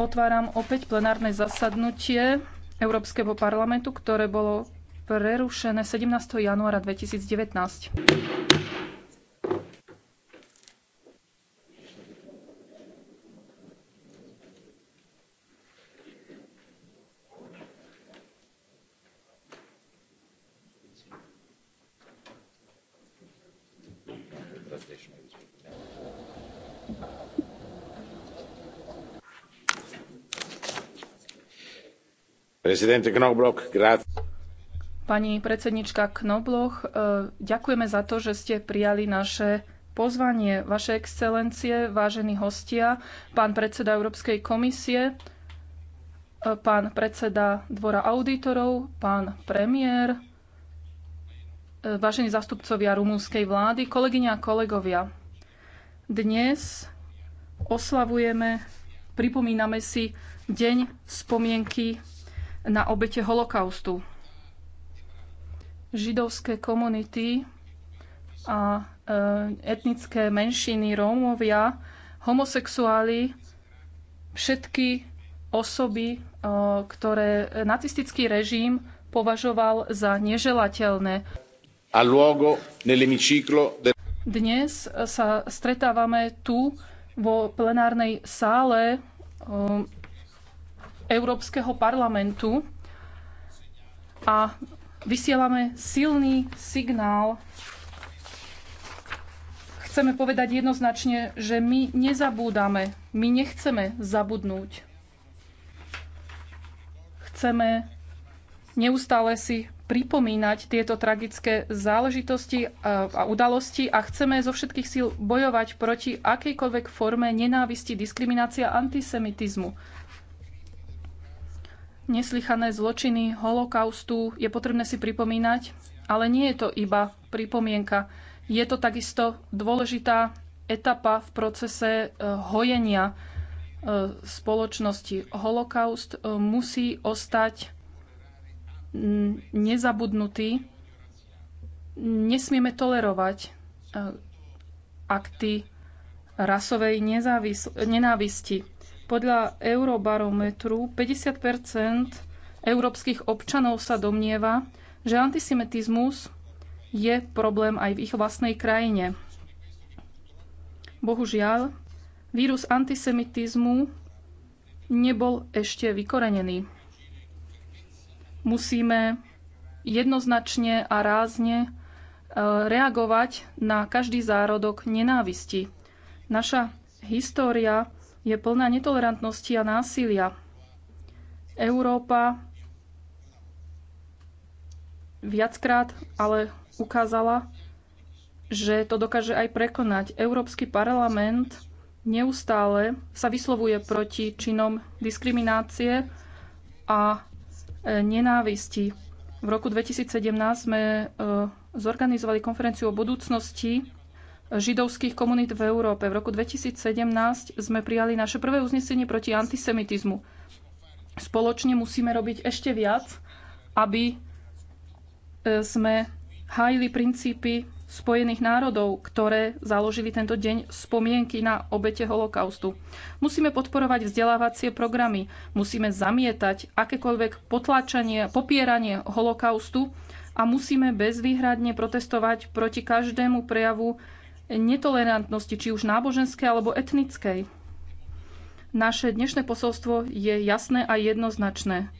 Otváram opäť plenárne zasadnutie Európskeho parlamentu, ktoré bolo prerušené 17. januára 2019. Pani predsednička Knobloch, e, ďakujeme za to, že ste prijali naše pozvanie. Vaše excelencie, vážení hostia, pán predseda Európskej komisie, e, pán predseda Dvora auditorov, pán premiér, e, vážení zastupcovia rumúnskej vlády, kolegyne a kolegovia. Dnes oslavujeme, pripomíname si Deň spomienky na obete holokaustu. Židovské komunity a e, etnické menšiny, Rómovia, homosexuáli, všetky osoby, e, ktoré nacistický režim považoval za neželateľné. Dnes sa stretávame tu vo plenárnej sále e, Európskeho parlamentu a vysielame silný signál. Chceme povedať jednoznačne, že my nezabúdame, my nechceme zabudnúť. Chceme neustále si pripomínať tieto tragické záležitosti e, a udalosti a chceme zo všetkých síl bojovať proti akejkoľvek forme nenávisti, diskriminácia a antisemitizmu neslychané zločiny holokaustu je potrebné si pripomínať, ale nie je to iba pripomienka. Je to takisto dôležitá etapa v procese e, hojenia e, spoločnosti. Holokaust e, musí ostať nezabudnutý. Nesmieme tolerovať akty rasovej nenávisti. Podľa Eurobarometru 50 európskych občanov sa domnieva, že antisemitizmus je problém aj v ich vlastnej krajine. Bohužiaľ, vírus antisemitizmu nebol ešte vykorenený. Musíme jednoznačne a rázne e, reagovať na každý zárodok nenávisti. Naša história je plná netolerantnosti a násilia. Európa viackrát ale ukázala, že to dokáže aj prekonať. Európsky parlament neustále sa vyslovuje proti činom diskriminácie a e, nenávisti. V roku 2017 sme e, zorganizovali konferenciu o budúcnosti židovských komunít v Európe. V roku 2017 sme prijali naše prvé uznesenie proti antisemitizmu. Spoločne musíme robiť ešte viac, aby e, sme hájili princípy Spojených národov, ktoré založili tento deň spomienky na obete holokaustu. Musíme podporovať vzdelávacie programy, musíme zamietať akékoľvek potláčanie, popieranie holokaustu a musíme bezvýhradne protestovať proti každému prejavu netolerantnosti, či už náboženskej alebo etnickej. Naše dnešné posolstvo je jasné a jednoznačné.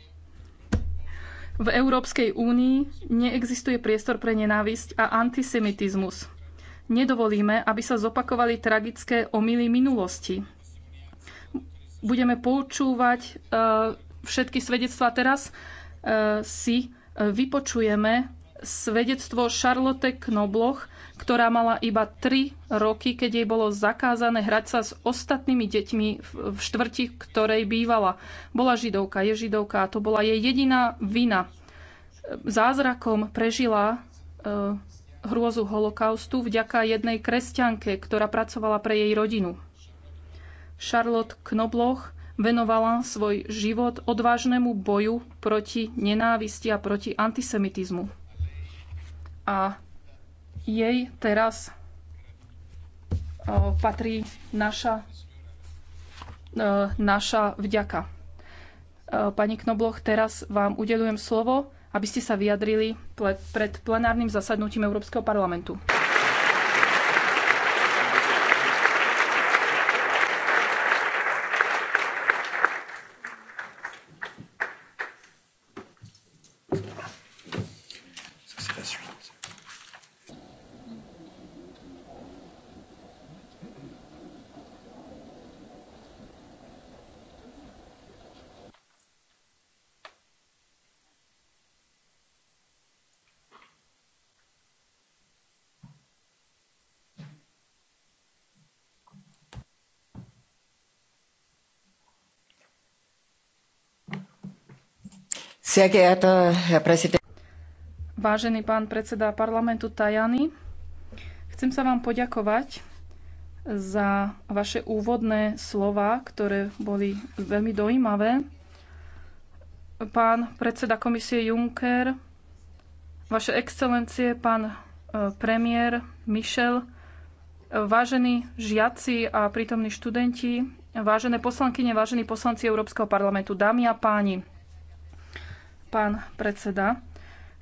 V Európskej únii neexistuje priestor pre nenávisť a antisemitizmus. Nedovolíme, aby sa zopakovali tragické omily minulosti. Budeme poučúvať e, všetky svedectvá teraz, e, si vypočujeme svedectvo Charlotte Knobloch, ktorá mala iba 3 roky, keď jej bolo zakázané hrať sa s ostatnými deťmi v štvrti, ktorej bývala. Bola židovka, je židovka a to bola jej jediná vina. Zázrakom prežila e, hrôzu holokaustu vďaka jednej kresťanke, ktorá pracovala pre jej rodinu. Charlotte Knobloch venovala svoj život odvážnemu boju proti nenávisti a proti antisemitizmu. A jej teraz eh, patrí naša, eh, naša vďaka. Eh, pani Knobloch, teraz vám udelujem slovo, aby ste sa vyjadrili pred plenárnym zasadnutím Európskeho parlamentu. Vážený pán predseda parlamentu Tajany, chcem sa vám poďakovať za vaše úvodné slova, ktoré boli veľmi dojímavé. Pán predseda komisie Juncker, vaše excelencie, pán e, premiér Michel, vážení žiaci a prítomní študenti, vážené poslankyne, vážení poslanci Európskeho parlamentu, dámy a páni pán predseda.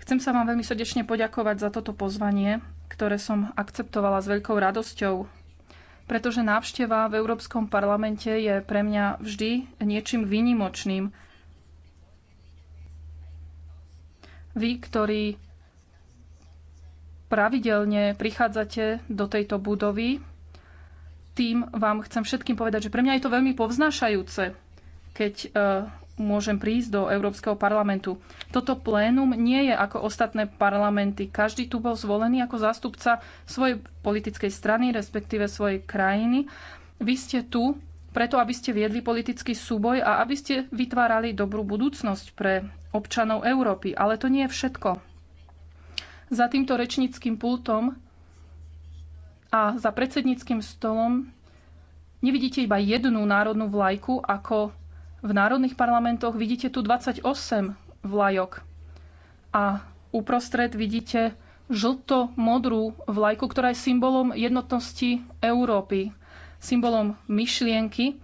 Chcem sa vám veľmi srdečne poďakovať za toto pozvanie, ktoré som akceptovala s veľkou radosťou, pretože návšteva v Európskom parlamente je pre mňa vždy niečím výnimočným. Vy, ktorí pravidelne prichádzate do tejto budovy, tým vám chcem všetkým povedať, že pre mňa je to veľmi povznášajúce, keď e, môžem prísť do Európskeho parlamentu. Toto plénum nie je ako ostatné parlamenty. Každý tu bol zvolený ako zástupca svojej politickej strany, respektíve svojej krajiny. Vy ste tu preto, aby ste viedli politický súboj a aby ste vytvárali dobrú budúcnosť pre občanov Európy. Ale to nie je všetko. Za týmto rečníckým pultom a za predsedníckým stolom nevidíte iba jednu národnú vlajku ako v národných parlamentoch vidíte tu 28 vlajok a uprostred vidíte žlto-modrú vlajku, ktorá je symbolom jednotnosti Európy, symbolom myšlienky,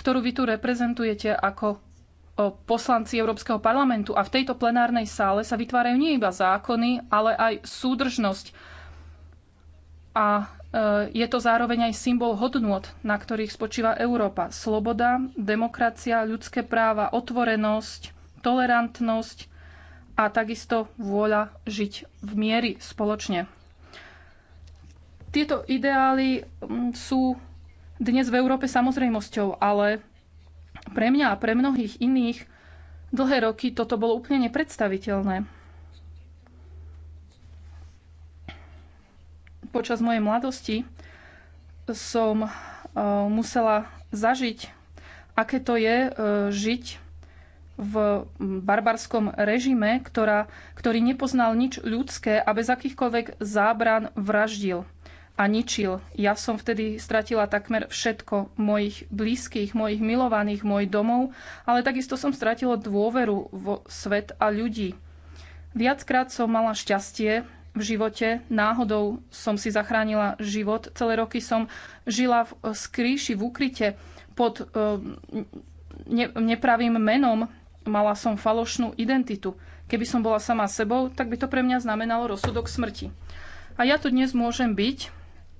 ktorú vy tu reprezentujete ako poslanci Európskeho parlamentu. A v tejto plenárnej sále sa vytvárajú nie iba zákony, ale aj súdržnosť. A Eh, je to zároveň aj symbol hodnôt, na ktorých spočíva Európa. Sloboda, demokracia, ľudské práva, otvorenosť, tolerantnosť a takisto vôľa žiť v miery spoločne. Tieto ideály mm, sú dnes v Európe samozrejmosťou, ale pre mňa a pre mnohých iných dlhé roky toto bolo úplne nepredstaviteľné. Počas mojej mladosti som e, musela zažiť, aké to je e, žiť v barbarskom režime, ktorá, ktorý nepoznal nič ľudské a bez akýchkoľvek zábran vraždil a ničil. Ja som vtedy stratila takmer všetko mojich blízkych, mojich milovaných, môj domov, ale takisto som stratila dôveru vo svet a ľudí. Viackrát som mala šťastie, v živote. Náhodou som si zachránila život. Celé roky som žila v skrýši, eh, v ukryte pod eh, ne, nepravým menom. Mala som falošnú identitu. Keby som bola sama sebou, tak by to pre mňa znamenalo rozsudok smrti. A ja tu dnes môžem byť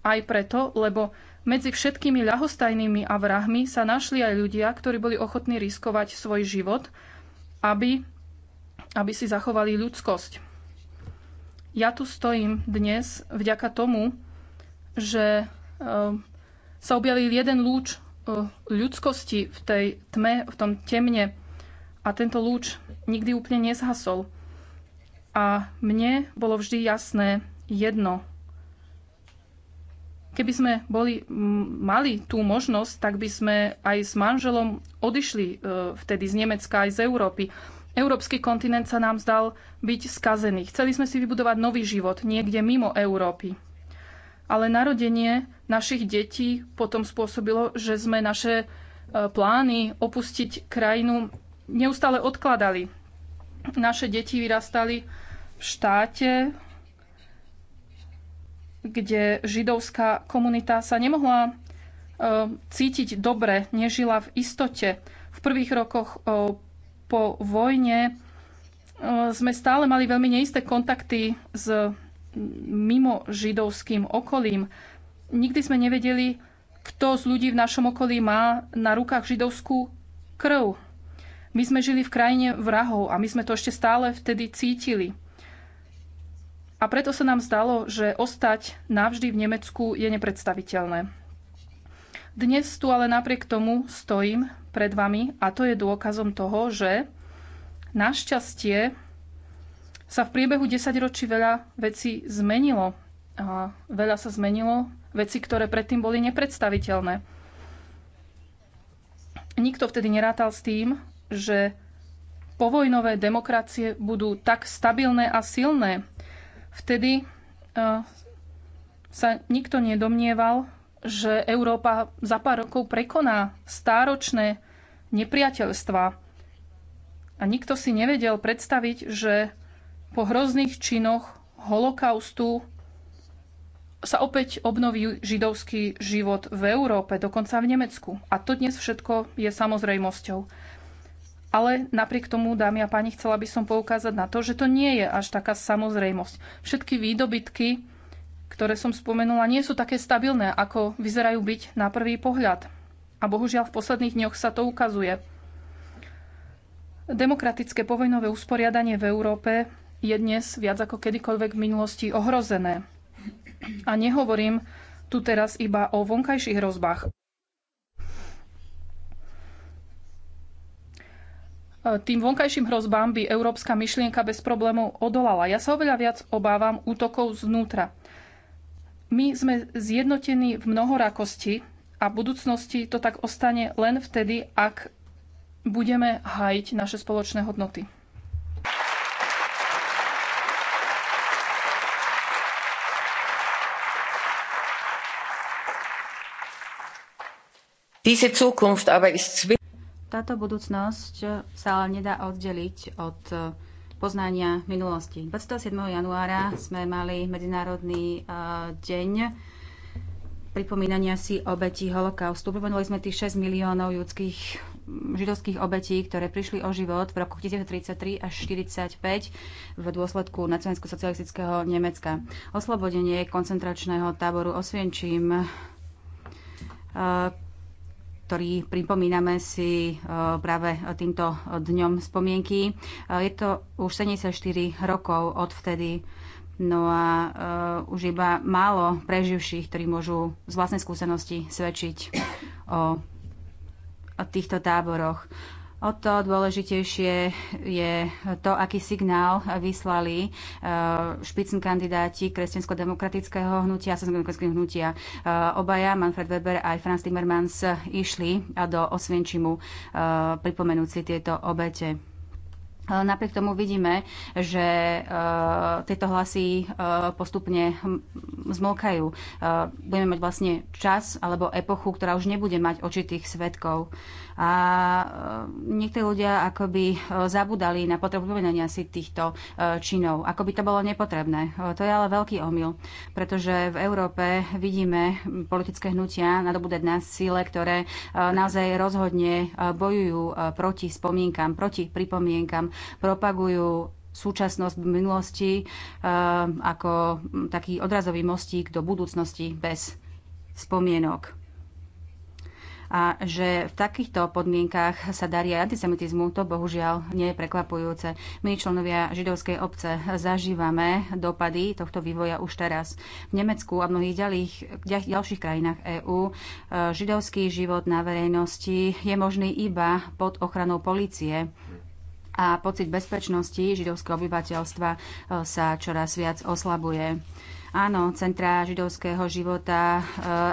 aj preto, lebo medzi všetkými ľahostajnými a vrahmi sa našli aj ľudia, ktorí boli ochotní riskovať svoj život, aby, aby si zachovali ľudskosť. Ja tu stojím dnes vďaka tomu, že ehm, sa objavil jeden lúč eh, ľudskosti v tej tme, v tom temne. A tento lúč nikdy úplne nezhasol. A mne bolo vždy jasné jedno. Keby sme boli, mali tú možnosť, tak by sme aj s manželom odišli eh, vtedy z Nemecka, aj z Európy. Európsky kontinent sa nám zdal byť skazený. Chceli sme si vybudovať nový život niekde mimo Európy. Ale narodenie našich detí potom spôsobilo, že sme naše e, plány opustiť krajinu neustále odkladali. Naše deti vyrastali v štáte, kde židovská komunita sa nemohla e, cítiť dobre, nežila v istote. V prvých rokoch e, po vojne e, sme stále mali veľmi neisté kontakty s mimo židovským okolím. Nikdy sme nevedeli, kto z ľudí v našom okolí má na rukách židovskú krv. My sme žili v krajine vrahov a my sme to ešte stále vtedy cítili. A preto sa nám zdalo, že ostať navždy v Nemecku je nepredstaviteľné. Dnes tu ale napriek tomu stojím, pred vami a to je dôkazom toho, že našťastie sa v priebehu 10 ročí veľa vecí zmenilo. A veľa sa zmenilo, veci, ktoré predtým boli nepredstaviteľné. Nikto vtedy nerátal s tým, že povojnové demokracie budú tak stabilné a silné. Vtedy e, sa nikto nedomnieval, že Európa za pár rokov prekoná stáročné nepriateľstva. A nikto si nevedel predstaviť, že po hrozných činoch holokaustu sa opäť obnoví židovský život v Európe, dokonca v Nemecku. A to dnes všetko je samozrejmosťou. Ale napriek tomu, dámy a páni, chcela by som poukázať na to, že to nie je až taká samozrejmosť. Všetky výdobytky, ktoré som spomenula, nie sú také stabilné, ako vyzerajú byť na prvý pohľad. A bohužiaľ v posledných dňoch sa to ukazuje. Demokratické povojnové usporiadanie v Európe je dnes viac ako kedykoľvek v minulosti ohrozené. A nehovorím tu teraz iba o vonkajších hrozbách. Tým vonkajším hrozbám by európska myšlienka bez problémov odolala. Ja sa oveľa viac obávam útokov znútra. My sme zjednotení v mnohorakosti a v budúcnosti to tak ostane len vtedy, ak budeme hájiť naše spoločné hodnoty. Táto budúcnosť sa ale nedá oddeliť od eh, poznania minulosti. 27. januára sme mali Medzinárodný eh, deň pripomínania si obetí holokaustu. Pripomenuli sme tých 6 miliónov ľudských židovských obetí, ktoré prišli o život v roku 1933 až 1945 v dôsledku nacionalsko-socialistického Nemecka. Oslobodenie koncentračného táboru Osvienčím, eh, ktorý pripomíname si eh, práve týmto dňom spomienky. Eh, je to už 74 rokov od vtedy, No a uh, už iba málo preživších, ktorí môžu z vlastnej skúsenosti svedčiť o, o týchto táboroch. O to dôležitejšie je to, aký signál vyslali eh, špicn kandidáti kresťansko-demokratického hnutia a kresťansko-demokratického hnutia. Eh, obaja, Manfred Weber a aj Franz Timmermans, išli do Osvienčimu pripomenúci tieto obete. E, napriek tomu vidíme, že e, tieto hlasy e, postupne zmlkajú. budeme mať vlastne čas alebo epochu, ktorá už nebude mať očitých svetkov. A e, niektorí ľudia akoby e, zabudali na potrebu pomenania si týchto e, činov. Ako by to bolo nepotrebné. To je ale veľký omyl, pretože v Európe vidíme politické hnutia nadobúdať na síle, ktoré naozaj rozhodne bojujú proti spomienkam, proti pripomienkam, propagujú súčasnosť v minulosti ako taký odrazový mostík do budúcnosti bez spomienok a že v takýchto podmienkach sa darí aj antisemitizmu, to bohužiaľ nie je prekvapujúce. My, členovia židovskej obce, zažívame dopady tohto vývoja už teraz. V Nemecku a mnohých ďalých, ďalších krajinách EÚ e, židovský život na verejnosti je možný iba pod ochranou policie a pocit bezpečnosti židovského obyvateľstva e, sa čoraz viac oslabuje. Áno, centrá židovského života eh,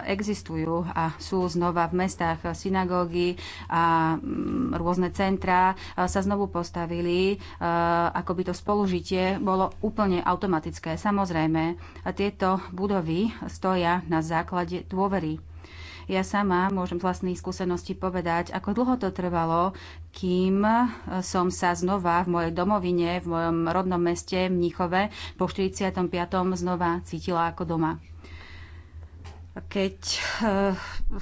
existujú a sú znova v mestách eh, synagógy a mm, rôzne centrá eh, sa znovu postavili, ako by to spolužitie bolo úplne automatické. Samozrejme, tieto budovy stoja na základe dôvery ja sama môžem z vlastnej skúsenosti povedať, ako dlho to trvalo, kým som sa znova v mojej domovine, v mojom rodnom meste Mníchove po 45. znova cítila ako doma. Keď eh,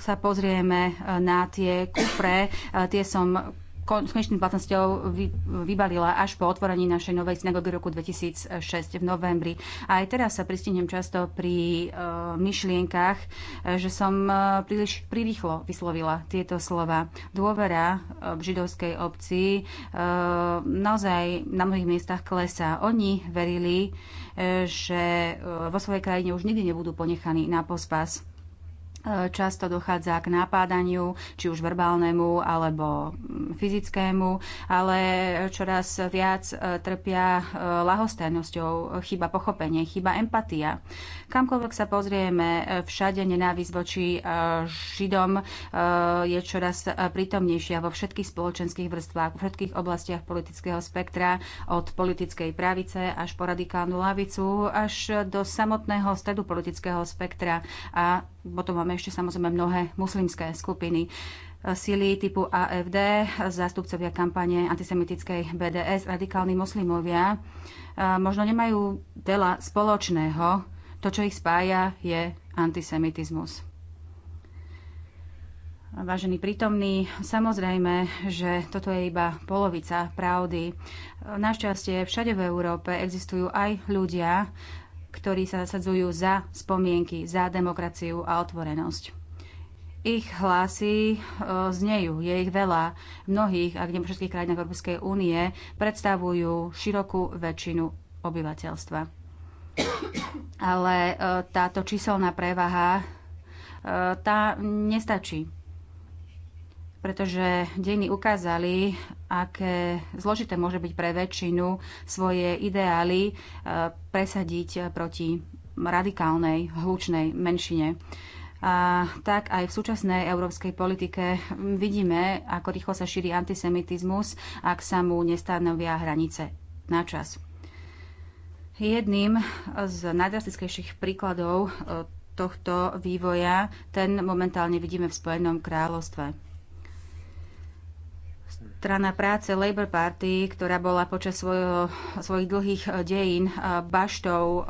sa pozrieme eh, na tie kufre, eh, tie som konečným platnosťou vy, vybalila až po otvorení našej novej synagógy roku 2006 v novembri. A aj teraz sa pristihnem často pri uh, myšlienkach, e, že som uh, príliš prirýchlo vyslovila tieto slova. Dôvera v židovskej obci uh, naozaj na mnohých miestach klesá. Oni verili, že vo svojej krajine už nikdy nebudú ponechaní na pospas. E, často dochádza k napádaniu, či už verbálnemu alebo fyzickému, ale čoraz viac e, trpia e, lahostajnosťou, chyba pochopenie, chyba empatia. Kamkoľvek sa pozrieme, e, všade nenávisť voči e, Židom e, je čoraz prítomnejšia vo všetkých spoločenských vrstvách, vo všetkých oblastiach politického spektra, od politickej pravice až po radikálnu lavicu, až do samotného stredu politického spektra. A potom máme ešte samozrejme mnohé muslimské skupiny síly typu AFD, zástupcovia kampane antisemitickej BDS, radikálni moslimovia, možno nemajú veľa spoločného to, čo ich spája, je antisemitizmus. Vážení prítomní, samozrejme, že toto je iba polovica pravdy. Našťastie všade v Európe existujú aj ľudia, ktorí sa zasadzujú za spomienky, za demokraciu a otvorenosť. Ich hlasy e, znejú, je ich veľa. V mnohých, ak nie všetkých krajinách Európskej únie, predstavujú širokú väčšinu obyvateľstva ale e, táto číselná prevaha e, tá nestačí, pretože dejiny ukázali, aké zložité môže byť pre väčšinu svoje ideály e, presadiť proti radikálnej, hlučnej menšine. A tak aj v súčasnej európskej politike vidíme, ako rýchlo sa šíri antisemitizmus, ak sa mu nestanovia hranice na čas. Jedným z najdrastickejších príkladov e, tohto vývoja, ten momentálne vidíme v Spojenom kráľovstve. Strana práce Labour Party, ktorá bola počas svojho, svojich dlhých e, dejín e, baštou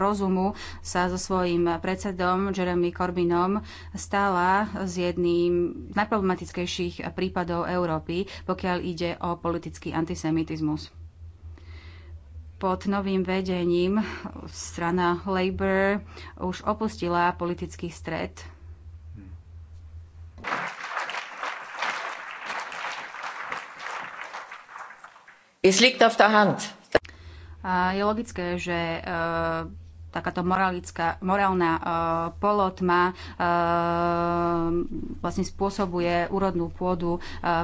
rozumu, sa so svojím predsedom Jeremy Corbynom stala z jedným z najproblematickejších prípadov Európy, pokiaľ ide o politický antisemitizmus pod novým vedením strana Labour už opustila politický stred. Es liegt auf der Hand. je logické, že takáto moralická, morálna uh, polotma uh, vlastne spôsobuje úrodnú pôdu uh,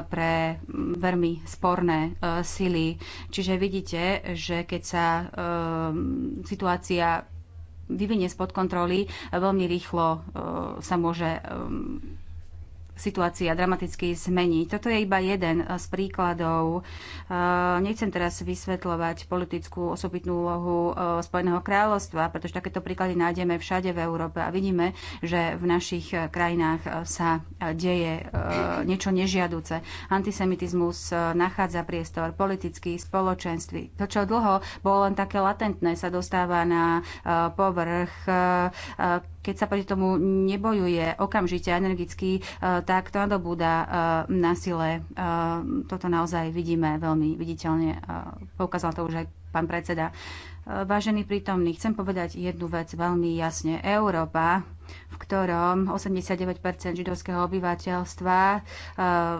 pre veľmi sporné uh, sily. Čiže vidíte, že keď sa uh, situácia vyvinie spod kontroly, veľmi rýchlo uh, sa môže um, situácia dramaticky zmení. Toto je iba jeden z príkladov. E, nechcem teraz vysvetľovať politickú osobitnú úlohu e, Spojeného kráľovstva, pretože takéto príklady nájdeme všade v Európe a vidíme, že v našich krajinách e, sa deje niečo nežiaduce. Antisemitizmus nachádza priestor politický, spoločenství. To, čo dlho bolo len také latentné, sa dostáva na povrch keď sa proti tomu nebojuje okamžite energicky, e, tak to nadobúda e, na sile. E, toto naozaj vidíme veľmi viditeľne. Poukázal to už aj pán predseda. Vážený prítomný, chcem povedať jednu vec veľmi jasne. Európa, v ktorom 89 židovského obyvateľstva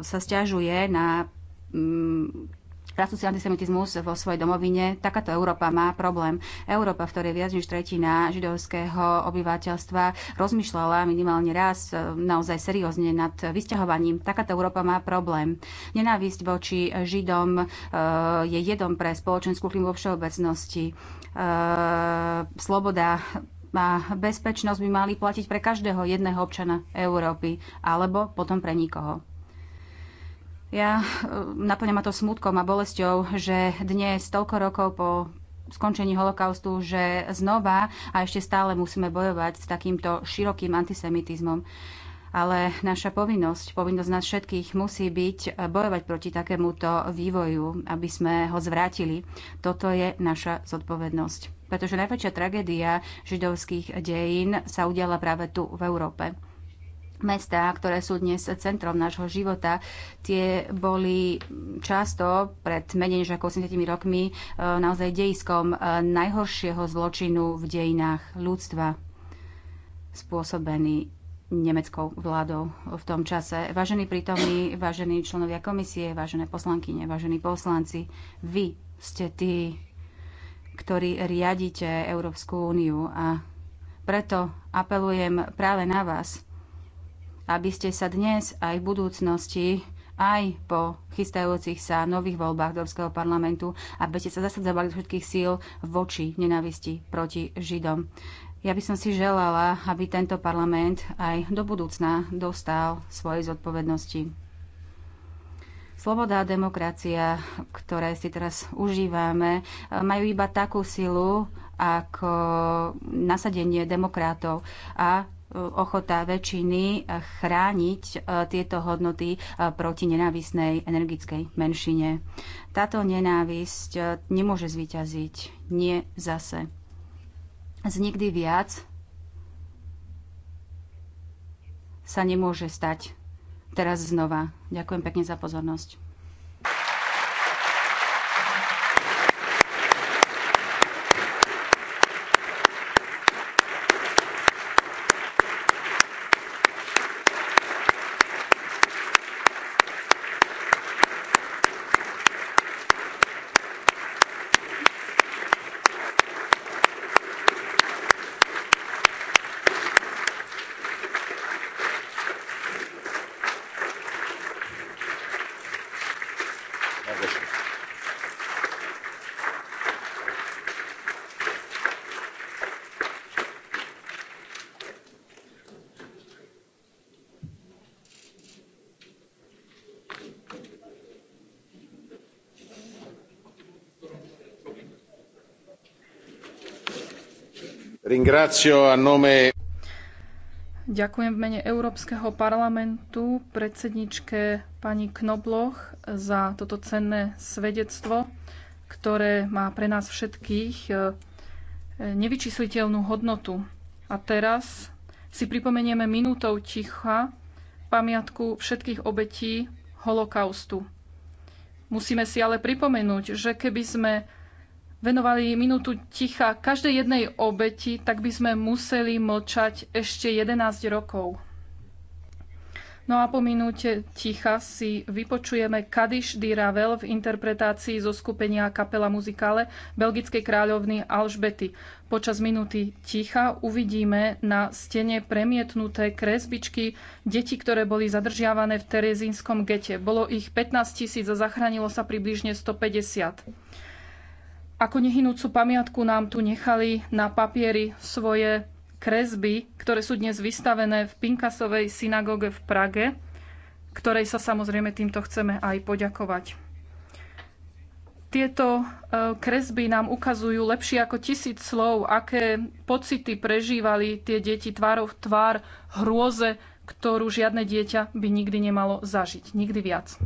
sa stiažuje na mm, rastúci antisemitizmus vo svojej domovine. Takáto Európa má problém. Európa, v ktorej viac než tretina židovského obyvateľstva rozmýšľala minimálne raz e, naozaj seriózne nad vysťahovaním. Takáto Európa má problém. Nenávisť voči Židom e, je jedom pre spoločenskú klimu vo všeobecnosti. E, sloboda a bezpečnosť by mali platiť pre každého jedného občana Európy alebo potom pre nikoho. Ja e, naplňam ma to smutkom a bolesťou, že dnes, toľko rokov po skončení holokaustu, že znova a ešte stále musíme bojovať s takýmto širokým antisemitizmom. Ale naša povinnosť, povinnosť nás všetkých musí byť bojovať proti takémuto vývoju, aby sme ho zvrátili. Toto je naša zodpovednosť. Pretože najväčšia tragédia židovských dejín sa udiala práve tu v Európe mestá, ktoré sú dnes centrom nášho života, tie boli často pred menej než ako 80 rokmi e, naozaj dejiskom e, najhoršieho zločinu v dejinách ľudstva spôsobený nemeckou vládou v tom čase. Vážení prítomní, vážení členovia komisie, vážené poslankyne, vážení poslanci, vy ste tí, ktorí riadite Európsku úniu a preto apelujem práve na vás, aby ste sa dnes aj v budúcnosti aj po chystajúcich sa nových voľbách do Európskeho parlamentu, aby ste sa zasadzovali z všetkých síl voči nenávisti proti Židom. Ja by som si želala, aby tento parlament aj do budúcna dostal svojej zodpovednosti. Sloboda a demokracia, ktoré si teraz užívame, majú iba takú silu, ako nasadenie demokratov a ochota väčšiny chrániť e, tieto hodnoty e, proti nenávisnej energickej menšine. Táto nenávisť e, nemôže zvyťaziť. Nie zase. Z nikdy viac sa nemôže stať teraz znova. Ďakujem pekne za pozornosť. Ďakujem v mene Európskeho parlamentu predsedničke pani Knobloch za toto cenné svedectvo, ktoré má pre nás všetkých e, nevyčísliteľnú hodnotu. A teraz si pripomenieme minútou ticha pamiatku všetkých obetí holokaustu. Musíme si ale pripomenúť, že keby sme venovali minútu ticha každej jednej obeti, tak by sme museli mlčať ešte 11 rokov. No a po minúte ticha si vypočujeme Kadiš di Ravel v interpretácii zo skupenia kapela muzikále belgickej kráľovny Alžbety. Počas minúty ticha uvidíme na stene premietnuté kresbičky detí, ktoré boli zadržiavané v Terezínskom gete. Bolo ich 15 tisíc a zachránilo sa približne 150. Ako nehynúcu pamiatku nám tu nechali na papieri svoje kresby, ktoré sú dnes vystavené v Pinkasovej synagóge v Prage, ktorej sa samozrejme týmto chceme aj poďakovať. Tieto e, kresby nám ukazujú lepšie ako tisíc slov, aké pocity prežívali tie deti tvárov v tvár hrôze, ktorú žiadne dieťa by nikdy nemalo zažiť. Nikdy viac.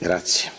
grazie.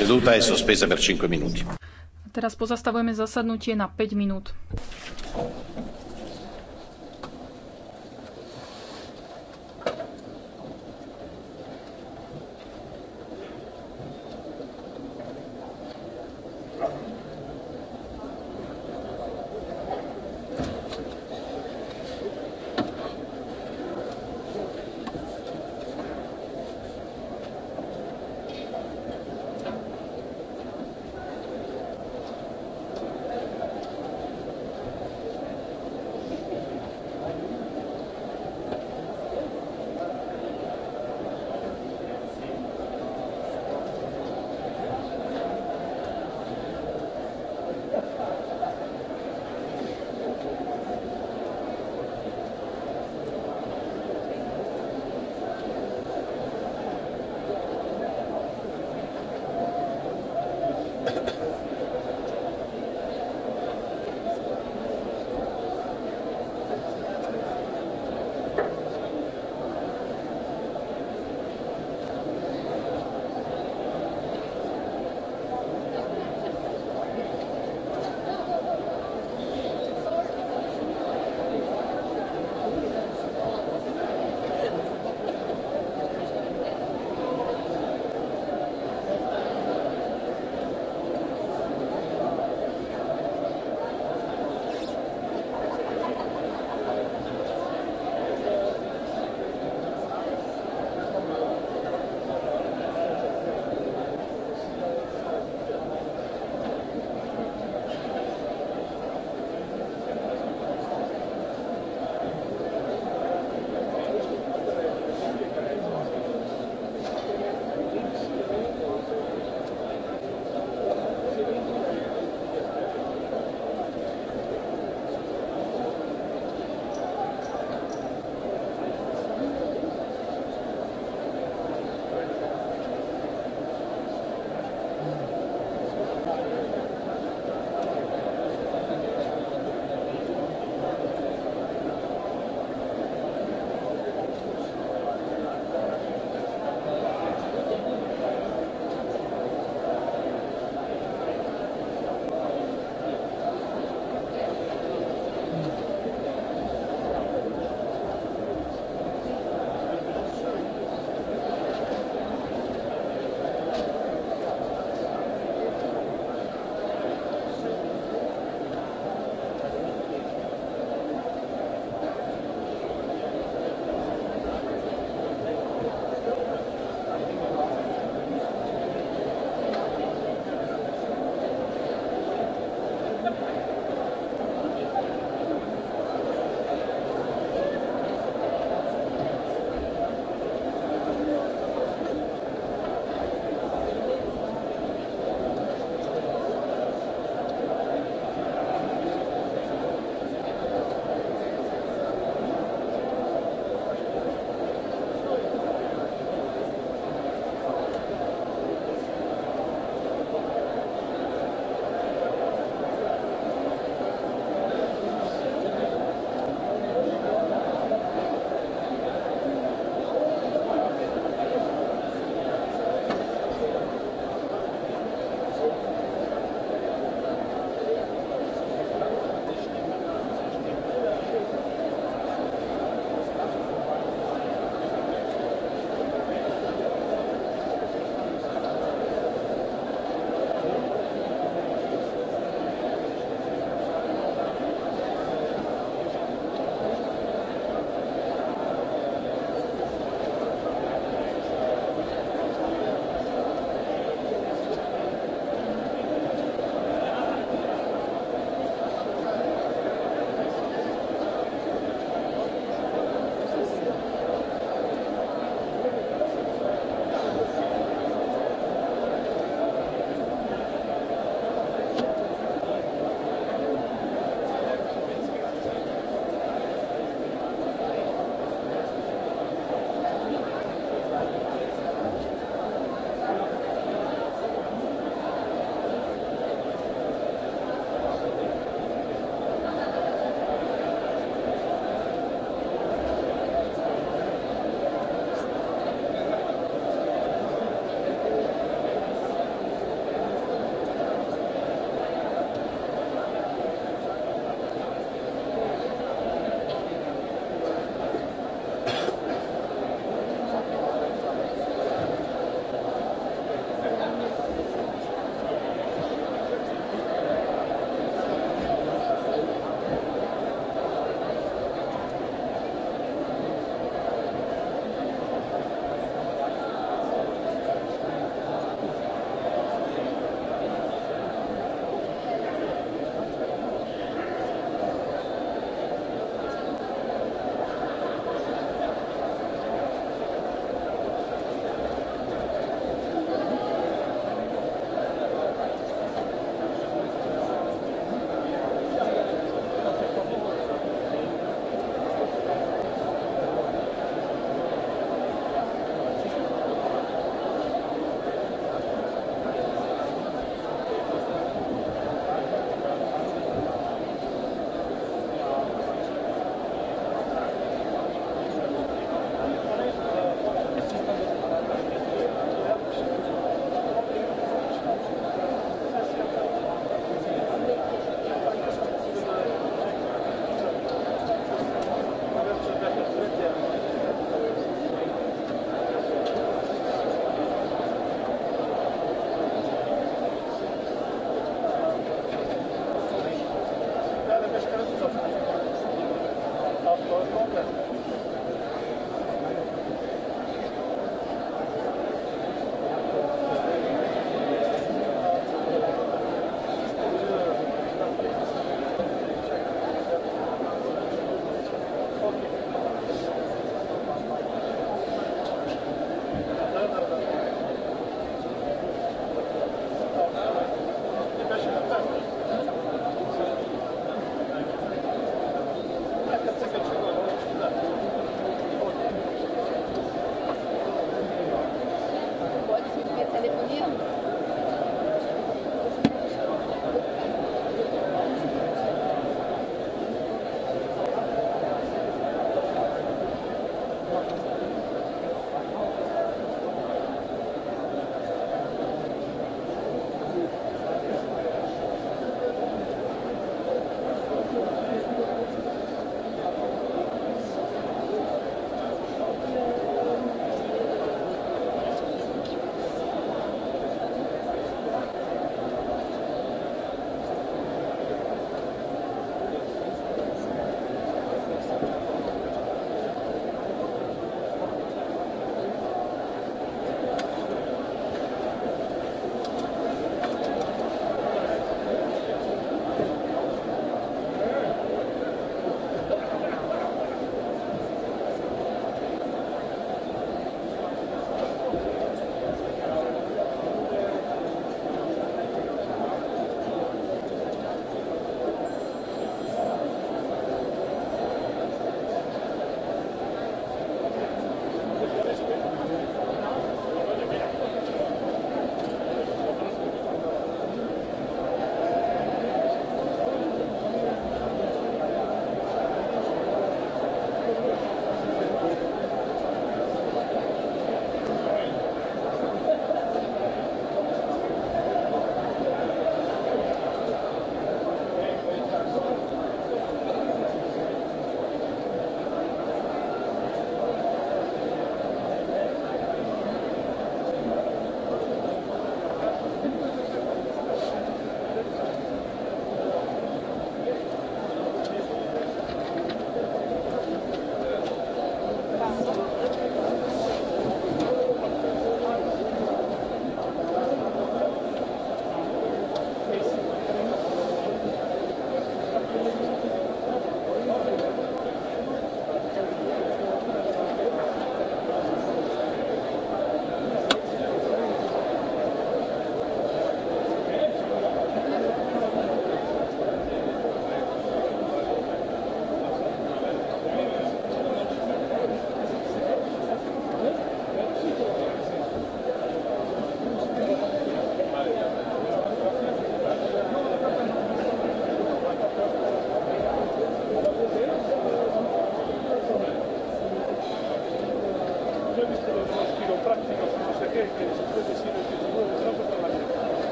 seduta è e sospesa per 5 minuti. Teraz pozastavujeme zasadnutie na 5 minút.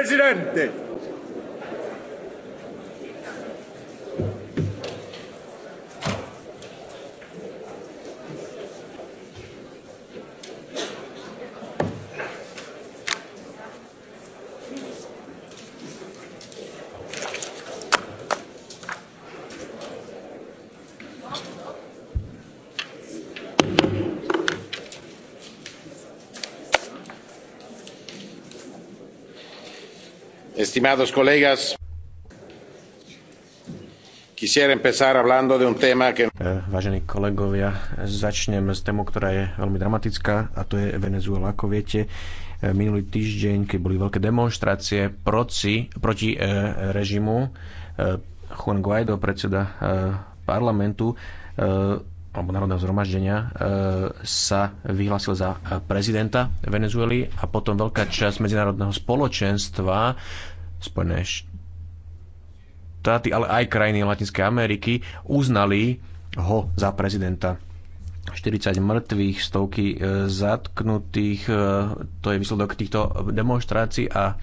Presidente. estimados colegas, quisiera empezar hablando de un tema que... Eh, vážení kolegovia, začnem s tému, ktorá je veľmi dramatická a to je Venezuela. Ako viete, eh, minulý týždeň, keď boli veľké demonstrácie proti, proti eh, režimu, Juan Guaido, predseda parlamentu, alebo Národného zhromaždenia sa vyhlásil za prezidenta Venezuely a potom veľká časť medzinárodného spoločenstva Spojené štáty, ale aj krajiny Latinskej Ameriky uznali ho za prezidenta. 40 mŕtvych, stovky e, zatknutých, e, to je výsledok týchto demonstrácií a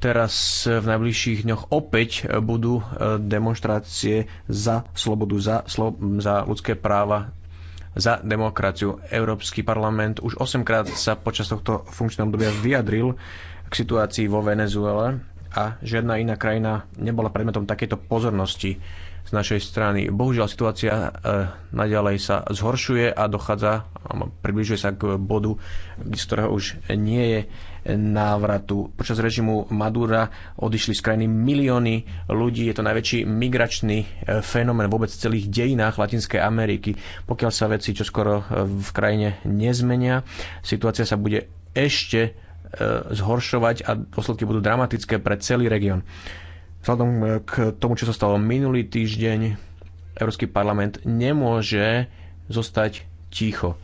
teraz v najbližších dňoch opäť budú e, demonstrácie za slobodu, za, slo, za ľudské práva, za demokraciu. Európsky parlament už 8 krát sa počas tohto funkčného obdobia vyjadril k situácii vo Venezuele a žiadna iná krajina nebola predmetom takéto pozornosti z našej strany. Bohužiaľ situácia e, naďalej sa zhoršuje a dochádza, približuje sa k bodu, z ktorého už nie je návratu. Počas režimu Madura odišli z krajiny milióny ľudí. Je to najväčší migračný e, fenomén vôbec v celých dejinách Latinskej Ameriky. Pokiaľ sa veci čoskoro v krajine nezmenia, situácia sa bude ešte E, zhoršovať a dôsledky budú dramatické pre celý región. Vzhľadom e, k tomu, čo sa stalo minulý týždeň, Európsky parlament nemôže zostať ticho.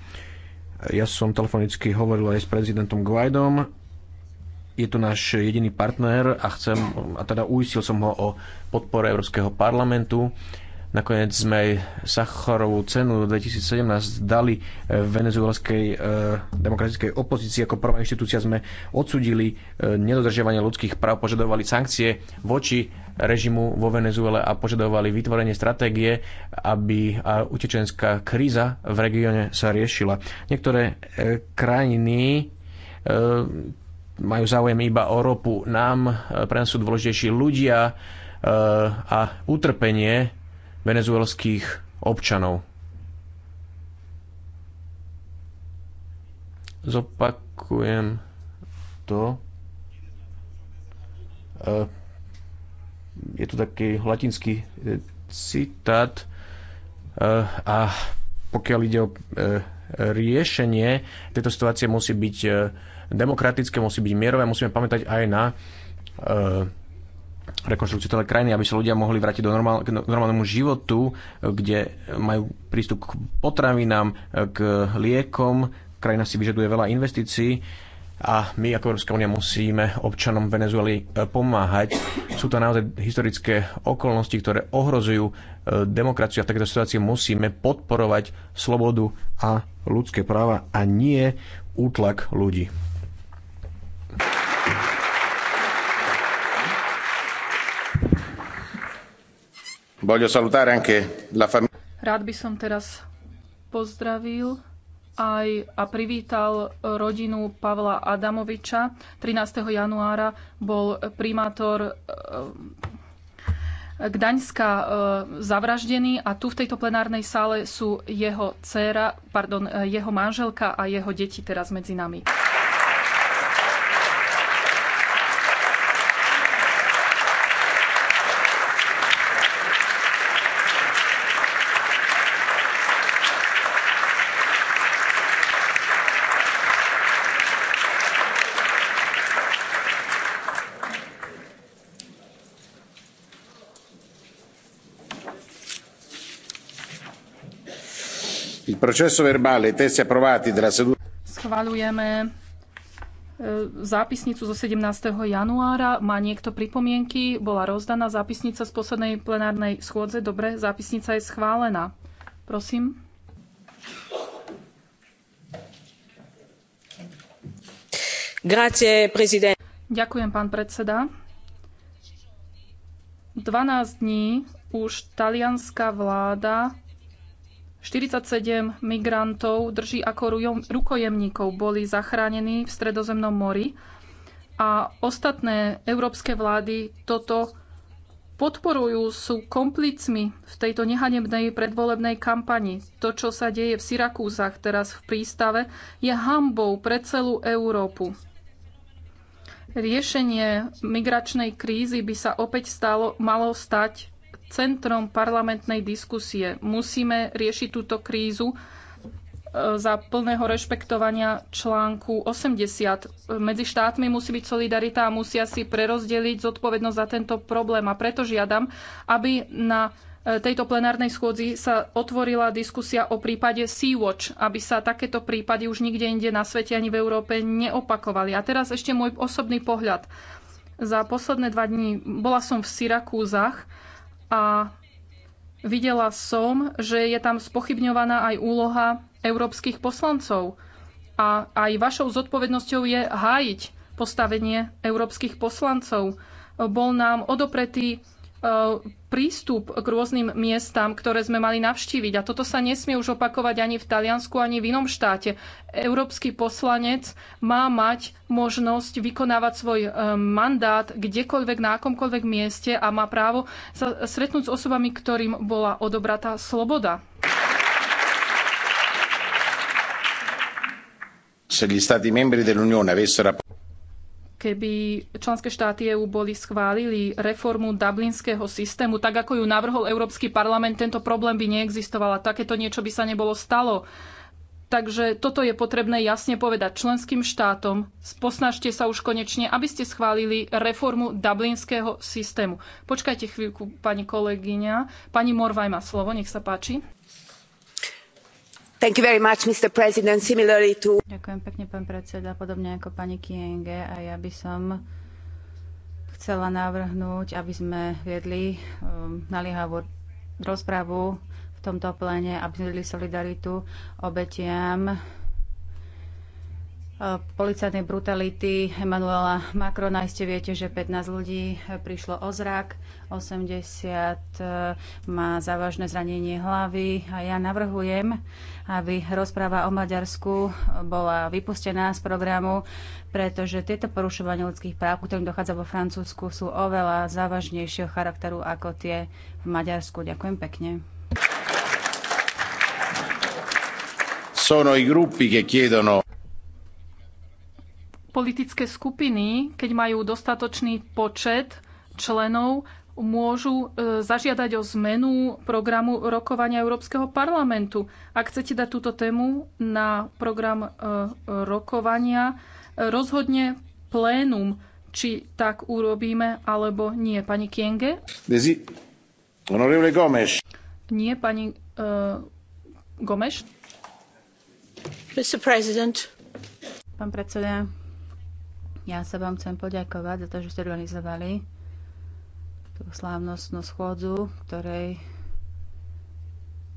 Ja som telefonicky hovoril aj s prezidentom Guaidom, je to náš jediný partner a chcem, a teda uistil som ho o podpore Európskeho parlamentu Nakoniec sme Sacharovú cenu 2017 dali eh, venezuelskej eh, demokratickej opozícii. Ako prvá inštitúcia sme odsudili eh, nedodržiavanie ľudských práv, požadovali sankcie voči režimu vo Venezuele a požadovali vytvorenie stratégie, aby utečenská kríza v regióne sa riešila. Niektoré krajiny majú záujem iba o ropu. Nám pre nás sú dôležitejší ľudia a utrpenie venezuelských občanov. Zopakujem to. E, je to taký latinský e, citát e, a pokiaľ ide o riešenie tejto situácie musí byť demokratické, musí byť mierové, musíme pamätať aj na rekonštrukciu celej krajiny, aby sa ľudia mohli vrátiť do normál, k normálnemu životu, kde majú prístup k potravinám, k liekom. Krajina si vyžaduje veľa investícií a my ako Európska únia musíme občanom Venezuely e, pomáhať. Sú to naozaj historické okolnosti, ktoré ohrozujú e, demokraciu a v takéto situácii musíme podporovať slobodu a ľudské práva a nie útlak ľudí. Voglio salutare anche la famiglia. Rád by som teraz pozdravil aj a privítal rodinu Pavla Adamoviča. 13. januára bol primátor e, Gdaňska e, zavraždený a tu v tejto plenárnej sále sú jeho dcéra, pardon, e, jeho manželka a jeho deti teraz medzi nami. Processo verbale, e testi approvati della seduta. Schvaľujeme e, zápisnicu zo 17. januára. Má niekto pripomienky? Bola rozdaná zápisnica z poslednej plenárnej schôdze. Dobre, zápisnica je schválená. Prosím. Grazie, prezident. Ďakujem, pán predseda. 12 dní už talianská vláda 47 migrantov drží ako rukojemníkov. Boli zachránení v Stredozemnom mori a ostatné európske vlády toto podporujú, sú komplicmi v tejto nehanebnej predvolebnej kampani. To, čo sa deje v Syrakúzach teraz v prístave, je hambou pre celú Európu. Riešenie migračnej krízy by sa opäť stalo, malo stať centrom parlamentnej diskusie. Musíme riešiť túto krízu e, za plného rešpektovania článku 80. Medzi štátmi musí byť solidarita a musia si prerozdeliť zodpovednosť za tento problém. A preto žiadam, aby na e, tejto plenárnej schôdzi sa otvorila diskusia o prípade Sea-Watch, aby sa takéto prípady už nikde inde na svete ani v Európe neopakovali. A teraz ešte môj osobný pohľad. Za posledné dva dní bola som v Syrakúzach a videla som, že je tam spochybňovaná aj úloha európskych poslancov. A aj vašou zodpovednosťou je hájiť postavenie európskych poslancov. Bol nám odopretý E, prístup k rôznym miestam, ktoré sme mali navštíviť. A toto sa nesmie už opakovať ani v Taliansku, ani v inom štáte. Európsky poslanec má mať možnosť vykonávať svoj e, mandát kdekoľvek, na akomkoľvek mieste a má právo sa stretnúť s osobami, ktorým bola odobratá sloboda. Se gli stati membri dell'Unione avessero keby členské štáty EÚ boli schválili reformu dublinského systému, tak ako ju navrhol Európsky parlament, tento problém by neexistoval a takéto niečo by sa nebolo stalo. Takže toto je potrebné jasne povedať členským štátom. Posnažte sa už konečne, aby ste schválili reformu dublinského systému. Počkajte chvíľku, pani kolegyňa. Pani Morvaj má slovo, nech sa páči. Ďakujem pekne, pán predseda. Podobne ako pani Kienge, a ja by som chcela navrhnúť, aby sme viedli um, naliehavú rozpravu v tomto pléne, aby sme viedli solidaritu obetiam policajnej brutality Emanuela Macrona. Iste viete, že 15 ľudí prišlo o zrak, 80 e, má závažné zranenie hlavy a ja navrhujem, aby rozpráva o Maďarsku bola vypustená z programu, pretože tieto porušovania ľudských práv, ktorým dochádza vo Francúzsku, sú oveľa závažnejšieho charakteru ako tie v Maďarsku. Ďakujem pekne. Sono i gruppi che chiedono politické skupiny, keď majú dostatočný počet členov, môžu e, zažiadať o zmenu programu rokovania Európskeho parlamentu. Ak chcete dať túto tému na program e, rokovania, e, rozhodne plénum, či tak urobíme alebo nie. Pani Kienge? Gomes. Nie, pani uh, Gomes. Mr. President. Pán predseda. Ja sa vám chcem poďakovať za to, že ste organizovali tú slávnostnú schôdzu, ktorej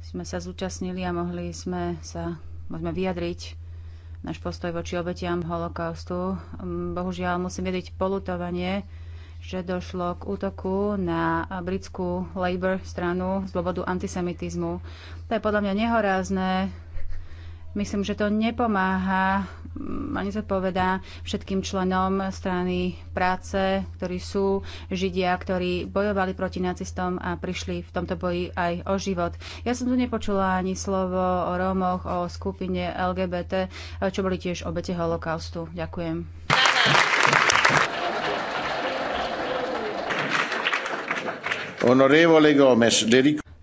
sme sa zúčastnili a mohli sme sa môžeme vyjadriť náš postoj voči obetiam holokaustu. Mm, bohužiaľ musím vedieť polutovanie, že došlo k útoku na britskú Labour stranu z dôvodu antisemitizmu. To je podľa mňa nehorázne, Myslím, že to nepomáha sa mm, nezodpovedá všetkým členom strany práce, ktorí sú Židia, ktorí bojovali proti nacistom a prišli v tomto boji aj o život. Ja som tu nepočula ani slovo o Rómoch, o skupine LGBT, čo boli tiež obete holokaustu. Ďakujem.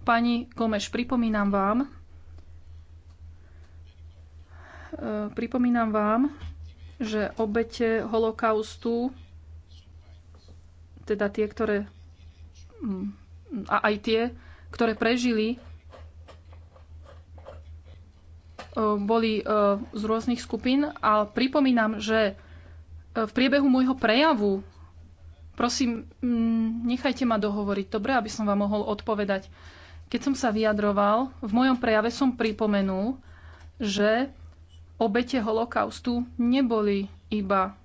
Pani Gomes, pripomínam vám, Eh, pripomínam vám, že obete holokaustu, teda tie, ktoré mm, a aj tie, ktoré prežili, eh, boli eh, z rôznych skupín a pripomínam, že v priebehu môjho prejavu, prosím, mm, nechajte ma dohovoriť, dobre, aby som vám mohol odpovedať. Keď som sa vyjadroval, v mojom prejave som pripomenul, že obete holokaustu neboli iba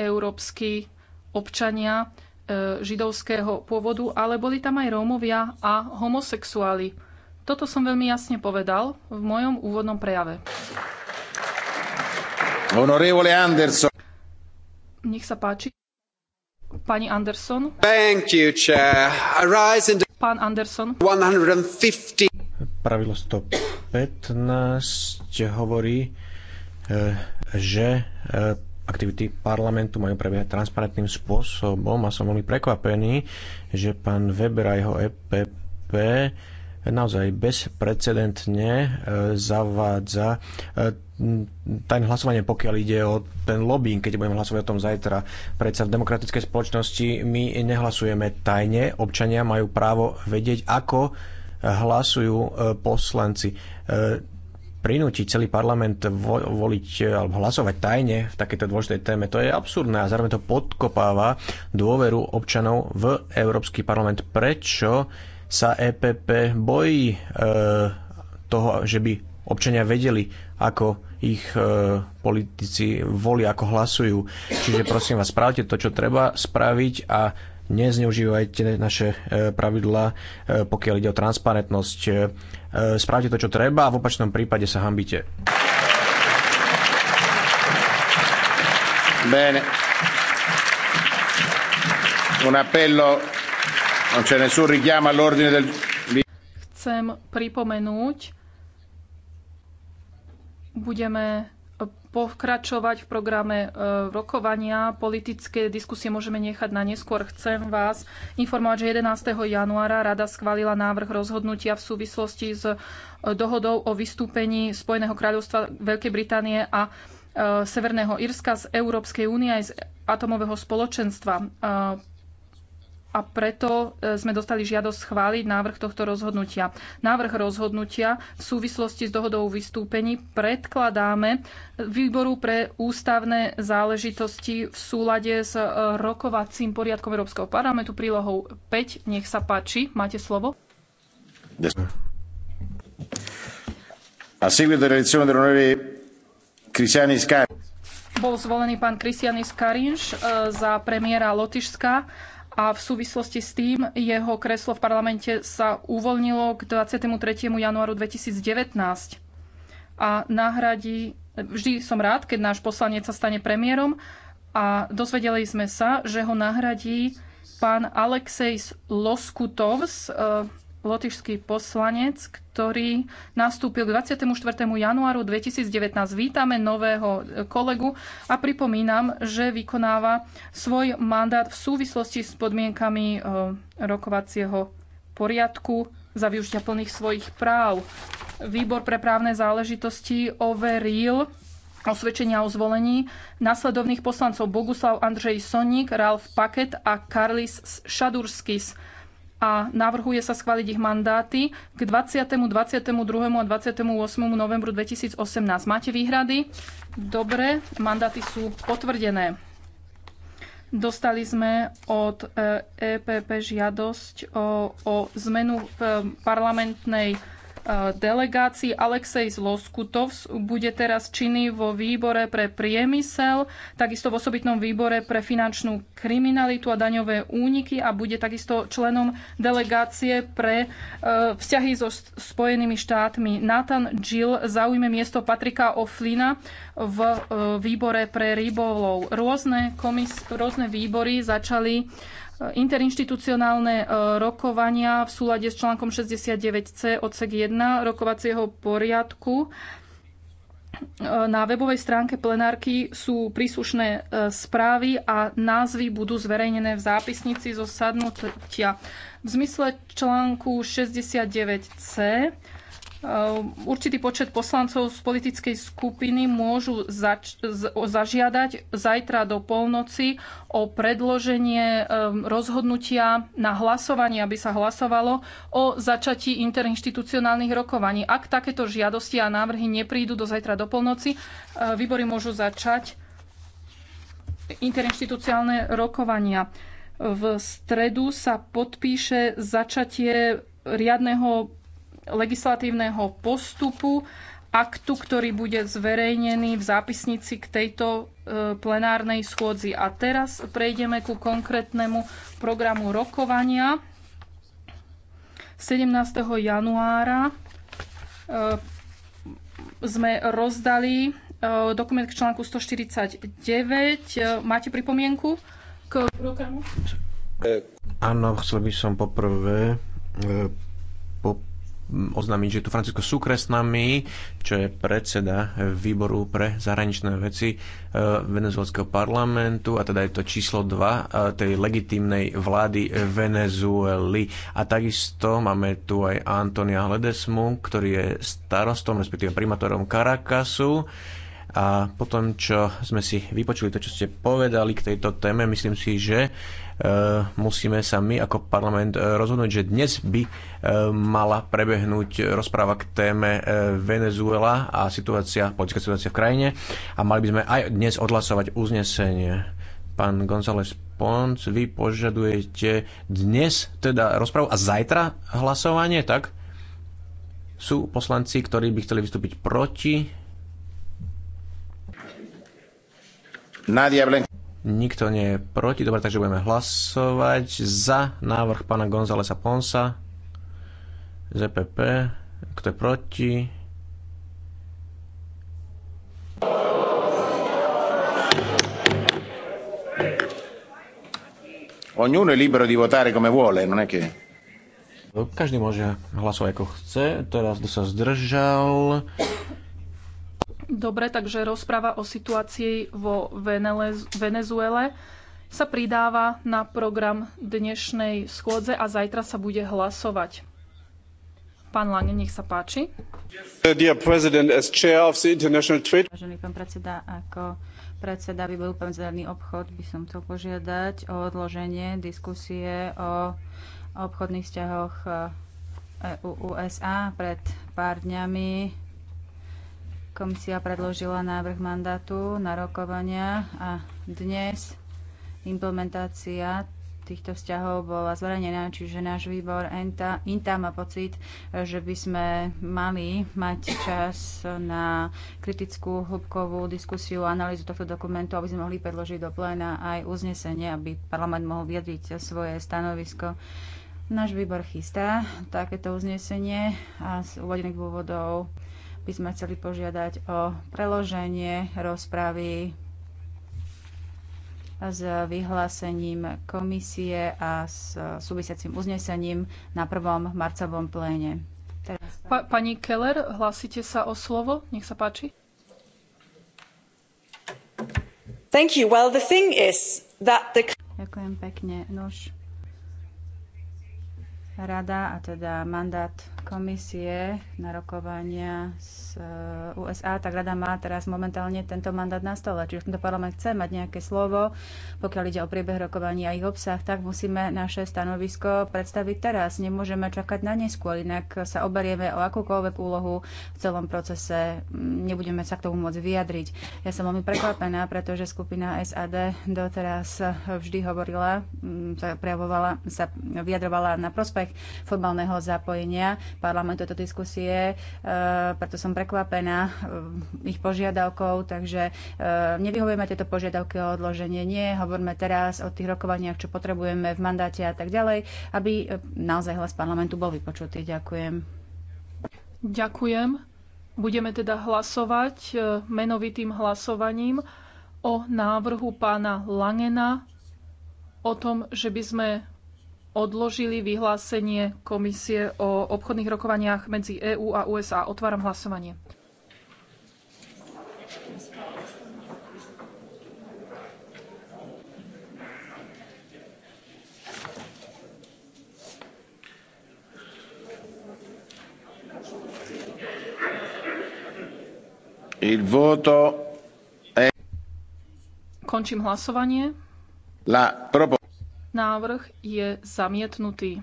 európsky občania e, židovského pôvodu, ale boli tam aj Rómovia a homosexuáli. Toto som veľmi jasne povedal v mojom úvodnom prejave. Anderson. Nech sa páči. Pani Anderson. Thank you, chair. Pán Anderson. 150. Pravidlo 115 hovorí, E, že e, aktivity parlamentu majú prebiehať transparentným spôsobom a som veľmi prekvapený, že pán Weber a jeho EPP naozaj bezprecedentne e, zavádza tajné hlasovanie, pokiaľ ide o ten lobbying, keď budeme hlasovať o tom zajtra. Predsa v demokratickej spoločnosti my nehlasujeme tajne, občania majú právo vedieť, ako hlasujú poslanci prinútiť celý parlament vo, voliť e, alebo hlasovať tajne v takejto dôležitej téme, to je absurdné a zároveň to podkopáva dôveru občanov v Európsky parlament. Prečo sa EPP bojí e, toho, že by občania vedeli, ako ich e, politici volia, ako hlasujú. Čiže prosím vás, spravte to, čo treba spraviť a nezneužívajte naše e, pravidla, e, pokiaľ ide o transparentnosť. E, spravte to, čo treba a v opačnom prípade sa hambite. Bene. Un appello, non c'è nessun richiamo all'ordine del... Chcem pripomenúť, budeme pokračovať v programe e, rokovania. Politické diskusie môžeme nechať na neskôr. Chcem vás informovať, že 11. januára Rada schválila návrh rozhodnutia v súvislosti s e, dohodou o vystúpení Spojeného kráľovstva Veľkej Británie a e, Severného Írska z Európskej únie aj z atomového spoločenstva a preto e, sme dostali žiadosť schváliť návrh tohto rozhodnutia. Návrh rozhodnutia v súvislosti s dohodou vystúpení predkladáme výboru pre ústavné záležitosti v súlade s e, rokovacím poriadkom Európskeho parlamentu prílohou 5. Nech sa páči, máte slovo. A Bol zvolený pán Kristianis Karinš e, za premiéra Lotyšska a v súvislosti s tým jeho kreslo v parlamente sa uvoľnilo k 23. januáru 2019 a nahradí, vždy som rád, keď náš poslanec sa stane premiérom a dozvedeli sme sa, že ho nahradí pán Alexej Loskutovs lotišský poslanec, ktorý nastúpil k 24. januáru 2019. Vítame nového e, kolegu a pripomínam, že vykonáva svoj mandát v súvislosti s podmienkami e, rokovacieho poriadku za využitia plných svojich práv. Výbor pre právne záležitosti overil osvedčenia o zvolení nasledovných poslancov Boguslav Andrej Soník, Ralf Paket a Karlis Šadurskis a navrhuje sa schváliť ich mandáty k 20., 22. a 28. novembru 2018. Máte výhrady? Dobre, mandáty sú potvrdené. Dostali sme od EPP e žiadosť o, o zmenu e, parlamentnej Delegácii Alexej Zloskutov bude teraz činný vo výbore pre priemysel, takisto v osobitnom výbore pre finančnú kriminalitu a daňové úniky a bude takisto členom delegácie pre e, vzťahy so Spojenými štátmi. Nathan Gill zaujme miesto Patrika Oflina v e, výbore pre rybolov. Rôzne, komis- rôzne výbory začali Interinštitucionálne e, rokovania v súlade s článkom 69c odsek 1 rokovacieho poriadku e, na webovej stránke plenárky sú príslušné e, správy a názvy budú zverejnené v zápisnici zo sadnutia. V zmysle článku 69c Eh, určitý počet poslancov z politickej skupiny môžu zač- zažiadať zajtra do polnoci o predloženie eh, rozhodnutia na hlasovanie, aby sa hlasovalo o začatí interinstitucionálnych rokovaní. Ak takéto žiadosti a návrhy neprídu do zajtra do polnoci, eh, výbory môžu začať interinstitucionálne rokovania. V stredu sa podpíše začatie riadneho legislatívneho postupu aktu, ktorý bude zverejnený v zápisnici k tejto e, plenárnej schôdzi. A teraz prejdeme ku konkrétnemu programu rokovania. 17. januára e, sme rozdali e, dokument k článku 149. Máte pripomienku k programu? Áno, chcel by som poprvé, Mm, oznámiť, že je tu Francisco sú s nami, čo je predseda výboru pre zahraničné veci e, venezuelského parlamentu a teda je to číslo 2 e, tej legitímnej vlády Venezuely. A takisto máme tu aj Antonia Ledesmu, ktorý je starostom, respektíve primátorom Caracasu. A potom, čo sme si vypočuli to, čo ste povedali k tejto téme, myslím si, že Eh, musíme sa my ako parlament eh, rozhodnúť, že dnes by eh, mala prebehnúť rozpráva k téme Venezuela a situácia, politická situácia v krajine a mali by sme aj dnes odhlasovať uznesenie. Pán González Pons, vy požadujete dnes teda rozpravu a zajtra hlasovanie, tak? Sú poslanci, ktorí by chceli vystúpiť proti Nadia Blen. Nikto nie je proti. Dobre, takže budeme hlasovať za návrh pána Gonzalesa Ponsa. ZPP. E kto je proti? Ognuno è libero di votare come vuole, non è che... Každý môže hlasovať ako chce. Teraz sa zdržal. Dobre, takže rozpráva o situácii vo Venezuele sa pridáva na program dnešnej schôdze a zajtra sa bude hlasovať. Pán Lange, nech sa páči. Vážený pán predseda, ako predseda výboru pre medzinárodný obchod by som chcel požiadať o odloženie diskusie o obchodných vzťahoch EU-USA eh, pred pár dňami Komisia predložila návrh mandátu na rokovania a dnes implementácia týchto vzťahov bola zverejnená, čiže náš výbor INTA, INTA má pocit, že by sme mali mať čas na kritickú, hĺbkovú diskusiu, analýzu tohto dokumentu, aby sme mohli predložiť do pléna aj uznesenie, aby parlament mohol vyjadriť svoje stanovisko. Náš výbor chystá takéto uznesenie a z uvedených dôvodov by sme chceli požiadať o preloženie rozpravy s vyhlásením komisie a s súvisiacím uznesením na prvom marcovom pléne. Teraz... Pa, pani Keller, hlásite sa o slovo? Nech sa páči. Thank you. Well, the thing is that the... Ďakujem pekne. Nož, rada a teda mandát komisie na rokovania z eh, USA, tak rada má teraz momentálne tento mandát na stole. Čiže v tomto parlament chce mať nejaké slovo, pokiaľ ide o priebeh rokovania a ich obsah, tak musíme naše stanovisko predstaviť teraz. Nemôžeme čakať na neskôr, inak sa oberieme o akúkoľvek úlohu v celom procese. Mm, nebudeme sa k tomu môcť vyjadriť. Ja som veľmi prekvapená, pretože skupina SAD doteraz vždy hovorila, mm, sa, prejavovala, sa vyjadrovala na prospech formálneho zapojenia parlamentu tejto diskusie, e, preto som prekvapená e, ich požiadavkou, takže e, nevyhovujeme tieto požiadavky o odloženie. Nie, hovoríme teraz o tých rokovaniach, čo potrebujeme v mandáte a tak ďalej, aby naozaj hlas parlamentu bol vypočutý. Ďakujem. Ďakujem. Budeme teda hlasovať menovitým hlasovaním o návrhu pána Langena o tom, že by sme odložili vyhlásenie komisie o obchodných rokovaniach medzi EÚ a USA. Otváram hlasovanie. Il voto è... Končím hlasovanie. La propos- Návrh je zamietnutý.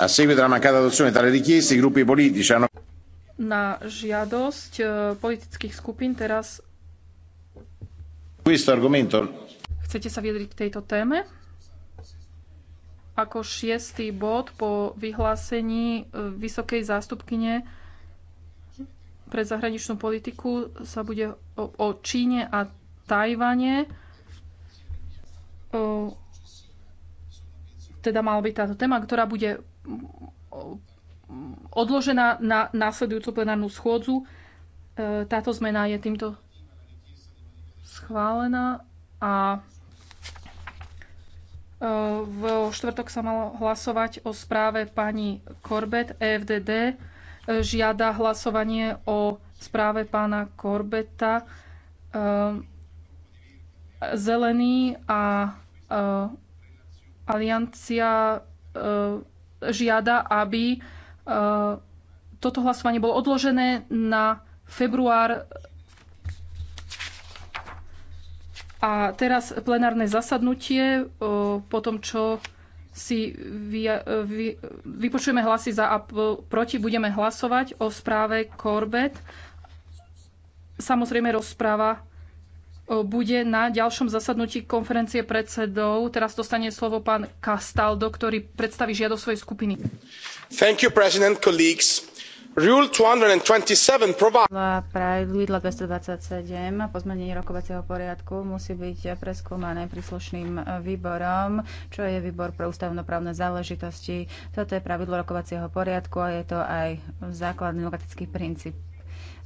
A seguito della mancata adozione tale richiesta, i gruppi politici hanno... Na žiadosť eh, politických skupín teraz... Questo argomento... Chcete sa vyjadriť k tejto téme? Ako šiestý bod po vyhlásení eh, vysokej zástupkyne pre zahraničnú politiku sa bude o, o Číne a Tajvane. Teda mal byť táto téma, ktorá bude odložená na následujúcu plenárnu schôdzu. E, táto zmena je týmto schválená a e, v štvrtok sa malo hlasovať o správe pani Korbet EFDD. E, žiada hlasovanie o správe pána Korbeta. Um, Zelení a uh, aliancia uh, žiada, aby uh, toto hlasovanie bolo odložené na február a teraz plenárne zasadnutie po tom, čo si vy, vy, vypočujeme hlasy za a proti, budeme hlasovať o správe Corbett. Samozrejme rozpráva bude na ďalšom zasadnutí konferencie predsedov. Teraz dostane slovo pán Castaldo, ktorý predstaví žiadosť svojej skupiny. Thank you, President, colleagues. Rule 227 provides... Pravidla 227 po zmenení rokovacieho poriadku musí byť preskúmané príslušným e, výborom, čo je výbor pre ústavnoprávne záležitosti. Toto je pravidlo rokovacieho poriadku a je to aj základný demokratický princíp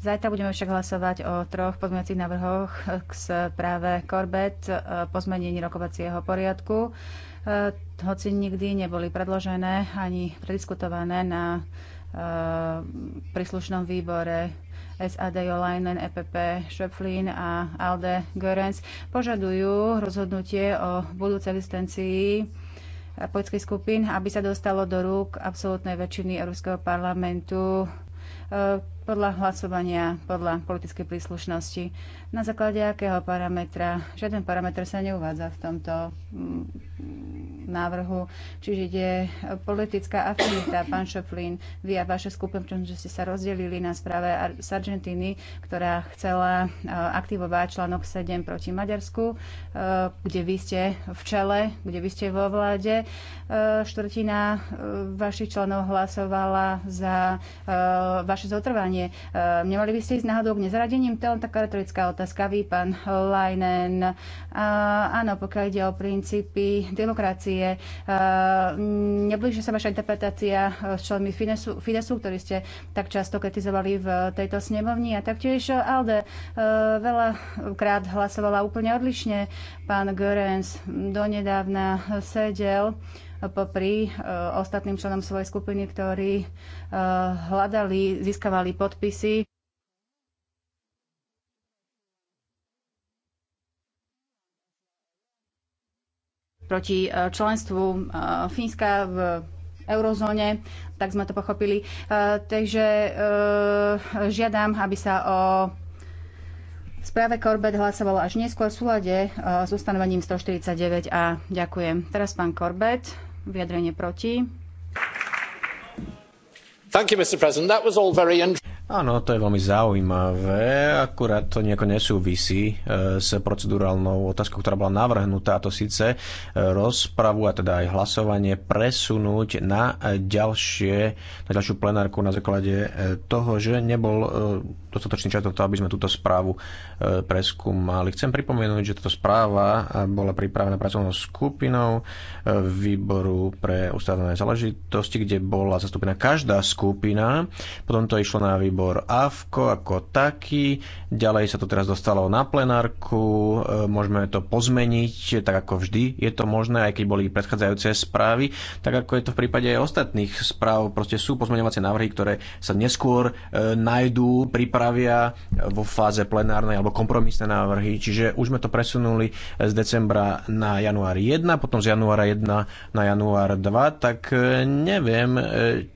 Zajtra budeme však hlasovať o troch pozmeňovacích návrhoch k správe Corbett e, po zmenení rokovacieho poriadku. E, hoci nikdy neboli predložené ani prediskutované na e, príslušnom výbore SAD Jolainen, EPP Schöpflin a Alde Görens požadujú rozhodnutie o budúcej existencii poľských skupín, aby sa dostalo do rúk absolútnej väčšiny Európskeho parlamentu podľa hlasovania, podľa politickej príslušnosti. Na základe akého parametra? Žiaden parametr sa neuvádza v tomto mm, návrhu. Čiže ide politická afinita. Pán Šoplín, vy a vaše skupina, že ste sa rozdelili na správe z Argentíny, ktorá chcela e, aktivovať článok 7 proti Maďarsku, e, kde vy ste v čele, kde vy ste vo vláde. E, štvrtina vašich členov hlasovala za vaše zotrvanie vzdelávanie. E, nemali by ste ísť náhodou k nezradením? To je taká retorická otázka. Vy, pán Leinen, e, áno, pokiaľ ide o princípy demokracie, e, neblíži sa vaša interpretácia s členmi Fidesu, Fidesu, ktorí ste tak často kritizovali v tejto snemovni a taktiež Alde veľa krát hlasovala úplne odlišne. Pán Görens donedávna sedel popri e, ostatným členom svojej skupiny, ktorí e, hľadali, získavali podpisy. proti e, členstvu Fínska v eurozóne, tak sme to pochopili. Takže žiadam, aby sa o správe Korbet hlasovalo až neskôr v súlade s ustanovením 149 a ďakujem. Teraz pán Korbet vyjadrenie proti. Thank you, Mr. President. That was all very interesting. Áno, to je veľmi zaujímavé, akurát to nejako nesúvisí e, s procedurálnou otázkou, ktorá bola navrhnutá, a to síce e, rozpravu a teda aj hlasovanie presunúť na, ďalšie, na ďalšiu plenárku na základe e, toho, že nebol dostatočný čas na to, aby sme túto správu e, preskúmali. Chcem pripomenúť, že táto správa e, bola pripravená pracovnou skupinou e, výboru pre ústavné záležitosti, kde bola zastúpená každá skupina. Potom to išlo na výbor AFKO ako taký. Ďalej sa to teraz dostalo na plenárku. Môžeme to pozmeniť, tak ako vždy je to možné, aj keď boli predchádzajúce správy, tak ako je to v prípade aj ostatných správ. Proste sú pozmeňovacie návrhy, ktoré sa neskôr nájdú pripravené pripravia e, vo fáze plenárnej alebo kompromisné návrhy, čiže už sme to presunuli z decembra na január 1, potom z januára 1 na január 2, tak e, neviem, e,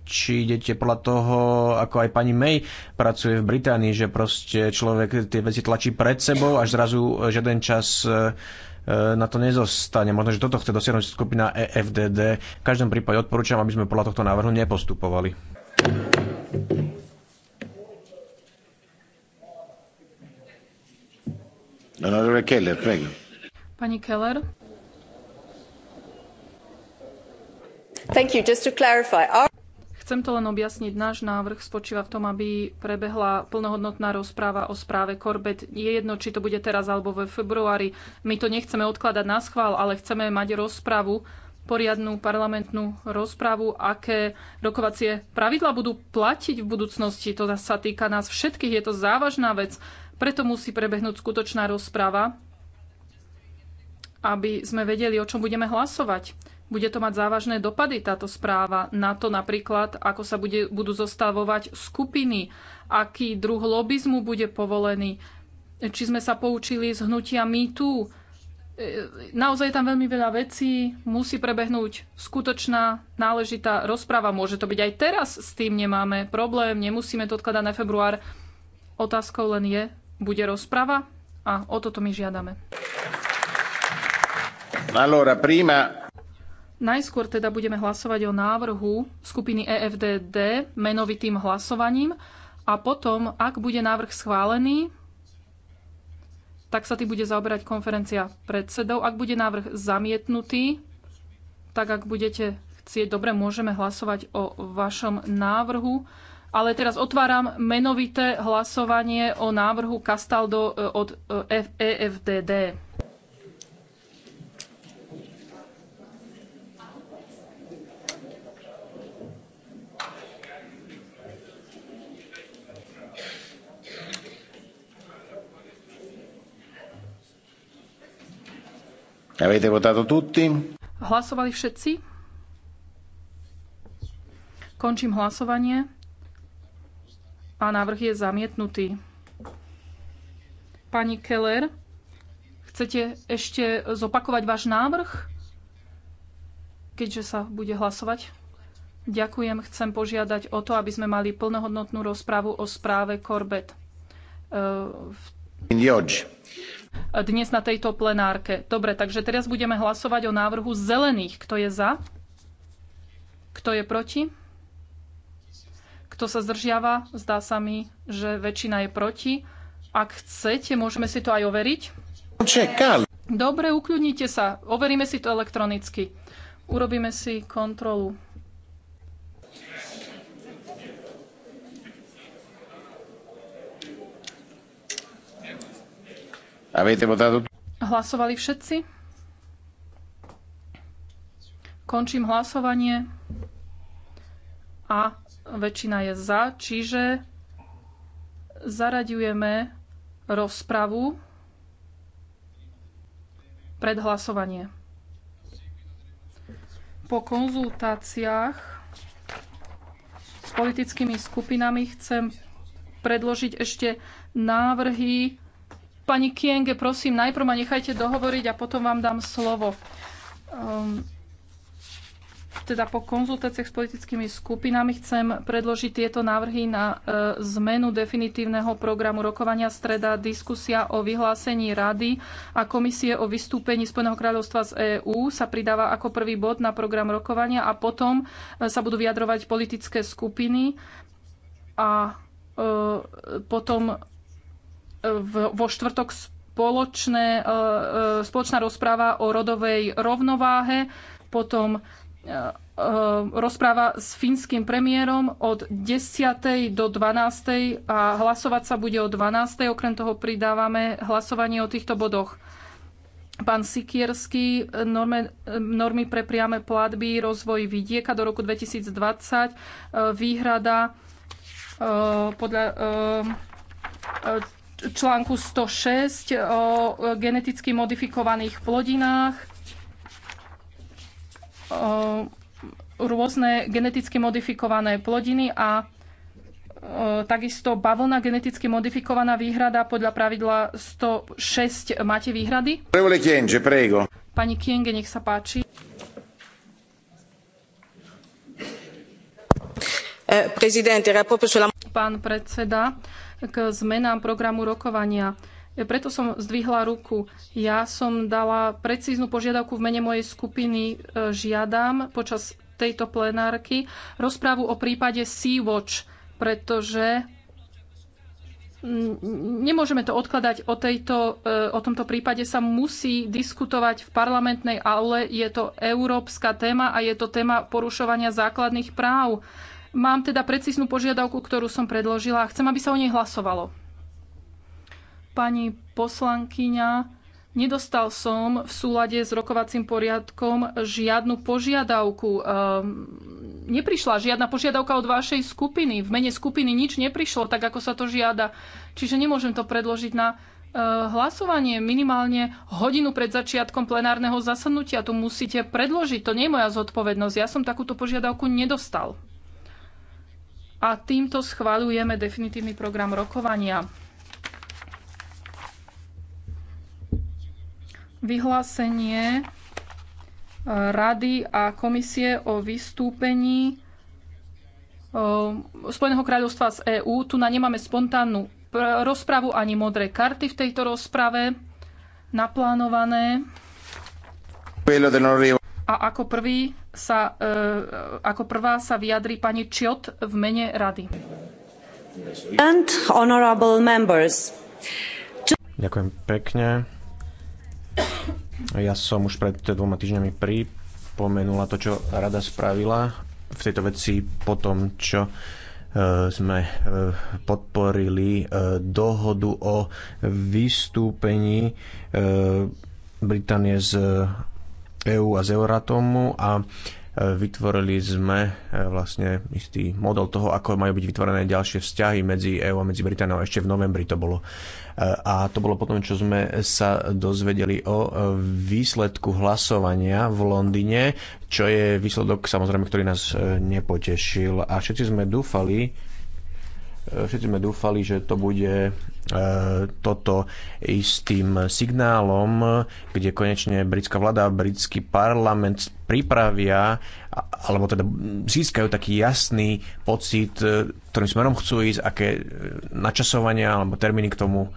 či idete podľa toho, ako aj pani May pracuje v Británii, že proste človek tie veci tlačí pred sebou, až zrazu žiaden čas na to nezostane. Možno, že toto chce dosiahnuť skupina EFDD. V každom prípade odporúčam, aby sme podľa tohto návrhu nepostupovali. Pani Keller. Chcem to len objasniť. Náš návrh spočíva v tom, aby prebehla plnohodnotná rozpráva o správe Korbet. Je jedno, či to bude teraz alebo ve februári. My to nechceme odkladať na schvál, ale chceme mať rozpravu, poriadnú parlamentnú rozpravu, aké rokovacie pravidla budú platiť v budúcnosti. To sa týka nás všetkých. Je to závažná vec. Preto musí prebehnúť skutočná rozprava, aby sme vedeli, o čom budeme hlasovať. Bude to mať závažné dopady táto správa na to napríklad, ako sa bude, budú zostavovať skupiny, aký druh lobizmu bude povolený, či sme sa poučili z hnutia MeToo. E, naozaj je tam veľmi veľa vecí musí prebehnúť skutočná náležitá rozpráva. Môže to byť aj teraz, s tým nemáme problém, nemusíme to odkladať na február. Otázkou len je, bude rozprava a o toto my žiadame. Allora, prima... Najskôr teda budeme hlasovať o návrhu skupiny EFDD menovitým hlasovaním a potom, ak bude návrh schválený, tak sa tým bude zaoberať konferencia predsedov. Ak bude návrh zamietnutý, tak ak budete chcieť, dobre, môžeme hlasovať o vašom návrhu. Ale teraz otváram menovité hlasovanie o návrhu Castaldo e, od EFDD. E, Avete votato tutti? Hlasovali všetci? Končím hlasovanie a návrh je zamietnutý. Pani Keller, chcete ešte zopakovať váš návrh, keďže sa bude hlasovať? Ďakujem, chcem požiadať o to, aby sme mali plnohodnotnú rozpravu o správe Korbet. Dnes na tejto plenárke. Dobre, takže teraz budeme hlasovať o návrhu zelených. Kto je za? Kto je proti? Kto sa zdržiava, zdá sa mi, že väčšina je proti. Ak chcete, môžeme si to aj overiť. Čekal. Dobre, ukľudnite sa. Overíme si to elektronicky. Urobíme si kontrolu. Hlasovali všetci? Končím hlasovanie a väčšina je za, čiže zaraďujeme rozpravu pred hlasovanie. Po konzultáciách s politickými skupinami chcem predložiť ešte návrhy. Pani Kienge, prosím, najprv ma nechajte dohovoriť a potom vám dám slovo. Um, teda po konzultáciách s politickými skupinami chcem predložiť tieto návrhy na e, zmenu definitívneho programu rokovania streda diskusia o vyhlásení Rady a komisie o vystúpení Spojeného kráľovstva z EÚ sa pridáva ako prvý bod na program rokovania a potom e, sa budú vyjadrovať politické skupiny a e, potom vo štvrtok spoločné, spoločná rozpráva o rodovej rovnováhe, potom Ehm, rozpráva s fínskym premiérom od 10. do 12. a hlasovať sa bude o 12. Okrem toho pridávame hlasovanie o týchto bodoch. Pán Sikierský, normy pre priame platby, rozvoj vidieka do roku 2020, ehm, výhrada ehm, podľa e, článku 106 o geneticky modifikovaných plodinách, Eh, rôzne geneticky modifikované plodiny a eh, takisto bavlna geneticky modifikovaná výhrada podľa pravidla 106. Máte výhrady? Pani Kienge, nech sa páči. Eh, Pán predseda, k zmenám programu rokovania. Preto som zdvihla ruku. Ja som dala precíznu požiadavku v mene mojej skupiny. E, žiadam počas tejto plenárky rozprávu o prípade Sea-Watch, pretože mm, nemôžeme to odkladať. O, tejto, e, o tomto prípade sa musí diskutovať v parlamentnej aule. Je to európska téma a je to téma porušovania základných práv. Mám teda precíznu požiadavku, ktorú som predložila a chcem, aby sa o nej hlasovalo. Pani poslankyňa, nedostal som v súlade s rokovacím poriadkom žiadnu požiadavku. Ehm, neprišla žiadna požiadavka od vašej skupiny. V mene skupiny nič neprišlo, tak ako sa to žiada. Čiže nemôžem to predložiť na ehm, hlasovanie minimálne hodinu pred začiatkom plenárneho zasadnutia. To musíte predložiť. To nie je moja zodpovednosť. Ja som takúto požiadavku nedostal. A týmto schváľujeme definitívny program rokovania. vyhlásenie e, Rady a komisie o vystúpení e, Spojeného kráľovstva z EÚ. Tu na nemáme spontánnu rozpravu ani modré karty v tejto rozprave naplánované. A ako, prvý sa, e, ako prvá sa vyjadrí pani Čiot v mene rady. Ďakujem pekne. Ja som už pred dvoma týždňami pripomenula to, čo rada spravila v tejto veci po tom, čo e, sme e, podporili e, dohodu o vystúpení Británie z EÚ a z Euratomu a vytvorili sme vlastne istý model toho, ako majú byť vytvorené ďalšie vzťahy medzi EÚ a medzi Britániou. Ešte v novembri to bolo. A to bolo potom, čo sme sa dozvedeli o výsledku hlasovania v Londýne, čo je výsledok samozrejme, ktorý nás e, nepotešil. A všetci sme dúfali, E, všetci sme dúfali, že to bude e, toto istým signálom, kde konečne britská vláda a britský parlament pripravia, alebo teda získajú taký jasný pocit, e, ktorým smerom chcú ísť, aké načasovania alebo termíny k tomu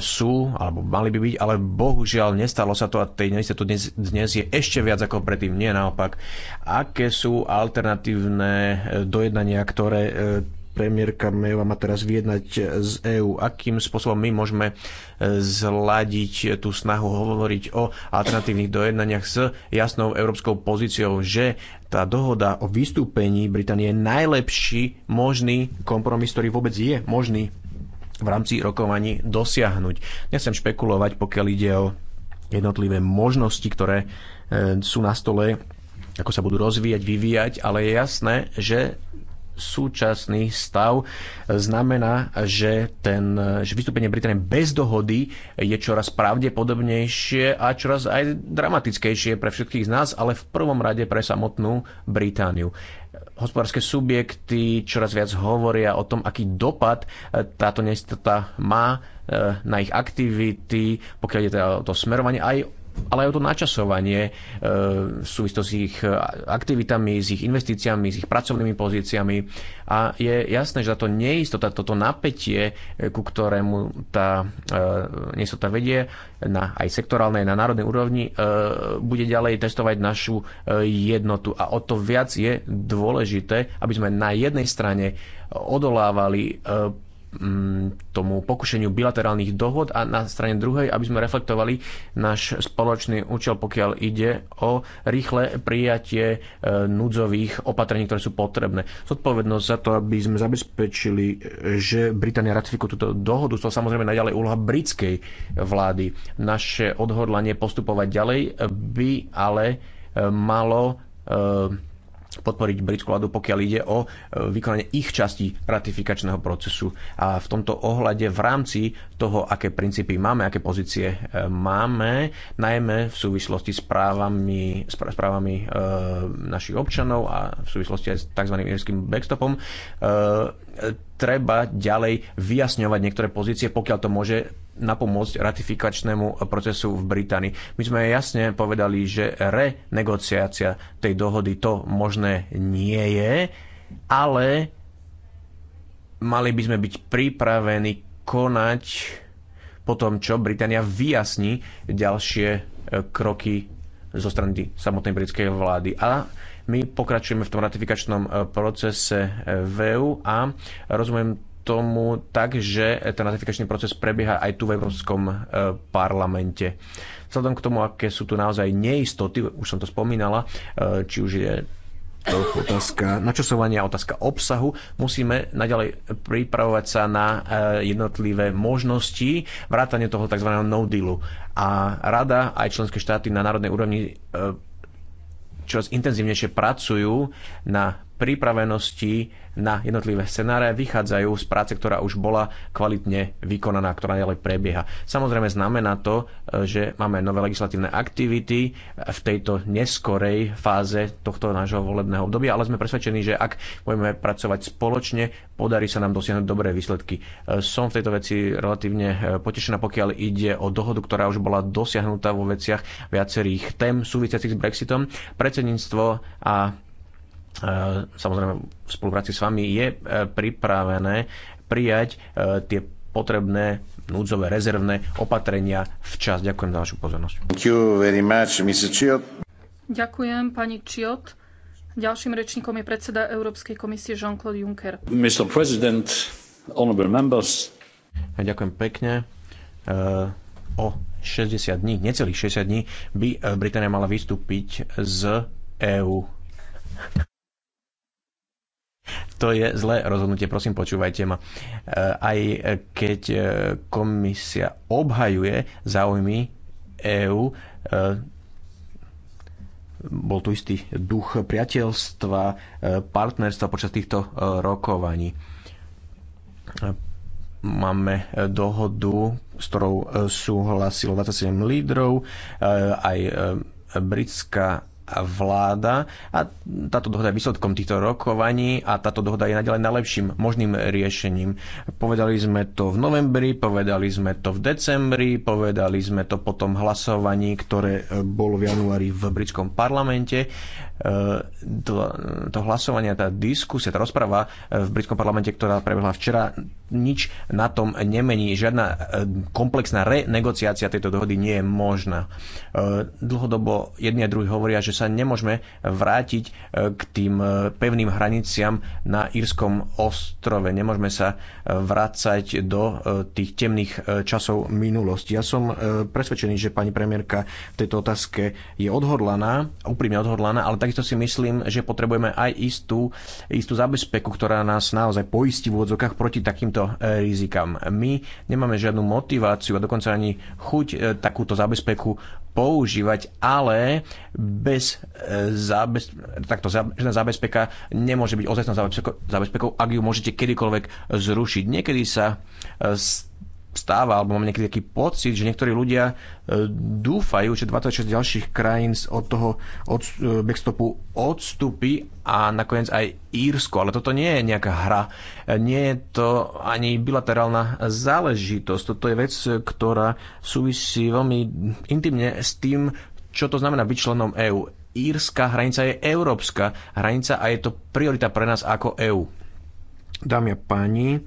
sú, alebo mali by byť, ale bohužiaľ nestalo sa to a tej neistotu dnes, dnes je ešte viac ako predtým, nie naopak. Aké sú alternatívne dojednania, ktoré premiérka Mejová má teraz vyjednať z EÚ. Akým spôsobom my môžeme e, zladiť tú snahu hovoriť o alternatívnych dojednaniach s jasnou európskou pozíciou, že tá dohoda o vystúpení Británie je najlepší možný kompromis, ktorý vôbec je možný v rámci rokovaní dosiahnuť. Nechcem špekulovať, pokiaľ ide o jednotlivé možnosti, ktoré e, sú na stole, ako sa budú rozvíjať, vyvíjať, ale je jasné, že súčasný stav znamená, že, ten, že vystúpenie Británie bez dohody je čoraz pravdepodobnejšie a čoraz aj dramatickejšie pre všetkých z nás, ale v prvom rade pre samotnú Britániu hospodárske subjekty čoraz viac hovoria o tom, aký dopad e, táto neistota má e, na ich aktivity, pokiaľ je teda o to smerovanie, aj ale aj o to načasovanie e, v súvislosti s ich e, aktivitami, s ich investíciami, s ich pracovnými pozíciami. A je jasné, že táto neistota, toto napätie, e, ku ktorému tá neistota vedie na aj sektorálnej, na národnej úrovni, bude ďalej testovať našu jednotu. A o to viac je dôležité, aby sme na jednej strane odolávali Mm, tomu pokušeniu bilaterálnych dohod a na strane druhej, aby sme reflektovali náš spoločný účel, pokiaľ ide o rýchle prijatie e, núdzových opatrení, ktoré sú potrebné. Zodpovednosť za to, aby sme zabezpečili, že Británia ratifikuje túto dohodu, to samozrejme naďalej úloha britskej vlády. Naše odhodlanie postupovať ďalej by ale e, malo e, podporiť britskú vládu, pokiaľ ide o e, vykonanie ich časti ratifikačného procesu. A v tomto ohľade v rámci toho, aké princípy máme, aké pozície e, máme, najmä v súvislosti s právami, s právami e, našich občanov a v súvislosti aj s tzv. irským backstopom, treba ďalej vyjasňovať niektoré pozície, pokiaľ to môže napomôcť ratifikačnému procesu v Británii. My sme jasne povedali, že renegociácia tej dohody to možné nie je, ale mali by sme byť pripravení konať po tom, čo Británia vyjasní ďalšie e, kroky zo strany samotnej britskej vlády. A my pokračujeme v tom ratifikačnom e, procese e, VEU a rozumiem tomu tak, že ten ratifikačný proces prebieha aj tu v Európskom e, parlamente. Vzhľadom k tomu, aké sú tu naozaj neistoty, už som to spomínala, či už je to otázka načasovania, otázka obsahu. Musíme naďalej pripravovať sa na jednotlivé možnosti vrátane toho tzv. no dealu. A rada aj členské štáty na národnej úrovni čoraz intenzívnejšie pracujú na pripravenosti na jednotlivé scenáre vychádzajú z práce, ktorá už bola kvalitne vykonaná, ktorá ďalej prebieha. Samozrejme znamená to, že máme nové legislatívne aktivity v tejto neskorej fáze tohto nášho volebného obdobia, ale sme presvedčení, že ak budeme pracovať spoločne, podarí sa nám dosiahnuť dobré výsledky. Som v tejto veci relatívne eh, potešená, pokiaľ ide o dohodu, ktorá už bola dosiahnutá vo veciach viacerých tém súvisiacich s Brexitom. Predsedníctvo a samozrejme v spolupráci s vami je e, pripravené prijať e, tie potrebné núdzové rezervné opatrenia včas. Ďakujem za vašu pozornosť. Ďakujem, pani Čiot. Ďalším rečníkom je predseda Európskej komisie Jean-Claude Juncker. Mr. President, honorable members. Ďakujem pekne. E, o 60 dní, necelých 60 dní, by Británia mala vystúpiť z EÚ. To je zlé rozhodnutie, prosím, počúvajte ma. Eh, aj keď eh, komisia obhajuje záujmy EÚ, eh, bol tu istý duch priateľstva, partnerstva počas týchto rokovaní. Máme dohodu, s ktorou súhlasilo 27 lídrov, aj britská vláda a táto dohoda je výsledkom týchto rokovaní a táto dohoda je naďalej najlepším možným riešením. Povedali sme to v novembri, povedali sme to v decembri, povedali sme to potom hlasovaní, ktoré e, bolo v januári v britskom parlamente. E, to hlasovanie, tá diskusia, tá rozprava e, v britskom parlamente, ktorá prebehla včera, nič na tom nemení. Žiadna komplexná renegociácia tejto dohody nie je možná. Dlhodobo jedni a druhí hovoria, že sa nemôžeme vrátiť e, k tým e, pevným hraniciam na Írskom ostrove. Nemôžeme sa e, vrácať do tých temných časov minulosti. Ja som presvedčený, že pani premiérka v tejto otázke je odhodlaná, úprimne odhodlaná, ale takisto si myslím, že potrebujeme aj istú, istú zabezpeku, ktorá nás naozaj poistí v úvodzokách proti takýmto rizikám. My nemáme žiadnu motiváciu a dokonca ani chuť takúto zabezpeku používať, ale bez e, zábez, takto zábezpeka nemôže byť ozajstnou zábezpekou, ak ju môžete kedykoľvek zrušiť. Niekedy sa e, stáva, alebo mám niekedy taký pocit, že niektorí ľudia e, dúfajú, že 26 ďalších krajín od toho od, e, backstopu odstupí a nakoniec aj Írsko. Ale toto nie je nejaká hra, e, nie je to ani bilaterálna záležitosť. Toto je vec, ktorá súvisí veľmi intimne s tým, čo to znamená byť členom EÚ. Írska hranica je európska hranica a je to priorita pre nás ako EÚ. Dámy a páni,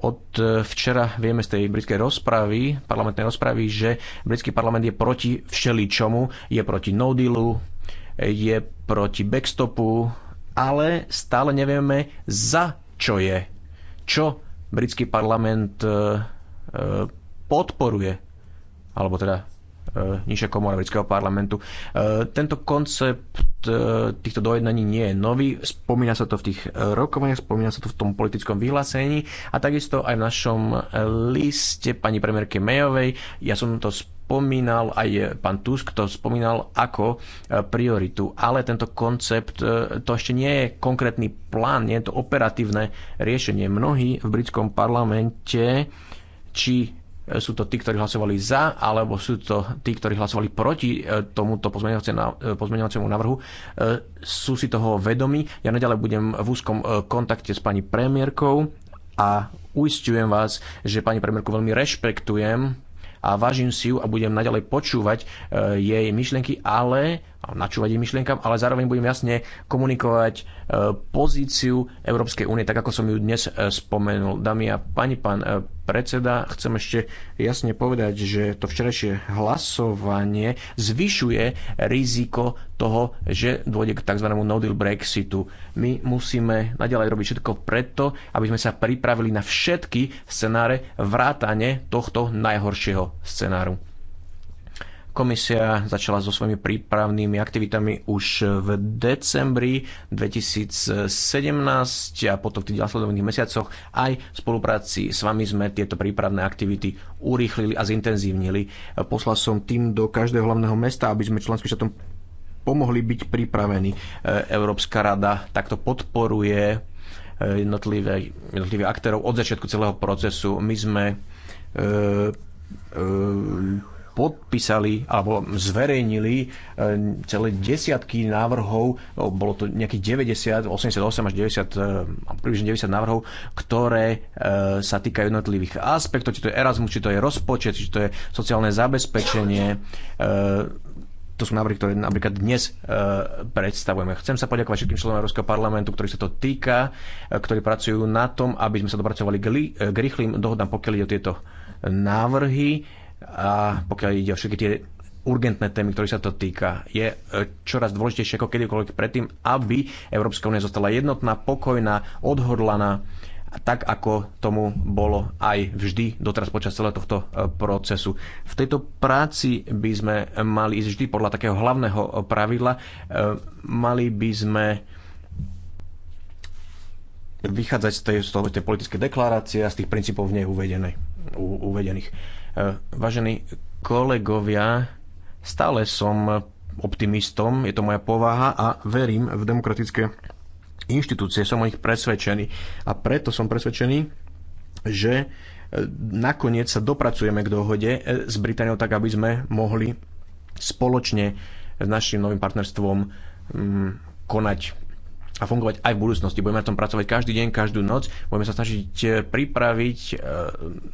od e, včera vieme z tej britskej rozpravy, parlamentnej rozpravy, že britský parlament je proti všeličomu, je proti no dealu, je proti backstopu, ale stále nevieme za čo je. Čo britský parlament e, e, podporuje, alebo teda E, nižšia komora britského parlamentu. E, tento koncept e, týchto dojednaní nie je nový, spomína sa to v tých rokovaniach, spomína sa to v tom politickom vyhlásení a takisto aj v našom liste pani premiérke Mayovej. Ja som to spomínal, aj pán Tusk to spomínal ako prioritu, ale tento koncept to ešte nie je konkrétny plán, nie je to operatívne riešenie. Mnohí v britskom parlamente či sú to tí, ktorí hlasovali za, alebo sú to tí, ktorí hlasovali proti e, tomuto e, pozmeňovaciemu návrhu. E, sú si toho vedomi. Ja naďalej budem v úzkom kontakte s pani premiérkou a uistujem vás, že pani premiérku veľmi rešpektujem a vážim si ju a budem naďalej počúvať jej myšlienky, ale načúvať jej myšlienkam, ale zároveň budem jasne komunikovať pozíciu Európskej únie, tak ako som ju dnes spomenul. Dámy a pani, pán predseda, chcem ešte jasne povedať, že to včerajšie hlasovanie zvyšuje riziko toho, že dôjde k tzv. no-deal Brexitu. My musíme naďalej robiť všetko preto, aby sme sa pripravili na všetky scenáre vrátane tohto najhoršieho scenáru. Komisia začala so svojimi prípravnými aktivitami už v decembri 2017 a potom v tých následovných mesiacoch aj v spolupráci s vami sme tieto prípravné aktivity urýchlili a zintenzívnili. Poslal som tým do každého hlavného mesta, aby sme členským štátom pomohli byť pripravení. Európska rada takto podporuje eh, jednotlivé, jednotlivé aktérov od začiatku celého procesu. My sme e, e, podpísali alebo zverejnili e, celé desiatky návrhov, bolo to nejakých 90, 88 až 90, e, približne 90 návrhov, ktoré e, sa týkajú jednotlivých aspektov, či to je Erasmus, či to je rozpočet, či to je sociálne zabezpečenie, to sú návrhy, ktoré napríklad dnes predstavujeme. Chcem sa poďakovať všetkým členom Európskeho parlamentu, ktorí sa to týka, ktorí pracujú na tom, aby sme sa dopracovali k rýchlým dohodám, pokiaľ ide o tieto návrhy a pokiaľ ide o všetky tie urgentné témy, ktoré sa to týka, je e, čoraz dôležitejšie ako kedykoľvek predtým, aby Európska únia zostala jednotná, pokojná, odhodlaná, tak ako tomu bolo aj vždy doteraz počas celého tohto e, procesu. V tejto práci by sme mali ísť vždy podľa takého hlavného e, pravidla. Mali by sme vychádzať z tej, z tej politické deklarácie a z tých princípov v nej u, uvedených Eh, vážení kolegovia, stále som optimistom, je to moja povaha a verím v demokratické inštitúcie, som o nich presvedčený. A preto som presvedčený, že eh, nakoniec sa dopracujeme k dohode eh, s Britániou tak, aby sme mohli spoločne s našim novým partnerstvom mm, konať a fungovať aj v budúcnosti. Budeme na tom pracovať každý deň, každú noc. Budeme sa snažiť eh, pripraviť eh,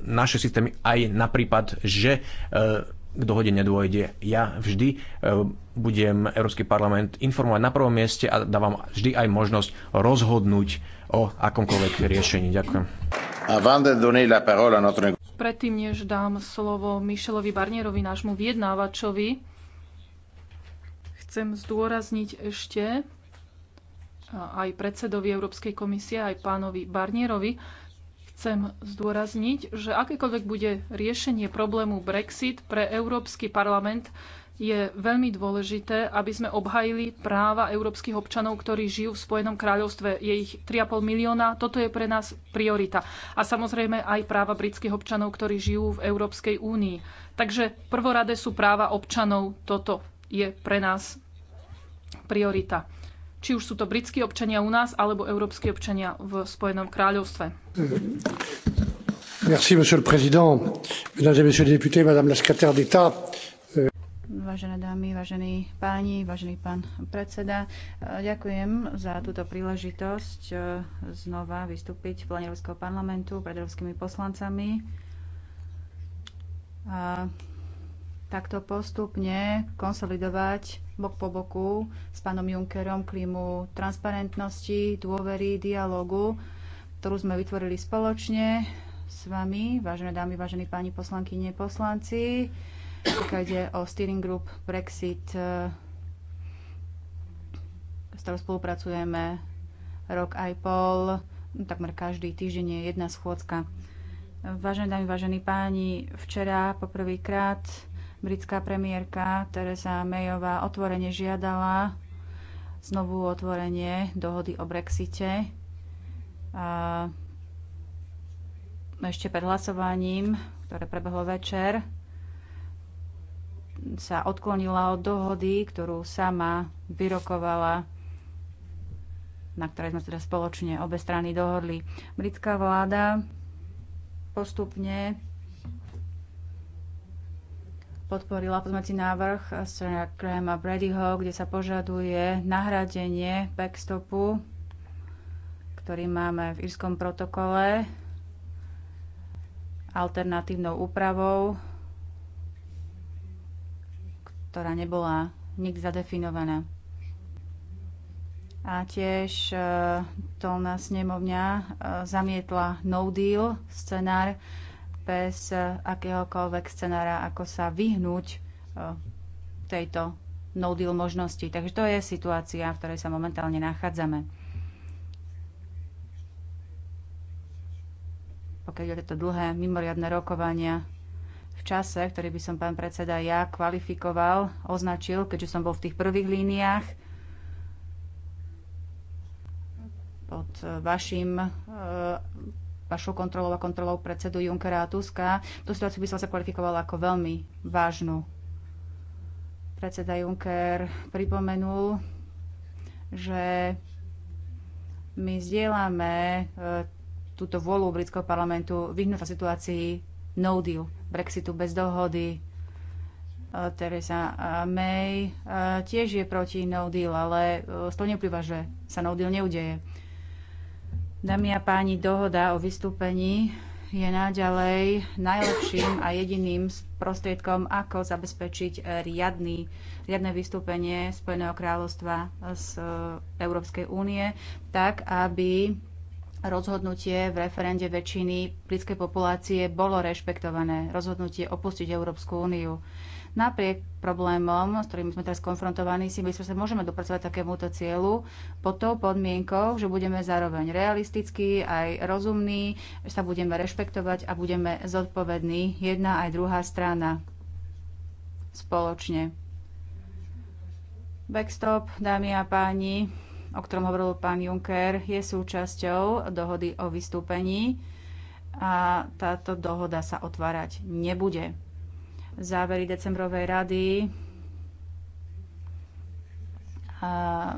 naše systémy aj na prípad, že eh, k dohode nedôjde. Ja vždy budem Európsky parlament informovať na prvom mieste a dávam vždy aj možnosť rozhodnúť o akomkoľvek riešení. Ďakujem. Predtým, než dám slovo Michelovi Barnierovi, nášmu vyjednávačovi, chcem zdôrazniť ešte, aj predsedovi Európskej komisie, aj pánovi Barnierovi, chcem zdôrazniť, že akékoľvek bude riešenie problému Brexit pre Európsky parlament je veľmi dôležité, aby sme obhajili práva európskych občanov, ktorí žijú v Spojenom kráľovstve. Je ich 3,5 milióna. Toto je pre nás priorita. A samozrejme aj práva britských občanov, ktorí žijú v Európskej únii. Takže prvoradé sú práva občanov. Toto je pre nás priorita či už sú to britskí občania u nás alebo európsky občania v Spojenom kráľovstve. Merci, monsieur le président. Mesdames et messieurs les députés, madame la secrétaire d'État. Euh, Vážené dámy, vážení páni, vážený pán predseda, eh, ďakujem za túto príležitosť eh, znova vystúpiť v plane Európskeho parlamentu pred európskymi poslancami. A takto postupne konsolidovať bok po boku s pánom Junckerom klímu transparentnosti, dôvery, dialogu, ktorú sme vytvorili spoločne s vami, vážené dámy, vážení páni poslankyne, poslanci. Pokiaľ ide o steering group Brexit, eh, s ktorou spolupracujeme rok aj pol, takmer každý týždeň je jedna schôdzka. Vážené dámy, vážení páni, včera poprvýkrát Britská premiérka Teresa Mayová otvorene žiadala znovu otvorenie dohody o Brexite. A ešte pred hlasovaním, ktoré prebehlo večer, sa odklonila od dohody, ktorú sama vyrokovala na ktorej sme teda spoločne obe strany dohodli. Britská vláda postupne podporila pozmeci návrh strana Krema Bradyho, kde sa požaduje nahradenie backstopu, ktorý máme v írskom protokole, alternatívnou úpravou, ktorá nebola nikdy zadefinovaná. A tiež e, dolná snemovňa e, zamietla no deal scenár, bez akéhokoľvek scenára, ako sa vyhnúť e, tejto no-deal možnosti. Takže to je situácia, v ktorej sa momentálne nachádzame. Pokiaľ je to dlhé mimoriadne rokovania v čase, ktorý by som pán predseda ja kvalifikoval, označil, keďže som bol v tých prvých líniách pod e, vašim e, vašou kontrolou a kontrolou predsedu Junckera a Tuska, tú situáciu by som sa kvalifikovala ako veľmi vážnu. Predseda Juncker pripomenul, že my zdieľame e, túto vôľu britského parlamentu vyhnúť sa situácii no deal, Brexitu bez dohody. E, Teresa May e, tiež je proti no deal, ale z toho neuplýva, že sa no deal neudeje. Dámy a páni, dohoda o vystúpení je naďalej najlepším a jediným prostriedkom, ako zabezpečiť riadny, riadne vystúpenie Spojeného kráľovstva z e, Európskej únie, tak aby rozhodnutie v referende väčšiny britskej populácie bolo rešpektované, rozhodnutie opustiť Európsku úniu. Napriek problémom, s ktorými sme teraz konfrontovaní, si myslím, že sa môžeme dopracovať takémuto cieľu pod tou podmienkou, že budeme zároveň realistickí, aj rozumní, že sa budeme rešpektovať a budeme zodpovední jedna aj druhá strana spoločne. Backstop, dámy a páni, o ktorom hovoril pán Juncker, je súčasťou dohody o vystúpení a táto dohoda sa otvárať nebude závery decembrovej rady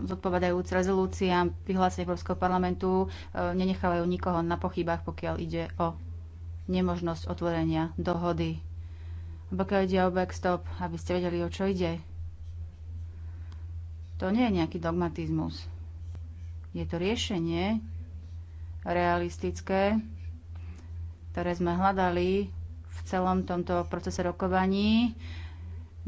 zodpovedajúc rezolúciám vyhlásenia Európskeho parlamentu e, nenechávajú nikoho na pochybách, pokiaľ ide o nemožnosť otvorenia dohody. Pokiaľ ide o backstop, aby ste vedeli, o čo ide. To nie je nejaký dogmatizmus. Je to riešenie realistické, ktoré sme hľadali celom tomto procese rokovaní.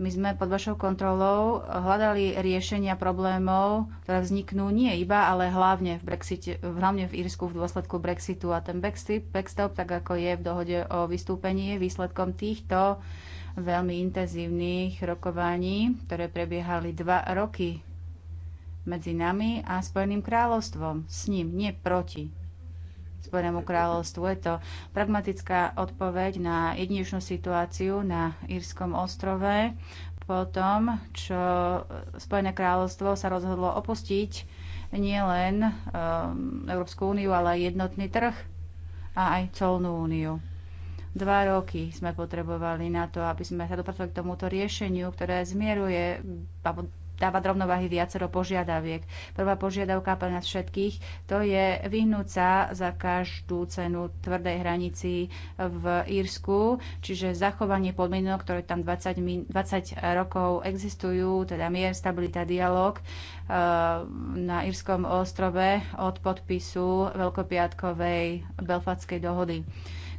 My sme pod vašou kontrolou hľadali riešenia problémov, ktoré vzniknú nie iba, ale hlavne v, Brexite, hlavne v Írsku v dôsledku Brexitu. A ten backstop, backstop, tak ako je v dohode o vystúpení, je výsledkom týchto veľmi intenzívnych rokovaní, ktoré prebiehali dva roky medzi nami a Spojeným kráľovstvom. S ním, nie proti. Spojenému kráľovstvu. Je to pragmatická odpoveď na jedinečnú situáciu na Írskom ostrove po tom, čo Spojené kráľovstvo sa rozhodlo opustiť nielen um, Európsku úniu, ale aj jednotný trh a aj colnú úniu. Dva roky sme potrebovali na to, aby sme sa dopracovali k tomuto riešeniu, ktoré zmieruje dávať rovnováhy viacero požiadaviek. Prvá požiadavka pre nás všetkých to je vyhnúť sa za každú cenu tvrdej hranici v Írsku, čiže zachovanie podmienok, ktoré tam 20, 20 rokov existujú, teda mier, stabilita, dialog eh, na Írskom ostrove od podpisu Veľkopiatkovej Belfatskej dohody.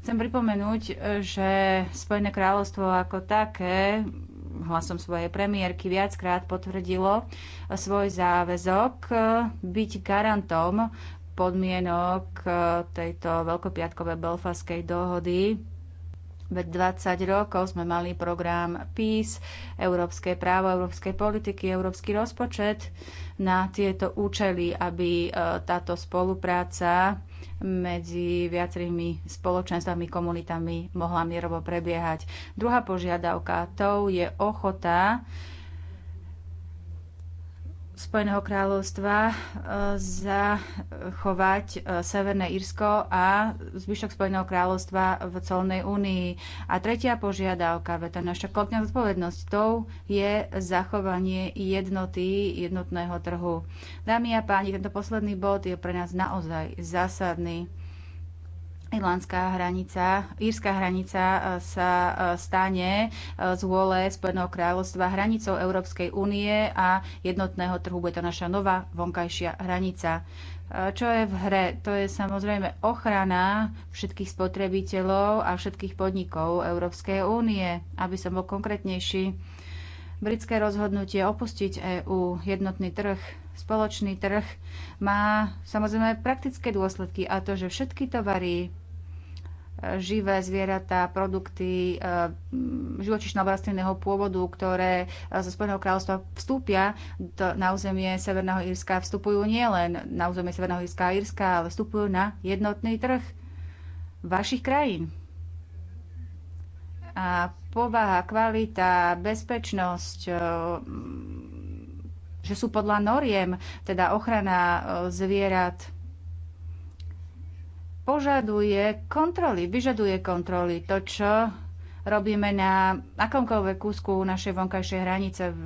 Chcem pripomenúť, že Spojené kráľovstvo ako také hlasom svojej premiérky viackrát potvrdilo svoj záväzok eh, byť garantom podmienok eh, tejto veľkopiatkovej belfaskej dohody Veď 20 rokov sme mali program PEACE, Európske právo, európske politiky, Európsky rozpočet na tieto účely, aby eh, táto spolupráca medzi viacerými spoločenstvami, komunitami mohla mierovo prebiehať. Druhá požiadavka, to je ochota Spojeného kráľovstva e, zachovať e, Severné Írsko a zvyšok Spojeného kráľovstva v celnej únii. A tretia požiadavka, veta naša klopňa zodpovednosť, tou je zachovanie jednoty jednotného trhu. Dámy a páni, tento posledný bod je pre nás naozaj zásadný. Irlandská hranica, írska hranica e, sa e, stane e, z vôle Spojeného kráľovstva hranicou Európskej únie a jednotného trhu. Bude to naša nová vonkajšia hranica. Čo je v hre? To je samozrejme ochrana všetkých spotrebiteľov a všetkých podnikov Európskej únie. Aby som bol konkrétnejší, britské rozhodnutie opustiť EÚ, jednotný trh, spoločný trh, má samozrejme praktické dôsledky a to, že všetky tovary, živé zvieratá, produkty eh, živočišného rastlinného pôvodu, ktoré eh, zo Spojeného kráľovstva vstúpia do, na územie Severného Írska, vstupujú nielen na územie Severného Írska a Írska, ale vstupujú na jednotný trh vašich krajín. A povaha, kvalita, bezpečnosť, eh, že sú podľa noriem, teda ochrana zvierat, požaduje kontroly, vyžaduje kontroly. To, čo robíme na akomkoľvek kúsku našej vonkajšej hranice v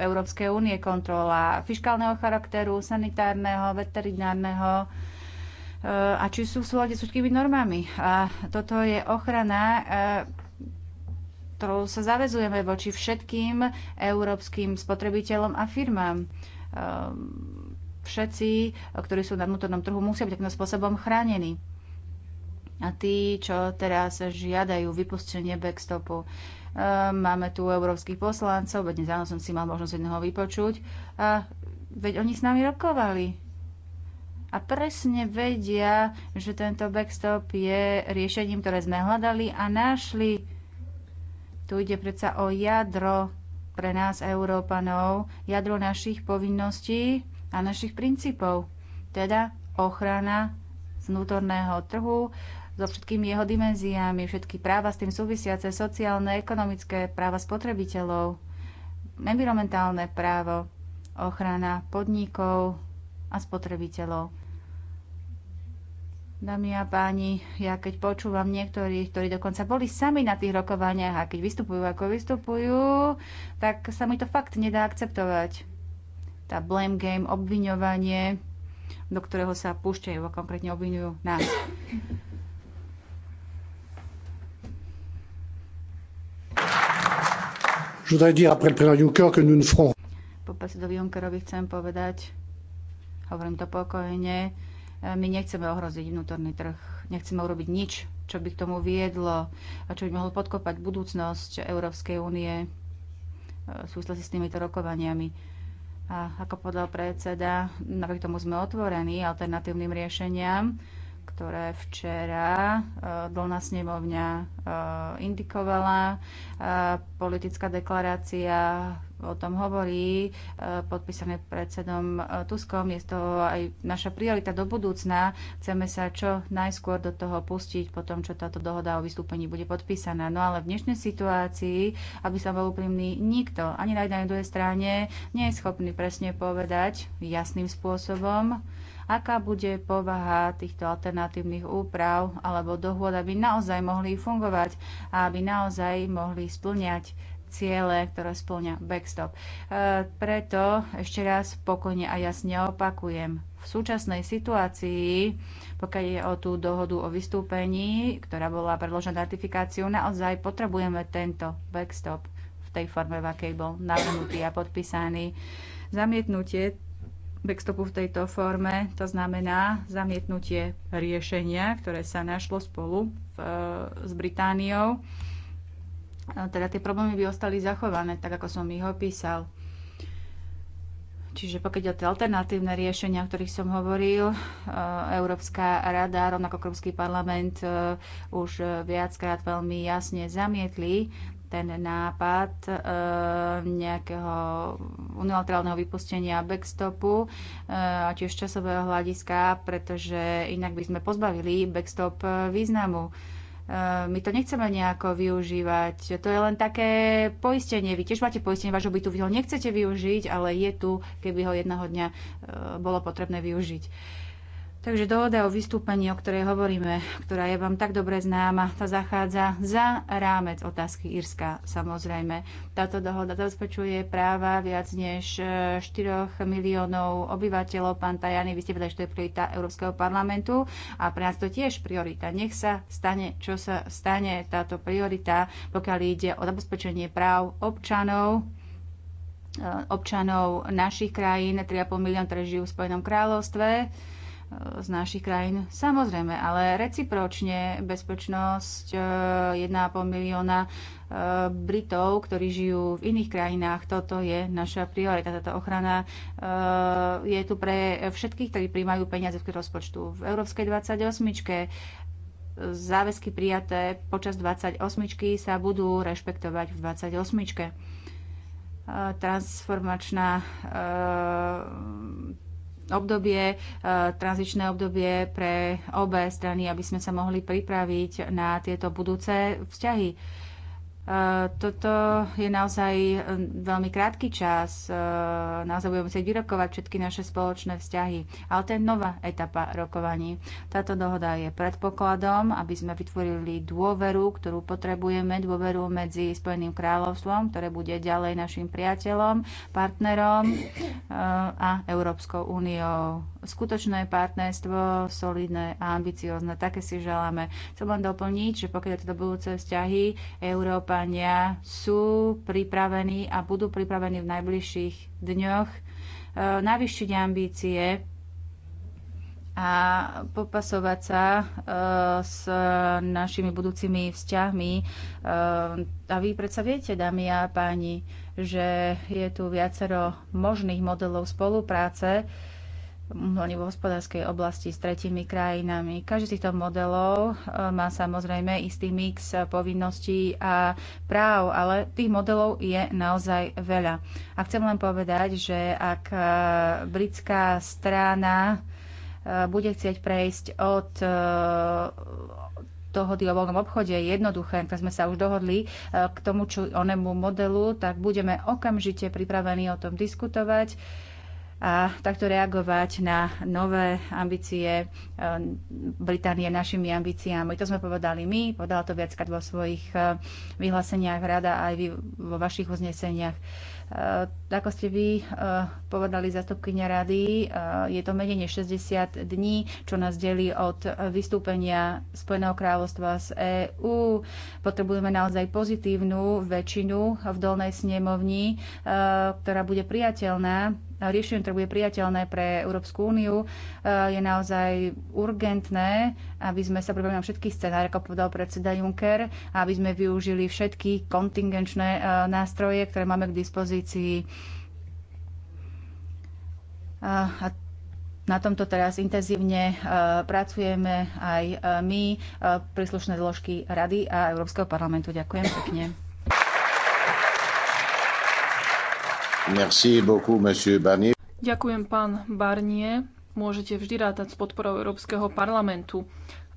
Európskej únie, kontrola fiskálneho charakteru, sanitárneho, veterinárneho, eh, a či sú v súlade s všetkými normami. A toto je ochrana, eh, ktorou sa zavezujeme voči všetkým európskym spotrebiteľom a firmám eh, všetci, ktorí sú na vnútornom trhu, musia byť takým spôsobom chránení a tí, čo teraz žiadajú vypustenie backstopu. E, máme tu európskych poslancov, veď dnes som si mal možnosť jedného vypočuť. A veď oni s nami rokovali a presne vedia, že tento backstop je riešením, ktoré sme hľadali a našli. Tu ide predsa o jadro pre nás, Európanov, jadro našich povinností a našich princípov, teda ochrana vnútorného trhu, so všetkými jeho dimenziami, všetky práva s tým súvisiace, sociálne, ekonomické práva spotrebiteľov, environmentálne právo, ochrana podnikov a spotrebiteľov. Dámy a páni, ja keď počúvam niektorých, ktorí dokonca boli sami na tých rokovaniach a keď vystupujú ako vystupujú, tak sa mi to fakt nedá akceptovať. Tá blame game, obviňovanie, do ktorého sa púšťajú a konkrétne obvinujú nás. Je voudrais dire après le président Juncker que nous ne ferons. Po predsedovi Junckerovi chcem povedať, hovorím to pokojne, e, my nechceme ohroziť vnútorný trh, nechceme urobiť nič, čo by k tomu viedlo a čo by mohlo podkopať budúcnosť Európskej únie e, v súvislosti s týmito rokovaniami. A ako povedal predseda, napriek tomu sme otvorení alternatívnym riešeniam, ktoré včera e, dolná snemovňa e, indikovala. E, politická deklarácia o tom hovorí, podpísané predsedom Tuskom. Je to aj naša priorita do budúcna. Chceme sa čo najskôr do toho pustiť po tom, čo táto dohoda o vystúpení bude podpísaná. No ale v dnešnej situácii, aby som bol úprimný, nikto ani na jednej druhej strane nie je schopný presne povedať jasným spôsobom, aká bude povaha týchto alternatívnych úprav alebo dohôd, aby naozaj mohli fungovať a aby naozaj mohli splňať ciele, ktoré splňa backstop. E, preto ešte raz pokojne a jasne opakujem. V súčasnej situácii, pokiaľ je o tú dohodu o vystúpení, ktorá bola predložená ratifikáciou, naozaj potrebujeme tento backstop v tej forme, v akej bol navrhnutý a podpísaný. Zamietnutie backstopu v tejto forme. To znamená zamietnutie riešenia, ktoré sa našlo spolu v, s Britániou. Teda tie problémy by ostali zachované, tak ako som ich opísal. Čiže pokiaľ o tie alternatívne riešenia, o ktorých som hovoril, e, Európska rada, rovnako Európsky parlament e, už e, viackrát veľmi jasne zamietli ten nápad e, nejakého unilaterálneho vypustenia backstopu e, a e, tiež časového hľadiska, pretože inak by sme pozbavili backstop e, významu. E, my to nechceme nejako využívať. To je len také poistenie. Vy tiež máte poistenie vášho bytu, vy ho nechcete využiť, ale je tu, keby ho jedného dňa bolo potrebné využiť. Takže dohoda o vystúpení, o ktorej hovoríme, ktorá je vám tak dobre známa, tá zachádza za rámec otázky Írska, samozrejme. Táto dohoda zabezpečuje práva viac než 4 e, miliónov obyvateľov. Pán Tajani, vy ste vedeli, že to je priorita Európskeho parlamentu a pre nás to tiež priorita. Nech sa stane, čo sa stane táto priorita, pokiaľ ide o zabezpečenie práv občanov e, občanov našich krajín, 3,5 milión, ktorí žijú v Spojenom kráľovstve z našich krajín. Samozrejme, ale recipročne bezpečnosť 1,5 e, milióna e, Britov, ktorí žijú v iných krajinách, toto je naša priorita. Táto ochrana e, je tu pre všetkých, ktorí príjmajú peniaze v rozpočtu. V Európskej 28 záväzky prijaté počas 28 sa budú rešpektovať v 28 transformačná obdobie, e, tranzičné obdobie pre obe strany, aby sme sa mohli pripraviť na tieto budúce vzťahy toto je naozaj e, veľmi krátky čas. E, naozaj budeme musieť vyrokovať všetky naše spoločné vzťahy. Ale to je nová etapa rokovaní. Táto dohoda je predpokladom, aby sme vytvorili dôveru, ktorú potrebujeme, dôveru medzi Spojeným kráľovstvom, ktoré bude ďalej našim priateľom, partnerom e, a Európskou úniou skutočné partnerstvo, solidné a ambiciozne. Také si želáme. Chcem len doplniť, že pokiaľ to budúce vzťahy, Európania sú pripravení a budú pripravení v najbližších dňoch e, navýšiť ambície a popasovať sa e, s našimi budúcimi vzťahmi. E, a vy predsa viete, dámy a páni, že je tu viacero možných modelov spolupráce, hlavne v hospodárskej oblasti s tretími krajinami. Každý z týchto modelov e, má samozrejme istý mix povinností a práv, ale tých modelov je naozaj veľa. A chcem len povedať, že ak e, britská strana e, bude chcieť prejsť od dohody o voľnom obchode je jednoduché, ktoré sme sa už dohodli k tomu či onemu modelu, tak budeme okamžite pripravení o tom diskutovať a takto reagovať na nové ambície e, Británie našimi ambíciami. To sme povedali my, podala to viackrát vo svojich e, vyhláseniach rada aj vy vo vašich uzneseniach. E, ako ste vy povedali zastupkynia rady, je to menej než 60 dní, čo nás delí od vystúpenia Spojeného kráľovstva z EÚ. Potrebujeme naozaj pozitívnu väčšinu v dolnej snemovni, ktorá bude priateľná riešenie, ktoré bude priateľné pre Európsku úniu, e, je naozaj urgentné, aby sme sa pripravili na všetky scenáre, ako povedal predseda Juncker, aby sme využili všetky kontingenčné e, nástroje, ktoré máme k dispozícii. E, a na tomto teraz intenzívne pracujeme aj my, príslušné zložky Rady a Európskeho parlamentu. Ďakujem pekne. Ďakujem, pán Barnier. Môžete vždy rátať s podporou Európskeho parlamentu.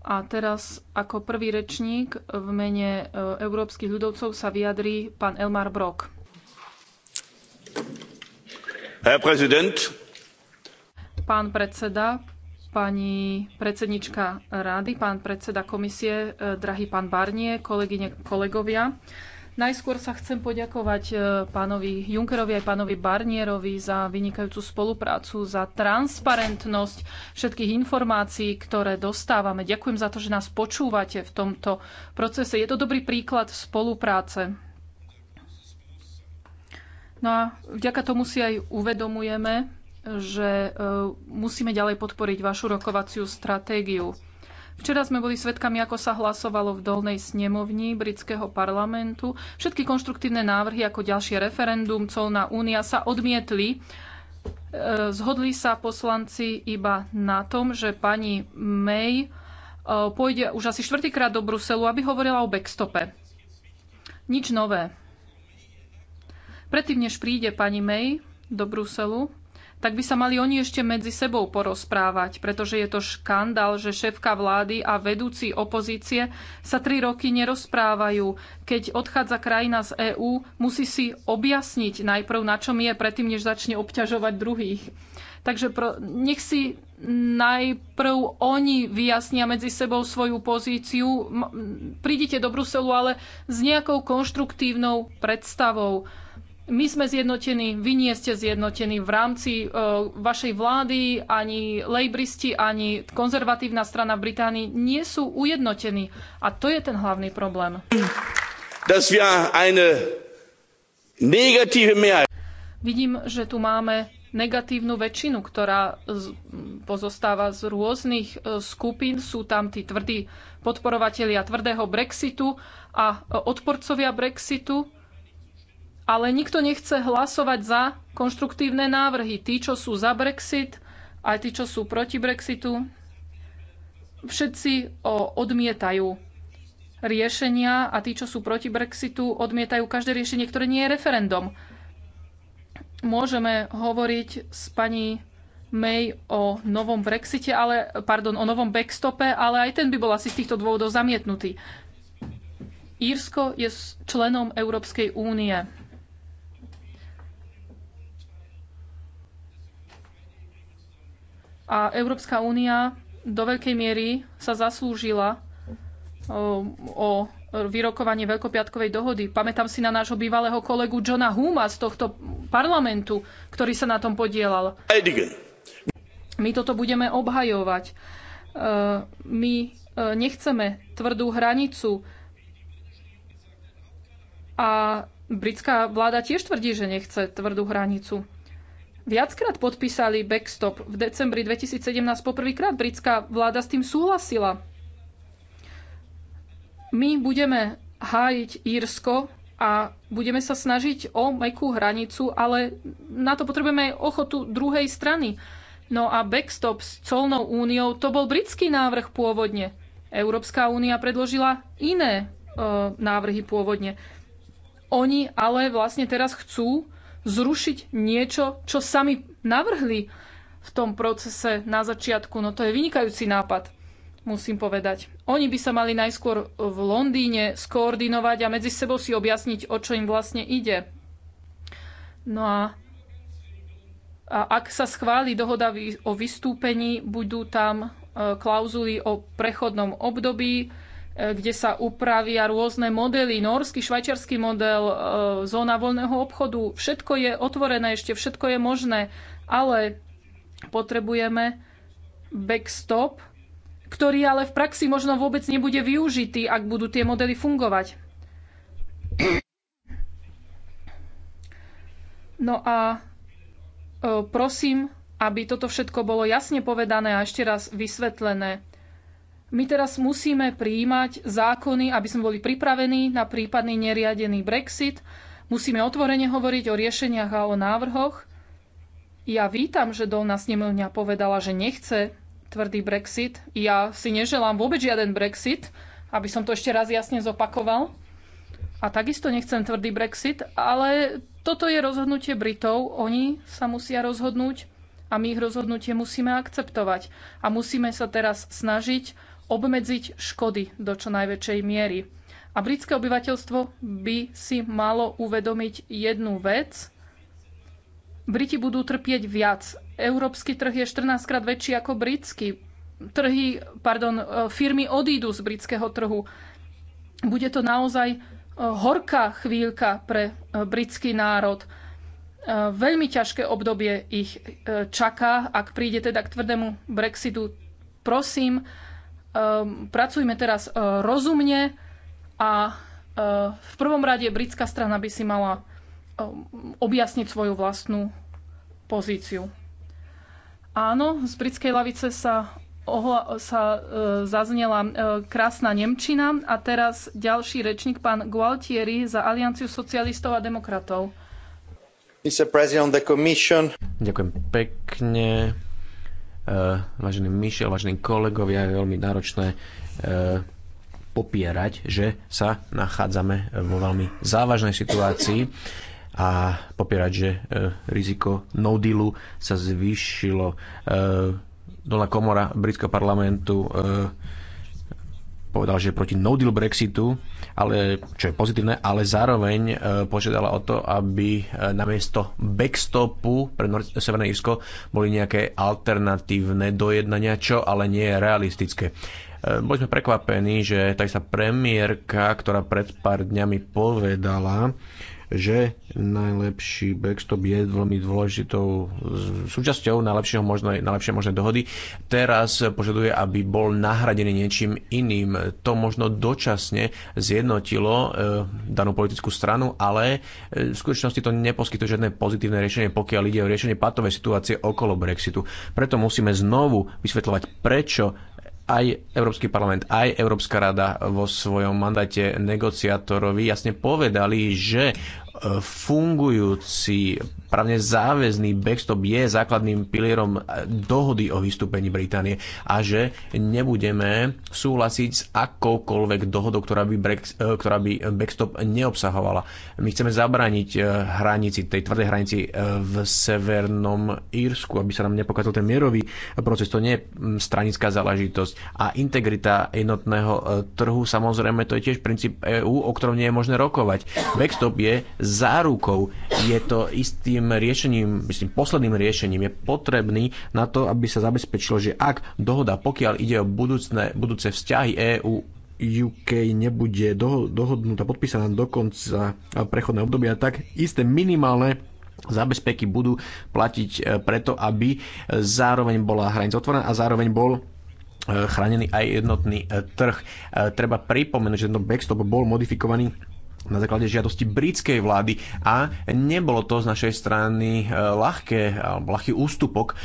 A teraz ako prvý rečník v mene e, európskych ľudovcov sa vyjadrí pán Elmar Brok. Herr Pán predseda, pani predsednička rady, pán predseda komisie, e, drahý pán Barnie, kolegyne, kolegovia. Najskôr sa chcem poďakovať e, pánovi Junkerovi aj pánovi Barnierovi za vynikajúcu spoluprácu, za transparentnosť všetkých informácií, ktoré dostávame. Ďakujem za to, že nás počúvate v tomto procese. Je to dobrý príklad spolupráce. No a vďaka tomu si aj uvedomujeme, že e, musíme ďalej podporiť vašu rokovaciu stratégiu. Včera sme boli svedkami, ako sa hlasovalo v dolnej snemovni britského parlamentu. Všetky konštruktívne návrhy, ako ďalšie referendum, colná únia sa odmietli. E, zhodli sa poslanci iba na tom, že pani May e, pôjde už asi štvrtýkrát do Bruselu, aby hovorila o backstope. Nič nové. Predtým, než príde pani May do Bruselu, tak by sa mali oni ešte medzi sebou porozprávať, pretože je to škandál, že šéfka vlády a vedúci opozície sa tri roky nerozprávajú. Keď odchádza krajina z EÚ, musí si objasniť najprv, na čom je, predtým, než začne obťažovať druhých. Takže pro, nech si najprv oni vyjasnia medzi sebou svoju pozíciu. Prídite do Bruselu, ale s nejakou konštruktívnou predstavou my sme zjednotení, vy nie ste zjednotení v rámci e, vašej vlády, ani lejbristi, ani konzervatívna strana v Británii nie sú ujednotení. A to je ten hlavný problém. Vidím, že tu máme negatívnu väčšinu, ktorá pozostáva z rôznych e, skupín. Sú tam tí tvrdí podporovatelia tvrdého Brexitu a odporcovia Brexitu ale nikto nechce hlasovať za konštruktívne návrhy. Tí, čo sú za Brexit, aj tí, čo sú proti Brexitu, všetci odmietajú riešenia a tí, čo sú proti Brexitu, odmietajú každé riešenie, ktoré nie je referendum. Môžeme hovoriť s pani May o novom Brexite, ale, pardon, o novom backstope, ale aj ten by bol asi z týchto dôvodov zamietnutý. Írsko je členom Európskej únie. A Európska únia do veľkej miery sa zaslúžila o vyrokovanie Veľkopiatkovej dohody. Pamätám si na nášho bývalého kolegu Johna Huma z tohto parlamentu, ktorý sa na tom podielal. My toto budeme obhajovať. E, my e, nechceme tvrdú hranicu. A britská vláda tiež tvrdí, že nechce tvrdú hranicu viackrát podpísali backstop. V decembri 2017 poprvýkrát britská vláda s tým súhlasila. My budeme hájiť Írsko a budeme sa snažiť o mekú hranicu, ale na to potrebujeme aj ochotu druhej strany. No a backstop s colnou úniou, to bol britský návrh pôvodne. Európska únia predložila iné e, návrhy pôvodne. Oni ale vlastne teraz chcú zrušiť niečo, čo sami navrhli v tom procese na začiatku. No to je vynikajúci nápad, musím povedať. Oni by sa mali najskôr v Londýne skoordinovať a medzi sebou si objasniť, o čo im vlastne ide. No a, a ak sa schváli dohoda o vystúpení, budú tam e, klauzuly o prechodnom období, E, kde sa upravia rôzne modely, norský, švajčiarsky model, e, zóna voľného obchodu. Všetko je otvorené ešte, všetko je možné, ale potrebujeme backstop, ktorý ale v praxi možno vôbec nebude využitý, ak budú tie modely fungovať. No a e, prosím, aby toto všetko bolo jasne povedané a ešte raz vysvetlené. My teraz musíme prijímať zákony, aby sme boli pripravení na prípadný neriadený Brexit. Musíme otvorene hovoriť o riešeniach a o návrhoch. Ja vítam, že Dolna snemovňa povedala, že nechce tvrdý Brexit. Ja si neželám vôbec žiaden Brexit, aby som to ešte raz jasne zopakoval. A takisto nechcem tvrdý Brexit, ale toto je rozhodnutie Britov. Oni sa musia rozhodnúť a my ich rozhodnutie musíme akceptovať. A musíme sa teraz snažiť obmedziť škody do čo najväčšej miery. A britské obyvateľstvo by si malo uvedomiť jednu vec. Briti budú trpieť viac. Európsky trh je 14 krát väčší ako britský. Trhy, pardon, e, firmy odídu z britského trhu. Bude to naozaj e, horká chvíľka pre e, britský národ veľmi ťažké obdobie ich čaká, ak príde teda k tvrdému Brexitu. Prosím, um, pracujme teraz uh, rozumne a uh, v prvom rade britská strana by si mala um, objasniť svoju vlastnú pozíciu. Áno, z britskej lavice sa, ohla, sa e, zaznela e, krásna Nemčina a teraz ďalší rečník, pán Gualtieri za Alianciu socialistov a demokratov. Ďakujem pekne. Eh, vážený Mišel, vážení kolegovia, je veľmi náročné eh, popierať, že sa nachádzame vo veľmi závažnej situácii a popierať, že eh, riziko no dealu sa zvýšilo. Dolná komora britského parlamentu povedal, že proti no deal Brexitu, ale, čo je pozitívne, ale zároveň e, požiadala o to, aby e, namiesto backstopu pre Nord- Severné Irsko boli nejaké alternatívne dojednania, čo ale nie je realistické. E, boli sme prekvapení, že tá sa premiérka, ktorá pred pár dňami povedala, že najlepší backstop je veľmi dôležitou súčasťou najlepšieho možnej, najlepšie možnej dohody. Teraz požaduje, aby bol nahradený niečím iným. To možno dočasne zjednotilo e, danú politickú stranu, ale e, v skutočnosti to neposkytuje žiadne pozitívne riešenie, pokiaľ ide o riešenie patovej situácie okolo Brexitu. Preto musíme znovu vysvetľovať, prečo aj Európsky parlament, aj Európska rada vo svojom mandáte negociátorovi jasne povedali, že fungujúci právne záväzný backstop je základným pilierom dohody o vystúpení Británie a že nebudeme súhlasiť s akoukoľvek dohodou, ktorá by, break, e, ktorá by backstop neobsahovala. My chceme zabrániť e, hranici, tej tvrdej hranici e, v Severnom Írsku, aby sa nám nepokázal ten mierový proces. To nie je stranická záležitosť. A integrita jednotného trhu, samozrejme, to je tiež princíp EÚ, o ktorom nie je možné rokovať. Backstop je zárukou. Je to istým riešením, myslím, posledným riešením. Je potrebný na to, aby sa zabezpečilo, že ak dohoda, pokiaľ ide o budúcne, budúce vzťahy EÚ UK nebude dohodnutá, podpísaná do konca prechodného obdobia, tak isté minimálne zabezpeky budú platiť e, preto, aby zároveň bola hranica otvorená a zároveň bol e, chránený aj jednotný e, trh. Treba pripomenúť, že tento backstop bol modifikovaný na základe žiadosti britskej vlády a nebolo to z našej strany e, ľahké, ľahký ústupok. E,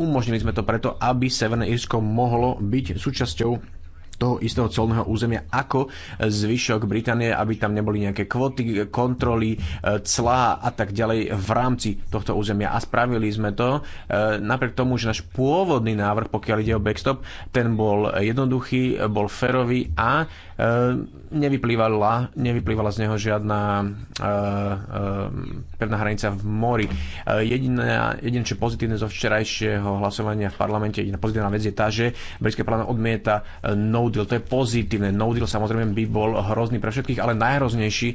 umožnili sme to preto, aby Severné Irsko mohlo byť súčasťou toho istého colného územia ako zvyšok Británie, aby tam neboli nejaké kvoty, kontroly, e, clá a tak ďalej v rámci tohto územia. A spravili sme to napriek tomu, že náš pôvodný návrh, pokiaľ ide o backstop, ten bol jednoduchý, bol ferový a E, nevyplývala, nevyplývala z neho žiadna e, e, pevná hranica v mori. Jediné, jediné, čo pozitívne zo včerajšieho hlasovania v parlamente, jediná pozitívna vec je tá, že britské plán odmieta no deal. To je pozitívne. No deal samozrejme by bol hrozný pre všetkých, ale najhroznejší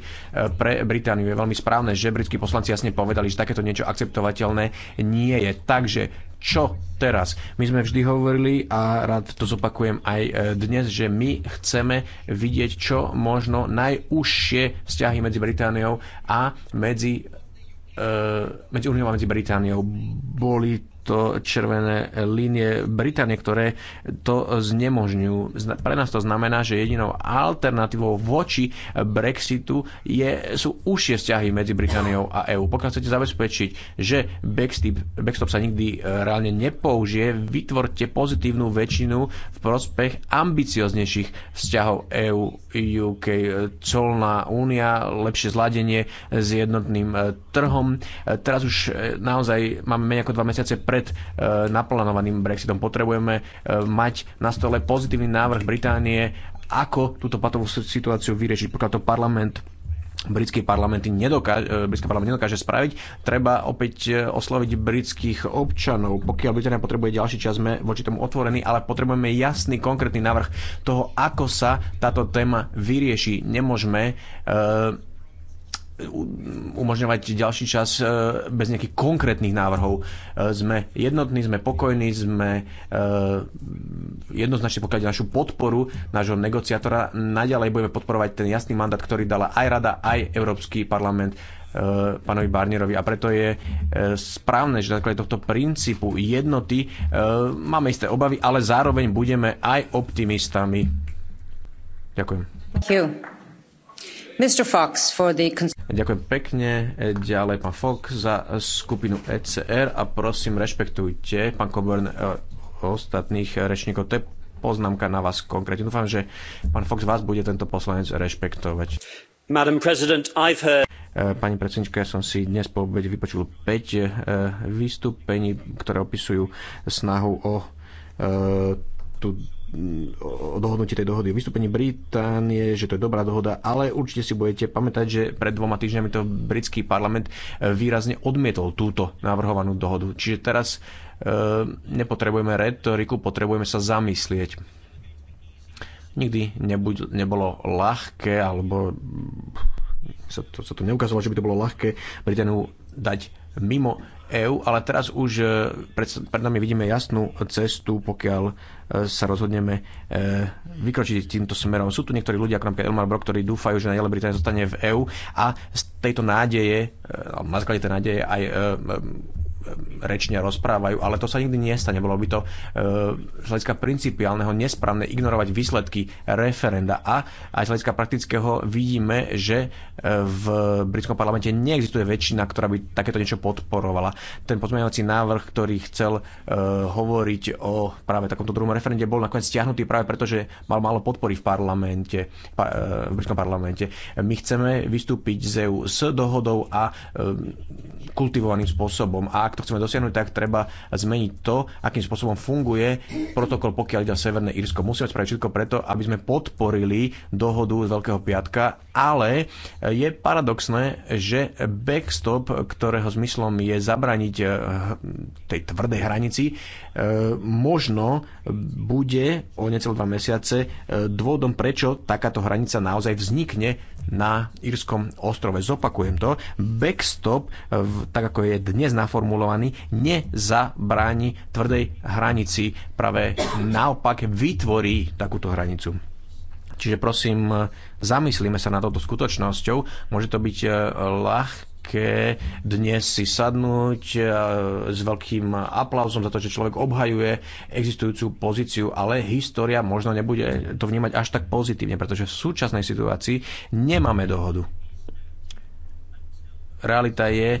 pre Britániu. Je veľmi správne, že britskí poslanci jasne povedali, že takéto niečo akceptovateľné nie je. Takže čo teraz. My sme vždy hovorili a rád to zopakujem aj e, dnes, že my chceme vidieť čo možno najúžšie vzťahy medzi Britániou a medzi e, medzi Uniou a medzi Britániou. Boli to červené línie Británie, ktoré to znemožňujú. Pre nás to znamená, že jedinou alternatívou voči Brexitu je, sú užšie vzťahy medzi Britániou a EÚ. Pokiaľ chcete zabezpečiť, že backstop, backstop sa nikdy e, reálne nepoužije, vytvorte pozitívnu väčšinu v prospech ambicioznejších vzťahov EÚ-UK, colná únia, lepšie zladenie s jednotným e, trhom. E, teraz už naozaj máme menej ako dva mesiace pred e, naplánovaným Brexitom. Potrebujeme e, mať na stole pozitívny návrh Británie, ako túto patovú situáciu vyriešiť. Pokiaľ to parlament britský parlament nedokáže, britský parlament nedokáže spraviť, treba opäť e, osloviť britských občanov. Pokiaľ Británia potrebuje ďalší čas, sme voči tomu otvorení, ale potrebujeme jasný, konkrétny návrh toho, ako sa táto téma vyrieši. Nemôžeme uh, umožňovať ďalší čas e, bez nejakých konkrétnych návrhov. E, sme jednotní, sme pokojní, sme e, jednoznačne pokiaľ našu podporu nášho negociátora. Naďalej budeme podporovať ten jasný mandát, ktorý dala aj Rada, aj Európsky parlament pánovi Barnierovi. A preto je správne, že na základe tohto princípu jednoty máme isté obavy, ale zároveň budeme aj optimistami. Ďakujem. Thank you. Mr. Fox for the... Ďakujem pekne. Ďalej pán Fox za skupinu ECR a prosím rešpektujte pán Coburn e, ostatných rečníkov. To je poznámka na vás konkrétne. Dúfam, že pán Fox vás bude tento poslanec rešpektovať. Madam President, I've heard... E, pani predsednička, ja som si dnes po obede vypočul 5 e, výstupení, ktoré opisujú snahu o tú o dohodnutí tej dohody o vystúpení Británie, že to je dobrá dohoda, ale určite si budete pamätať, že pred dvoma týždňami to britský parlament e, výrazne odmietol túto navrhovanú dohodu. Čiže teraz e, nepotrebujeme retoriku, potrebujeme sa zamyslieť. Nikdy nebuď, nebolo ľahké, alebo mm, sa to, sa to neukázalo, že by to bolo ľahké Britániu dať mimo EÚ, ale teraz už e, pred, pred nami vidíme jasnú cestu, pokiaľ e, sa rozhodneme e, vykročiť týmto smerom. Sú tu niektorí ľudia, ako napríklad Elmar Brock, ktorí dúfajú, že Najela Británia zostane v EÚ a z tejto nádeje, na základe tej nádeje aj rečne rozprávajú, ale to sa nikdy nestane. Bolo by to e, z hľadiska principiálneho nesprávne ignorovať výsledky referenda a aj z hľadiska praktického vidíme, že e, v britskom parlamente neexistuje väčšina, ktorá by takéto niečo podporovala. Ten pozmeňovací návrh, ktorý chcel e, hovoriť o práve takomto druhom referende, bol nakoniec stiahnutý práve preto, že mal málo podpory v parlamente, v britskom parlamente. My chceme vystúpiť z EU s dohodou a kultivovaným spôsobom. A ak to chceme dosiahnuť, tak treba zmeniť to, akým spôsobom funguje protokol, pokiaľ ide o Severné Írsko. Musíme spraviť všetko preto, aby sme podporili dohodu z Veľkého piatka, ale je paradoxné, že backstop, ktorého zmyslom je zabraniť eh, tej tvrdej hranici, eh, možno bude o necelé dva mesiace eh, dôvodom, prečo takáto hranica naozaj vznikne na Írskom ostrove. Zopakujem to. Backstop, e, tak ako je dnes naformulovaný, nezabráni tvrdej hranici. Práve naopak vytvorí takúto hranicu. Čiže prosím, e, zamyslíme sa na toto skutočnosťou. Môže to byť e, ľahké ľahké dnes si sadnúť e, s veľkým aplauzom za to, že človek obhajuje existujúcu pozíciu, ale história možno nebude to vnímať až tak pozitívne, pretože v súčasnej situácii nemáme dohodu realita je, e,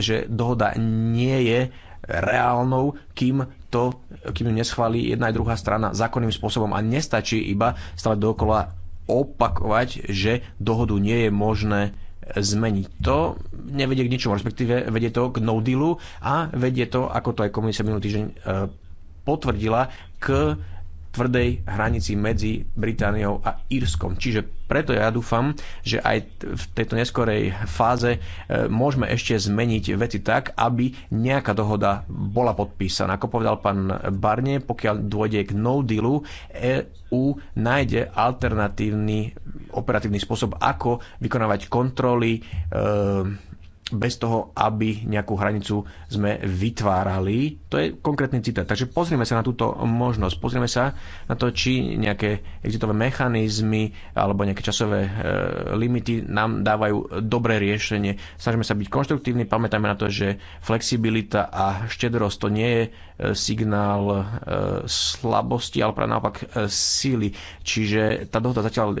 že dohoda nie je reálnou, kým to, kým neschválí jedna aj druhá strana zákonným spôsobom a nestačí iba stále dokola opakovať, že dohodu nie je možné zmeniť. To nevedie k ničomu, respektíve vedie to k no dealu a vedie to, ako to aj komisia minulý týždeň e, potvrdila, k tvrdej hranici medzi Britániou a Írskom. Čiže preto ja dúfam, že aj v tejto neskorej fáze e, môžeme ešte zmeniť veci tak, aby nejaká dohoda bola podpísaná. Ako povedal pán Barne, pokiaľ dôjde k no dealu, EU nájde alternatívny operatívny spôsob, ako vykonávať kontroly, e, bez toho, aby nejakú hranicu sme vytvárali. To je konkrétny citát. Takže pozrieme sa na túto možnosť. Pozrieme sa na to, či nejaké exitové mechanizmy alebo nejaké časové e, limity nám dávajú dobré riešenie. Snažíme sa byť konštruktívni, pamätajme na to, že flexibilita a štedrosť to nie je signál e, slabosti, ale práve naopak e, síly. Čiže tá dohoda zatiaľ e,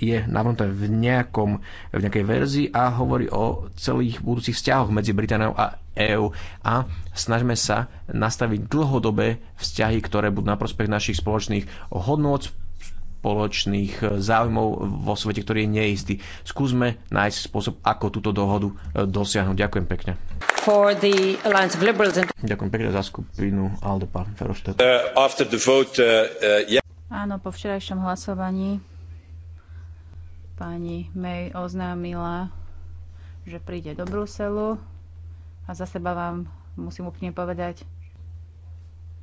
je navrhnutá v, nejakom, v nejakej verzii a hovorí o celých budúcich vzťahoch medzi Britániou a EÚ a snažme sa nastaviť dlhodobé vzťahy, ktoré budú na prospech našich spoločných hodnôt, spoločných eh, záujmov vo svete, ktorý je neistý. Skúsme nájsť spôsob, ako túto dohodu eh, dosiahnuť. Ďakujem pekne. For the Alliance of Liberals and... Ďakujem pekne za skupinu Aldo Pán Ferostad. Uh, uh, uh, yeah. Áno, po včerajšom hlasovaní pani May oznámila, že príde do Bruselu a za seba vám musím úplne povedať,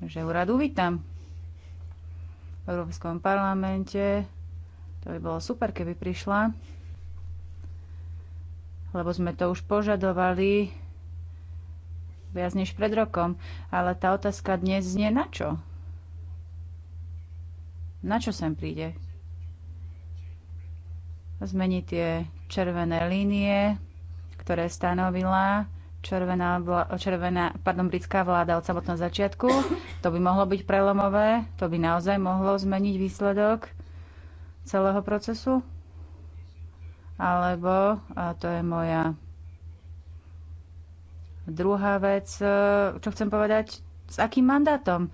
že ju rád uvítam v Európskom parlamente. To by bolo super, keby prišla, lebo sme to už požadovali viac než pred rokom. Ale tá otázka dnes znie na čo? Na čo sem príde? Zmeniť tie červené línie, ktoré stanovila červená, červená pardon, britská vláda od samotného začiatku. To by mohlo byť prelomové, to by naozaj mohlo zmeniť výsledok celého procesu. Alebo, a to je moja druhá vec, e, čo chcem povedať, s akým mandátom?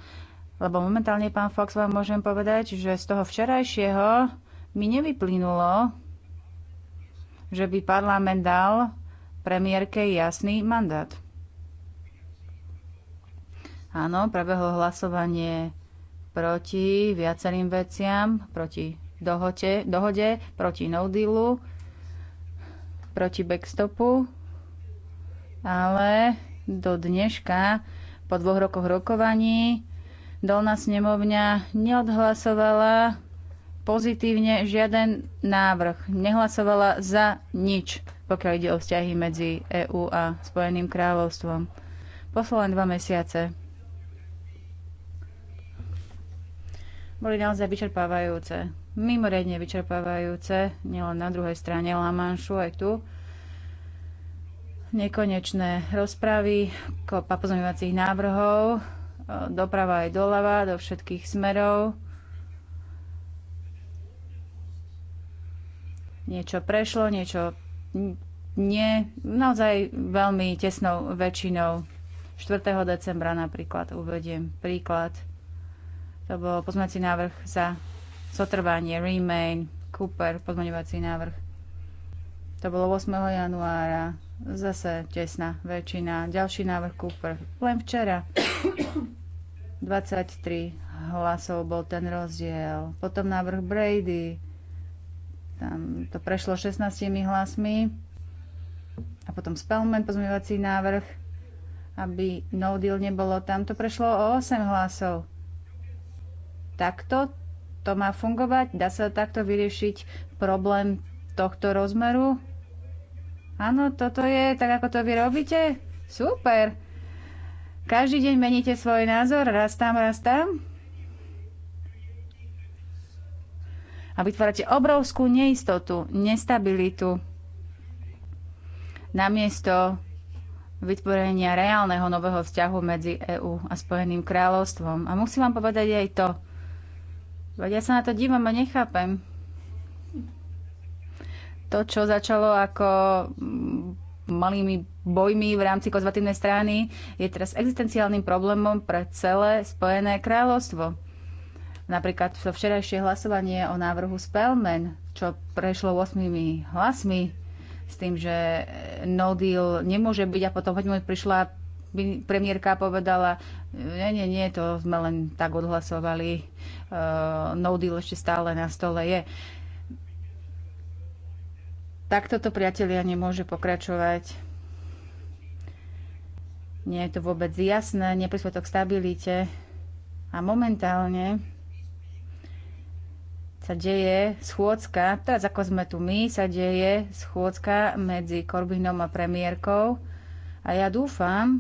Lebo momentálne, pán Fox, vám môžem povedať, že z toho včerajšieho mi nevyplynulo, že by parlament dal premiérke jasný mandát. Áno, prebehlo hlasovanie proti viacerým veciam, proti dohode, dohode, proti no dealu, proti backstopu, ale do dneška, po dvoch rokoch rokovaní, Dolná snemovňa neodhlasovala pozitívne žiaden návrh. Nehlasovala za nič pokiaľ ide o vzťahy medzi EÚ a Spojeným kráľovstvom. Poslal len dva mesiace. Boli naozaj vyčerpávajúce. Mimoriadne vyčerpávajúce, nielen na druhej strane Lamanšu, aj tu. Nekonečné rozpravy, kopa pozmeňovacích návrhov, e, doprava aj doľava, do všetkých smerov. Niečo prešlo, niečo nie naozaj veľmi tesnou väčšinou. 4. decembra napríklad uvediem príklad. To bol pozmeňovací návrh za sotrvanie Remain, Cooper, pozmeňovací návrh. To bolo 8. januára, zase tesná väčšina. Ďalší návrh Cooper, len včera. 23 hlasov bol ten rozdiel. Potom návrh Brady, tam to prešlo 16 hlasmi. A potom Spellman pozmievací návrh, aby no deal nebolo tam. To prešlo o 8 hlasov. Takto to má fungovať? Dá sa takto vyriešiť problém tohto rozmeru? Áno, toto je, tak ako to vy robíte? Super! Každý deň meníte svoj názor, raz tam, raz tam. a vytvárate obrovskú neistotu, nestabilitu namiesto vytvorenia reálneho nového vzťahu medzi EÚ a Spojeným kráľovstvom. A musím vám povedať aj to. Veď ja sa na to dívam a nechápem. To, čo začalo ako mm, malými bojmi v rámci konzervatívnej strany, je teraz existenciálnym problémom pre celé Spojené kráľovstvo. Napríklad to včerajšie hlasovanie o návrhu Spellman, čo prešlo 8 hlasmi, s tým, že no deal nemôže byť a potom hoď prišla premiérka povedala, nie, nie, nie, to sme len tak odhlasovali, uh, no deal ešte stále na stole je. Tak toto priatelia, nemôže pokračovať. Nie je to vôbec jasné, neprispôsob k stabilite. A momentálne sa deje schôdzka, teraz ako sme tu my, sa deje schôdzka medzi Korbinom a premiérkou a ja dúfam,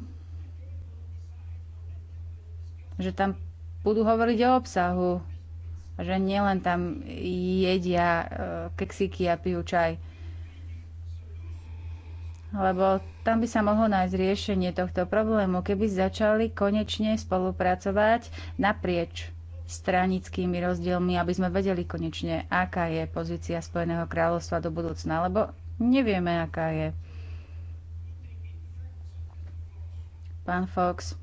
že tam budú hovoriť o obsahu, že nielen tam jedia e, keksiky a pijú čaj. Lebo tam by sa mohlo nájsť riešenie tohto problému, keby začali konečne spolupracovať naprieč stranickými rozdielmi, aby sme vedeli konečne, aká je pozícia Spojeného kráľovstva do budúcna, lebo nevieme, aká je. Pán Fox.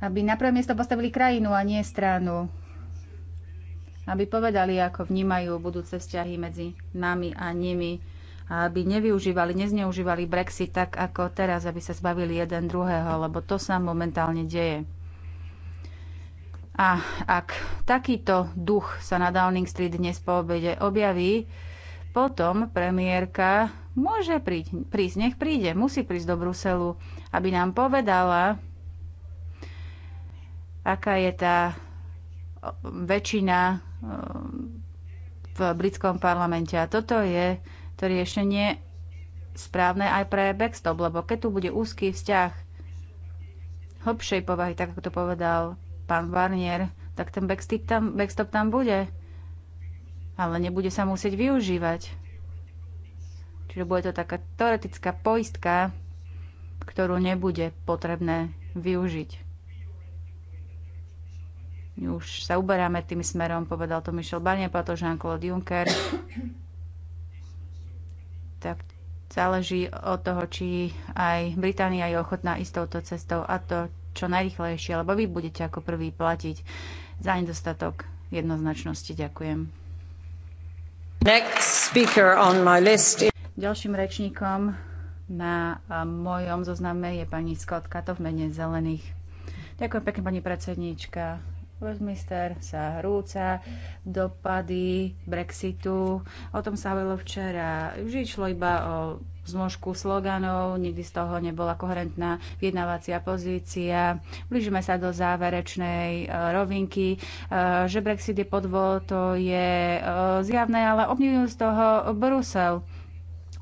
Aby na prvé miesto postavili krajinu a nie stranu. Aby povedali, ako vnímajú budúce vzťahy medzi nami a nimi aby nevyužívali, nezneužívali Brexit tak ako teraz, aby sa zbavili jeden druhého, lebo to sa momentálne deje. A ak takýto duch sa na Downing Street dnes po obede objaví, potom premiérka môže príť, prísť, nech príde, musí prísť do Bruselu, aby nám povedala, aká je tá väčšina v britskom parlamente. A toto je to riešenie správne aj pre backstop, lebo keď tu bude úzky vzťah hlbšej povahy, tak ako to povedal pán Barnier, tak ten backstop tam, backstop tam bude, ale nebude sa musieť využívať. Čiže bude to taká teoretická poistka, ktorú nebude potrebné využiť. Už sa uberáme tým smerom, povedal to Michel Barnier, pretože Jean-Claude Juncker. Tak Záleží od toho, či aj Británia je ochotná ísť touto cestou a to čo najrychlejšie, lebo vy budete ako prvý platiť za nedostatok jednoznačnosti. Ďakujem. Next speaker on my list. Ďalším rečníkom na mojom zozname je pani Scott Kato v mene zelených. Ďakujem pekne, pani predsedníčka. Westminster sa rúca, dopady Brexitu, o tom sa hovorilo včera. Vždy išlo iba o zložku sloganov, nikdy z toho nebola koherentná vyjednávacia pozícia. Blížime sa do záverečnej e, rovinky, e, že Brexit je podvod, to je e, zjavné, ale obňujú z toho Brusel.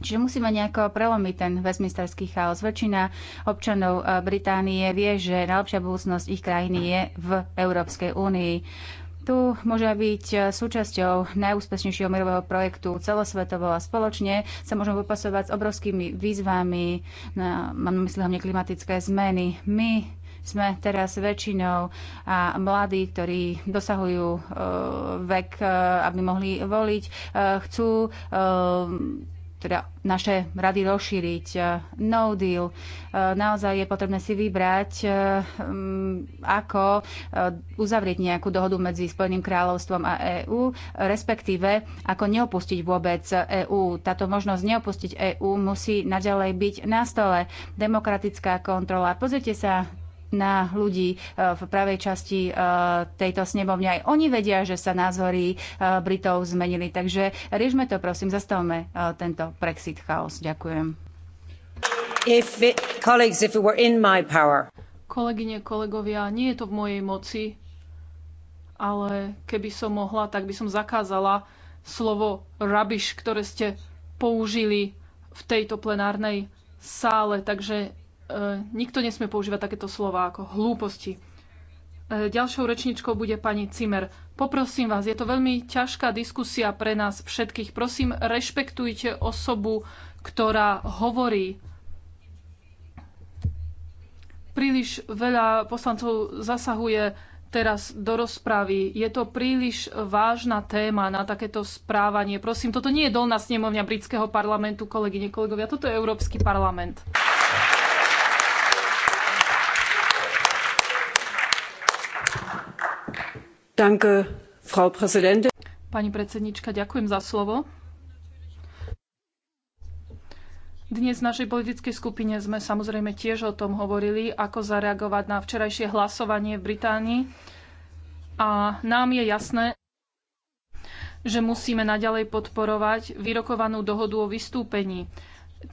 Čiže musíme nejako prelomiť ten westminsterský chaos. Väčšina občanov eh, Británie vie, že najlepšia budúcnosť ich krajiny je v Európskej únii. Tu môže byť eh, súčasťou najúspešnejšieho mirového projektu celosvetovo a spoločne sa môžeme popasovať s obrovskými výzvami, na, mám mysli hlavne klimatické zmeny. My sme teraz väčšinou a mladí, ktorí dosahujú e, vek, e, aby mohli voliť, e, chcú e, teda naše rady rozšíriť. E, no deal. E, naozaj je potrebné si vybrať, e, ako uzavrieť nejakú dohodu medzi Spojeným kráľovstvom a EÚ, respektíve ako neopustiť vôbec EÚ. Táto možnosť neopustiť EÚ musí naďalej byť na stole. Demokratická kontrola. Pozrite sa na ľudí e, v pravej časti e, tejto snemovne. Aj oni vedia, že sa názory e, Britov zmenili. Takže riešme to, prosím, zastavme tento Brexit chaos. Ďakujem. If it, colleagues, if it were in my power. Kolegyne, kolegovia, nie je to v mojej moci, ale keby som mohla, tak by som zakázala slovo rubbish, ktoré ste použili v tejto plenárnej sále. Takže E, nikto nesmie používať takéto slova ako hlúposti. E, ďalšou rečničkou bude pani Cimer. Poprosím vás, je to veľmi ťažká diskusia pre nás všetkých. Prosím, rešpektujte osobu, ktorá hovorí. Príliš veľa poslancov zasahuje teraz do rozpravy. Je to príliš vážna téma na takéto správanie. Prosím, toto nie je dolná snemovňa britského parlamentu, kolegyne, kolegovia. Toto je Európsky parlament. Pani predsedníčka ďakujem za slovo. Dnes v našej politickej skupine sme samozrejme tiež o tom hovorili, ako zareagovať na včerajšie hlasovanie v Británii. A nám je jasné, že musíme naďalej podporovať vyrokovanú dohodu o vystúpení.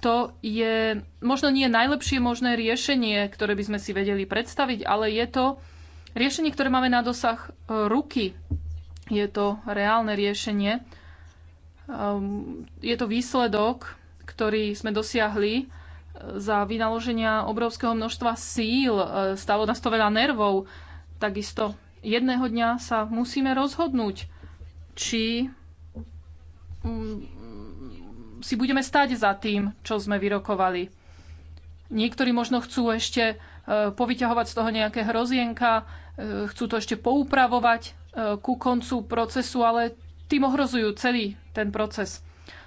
To je možno nie najlepšie možné riešenie, ktoré by sme si vedeli predstaviť, ale je to riešenie, ktoré máme na dosah e, ruky. Je to reálne riešenie. Ehm, je to výsledok, ktorý sme dosiahli e, za vynaloženia obrovského množstva síl. E, stalo nás to veľa nervov. Takisto jedného dňa sa musíme rozhodnúť, či mm, si budeme stať za tým, čo sme vyrokovali. Niektorí možno chcú ešte E, povyťahovať z toho nejaké hrozienka, e, chcú to ešte poupravovať e, ku koncu procesu, ale tým ohrozujú celý ten proces.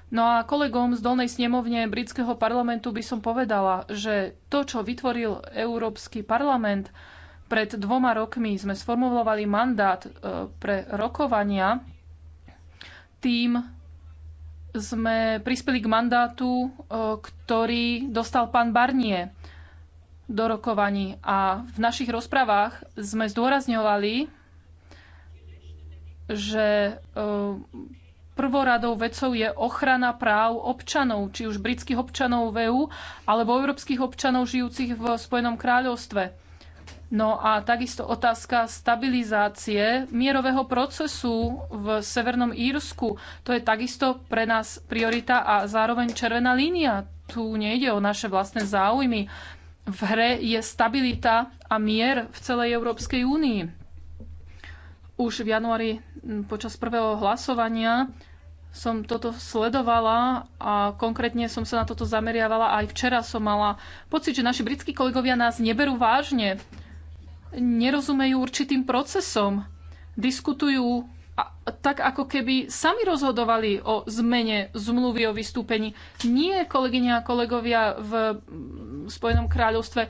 No a kolegom z Dolnej snemovne britského parlamentu by som povedala, že to, čo vytvoril Európsky parlament, pred dvoma rokmi sme sformulovali mandát pre rokovania, tým sme prispeli k mandátu, ktorý dostal pán Barnier do rokovaní. A v našich rozprávach sme zdôrazňovali, že e, prvoradou vecou je ochrana práv občanov, či už britských občanov v EÚ, alebo európskych občanov žijúcich v Spojenom kráľovstve. No a takisto otázka stabilizácie mierového procesu v Severnom Írsku. To je takisto pre nás priorita a zároveň červená línia. Tu nejde o naše vlastné záujmy. V hre je stabilita a mier v celej Európskej únii. Už v januári počas prvého hlasovania som toto sledovala a konkrétne som sa na toto zameriavala aj včera som mala pocit, že naši britskí kolegovia nás neberú vážne. Nerozumejú určitým procesom. Diskutujú tak ako keby sami rozhodovali o zmene zmluvy o vystúpení. Nie, kolegyne a kolegovia v Spojenom kráľovstve,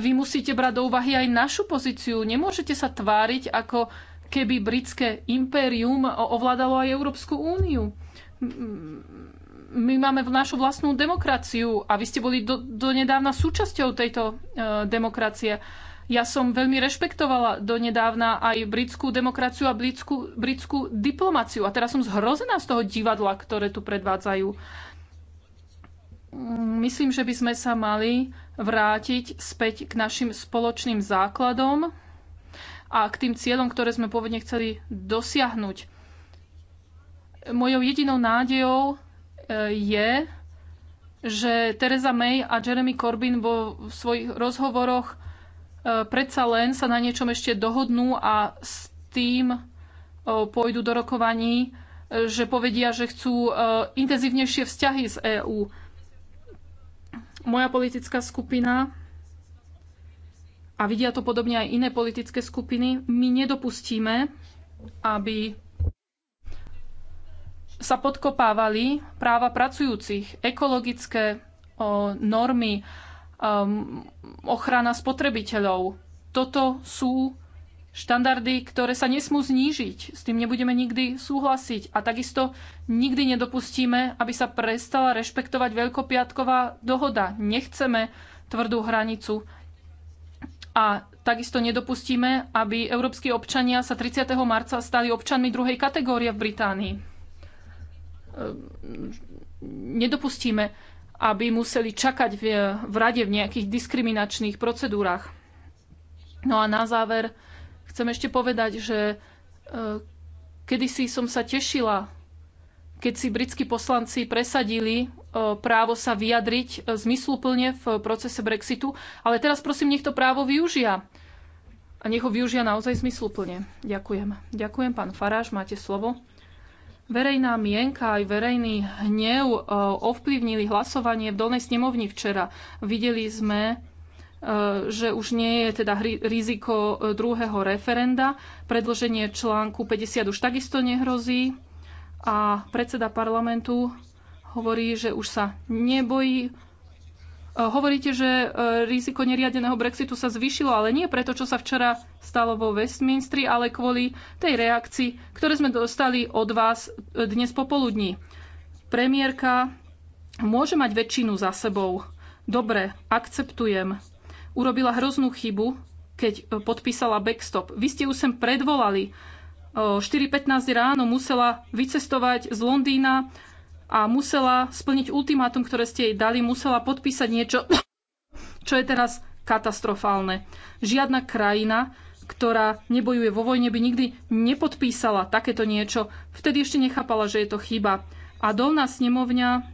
vy musíte brať do úvahy aj našu pozíciu. Nemôžete sa tváriť, ako keby britské impérium ovládalo aj Európsku úniu. My máme našu vlastnú demokraciu a vy ste boli do, donedávna súčasťou tejto e, demokracie. Ja som veľmi rešpektovala donedávna aj britskú demokraciu a britskú, britskú diplomáciu. A teraz som zhrozená z toho divadla, ktoré tu predvádzajú. Myslím, že by sme sa mali vrátiť späť k našim spoločným základom a k tým cieľom, ktoré sme pôvodne chceli dosiahnuť. Mojou jedinou nádejou e, je, že Teresa May a Jeremy Corbyn vo svojich rozhovoroch E, predsa len sa na niečom ešte dohodnú a s tým e, pôjdu do rokovaní, e, že povedia, že chcú intenzívnejšie vzťahy z EÚ. Moja politická skupina a vidia to podobne aj iné politické skupiny, my nedopustíme, aby sa podkopávali práva pracujúcich, ekologické normy, um, ochrana spotrebiteľov. Toto sú štandardy, ktoré sa nesmú znížiť. S tým nebudeme nikdy súhlasiť. A takisto nikdy nedopustíme, aby sa prestala rešpektovať Veľkopiatková dohoda. Nechceme tvrdú hranicu. A takisto nedopustíme, aby európsky občania sa 30. marca stali občanmi druhej kategórie v Británii. Ehm, nedopustíme, aby museli čakať v, v rade v nejakých diskriminačných procedúrach. No a na záver chcem ešte povedať, že e, kedysi som sa tešila, keď si britskí poslanci presadili e, právo sa vyjadriť e, zmysluplne v procese Brexitu, ale teraz prosím, nech to právo využia. A nech ho využia naozaj zmysluplne. Ďakujem. Ďakujem, pán Faráš, máte slovo. Verejná mienka aj verejný hnev e, ovplyvnili hlasovanie v Dolnej snemovni včera. Videli sme, e, že už nie je teda riziko e, druhého referenda. Predloženie článku 50 už takisto nehrozí. A predseda parlamentu hovorí, že už sa nebojí Eh, hovoríte, že eh, riziko neriadeného Brexitu sa zvyšilo, ale nie preto, čo sa včera stalo vo Westminstri, ale kvôli tej reakcii, ktoré sme dostali od vás eh, dnes popoludní. Premiérka môže mať väčšinu za sebou. Dobre, akceptujem. Urobila hroznú chybu, keď podpísala backstop. Vy ste ju sem predvolali. 4.15 ráno musela vycestovať z Londýna a musela splniť ultimátum, ktoré ste jej dali, musela podpísať niečo, čo je teraz katastrofálne. Žiadna krajina, ktorá nebojuje vo vojne, by nikdy nepodpísala takéto niečo. Vtedy ešte nechápala, že je to chyba. A dolná snemovňa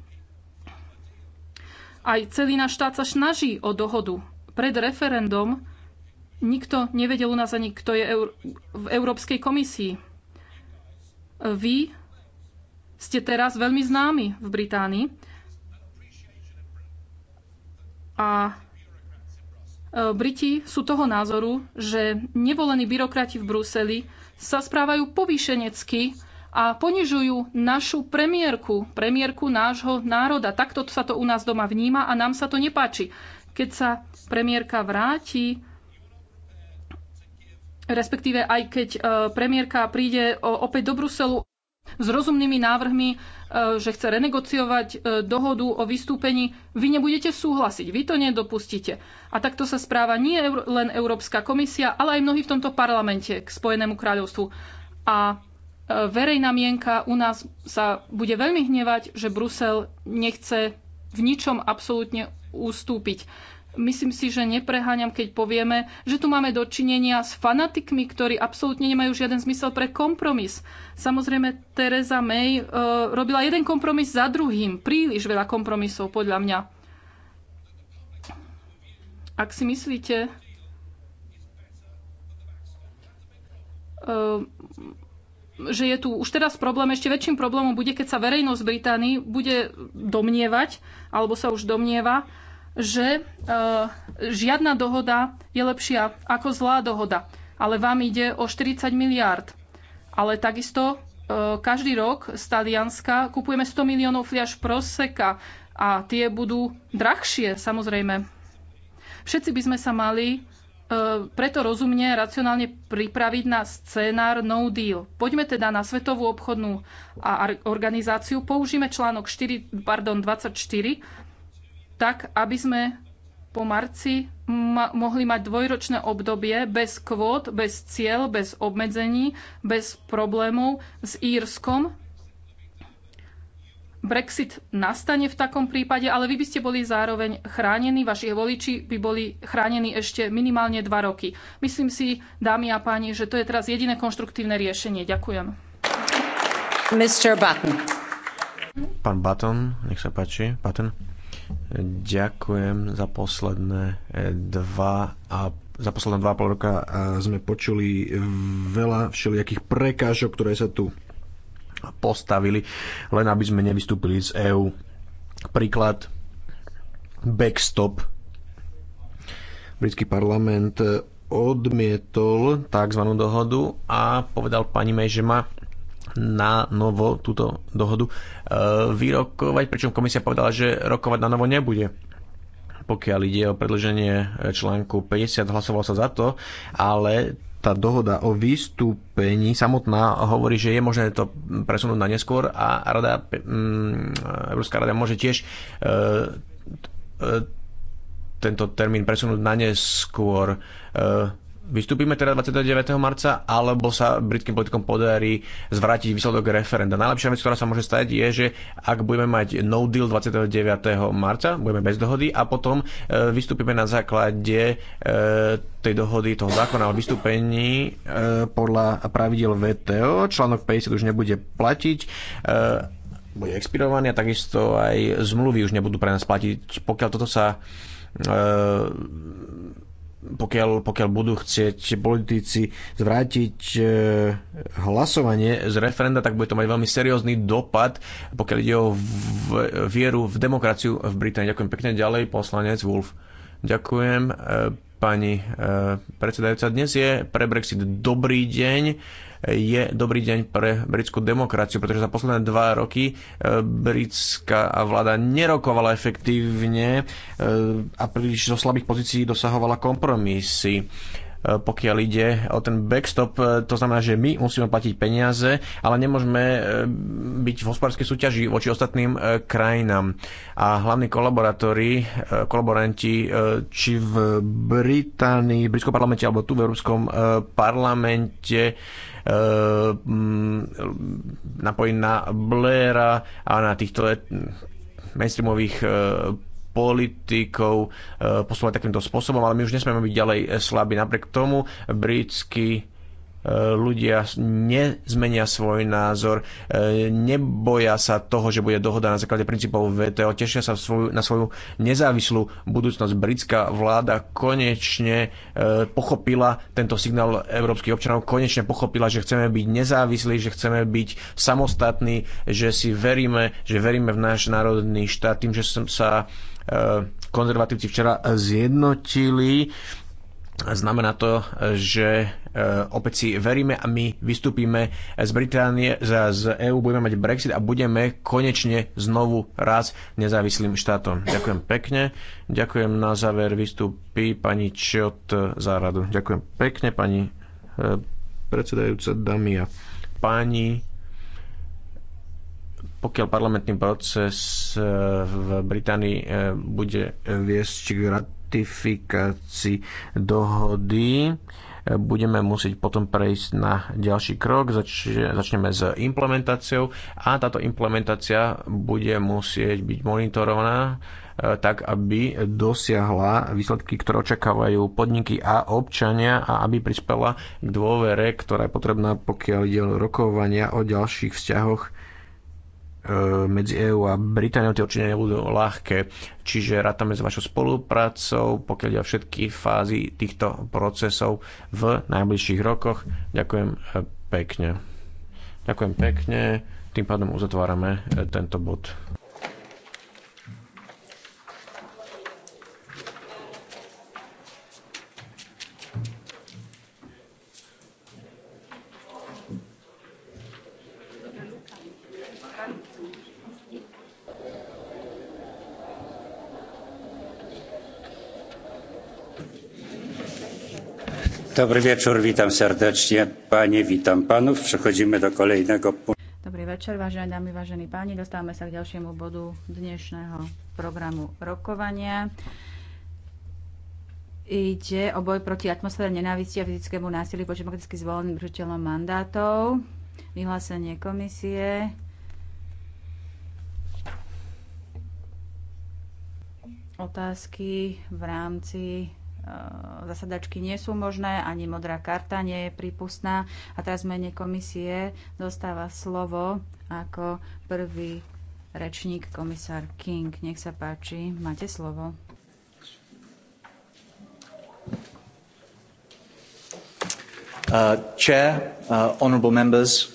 aj celý náš štát sa snaží o dohodu. Pred referendum nikto nevedel u nás ani, kto je v Európskej komisii. Vy ste teraz veľmi známi v Británii. A e, Briti sú toho názoru, že nevolení byrokrati v Bruseli sa správajú povýšenecky a ponižujú našu premiérku, premiérku nášho národa. Takto sa to u nás doma vníma a nám sa to nepáči. Keď sa premiérka vráti, respektíve aj keď e, premiérka príde opäť do Bruselu, s rozumnými návrhmi, e, že chce renegociovať e, dohodu o vystúpení, vy nebudete súhlasiť, vy to nedopustíte. A takto sa správa nie len Európska komisia, ale aj mnohí v tomto parlamente k Spojenému kráľovstvu. A e, verejná mienka u nás sa bude veľmi hnevať, že Brusel nechce v ničom absolútne ustúpiť. Myslím si, že nepreháňam, keď povieme, že tu máme dočinenia s fanatikmi, ktorí absolútne nemajú žiaden zmysel pre kompromis. Samozrejme, Teresa May e, robila jeden kompromis za druhým. Príliš veľa kompromisov, podľa mňa. Ak si myslíte, e, že je tu už teraz problém, ešte väčším problémom bude, keď sa verejnosť Británii bude domnievať, alebo sa už domnieva, že e, žiadna dohoda je lepšia ako zlá dohoda. Ale vám ide o 40 miliárd. Ale takisto e, každý rok z Talianska kupujeme 100 miliónov fliaž proseka a tie budú drahšie, samozrejme. Všetci by sme sa mali e, preto rozumne, racionálne pripraviť na scénár no deal. Poďme teda na Svetovú obchodnú organizáciu, použíme článok 4, pardon, 24 tak aby sme po marci ma- mohli mať dvojročné obdobie bez kvót, bez cieľ, bez obmedzení, bez problémov s Írskom. Brexit nastane v takom prípade, ale vy by ste boli zároveň chránení, vaši voliči by boli chránení ešte minimálne dva roky. Myslím si, dámy a páni, že to je teraz jediné konštruktívne riešenie. Ďakujem. Mr. Button. Pán Button, nech sa páči. Button. Ďakujem za posledné eh, dva a za posledné dva pol roka eh, sme počuli veľa všelijakých prekážok, ktoré sa tu postavili, len aby sme nevystúpili z EÚ. Príklad backstop. Britský parlament eh, odmietol tzv. dohodu a povedal pani May, že má na novo túto dohodu e, vyrokovať, pričom komisia povedala, že rokovať na novo nebude pokiaľ ide o predlženie e, článku 50, hlasoval sa za to, ale tá dohoda o vystúpení samotná hovorí, že je možné to presunúť na neskôr a rada, mm, Európska rada môže tiež e, tento termín presunúť na neskôr vystúpime teda 29. marca, alebo sa britským politikom podarí zvrátiť výsledok referenda. Najlepšia vec, ktorá sa môže stať, je, že ak budeme mať no deal 29. marca, budeme bez dohody a potom e, vystúpime na základe e, tej dohody, toho zákona o vystúpení e, podľa pravidel VTO. Článok 50 už nebude platiť bude expirovaný a takisto aj zmluvy už nebudú pre nás platiť. Pokiaľ toto sa pokiaľ, pokiaľ budú chcieť politici zvrátiť e, hlasovanie z referenda, tak bude to mať veľmi seriózny dopad, pokiaľ ide o vieru v demokraciu v Británii. Ďakujem pekne. Ďalej poslanec Wolf. Ďakujem e, pani e, predsedajúca. Dnes je pre Brexit dobrý deň je dobrý deň pre britskú demokraciu, pretože za posledné dva roky e, britská vláda nerokovala efektívne e, a príliš zo slabých pozícií dosahovala kompromisy. E, pokiaľ ide o ten backstop. E, to znamená, že my musíme platiť peniaze, ale nemôžeme e, byť v hospodárskej súťaži voči ostatným krajinám. A hlavní kolaborátori, kolaboranti, či v Británii, v britskom parlamente alebo tu v Európskom parlamente napojí na Blaira a na týchto mainstreamových politikov eh, posúvať takýmto spôsobom, ale my už nesmieme byť ďalej eh, slabí. Napriek tomu britskí eh, ľudia nezmenia svoj názor, neboja sa toho, že bude dohoda na základe princípov VTO, tešia sa svoju, na svoju nezávislú budúcnosť. Britská vláda konečne pochopila tento signál európskych občanov, konečne pochopila, že chceme byť nezávislí, že chceme byť samostatní, že si veríme, že veríme v náš národný štát tým, že sa E, konzervatívci včera zjednotili. Znamená to, že e, opäť si veríme a my vystúpime z Británie, z EÚ, budeme mať Brexit a budeme konečne znovu raz nezávislým štátom. Ďakujem pekne. Ďakujem na záver vystúpi pani Čot za radu. Ďakujem pekne pani e, predsedajúca Damia. Páni, pokiaľ parlamentný proces e, v Británii e, bude viesť k ratifikácii dohody, e, budeme musieť potom prejsť na ďalší krok, Zač- začneme s implementáciou a táto implementácia bude musieť byť monitorovaná tak, aby dosiahla výsledky, ktoré očakávajú podniky a občania a aby prispela k dôvere, ktorá je potrebná, pokiaľ ide o rokovania o ďalších vzťahoch E, medzi EÚ a Britániou tie určite nebudú ľahké. Čiže rátame s vašou spoluprácou, pokiaľ ide o všetky fázy týchto procesov v najbližších rokoch. Ďakujem e, pekne. Ďakujem pekne. Tým pádom uzatvárame e, tento bod. Dobry wieczór, witam serdecznie. Panie, witam panów. Przechodzimy do kolejnego punktu. Dobrý večer, vážené dámy, vážení páni. Dostávame sa k ďalšiemu bodu dnešného programu rokovania. Ide o boj proti atmosfére nenávisti a fyzickému násiliu voči demokraticky zvoleným držiteľom mandátov. Vyhlásenie komisie. Otázky v rámci zasadačky nie sú možné, ani modrá karta nie je prípustná. A teraz mene komisie dostáva slovo ako prvý rečník komisár King. Nech sa páči, máte slovo. Uh, chair, uh, honorable members,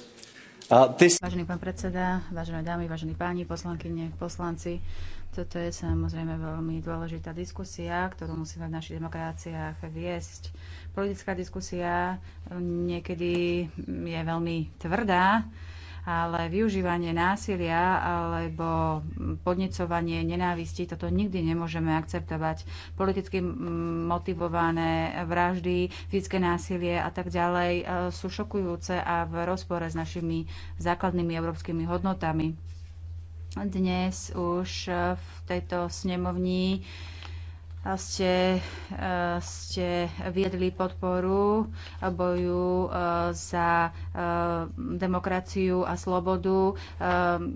uh, this... Vážený pán predseda, vážené dámy, vážení páni, poslankyne, poslanci, toto je samozrejme veľmi dôležitá diskusia, ktorú musíme v našich demokraciách viesť. Politická diskusia niekedy je veľmi tvrdá, ale využívanie násilia alebo podnecovanie nenávisti, toto nikdy nemôžeme akceptovať. Politicky motivované vraždy, fyzické násilie a tak ďalej e, sú šokujúce a v rozpore s našimi základnými európskymi hodnotami. Dnes už eh, v tejto snemovni eh, ste, eh, ste viedli podporu boju za demokraciu a slobodu.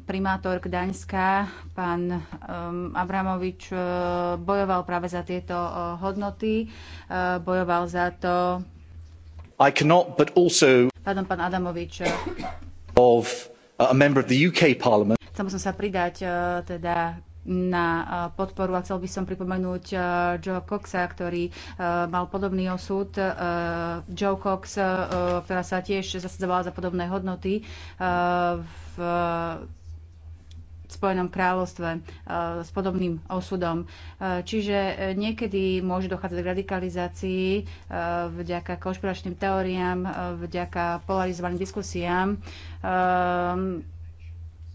Primátor Gdaňska, pán Abramovič, bojoval práve za tieto hodnoty, bojoval za to. I cannot, but also... Pardon, pán Adamovič. Of a member of the UK Parliament. Chcem som sa pridať e, teda na e, podporu a chcel by som pripomenúť e, Joe Coxa, ktorý mal podobný osud. Joe Cox, ktorá sa tiež zasadzovala za podobné hodnoty v Spojenom kráľovstve s podobným osudom. Čiže niekedy môže dochádzať k radikalizácii vďaka konšpiračným teóriám, vďaka polarizovaným diskusiám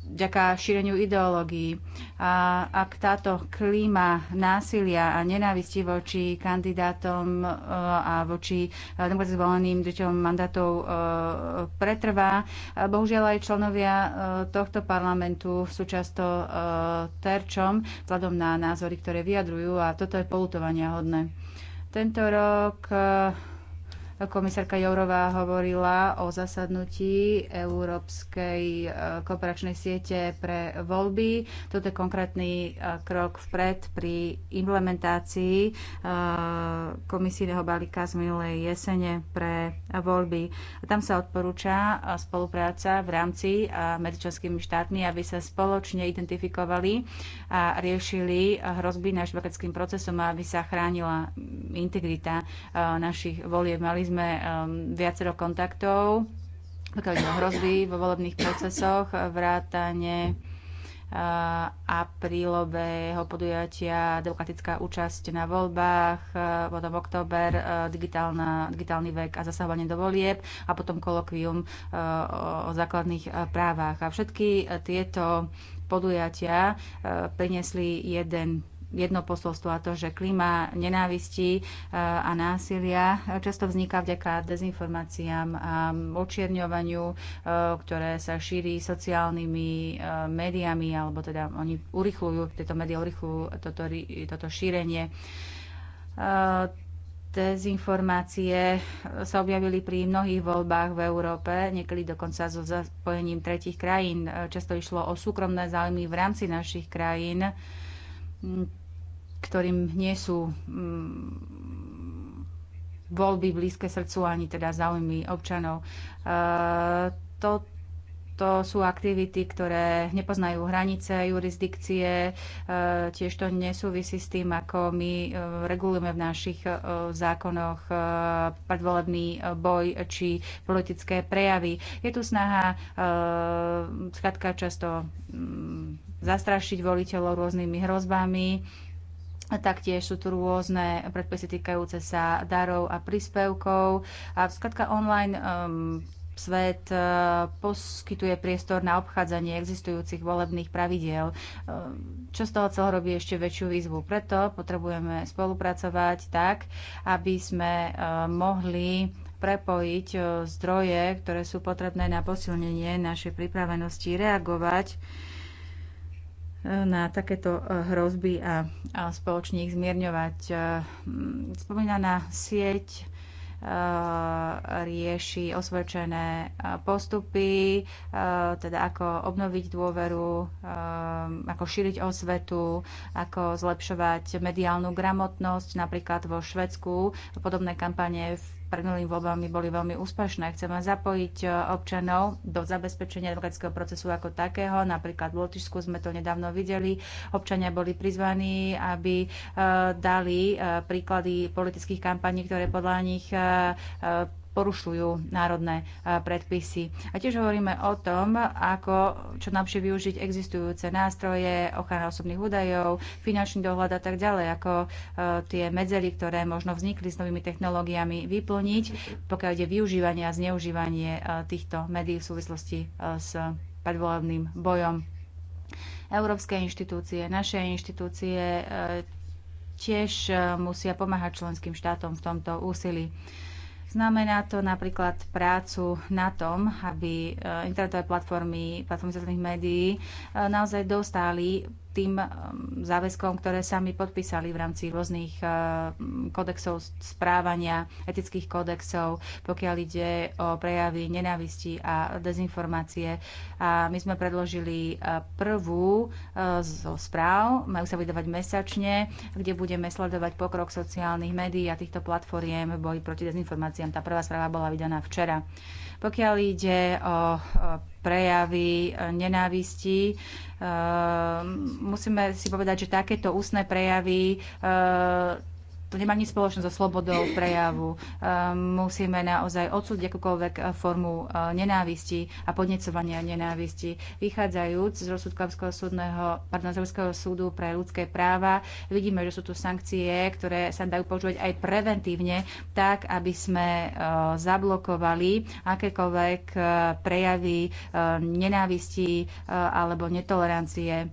vďaka šíreniu ideológií. A ak táto klíma násilia a nenávisti voči kandidátom e, a voči e, demokraticky zvoleným držiteľom mandátov e, pretrvá, bohužiaľ aj členovia tohto parlamentu sú často terčom vzhľadom na názory, ktoré vyjadrujú a toto je polutovania hodné. Tento rok Komisárka Jourová hovorila o zasadnutí Európskej e, kooperačnej siete pre voľby. Toto je konkrétny e, krok vpred pri implementácii e, komisijného balíka z minulej jesene pre voľby. Tam sa odporúča spolupráca v rámci medzi členskými štátmi, aby sa spoločne identifikovali a riešili hrozby našim demokratickým procesom a aby sa chránila integrita našich volieb. Mali sme sme um, viacero kontaktov, pokiaľ ide o hrozby vo volebných procesoch, vrátane uh, aprílového podujatia demokratická účasť na voľbách, uh, potom október, uh, digitálny vek a zasahovanie do volieb a potom kolokvium o základných právach. A všetky tieto podujatia priniesli jeden jedno posolstvo a to, že klíma nenávisti e, a násilia často vzniká vďaka dezinformáciám a očierňovaniu, e, ktoré sa šíri sociálnymi e, médiami, alebo teda oni urychľujú, tieto médiá urychľujú toto, toto šírenie dezinformácie sa objavili pri mnohých voľbách v Európe, niekedy dokonca so zapojením tretich krajín. Často išlo o súkromné záujmy v rámci našich krajín ktorým nie sú mm, voľby blízke srdcu ani teda záujmy občanov. E, to, to sú aktivity, ktoré nepoznajú hranice, jurisdikcie, e, tiež to nesúvisí s tým, ako my e, regulujeme v našich zákonoch predvolebný boj či politické prejavy. Je tu snaha skratka často mm, zastrašiť voliteľov rôznymi hrozbami Taktiež sú tu rôzne predpisy týkajúce sa darov a príspevkov. A skratka online um, svet uh, poskytuje priestor na obchádzanie existujúcich volebných pravidiel, um, čo z toho celého robí ešte väčšiu výzvu. Preto potrebujeme spolupracovať tak, aby sme uh, mohli prepojiť uh, zdroje, ktoré sú potrebné na posilnenie našej pripravenosti reagovať na takéto e, hrozby a spoločne ich zmierňovať. E, spomínaná sieť e, rieši osvedčené postupy, teda ako obnoviť dôveru, ako šíriť osvetu, ako zlepšovať mediálnu gramotnosť. Napríklad vo Švedsku podobné v pred voľbami boli veľmi úspešné. Chceme zapojiť e, občanov do zabezpečenia demokratického procesu ako takého. Napríklad v Lotyšsku sme to nedávno videli. Občania boli prizvaní, aby e, dali e, príklady politických kampaní, ktoré podľa nich porušujú národné predpisy. A tiež hovoríme o tom, ako čo najlepšie využiť existujúce nástroje, ochrana osobných údajov, finančný dohľad a tak ďalej, ako e, tie medzery, ktoré možno vznikli s novými technológiami, vyplniť, pokiaľ ide využívanie a zneužívanie e, týchto médií v súvislosti e, s predvolebným bojom. Európske inštitúcie, naše inštitúcie tiež musia pomáhať členským štátom v tomto úsilí. Znamená to napríklad prácu na tom, aby eh, internetové platformy, platformy sociálnych médií eh, naozaj dostali tým um, záväzkom, ktoré sami podpísali v rámci rôznych uh, kodexov správania, etických kodexov, pokiaľ ide o prejavy nenávisti a dezinformácie. A my sme predložili uh, prvú uh, zo správ, majú sa vydávať mesačne, kde budeme sledovať pokrok sociálnych médií a týchto platformiem boji proti dezinformáciám. Tá prvá správa bola vydaná včera. Pokiaľ ide o prejavy e, nenávisti. E, musíme si povedať, že takéto ústne prejavy e, to nemá nič spoločné so slobodou prejavu. Ehm, musíme naozaj odsúť akúkoľvek eh, formu eh, nenávisti a podnecovania nenávisti. Vychádzajúc z rozsudkovského súdneho, pardon, z súdu pre ľudské práva, vidíme, že sú tu sankcie, ktoré sa dajú používať aj preventívne, tak, aby sme eh, zablokovali akékoľvek prejavy nenávisti alebo netolerancie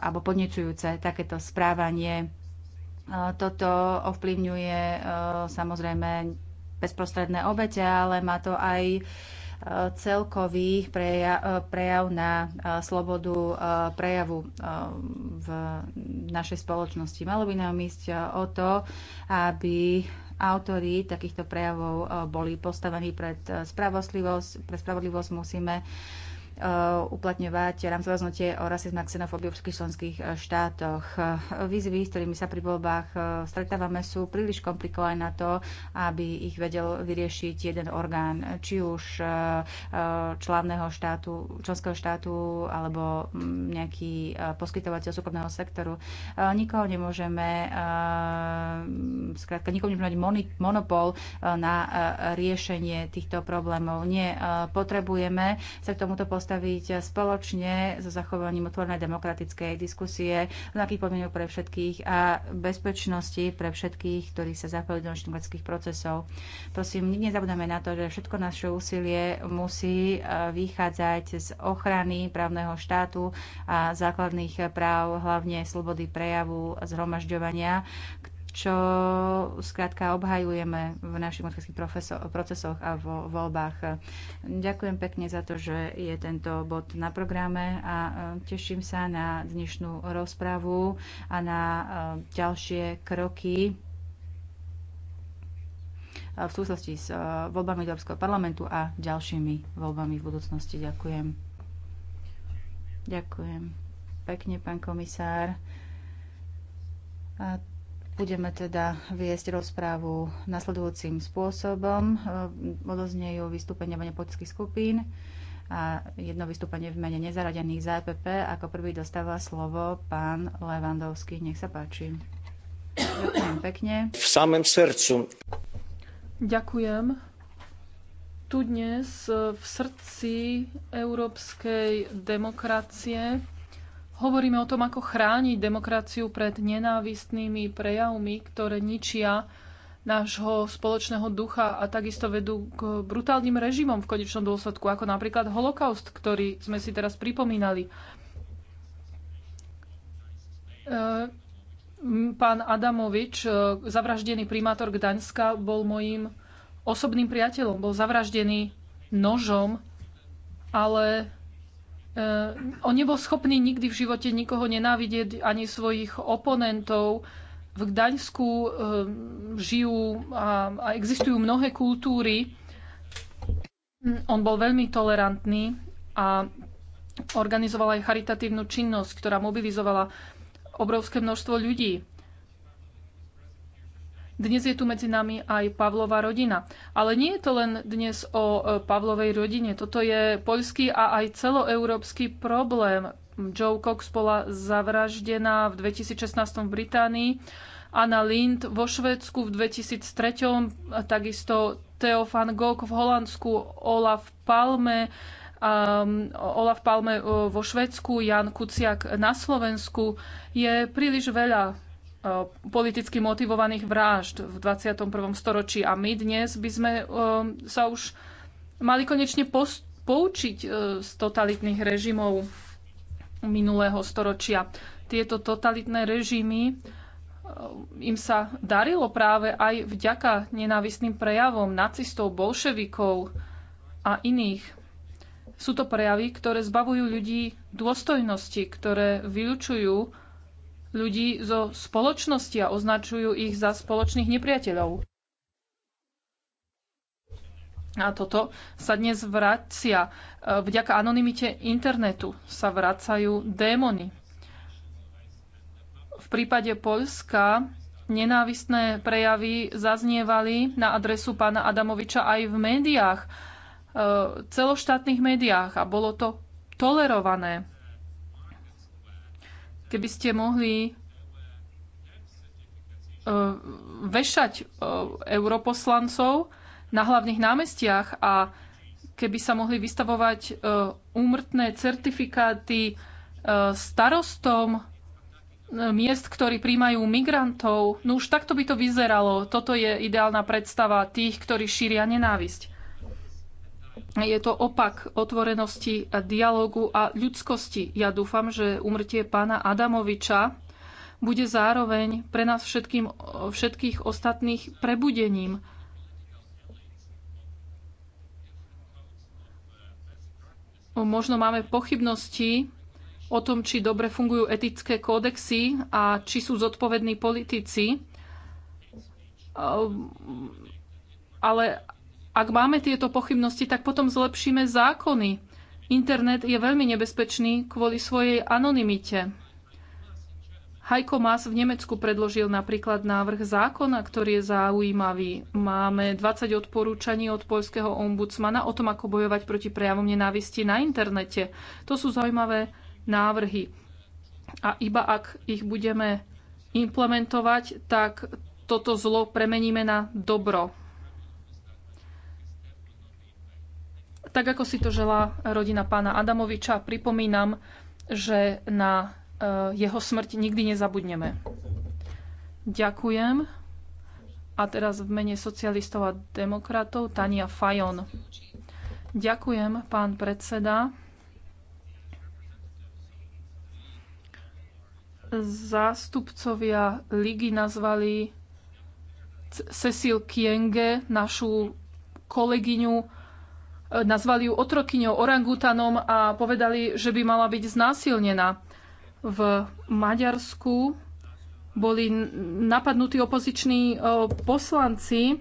alebo podnecujúce takéto správanie toto ovplyvňuje e, samozrejme bezprostredné obete, ale má to aj e, celkový e, prejav, na slobodu prejavu v našej spoločnosti. Malo by nám ísť o to, aby autori takýchto prejavov boli postavení pred spravodlivosť. Pre spravodlivosť musíme uh, Uh, uplatňovať rámcové rozhodnutie o rasizme a xenofóbiu v všetkých členských uh, štátoch. Uh, výzvy, s ktorými sa pri voľbách stretávame, sú príliš komplikované na to, aby ich vedel vyriešiť jeden orgán, či už členského štátu, členského štátu alebo mm, nejaký poskytovateľ súkromného sektoru. Nikoho nemôžeme, skrátka, nikomu nemôžeme mať monopol na riešenie týchto problémov. Nie, potrebujeme sa k tomuto postaviť postaviť spoločne so zachovaním otvorenej demokratickej diskusie, rovnakých podmienok pre všetkých a bezpečnosti pre všetkých, ktorí sa zapojili do demokratických procesov. Prosím, nikdy nezabudeme na to, že všetko naše úsilie musí e, vychádzať z ochrany právneho štátu a základných práv, hlavne slobody prejavu a zhromažďovania, čo skrátka obhajujeme v našich motkárských procesoch a vo voľbách. Ďakujem pekne za to, že je tento bod na programe a e, teším sa na dnešnú rozpravu a na e, ďalšie kroky e, v súvislosti s voľbami do Európskeho parlamentu a ďalšími voľbami v budúcnosti. Ďakujem. Ďakujem pekne, pán komisár. A Budeme teda viesť rozprávu nasledujúcim spôsobom. Eh, odoznejú vystúpenia v politických skupín a jedno vystúpenie v mene nezaradených za EPP. Ako prvý dostáva slovo pán Levandovský. Nech sa páči. Ďakujem pekne. V samém srdcu. Ďakujem. Tu dnes eh, v srdci európskej demokracie Hovoríme o tom, ako chrániť demokraciu pred nenávistnými prejavmi, ktoré ničia nášho spoločného ducha a takisto vedú k brutálnym režimom v konečnom dôsledku, ako napríklad holokaust, ktorý sme si teraz pripomínali. E, pán Adamovič, e, zavraždený primátor Gdaňska, bol mojím osobným priateľom. Bol zavraždený nožom, ale Eh, on nebol schopný nikdy v živote nikoho nenávidieť, ani svojich oponentov. V Gdaňsku eh, žijú a, a existujú mnohé kultúry. On bol veľmi tolerantný a organizoval aj charitatívnu činnosť, ktorá mobilizovala obrovské množstvo ľudí. Dnes je tu medzi nami aj Pavlova rodina. Ale nie je to len dnes o e, Pavlovej rodine. Toto je poľský a aj celoeurópsky problém. Joe Cox bola zavraždená v 2016 v Británii, Anna Lind vo Švedsku v 2003, takisto Theofan Gogh v Holandsku, Olaf Palme, um, Olaf Palme e, vo Švedsku, Jan Kuciak na Slovensku. Je príliš veľa Eh, politicky motivovaných vražd v 21. storočí. A my dnes by sme eh, sa už mali konečne poučiť eh, z totalitných režimov minulého storočia. Tieto totalitné režimy im sa darilo práve aj vďaka nenávistným prejavom nacistov, bolševikov a iných. Sú to prejavy, ktoré zbavujú ľudí dôstojnosti, ktoré vylučujú ľudí zo spoločnosti a označujú ich za spoločných nepriateľov. A toto sa dnes vracia. E, vďaka anonimite internetu sa vracajú démony. V prípade Poľska nenávistné prejavy zaznievali na adresu pána Adamoviča aj v médiách, e, celoštátnych médiách a bolo to tolerované. Keby ste mohli e, vešať e, europoslancov na hlavných námestiach a keby sa mohli vystavovať e, úmrtné certifikáty starostom miest, ktorí príjmajú migrantov. No už takto by to vyzeralo. Toto je ideálna predstava tých, ktorí šíria nenávisť je to opak otvorenosti a dialogu a ľudskosti. Ja dúfam, že umrtie pána Adamoviča bude zároveň pre nás všetkým, všetkých ostatných prebudením. Možno máme pochybnosti o tom, či dobre fungujú etické kódexy a či sú zodpovední politici. Ale ak máme tieto pochybnosti, tak potom zlepšíme zákony. Internet je veľmi nebezpečný kvôli svojej anonymite. Heiko Maas v Nemecku predložil napríklad návrh zákona, ktorý je zaujímavý. Máme 20 odporúčaní od poľského ombudsmana o tom, ako bojovať proti prejavom nenávisti na internete. To sú zaujímavé návrhy. A iba ak ich budeme implementovať, tak toto zlo premeníme na dobro. tak ako si to žela rodina pána Adamoviča. Pripomínam, že na eh, jeho smrť nikdy nezabudneme. Ďakujem. A teraz v mene socialistov a demokratov Tania Fajon. Ďakujem, pán predseda. Zástupcovia ligy nazvali Cecil Kienge, našu kolegyňu, E, nazvali ju otrokyňou orangutanom a povedali, že by mala byť znásilnená. V Maďarsku boli napadnutí opoziční e, poslanci e,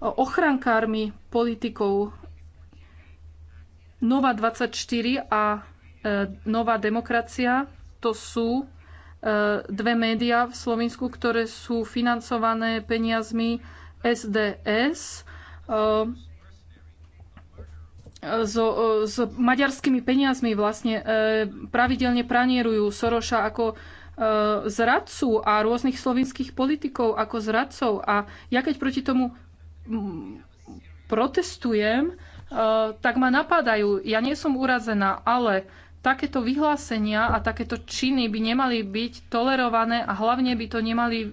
ochrankármi politikov Nova 24 a Nová demokracia. To sú dve médiá v Slovensku, ktoré sú financované peniazmi SDS so, e, s maďarskými peniazmi vlastne e, pravidelne pranierujú Soroša ako e, zradcu a rôznych slovinských politikov ako zradcov. A ja keď proti tomu protestujem, tak ma napadajú. Ja nie som urazená, ale Takéto vyhlásenia a takéto činy by nemali byť tolerované a hlavne by to nemali e,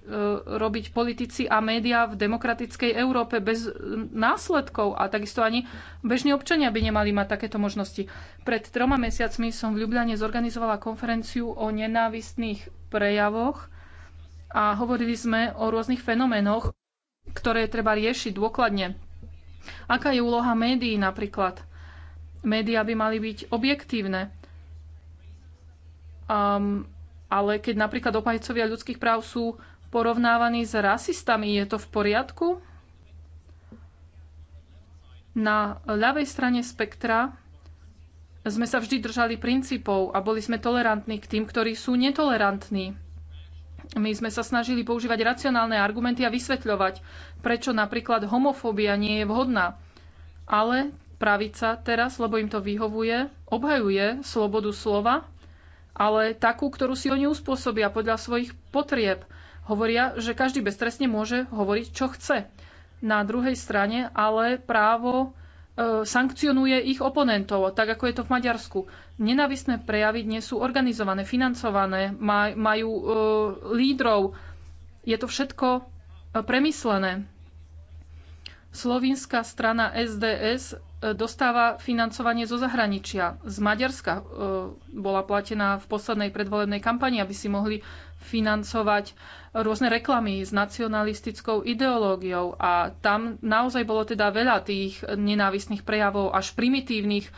robiť politici a médiá v demokratickej Európe bez e, následkov a takisto ani bežní občania by nemali mať takéto možnosti. Pred troma mesiacmi som v Ljubljane zorganizovala konferenciu o nenávistných prejavoch a hovorili sme o rôznych fenoménoch, ktoré treba riešiť dôkladne. Aká je úloha médií napríklad? Média by mali byť objektívne Um, ale keď napríklad obhajcovia ľudských práv sú porovnávaní s rasistami, je to v poriadku? Na ľavej strane spektra sme sa vždy držali princípov a boli sme tolerantní k tým, ktorí sú netolerantní. My sme sa snažili používať racionálne argumenty a vysvetľovať, prečo napríklad homofóbia nie je vhodná. Ale pravica teraz, lebo im to vyhovuje, obhajuje slobodu slova ale takú, ktorú si oni uspôsobia podľa svojich potrieb. Hovoria, že každý beztrestne môže hovoriť, čo chce. Na druhej strane ale právo e, sankcionuje ich oponentov, tak ako je to v Maďarsku. Nenávisné prejavy nie sú organizované, financované, majú e, lídrov. Je to všetko e, premyslené. Slovinská strana SDS E, dostáva financovanie zo zahraničia. Z Maďarska e, bola platená v poslednej predvolebnej kampani, aby si mohli financovať rôzne reklamy s nacionalistickou ideológiou. A tam naozaj bolo teda veľa tých nenávistných prejavov, až primitívnych e,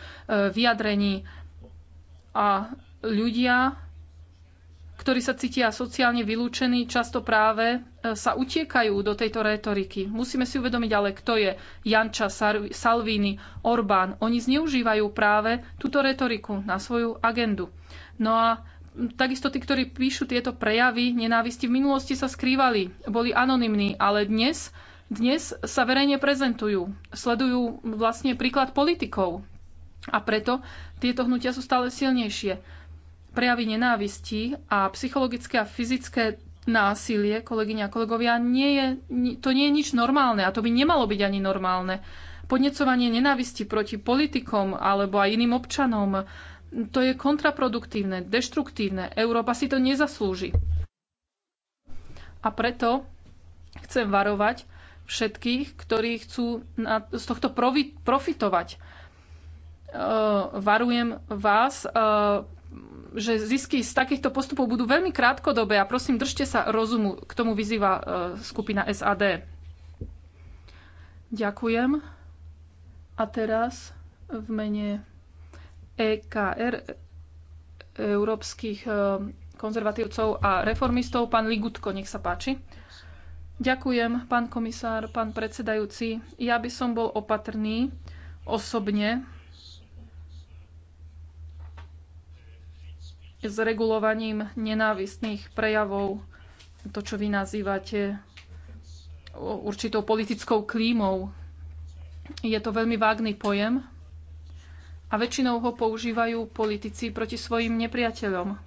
vyjadrení. A ľudia ktorí sa cítia sociálne vylúčení, často práve e, sa utiekajú do tejto rétoriky. Musíme si uvedomiť ale, kto je Janča, Salvini, Orbán. Oni zneužívajú práve túto rétoriku na svoju agendu. No a takisto tí, ktorí píšu tieto prejavy nenávisti v minulosti sa skrývali, boli anonymní, ale dnes, dnes sa verejne prezentujú, sledujú vlastne príklad politikov. A preto tieto hnutia sú stále silnejšie prejavy nenávisti a psychologické a fyzické násilie, kolegyňa a kolegovia, nie je, to nie je nič normálne a to by nemalo byť ani normálne. Podnecovanie nenávisti proti politikom alebo aj iným občanom, to je kontraproduktívne, deštruktívne. Európa si to nezaslúži. A preto chcem varovať všetkých, ktorí chcú na, z tohto profitovať. E, varujem vás, e, že zisky z takýchto postupov budú veľmi krátkodobé a prosím, držte sa rozumu. K tomu vyzýva e, skupina SAD. Ďakujem. A teraz v mene EKR e, európskych e, konzervatívcov a reformistov, pán Ligutko, nech sa páči. Ďakujem, pán komisár, pán predsedajúci. Ja by som bol opatrný osobne s regulovaním nenávistných prejavov, to, čo vy nazývate určitou politickou klímou. Je to veľmi vágný pojem a väčšinou ho používajú politici proti svojim nepriateľom.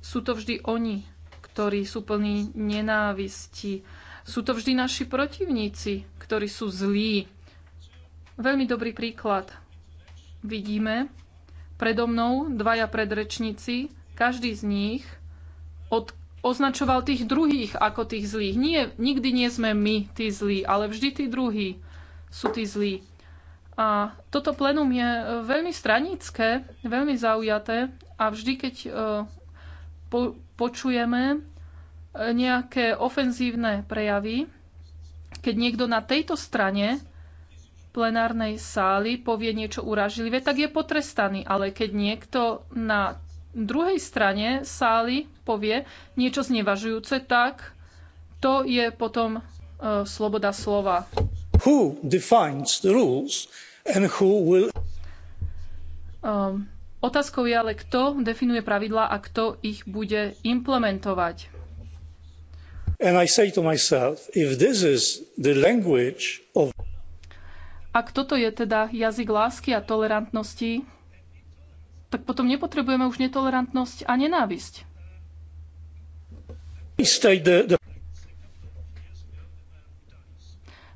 Sú to vždy oni, ktorí sú plní nenávisti. Sú to vždy naši protivníci, ktorí sú zlí. Veľmi dobrý príklad. Vidíme, predo mnou dvaja predrečníci, každý z nich od, označoval tých druhých ako tých zlých. Nie, nikdy nie sme my tí zlí, ale vždy tí druhí sú tí zlí. A toto plenum je e, veľmi stranické, veľmi zaujaté a vždy, keď e, po, počujeme e, nejaké ofenzívne prejavy, keď niekto na tejto strane plenárnej sály povie niečo uražlivé, tak je potrestaný. Ale keď niekto na druhej strane sály povie niečo znevažujúce, tak to je potom e, sloboda slova. Who defines the rules and who will... Um, otázkou je ale, kto definuje pravidlá a kto ich bude implementovať. And I say to myself, if this is the language of ak toto je teda jazyk lásky a tolerantnosti, tak potom nepotrebujeme už netolerantnosť a nenávisť.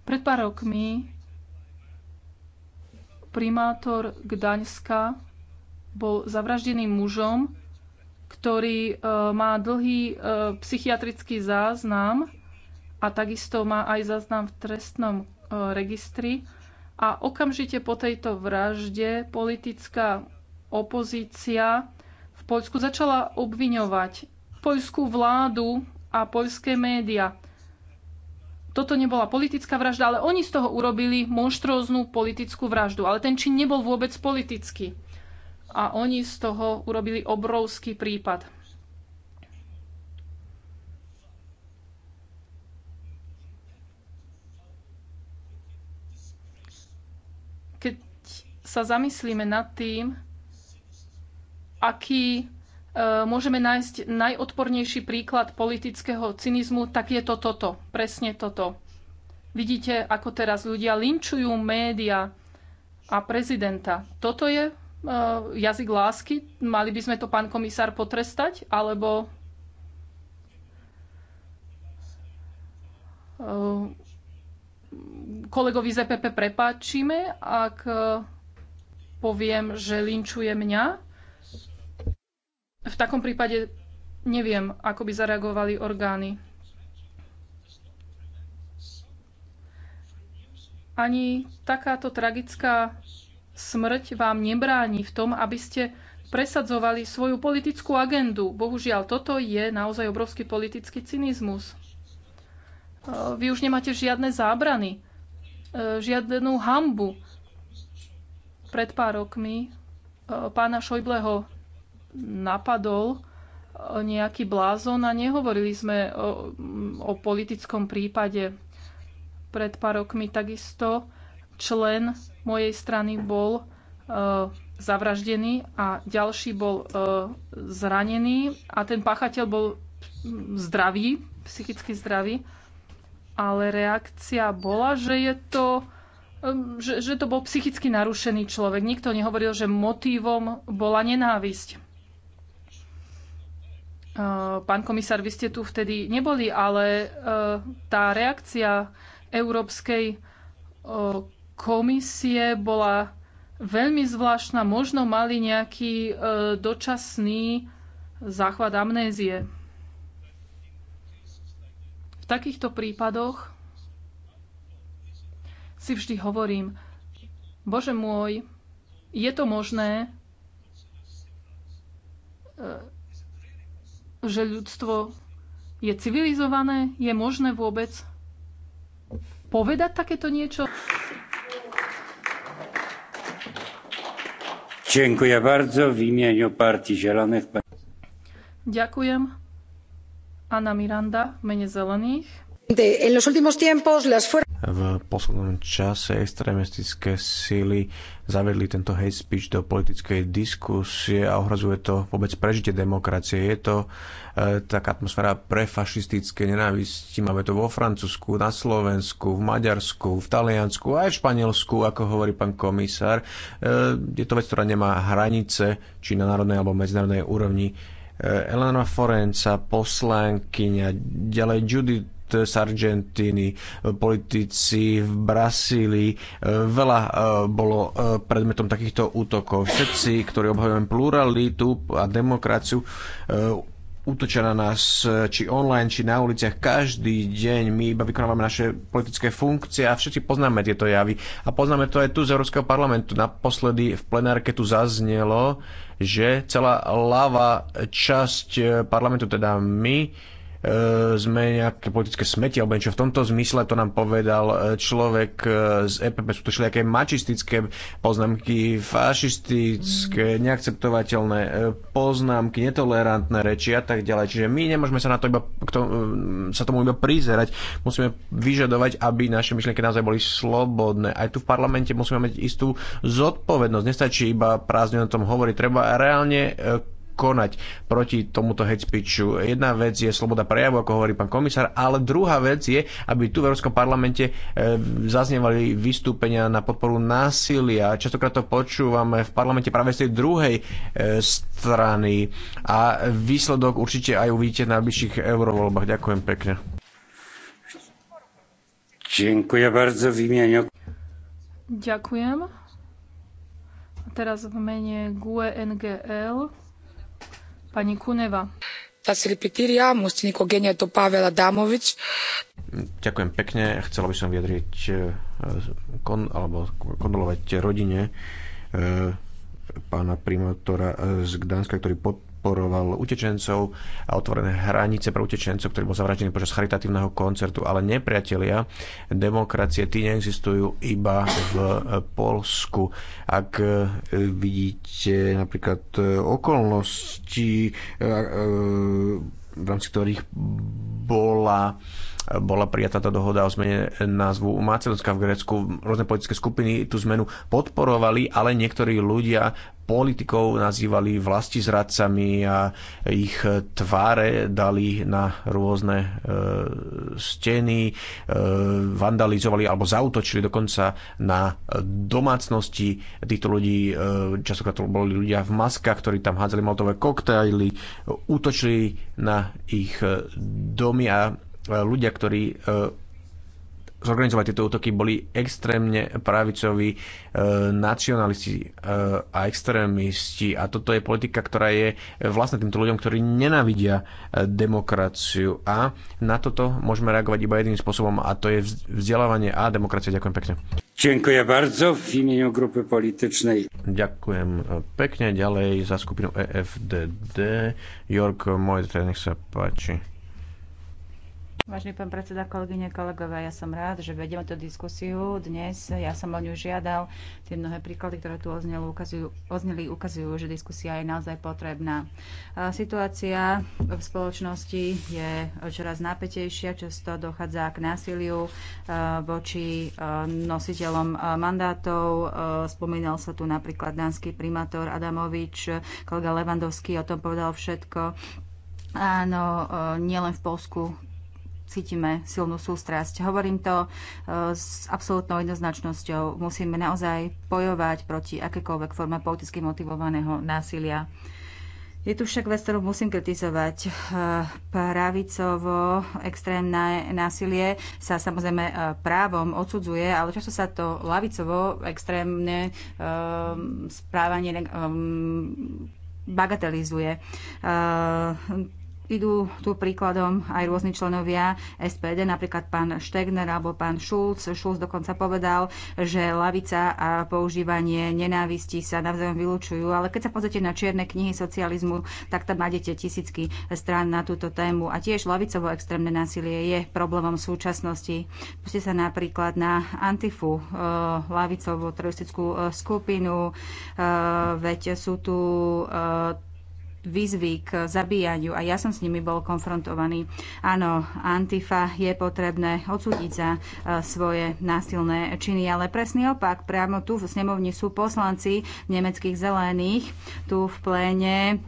Pred pár rokmi primátor Gdaňska bol zavraždený mužom, ktorý e, má dlhý e, psychiatrický záznam a takisto má aj záznam v trestnom e, registri a okamžite po tejto vražde politická opozícia v Poľsku začala obviňovať poľskú vládu a poľské médiá. Toto nebola politická vražda, ale oni z toho urobili monštróznú politickú vraždu. Ale ten čin nebol vôbec politický. A oni z toho urobili obrovský prípad. sa zamyslíme nad tým, aký e, môžeme nájsť najodpornejší príklad politického cynizmu, tak je to toto, presne toto. Vidíte, ako teraz ľudia linčujú média a prezidenta. Toto je e, jazyk lásky? Mali by sme to, pán komisár, potrestať? Alebo e, kolegovi z EPP prepáčime, ak poviem, že linčuje mňa. V takom prípade neviem, ako by zareagovali orgány. Ani takáto tragická smrť vám nebráni v tom, aby ste presadzovali svoju politickú agendu. Bohužiaľ, toto je naozaj obrovský politický cynizmus. Vy už nemáte žiadne zábrany, e, žiadnu hambu pred pár rokmi e, pána Šojbleho napadol e, nejaký blázon a nehovorili sme o, o politickom prípade. Pred pár rokmi takisto člen mojej strany bol e, zavraždený a ďalší bol e, zranený a ten páchateľ bol zdravý, psychicky zdravý, ale reakcia bola, že je to že, že to bol psychicky narušený človek. Nikto nehovoril, že motívom bola nenávisť. Pán komisár, vy ste tu vtedy neboli, ale e, tá reakcia Európskej e, komisie bola veľmi zvláštna. Možno mali nejaký e, dočasný záchvat amnézie. V takýchto prípadoch si vždy hovorím, Bože môj, je to možné, e, že ľudstvo je civilizované? Je možné vôbec povedať takéto niečo? Ďakujem bardzo. W imieniu Partii Zielonych. Ďakujem. Ana Miranda, mene Zelených. En los últimos tiempos las v poslednom čase extrémistické síly zavedli tento hate speech do politickej diskusie a ohrozuje to vôbec prežitie demokracie. Je to e, taká atmosféra prefašistické nenávisti. Máme to vo Francúzsku, na Slovensku, v Maďarsku, v Taliansku, aj v Španielsku, ako hovorí pán komisár. E, je to vec, ktorá nemá hranice, či na národnej alebo medzinárodnej úrovni. E, Elena Forenca, poslankyňa, ďalej Judith z Argentíny, politici v Brazílii. Veľa e, bolo e, predmetom takýchto útokov. Všetci, ktorí obhajujeme pluralitu a demokraciu, e, útočia na nás, či online, či na uliciach každý deň. My iba vykonávame naše politické funkcie a všetci poznáme tieto javy. A poznáme to aj tu z Európskeho parlamentu. Naposledy v plenárke tu zaznelo, že celá ľava časť parlamentu, teda my, E, sme nejaké politické smeti alebo niečo v tomto zmysle, to nám povedal e, človek e, z EPP, sú to všelijaké mačistické poznámky, fašistické, neakceptovateľné poznámky, netolerantné reči a tak ďalej. Čiže my nemôžeme sa, na to iba, k tomu, sa tomu iba prizerať, musíme vyžadovať, aby naše myšlienky naozaj boli slobodné. Aj tu v parlamente musíme mať istú zodpovednosť. Nestačí iba prázdne o tom hovoriť, treba reálne konať proti tomuto hate speechu. Jedna vec je sloboda prejavu, ako hovorí pán komisár, ale druhá vec je, aby tu v Európskom parlamente e, zaznievali vystúpenia na podporu násilia. Častokrát to počúvame v parlamente práve z tej druhej e, strany a výsledok určite aj uvidíte na najbližších eurovoľbách. Ďakujem pekne. Ďakujem bardzo v imieniu. Ďakujem. A teraz v mene GUE NGL Pani Kuneva. Ďakujem pekne. Chcela by som vyjadriť e, kon, alebo kondolovať rodine e, pána primátora z Gdanska, ktorý pod, podporoval utečencov a otvorené hranice pre utečencov, ktorí bol zavraždený počas charitatívneho koncertu. Ale nepriatelia demokracie, tí neexistujú iba v Polsku. Ak e, vidíte napríklad e, okolnosti, e, v rámci ktorých bola bola prijatá tá dohoda o zmene názvu Macedónska v Grécku. Rôzne politické skupiny tú zmenu podporovali, ale niektorí ľudia politikov nazývali vlasti zradcami a ich tváre dali na rôzne e, steny, e, vandalizovali alebo zautočili dokonca na domácnosti týchto ľudí. E, častokrát to boli ľudia v maskách, ktorí tam hádzali maltové koktajly, útočili na ich domy a ľudia, ktorí e, zorganizovať tieto útoky boli extrémne pravicoví e, nacionalisti e, a extrémisti. A toto je politika, ktorá je vlastne týmto ľuďom, ktorí nenávidia e, demokraciu. A na toto môžeme reagovať iba jedným spôsobom a to je vzdelávanie a demokracia. Ďakujem pekne. Ďakujem bardzo v imieniu grupy politycznej. Ďakujem e, pekne. Ďalej za skupinu EFDD. Jork Mojte, nech sa páči. Vážený pán predseda, kolegyne, kolegovia, ja som rád, že vedeme tú diskusiu dnes. Ja som o ňu žiadal. Tie mnohé príklady, ktoré tu ozneli, ukazujú, ozneli, ukazujú že diskusia je naozaj potrebná. situácia v spoločnosti je čoraz nápetejšia, často dochádza k násiliu voči nositeľom mandátov. Spomínal sa tu napríklad dánsky primátor Adamovič, kolega Levandovský o tom povedal všetko. Áno, nielen v Polsku cítime silnú sústrasť. Hovorím to e, s absolútnou jednoznačnosťou. Musíme naozaj bojovať proti akékoľvek forme politicky motivovaného násilia. Je tu však vec, ktorú musím kritizovať. E, pravicovo extrémne násilie sa samozrejme e, právom odsudzuje, ale často sa to lavicovo extrémne správanie bagatelizuje Idú tu príkladom aj rôzni členovia SPD, napríklad pán Štegner alebo pán Schulz. Schulz dokonca povedal, že lavica a používanie nenávisti sa navzájom vylúčujú, ale keď sa pozrite na čierne knihy socializmu, tak tam nájdete tisícky strán na túto tému. A tiež lavicovo extrémne násilie je problémom súčasnosti. Puste sa napríklad na Antifu, eh, lavicovú teroristickú eh, skupinu, eh, veď sú tu výzvy k zabíjaniu a ja som s nimi bol konfrontovaný. Áno, Antifa je potrebné odsúdiť za e, svoje násilné činy, ale presný opak, priamo tu v snemovni sú poslanci nemeckých zelených, tu v pléne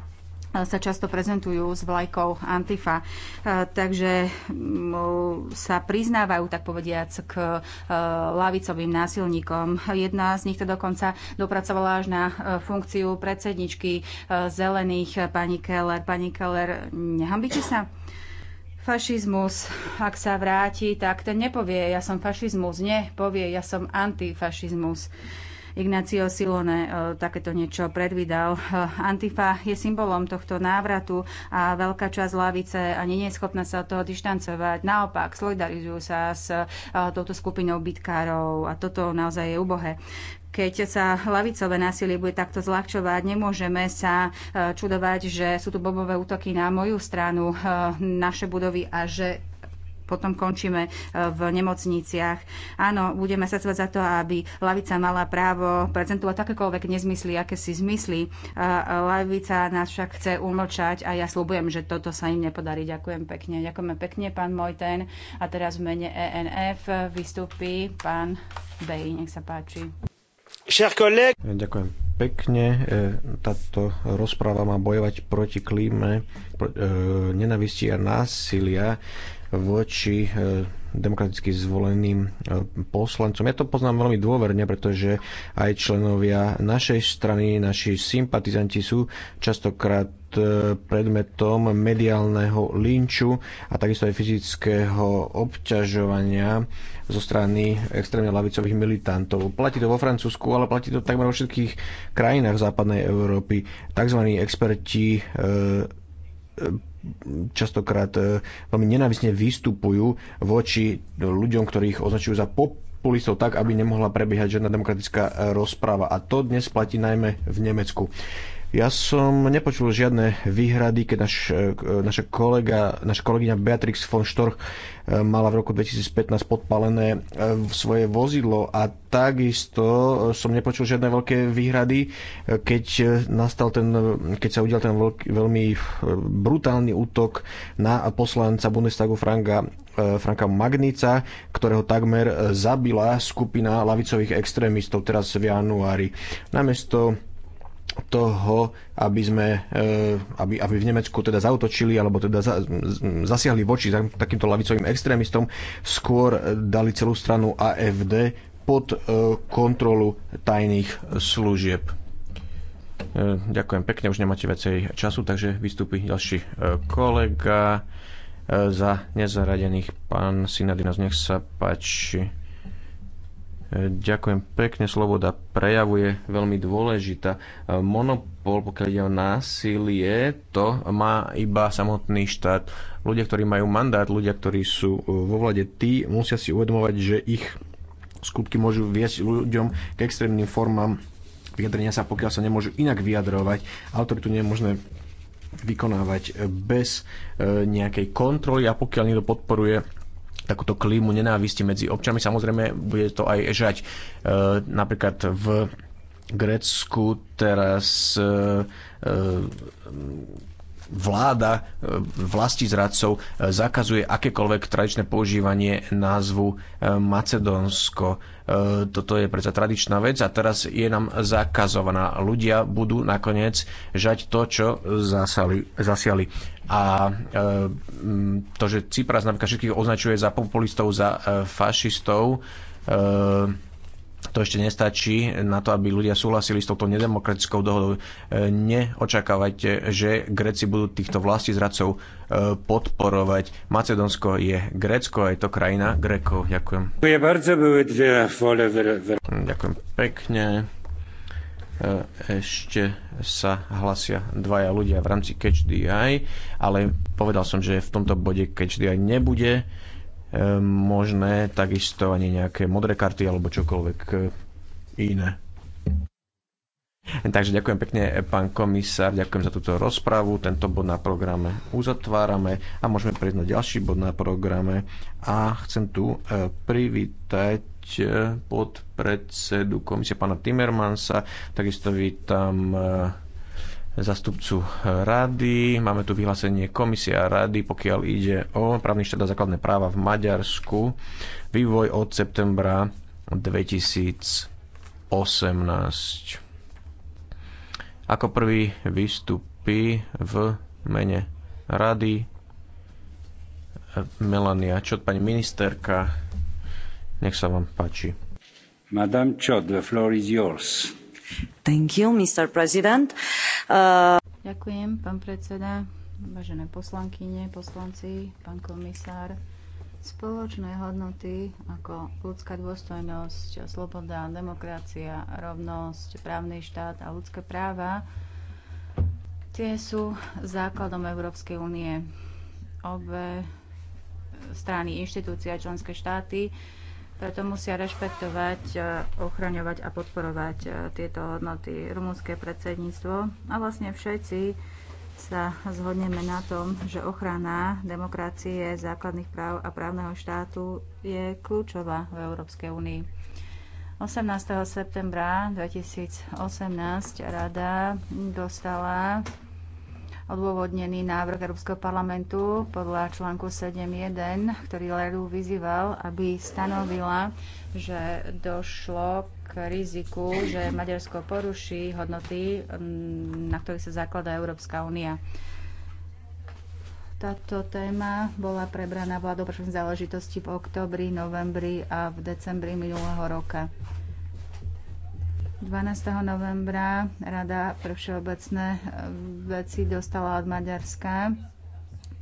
sa často prezentujú s vlajkou Antifa. Takže sa priznávajú, tak povediac, k e, lavicovým násilníkom. Jedna z nich to dokonca dopracovala až na e, funkciu predsedničky e, zelených pani Keller. Pani Keller, nehambíte sa? fašizmus, ak sa vráti, tak ten nepovie, ja som fašizmus. Nie, povie, ja som antifašizmus. Ignacio Silone e, takéto niečo predvídal. E, Antifa je symbolom tohto návratu a veľká časť lavice ani nie je schopná sa od toho dištancovať. Naopak, solidarizujú sa s e, touto skupinou bytkárov a toto naozaj je ubohé keď sa lavicové násilie bude takto zľahčovať, nemôžeme sa čudovať, že sú tu bobové útoky na moju stranu, naše budovy a že potom končíme e, v nemocniciach. Áno, budeme sa za to, aby lavica mala právo prezentovať takékoľvek nezmysly, aké si zmysly. E, lavica nás však chce umlčať a ja slúbujem, že toto sa im nepodarí. Ďakujem pekne. Ďakujeme pekne, pán Mojten. A teraz v mene ENF vystúpi pán Bej. Nech sa páči. Ďakujem pekne. E, táto rozpráva má bojovať proti klíme nenavisti a násilia voči e, demokraticky zvoleným e, poslancom. Ja to poznám veľmi dôverne, pretože aj členovia našej strany, naši sympatizanti sú častokrát e, predmetom mediálneho linču a takisto aj fyzického obťažovania zo strany extrémne lavicových militantov. Platí to vo Francúzsku, ale platí to takmer vo všetkých krajinách západnej Európy. Takzvaní experti e, častokrát e, veľmi nenávisne vystupujú voči ľuďom, ktorých označujú za pop populistov tak, aby nemohla prebiehať žiadna demokratická e, rozpráva. A to dnes platí najmä v Nemecku. Ja som nepočul žiadne výhrady, keď naš, e, e, naša kolega, naša kolegyňa Beatrix von Storch e, mala v roku 2015 podpalené svoje vozidlo a takisto som nepočul žiadne veľké výhrady, keď, nastal ten, keď sa udial ten veľký, veľmi brutálny útok na poslanca Bundestagu Franka Franka Magnica, ktorého takmer zabila skupina lavicových extrémistov teraz v januári. Namiesto toho, aby sme e, aby, aby v Nemecku teda zautočili alebo teda zasiahli voči takýmto lavicovým extrémistom, skôr dali celú stranu AFD pod e, kontrolu tajných služieb. E, ďakujem pekne, už nemáte viacej času, takže vystúpi ďalší kolega za nezaradených. Pán Sinadinos, nech sa páči. Ďakujem pekne. Sloboda prejavu je veľmi dôležitá. Monopol, pokiaľ ide o násilie, to má iba samotný štát. Ľudia, ktorí majú mandát, ľudia, ktorí sú vo vlade, tí musia si uvedomovať, že ich skutky môžu viesť ľuďom k extrémnym formám vyjadrenia sa, pokiaľ sa nemôžu inak vyjadrovať. Autoritu nie je možné vykonávať bez e, nejakej kontroly a pokiaľ niekto podporuje takúto klímu nenávisti medzi občanmi. Samozrejme, bude to aj žať e, napríklad v Grécku teraz e, e, vláda e, vlasti zradcov e, zakazuje akékoľvek tradičné používanie názvu e, Macedónsko. Toto je predsa tradičná vec a teraz je nám zakazovaná. Ľudia budú nakoniec žať to, čo zasali, zasiali. A to, že Cypras napríklad všetkých označuje za populistov, za fašistov, to ešte nestačí na to, aby ľudia súhlasili s touto nedemokratickou dohodou. E, neočakávajte, že Gréci budú týchto vlastí zradcov e, podporovať. Macedónsko je Grécko aj je to krajina Grékov. Ďakujem. Ďakujem pekne. E, ešte sa hlasia dvaja ľudia v rámci Catch Eye, ale povedal som, že v tomto bode Catch Eye nebude E, možné, takisto ani nejaké modré karty alebo čokoľvek e, iné. Takže ďakujem pekne, e, pán komisár, ďakujem za túto rozpravu. Tento bod na programe uzatvárame a môžeme prejsť na ďalší bod na programe. A chcem tu privítať podpredsedu komisie pána Timmermansa. Takisto vítam zastupcu rady. Máme tu vyhlásenie komisie a rady, pokiaľ ide o právny štát a základné práva v Maďarsku. Vývoj od septembra 2018. Ako prvý vystupí v mene rady Melania Čot, pani ministerka. Nech sa vám páči. Madame Čot, the floor is yours. Thank you, Mr. President. Uh... Ďakujem, pán predseda, vážené poslankyne, poslanci, pán komisár. Spoločné hodnoty ako ľudská dôstojnosť, sloboda, demokracia, rovnosť, právny štát a ľudské práva tie sú základom Európskej únie. Obe strany, inštitúcia a členské štáty preto musia rešpektovať, e, ochraňovať a podporovať e, tieto hodnoty. rumúnske predsedníctvo a vlastne všetci sa zhodneme na tom, že ochrana demokracie, základných práv a právneho štátu je kľúčová v Európskej únii. 18. septembra 2018 rada dostala odôvodnený návrh Európskeho parlamentu podľa článku 7.1, ktorý Leru vyzýval, aby stanovila, že došlo k riziku, že Maďarsko poruší hodnoty, mm, na ktorých sa zakladá Európska únia. Táto téma bola prebraná vládou pre záležitosti v oktobri, novembri a v decembri minulého roka. 12. novembra Rada pre všeobecné eh, veci dostala od Maďarska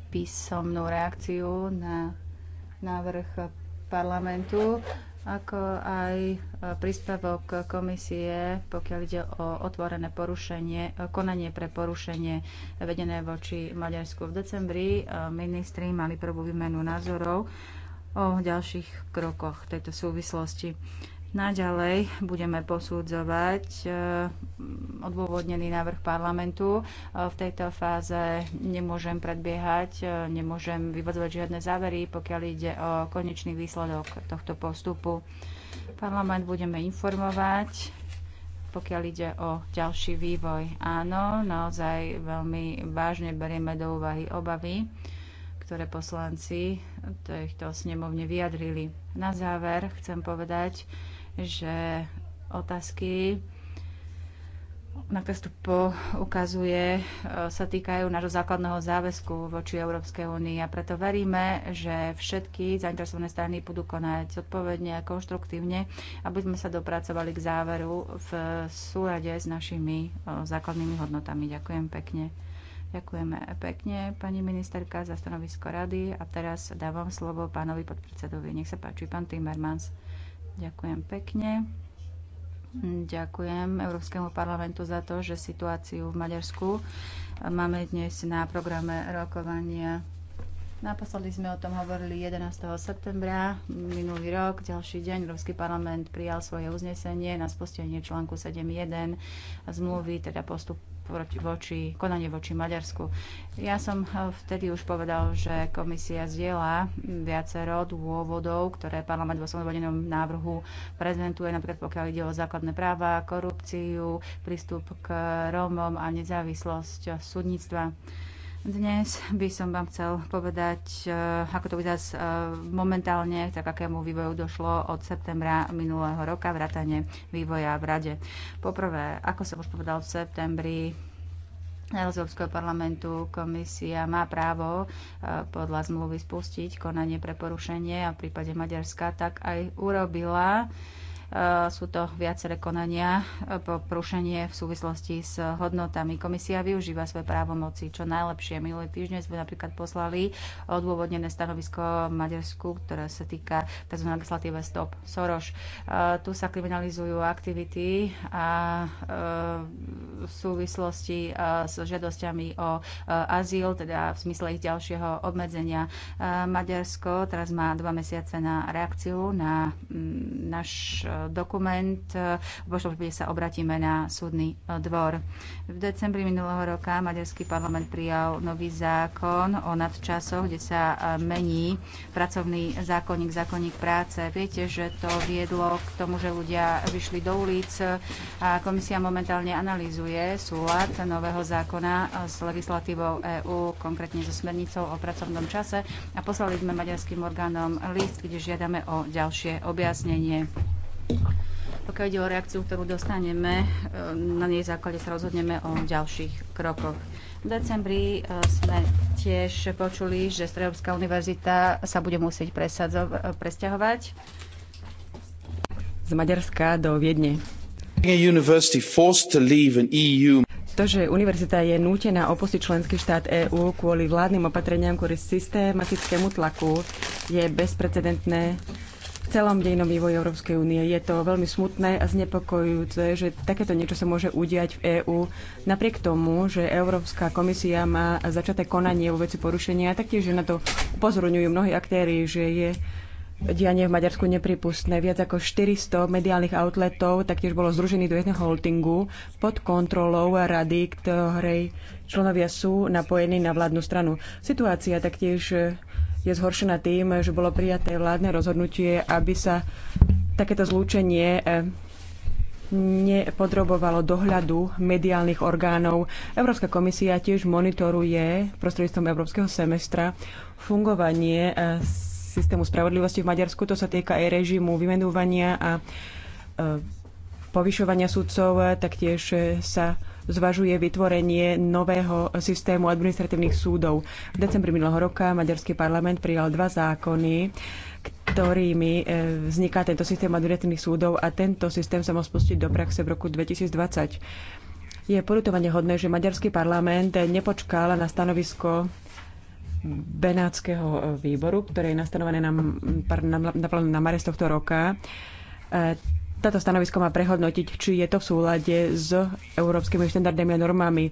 písomnú reakciu na návrh parlamentu, ako aj eh, príspevok komisie, pokiaľ ide o otvorené porušenie, eh, konanie pre porušenie vedené voči Maďarsku. V decembri ministri mali prvú výmenu názorov o ďalších krokoch tejto súvislosti. Naďalej budeme posudzovať e, odôvodnený návrh parlamentu. E, v tejto fáze nemôžem predbiehať, e, nemôžem vyvodzovať žiadne závery, pokiaľ ide o konečný výsledok tohto postupu. Parlament budeme informovať pokiaľ ide o ďalší vývoj. Áno, naozaj veľmi vážne berieme do úvahy obavy, ktoré poslanci tejto snemovne vyjadrili. Na záver chcem povedať, že otázky na ktoré tu ukazuje, e, sa týkajú nášho základného záväzku voči Európskej únii a preto veríme, že všetky zainteresované strany budú konať zodpovedne a konštruktívne, aby sme sa dopracovali k záveru v súlade s našimi e, základnými hodnotami. Ďakujem pekne. Ďakujeme pekne, pani ministerka, za stanovisko rady a teraz dávam slovo pánovi podpredsedovi. Nech sa páči, pán Timmermans. Ďakujem pekne. Ďakujem Európskemu parlamentu za to, že situáciu v Maďarsku máme dnes na programe rokovania. Naposledy sme o tom hovorili 11. septembra minulý rok. Ďalší deň Európsky parlament prijal svoje uznesenie na spustenie článku 7.1 zmluvy, teda postup proti, voči, konanie voči Maďarsku. Ja som eh, vtedy už povedal, že komisia zdieľa viacero dôvodov, ktoré parlament vo svojom návrhu prezentuje, napríklad pokiaľ ide o základné práva, korupciu, prístup k Rómom a nezávislosť súdnictva. Dnes by som vám chcel povedať, e, ako to vyzerá e, momentálne, tak akému vývoju došlo od septembra minulého roka, vrátane vývoja v Rade. Poprvé, ako som už povedal v septembri, Európskeho parlamentu komisia má právo e, podľa zmluvy spustiť konanie pre porušenie a v prípade Maďarska tak aj urobila Eh, sú to viaceré konania eh, po prúšenie v súvislosti s hodnotami. Komisia využíva svoje právomoci čo najlepšie. Minulý týždeň sme napríklad poslali odôvodnené stanovisko Maďarsku, ktoré sa týka tzv. legislatíve Stop Soros. Eh, tu sa kriminalizujú aktivity a v súvislosti s žiadosťami o azyl, teda v smysle ich ďalšieho obmedzenia. Maďarsko teraz má dva mesiace na reakciu na mm, náš dokument. V božom prípade sa obratíme na súdny e, dvor. V decembri minulého roka Maďarský parlament prijal nový zákon o nadčasoch, kde sa e, mení pracovný zákonník, zákonník práce. Viete, že to viedlo k tomu, že ľudia vyšli do ulic a komisia momentálne analýzuje súlad nového zákona e, s legislatívou EÚ, konkrétne so smernicou o pracovnom čase a poslali sme maďarským orgánom list, kde žiadame o ďalšie objasnenie. Pokiaľ ide o reakciu, ktorú dostaneme, e, na nej základe sa rozhodneme o ďalších krokoch. V decembri e, sme tiež počuli, že Stredovská univerzita sa bude musieť e, presťahovať z Maďarska do Viedne. To, že univerzita je nútená opustiť členský štát EÚ kvôli vládnym opatreniam, kvôli systematickému tlaku, je bezprecedentné celom dejnom vývoji Európskej únie. Je to veľmi smutné a znepokojujúce, že takéto niečo sa môže udiať v EÚ. Napriek tomu, že Európska komisia má začaté konanie vo veci porušenia, taktiež že na to upozorňujú mnohí aktéry, že je dianie v Maďarsku nepripustné. Viac ako 400 mediálnych outletov taktiež bolo združených do jedného holdingu pod kontrolou rady, ktorej členovia sú napojení na vládnu stranu. Situácia taktiež je zhoršená tým, že bolo prijaté vládne rozhodnutie, aby sa takéto zlúčenie eh, nepodrobovalo dohľadu mediálnych orgánov. Európska komisia tiež monitoruje prostredníctvom Európskeho semestra fungovanie eh, systému spravodlivosti v Maďarsku. To sa týka aj režimu vymenúvania a eh, povyšovania sudcov, taktiež sa zvažuje vytvorenie nového systému administratívnych súdov. V decembri minulého roka Maďarský parlament prijal dva zákony, ktorými e, vzniká tento systém administratívnych súdov a tento systém sa môže spustiť do praxe v roku 2020. Je porutovanie hodné, že Maďarský parlament nepočkal na stanovisko Benátskeho výboru, ktoré je nastanované na, na, na, na, na mare z tohto roka e, táto stanovisko má prehodnotiť, či je to v súlade s európskymi štandardami a normami. E,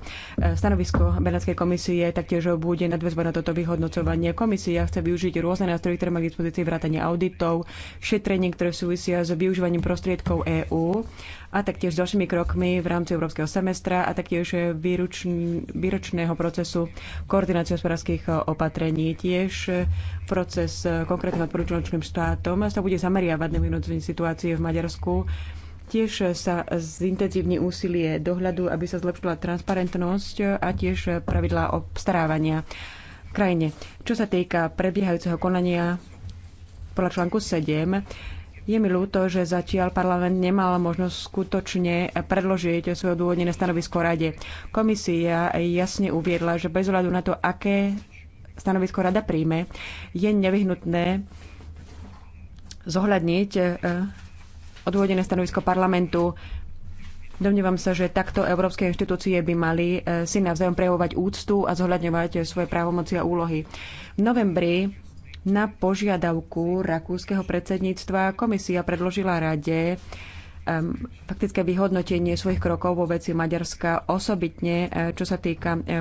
stanovisko Benátskej komisie taktiež bude nadväzba na toto vyhodnocovanie. Komisia chce využiť rôzne nástroje, ktoré má k dispozícii vrátanie auditov, šetrenie, ktoré súvisia s využívaním prostriedkov EÚ a taktiež ďalšími krokmi v rámci európskeho semestra a taktiež výročného procesu koordinácie hospodárskych eh, opatrení. Tiež eh, proces eh, konkrétneho odporúčaným štátom sa bude zameriavať na vynúcení situácie v Maďarsku. Tiež sa zintenzívni úsilie dohľadu, aby sa zlepšila transparentnosť a tiež pravidlá obstarávania krajine. Čo sa týka prebiehajúceho konania podľa článku 7, je mi ľúto, že zatiaľ parlament nemal možnosť skutočne predložiť svoje odôvodnené stanovisko rade. Komisia jasne uviedla, že bez ohľadu na to, aké stanovisko rada príjme, je nevyhnutné zohľadniť eh, odôvodnené stanovisko parlamentu. Domnievam sa, že takto európske inštitúcie by mali eh, si navzájom prejavovať úctu a zohľadňovať eh, svoje právomoci a úlohy. V novembri na požiadavku rakúskeho predsedníctva komisia predložila rade um, faktické vyhodnotenie svojich krokov vo veci Maďarska, osobitne eh, čo sa týka eh,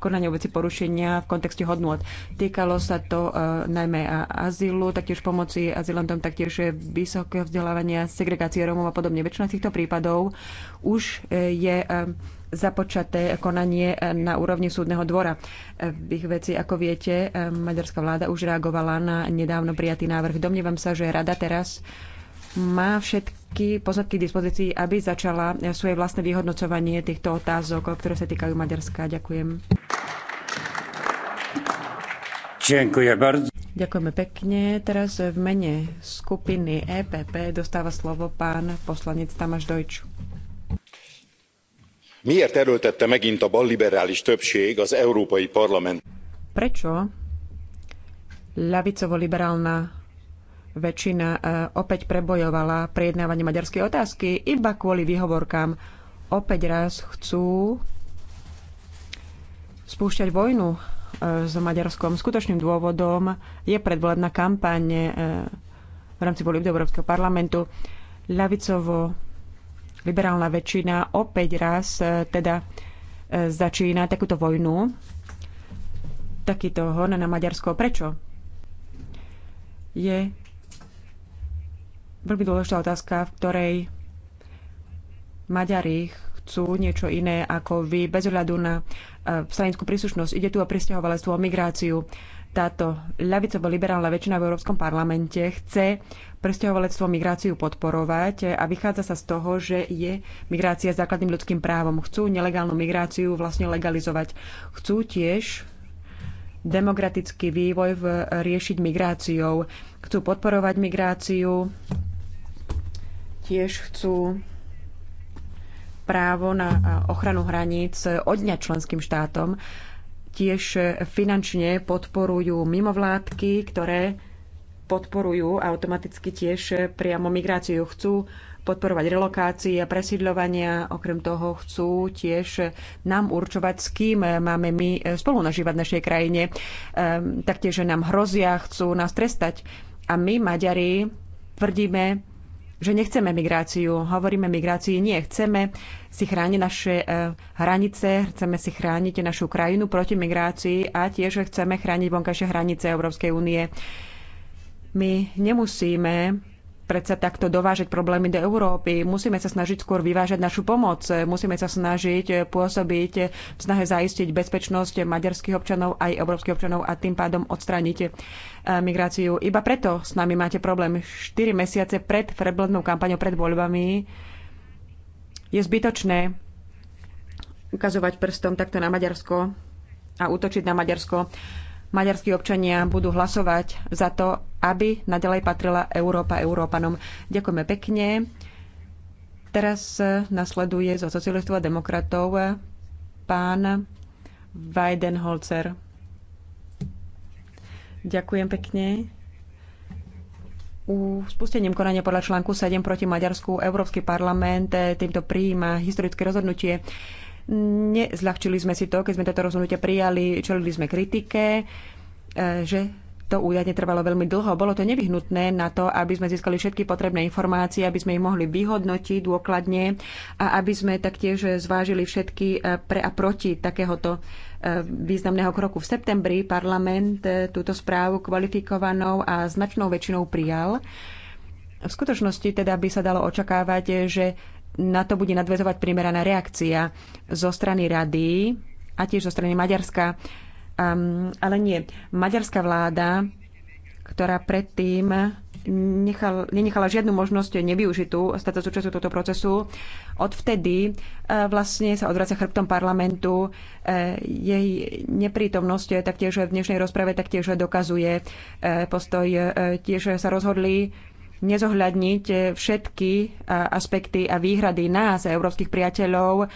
konania veci porušenia v kontexte hodnot. Týkalo sa to uh, najmä azylu, taktiež pomoci azylantom, taktiež vysokého vzdelávania, segregácie Rómov a podobne. Väčšina týchto prípadov už uh, je uh, započaté konanie na úrovni súdneho dvora. V ich veci, ako viete, maďarská vláda už reagovala na nedávno prijatý návrh. Domnievam sa, že rada teraz má všetky poznatky, poznatky k dispozícii, aby začala svoje vlastné vyhodnocovanie týchto otázok, ktoré sa týkajú Maďarska. Ďakujem. Ďakujem bardzo. Ďakujeme pekne. Teraz v mene skupiny EPP dostáva slovo pán poslanec Tamáš Dojč. Miért erőltette megint a balliberális többség az Európai Parlament? Prečo lavicovo liberálna väčšina e, opäť prebojovala prejednávanie maďarskej otázky iba kvôli výhovorkám. Opäť raz chcú spúšťať vojnu e, s Maďarskom. Skutočným dôvodom je predvolebná kampaň e, v rámci volieb do Európskeho parlamentu. Ľavicovo liberálna väčšina opäť raz teda začína takúto vojnu, takýto hon na Maďarsko. Prečo? Je veľmi dôležitá otázka, v ktorej Maďari chcú niečo iné ako vy, bez ohľadu na e, stranickú príslušnosť. Ide tu o pristahovalectvo, o migráciu. Táto ľavicovo-liberálna väčšina v Európskom parlamente chce pristahovalectvo, migráciu podporovať a vychádza sa z toho, že je migrácia základným ľudským právom. Chcú nelegálnu migráciu vlastne legalizovať. Chcú tiež demokratický vývoj v riešiť migráciou. Chcú podporovať migráciu, Tiež chcú právo na ochranu hraníc odňať členským štátom. Tiež finančne podporujú mimovládky, ktoré podporujú automaticky tiež priamo migráciu. Chcú podporovať relokácie a presídľovania. Okrem toho chcú tiež nám určovať, s kým máme my spolu nažívať v našej krajine. Ehm, taktiež nám hrozia, chcú nás trestať. A my, Maďari, tvrdíme, že nechceme migráciu, hovoríme migrácii, nie, chceme si chrániť naše e, hranice, chceme si chrániť našu krajinu proti migrácii a tiež chceme chrániť vonkajšie hranice Európskej únie. My nemusíme predsa takto dovážať problémy do Európy. Musíme sa snažiť skôr vyvážať našu pomoc. Musíme sa snažiť pôsobiť v snahe zaistiť bezpečnosť maďarských občanov aj európskych občanov a tým pádom odstrániť Eh, migráciu. Iba preto s nami máte problém. 4 mesiace pred preblednou kampaňou, pred voľbami je zbytočné ukazovať prstom takto na Maďarsko a útočiť na Maďarsko. Maďarskí občania budú hlasovať za to, aby nadalej patrila Európa Európanom. Ďakujeme pekne. Teraz nasleduje zo socialistov a demokratov pán Weidenholzer. Ďakujem pekne. U spustením konania podľa článku 7 proti Maďarsku Európsky parlament eh, týmto prijíma historické rozhodnutie. Nezľahčili sme si to, keď sme toto rozhodnutie prijali, čelili sme kritike, eh, že to údajne trvalo veľmi dlho. Bolo to nevyhnutné na to, aby sme získali všetky potrebné informácie, aby sme ich mohli vyhodnotiť dôkladne a aby sme taktiež zvážili všetky eh, pre a proti takéhoto významného kroku. V septembri parlament eh, túto správu kvalifikovanou a značnou väčšinou prijal. V skutočnosti teda by sa dalo očakávať, že na to bude nadvezovať primeraná reakcia zo strany rady a tiež zo strany Maďarska. Um, ale nie. Maďarská vláda, ktorá predtým nechal, nenechala žiadnu možnosť nevyužitú stať sa súčasťou tohto procesu. Odvtedy e, vlastne sa odvracia chrbtom parlamentu. E, jej neprítomnosť taktiež v dnešnej rozprave taktiež dokazuje e, postoj. Tiež sa rozhodli nezohľadniť všetky aspekty a výhrady nás, európskych priateľov,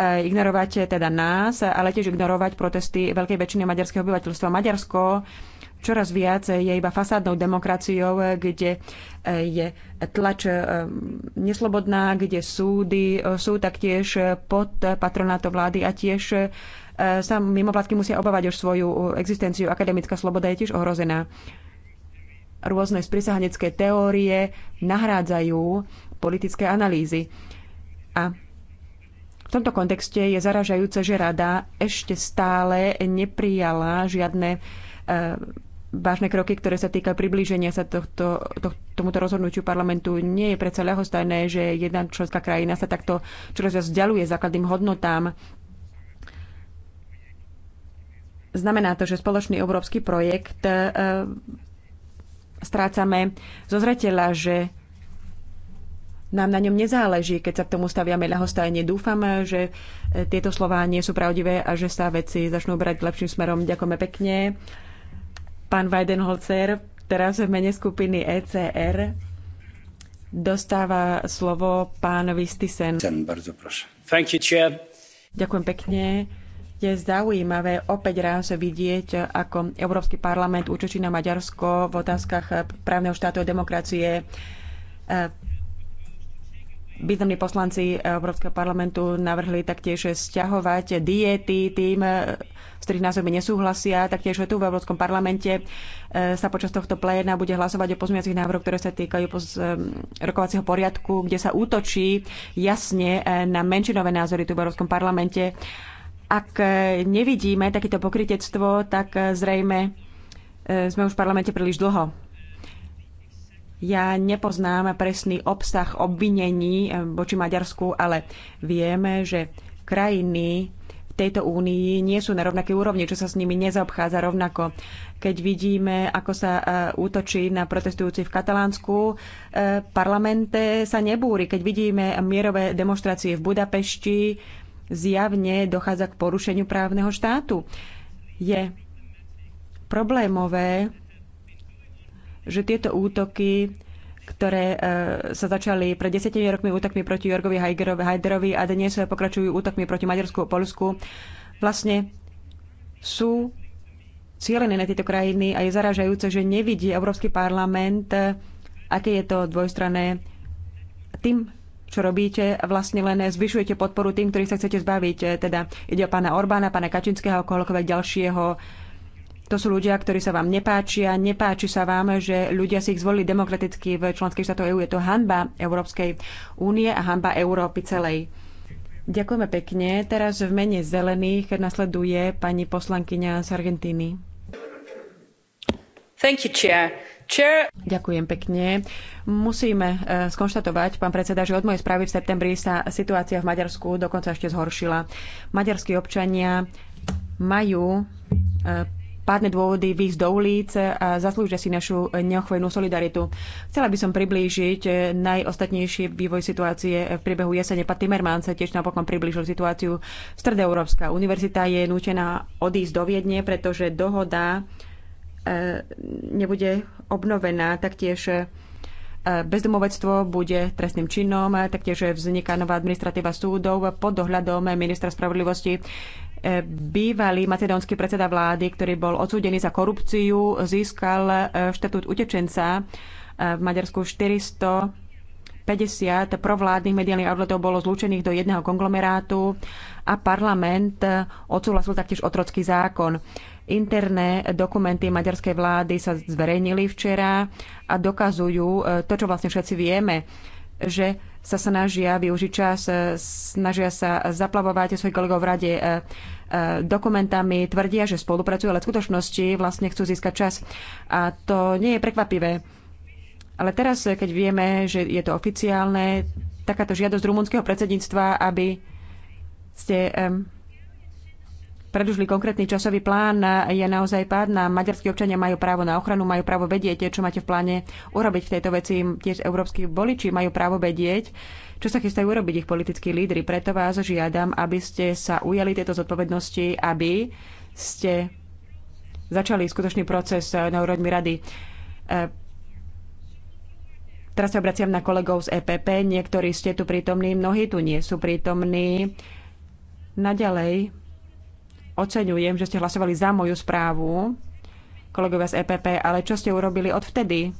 ignorovať teda nás, ale tiež ignorovať protesty veľkej väčšiny maďarského obyvateľstva. Maďarsko čoraz viac je iba fasádnou demokraciou, kde eh, je tlač eh, neslobodná, kde súdy eh, sú taktiež pod patronáto vlády a tiež sa mimovládky musia obávať už svoju existenciu. Akademická sloboda je tiež ohrozená. Rôzne sprisahanecké teórie nahrádzajú politické analýzy. A v tomto kontexte je zaražajúce, že rada ešte stále neprijala žiadne vážne kroky, ktoré sa týka priblíženia sa tohto, to, tomuto rozhodnutiu parlamentu. Nie je predsa ľahostajné, že jedna členská krajina sa takto čoraz viac vzdialuje základným hodnotám. Znamená to, že spoločný európsky projekt e, strácame zo zreteľa, že nám na ňom nezáleží, keď sa k tomu staviame ľahostajne. Dúfam, že e, tieto slová nie sú pravdivé a že sa veci začnú brať lepším smerom. Ďakujeme pekne. Pán Weidenholzer teraz v mene skupiny ECR dostáva slovo pán Stisen. Ďakujem pekne. Je zaujímavé opäť raz vidieť, ako Európsky parlament účečí na Maďarsko v otázkach právneho štátu a demokracie Významní poslanci Európskeho parlamentu navrhli taktiež stiahovať diety tým, z ktorých názvami nesúhlasia. Taktiež aj tu v Európskom parlamente e, sa počas tohto pléna bude hlasovať o pozmiacich návrhoch, ktoré sa týkajú e, rokovacieho poriadku, kde sa útočí jasne e, na menšinové názory tu v Európskom parlamente. Ak nevidíme takéto pokritectvo, tak zrejme sme už v parlamente príliš dlho. Ja nepoznám presný obsah obvinení eh, voči Maďarsku, ale vieme, že krajiny v tejto únii nie sú na rovnakej úrovni, čo sa s nimi nezaobchádza rovnako. Keď vidíme, ako sa eh, útočí na protestujúci v Katalánsku, eh, parlamente sa nebúri. Keď vidíme mierové demonstrácie v Budapešti, zjavne dochádza k porušeniu právneho štátu. Je problémové že tieto útoky ktoré e, sa začali pred desetimi rokmi útokmi proti Jorgovi Hajderovi a dnes pokračujú útokmi proti Maďarsku a Polsku, vlastne sú cielené na tieto krajiny a je zaražajúce, že nevidí Európsky parlament, aké je to dvojstranné. Tým, čo robíte, vlastne len zvyšujete podporu tým, ktorých sa chcete zbaviť. E, teda ide o pána Orbána, pána Kačinského, kohokoľvek ďalšieho to sú ľudia, ktorí sa vám nepáčia. Nepáči sa vám, že ľudia si ich zvolili demokraticky v členských štátoch EÚ. Je to hanba Európskej únie a hanba Európy celej. Ďakujeme pekne. Teraz v mene zelených nasleduje pani poslankyňa z Argentíny. Thank you, Chair. Chair... Ďakujem pekne. Musíme e, skonštatovať, pán predseda, že od mojej správy v septembri sa situácia v Maďarsku dokonca ešte zhoršila. Maďarskí občania majú e, pádne dôvody výjsť do ulic a zaslúžia si našu neochvejnú solidaritu. Chcela by som priblížiť najostatnejší vývoj situácie v priebehu jesene. Pat Timmermans sa tiež napokon priblížil situáciu. Stredoeurópska univerzita je nútená odísť do Viedne, pretože dohoda e, nebude obnovená. Taktiež e, bezdomovectvo bude trestným činom, taktiež vzniká nová administratíva súdov pod dohľadom ministra spravodlivosti. Bývalý macedónsky predseda vlády, ktorý bol odsúdený za korupciu, získal e, štatút utečenca. E, v Maďarsku 50 provládnych mediálnych outletov bolo zlúčených do jedného konglomerátu a parlament e, odsúhlasil taktiež otrocký zákon. Interné dokumenty maďarskej vlády sa zverejnili včera a dokazujú to, čo vlastne všetci vieme že sa snažia využiť čas, e, snažia sa zaplavovať svojich kolegov v rade e, e, dokumentami, tvrdia, že spolupracujú, ale v skutočnosti vlastne chcú získať čas. A to nie je prekvapivé. Ale teraz, keď vieme, že je to oficiálne, takáto žiadosť rumunského predsedníctva, aby ste um, predlžili konkrétny časový plán, je naozaj pádna. Maďarskí občania majú právo na ochranu, majú právo vedieť, čo máte v pláne urobiť v tejto veci. Tiež európsky voliči majú právo vedieť, čo sa chystajú urobiť ich politickí lídry. Preto vás žiadam, aby ste sa ujali tejto zodpovednosti, aby ste začali skutočný proces na úrodmi rady. Teraz sa obraciam na kolegov z EPP. Niektorí ste tu prítomní, mnohí tu nie sú prítomní. Naďalej Oceňujem, že ste hlasovali za moju správu, kolegovia z EPP, ale čo ste urobili od vtedy?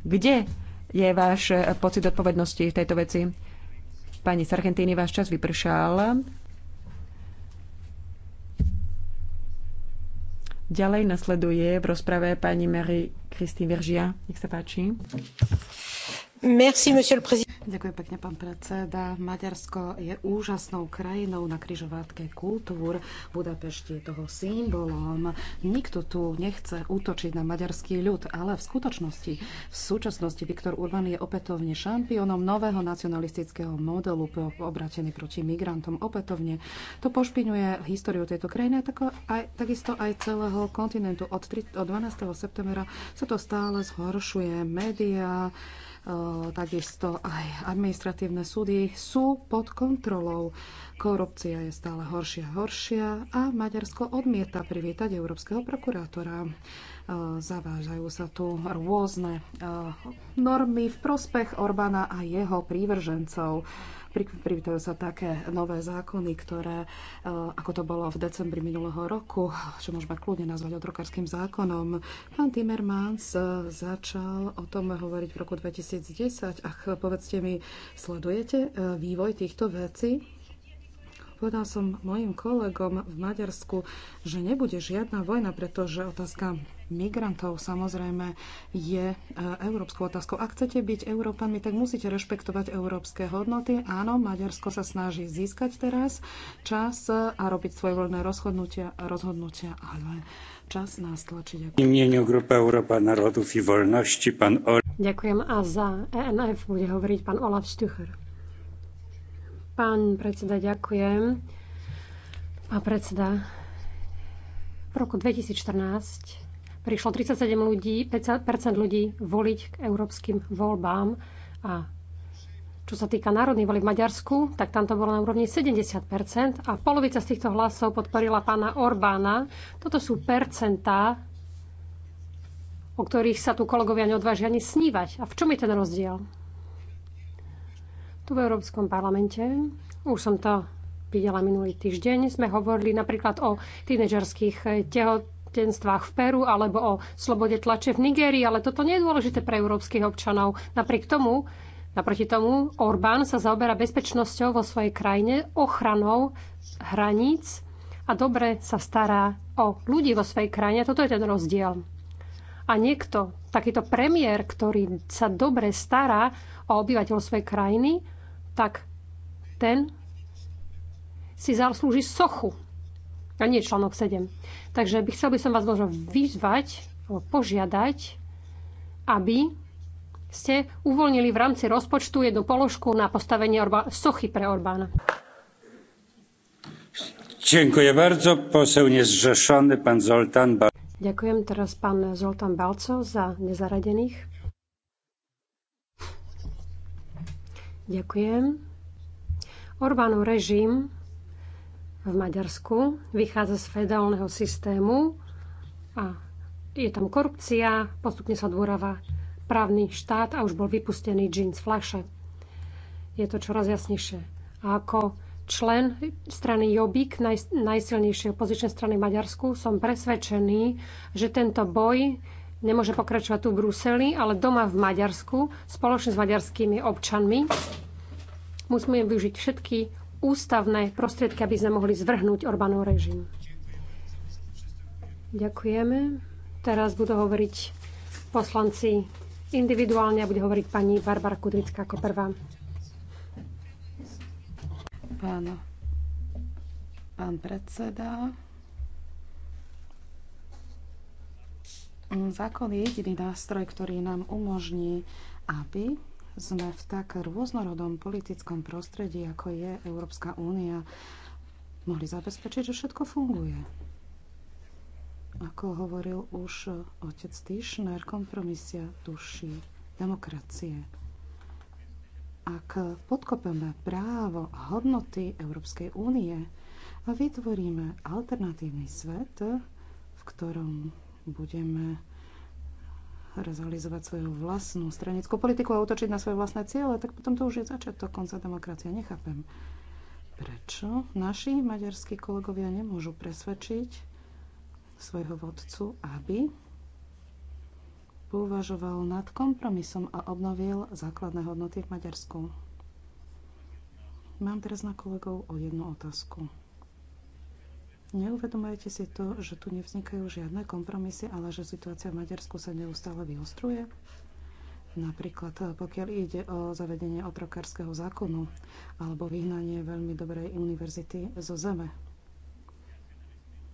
Kde je váš eh, pocit odpovednosti v tejto veci? Pani Sargentini, váš čas vypršal. Ďalej nasleduje v rozprave pani Mary Christine Veržia. Nech sa páči. Merci, Ďakujem pekne, pán predseda. Maďarsko je úžasnou krajinou na križovatke kultúr. Budapešť je toho symbolom. Nikto tu nechce útočiť na maďarský ľud, ale v skutočnosti, v súčasnosti Viktor Urban je opätovne šampiónom nového nacionalistického modelu obratený proti migrantom. Opätovne to pošpinuje históriu tejto krajiny tako, aj, takisto aj celého kontinentu. Od, 3, od 12. septembra sa to stále zhoršuje. Média, Eh, takisto aj administratívne súdy sú pod kontrolou. Korupcia je stále horšia a horšia a Maďarsko odmieta privítať európskeho prokurátora. Eh, zavážajú sa tu rôzne eh, normy v prospech Orbána a jeho prívržencov. Pripravujú sa také nové zákony, ktoré, eh, ako to bolo v decembri minulého roku, čo môžeme kľudne nazvať odrokárským zákonom, pán Timmermans eh, začal o tom hovoriť v roku 2010. Ach, povedzte mi, sledujete eh, vývoj týchto vecí? Povedal som mojim kolegom v Maďarsku, že nebude žiadna vojna, pretože otázka migrantov samozrejme je e, európskou otázkou. Ak chcete byť Európanmi, tak musíte rešpektovať európske hodnoty. Áno, Maďarsko sa snaží získať teraz čas e, a robiť svoje voľné rozhodnutia, rozhodnutia ale čas nás tlačí. Ďakujem. Grupa Európa národov i voľnosti, pán Ol... Ďakujem a za ENF bude hovoriť pán Olaf Štucher. Pán predseda, ďakujem. Pán predseda, v roku 2014 prišlo 37 ľudí, 50% ľudí voliť k európskym voľbám a čo sa týka národných volí v Maďarsku, tak tam to bolo na úrovni 70% a polovica z týchto hlasov podporila pána Orbána. Toto sú percentá, o ktorých sa tu kolegovia neodvážia ani snívať. A v čom je ten rozdiel? Tu v Európskom parlamente, už som to videla minulý týždeň, sme hovorili napríklad o tínedžerských tehot, vlastenenstvách v Peru alebo o slobode tlače v Nigérii, ale toto nie je dôležité pre európskych občanov. Napriek tomu, naproti tomu, Orbán sa zaoberá bezpečnosťou vo svojej krajine, ochranou hraníc a dobre sa stará o ľudí vo svojej krajine. Toto je ten rozdiel. A niekto, takýto premiér, ktorý sa dobre stará o obyvateľov svojej krajiny, tak ten si zaslúži sochu a nie článok 7. Takže by chcel by som vás možno vyzvať, požiadať, aby ste uvoľnili v rámci rozpočtu jednu položku na postavenie Orba- sochy pre Orbána. Ďakujem bardzo. Poseł niezrzeszony, pan Zoltán ba- Ďakujem teraz pán Zoltán Balco za nezaradených. Ďakujem. Orbánov režim v Maďarsku. Vychádza z federálneho systému a je tam korupcia, postupne sa dôrava právny štát a už bol vypustený džín z flaše. Je to čoraz jasnejšie. A ako člen strany Jobbik, naj, najsilnejšej opozičnej strany Maďarsku, som presvedčený, že tento boj nemôže pokračovať tu v Bruseli, ale doma v Maďarsku, spoločne s maďarskými občanmi. Musíme využiť všetky ústavné prostriedky, aby sme mohli zvrhnúť Orbánov režim. Ďakujeme. Teraz budú hovoriť poslanci individuálne a bude hovoriť pani Barbara Kudrická ako prvá. Pán, pán predseda, zákon je jediný nástroj, ktorý nám umožní, aby sme v tak rôznorodom politickom prostredí, ako je Európska únia, mohli zabezpečiť, že všetko funguje. Ako hovoril už otec Týšner, kompromisia duší demokracie. Ak podkopeme právo a hodnoty Európskej únie a vytvoríme alternatívny svet, v ktorom budeme realizovať svoju vlastnú stranickú politiku a útočiť na svoje vlastné ciele, tak potom to už je začiatok konca demokracie. Nechápem, prečo naši maďarskí kolegovia nemôžu presvedčiť svojho vodcu, aby uvažoval nad kompromisom a obnovil základné hodnoty v Maďarsku. Mám teraz na kolegov o jednu otázku. Neuvedomujete si to, že tu nevznikajú žiadne kompromisy, ale že situácia v Maďarsku sa neustále vyostruje? Napríklad eh, pokiaľ ide o zavedenie otrokárskeho zákonu alebo vyhnanie veľmi dobrej univerzity zo zeme.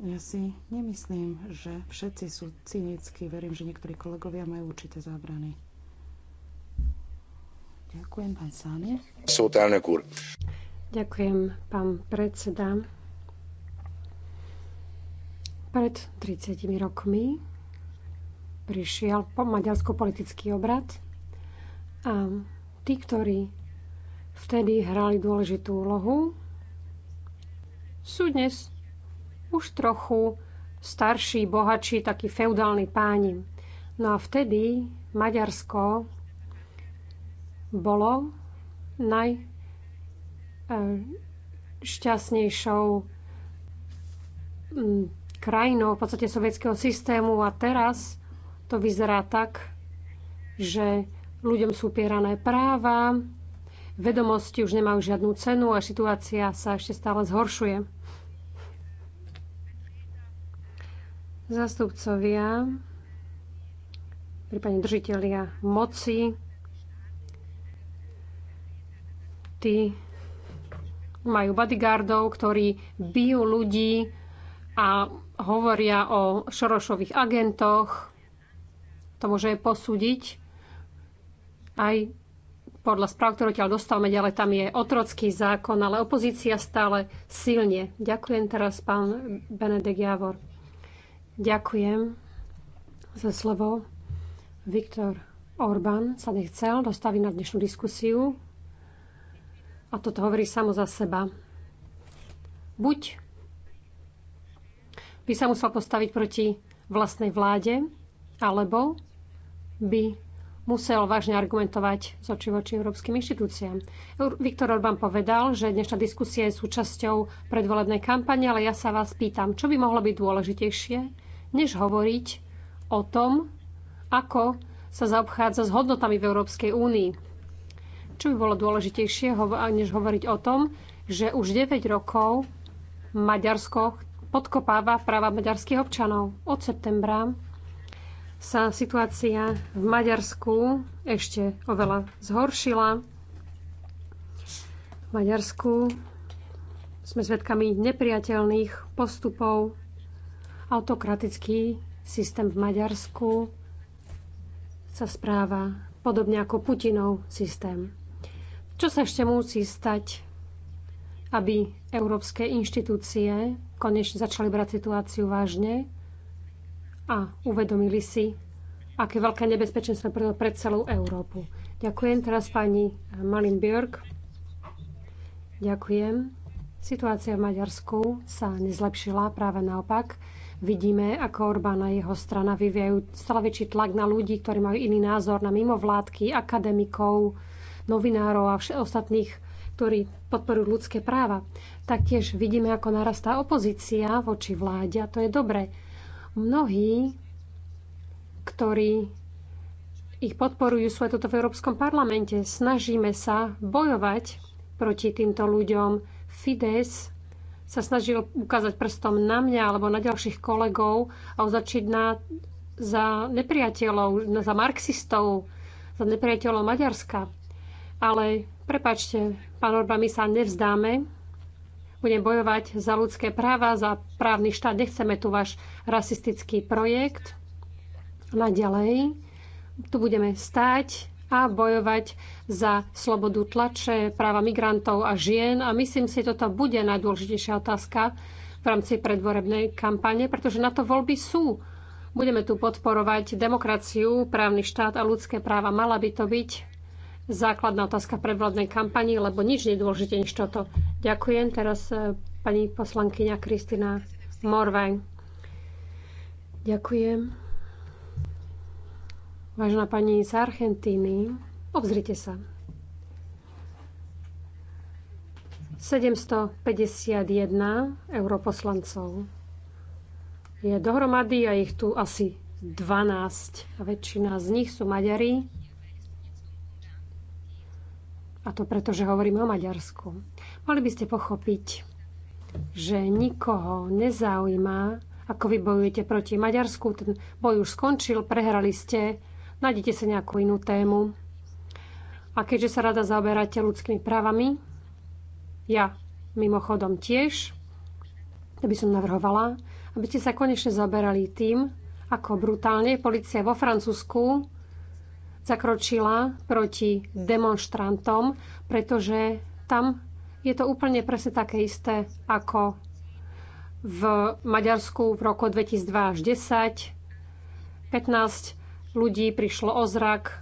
Ja si nemyslím, že všetci sú cynickí. Verím, že niektorí kolegovia majú určité zábrany. Ďakujem, pán Sáne. Ďakujem, pán predseda. Pred 30 rokmi prišiel po Maďarsko politický obrad a tí, ktorí vtedy hrali dôležitú úlohu, sú dnes už trochu starší, bohatší, takí feudálni páni. No a vtedy Maďarsko bolo najšťastnejšou eh, mm, krajinou v podstate sovietského systému a teraz to vyzerá tak, že ľuďom sú pierané práva, vedomosti už nemajú žiadnu cenu a situácia sa ešte stále zhoršuje. Zastupcovia, prípadne držiteľia moci, tí majú bodyguardov, ktorí bijú ľudí a hovoria o Šorošových agentoch. To môže posúdiť aj podľa správ, ktorú ťa dostávame ďalej, tam je otrocký zákon, ale opozícia stále silne. Ďakujem teraz, pán Benedek Javor. Ďakujem za slovo. Viktor Orbán sa nechcel dostaviť na dnešnú diskusiu. A toto hovorí samo za seba. Buď by sa musel postaviť proti vlastnej vláde, alebo by musel vážne argumentovať z oči voči európskym inštitúciám. Viktor Orbán povedal, že dnešná diskusia je súčasťou predvolebnej kampane, ale ja sa vás pýtam, čo by mohlo byť dôležitejšie, než hovoriť o tom, ako sa zaobchádza s hodnotami v Európskej únii. Čo by bolo dôležitejšie, než hovoriť o tom, že už 9 rokov Maďarsko podkopáva práva maďarských občanov. Od septembra sa situácia v Maďarsku ešte oveľa zhoršila. V Maďarsku sme svedkami nepriateľných postupov. Autokratický systém v Maďarsku sa správa podobne ako Putinov systém. Čo sa ešte musí stať, aby európske inštitúcie konečne začali brať situáciu vážne a uvedomili si, aké veľké nebezpečenstvo pre, pre celú Európu. Ďakujem teraz pani Malin Björk. Ďakujem. Situácia v Maďarsku sa nezlepšila, práve naopak. Vidíme, ako Orbán a jeho strana vyvíjajú stále väčší tlak na ľudí, ktorí majú iný názor, na mimovládky, akademikov, novinárov a ostatných ktorí podporujú ľudské práva. Taktiež vidíme, ako narastá opozícia voči vláde a to je dobré. Mnohí, ktorí ich podporujú, sú aj toto v Európskom parlamente. Snažíme sa bojovať proti týmto ľuďom. Fides sa snažil ukázať prstom na mňa alebo na ďalších kolegov a označiť na, za nepriateľov, za marxistov, za nepriateľov Maďarska. Ale Prepačte, pán Orba, my sa nevzdáme. Budem bojovať za ľudské práva, za právny štát. Nechceme tu váš rasistický projekt. Naďalej. Tu budeme stáť a bojovať za slobodu tlače, práva migrantov a žien. A myslím si, toto bude najdôležitejšia otázka v rámci predvorebnej kampane, pretože na to voľby sú. Budeme tu podporovať demokraciu, právny štát a ľudské práva. Mala by to byť základná otázka vládnej kampani, lebo nič nie je dôležité než toto. Ďakujem. Teraz e, pani poslankyňa Kristina Morvaj. Ďakujem. Vážená pani z Argentíny, obzrite sa. 751 europoslancov je dohromady a ich tu asi 12. väčšina z nich sú Maďari, a to preto, že hovorím o Maďarsku. Mali by ste pochopiť, že nikoho nezaujíma, ako vy bojujete proti Maďarsku. Ten boj už skončil, prehrali ste, nájdete sa nejakú inú tému. A keďže sa rada zaoberáte ľudskými právami, ja mimochodom tiež, to by som navrhovala, aby ste sa konečne zaoberali tým, ako brutálne policia vo Francúzsku zakročila proti demonstrantom, pretože tam je to úplne presne také isté ako v Maďarsku v roku 2002 až 10. 15 ľudí prišlo o zrak,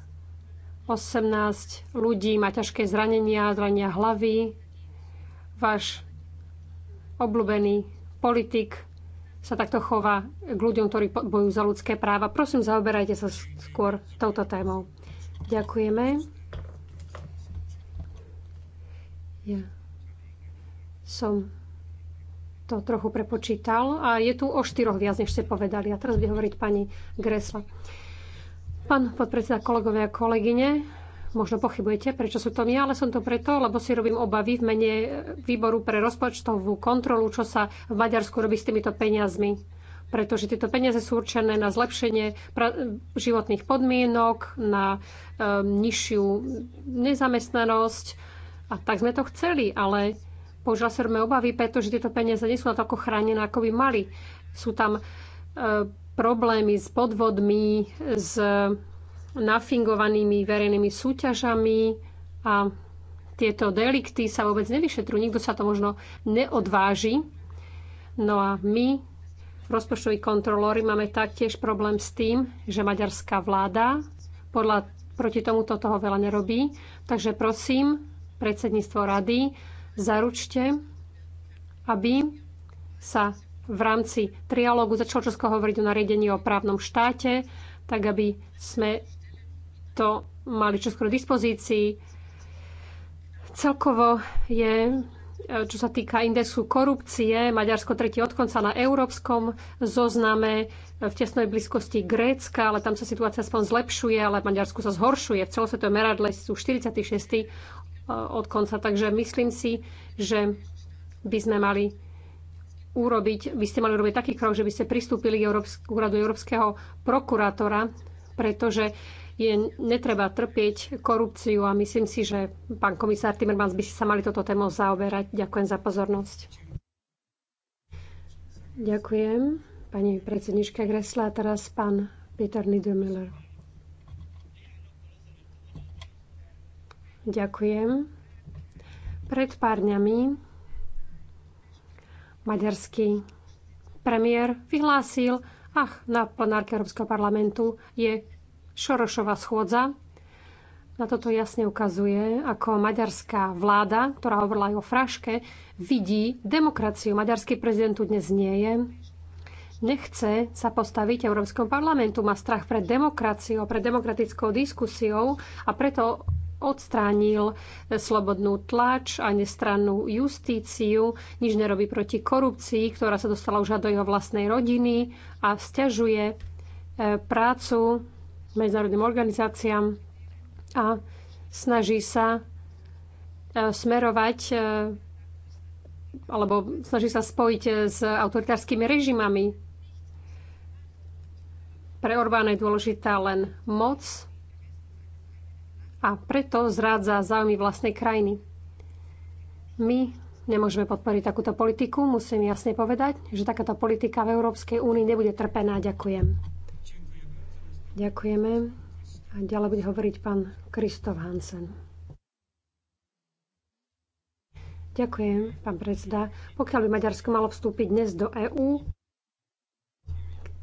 18 ľudí má ťažké zranenia, zrania hlavy. Váš obľúbený politik sa takto chová k ľuďom, ktorí bojujú za ľudské práva. Prosím, zaoberajte sa skôr touto témou. Ďakujeme. Ja som to trochu prepočítal a je tu o štyroch viac, než ste povedali. A teraz bude hovoriť pani Gresla. Pán podpredseda, kolegovia a kolegyne, možno pochybujete, prečo sú to ja, ale som to preto, lebo si robím obavy v mene výboru pre rozpočtovú kontrolu, čo sa v Maďarsku robí s týmito peniazmi. Pretože tieto peniaze sú určené na zlepšenie životných podmienok, na um, nižšiu nezamestnanosť. A tak sme to chceli, ale požiaľ sa robíme obavy, pretože tieto peniaze nie sú na to ako chránené, ako by mali. Sú tam uh, problémy s podvodmi, s nafingovanými verejnými súťažami a tieto delikty sa vôbec nevyšetrujú. Nikto sa to možno neodváži. No a my, rozpočtoví kontrolóri, máme taktiež problém s tým, že maďarská vláda podľa, proti tomuto toho veľa nerobí. Takže prosím, predsedníctvo rady, zaručte, aby sa v rámci trialógu začalo Česko hovoriť o nariadení o právnom štáte, tak aby sme to mali čoskoro dispozícii. Celkovo je, čo sa týka indexu korupcie, Maďarsko tretí od konca na európskom zozname v tesnej blízkosti Grécka, ale tam sa situácia aspoň zlepšuje, ale v Maďarsku sa zhoršuje. V celosvetovom meradle sú 46. Eh, od konca, takže myslím si, že by sme mali urobiť, by ste mali urobiť taký krok, že by ste pristúpili k úradu Európskeho prokurátora, pretože je, netreba trpieť korupciu a myslím si, že pán komisár Timmermans by si sa mali toto tému zaoberať. Ďakujem za pozornosť. Ďakujem pani predsednička Gresla a teraz pán Peter Niedermüller. Ďakujem. Pred pár dňami maďarský premiér vyhlásil, ach, na plenárke Európskeho parlamentu je Šorošová schôdza na toto jasne ukazuje, ako maďarská vláda, ktorá hovorila aj o fraške, vidí demokraciu. Maďarský prezident tu dnes nie je. Nechce sa postaviť Európskom parlamentu, má strach pred demokraciou, pred demokratickou diskusiou a preto odstránil slobodnú tlač a nestrannú justíciu, nič nerobí proti korupcii, ktorá sa dostala už do jeho vlastnej rodiny a stiažuje eh, prácu medzinárodným organizáciám a snaží sa e, smerovať e, alebo snaží sa spojiť e, s autoritárskymi režimami. Pre Orbána je dôležitá len moc a preto zrádza záujmy vlastnej krajiny. My nemôžeme podporiť takúto politiku. Musím jasne povedať, že takáto politika v Európskej únii nebude trpená. Ďakujem. Ďakujeme. A ďalej bude hovoriť pán Kristof Hansen. Ďakujem, pán predseda. Pokiaľ by Maďarsko malo vstúpiť dnes do EÚ,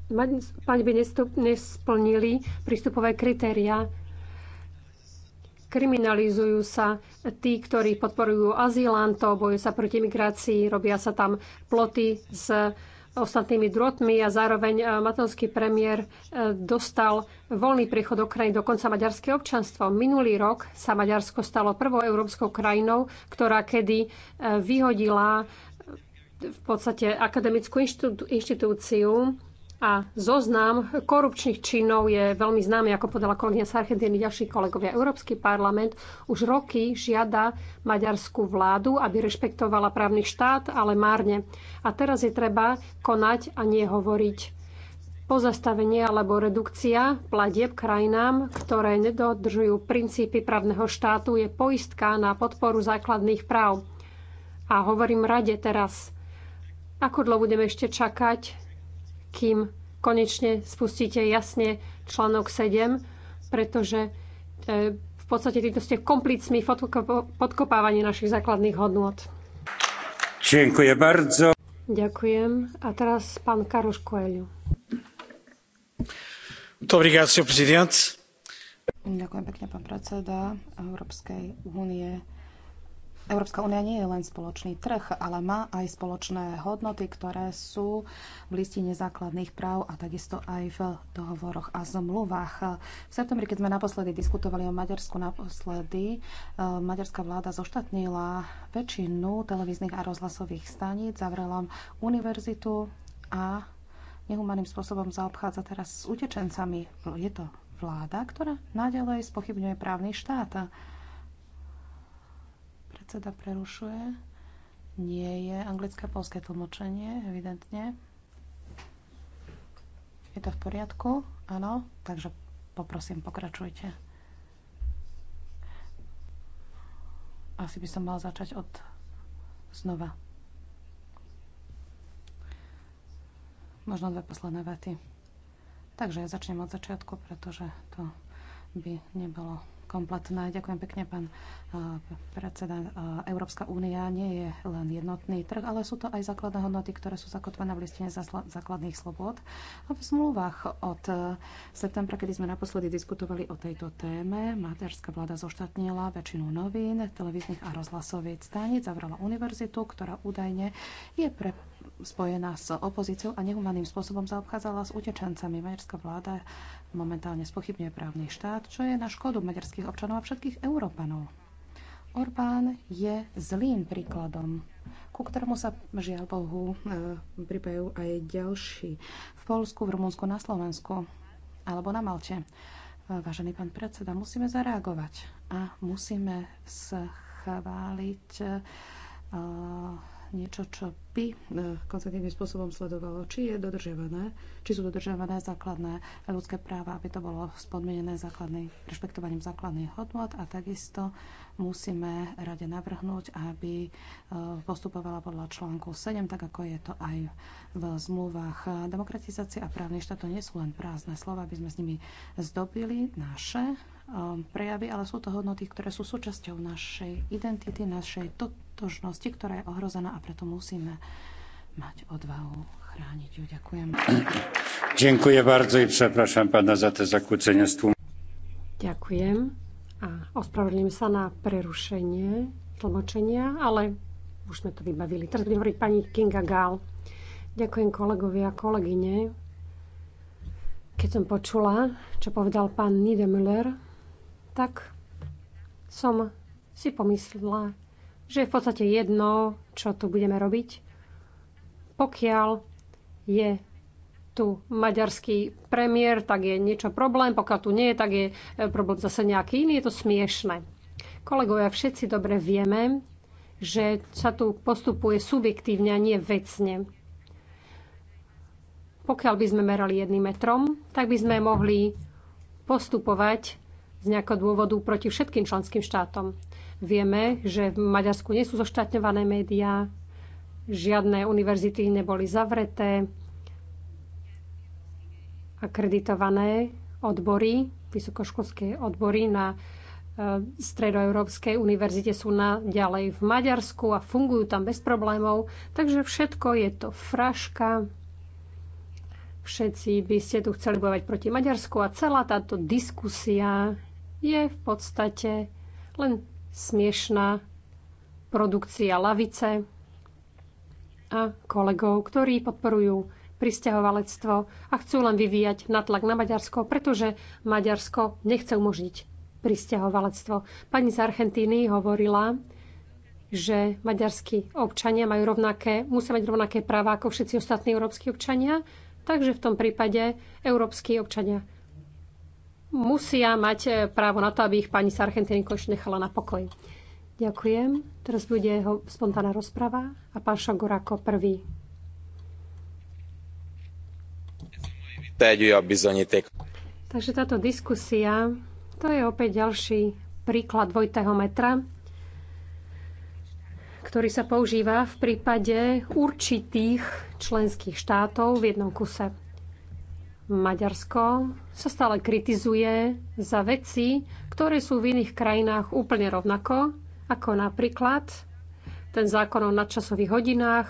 Pani by nesplnili prístupové kritéria. Kriminalizujú sa tí, ktorí podporujú azylantov, bojujú sa proti migrácii, robia sa tam ploty s ostatnými drôtmi a zároveň eh, matonský premiér eh, dostal voľný príchod do krajiny, dokonca maďarské občanstvo. Minulý rok sa Maďarsko stalo prvou európskou krajinou, ktorá kedy eh, vyhodila v podstate akademickú inštitúciu a zoznam korupčných činov je veľmi známy, ako podala kolegyňa a ďalší kolegovia. Európsky parlament už roky žiada maďarskú vládu, aby rešpektovala právny štát, ale márne. A teraz je treba konať a nie hovoriť. Pozastavenie alebo redukcia platieb krajinám, ktoré nedodržujú princípy právneho štátu, je poistka na podporu základných práv. A hovorím rade teraz, ako dlho budeme ešte čakať kým konečne spustíte jasne článok 7, pretože e, v podstate týmto ste komplicmi podkopávanie našich základných hodnôt. Ďakujem bardzo. Ďakujem. A teraz pán Karoš Koeliu. Dobrý deň, prezident. Ďakujem pekne, pán predseda Európskej únie Európska únia nie je len spoločný trh, ale má aj spoločné hodnoty, ktoré sú v listine základných práv a takisto aj v dohovoroch a zmluvách. V septembri, keď sme naposledy diskutovali o Maďarsku, naposledy e, maďarská vláda zoštatnila väčšinu televíznych a rozhlasových staníc, zavrela univerzitu a nehumaným spôsobom zaobchádza teraz s utečencami. Je to vláda, ktorá naďalej spochybňuje právny štát. Predseda prerušuje. Nie je anglické polské tlmočenie, evidentne. Je to v poriadku? Áno, takže poprosím, pokračujte. Asi by som mal začať od znova. Možno dve posledné vety. Takže ja začnem od začiatku, pretože to by nebolo kompletné. Ďakujem pekne, pán e, predseda. E, Európska únia nie je len jednotný trh, ale sú to aj základné hodnoty, ktoré sú zakotvené v listine základných slobod a v zmluvách od e, septembra, kedy sme naposledy diskutovali o tejto téme. Materská vláda zoštatnila väčšinu novín, televíznych a rozhlasových staníc, zavrala univerzitu, ktorá údajne je pre spojená s opozíciou a nehumaným spôsobom zaobchádzala s utečencami. Maďarská vláda momentálne spochybňuje právny štát, čo je na škodu maďarských občanov a všetkých Európanov. Orbán je zlým príkladom, ku ktorému sa žiaľ Bohu e, pripajú aj ďalší v Polsku, v Rumunsku, na Slovensku alebo na Malte. E, vážený pán predseda, musíme zareagovať a musíme schváliť e, niečo, čo by eh, konzervatívnym spôsobom sledovalo, či je dodržiavané, či sú dodržiavané základné ľudské práva, aby to bolo spodmienené základný, rešpektovaním základných hodnot a takisto musíme rade navrhnúť, aby eh, postupovala podľa článku 7, tak ako je to aj v zmluvách. demokratizácie a právny štát to nie sú len prázdne slova, aby sme s nimi zdobili naše eh, prejavy, ale sú to hodnoty, ktoré sú súčasťou našej identity, našej to- totožnosti, ktorá je ohrozená a preto musíme mať odvahu chrániť ju. Ďakujem. Ďakujem bardzo i przepraszam pána za to zakúcenie stvú. Ďakujem a ospravedlím sa na prerušenie tlmočenia, ale už sme to vybavili. Teraz bude hovoriť pani Kinga Gál. Ďakujem kolegovi a kolegyne. Keď som počula, čo povedal pán Niedemüller, tak som si pomyslela, že je v podstate jedno, čo tu budeme robiť, pokiaľ je tu maďarský premiér, tak je niečo problém, pokiaľ tu nie je, tak je e, problém zase nejaký iný, je to smiešne. Kolegovia, všetci dobre vieme, že sa tu postupuje subjektívne a nie vecne. Pokiaľ by sme merali jedným metrom, tak by sme mohli postupovať z nejakého dôvodu proti všetkým členským štátom. Vieme, že v Maďarsku nie sú zoštátňované médiá, žiadne univerzity neboli zavreté, akreditované odbory, vysokoškolské odbory na e, Stredoeurópskej univerzite sú na ďalej v Maďarsku a fungujú tam bez problémov. Takže všetko je to fraška. Všetci by ste tu chceli bojovať proti Maďarsku a celá táto diskusia je v podstate len smiešná produkcia lavice a kolegov, ktorí podporujú pristahovalectvo a chcú len vyvíjať natlak na Maďarsko, pretože Maďarsko nechce umožniť pristahovalectvo. Pani z Argentíny hovorila, že maďarskí občania majú rovnaké, musia mať rovnaké práva ako všetci ostatní európsky občania, takže v tom prípade európsky občania musia mať eh, právo na to, aby ich pani z konečne nechala na pokoj. Ďakujem. Teraz bude jeho spontánna rozprava a pán Šogor ako prvý. Takže táto diskusia, to je opäť ďalší príklad dvojitého metra, ktorý sa používa v prípade určitých členských štátov v jednom kuse. Maďarsko sa stále kritizuje za veci, ktoré sú v iných krajinách úplne rovnako, ako napríklad ten zákon o nadčasových hodinách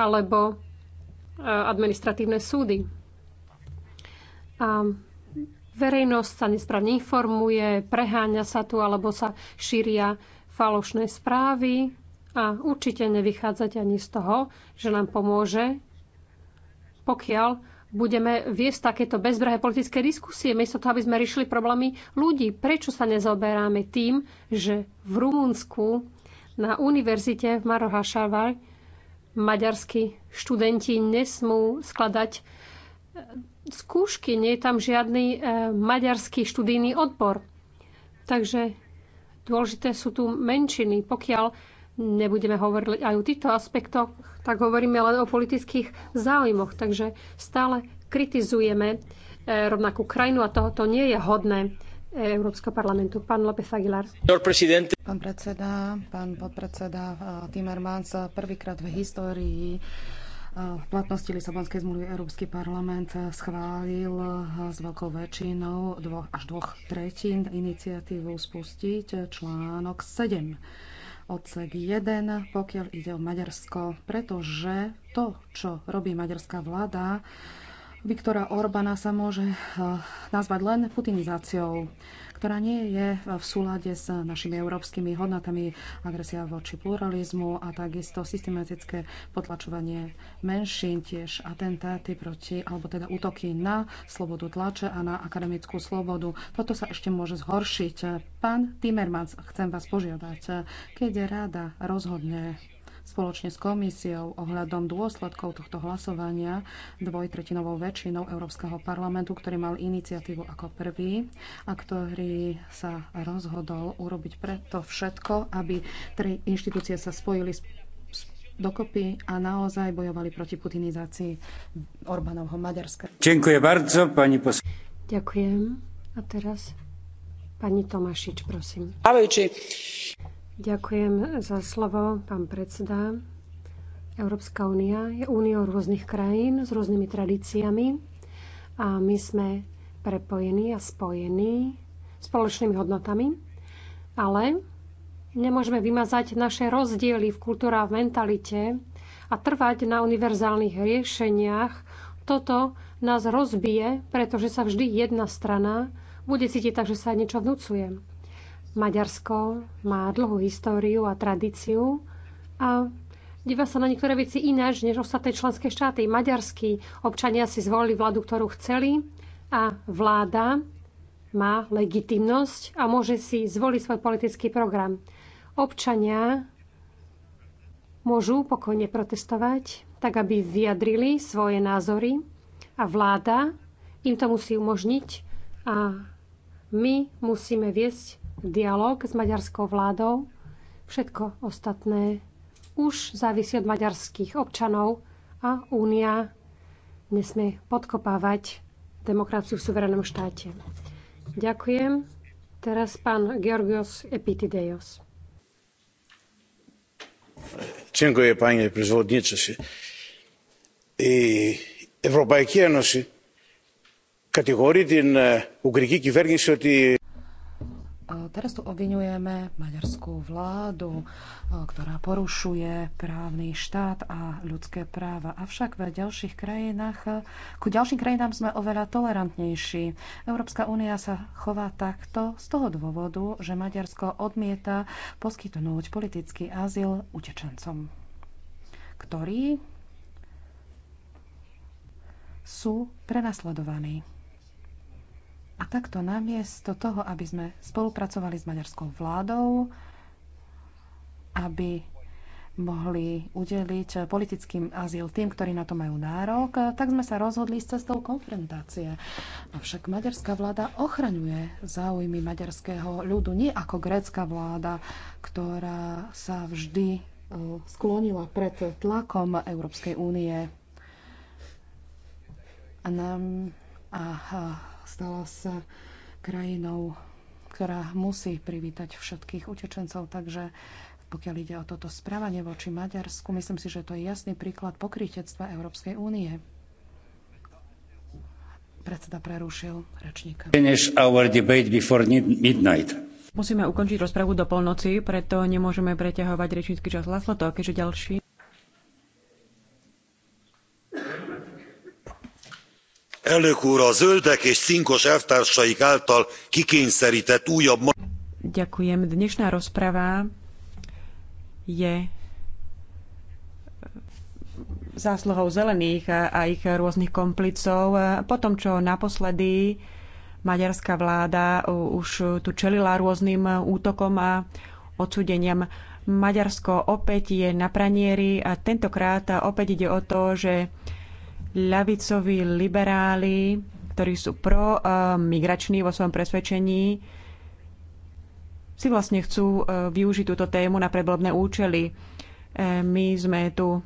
alebo e, administratívne súdy. A verejnosť sa nesprávne informuje, preháňa sa tu alebo sa šíria falošné správy a určite nevychádzať ani z toho, že nám pomôže, pokiaľ budeme viesť takéto bezbrahé politické diskusie, miesto toho, aby sme riešili problémy ľudí. Prečo sa nezoberáme tým, že v Rumunsku na univerzite v Marohašavaj maďarskí študenti nesmú skladať e, skúšky, nie je tam žiadny e, maďarský študijný odbor. Takže dôležité sú tu menšiny. Pokiaľ nebudeme hovoriť aj o týchto aspektoch, tak hovoríme len o politických záujmoch. Takže stále kritizujeme e, rovnakú krajinu a tohoto nie je hodné e, Európskeho parlamentu. Pán López Aguilar. Pán predseda, pán podpredseda e, Timmermans, prvýkrát v histórii v platnosti Lisabonskej zmluvy Európsky parlament schválil s veľkou väčšinou dvoch, až dvoch tretín iniciatívu spustiť článok 7 odsek 1, pokiaľ ide o Maďarsko, pretože to, čo robí maďarská vláda, Viktora Orbána sa môže eh, nazvať len putinizáciou ktorá nie je v súlade s našimi európskymi hodnotami, agresia voči pluralizmu a takisto systematické potlačovanie menšín, tiež atentáty proti, alebo teda útoky na slobodu tlače a na akademickú slobodu. Toto sa ešte môže zhoršiť. Pán Timmermans, chcem vás požiadať, keď rada rozhodne spoločne s komisiou ohľadom dôsledkov tohto hlasovania dvojtretinovou väčšinou Európskeho parlamentu, ktorý mal iniciatívu ako prvý a ktorý sa rozhodol urobiť preto všetko, aby tri inštitúcie sa spojili dokopy a naozaj bojovali proti putinizácii Orbánovho Maďarska. Ďakujem bardzo, pani pos- Ďakujem. A teraz pani Tomašič, prosím. Ahojči. Ďakujem za slovo, pán predseda. Európska únia je úniou rôznych krajín s rôznymi tradíciami a my sme prepojení a spojení spoločnými hodnotami, ale nemôžeme vymazať naše rozdiely v kultúre a v mentalite a trvať na univerzálnych riešeniach. Toto nás rozbije, pretože sa vždy jedna strana bude cítiť tak, že sa niečo vnúcuje. Maďarsko má dlhú históriu a tradíciu a díva sa na niektoré veci ináč než ostatné členské štáty. Maďarskí občania si zvolili vládu, ktorú chceli a vláda má legitimnosť a môže si zvoliť svoj politický program. Občania môžu pokojne protestovať, tak aby vyjadrili svoje názory a vláda im to musí umožniť a my musíme viesť dialog s maďarskou vládou. Všetko ostatné už závisí od maďarských občanov a Únia nesmie podkopávať demokraciu v suverénnom štáte. Ďakujem. Teraz pán Georgios Epitideios. Ďakujem, pani prezvodničasi. Ευρωπαϊκή Ένωση κατηγορεί την Ουγγρική κυβέρνηση ότι Teraz tu obvinujeme maďarskú vládu, e, ktorá porušuje právny štát a ľudské práva. Avšak v ďalších krajinách, e, ku ďalším krajinám sme oveľa tolerantnejší. Európska únia sa chová takto z toho dôvodu, že Maďarsko odmieta poskytnúť politický azyl utečencom, ktorí sú prenasledovaní. A takto namiesto toho, aby sme spolupracovali s maďarskou vládou, aby mohli udeliť politickým azyl tým, ktorí na to majú nárok, tak sme sa rozhodli s cestou konfrontácie. Avšak maďarská vláda ochraňuje záujmy maďarského ľudu, nie ako grécka vláda, ktorá sa vždy e, sklonila pred tlakom Európskej únie. A nám a stala sa krajinou, ktorá musí privítať všetkých utečencov, takže pokiaľ ide o toto správanie voči Maďarsku, myslím si, že to je jasný príklad pokrytectva Európskej únie. Predseda prerušil rečníka. Musíme ukončiť rozpravu do polnoci, preto nemôžeme preťahovať rečnícky čas Laslo, keďže ďalší elnök úr a zöldek és cinkos elvtársaik által kikényszertett újabb. Ďakujem. Dnešná rozprava je zásluhou zelených a ich rôznych komplicov. Po tom, čo naposledy maďarská vláda už tu čelila rôznym útokom a odsudeniam, Maďarsko opäť je na pranieri a tentokrát opäť ide o to, že ľavicoví liberáli, ktorí sú pro-migrační eh, vo svojom presvedčení, si vlastne chcú eh, využiť túto tému na predvolebné účely. Eh, my sme tu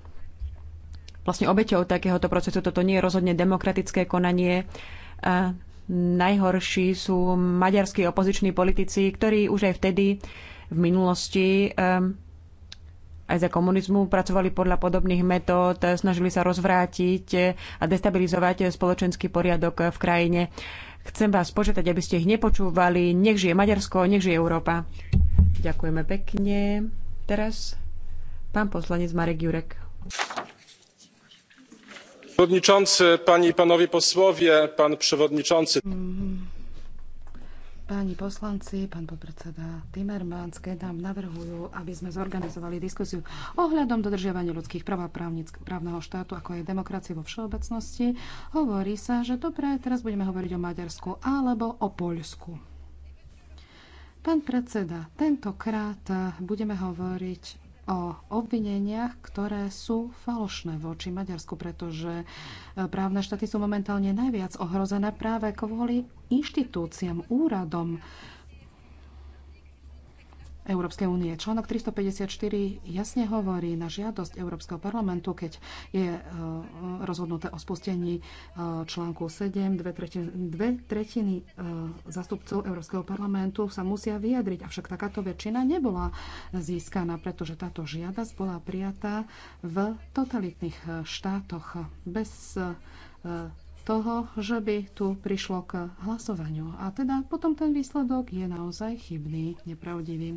vlastne obeťou takéhoto procesu. Toto nie je rozhodne demokratické konanie. A najhorší sú maďarskí opoziční politici, ktorí už aj vtedy v minulosti aj za komunizmu pracovali podľa podobných metód, snažili sa rozvrátiť a destabilizovať spoločenský poriadok v krajine. Chcem vás požiadať, aby ste ich nepočúvali. Nech žije Maďarsko, nech žije Európa. Ďakujeme pekne. Teraz pán poslanec Marek Jurek. Przewodniczący, panie i panowie posłowie, pan przewodniczący. Mm Páni poslanci, pán podpredseda Timmermans, keď nám navrhujú, aby sme zorganizovali diskusiu ohľadom dodržiavania ľudských práv a právneho štátu, ako je demokracie vo všeobecnosti, hovorí sa, že dobre, teraz budeme hovoriť o Maďarsku alebo o Poľsku. Pán predseda, tentokrát budeme hovoriť o obvineniach, ktoré sú falošné voči Maďarsku, pretože e, právne štáty sú momentálne najviac ohrozené práve kvôli inštitúciám, úradom, Európskej únie. Článok 354 jasne hovorí na žiadosť Európskeho parlamentu, keď je e, rozhodnuté o spustení e, článku 7, dve tretiny, dve tretiny zastupcov Európskeho parlamentu sa musia vyjadriť. Avšak takáto väčšina nebola získaná, pretože táto žiadosť bola prijatá v totalitných e, štátoch bez toho, že by tu prišlo k hlasovaniu. A teda potom ten výsledok je naozaj chybný, nepravdivý.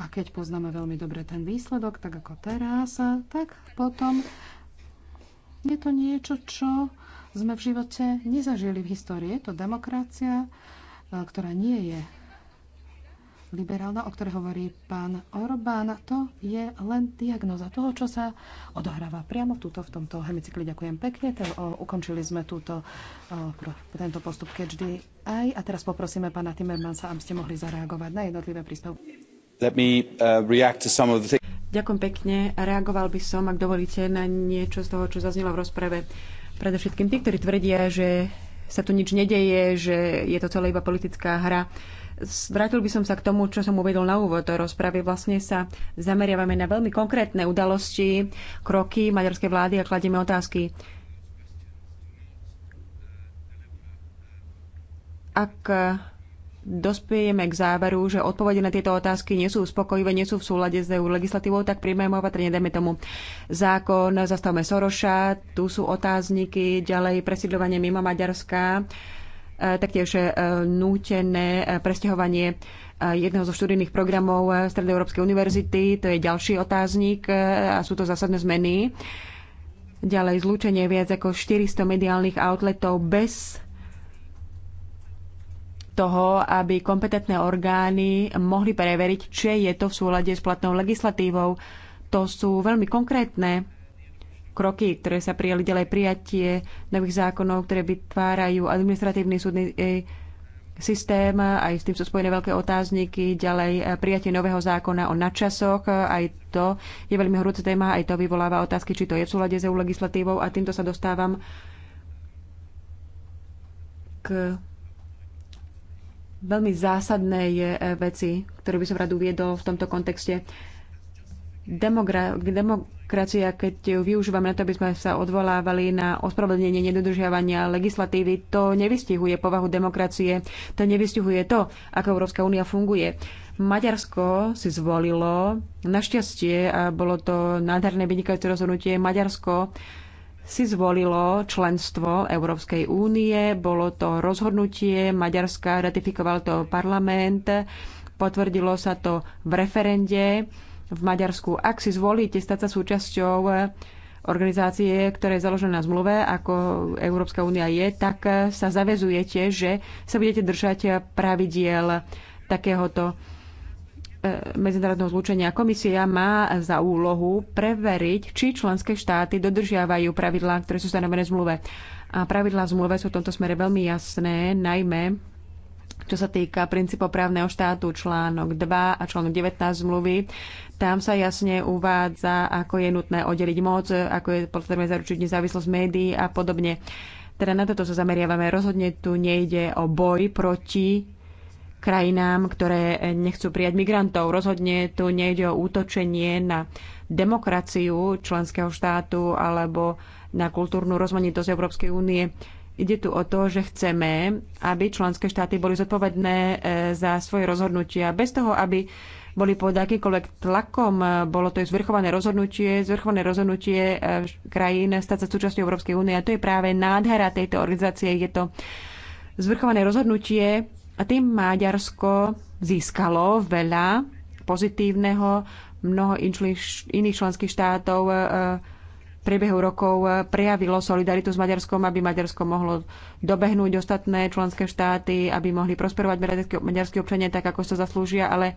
A keď poznáme veľmi dobre ten výsledok, tak ako teraz, tak potom je to niečo, čo sme v živote nezažili v histórii. Je to demokracia, e, ktorá nie je liberálna, o ktorej hovorí pán Orbán, to je len diagnoza toho, čo sa odohráva priamo tuto, v tomto hemicykli. Ďakujem pekne. Te, o, ukončili sme túto, o, tento postup keďždy aj. A teraz poprosíme pána Timmermansa, aby ste mohli zareagovať na jednotlivé príspevky. Let me, uh, react to some of the things. Ďakujem pekne. Reagoval by som, ak dovolíte, na niečo z toho, čo zaznelo v rozprave. Predovšetkým tí, ktorí tvrdia, že sa tu nič nedeje, že je to celé iba politická hra. Uh, Vrátil by som sa k tomu, čo som uvedol na úvod rozpravy. Vlastne sa zameriavame na veľmi konkrétne udalosti, kroky maďarskej vlády a kladieme otázky. Ak dospiejeme k záveru, že odpovede na tieto otázky nie sú uspokojivé, nie sú v súlade s EU legislatívou, tak príjmeme opatrenie, dajme tomu zákon, zastavme Soroša, tu sú otázniky, ďalej presidlovanie mimo Maďarska. Uh, E, taktiež e, nútené e, presťahovanie jedného zo študijných programov Stredoeurópskej univerzity. To je ďalší otáznik a sú to zásadné zmeny. Ďalej zlúčenie viac ako 400 mediálnych outletov bez toho, aby kompetentné orgány mohli preveriť, či je to v súlade s platnou legislatívou. To sú veľmi konkrétne kroky, ktoré sa prijali ďalej prijatie nových zákonov, ktoré vytvárajú administratívny súdny e, systém, aj s tým sú spojené veľké otázniky, ďalej e, prijatie nového zákona o nadčasoch, aj to je veľmi hrúca téma, aj to vyvoláva otázky, či to je v súlade s EU legislatívou a týmto sa dostávam k veľmi zásadnej e, veci, ktorú by som rád uviedol v tomto kontexte. Demogra- demo- demokracia, keď ju využívame na to, aby sme sa odvolávali na ospravedlnenie nedodržiavania legislatívy, to nevystihuje povahu demokracie, to nevystihuje to, ako Európska únia funguje. Maďarsko si zvolilo, našťastie, a bolo to nádherné vynikajúce rozhodnutie, Maďarsko si zvolilo členstvo Európskej únie, bolo to rozhodnutie Maďarska, ratifikoval to parlament, potvrdilo sa to v referende v Maďarsku. Ak si zvolíte stať sa súčasťou eh, organizácie, ktoré je založené na zmluve, ako Európska únia je, tak eh, sa zavezujete, že sa budete držať pravidiel takéhoto eh, medzinárodného zlúčenia. Komisia má za úlohu preveriť, či členské štáty dodržiavajú pravidlá, ktoré sú stanovené v zmluve. A pravidlá v zmluve sú v tomto smere veľmi jasné, najmä čo sa týka princípov právneho štátu, článok 2 a článok 19 zmluvy. Tam sa jasne uvádza, ako je nutné oddeliť moc, ako je potrebné zaručiť nezávislosť médií a podobne. Teda na toto sa zameriavame. Rozhodne tu nejde o boj proti krajinám, ktoré nechcú prijať migrantov. Rozhodne tu nejde o útočenie na demokraciu členského štátu alebo na kultúrnu rozmanitosť Európskej únie. Ide tu o to, že chceme, aby členské štáty boli zodpovedné e, za svoje rozhodnutia, bez toho, aby boli pod akýmkoľvek tlakom. E, bolo to zvrchované rozhodnutie, zvrchované rozhodnutie e, krajín stať sa súčasťou Európskej únie. A to je práve nádhera tejto organizácie. Je to zvrchované rozhodnutie a tým Maďarsko získalo veľa pozitívneho, mnoho iných členských štátov priebehu rokov prejavilo solidaritu s Maďarskom, aby Maďarsko mohlo dobehnúť ostatné členské štáty, aby mohli prosperovať maďarskí občania tak, ako sa zaslúžia, ale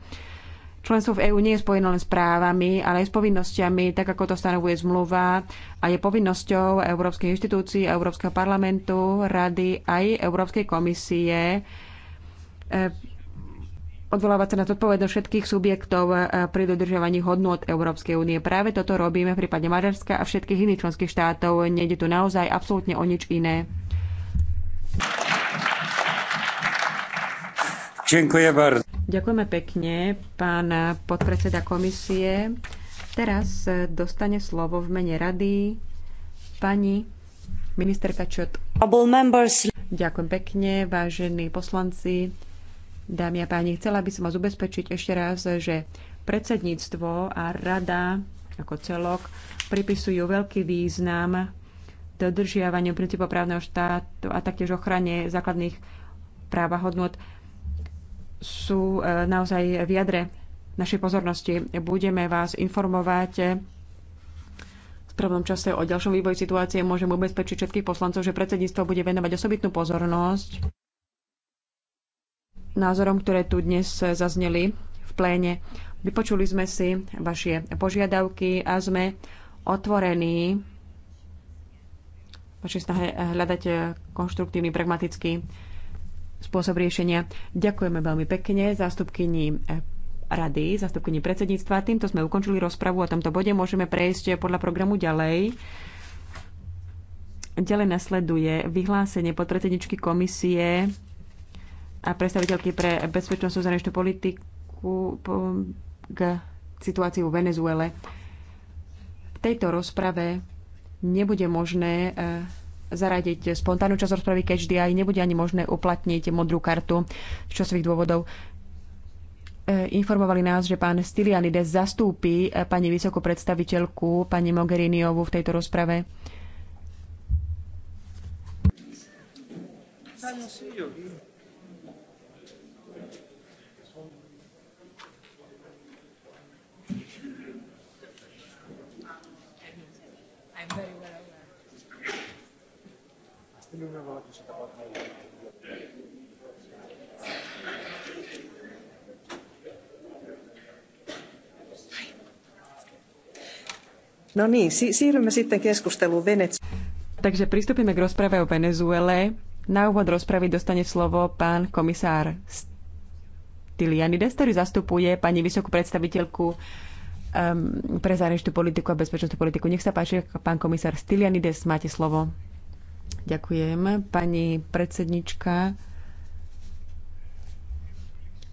členstvo v EÚ nie je spojené len s právami, ale aj s povinnosťami, tak ako to stanovuje zmluva a je povinnosťou Európskej inštitúcií, Európskeho parlamentu, Rady aj Európskej komisie eh, odvolávať sa na zodpovednosť všetkých subjektov eh, pri dodržovaní hodnot Európskej únie. Práve toto robíme v prípade Maďarska a všetkých iných členských štátov. Nejde tu naozaj absolútne o nič iné. Ďakujem Ďakujeme pekne, pán podpredseda komisie. Teraz eh, dostane slovo v mene rady pani ministerka Čot. Ďakujem pekne, vážení poslanci. Dámy a páni, chcela by som vás ubezpečiť ešte raz, že predsedníctvo a rada ako celok pripisujú veľký význam dodržiavaniu princípov právneho štátu a taktiež ochrane základných práv a hodnot sú e, naozaj v jadre našej pozornosti. Budeme vás informovať v prvom čase o ďalšom vývoji situácie. Môžem ubezpečiť všetkých poslancov, že predsedníctvo bude venovať osobitnú pozornosť názorom, ktoré tu dnes zazneli v pléne. Vypočuli sme si vaše požiadavky a sme otvorení vaše snahe hľadať konštruktívny, pragmatický spôsob riešenia. Ďakujeme veľmi pekne zástupkyni eh, rady, zástupkyni predsedníctva. Týmto sme ukončili rozpravu o tomto bode. Môžeme prejsť podľa programu ďalej. Ďalej nasleduje vyhlásenie podpredsedničky komisie a predstaviteľky pre bezpečnostnú zahraničnú politiku k situácii v Venezuele. V tejto rozprave nebude možné e, zaradiť spontánnu časť rozpravy keď aj nebude ani možné uplatniť modrú kartu z časových dôvodov. E, informovali nás, že pán Stylianides zastúpi e, pani vysokú predstaviteľku, pani Mogheriniovu v tejto rozprave. Ah, no, No niin, si- siirrymme sitten keskusteluun Venezuela. Takže pristupíme k rozprave o Venezuele. Na úvod rozpravy dostane slovo pán komisár Stylianides, ktorý zastupuje pani vysokú predstaviteľku um, pre zahraničnú politiku a bezpečnostnú politiku. Nech sa páči, pán komisár Stylianides, máte slovo. Ďakujem. Pani predsednička,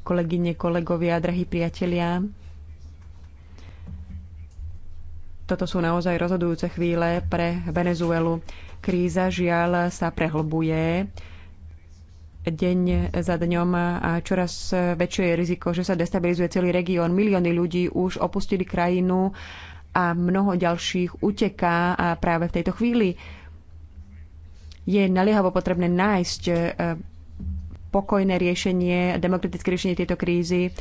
kolegyne, kolegovia, drahí priatelia. Toto sú naozaj rozhodujúce chvíle pre Venezuelu. Kríza žiaľ sa prehlbuje deň za dňom a čoraz väčšie je riziko, že sa destabilizuje celý región. Milióny ľudí už opustili krajinu a mnoho ďalších uteká práve v tejto chvíli je naliehavo potrebné nájsť e, pokojné riešenie, demokratické riešenie tejto krízy.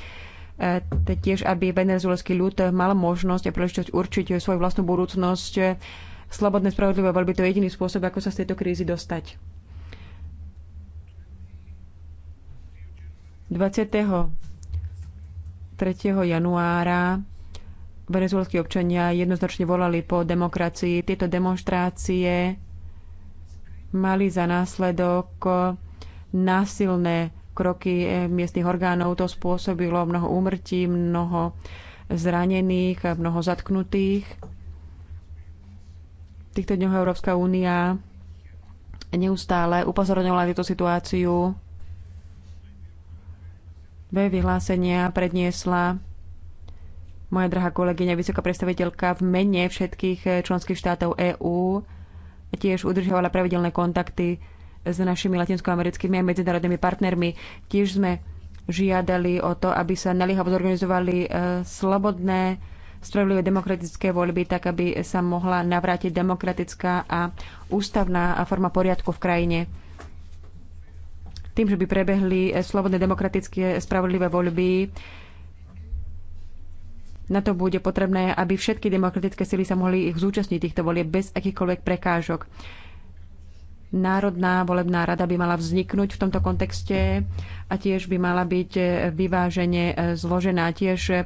E, tiež, aby venezuelský ľud mal možnosť a príležitosť určiť svoju vlastnú budúcnosť. Slobodné, spravodlivé voľby to je jediný spôsob, ako sa z tejto krízy dostať. 23. januára venezuelskí občania jednoznačne volali po demokracii. Tieto demonstrácie mali za následok násilné kroky miestnych orgánov. To spôsobilo mnoho úmrtí, mnoho zranených, mnoho zatknutých. V týchto dňoch Európska únia neustále upozorňovala túto situáciu. Dve vyhlásenia predniesla moja drahá kolegyňa, vysoká predstaviteľka v mene všetkých členských štátov EÚ tiež udržovala pravidelné kontakty s našimi latinskoamerickými a medzinárodnými partnermi. Tiež sme žiadali o to, aby sa naliehavo zorganizovali e, slobodné, spravodlivé demokratické voľby, tak aby sa mohla navrátiť demokratická a ústavná forma poriadku v krajine. Tým, že by prebehli slobodné, demokratické, spravodlivé voľby, na to bude potrebné, aby všetky demokratické sily sa mohli ich zúčastniť týchto volieb bez akýchkoľvek prekážok. Národná volebná rada by mala vzniknúť v tomto kontexte a tiež by mala byť e, vyvážene e, zložená. Tiež e,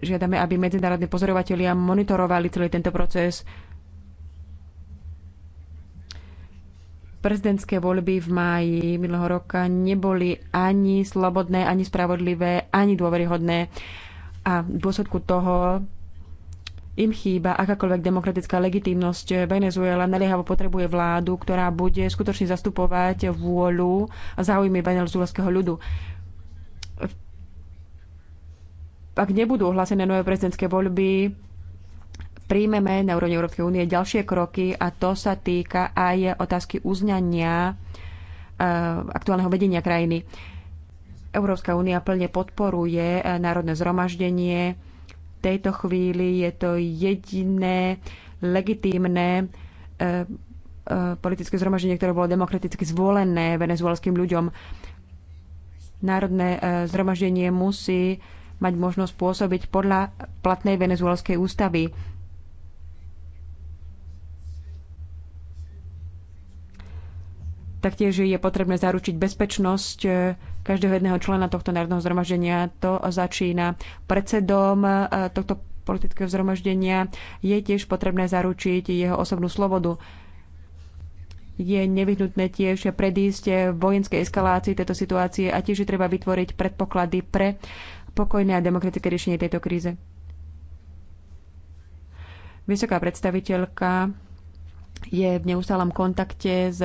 žiadame, aby medzinárodní pozorovatelia monitorovali celý tento proces. Prezidentské voľby v máji minulého roka neboli ani slobodné, ani spravodlivé, ani dôveryhodné a v dôsledku toho im chýba akákoľvek demokratická legitímnosť. Venezuela naliehavo potrebuje vládu, ktorá bude skutočne zastupovať vôľu a záujmy venezuelského ľudu. Ak nebudú ohlásené nové prezidentské voľby, príjmeme na úrovni Európskej únie ďalšie kroky a to sa týka aj otázky uznania eh, aktuálneho vedenia krajiny. Európska únia plne podporuje národné zhromaždenie. V tejto chvíli je to jediné legitímne e, e, politické zhromaždenie, ktoré bolo demokraticky zvolené venezuelským ľuďom. Národné e, zhromaždenie musí mať možnosť pôsobiť podľa platnej venezuelskej ústavy. Taktiež je potrebné zaručiť bezpečnosť každého jedného člena tohto národného zhromaždenia. To začína predsedom e, tohto politického zhromaždenia. Je tiež potrebné zaručiť jeho osobnú slobodu. Je nevyhnutné tiež predísť vojenskej eskalácii tejto situácie a tiež je treba vytvoriť predpoklady pre pokojné a demokratické riešenie tejto kríze. Vysoká predstaviteľka je v neustálom kontakte s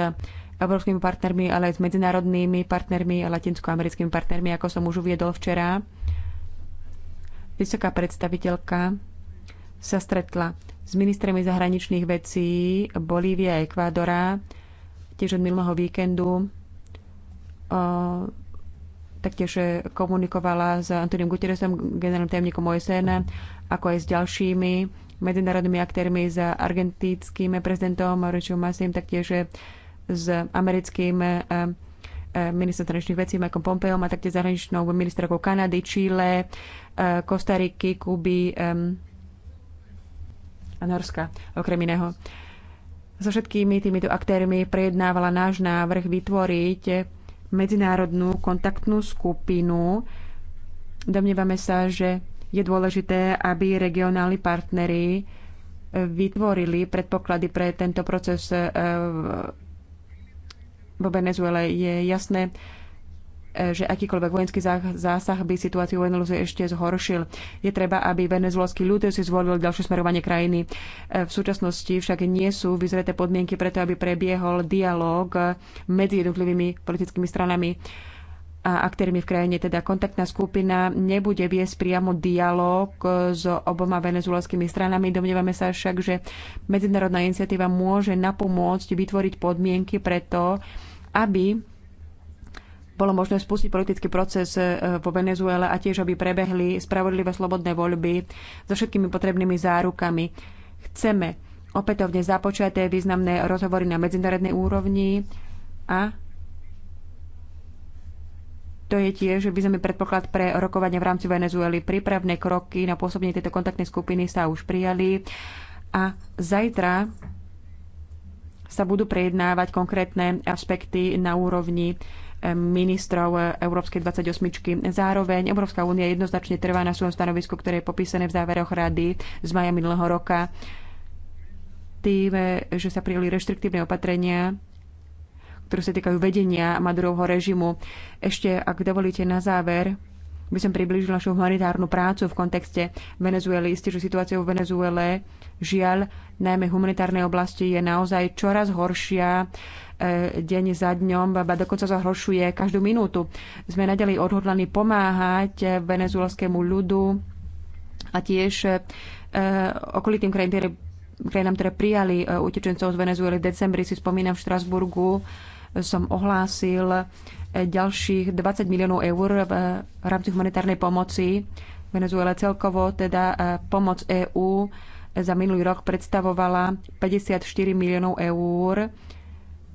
európskymi partnermi, ale aj s medzinárodnými partnermi a latinskoamerickými partnermi, ako som už uviedol včera. Vysoká predstaviteľka sa stretla s ministrami zahraničných vecí Bolívie a Ekvádora tiež od minulého víkendu. O, taktiež komunikovala s Antoniom Guterresom, generálnym tajomníkom OSN, ako aj s ďalšími medzinárodnými aktérmi, s argentíckým prezidentom Rečom Masim, taktiež s americkým eh, eh, ministrom zahraničných vecí Mikeom Pompeom a taktiež zahraničnou ministerkou Kanady, Číle, eh, Kostariky, Kuby a Norska, okrem iného. So všetkými týmito aktérmi prejednávala náš návrh vytvoriť medzinárodnú kontaktnú skupinu. Domnievame sa, že je dôležité, aby regionálni partnery vytvorili predpoklady pre tento proces vo Venezuele. Je jasné, e, že akýkoľvek vojenský zásah by situáciu v Venezuele ešte zhoršil. Je treba, aby venezuelský ľud si zvolil ďalšie smerovanie krajiny. E, v súčasnosti však nie sú vyzreté podmienky preto, aby prebiehol dialog medzi jednotlivými politickými stranami a aktérmi v krajine. Teda kontaktná skupina nebude viesť priamo dialog s oboma venezuelskými stranami. Domnievame sa však, že medzinárodná iniciatíva môže napomôcť vytvoriť podmienky preto, aby bolo možné spustiť politický proces e, vo Venezuele a tiež, aby prebehli spravodlivé slobodné voľby so všetkými potrebnými zárukami. Chceme opätovne započaté významné rozhovory na medzinárodnej úrovni a to je tiež významný predpoklad pre rokovanie v rámci Venezuely. Prípravné kroky na pôsobenie tejto kontaktnej skupiny sa už prijali a zajtra sa budú prejednávať konkrétne aspekty na úrovni eh, ministrov eh, Európskej 28. Zároveň Európska únia jednoznačne trvá na svojom stanovisku, ktoré je popísané v záveroch rady z maja minulého roka tým, eh, že sa prijeli reštriktívne opatrenia, ktoré sa týkajú vedenia Madurovho režimu. Ešte, ak dovolíte na záver, by som približila našu humanitárnu prácu v kontexte Venezuely. Isté, že situácia v Venezuele, žiaľ, najmä v humanitárnej oblasti je naozaj čoraz horšia e, deň za dňom, ba dokonca zahoršuje každú minútu. Sme nadalej odhodlaní pomáhať venezuelskému ľudu a tiež e, okolitým krajín, ktoré, krajinám, ktoré prijali e, utečencov z Venezuely v decembri, si spomínam v Štrasburgu, som ohlásil ďalších 20 miliónov eur v rámci humanitárnej pomoci Venezuele. Celkovo teda e, pomoc EÚ za minulý rok predstavovala 54 miliónov eur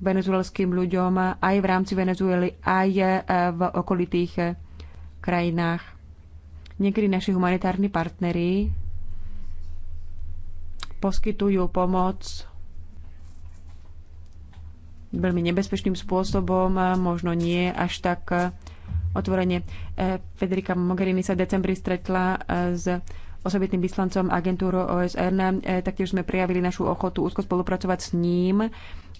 venezuelským ľuďom aj v rámci Venezuely, aj e, v okolitých e, krajinách. Niekedy naši humanitárni partneri poskytujú pomoc veľmi nebezpečným spôsobom, možno nie až tak e, otvorene. E, Federica Mogherini sa v decembri stretla e, s osobitným vyslancom agentúru OSN. Taktiež sme prijavili našu ochotu úzko spolupracovať s ním,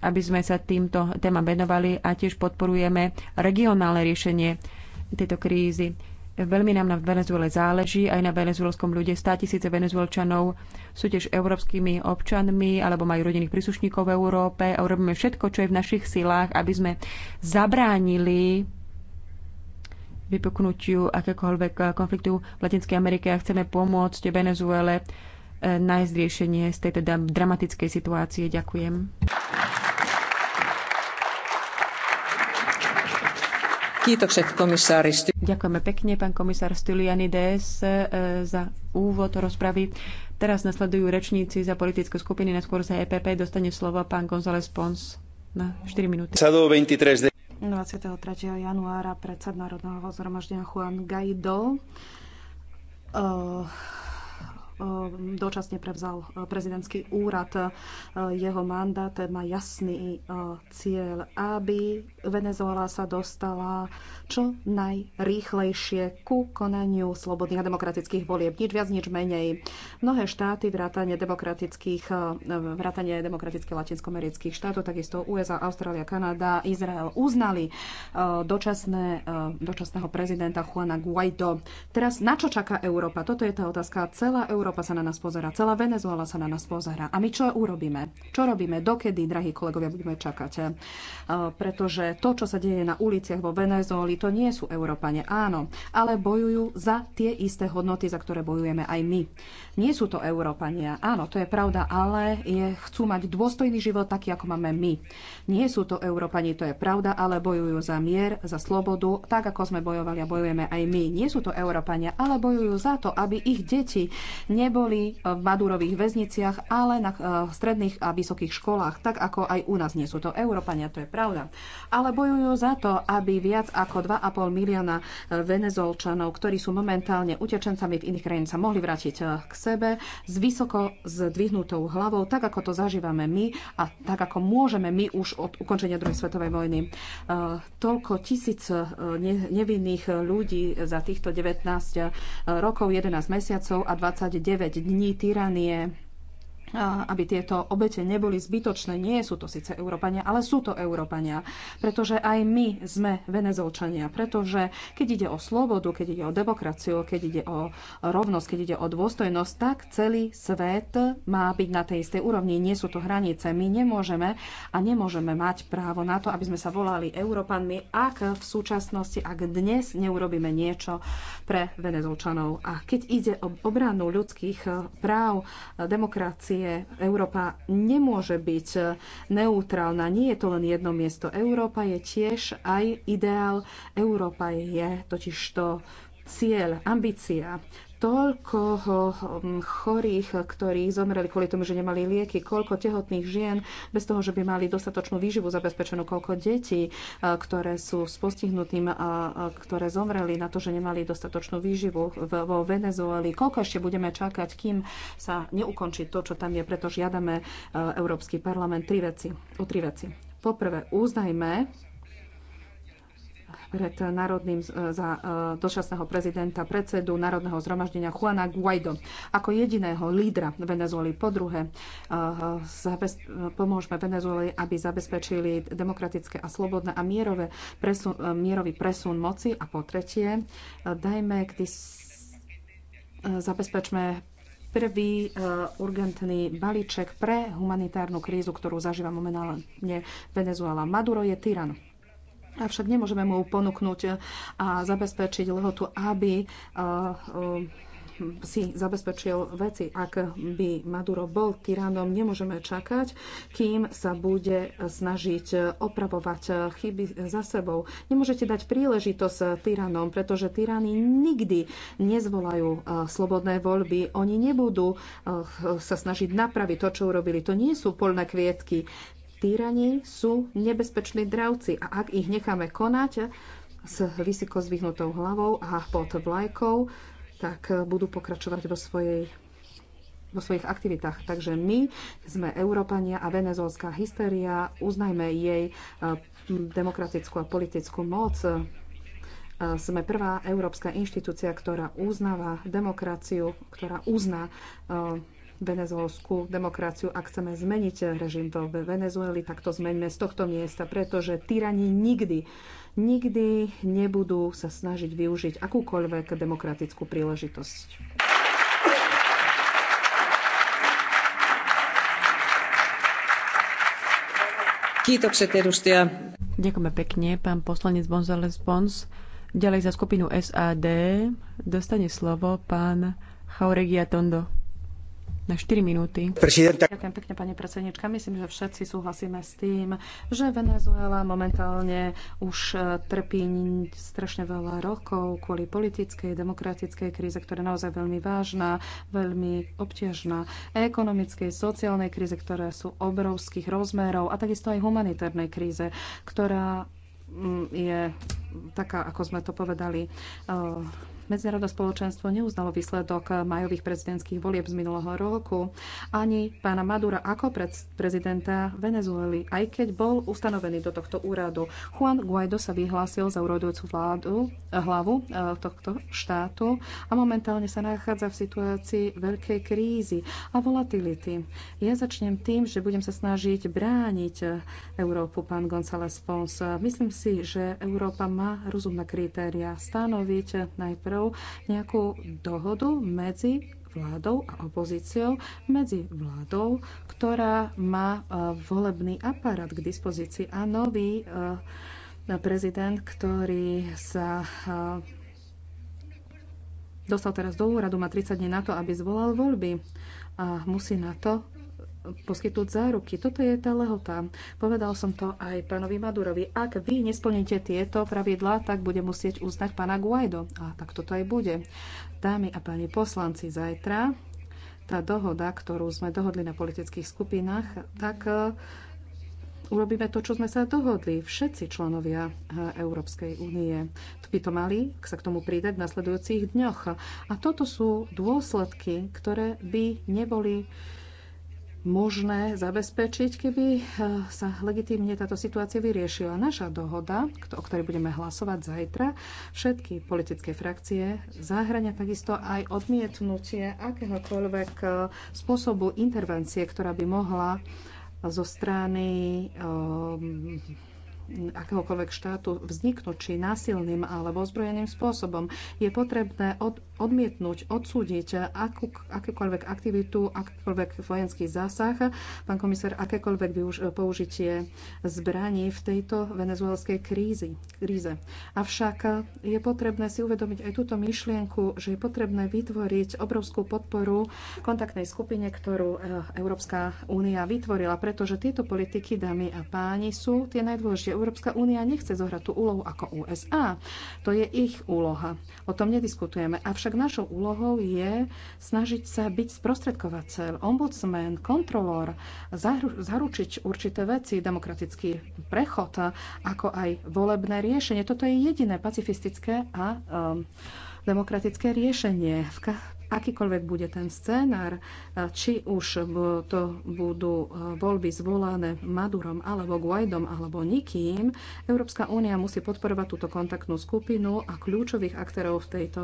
aby sme sa týmto témam venovali a tiež podporujeme regionálne riešenie tejto krízy. Veľmi nám na Venezuele záleží, aj na venezuelskom ľude. 100 tisíce venezuelčanov sú tiež európskymi občanmi alebo majú rodinných príslušníkov v Európe a urobíme všetko, čo je v našich silách, aby sme zabránili vypuknutiu akékoľvek konfliktu v Latinskej Amerike a chceme pomôcť Venezuele eh, nájsť riešenie z tejto dramatickej situácie. Ďakujem. Ďakujeme pekne, pán komisár Stylianides, e, za úvod rozpravy. Teraz nasledujú rečníci za politické skupiny, neskôr za EPP. Dostane slovo pán González Pons na 4 minúty. 23. januára predsed Národného zhromaždenia Juan Guaido e, Um, dočasne prevzal uh, prezidentský úrad. Uh, jeho mandát má jasný uh, cieľ, aby Venezuela sa dostala čo najrýchlejšie ku konaniu slobodných a demokratických volieb. Nič viac, nič menej. Mnohé štáty vrátane demokratických, vrátane demokratických latinskoamerických štátov, takisto USA, Austrália, Kanada, Izrael uznali dočasné, dočasného prezidenta Juana Guaido. Teraz na čo čaká Európa? Toto je tá otázka. Celá Európa Európa sa na nás pozera, celá Venezuela sa na nás pozera. A my čo urobíme? Čo robíme? Dokedy, drahí kolegovia, budeme čakať? Eh, pretože to, čo sa deje na uliciach vo Venezueli, to nie sú Európane, áno, ale bojujú za tie isté hodnoty, za ktoré bojujeme aj my. Nie sú to Európania, áno, to je pravda, ale je, chcú mať dôstojný život taký, ako máme my. Nie sú to Európani, to je pravda, ale bojujú za mier, za slobodu, tak ako sme bojovali a bojujeme aj my. Nie sú to Európania, ale bojujú za to, aby ich deti neboli eh, v Madurových väzniciach, ale na eh, stredných a vysokých školách, tak ako aj u nás nie sú to Európania, to je pravda. Ale bojujú za to, aby viac ako 2,5 milióna eh, venezolčanov, ktorí sú momentálne utečencami v iných krajín, sa mohli vrátiť k sebe s vysoko zdvihnutou hlavou, tak ako to zažívame my a tak ako môžeme my už od ukončenia druhej svetovej vojny. Toľko tisíc nevinných ľudí za týchto 19 rokov, 11 mesiacov a 29 dní tyranie aby tieto obete neboli zbytočné. Nie sú to síce Európania, ale sú to Európania, pretože aj my sme Venezolčania, pretože keď ide o slobodu, keď ide o demokraciu, keď ide o rovnosť, keď ide o dôstojnosť, tak celý svet má byť na tej istej úrovni. Nie sú to hranice. My nemôžeme a nemôžeme mať právo na to, aby sme sa volali Európanmi, ak v súčasnosti, ak dnes neurobíme niečo pre Venezolčanov. A keď ide o obranu ľudských práv, demokracie, misie. Európa nemôže byť neutrálna. Nie je to len jedno miesto. Európa je tiež aj ideál. Európa je totižto cieľ, ambícia toľko hm, chorých, ktorí zomreli kvôli tomu, že nemali lieky, koľko tehotných žien bez toho, že by mali dostatočnú výživu zabezpečenú, koľko detí, eh, ktoré sú s postihnutým, eh, eh, ktoré zomreli na to, že nemali dostatočnú výživu vo Venezueli, koľko ešte budeme čakať, kým sa neukončí to, čo tam je, preto žiadame Európsky parlament tri veci, o tri veci. Poprvé, uznajme pred národným e, za e, dočasného prezidenta, predsedu Národného zhromaždenia Juana Guaido ako jediného lídra Venezuely. Po druhé, e, pomôžme Venezueli, aby zabezpečili demokratické a slobodné a mierové presun, mierový presun moci. A po tretie, dajme k zabezpečme prvý uh, urgentný balíček pre humanitárnu krízu, ktorú zažíva momentálne Venezuela. Maduro je tyran Avšak nemôžeme mu ponúknuť eh, a zabezpečiť lehotu, aby eh, eh, si zabezpečil veci. Ak by Maduro bol tyranom, nemôžeme čakať, kým sa bude snažiť opravovať chyby za sebou. Nemôžete dať príležitosť tyranom, pretože tyrany nikdy nezvolajú slobodné voľby. Oni nebudú sa snažiť napraviť to, čo urobili. To nie sú polné kvietky. Týrani sú nebezpeční dravci a ak ich necháme konať s vysoko zvyhnutou hlavou a pod vlajkou, tak budú pokračovať vo svojej vo svojich aktivitách. Takže my sme Európania a venezolská hysteria, uznajme jej eh, demokratickú a politickú moc. Eh, sme prvá európska inštitúcia, ktorá uznáva demokraciu, ktorá uzná eh, venezuelskú demokraciu. Ak chceme zmeniť režim v Venezueli, tak to zmeňme z tohto miesta, pretože tyrani nikdy, nikdy nebudú sa snažiť využiť akúkoľvek demokratickú príležitosť. Ďakujeme pekne, pán poslanec González Bons. Ďalej za skupinu SAD dostane slovo pán Chauregia Tondo na 4 minúty. Ďakujem pekne, pani predsednička. Myslím, že všetci súhlasíme s tým, že Venezuela momentálne už e, trpí strašne veľa rokov kvôli politickej, demokratickej kríze, ktorá je naozaj veľmi vážna, veľmi obťažná, ekonomickej, sociálnej kríze, ktoré sú obrovských rozmerov a takisto aj humanitárnej kríze, ktorá mm, je taká, ako sme to povedali, e, Medzinárodné spoločenstvo neuznalo výsledok majových prezidentských volieb z minulého roku ani pána Madura ako prezidenta Venezuely, aj keď bol ustanovený do tohto úradu. Juan Guaido sa vyhlásil za urodujúcu vládu, hlavu eh, tohto štátu a momentálne sa nachádza v situácii veľkej krízy a volatility. Ja začnem tým, že budem sa snažiť brániť eh, Európu, pán González Pons. Myslím si, že Európa má rozumné kritéria stanoviť najprv podporil nejakú dohodu medzi vládou a opozíciou, medzi vládou, ktorá má e, volebný aparát k dispozícii a nový e, prezident, ktorý sa e, dostal teraz do úradu, má 30 dní na to, aby zvolal voľby a musí na to poskytnúť záruky. Toto je tá lehota. Povedal som to aj pánovi Madurovi. Ak vy nesplníte tieto pravidlá, tak bude musieť uznať pána Guaido. A tak toto aj bude. Dámy a páni poslanci, zajtra tá dohoda, ktorú sme dohodli na politických skupinách, tak eh, urobíme to, čo sme sa dohodli, všetci členovia eh, Európskej únie. By to mali sa k tomu pridať v nasledujúcich dňoch. A toto sú dôsledky, ktoré by neboli možné zabezpečiť, keby eh, sa legitímne táto situácia vyriešila. Naša dohoda, o ktorej budeme hlasovať zajtra, všetky politické frakcie zahrania takisto aj odmietnutie akéhokoľvek eh, spôsobu intervencie, ktorá by mohla zo strany um, akéhokoľvek štátu vzniknúť či násilným alebo ozbrojeným spôsobom. Je potrebné od, odmietnúť, odsúdiť akú, akékoľvek aktivitu, akýkoľvek vojenský zásah. Pán komisár, akékoľvek využ- použitie zbraní v tejto venezuelskej krízi, kríze. Avšak je potrebné si uvedomiť aj túto myšlienku, že je potrebné vytvoriť obrovskú podporu kontaktnej skupine, ktorú eh, Európska únia vytvorila, pretože tieto politiky, dámy a páni, sú tie najdôležitejšie Európska únia nechce zohrať tú úlohu ako USA. To je ich úloha. O tom nediskutujeme. Avšak našou úlohou je snažiť sa byť sprostredkovateľ, ombudsman, kontrolór, zaručiť určité veci, demokratický prechod, ako aj volebné riešenie. Toto je jediné pacifistické a um, demokratické riešenie. V akýkoľvek bude ten scénar, e, či už to budú e, voľby zvolané Madurom alebo Guaidom alebo nikým, Európska únia musí podporovať túto kontaktnú skupinu a kľúčových aktérov v tejto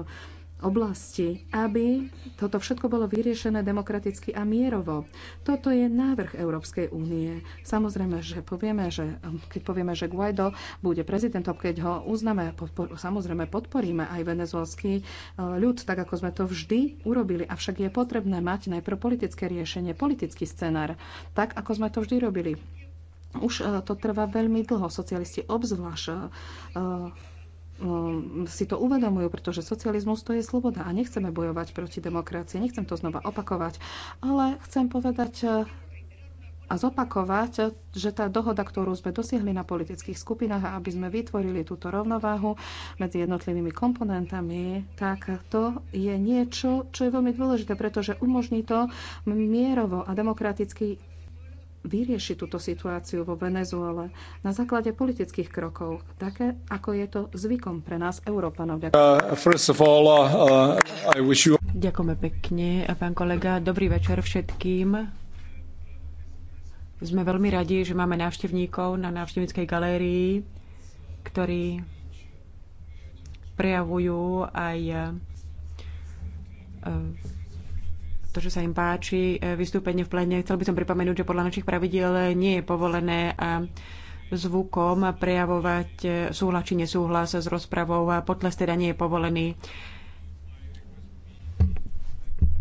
oblasti, aby toto všetko bolo vyriešené demokraticky a mierovo. Toto je návrh Európskej únie. Samozrejme, že povieme, že keď povieme, že Guaido bude prezidentom, keď ho uznáme, podpor, samozrejme podporíme aj venezuelský e, ľud, tak ako sme to vždy urobili. Avšak je potrebné mať najprv politické riešenie, politický scenár, tak ako sme to vždy robili. Už e, to trvá veľmi dlho. Socialisti obzvlášť e, Ehm, si to uvedomujú, pretože socializmus to je sloboda a nechceme bojovať proti demokracii, nechcem to znova opakovať, ale chcem povedať eh, a zopakovať, eh, že tá dohoda, ktorú sme dosiahli na politických skupinách a aby sme vytvorili túto rovnováhu medzi jednotlivými komponentami, tak to je niečo, čo je veľmi dôležité, pretože umožní to mierovo a demokraticky vyrieši túto situáciu vo Venezuele na základe politických krokov, také ako je to zvykom pre nás, Európanov. Uh, uh, uh, Ďakujeme pekne, pán kolega. Dobrý večer všetkým. Sme veľmi radi, že máme návštevníkov na návštevníckej galérii, ktorí prejavujú aj to, že sa im páči e, vystúpenie v plene. Chcel by som pripomenúť, že podľa našich pravidiel nie je povolené e, zvukom prejavovať e, súhlas či nesúhlas s rozpravou. a Potles teda nie je povolený.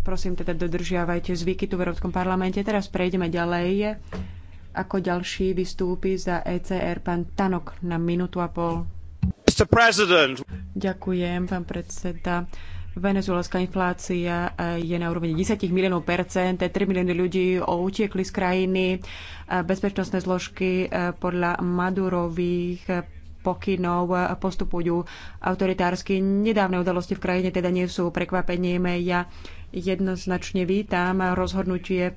Prosím teda dodržiavajte zvyky tu v Európskom parlamente. Teraz prejdeme ďalej. Ako ďalší vystúpi za ECR pán Tanok na minútu a pol. Ďakujem, pán predseda. Venezuelská inflácia eh, je na úrovni 10 miliónov percent, 3 milióny ľudí utiekli z krajiny. Eh, bezpečnostné zložky eh, podľa Madurových pokynov postupujú autoritársky. Nedávne udalosti v krajine teda nie sú prekvapením. Ja jednoznačne vítam rozhodnutie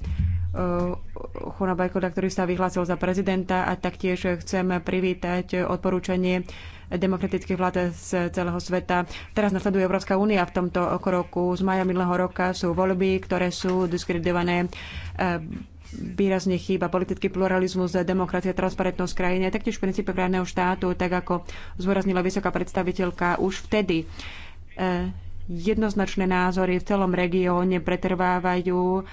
Chona Bajkoda, ktorý sa vyhlásil za prezidenta a taktiež chcem privítať odporúčanie demokratických vlád z celého sveta. Teraz nasleduje Európska únia v tomto okroku. Z maja minulého roka sú voľby, ktoré sú diskreditované ehm, výrazne chýba politický pluralizmus, demokracia, transparentnosť krajiny a taktiež princípe právneho štátu, tak ako zvoraznila vysoká predstaviteľka už vtedy. Ehm, jednoznačné názory v celom regióne pretrvávajú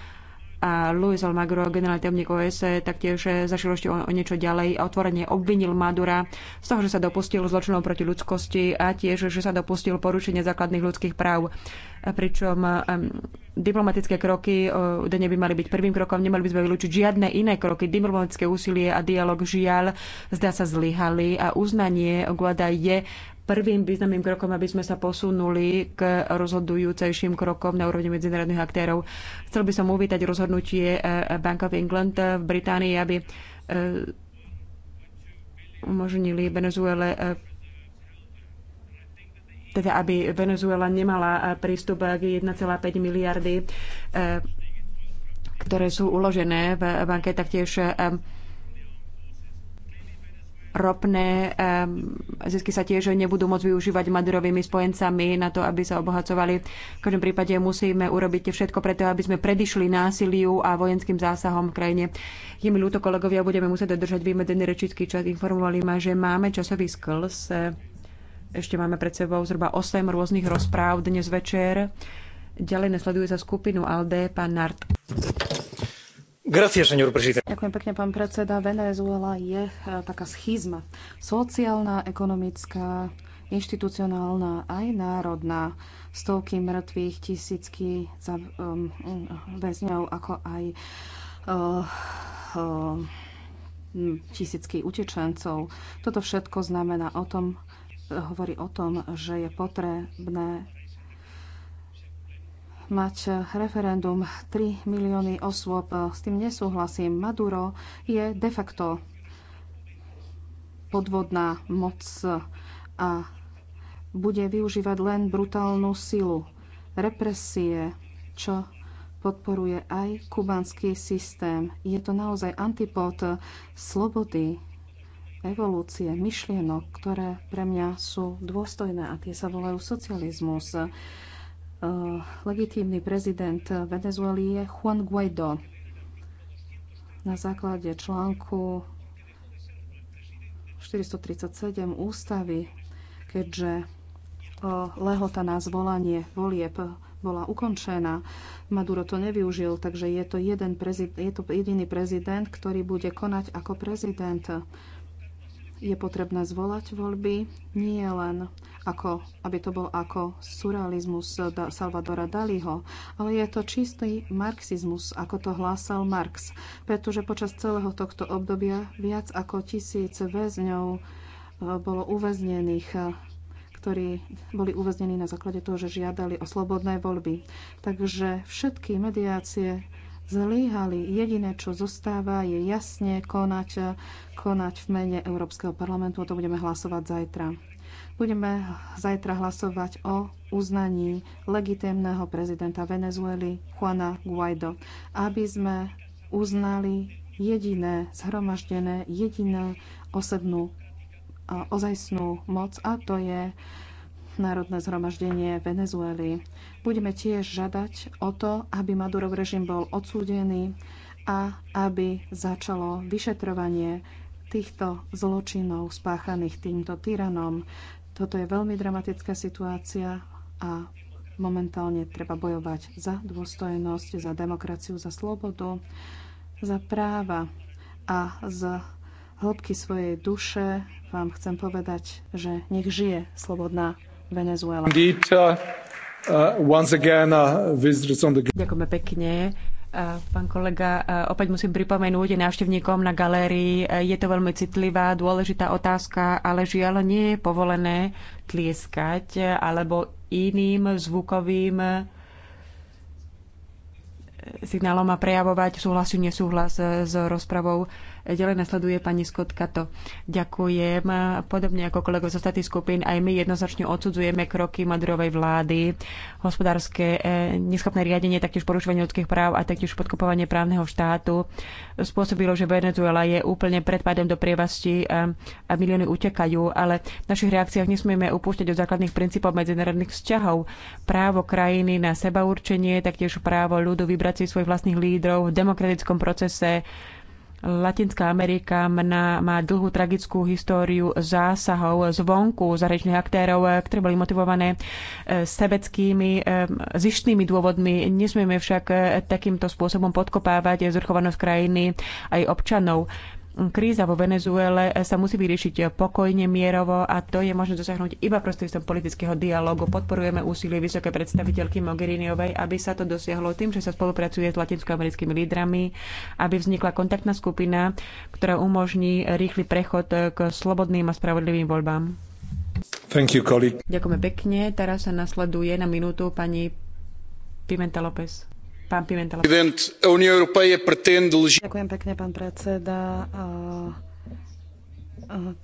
a Luis Almagro, generálny tajomník OS, e, taktiež eh, zašiel ešte o, o niečo ďalej a otvorene obvinil Madura z toho, že sa dopustil zločinov proti ľudskosti a tiež, že sa dopustil porušenie základných ľudských práv. Pričom um, diplomatické kroky uh, eh, denne by mali byť prvým krokom, nemali by sme vylúčiť žiadne iné kroky. Diplomatické úsilie a dialog žiaľ zdá sa zlyhali a uznanie Guada je prvým významným krokom, aby sme sa posunuli k rozhodujúcejším krokom na úrovni medzinárodných aktérov. Chcel by som uvítať rozhodnutie e, Bank of England v Británii, aby e, umožnili Venezuele e, teda aby Venezuela nemala prístup k 1,5 miliardy, ktoré sú uložené v banke, taktiež ropné zisky sa tiež nebudú môcť využívať madurovými spojencami na to, aby sa obohacovali. V každom prípade musíme urobiť všetko preto, aby sme predišli násiliu a vojenským zásahom v krajine. Je mi ľúto, kolegovia, budeme musieť dodržať vymedzený rečický čas. Informovali ma, že máme časový sklz. Ešte máme pred sebou zhruba 8 rôznych rozpráv dnes večer. Ďalej nasleduje za skupinu ALDE pán Nart. Ďakujem pekne, pán predseda. Venezuela je eh, taká schizma. Sociálna, ekonomická, inštitucionálna aj národná. Stovky mŕtvych, tisícky za, um, väzňov, ako aj uh, um, tisícky utečencov. Toto všetko znamená o tom, hovorí o tom, že je potrebné mať referendum 3 milióny osôb. E, s tým nesúhlasím. Maduro je de facto podvodná moc a bude využívať len brutálnu silu, represie, čo podporuje aj kubanský systém. Je to naozaj antipod slobody, evolúcie, myšlienok, ktoré pre mňa sú dôstojné a tie sa volajú socializmus. Eh, legitímny prezident Venezuely je Juan Guaido. Na základe článku 437 ústavy, keďže eh, lehota na zvolanie volieb bola ukončená. Maduro to nevyužil, takže je to, jeden prezident, je to jediný prezident, ktorý bude konať ako prezident je potrebné zvolať voľby nie len ako, aby to bol ako surrealizmus Salvadora Daliho, ale je to čistý marxizmus, ako to hlásal Marx, pretože počas celého tohto obdobia viac ako tisíc väzňov e, bolo uväznených e, ktorí boli uväznení na základe toho, že žiadali o slobodné voľby. Takže všetky mediácie zlyhali. Jediné, čo zostáva, je jasne konať, konať v mene Európskeho parlamentu. O to budeme hlasovať zajtra. Budeme zajtra hlasovať o uznaní legitímneho prezidenta Venezuely Juana Guaido, aby sme uznali jediné zhromaždené, jediné osobnú ozajstnú moc a to je Národné zhromaždenie Venezuely. Budeme tiež žadať o to, aby Madurov režim bol odsúdený a aby začalo vyšetrovanie týchto zločinov spáchaných týmto tyranom. Toto je veľmi dramatická situácia a momentálne treba bojovať za dôstojnosť, za demokraciu, za slobodu, za práva a z hĺbky svojej duše vám chcem povedať, že nech žije slobodná Venezuela. Uh, uh, Ďakujeme pekne. Uh, pán kolega, opäť musím pripomenúť návštevníkom na galérii, je to veľmi citlivá, dôležitá otázka, ale žiaľ nie je povolené tlieskať alebo iným zvukovým signálom a prejavovať súhlasu, nesúhlas s rozpravou. Ďalej nasleduje pani Skotkato. Ďakujem. Podobne ako kolegov zo ostatných skupín, aj my jednoznačne odsudzujeme kroky Madurovej vlády, hospodárske e, neschopné riadenie, taktiež porušovanie ľudských práv a taktiež podkupovanie právneho štátu spôsobilo, že Venezuela je úplne pred pádom do prievasti a, e, a milióny utekajú, ale v našich reakciách nesmieme upúšťať od základných princípov medzinárodných vzťahov. Právo krajiny na seba určenie, taktiež právo ľudu vybrať si svojich vlastných lídrov v demokratickom procese Latinská Amerika má dlhú tragickú históriu zásahov zvonku zahraničných aktérov, ktoré boli motivované e, sebeckými, e, zištnými dôvodmi. Nesmieme však e, takýmto spôsobom podkopávať zrchovanosť krajiny aj občanov kríza vo Venezuele sa musí vyriešiť pokojne, mierovo a to je možné dosiahnuť iba prostredstvom politického dialogu. Podporujeme úsilie vysokej predstaviteľky Mogheriniovej, aby sa to dosiahlo tým, že sa spolupracuje s latinskoamerickými lídrami, aby vznikla kontaktná skupina, ktorá umožní rýchly prechod k slobodným a spravodlivým voľbám. Thank you, Ďakujeme pekne. Teraz sa nasleduje na minútu pani Pimenta López. Pán Pimentel. Ďakujem pekne, pán predseda.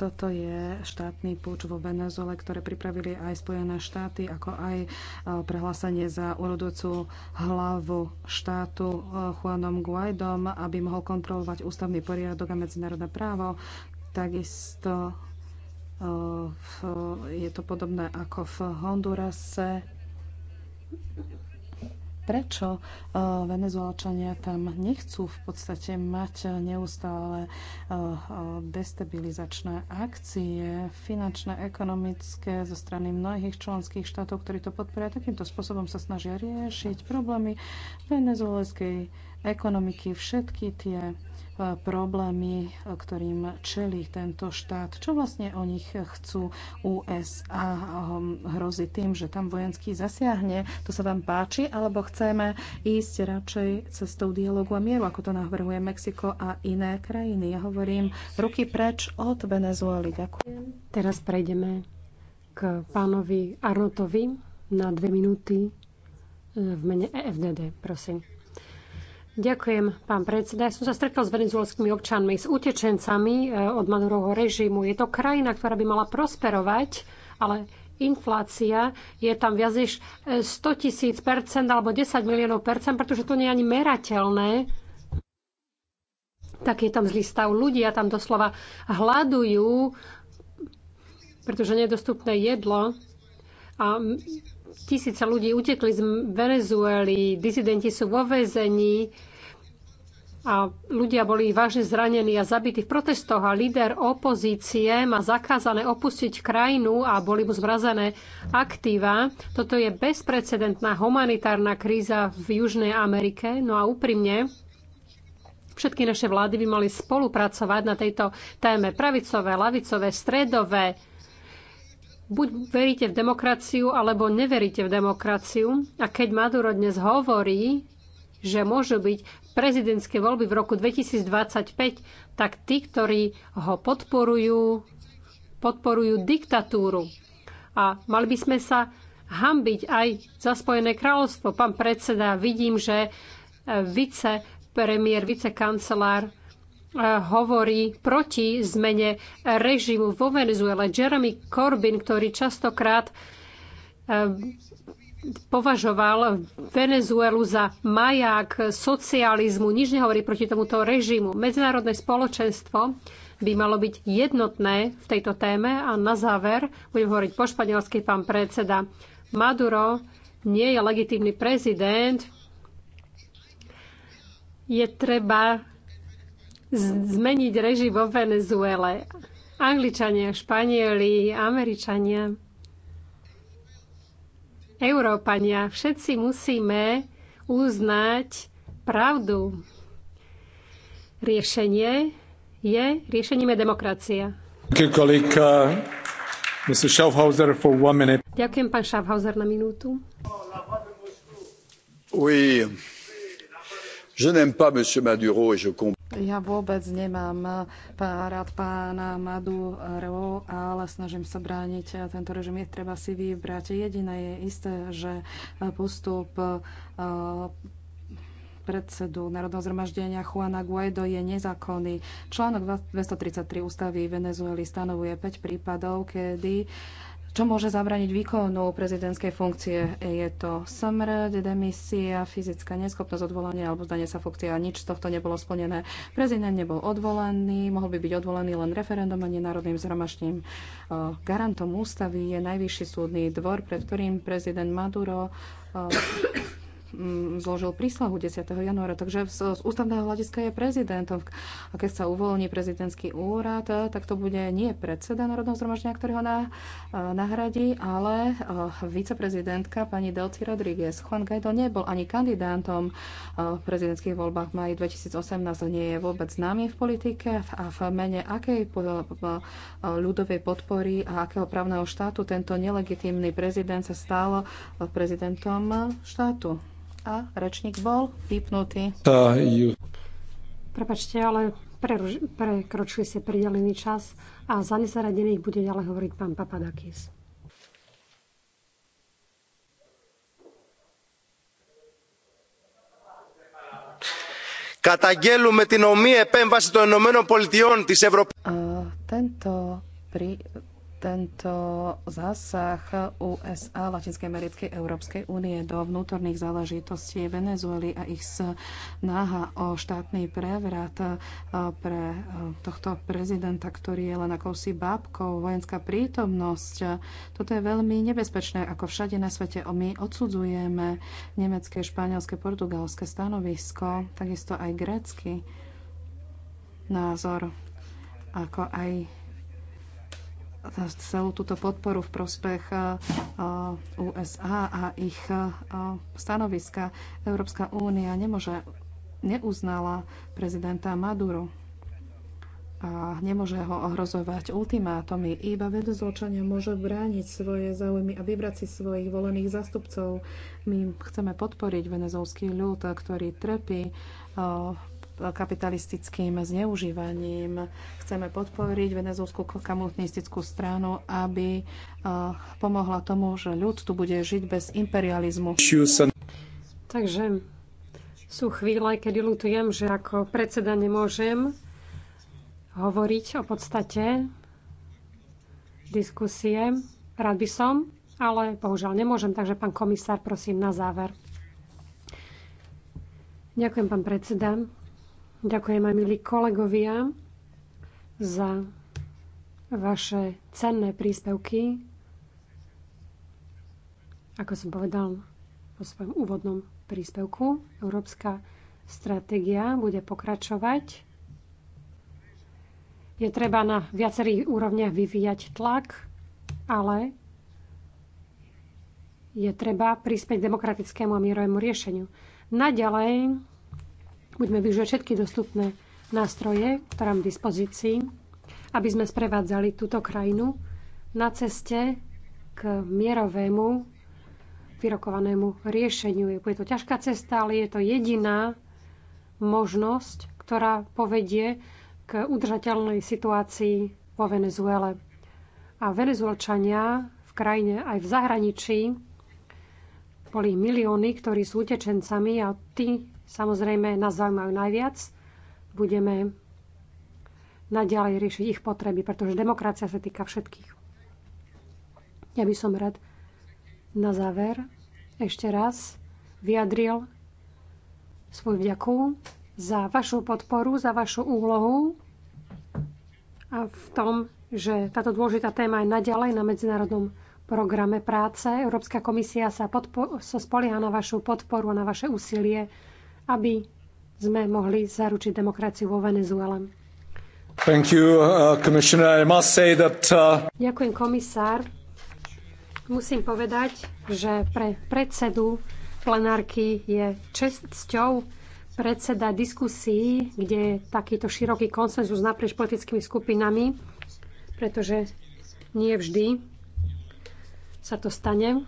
Toto je štátny púč vo Venezuele, ktoré pripravili aj Spojené štáty, ako aj prehlásenie za urodujúcu hlavu štátu Juanom Guaidom, aby mohol kontrolovať ústavný poriadok a medzinárodné právo. Takisto je to podobné ako v Hondurase prečo uh, venezuelčania tam nechcú v podstate mať neustále uh, uh, destabilizačné akcie, finančné, ekonomické zo strany mnohých členských štátov, ktorí to podporia. Takýmto spôsobom sa snažia riešiť problémy venezuelskej ekonomiky, všetky tie e, problémy, e, ktorým čelí tento štát. Čo vlastne o nich chcú USA um, hrozi tým, že tam vojenský zasiahne? To sa vám páči? Alebo chceme ísť radšej cestou dialogu a mieru, ako to navrhuje Mexiko a iné krajiny? Ja hovorím ruky preč od Venezuely. Ďakujem. Teraz prejdeme k pánovi Arnotovi na dve minúty e, v mene EFDD, prosím. Ďakujem, pán predseda. Ja som sa stretol s venezuelskými občanmi, s utečencami e, od Madurovho režimu. Je to krajina, ktorá by mala prosperovať, ale inflácia je tam viac než 100 e, tisíc percent alebo 10 miliónov percent, pretože to nie je ani merateľné. Tak je tam zlý stav. Ľudia tam doslova hľadujú, pretože nedostupné jedlo. A tisíce ľudí utekli z Venezuely, dizidenti sú vo väzení a ľudia boli vážne zranení a zabití v protestoch a líder opozície má zakázané opustiť krajinu a boli mu zmrazené aktíva. Toto je bezprecedentná humanitárna kríza v Južnej Amerike. No a úprimne, všetky naše vlády by mali spolupracovať na tejto téme. Pravicové, lavicové, stredové, Buď veríte v demokraciu, alebo neveríte v demokraciu. A keď Maduro dnes hovorí, že môžu byť prezidentské voľby v roku 2025, tak tí, ktorí ho podporujú, podporujú diktatúru. A mali by sme sa hambiť aj za Spojené kráľovstvo. Pán predseda, vidím, že vicepremiér, vicekancelár hovorí proti zmene režimu vo Venezuele. Jeremy Corbyn, ktorý častokrát e, považoval Venezuelu za maják socializmu. Nič nehovorí proti tomuto režimu. Medzinárodné spoločenstvo by malo byť jednotné v tejto téme a na záver budem hovoriť po španielsky pán predseda. Maduro nie je legitímny prezident. Je treba zmeniť režim vo Venezuele. Angličania, Španieli, Američania, Európania, všetci musíme uznať pravdu. Riešenie je, riešením je demokracia. Uh, Ďakujem, pán Schaffhauser, na minútu. Je n'aime pas monsieur Maduro et je comprends. Ja vôbec nemám eh, rád pána Maduro, ale snažím sa brániť eh, tento režim. Je treba si vybrať. Jediné je isté, že eh, postup predsedu Národného zhromaždenia Juana Guaido je nezákonný. Článok 233 ústavy Venezuely stanovuje 5 prípadov, kedy čo môže zabraniť výkonu prezidentskej funkcie? Je to smrť, demisia, fyzická neschopnosť odvolania alebo zdanie sa funkcia, a nič z tohto nebolo splnené. Prezident nebol odvolený, mohol by byť odvolený len referendum a nenárodným národným zhromaždením. E, garantom ústavy je najvyšší súdny dvor, pred ktorým prezident Maduro e, Mm, zložil prísahu 10. januára, takže z, z ústavného hľadiska je prezidentom. A keď sa uvoľní prezidentský úrad, tak to bude nie predseda Národného zhromaždenia, ktorý ho na, e, nahradí, ale e, viceprezidentka pani Delci Rodriguez Juan Guaido nebol ani kandidátom e, v prezidentských voľbách v maji 2018, nie je vôbec známy v politike a v mene akej ľudovej podpory a akého právneho štátu tento nelegitímny prezident sa stal prezidentom štátu a rečník bol vypnutý. Prepačte, ale preruž- prekročili ste pridelený čas a za nezaradených bude ďalej hovoriť pán Papadakis. Καταγγέλουμε την ομή επέμβαση των Ηνωμένων Πολιτειών της Ευρωπαϊκής... Τέντο tento zásah USA, Latinskej Americkej Európskej únie do vnútorných záležitostí Venezuely a ich snaha o štátny prevrat e, pre e, tohto prezidenta, ktorý je len akousi bábkou, vojenská prítomnosť. E, toto je veľmi nebezpečné, ako všade na svete. My odsudzujeme nemecké, španielské, portugalské stanovisko, takisto aj grécky názor, ako aj celú túto podporu v prospech USA a ich stanoviska. Európska únia nemôže, neuznala prezidenta Maduro a nemôže ho ohrozovať ultimátomy. Iba vedozločania môže brániť svoje záujmy a vybrať si svojich volených zastupcov. My chceme podporiť venezolský ľud, ktorý trpí kapitalistickým zneužívaním. Chceme podporiť venezuelskú komunistickú stranu, aby eh, pomohla tomu, že ľud tu bude žiť bez imperializmu. Takže sú chvíle, kedy lutujem, že ako predseda nemôžem hovoriť o podstate diskusie. Rád by som, ale bohužiaľ nemôžem, takže pán komisár, prosím na záver. Ďakujem, pán predseda. Ďakujem aj milí kolegovia za vaše cenné príspevky. Ako som povedal vo svojom úvodnom príspevku, Európska stratégia bude pokračovať. Je treba na viacerých úrovniach vyvíjať tlak, ale je treba prispieť demokratickému a mierovému riešeniu. Naďalej Budeme využívať všetky dostupné nástroje, ktoré mám k dispozícii, aby sme sprevádzali túto krajinu na ceste k mierovému vyrokovanému riešeniu. Je to ťažká cesta, ale je to jediná možnosť, ktorá povedie k udržateľnej situácii vo Venezuele. A venezuelčania v krajine aj v zahraničí boli milióny, ktorí sú utečencami a tí Samozrejme, nás zaujímajú najviac. Budeme naďalej riešiť ich potreby, pretože demokracia sa týka všetkých. Ja by som rád na záver ešte raz vyjadril svoj vďaku za vašu podporu, za vašu úlohu a v tom, že táto dôležitá téma je naďalej na medzinárodnom programe práce. Európska komisia sa, podpo- sa spolieha na vašu podporu a na vaše úsilie aby sme mohli zaručiť demokraciu vo Venezuele. Thank you, uh, I must say that, uh... Ďakujem, komisár. Musím povedať, že pre predsedu plenárky je česťou predseda diskusí, kde je takýto široký konsenzus naprieč politickými skupinami, pretože nie vždy sa to stane.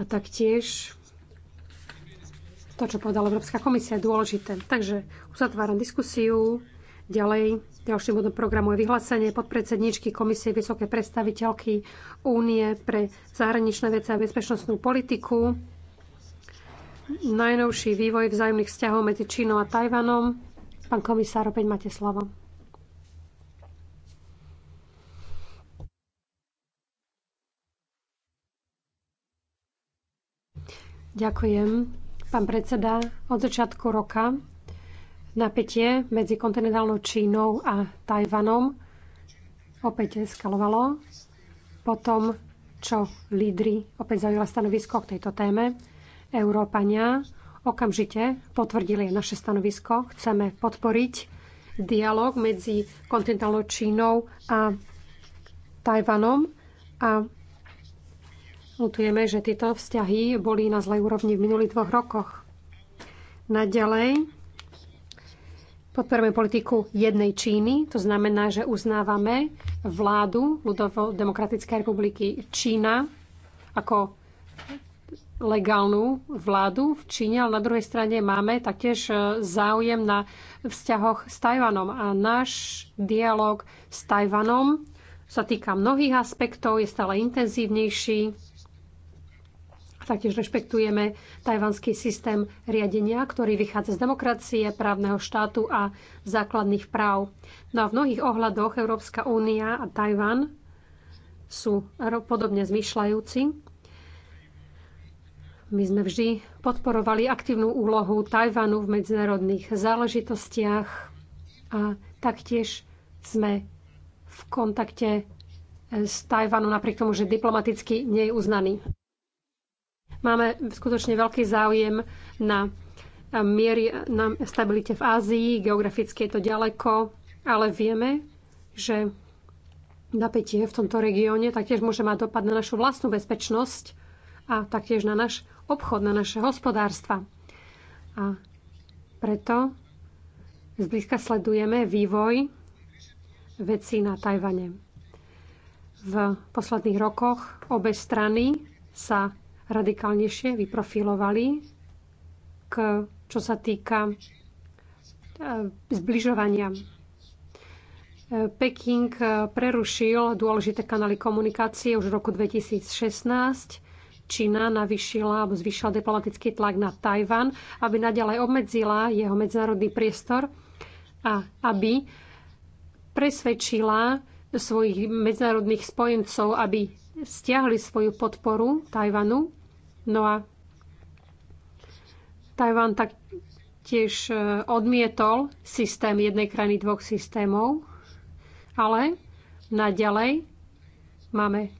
A taktiež to, čo povedala Európska komisia, je dôležité. Takže uzatváram diskusiu. Ďalej, ďalším bodom programu je vyhlásenie podpredsedničky Komisie Vysokej predstaviteľky Únie pre zahraničné veci a bezpečnostnú politiku. Najnovší vývoj vzájomných vzťahov medzi Čínou a Tajvanom. Pán komisár, opäť máte slovo. Ďakujem. Pán predseda, od začiatku roka napätie medzi kontinentálnou Čínou a Tajvanom opäť eskalovalo. Potom, čo lídry opäť zaujala stanovisko k tejto téme, Európania okamžite potvrdili naše stanovisko. Chceme podporiť dialog medzi kontinentálnou Čínou a Tajvanom a Lutujeme, že tieto vzťahy boli na zlej úrovni v minulých dvoch rokoch. Naďalej podporujeme politiku jednej Číny, to znamená, že uznávame vládu Ľudovo-demokratickej republiky Čína ako legálnu vládu v Číne, ale na druhej strane máme taktiež e, záujem na vzťahoch s Tajvanom. A náš dialog s Tajvanom sa týka mnohých aspektov, je stále intenzívnejší a taktiež rešpektujeme tajvanský systém riadenia, ktorý vychádza z demokracie, právneho štátu a základných práv. No a v mnohých ohľadoch Európska únia a Tajvan sú podobne zmyšľajúci. My sme vždy podporovali aktívnu úlohu Tajvanu v medzinárodných záležitostiach a taktiež sme v kontakte s Tajvanom, napriek tomu, že diplomaticky nie je uznaný. Máme skutočne veľký záujem na eh, miery, na stabilite v Ázii, geograficky je to ďaleko, ale vieme, že napätie v tomto regióne taktiež môže mať dopad na našu vlastnú bezpečnosť a taktiež na náš obchod, na naše hospodárstva. A preto zblízka sledujeme vývoj vecí na Tajvane. V posledných rokoch obe strany sa radikálnejšie vyprofilovali, k, čo sa týka e, zbližovania. E, Peking e, prerušil dôležité kanály komunikácie už v roku 2016. Čína navyšila alebo zvyšila diplomatický tlak na Tajvan, aby nadalej obmedzila jeho medzinárodný priestor a aby presvedčila svojich medzinárodných spojencov, aby stiahli svoju podporu Tajvanu No a Tajván tak tiež e, odmietol systém jednej krajiny dvoch systémov, ale naďalej máme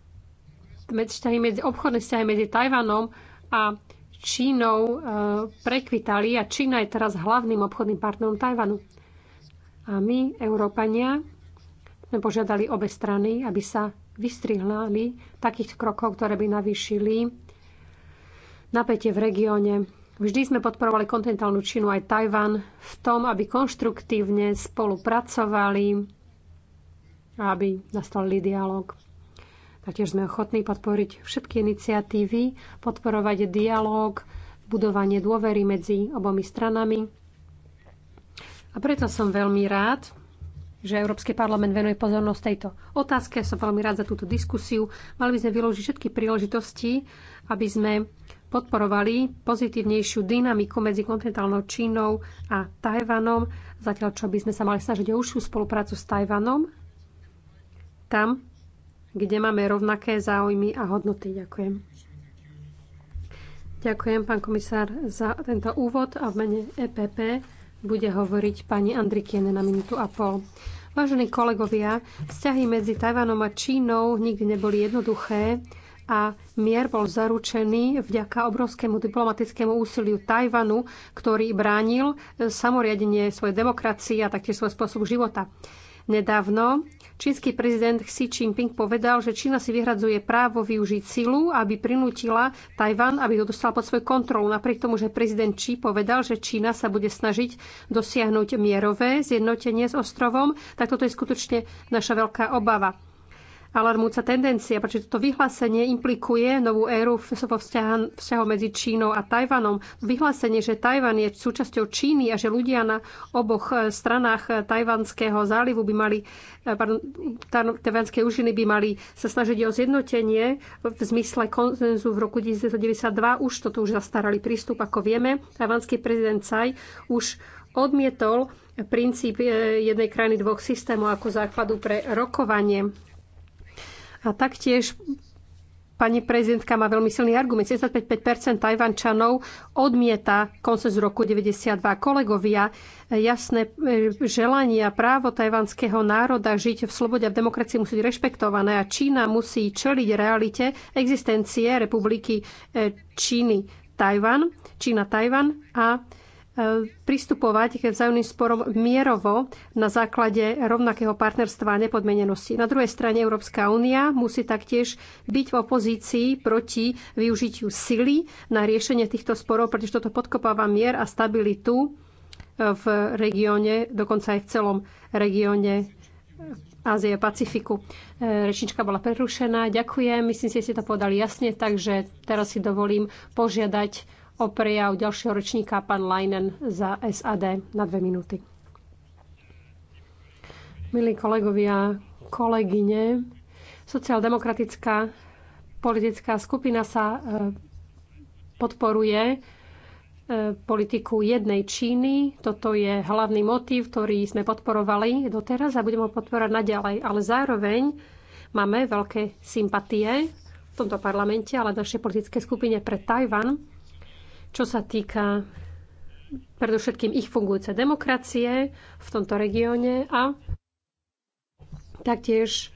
medzi, medzi, obchodné vzťahy medzi Tajvanom a Čínou e, prekvitali a Čína je teraz hlavným obchodným partnerom Tajvanu. A my, Európania, sme požiadali obe strany, aby sa vystrihnali takých krokov, ktoré by navýšili napätie v regióne. Vždy sme podporovali kontinentálnu Čínu aj Tajvan v tom, aby konštruktívne spolupracovali a aby nastolili dialog. Taktiež sme ochotní podporiť všetky iniciatívy, podporovať dialog, budovanie dôvery medzi obomi stranami. A preto som veľmi rád, že Európsky parlament venuje pozornosť tejto otázke. Som veľmi rád za túto diskusiu. Mali by sme vyložiť všetky príležitosti, aby sme podporovali pozitívnejšiu dynamiku medzi kontinentálnou Čínou a Tajvanom, zatiaľ čo by sme sa mali snažiť o užšiu spoluprácu s Tajvanom, tam, kde máme rovnaké záujmy a hodnoty. Ďakujem. Ďakujem, pán komisár, za tento úvod a v mene EPP bude hovoriť pani Andrikiene na minútu a pol. Vážení kolegovia, vzťahy medzi Tajvanom a Čínou nikdy neboli jednoduché a mier bol zaručený vďaka obrovskému diplomatickému úsiliu Tajvanu, ktorý bránil e, samoriadenie svojej demokracie a taktiež svoj spôsob života. Nedávno čínsky prezident Xi Jinping povedal, že Čína si vyhradzuje právo využiť silu, aby prinútila Tajvan, aby ho dostala pod svoju kontrolu. Napriek tomu, že prezident Xi povedal, že Čína sa bude snažiť dosiahnuť mierové zjednotenie s ostrovom, tak toto je skutočne naša veľká obava alarmúca tendencia, pretože toto vyhlásenie implikuje novú éru vo vzťahu medzi Čínou a Tajvanom. Vyhlásenie, že Tajvan je súčasťou Číny a že ľudia na oboch eh, stranách eh, Tajvanského zálivu by mali, eh, pardon, tajvanské užiny by mali sa snažiť o zjednotenie v zmysle konzenzu v roku 1992. Už toto už zastarali prístup, ako vieme. Tajvanský prezident Tsai už odmietol princíp jednej krajiny dvoch systémov ako základu pre rokovanie. A taktiež pani prezidentka má veľmi silný argument. 75% Tajvančanov odmieta koncept roku 92. Kolegovia, jasné e, želania, právo tajvanského národa žiť v slobode a v demokracii musí byť rešpektované a Čína musí čeliť realite existencie republiky e, Číny Tajvan, Čína Tajvan a pristupovať k vzájomným sporom mierovo na základe rovnakého partnerstva a nepodmenenosti. Na druhej strane Európska únia musí taktiež byť v opozícii proti využitiu sily na riešenie týchto sporov, pretože toto podkopáva mier a stabilitu e, v regióne, dokonca aj v celom regióne Ázie Pacifiku. E, rečnička bola prerušená. Ďakujem. Myslím si, že ste to povedali jasne, takže teraz si dovolím požiadať o prejav ďalšieho ročníka pán Leinen za SAD na dve minúty. Milí kolegovia, kolegyne, sociáldemokratická politická skupina sa e, podporuje e, politiku jednej Číny. Toto je hlavný motív, ktorý sme podporovali doteraz a budeme ho podporovať naďalej. Ale zároveň máme veľké sympatie v tomto parlamente, ale v našej politické skupine pre Tajvan čo sa týka predovšetkým ich fungujúce demokracie v tomto regióne a taktiež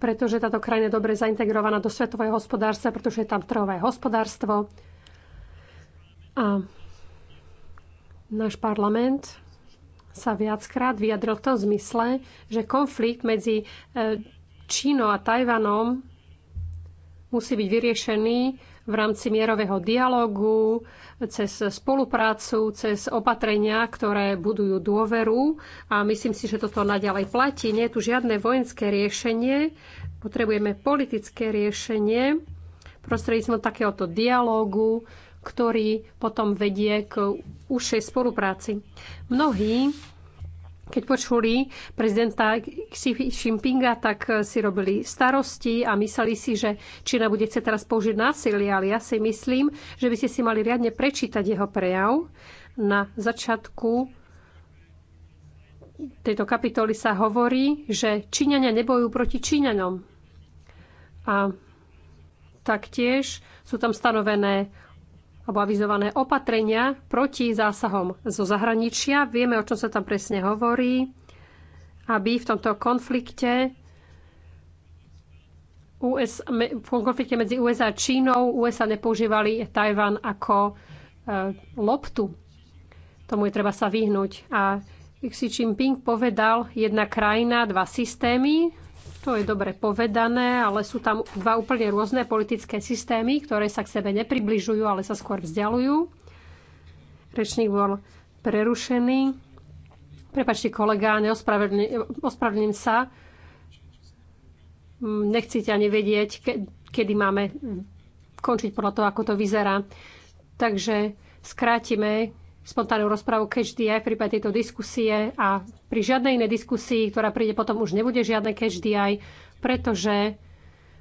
pretože táto krajina je dobre zaintegrovaná do svetového hospodárstva, pretože je tam trhové hospodárstvo. A náš parlament sa viackrát vyjadril v tom zmysle, že konflikt medzi e, Čínou a Tajvanom musí byť vyriešený v rámci mierového dialogu, cez spoluprácu, cez opatrenia, ktoré budujú dôveru. A myslím si, že toto naďalej platí. Nie je tu žiadne vojenské riešenie. Potrebujeme politické riešenie prostredníctvom takéhoto dialógu, ktorý potom vedie k užšej spolupráci. Mnohí keď počuli prezidenta Xi Jinpinga, tak si robili starosti a mysleli si, že Čína bude chcieť teraz použiť násilie, ale ja si myslím, že by ste si mali riadne prečítať jeho prejav. Na začiatku tejto kapitoly sa hovorí, že Číňania nebojú proti Číňanom. A taktiež sú tam stanovené alebo avizované opatrenia proti zásahom zo zahraničia. Vieme, o čom sa tam presne hovorí, aby v tomto konflikte US, v konflikte medzi USA a Čínou USA nepoužívali Tajvan ako e, loptu. Tomu je treba sa vyhnúť. A Xi Jinping povedal jedna krajina, dva systémy. To je dobre povedané, ale sú tam dva úplne rôzne politické systémy, ktoré sa k sebe nepribližujú, ale sa skôr vzdialujú. Rečník bol prerušený. Prepačte, kolega, ospravedlním sa. Mm, nechcete ani vedieť, kedy máme končiť podľa toho, ako to vyzerá. Takže skrátime spontánnu rozpravu Catch the v prípade tejto diskusie a pri žiadnej inej diskusii, ktorá príde potom, už nebude žiadne Catch pretože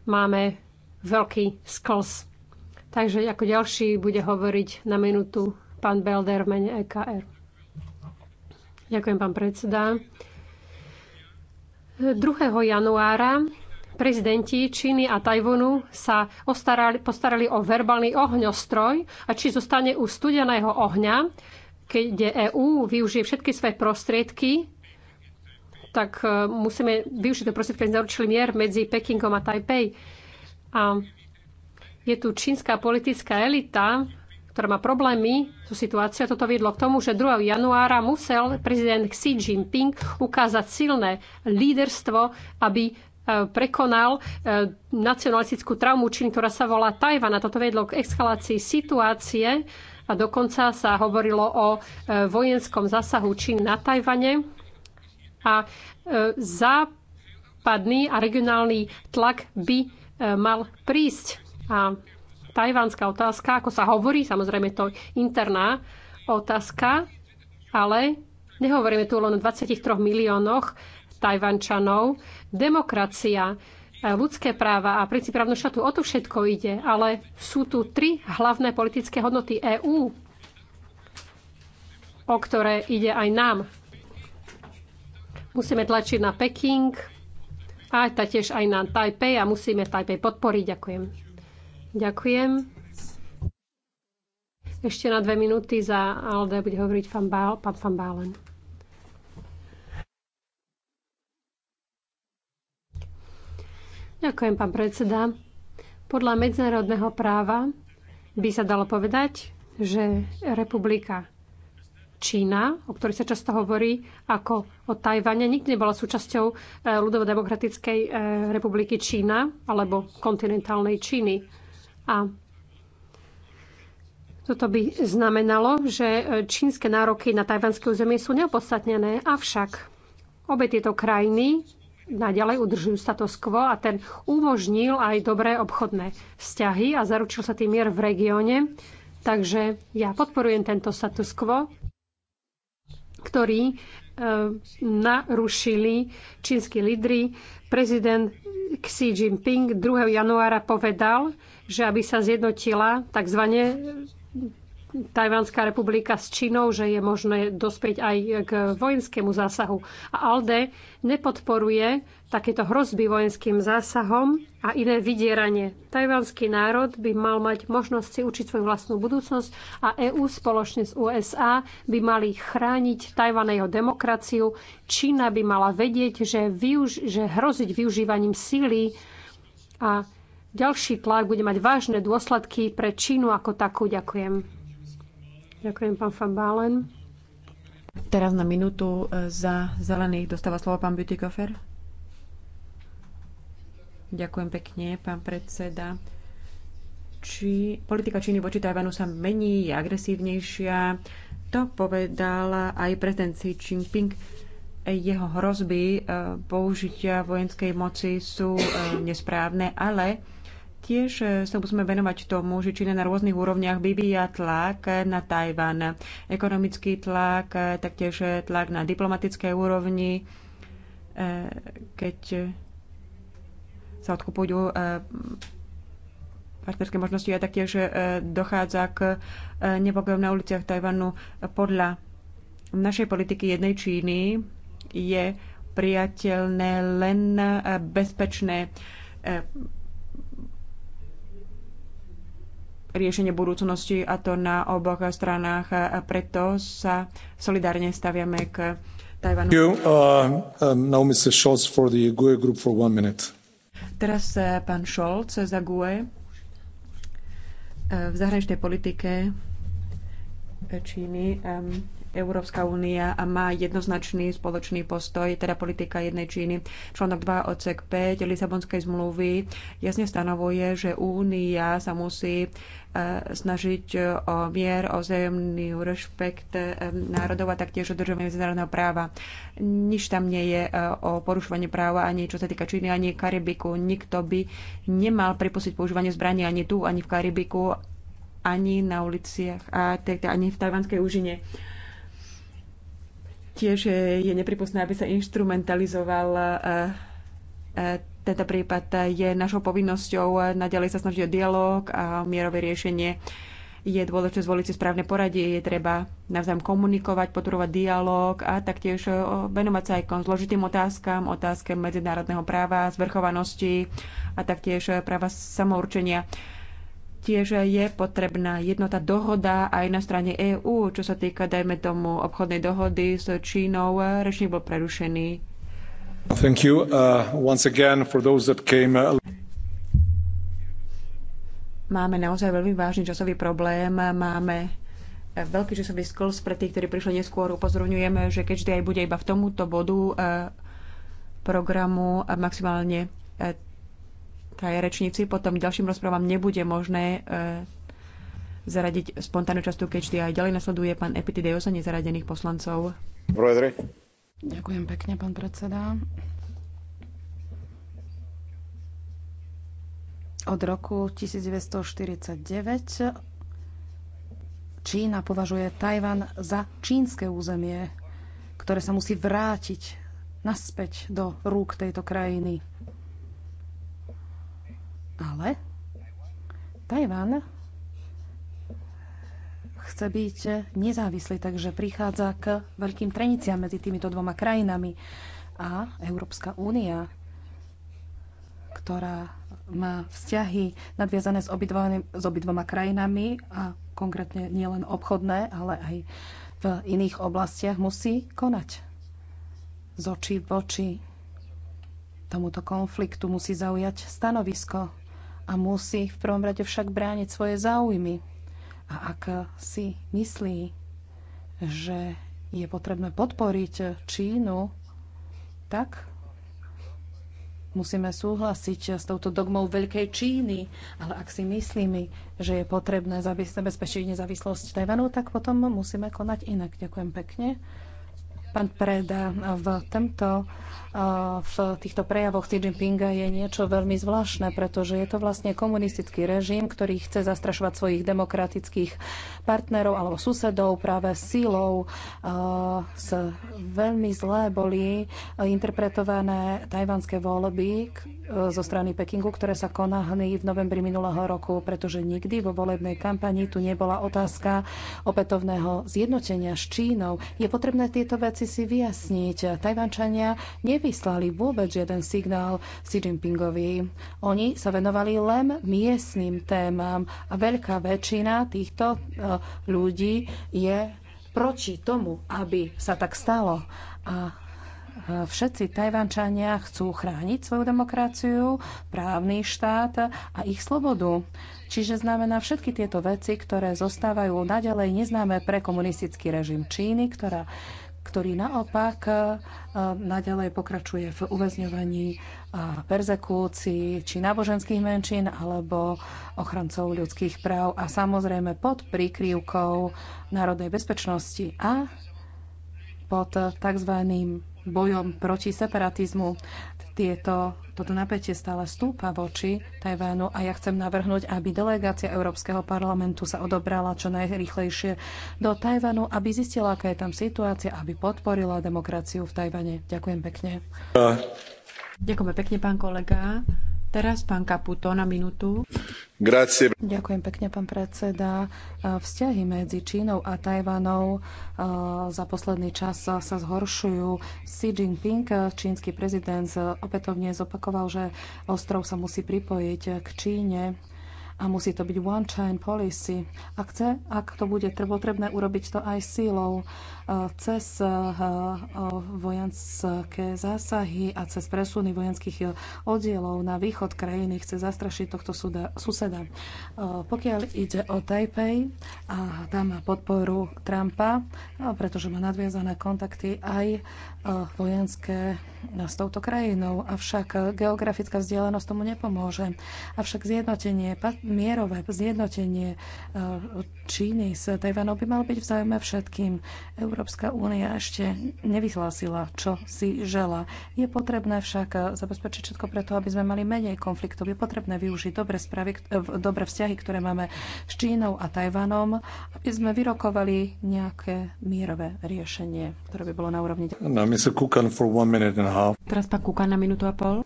máme veľký skls. Takže ako ďalší bude hovoriť na minútu pán Belder v mene EKR. Ďakujem, pán predseda. 2. januára prezidenti Číny a Tajvonu sa ostarali, postarali o verbálny ohňostroj a či zostane u studeného ohňa, keď EÚ využije všetky svoje prostriedky, tak e, musíme využiť to prostriedky, aby zaručili mier medzi Pekingom a Tajpej. A je tu čínska politická elita, ktorá má problémy so situáciou. Toto viedlo k tomu, že 2. januára musel prezident Xi Jinping ukázať silné líderstvo, aby E, prekonal e, nacionalistickú traumu Číny, ktorá sa volá Tajvan. A toto vedlo k eskalácii situácie a dokonca sa hovorilo o e, vojenskom zásahu Číny na Tajvane. A západný a regionálny tlak by mal prísť. A tajvanská otázka, ako sa hovorí, samozrejme to interná otázka, ale nehovoríme tu len o 23 miliónoch Tajvančanov. Demokracia, e, ľudské práva a princíp právneho štátu, o to všetko ide, ale sú tu tri hlavné politické hodnoty EÚ, o ktoré ide aj nám. Musíme tlačiť na Peking a taktiež aj na Taipei a musíme Taipei podporiť. Ďakujem. Ďakujem. Ešte na dve minúty za Alde bude hovoriť pán Bálen. Ďakujem, pán predseda. Podľa medzinárodného práva by sa dalo povedať, že republika Čína, o ktorej sa často hovorí ako o Tajvane, nikdy nebola súčasťou e, ľudovodemokratickej e, republiky Čína alebo kontinentálnej Číny. A toto by znamenalo, že e, čínske nároky na tajvanské územie sú neopodstatnené, avšak obe tieto krajiny naďalej udržujú status quo a ten umožnil aj dobré obchodné vzťahy a zaručil sa tým mier v regióne. Takže ja podporujem tento status quo, ktorý e, narušili čínsky lídry. Prezident Xi Jinping 2. januára povedal, že aby sa zjednotila tzv. Tajvanská republika s Čínou, že je možné dospieť aj k vojenskému zásahu. A ALDE nepodporuje takéto hrozby vojenským zásahom a iné vydieranie. Tajvanský národ by mal mať možnosť si učiť svoju vlastnú budúcnosť a EÚ spoločne s USA by mali chrániť Tajvan jeho demokraciu. Čína by mala vedieť, že, využ- že hroziť využívaním síly a ďalší tlak bude mať vážne dôsledky pre Čínu ako takú. Ďakujem. Ďakujem, pán Fabálen. Teraz na minútu e, za zelených dostáva slovo pán Beautykofer. Ďakujem pekne, pán predseda. Či, politika Číny voči Tajvanu sa mení, je agresívnejšia. To povedal aj prezident Xi Jinping. Jeho hrozby e, použitia vojenskej moci sú e, nesprávne, ale Tiež e, sa musíme venovať tomu, že Čína na rôznych úrovniach vyvíja tlak na Tajvan. Ekonomický tlak, e, taktiež e, tlak na diplomatické úrovni, keď sa odkupujú partnerské možnosti a taktiež dochádza k nepokojom na uliciach Tajvanu. Podľa našej politiky jednej Číny je priateľné len bezpečné riešenie budúcnosti a to na oboch stranách a preto sa solidárne staviame k Tajvanu. Teraz uh, pán Scholz za GUE. Uh, v zahraničnej politike Číny um, Európska únia má jednoznačný spoločný postoj, teda politika jednej Číny. Článok 2 odsek 5 Lisabonskej zmluvy jasne stanovuje, že únia sa musí e, snažiť o mier, o vzájomný rešpekt e, národov a taktiež o dodržovanie medzinárodného práva. Nič tam nie je e, o porušovaní práva ani čo sa týka Číny, ani Karibiku. Nikto by nemal pripustiť používanie zbraní ani tu, ani v Karibiku, ani na uliciach, a teda ani v tajvanskej úžine. Tiež je nepripustné, aby sa instrumentalizoval e, e, tento prípad. Je našou povinnosťou e, naďalej sa snažiť o dialog a mierové riešenie. Je dôležité zvoliť si správne poradie, je treba navzájom komunikovať, podporovať dialog a taktiež venovať sa aj zložitým otázkam, otázke medzinárodného práva, zvrchovanosti a taktiež práva samourčenia Tiež je potrebná jednota dohoda aj na strane EÚ, čo sa týka, dajme tomu, obchodnej dohody s Čínou. Rečník bol prerušený. Thank you uh, once again for those that came uh, máme naozaj veľmi vážny časový problém. Máme uh, veľký časový skls pre tých, ktorí prišli neskôr. Upozorňujeme, že keďže aj bude iba v tomuto bodu uh, programu maximálne traje rečníci, potom ďalším rozprávam nebude možné e, zaradiť spontánnu častu kečty aj ďalej nasleduje pán Epitideos a nezaradených poslancov. Proedre. Ďakujem pekne, pán predseda. Od roku 1949 Čína považuje Tajvan za čínske územie, ktoré sa musí vrátiť naspäť do rúk tejto krajiny. Ale Tajván chce byť nezávislý, takže prichádza k veľkým treniciam medzi týmito dvoma krajinami. A Európska únia, ktorá má vzťahy nadviazané s, obidva, s obidvoma krajinami a konkrétne nielen obchodné, ale aj v iných oblastiach musí konať. Z očí v oči tomuto konfliktu musí zaujať stanovisko a musí v prvom rade však brániť svoje záujmy. A ak si myslí, že je potrebné podporiť Čínu, tak musíme súhlasiť s touto dogmou Veľkej Číny. Ale ak si myslíme, že je potrebné zabezpečiť nezávislosť Tajvanu, tak potom musíme konať inak. Ďakujem pekne. Pán Preda, v, tomto, v týchto prejavoch Xi Jinpinga je niečo veľmi zvláštne, pretože je to vlastne komunistický režim, ktorý chce zastrašovať svojich demokratických partnerov alebo susedov práve sílou. S veľmi zlé boli interpretované tajvanské voľby e, zo strany Pekingu, ktoré sa konáhli v novembri minulého roku, pretože nikdy vo volebnej kampani tu nebola otázka opätovného zjednotenia s Čínou. Je potrebné tieto veci veci si vyjasniť. Tajvančania nevyslali vôbec žiaden signál Xi Jinpingovi. Oni sa venovali len miestnym témam a veľká väčšina týchto e, ľudí je proti tomu, aby sa tak stalo. A e, všetci Tajvančania chcú chrániť svoju demokraciu, právny štát a ich slobodu. Čiže znamená všetky tieto veci, ktoré zostávajú naďalej neznáme pre komunistický režim Číny, ktorá ktorý naopak e, naďalej pokračuje v uväzňovaní a e, či náboženských menšín alebo ochrancov ľudských práv a samozrejme pod prikryvkou národnej bezpečnosti a pod tzv bojom proti separatizmu. Tieto, toto napätie stále stúpa voči Tajvánu a ja chcem navrhnúť, aby delegácia Európskeho parlamentu sa odobrala čo najrychlejšie do Tajvanu, aby zistila, aká je tam situácia, aby podporila demokraciu v Tajvane. Ďakujem pekne. Ďakujeme pekne, pán kolega. Teraz pán Kaputo na minútu. Grazie. Ďakujem pekne, pán predseda. Vzťahy medzi Čínou a Tajvanou za posledný čas sa zhoršujú. Xi Jinping, čínsky prezident, opätovne zopakoval, že ostrov sa musí pripojiť k Číne a musí to byť one chain policy. Ak, chce, ak to bude potrebné urobiť to aj sílou e, cez e, e, vojenské zásahy a cez presuny vojenských oddielov na východ krajiny chce zastrašiť tohto suda, suseda. Pokiaľ ide o Taipei a tam má podporu Trumpa, pretože má nadviazané kontakty aj vojenské s touto krajinou. Avšak geografická vzdialenosť tomu nepomôže. Avšak zjednotenie, mierové zjednotenie e, Číny s Tajvanom by malo byť v záujme všetkým. Európska únia ešte nevyhlásila, čo si žela. Je potrebné však zabezpečiť všetko preto, aby sme mali menej konfliktov. Je potrebné využiť dobré, spravy, e, dobré vzťahy, ktoré máme s Čínou a Tajvanom, aby sme vyrokovali nejaké mierové riešenie, ktoré by bolo na úrovni. Na Mr. Kukan for one minute and a half. Teraz pán Kukan na minútu a pol.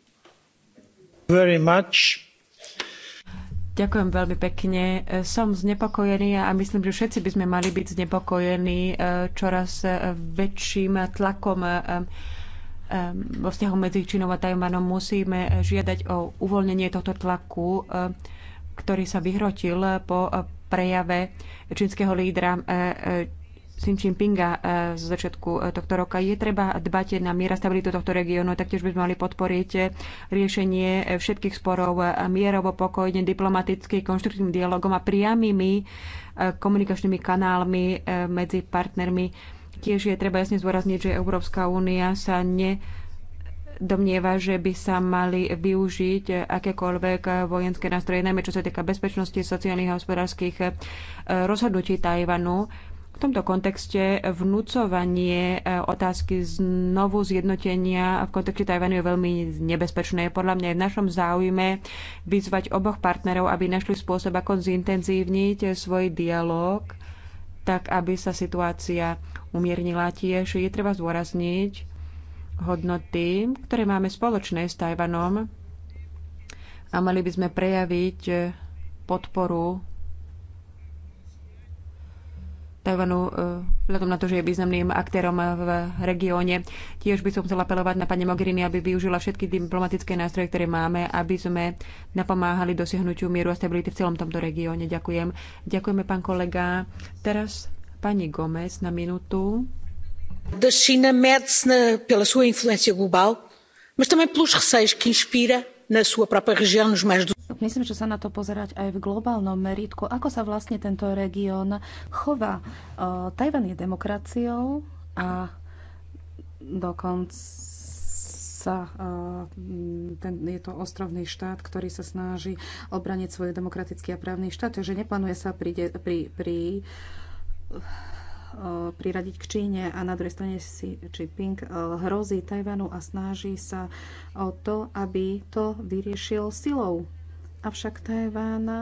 Very much. Ďakujem veľmi pekne. Som znepokojený a myslím, že všetci by sme mali byť znepokojení eh, čoraz eh, väčším tlakom eh, vo vzťahu medzi Čínou a Tajmanom. Musíme žiadať o uvoľnenie tohto tlaku, ktorý sa vyhrotil po prejave čínskeho lídra Xi Jinpinga eh, z začiatku eh, tohto roka. Je treba dbať na miera stabilitu tohto regiónu, taktiež by sme mali podporiť eh, riešenie všetkých sporov mierovo, pokojne, diplomaticky, konštruktívnym dialogom a priamými komunikačnými kanálmi medzi partnermi. Tiež je treba jasne zdôrazniť, že Európska únia sa ne domnieva, že by sa mali využiť akékoľvek vojenské nástroje, najmä čo sa týka bezpečnosti, sociálnych a hospodárskych rozhodnutí Tajvanu v tomto kontexte vnúcovanie e, otázky znovu zjednotenia v kontexte Tajvanu je veľmi nebezpečné. Podľa mňa je v našom záujme vyzvať oboch partnerov, aby našli spôsob, ako zintenzívniť svoj dialog, tak aby sa situácia umiernila tiež. Je treba zdôrazniť hodnoty, ktoré máme spoločné s Tajvanom a mali by sme prejaviť podporu Tajvanu, e, vzhľadom na to, že je významným aktérom v regióne. Tiež by som chcela apelovať na pani Mogherini, aby využila všetky diplomatické nástroje, ktoré máme, aby sme napomáhali dosiahnutiu mieru a stability v celom tomto regióne. Ďakujem. Ďakujeme, pán kolega. Teraz pani Gomez na minútu. Da China mede-se na, pela sua influência global, mas também pelos receios que inspira na sua própria região nos mais do... Myslím, že sa na to pozerať aj v globálnom meritku, ako sa vlastne tento región chová. Tajvan je demokraciou a dokonca ten, je to ostrovný štát, ktorý sa snaží obraniť svoj demokratický a právny štát, takže neplánuje sa pri, pri, pri priradiť k Číne a na druhej strane si Xi Jinping hrozí Tajvanu a snaží sa o to, aby to vyriešil silou. Avšak Tajván eh,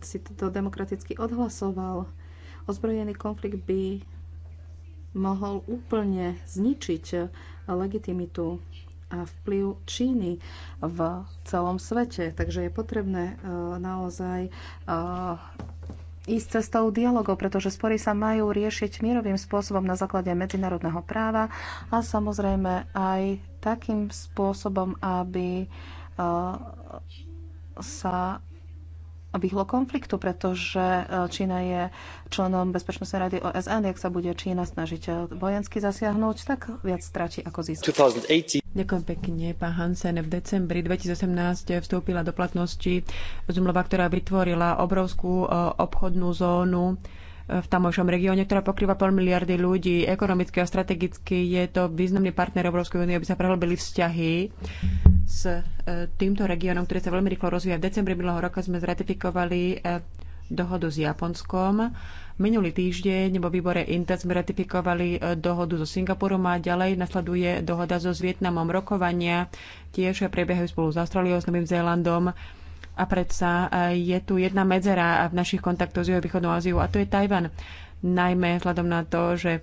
si to demokraticky odhlasoval. Ozbrojený konflikt by mohol úplne zničiť eh, legitimitu a vplyv Číny v celom svete. Takže je potrebné eh, naozaj ísť cestou dialogov, pretože spory sa majú riešiť mierovým spôsobom na základe medzinárodného práva a samozrejme aj takým spôsobom, aby sa vyhlo konfliktu, pretože e, Čína je členom Bezpečnostnej rady OSN. Ak sa bude Čína snažiť e, vojensky zasiahnuť, tak viac stratí ako získa. Ďakujem pekne, pán Hansen. V decembri 2018 vstúpila do platnosti zmluva, ktorá vytvorila obrovskú e, obchodnú zónu v tamojšom regióne, ktorá pokrýva pol miliardy ľudí. Ekonomicky a strategicky je to významný partner Európskej únie, aby sa prehlbili vzťahy s e, týmto regiónom, ktorý sa veľmi rýchlo rozvíja. V decembri minulého roka sme zratifikovali e, dohodu s Japonskom. Minulý týždeň vo výbore INTA sme ratifikovali e, dohodu so Singapurom a ďalej nasleduje dohoda so Vietnamom. Rokovania tiež prebiehajú spolu s Austráliou, s Novým Zélandom a predsa e, je tu jedna medzera v našich kontaktoch s Juhovýchodnou Áziou a to je Tajvan. Najmä vzhľadom na to, že e,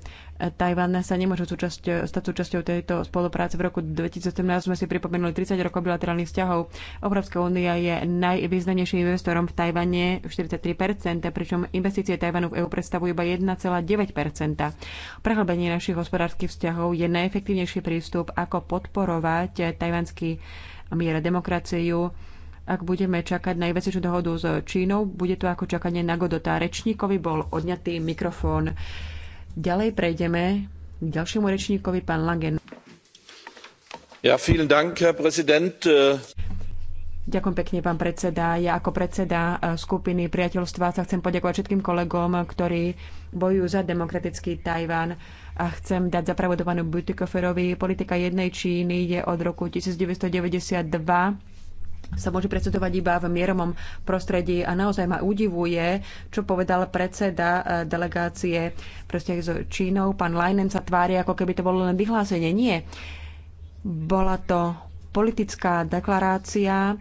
Tajvan sa nemôže súčasť, e, stať súčasťou tejto spolupráce. V roku 2017 sme si pripomenuli 30 rokov bilaterálnych vzťahov. Európska únia je najvýznamnejším investorom v Tajvane 43%, pričom investície Tajvanu v EÚ predstavujú iba 1,9%. Prehlbenie našich hospodárskych vzťahov je najefektívnejší prístup, ako podporovať tajvanský mier demokraciu, ak budeme čakať na investičnú dohodu s Čínou, bude to ako čakanie na Godota. Rečníkovi bol odňatý mikrofón. Ďalej prejdeme k ďalšiemu rečníkovi, pán Langen. Ja, vielen Dank, Herr Präsident. Ďakujem pekne, pán predseda. Ja ako predseda eh, skupiny priateľstva sa chcem poďakovať všetkým kolegom, ktorí bojujú za demokratický Tajván a chcem dať zapravodovanú Butikoferovi. Politika jednej Číny je od roku 1992 sa môže predsedovať iba v mieromom prostredí a naozaj ma udivuje, čo povedal predseda e, delegácie proste s Čínou. Pán Leinen sa tvári, ako keby to bolo len vyhlásenie. Nie. Bola to politická deklarácia,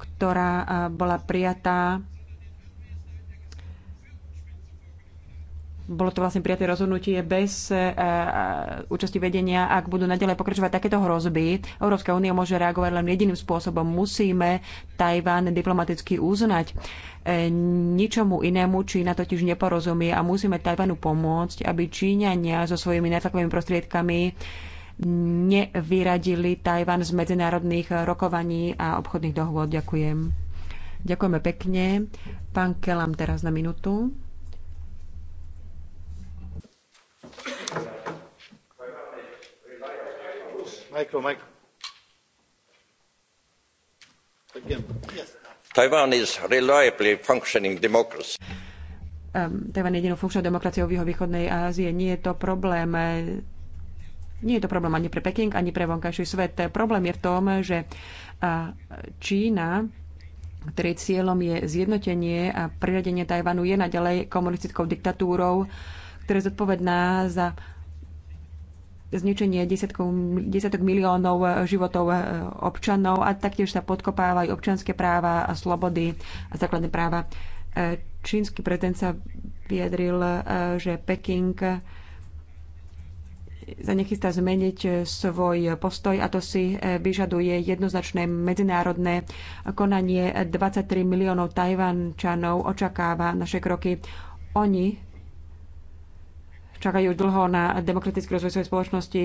ktorá e, bola prijatá bolo to vlastne prijaté rozhodnutie bez e, e, účasti vedenia, ak budú naďalej pokračovať takéto hrozby, Európska únia môže reagovať len jediným spôsobom. Musíme Tajván diplomaticky uznať. E, ničomu inému Čína totiž neporozumie a musíme Tajvanu pomôcť, aby Číňania so svojimi nátlakovými prostriedkami nevyradili Tajvan z medzinárodných rokovaní a obchodných dohôd. Ďakujem. Ďakujeme pekne. Pán Kelam teraz na minútu. Taiwan is reliably functioning democracy. je jedinou funkčnou demokraciou v juhovýchodnej Ázie. Nie je to problém e, nie je to problém ani pre Peking, ani pre vonkajší svet. Problém je v tom, že e, Čína ktorej cieľom je zjednotenie a priradenie Tajvanu, je naďalej komunistickou diktatúrou, ktorá je zodpovedná za zničenie desiatkov, desiatok miliónov e, životov e, občanov a taktiež sa podkopávajú občanské práva a slobody a základné práva. E, čínsky prezident sa vyjadril, že Peking sa nechystá zmeniť svoj postoj a to si vyžaduje jednoznačné medzinárodné konanie. 23 miliónov Tajvančanov očakáva naše kroky. Oni čakajú dlho na demokratický rozvoj svojej spoločnosti.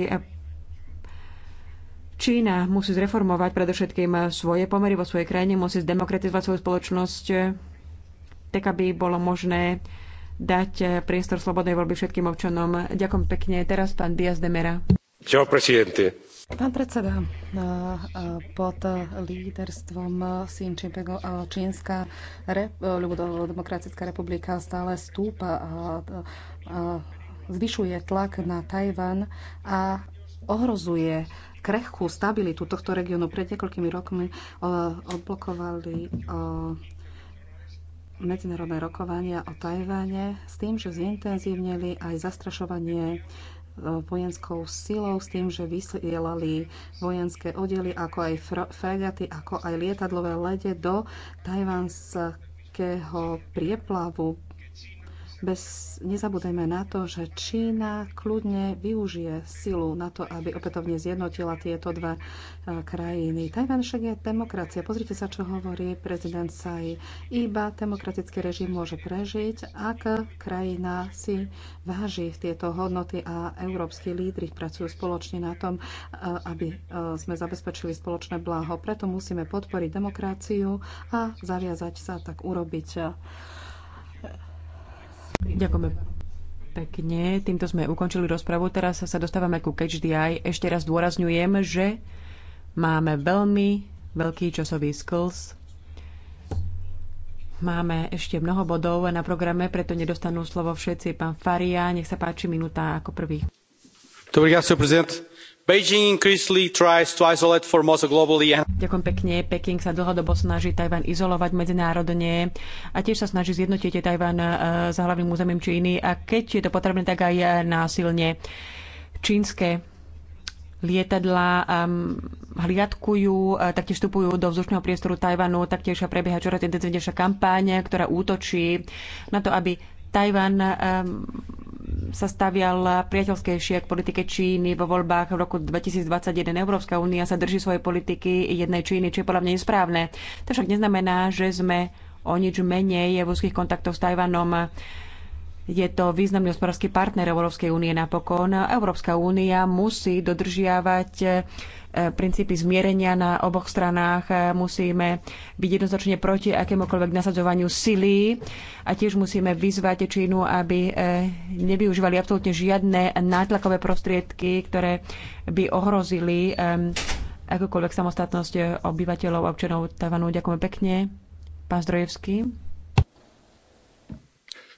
Čína musí zreformovať predovšetkým svoje pomery vo svojej krajine, musí zdemokratizovať svoju spoločnosť, tak aby bolo možné dať priestor slobodnej voľby všetkým občanom. Ďakujem pekne. Teraz pán Diaz de Mera. Čau, presidente. Pán predseda, pod líderstvom Xin Jinpingu Čínska rep, ľudomokratická republika stále stúpa a zvyšuje tlak na Tajvan a ohrozuje krehkú stabilitu tohto regiónu. Pred niekoľkými rokmi eh, odblokovali eh, medzinárodné rokovania o Tajváne s tým, že zintenzívnili aj zastrašovanie eh, vojenskou silou s tým, že vysielali vojenské oddely, ako aj fregaty, ako aj lietadlové lede do tajvanského prieplavu bez, nezabudeme na to, že Čína kľudne využije silu na to, aby opätovne zjednotila tieto dve krajiny. Tajván však je demokracia. Pozrite sa, čo hovorí prezident Tsai. Iba demokratický režim môže prežiť, ak krajina si váži tieto hodnoty a európsky lídry pracujú spoločne na tom, e, aby e, sme zabezpečili spoločné blaho. Preto musíme podporiť demokraciu a zaviazať sa tak urobiť. Ďakujeme pekne. Týmto sme ukončili rozpravu. Teraz sa dostávame ku Catch the Eye. Ešte raz dôrazňujem, že máme veľmi veľký časový skills. Máme ešte mnoho bodov na programe, preto nedostanú slovo všetci. Pán Faria, nech sa páči minúta ako prvý. Dobrý deň, prezident. Beijing increasingly tries to isolate Formosa globally Ďakujem pekne. Peking sa dlhodobo snaží Tajvan izolovať medzinárodne a tiež sa snaží zjednotiť Tajvan eh, za hlavným územím Číny a keď je to potrebné, tak aj eh, násilne. Čínske lietadla um, ehm, hliadkujú, eh, taktiež vstupujú do vzdušného priestoru Tajvanu, taktiež prebieha čoraz intenzívnejšia kampáň, ktorá útočí na to, aby Tajvan um, ehm, sa staviala priateľskejšie k politike Číny vo voľbách v roku 2021. Európska únia sa drží svojej politiky jednej Číny, čo je podľa mňa nesprávne. To však neznamená, že sme o nič menej v úzkých kontaktoch s Tajvanom. Je to významný hospodársky partner Európskej únie napokon. Európska únia musí dodržiavať e, princípy zmierenia na oboch stranách. E, musíme byť jednoznačne proti akémukoľvek nasadzovaniu sily a tiež musíme vyzvať Čínu, aby e, nevyužívali absolútne žiadne nátlakové prostriedky, ktoré by ohrozili akúkoľvek samostatnosť obyvateľov a občanov Tavanu. Ďakujem pekne. Pán Zdrojevský.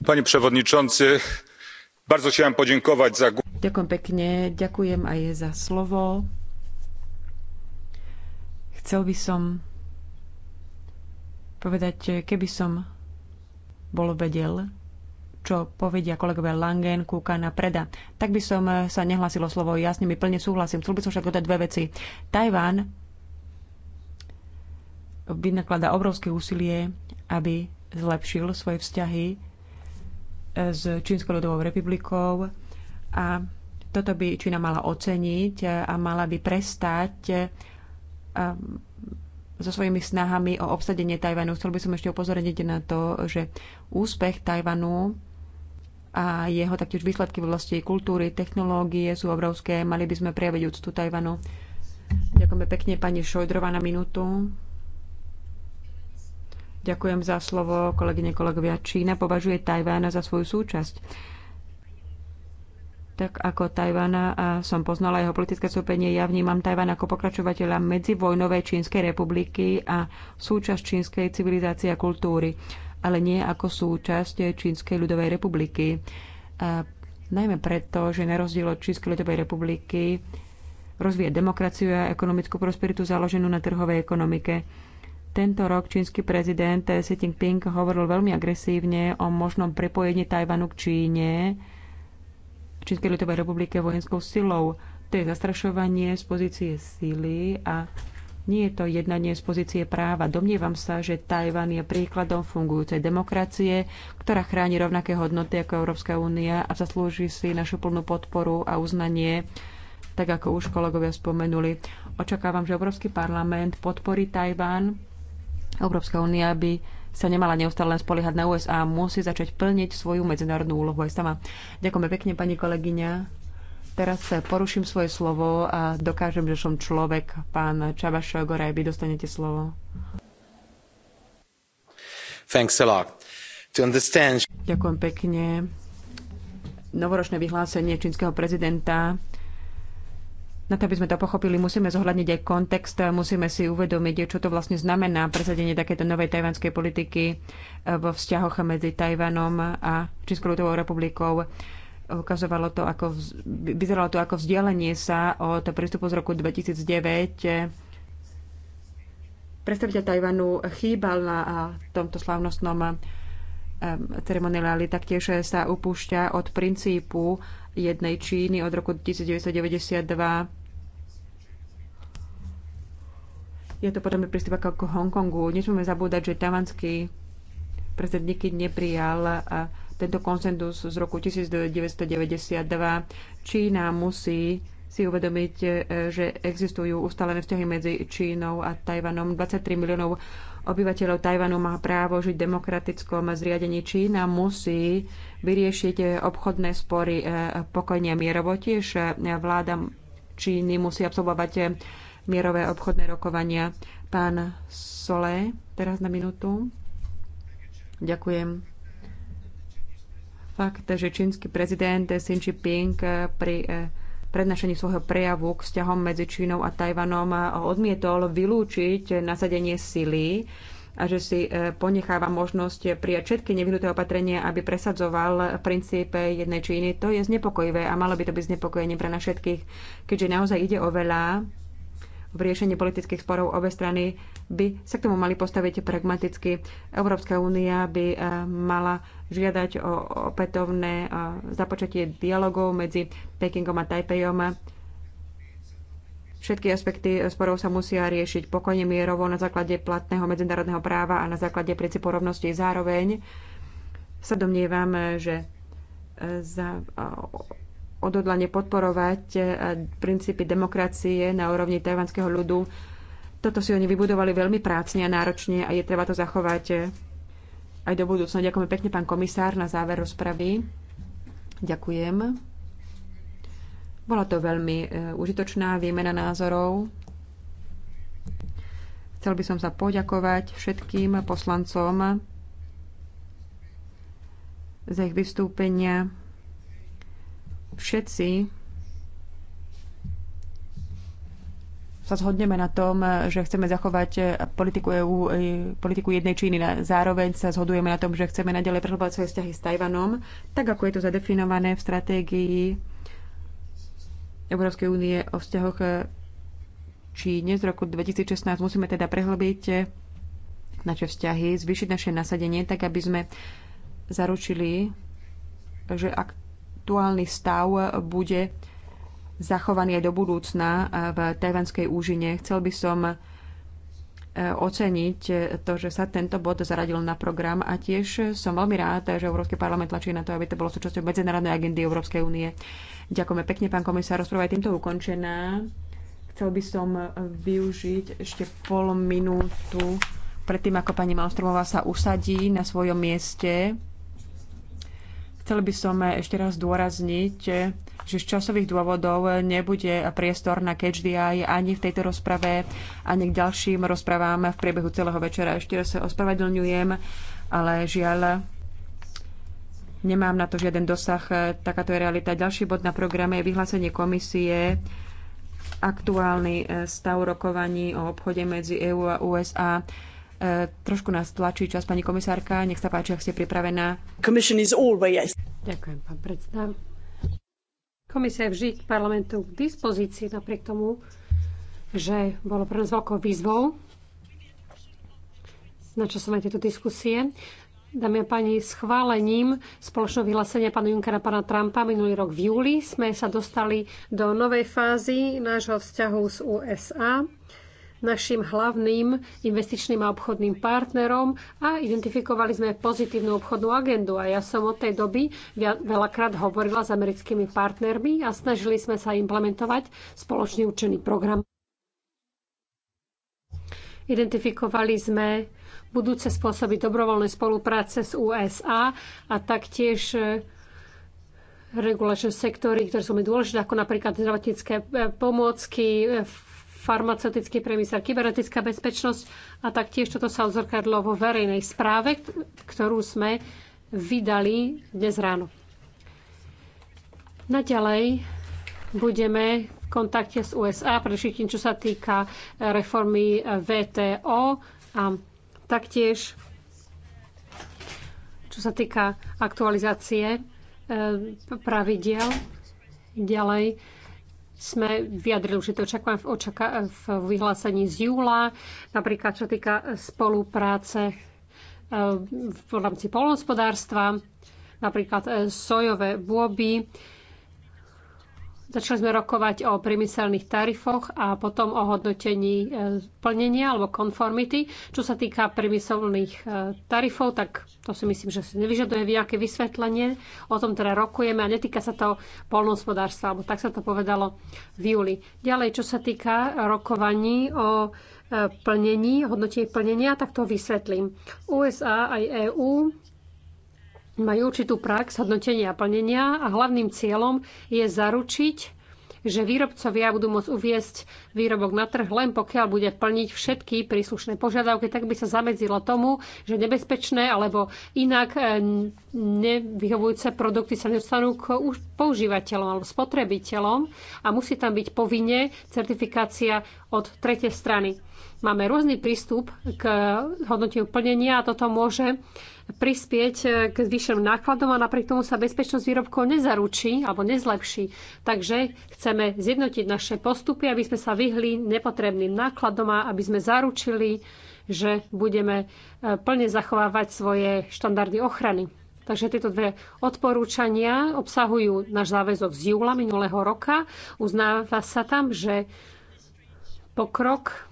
Pani przewodniczący! bardzo chciałem podziękować za. ďakujem pekne ďakujem aj za slovo. chcel by som povedať keby som bol vedel čo povedia kolegovia Langen, Kukan a Preda. Tak by som eh, sa nehlasilo slovo. Ja s nimi plne súhlasím. Chcel by som však dodať dve veci. Tajván vynakladá obrovské úsilie, aby zlepšil svoje vzťahy s Čínskou ľudovou republikou a toto by Čína mala oceniť a mala by prestať um, so svojimi snahami o obsadenie Tajvanu. Chcel by som ešte upozorniť na to, že úspech Tajvanu a jeho taktiež výsledky v oblasti kultúry, technológie sú obrovské. Mali by sme prejaviť úctu Tajvanu. Ďakujeme pekne pani Šojdrova na minútu. Ďakujem za slovo, kolegyne, kolegovia. Čína považuje Tajvána za svoju súčasť. Tak ako Tajvana a som poznala jeho politické stúpenie, ja vnímam Tajván ako pokračovateľa medzivojnovej Čínskej republiky a súčasť čínskej civilizácie a kultúry, ale nie ako súčasť Čínskej ľudovej republiky. A najmä preto, že na rozdiel od Čínskej ľudovej republiky rozvíja demokraciu a ekonomickú prosperitu založenú na trhovej ekonomike tento rok čínsky prezident Xi Jinping hovoril veľmi agresívne o možnom prepojení Tajvanu k Číne, Čínskej ľudovej republike vojenskou silou. To je zastrašovanie z pozície síly a nie je to jednanie z pozície práva. Domnievam sa, že Tajvan je príkladom fungujúcej demokracie, ktorá chráni rovnaké hodnoty ako Európska únia a zaslúži si našu plnú podporu a uznanie, tak ako už kolegovia spomenuli. Očakávam, že Európsky parlament podporí Tajvan. Európska únia by sa nemala neustále len spoliehať na USA, musí začať plniť svoju medzinárodnú úlohu aj sama. Ďakujeme pekne, pani kolegyňa. Teraz poruším svoje slovo a dokážem, že som človek. Pán Čabaš Goraj, vy dostanete slovo. Thanks a lot. To understand... Ďakujem pekne. Novoročné vyhlásenie čínskeho prezidenta na to, aby sme to pochopili, musíme zohľadniť aj kontext, musíme si uvedomiť, čo to vlastne znamená presadenie takéto novej tajvanskej politiky e, vo vzťahoch medzi Tajvanom a Čínskou ľudovou republikou. Ukazovalo to ako, vyzeralo to ako vzdialenie sa od prístupu z roku 2009. Predstaviteľ Tajvanu chýbal na tomto slavnostnom e, ceremoniáli, taktiež sa upúšťa od princípu jednej Číny od roku 1992. Je to podobný prístup ako k Hongkongu. Nesmieme zabúdať, že tavanský prezident nikdy neprijal tento konsenzus z roku 1992. Čína musí si uvedomiť, e, že existujú ustalené vzťahy medzi Čínou a Tajvanom. 23 miliónov obyvateľov Tajvanu má právo žiť v demokratickom zriadení. Čína musí vyriešiť e, obchodné spory e, pokojne a mierovo. Tiež vláda Číny musí absolvovať mierové obchodné rokovania. Pán Solé, teraz na minútu. Ďakujem fakt, že čínsky prezident Xi Jinping pri prednášaní svojho prejavu k vzťahom medzi Čínou a Tajvanom odmietol vylúčiť nasadenie sily a že si e, ponecháva možnosť prijať všetky nevyhnuté opatrenia, aby presadzoval princípe jednej Číny. To je znepokojivé a malo by to byť znepokojenie pre nás všetkých, keďže naozaj ide o veľa v riešení politických sporov obe strany by sa k tomu mali postaviť pragmaticky. Európska únia by eh, mala žiadať o opätovné eh, započatie dialogov medzi Pekingom a Tajpejom. Všetky aspekty eh, sporov sa musia riešiť pokojne mierovo na základe platného medzinárodného práva a na základe princípu rovnosti. Zároveň sa domnievam, že za odhodlanie podporovať princípy demokracie na úrovni tajvanského ľudu toto si oni vybudovali veľmi prácne a náročne a je treba to zachovať aj do budúcna. Ďakujeme pekne, pán komisár, na záver rozpravy. Ďakujem. Bola to veľmi e, užitočná výmena názorov. Chcel by som sa poďakovať všetkým poslancom za ich vystúpenia. Všetci sa zhodneme na tom, že chceme zachovať politiku EÚ, politiku jednej Číny. Zároveň sa zhodujeme na tom, že chceme nadalej prehlbovať svoje vzťahy s Tajvanom, tak ako je to zadefinované v stratégii Európskej únie o vzťahoch Číne z roku 2016. Musíme teda prehlbiť naše vzťahy, zvýšiť naše nasadenie, tak aby sme zaručili, že aktuálny stav bude zachovaný aj do budúcna e, v tajvanskej úžine. Chcel by som e, oceniť to, že sa tento bod zaradil na program a tiež som veľmi rád, že Európsky parlament tlačí na to, aby to bolo súčasťou medzinárodnej agendy Európskej únie. Ďakujeme pekne, pán komisár. Rozpráva je týmto ukončená. Chcel by som využiť ešte pol minútu predtým, ako pani Malstromová sa usadí na svojom mieste. Chcel by som eh, ešte raz dôrazniť, eh, že z časových dôvodov eh, nebude priestor na KHDI ani v tejto rozprave, ani k ďalším rozpravám v priebehu celého večera. Ešte raz sa ospravedlňujem, ale žiaľ, nemám na to žiaden dosah. Takáto je realita. Ďalší bod na programe je vyhlásenie komisie aktuálny stav rokovaní o obchode medzi EÚ a USA. E, trošku nás tlačí čas, pani komisárka. Nech sa páči, ak ste pripravená. Ďakujem, pán predseda. Komisia je vždy k parlamentu k dispozícii, napriek tomu, že bolo pre nás veľkou výzvou Na aj tieto diskusie. Dámy a páni, schválením spoločného vyhlásenia pána Junckera a pána Trumpa minulý rok v júli sme sa dostali do novej fázy nášho vzťahu s USA našim hlavným investičným a obchodným partnerom a identifikovali sme pozitívnu obchodnú agendu. A ja som od tej doby veľakrát hovorila s americkými partnermi a snažili sme sa implementovať spoločný učený program. Identifikovali sme budúce spôsoby dobrovoľnej spolupráce s USA a taktiež e, regulačné sektory, ktoré sú mi dôležité, ako napríklad zdravotnícke e, pomôcky, e, farmaceutický priemysel, kybernetická bezpečnosť a taktiež toto sa odzrkadlo vo verejnej správe, ktorú sme vydali dnes ráno. Naďalej budeme v kontakte s USA, predovšetkým čo sa týka e, reformy e, VTO a taktiež čo sa týka aktualizácie e, pravidiel. Ďalej sme vyjadrili už to očakávam v, očaká- v vyhlásení z júla, napríklad čo týka spolupráce eh, v rámci polnospodárstva, napríklad eh, sojové bôby. Začali sme rokovať o priemyselných tarifoch a potom o hodnotení e, plnenia alebo konformity. Čo sa týka priemyselných e, tarifov, tak to si myslím, že si nevyžaduje nejaké vysvetlenie. O tom teda rokujeme a netýka sa to polnohospodárstva, alebo tak sa to povedalo v júli. Ďalej, čo sa týka rokovaní o e, plnení, hodnotení plnenia, tak to vysvetlím. USA aj EÚ majú určitú prax hodnotenia a plnenia a hlavným cieľom je zaručiť, že výrobcovia budú môcť uviesť výrobok na trh len pokiaľ bude plniť všetky príslušné požiadavky, tak by sa zamedzilo tomu, že nebezpečné alebo inak eh, nevyhovujúce produkty sa nedostanú k používateľom alebo spotrebiteľom a musí tam byť povinne certifikácia od tretej strany. Máme rôzny prístup k hodnoteniu plnenia a toto môže prispieť eh, k vyšším nákladom a napriek tomu sa bezpečnosť výrobkov nezaručí alebo nezlepší. Takže chceme zjednotiť naše postupy, aby sme sa vyhli nepotrebným nákladom a aby sme zaručili, že budeme eh, plne zachovávať svoje štandardy ochrany. Takže tieto dve odporúčania obsahujú náš záväzok z júla minulého roka. Uznáva sa tam, že pokrok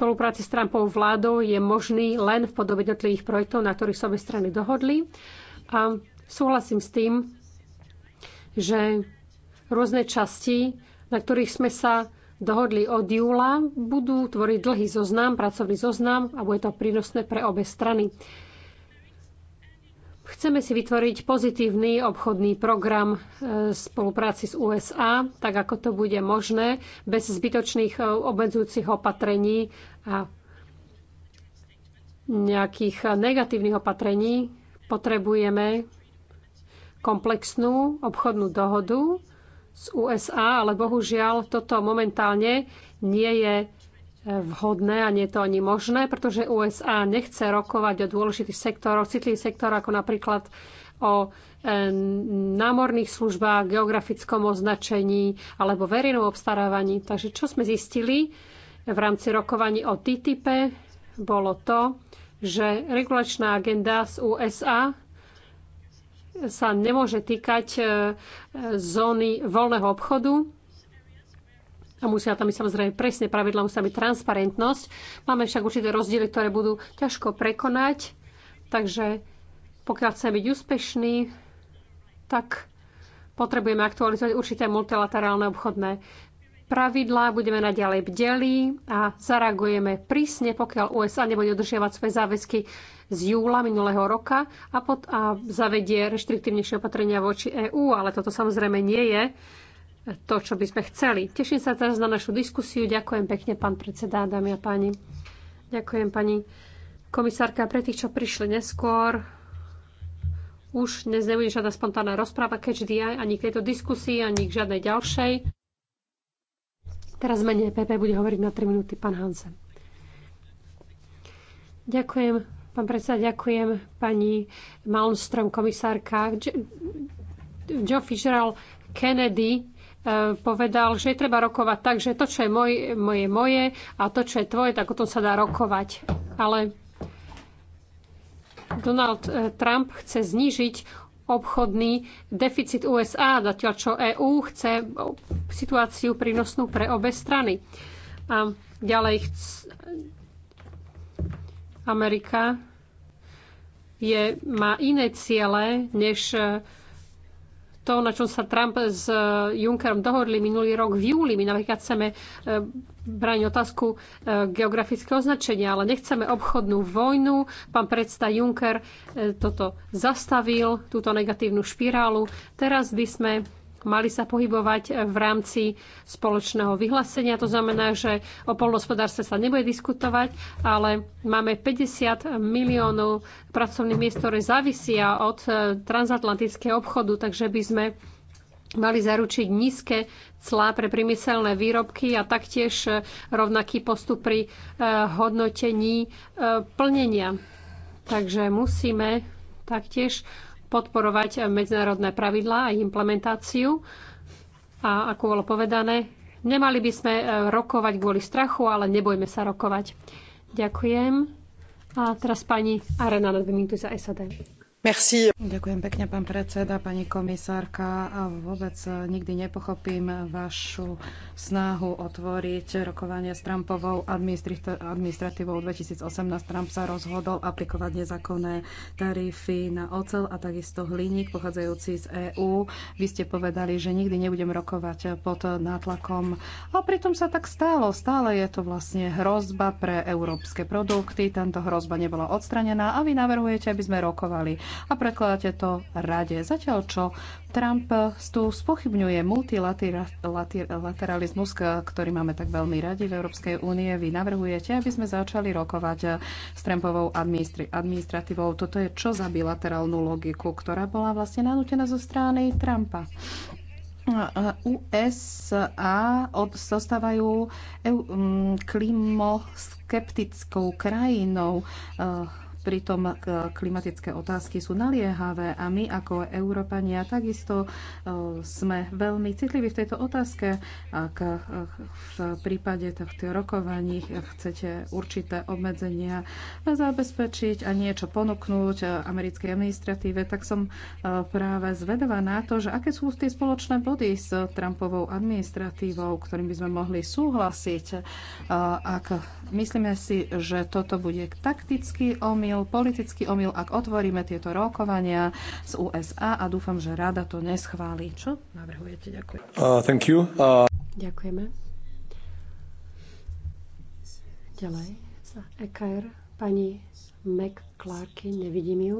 spolupráci s Trumpovou vládou je možný len v podobe jednotlivých projektov, na ktorých sobe strany dohodli. A súhlasím s tým, že rôzne časti, na ktorých sme sa dohodli od júla, budú tvoriť dlhý zoznam, pracovný zoznam a bude to prínosné pre obe strany. Chceme si vytvoriť pozitívny obchodný program e, spolupráci s USA, tak ako to bude možné, bez zbytočných e, obmedzujúcich opatrení a nejakých e, negatívnych opatrení. Potrebujeme komplexnú obchodnú dohodu z USA, ale bohužiaľ toto momentálne nie je vhodné a nie je to ani možné, pretože USA nechce rokovať o dôležitých sektoroch, citlivých sektoroch ako napríklad o e, námorných službách, geografickom označení alebo verejnom obstarávaní. Takže čo sme zistili v rámci rokovaní o TTIP, bolo to, že regulačná agenda z USA sa nemôže týkať e, zóny voľného obchodu, a musia tam byť samozrejme presne pravidla, musia byť transparentnosť. Máme však určité rozdiely, ktoré budú ťažko prekonať, takže pokiaľ chceme byť úspešní, tak potrebujeme aktualizovať určité multilaterálne obchodné pravidlá, budeme naďalej bdeli a zareagujeme prísne, pokiaľ USA nebude dodržiavať svoje záväzky z júla minulého roka a, pod, a zavedie reštriktívnejšie opatrenia voči EÚ, ale toto samozrejme nie je to, čo by sme chceli. Teším sa teraz na našu diskusiu. Ďakujem pekne, pán predseda, dámy a páni. Ďakujem, pani komisárka. Pre tých, čo prišli neskôr, už dnes nebude žiadna spontánna rozpráva, keďže DI ani k tejto diskusii, ani k žiadnej ďalšej. Teraz menej PP bude hovoriť na 3 minúty pán Hansen. Ďakujem, pán predseda, ďakujem pani Malmström, komisárka. Jo Fitzgerald Kennedy E, povedal, že je treba rokovať tak, že to, čo je moje, moje, moje a to, čo je tvoje, tak o tom sa dá rokovať. Ale Donald e, Trump chce znížiť obchodný deficit USA, zatiaľ čo EÚ chce situáciu prínosnú pre obe strany. A ďalej chc... Amerika je, má iné ciele, než to, na čom sa Trump s e, Junckerom dohodli minulý rok v júli. My napríklad chceme e, brániť otázku e, geografického označenia, ale nechceme obchodnú vojnu. Pán predsta Juncker toto zastavil, túto negatívnu špirálu. Teraz by sme mali sa pohybovať v rámci spoločného vyhlásenia. To znamená, že o polnospodárstve sa nebude diskutovať, ale máme 50 miliónov pracovných miest, ktoré závisia od e, transatlantického obchodu, takže by sme mali zaručiť nízke clá pre priemyselné výrobky a taktiež e, rovnaký postup pri e, hodnotení plnenia. Takže musíme taktiež podporovať medzinárodné pravidlá a implementáciu. A ako bolo povedané, nemali by sme e, rokovať kvôli strachu, ale nebojme sa rokovať. Ďakujem. A teraz pani Arena na za SAD. Ďakujem pekne, pán predseda, pani komisárka. vôbec e, nikdy nepochopím vašu snahu otvoriť rokovanie s Trumpovou administratívou 2018. Trump sa rozhodol aplikovať nezákonné tarify na ocel a takisto hliník pochádzajúci z EÚ. Vy ste povedali, že nikdy nebudem rokovať pod nátlakom. A pritom sa tak stalo. Stále je to vlastne hrozba pre európske produkty. Tento hrozba nebola odstranená a vy navrhujete, aby sme rokovali a prekladáte to rade. Zatiaľ čo Trump tu spochybňuje multilateralizmus, ktorý máme tak veľmi radi v Európskej únie. Vy navrhujete, aby sme začali rokovať s Trumpovou administratívou. Toto je čo za bilaterálnu logiku, ktorá bola vlastne nanútená zo strany Trumpa? USA zostávajú klimoskeptickou krajinou. Uh, Pritom e, klimatické otázky sú naliehavé a my ako Európania takisto e, sme veľmi citliví v tejto otázke. Ak e, v prípade tohto rokovaní chcete určité obmedzenia zabezpečiť a niečo ponúknúť americkej administratíve, tak som práve zvedavá na to, že aké sú tie spoločné body s Trumpovou administratívou, ktorým by sme mohli súhlasiť. Ak myslíme si, že toto bude taktický omyl, omyl, politický omyl, ak otvoríme tieto rokovania z USA a dúfam, že rada to neschváli. Čo navrhujete? Ďakujem. Uh, thank you. Uh... Ďakujeme. Ďalej. Za EKR pani Clarky, nevidím ju.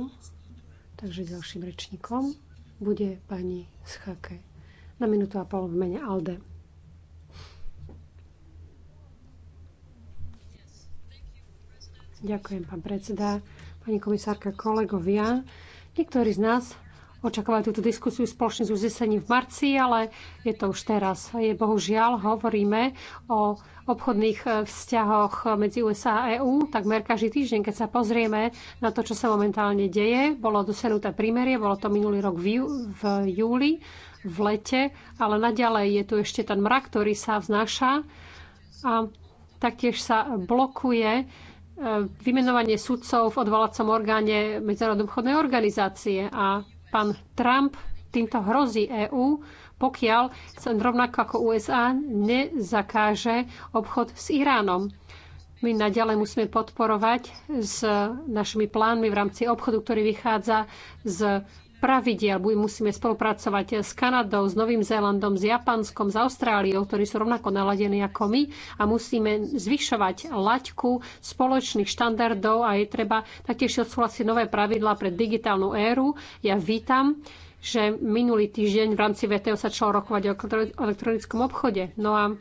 Takže ďalším rečníkom bude pani Schake. Na minútu a pol v mene Alde. Ďakujem, pán predseda, pani komisárka, kolegovia. Niektorí z nás očakávajú túto diskusiu spoločne s uzesením v marci, ale je to už teraz. Je bohužiaľ, hovoríme o obchodných eh, vzťahoch medzi USA a EÚ takmer každý týždeň, keď sa pozrieme na to, čo sa momentálne deje. Bolo dosenuté prímerie, bolo to minulý rok v, v júli, v lete, ale naďalej je tu ešte ten mrak, ktorý sa vznáša a taktiež sa blokuje vymenovanie sudcov v odvolacom orgáne Medzinárodnej obchodnej organizácie. A pán Trump týmto hrozí EÚ, pokiaľ rovnako ako USA nezakáže obchod s Iránom. My naďalej musíme podporovať s našimi plánmi v rámci obchodu, ktorý vychádza z pravidiel. Musíme spolupracovať s Kanadou, s Novým Zélandom, s Japanskom, s Austráliou, ktorí sú rovnako naladení ako my a musíme zvyšovať laťku spoločných štandardov a je treba taktiež odsúhlasiť nové pravidlá pre digitálnu éru. Ja vítam že minulý týždeň v rámci VTO sa čalo rokovať o elektronickom obchode. No a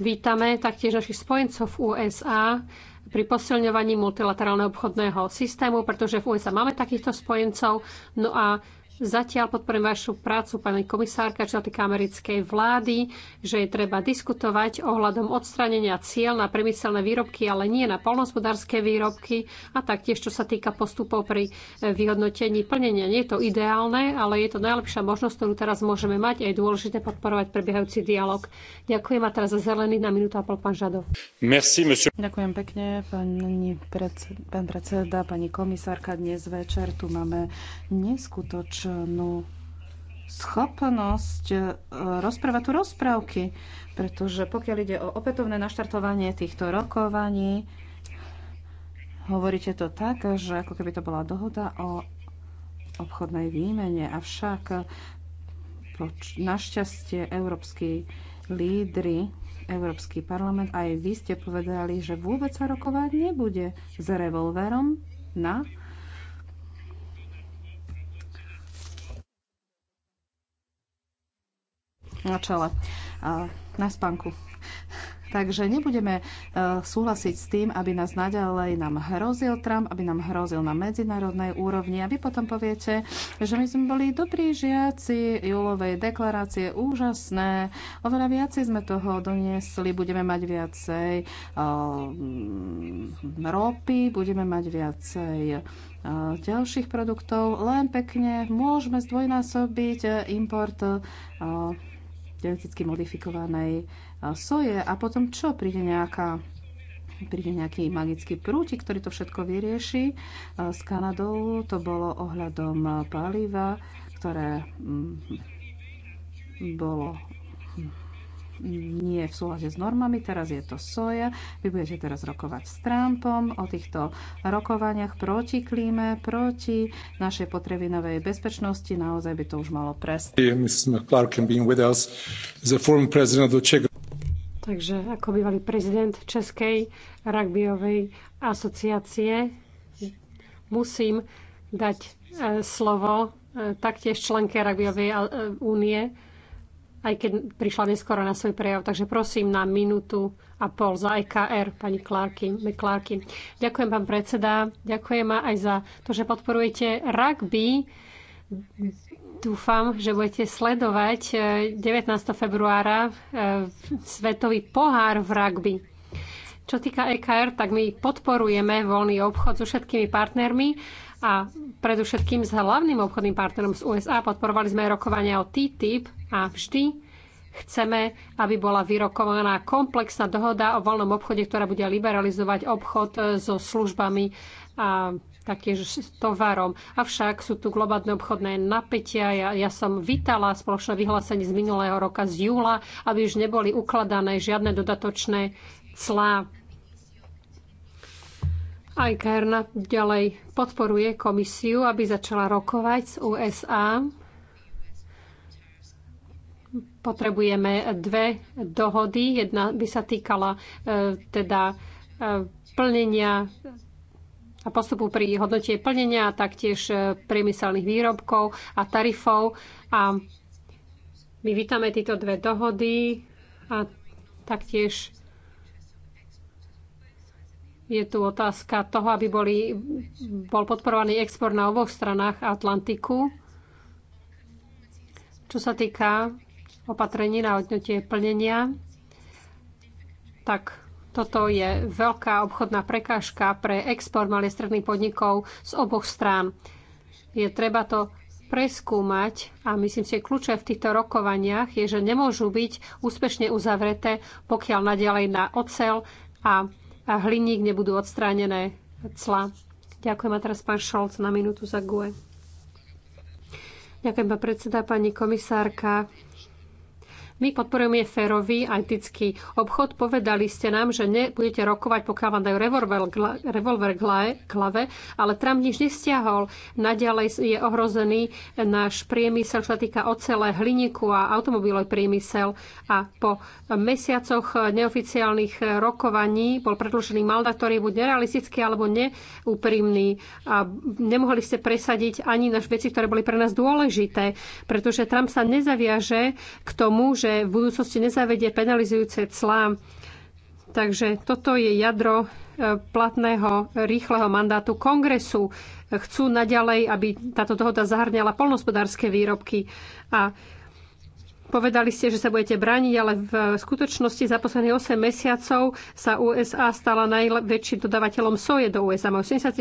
vítame taktiež našich spojencov v USA, pri posilňovaní multilaterálneho obchodného systému, pretože v USA máme takýchto spojencov. No a Zatiaľ podporujem vašu prácu, pani komisárka, čo sa týka americkej vlády, že je treba diskutovať ohľadom odstranenia cieľ na priemyselné výrobky, ale nie na polnospodárske výrobky a taktiež, čo sa týka postupov pri eh, vyhodnotení plnenia. Nie je to ideálne, ale je to najlepšia možnosť, ktorú teraz môžeme mať a je dôležité podporovať prebiehajúci dialog. Ďakujem a teraz za zelený na minútu a pol pán Žado. Merci, monsieur. Ďakujem pekne, pani pán predseda, pani komisárka. Dnes večer tu máme neskutočné skutočnú schopnosť e, rozprávať tu rozprávky, pretože pokiaľ ide o opätovné naštartovanie týchto rokovaní, hovoríte to tak, že ako keby to bola dohoda o obchodnej výmene. Avšak e, našťastie európsky lídry, Európsky parlament, aj vy ste povedali, že vôbec sa rokovať nebude s revolverom na na čele, na spánku. Takže nebudeme e, súhlasiť s tým, aby nás naďalej nám hrozil Trump, aby nám hrozil na medzinárodnej úrovni. A vy potom poviete, že my sme boli dobrí žiaci júlovej deklarácie, úžasné. Oveľa viacej sme toho doniesli, budeme mať viacej e, ropy, budeme mať viacej e, ďalších produktov. Len pekne môžeme zdvojnásobiť import geneticky modifikovanej soje a potom čo? Príde nejaká príde nejaký magický prútik, ktorý to všetko vyrieši. S Kanadou to bolo ohľadom paliva, ktoré mm, bolo hm, nie je v súlade s normami, teraz je to soja. Vy budete teraz rokovať s Trumpom o týchto rokovaniach proti klíme, proti našej potrebinovej bezpečnosti. Naozaj by to už malo prestať. Takže ako bývalý prezident Českej rugbyovej asociácie musím dať e, slovo e, taktiež členke rugbyovej e, únie, aj keď prišla neskoro na svoj prejav. Takže prosím na minútu a pol za EKR, pani Klárky, McClárky. Ďakujem, pán predseda. Ďakujem aj za to, že podporujete rugby. Dúfam, že budete sledovať 19. Eh, februára eh, Svetový pohár v rugby. Čo týka EKR, tak my podporujeme voľný obchod so všetkými partnermi a predovšetkým s hlavným obchodným partnerom z USA podporovali sme rokovania o TTIP a vždy chceme, aby bola vyrokovaná komplexná dohoda o voľnom obchode, ktorá bude liberalizovať obchod e, so službami a taktiež s tovarom. Avšak sú tu globálne obchodné napätia. Ja, ja som vítala spoločné vyhlásenie z minulého roka z júla, aby už neboli ukladané žiadne dodatočné clá IKR ďalej podporuje komisiu, aby začala rokovať s USA. Potrebujeme dve dohody. Jedna by sa týkala e, teda e, plnenia a postupu pri hodnotie plnenia a taktiež e, priemyselných výrobkov a tarifov. A my vítame tieto dve dohody a taktiež je tu otázka toho, aby boli, bol podporovaný export na oboch stranách Atlantiku. Čo sa týka opatrení na odňutie plnenia, tak toto je veľká obchodná prekážka pre export malých stredných podnikov z oboch strán. Je treba to preskúmať a myslím si, že kľúče v týchto rokovaniach je, že nemôžu byť úspešne uzavreté, pokiaľ nadalej na ocel a a hliník nebudú odstránené cla. Ďakujem a teraz pán Šolc na minútu za GUE. Ďakujem, pán predseda, pani komisárka. My podporujeme férový a etický obchod. Povedali ste nám, že nebudete rokovať, pokiaľ vám dajú revolver, revolver klave, ale Trump nič nestiahol. Naďalej je ohrozený náš priemysel, čo sa týka ocele, hliníku a automobilový priemysel. A po mesiacoch neoficiálnych rokovaní bol predložený mandát, ktorý buď nerealistický alebo neúprimný. A nemohli ste presadiť ani naš veci, ktoré boli pre nás dôležité, pretože Trump sa nezaviaže k tomu, že že v budúcnosti nezavedie penalizujúce clá. Takže toto je jadro e, platného rýchleho mandátu kongresu. Chcú naďalej, aby táto dohoda zahrňala polnospodárske výrobky. A povedali ste, že sa budete brániť, ale v skutočnosti za posledných 8 mesiacov sa USA stala najväčším dodávateľom soje do USA. Má 87%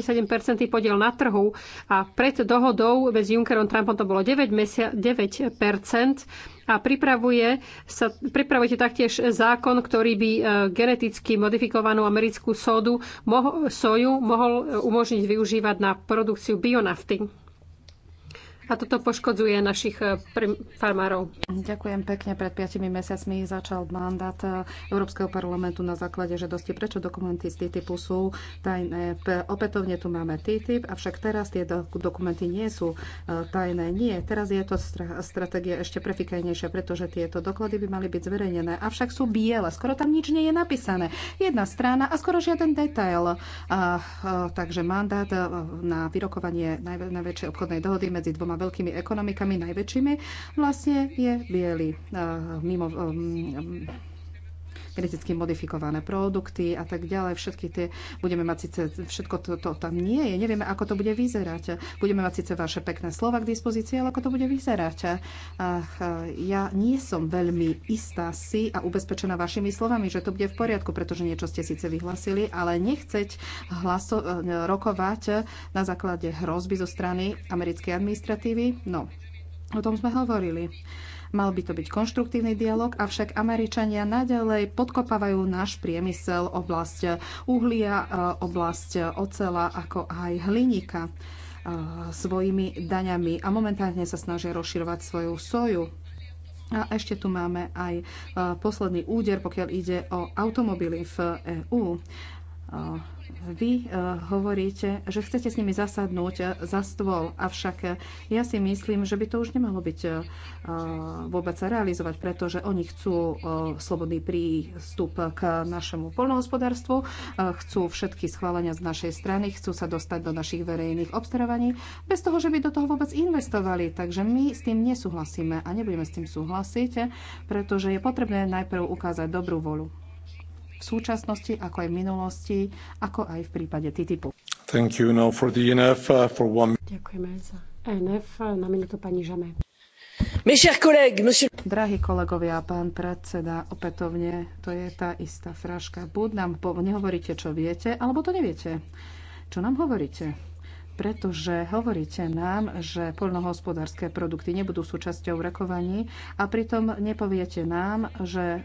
podiel na trhu a pred dohodou bez Junckerom Trumpom to bolo 9, 9% a pripravuje sa, pripravujete taktiež zákon, ktorý by e, geneticky modifikovanú americkú sodu, moho, soju mohol e, umožniť využívať na produkciu bionafty a toto poškodzuje našich eh, farmárov. Ďakujem pekne. Pred 5 mesiacmi začal mandát eh, Európskeho parlamentu na základe žiadosti, prečo dokumenty z TTIPu sú tajné. Opätovne tu máme TTIP, avšak teraz tie dokumenty nie sú eh, tajné. Nie, teraz je to stratégia ešte prefikajnejšia, pretože tieto doklady by mali byť zverejnené, avšak sú biele, skoro tam nič nie je napísané. Jedna strana a skoro žiaden detail. A, a, takže mandát na vyrokovanie najväčšej obchodnej dohody medzi dvoma veľkými ekonomikami, najväčšími, vlastne je biely. Eh, mimo, eh, geneticky modifikované produkty a tak ďalej. Všetky tie budeme mať síce, všetko to, to tam nie je, nevieme, ako to bude vyzerať. Budeme mať síce vaše pekné slova k dispozícii, ale ako to bude vyzerať. Ach, ja nie som veľmi istá si a ubezpečená vašimi slovami, že to bude v poriadku, pretože niečo ste síce vyhlasili, ale nechceť hlaso- rokovať na základe hrozby zo strany americkej administratívy. No, o tom sme hovorili. Mal by to byť konštruktívny dialog, avšak Američania naďalej podkopávajú náš priemysel, oblasť uhlia, e, oblasť ocela, ako aj hliníka e, svojimi daňami a momentálne sa snažia rozširovať svoju soju. A ešte tu máme aj e, posledný úder, pokiaľ ide o automobily v EÚ vy eh, hovoríte, že chcete s nimi zasadnúť eh, za stôl, avšak eh, ja si myslím, že by to už nemalo byť vôbec sa realizovať, pretože oni chcú slobodný prístup k našemu polnohospodárstvu, chcú všetky schválenia z našej strany, chcú sa dostať do našich verejných obstarávaní, bez toho, že by do toho vôbec investovali. Takže my s tým nesúhlasíme a nebudeme s tým súhlasiť, pretože je potrebné najprv ukázať dobrú volu v súčasnosti, ako aj v minulosti, ako aj v prípade TTIPu. Thank you now for the e NF, uh, for one... Ďakujeme za e NF. Uh, na minútu pani Žame. Drahí kolegovia, pán predseda, opätovne to je tá istá fraška. Buď nám po- nehovoríte, čo viete, alebo to neviete. Čo nám hovoríte? pretože hovoríte nám, že poľnohospodárske produkty nebudú súčasťou rokovaní a pritom nepoviete nám, že e,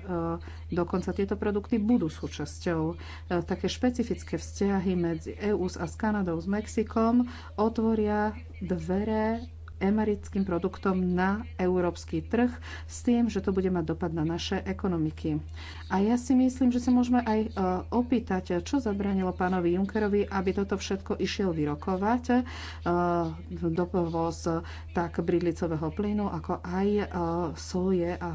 dokonca tieto produkty budú súčasťou. E, také špecifické vzťahy medzi EU a s Kanadou, s Mexikom otvoria dvere americkým produktom na európsky trh s tým, že to bude mať dopad na naše ekonomiky. A ja si myslím, že sa môžeme aj e, opýtať, čo zabranilo pánovi Junckerovi, aby toto všetko išiel vyrokovať e, dovoz tak bridlicového plynu, ako aj e, soje a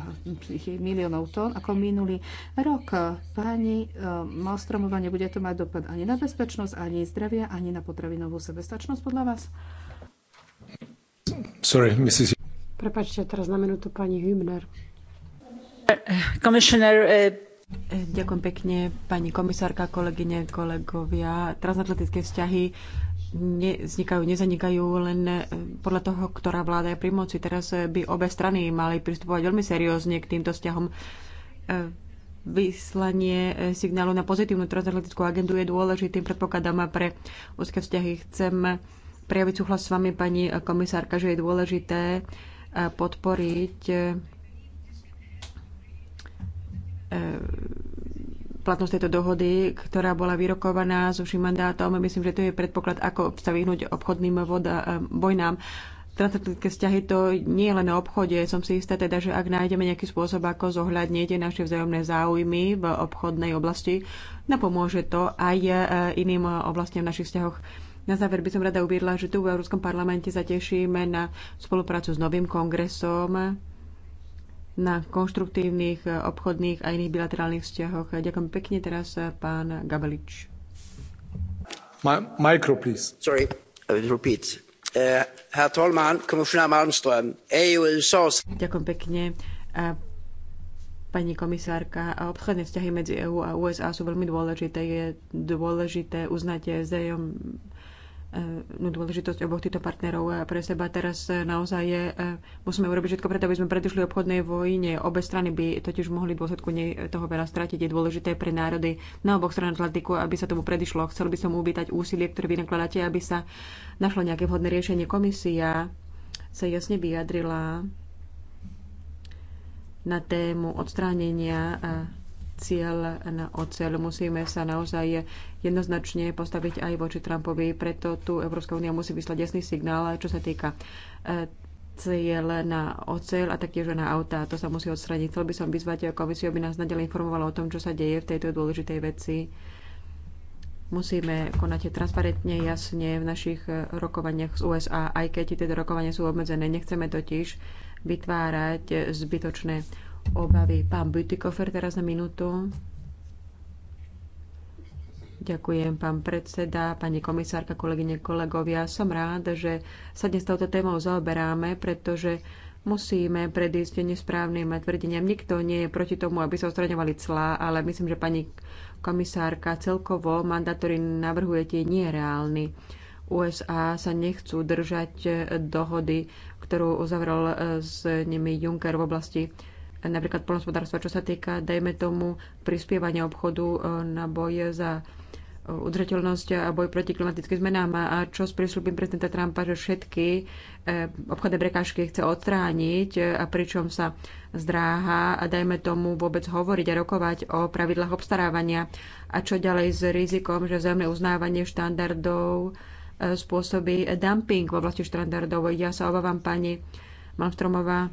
miliónov tón, ako minulý rok. Pani Malstromová, nebude to mať dopad ani na bezpečnosť, ani zdravia, ani na potravinovú sebestačnosť podľa vás? Sorry, Mrs. Prepačte, teraz na minútu pani Hübner. Commissioner, eh, Ďakujem pekne, pani komisárka, kolegyne, kolegovia. Transatlantické vzťahy nevznikajú, nezanikajú len eh, podľa toho, ktorá vláda je pri moci. Teraz eh, by obe strany mali pristupovať veľmi seriózne k týmto vzťahom. Vyslanie signálu na pozitívnu transatlantickú agendu je dôležitým predpokladom pre úzke vzťahy. Chcem prejaviť súhlas s vami, pani komisárka, že je dôležité eh, podporiť eh, platnosť tejto dohody, ktorá bola vyrokovaná s vším mandátom. Myslím, že to je predpoklad, ako sa vyhnúť obchodným voda, eh, vojnám. Transatlantické vzťahy to nie je len o obchode. Som si istá teda, že ak nájdeme nejaký spôsob, ako zohľadniť naše vzájomné záujmy v obchodnej oblasti, napomôže to aj iným oblastiam v našich vzťahoch. Na záver by som rada uviedla, že tu v Európskom parlamente sa tešíme na spoluprácu s novým kongresom, na konštruktívnych eh, obchodných a iných bilaterálnych vzťahoch. Ďakujem pekne teraz eh, pán Gabelič. My, micro, please. Sorry, I will repeat. Uh, herr Malmström, EU Ďakujem pekne. Uh, pani komisárka, obchodné vzťahy medzi EÚ a USA sú veľmi dôležité. Je dôležité uznať zájom Eh, no, dôležitosť oboch týchto partnerov eh, pre seba. Teraz eh, naozaj je, musíme urobiť všetko preto, aby sme predišli obchodnej vojne. Obe strany by totiž mohli v dôsledku nej toho veľa stratiť. Je dôležité pre národy na oboch stranách Atlantiku, aby sa tomu predišlo. Chcel by som uvítať úsilie, ktoré vy nakladáte, aby sa našlo nejaké vhodné riešenie. Komisia sa jasne vyjadrila na tému odstránenia cieľ na oceľ. Musíme sa naozaj jednoznačne postaviť aj voči Trumpovi. Preto tu Európska únia musí vyslať jasný signál, čo sa týka e, cieľ na oceľ a taktiež na auta. To sa musí odstraniť. Chcel by som vyzvať komisiu, aby nás nadalej informovala o tom, čo sa deje v tejto dôležitej veci musíme konať transparentne, jasne v našich rokovaniach z USA, aj keď tieto rokovania sú obmedzené. Nechceme totiž vytvárať zbytočné obavy. Pán Butikofer, teraz na minútu. Ďakujem, pán predseda, pani komisárka, kolegyne, kolegovia. Som rád, že sa dnes touto témou zaoberáme, pretože musíme predísť nesprávnym tvrdeniam. Nikto nie je proti tomu, aby sa ostraňovali clá, ale myslím, že pani komisárka, celkovo mandát, ktorý navrhujete, nie je reálny. USA sa nechcú držať eh, dohody, ktorú uzavrel eh, s nimi Juncker v oblasti napríklad polnospodárstva, čo sa týka, dajme tomu, prispievania obchodu e, na boj za e, udržateľnosť a boj proti klimatickým zmenám a čo s prísľubím prezidenta Trumpa, že všetky e, obchodné prekážky chce odstrániť a pričom sa zdráha a dajme tomu vôbec hovoriť a rokovať o pravidlách obstarávania a čo ďalej s rizikom, že zemné uznávanie štandardov spôsobí dumping v oblasti štandardov. Ja sa obávam, pani Malmstromová,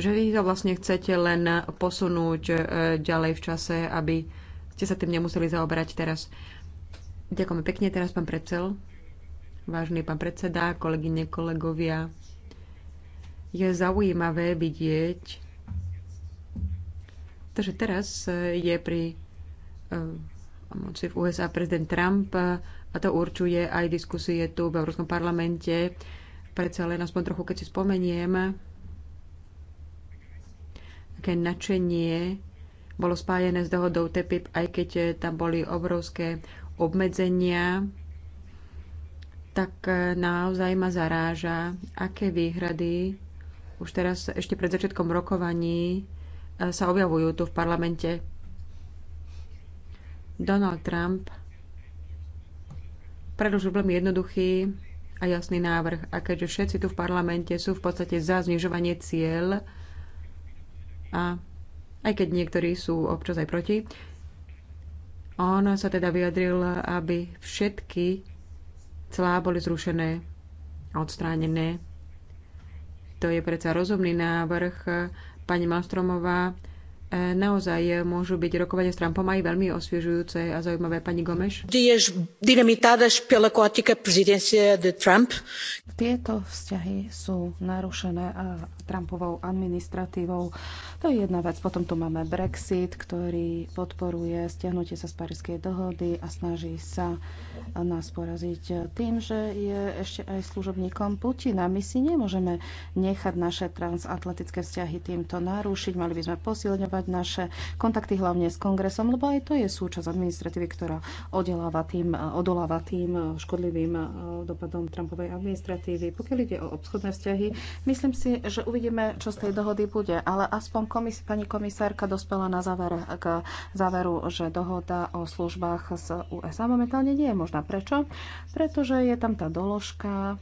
že vy to vlastne chcete len posunúť e, ďalej v čase, aby ste sa tým nemuseli zaoberať teraz. Ďakujem pekne teraz, pán predsel. Vážny pán predseda, kolegyne, kolegovia. Je zaujímavé vidieť, že teraz e, je pri e, moci v USA prezident Trump a to určuje aj diskusie tu v Európskom parlamente. Predsa len aspoň trochu, keď si spomeniem, aké nadšenie bolo spájené s dohodou TPIP, aj keď eh, tam boli obrovské obmedzenia, tak eh, naozaj ma zaráža, aké výhrady už teraz ešte pred začiatkom rokovaní eh, sa objavujú tu v parlamente. Donald Trump predložil veľmi jednoduchý a jasný návrh. A keďže všetci tu v parlamente sú v podstate za znižovanie cieľ, a aj keď niektorí sú občas aj proti, on sa teda vyjadril, aby všetky clá boli zrušené a odstránené. To je predsa rozumný návrh. Pani Malstromová naozaj môžu byť rokovania s Trumpom aj veľmi osviežujúce a zaujímavé. Pani Gomeš? Tieto vzťahy sú narušené Trumpovou administratívou. To je jedna vec. Potom tu máme Brexit, ktorý podporuje stiahnutie sa z Parískej dohody a snaží sa nás poraziť tým, že je ešte aj služobníkom Putina. My si nemôžeme nechať naše transatlantické vzťahy týmto narušiť. Mali by sme posilňovať zlepšovať naše kontakty hlavne s kongresom, lebo aj to je súčasť administratívy, ktorá odoláva tým, odoláva tým škodlivým eh, dopadom Trumpovej administratívy. Pokiaľ ide o obchodné vzťahy, myslím si, že uvidíme, čo z tej dohody bude, ale aspoň komis- pani komisárka dospela na záver k záveru, že dohoda o službách z USA momentálne nie je možná. Prečo? Pretože je tam tá doložka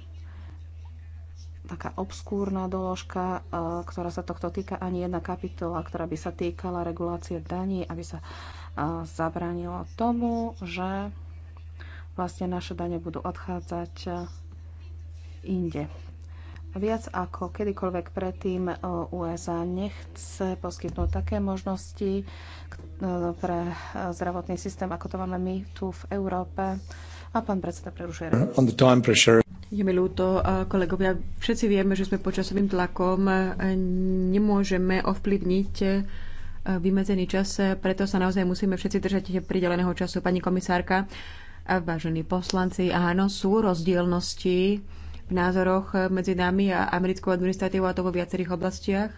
taká obskúrna doložka, e, ktorá sa tohto týka, ani jedna kapitola, ktorá by sa týkala regulácie daní, aby sa e, zabránilo tomu, že vlastne naše dane budú odchádzať e, inde. Viac ako kedykoľvek predtým USA nechce poskytnúť také možnosti pre zdravotný systém, ako to máme my tu v Európe a pán predseda prerušuje. Uh-huh. Je mi ľúto, uh, kolegovia. Všetci vieme, že sme pod časovým tlakom. Uh, nemôžeme ovplyvniť uh, vymedzený čas, preto sa naozaj musíme všetci držať prideleného času. Pani komisárka, vážení poslanci, áno, sú rozdielnosti v názoroch medzi nami a americkou administratívou a to vo viacerých oblastiach,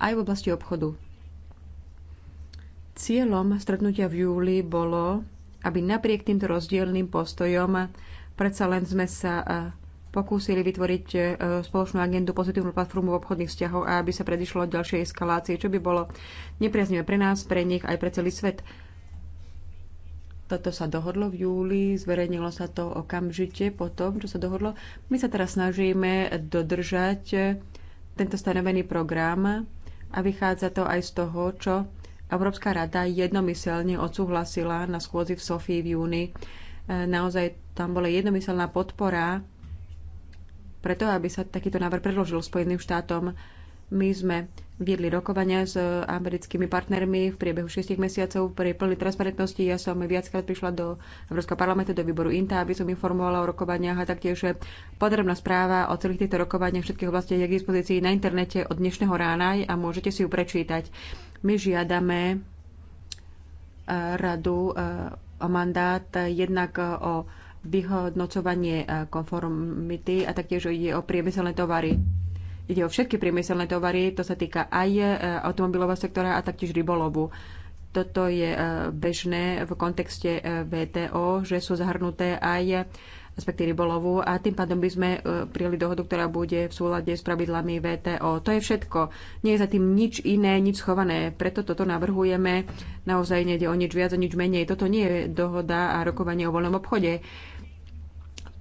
aj v oblasti obchodu. Cieľom stretnutia v júli bolo aby napriek týmto rozdielným postojom predsa len sme sa e, pokúsili vytvoriť e, spoločnú agendu pozitívnu platformu v obchodných vzťahov a aby sa predišlo ďalšej eskalácie, čo by bolo nepriaznivé pre nás, pre nich aj pre celý svet. Toto sa dohodlo v júli, zverejnilo sa to okamžite po tom, čo sa dohodlo. My sa teraz snažíme dodržať tento stanovený program a vychádza to aj z toho, čo Európska rada jednomyselne odsúhlasila na schôdzi v Sofii v júni. E, naozaj tam bola jednomyselná podpora preto, aby sa takýto návrh predložil Spojeným štátom. My sme viedli rokovania s americkými partnermi v priebehu 6 mesiacov pri plnej transparentnosti. Ja som viackrát prišla do Európskeho parlamentu, do výboru INTA, aby som informovala o rokovaniach a taktiež podrobná správa o celých týchto rokovaniach všetkých oblasti je k dispozícii na internete od dnešného rána a môžete si ju prečítať. My žiadame eh, radu eh, o mandát jednak eh, o vyhodnocovanie konformity a taktiež ide o priemyselné tovary. Ide o všetky priemyselné tovary, to sa týka aj automobilového sektora a taktiež rybolovu. Toto je bežné v kontexte VTO, že sú zahrnuté aj respektíve rybolovu a tým pádom by sme e, prijali dohodu, ktorá bude v súlade s pravidlami VTO. To je všetko. Nie je za tým nič iné, nič schované. Preto toto navrhujeme. Naozaj nejde o nič viac, o nič menej. Toto nie je dohoda a rokovanie o voľnom obchode.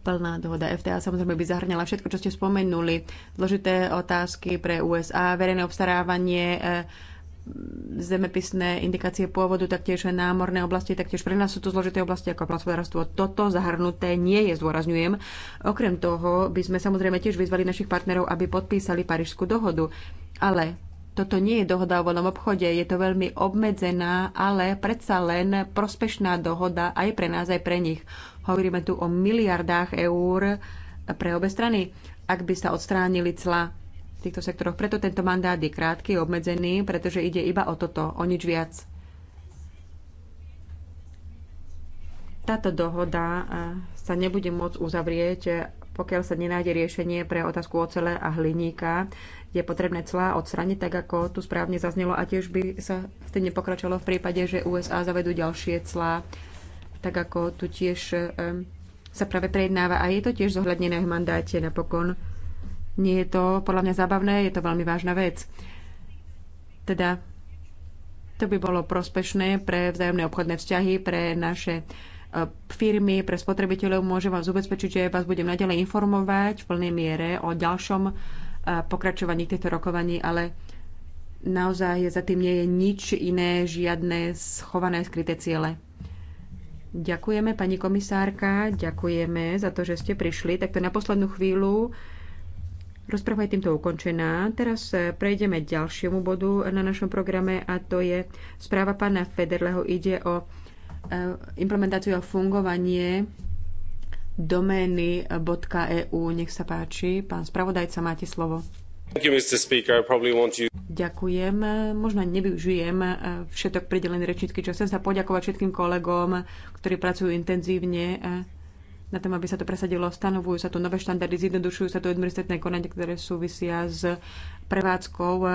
Plná dohoda FTA samozrejme by zahrňala všetko, čo ste spomenuli. Zložité otázky pre USA, verejné obstarávanie, e, zemepisné indikácie pôvodu, taktiež námorné oblasti, taktiež pre nás sú to zložité oblasti ako plnospodárstvo. Toto zahrnuté nie je, zdôrazňujem. Okrem toho by sme samozrejme tiež vyzvali našich partnerov, aby podpísali Parížskú dohodu. Ale toto nie je dohoda o voľnom obchode, je to veľmi obmedzená, ale predsa len prospešná dohoda aj pre nás, aj pre nich. Hovoríme tu o miliardách eur pre obe strany, ak by sa odstránili cla v týchto sektoroch. Preto tento mandát je krátky, obmedzený, pretože ide iba o toto, o nič viac. Táto dohoda eh, sa nebude môcť uzavrieť, pokiaľ sa nenájde riešenie pre otázku ocele a hliníka. Je potrebné clá odstraniť, tak ako tu správne zaznelo, a tiež by sa v tým nepokračovalo v prípade, že USA zavedú ďalšie clá, tak ako tu tiež eh, sa práve prejednáva. A je to tiež zohľadnené v mandáte napokon nie je to podľa mňa zábavné, je to veľmi vážna vec. Teda to by bolo prospešné pre vzájomné obchodné vzťahy, pre naše e, firmy, pre spotrebiteľov. Môžem vás ubezpečiť, že vás budem naďalej informovať v plnej miere o ďalšom e, pokračovaní týchto rokovaní, ale naozaj za tým nie je nič iné, žiadne schované skryté ciele. Ďakujeme, pani komisárka, ďakujeme za to, že ste prišli takto na poslednú chvíľu. Rozpráva je týmto ukončená. Teraz e, prejdeme k ďalšiemu bodu na našom programe a to je správa pána Federleho. Ide o e, implementáciu a fungovanie domény.eu. Nech sa páči. Pán spravodajca, máte slovo. Ďakujem. Možno nevyužijem e, všetok pridelený rečnícky čas. Chcem sa poďakovať všetkým kolegom, ktorí pracujú intenzívne na tom, aby sa to presadilo. Stanovujú sa tu nové štandardy, zjednodušujú sa tu administratívne konania, ktoré súvisia s prevádzkou um,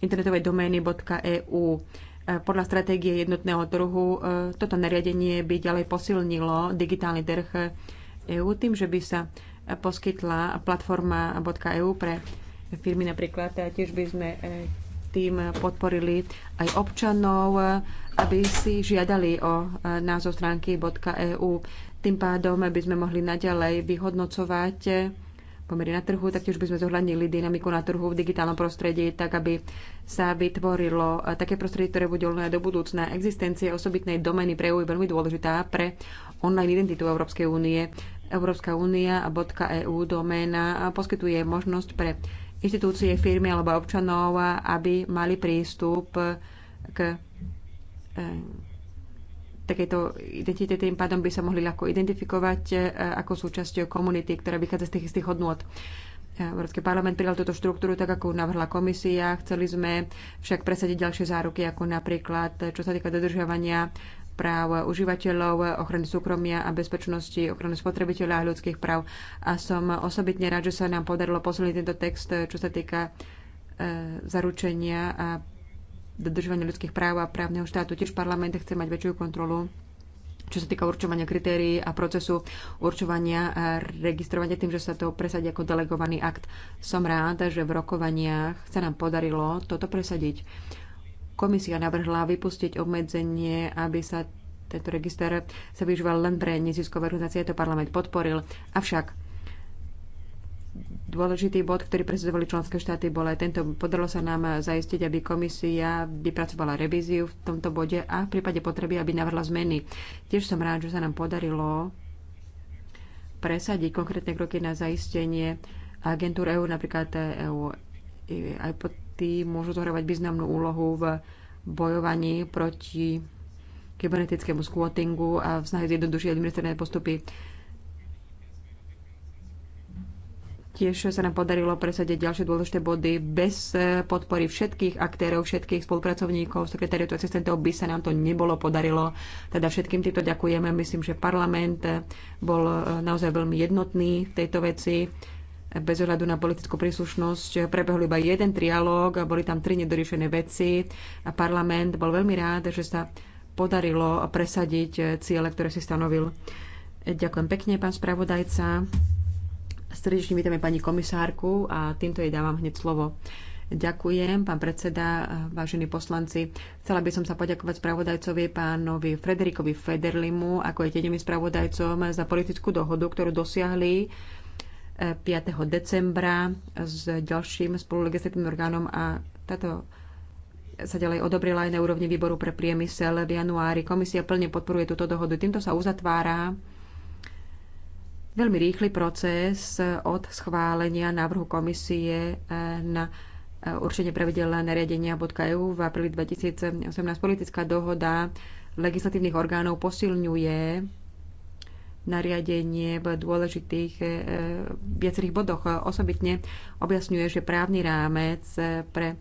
internetovej domény .eu. Uh, podľa stratégie jednotného trhu uh, toto nariadenie by ďalej posilnilo digitálny trh EU tým, že by sa poskytla platforma .eu pre firmy napríklad. A tiež by sme uh, tým podporili aj občanov, aby si žiadali o názov stránky .eu. Tým pádom by sme mohli naďalej vyhodnocovať pomery na trhu, taktiež by sme zohľadnili dynamiku na trhu v digitálnom prostredí, tak aby sa vytvorilo také prostredie, ktoré bude odolné do budúcna. existencie osobitnej domény pre EU je veľmi dôležitá pre online identitu Európskej únie. Európska únia a .eu doména poskytuje možnosť pre inštitúcie, firmy alebo občanov, aby mali prístup k eh, takéto identity tým pádom by sa mohli ľahko identifikovať e, ako súčasť komunity, ktorá vychádza z tých istých hodnôt. Európsky parlament prijal túto štruktúru tak, ako navrhla komisia. Chceli sme však presadiť ďalšie záruky, ako napríklad, čo sa týka dodržiavania práv užívateľov, ochrany súkromia a bezpečnosti, ochrany spotrebiteľa a ľudských práv. A som osobitne rád, že sa nám podarilo posilniť tento text, čo sa týka e, zaručenia a dodržovania ľudských práv a právneho štátu. Tiež parlament chce mať väčšiu kontrolu čo sa týka určovania kritérií a procesu určovania a registrovania tým, že sa to presadí ako delegovaný akt. Som ráda, že v rokovaniach sa nám podarilo toto presadiť. Komisia navrhla vypustiť obmedzenie, aby sa tento register sa využíval len pre neziskové organizácie, to parlament podporil. Avšak Dôležitý bod, ktorý prezentovali členské štáty, bol aj tento. Podarilo sa nám zaistiť, aby komisia vypracovala revíziu v tomto bode a v prípade potreby, aby navrhla zmeny. Tiež som rád, že sa nám podarilo presadiť konkrétne kroky na zaistenie agentúr EÚ, napríklad EÚ. Aj pod tým môžu zohrávať významnú úlohu v bojovaní proti kybernetickému squattingu a v snahe zjednodušiť administratívne postupy. Tiež sa nám podarilo presadiť ďalšie dôležité body. Bez e, podpory všetkých aktérov, všetkých spolupracovníkov, sekretariatu asistentov by sa nám to nebolo podarilo. Teda všetkým týmto ďakujeme. Myslím, že parlament e, bol e, naozaj veľmi jednotný v tejto veci bez ohľadu na politickú príslušnosť. Prebehol iba jeden trialóg a boli tam tri nedoriešené veci. A parlament bol veľmi rád, že sa podarilo presadiť ciele, ktoré si stanovil. Ďakujem pekne, pán spravodajca. Srdečne vítame pani komisárku a týmto jej dávam hneď slovo. Ďakujem, pán predseda, vážení poslanci. Chcela by som sa poďakovať spravodajcovi pánovi Frederikovi Federlimu, ako je jediným spravodajcom za politickú dohodu, ktorú dosiahli 5. Eh, decembra s ďalším spolulegislatívnym orgánom a táto sa ďalej odobrila aj na úrovni výboru pre priemysel v januári. Komisia plne podporuje túto dohodu. Týmto sa uzatvára veľmi rýchly proces od schválenia návrhu komisie eh, na eh, určenie pravidel EU e v apríli 2018. Politická dohoda legislatívnych orgánov posilňuje nariadenie v dôležitých eh, viacerých bodoch. Osobitne objasňuje, že právny rámec pre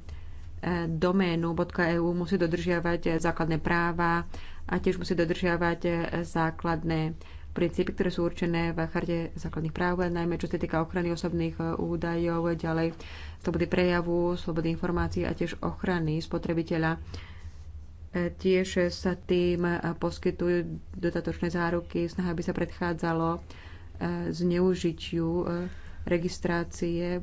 doménu EU musí dodržiavať základné práva a tiež musí dodržiavať základné princípy, ktoré sú určené v charte základných práv, najmä čo sa týka ochrany osobných e, údajov, ďalej slobody prejavu, slobody informácií a tiež ochrany spotrebiteľa. E, tiež sa tým e, poskytujú dodatočné záruky, snaha by sa predchádzalo zneužitiu registrácie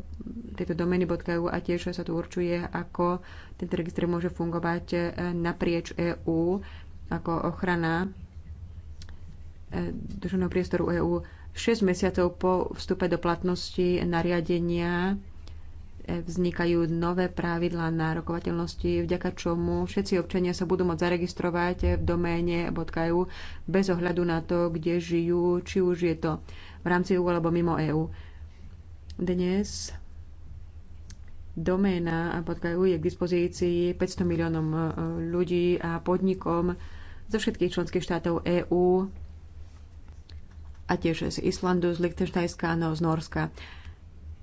tejto domény .eu a tiež sa tu určuje, ako tento registr môže fungovať naprieč EÚ ako ochrana družného priestoru EÚ. 6 mesiacov po vstupe do platnosti nariadenia e, vznikajú nové pravidlá nárokovateľnosti, vďaka čomu všetci občania sa budú môcť zaregistrovať v doméne .eu bez ohľadu na to, kde žijú, či už je to v rámci EU alebo mimo EÚ. Dnes doména .eu je k dispozícii 500 miliónom e, ľudí a podnikom zo všetkých členských štátov EÚ a tiež z Islandu, z Liechtensteinska, no z Norska.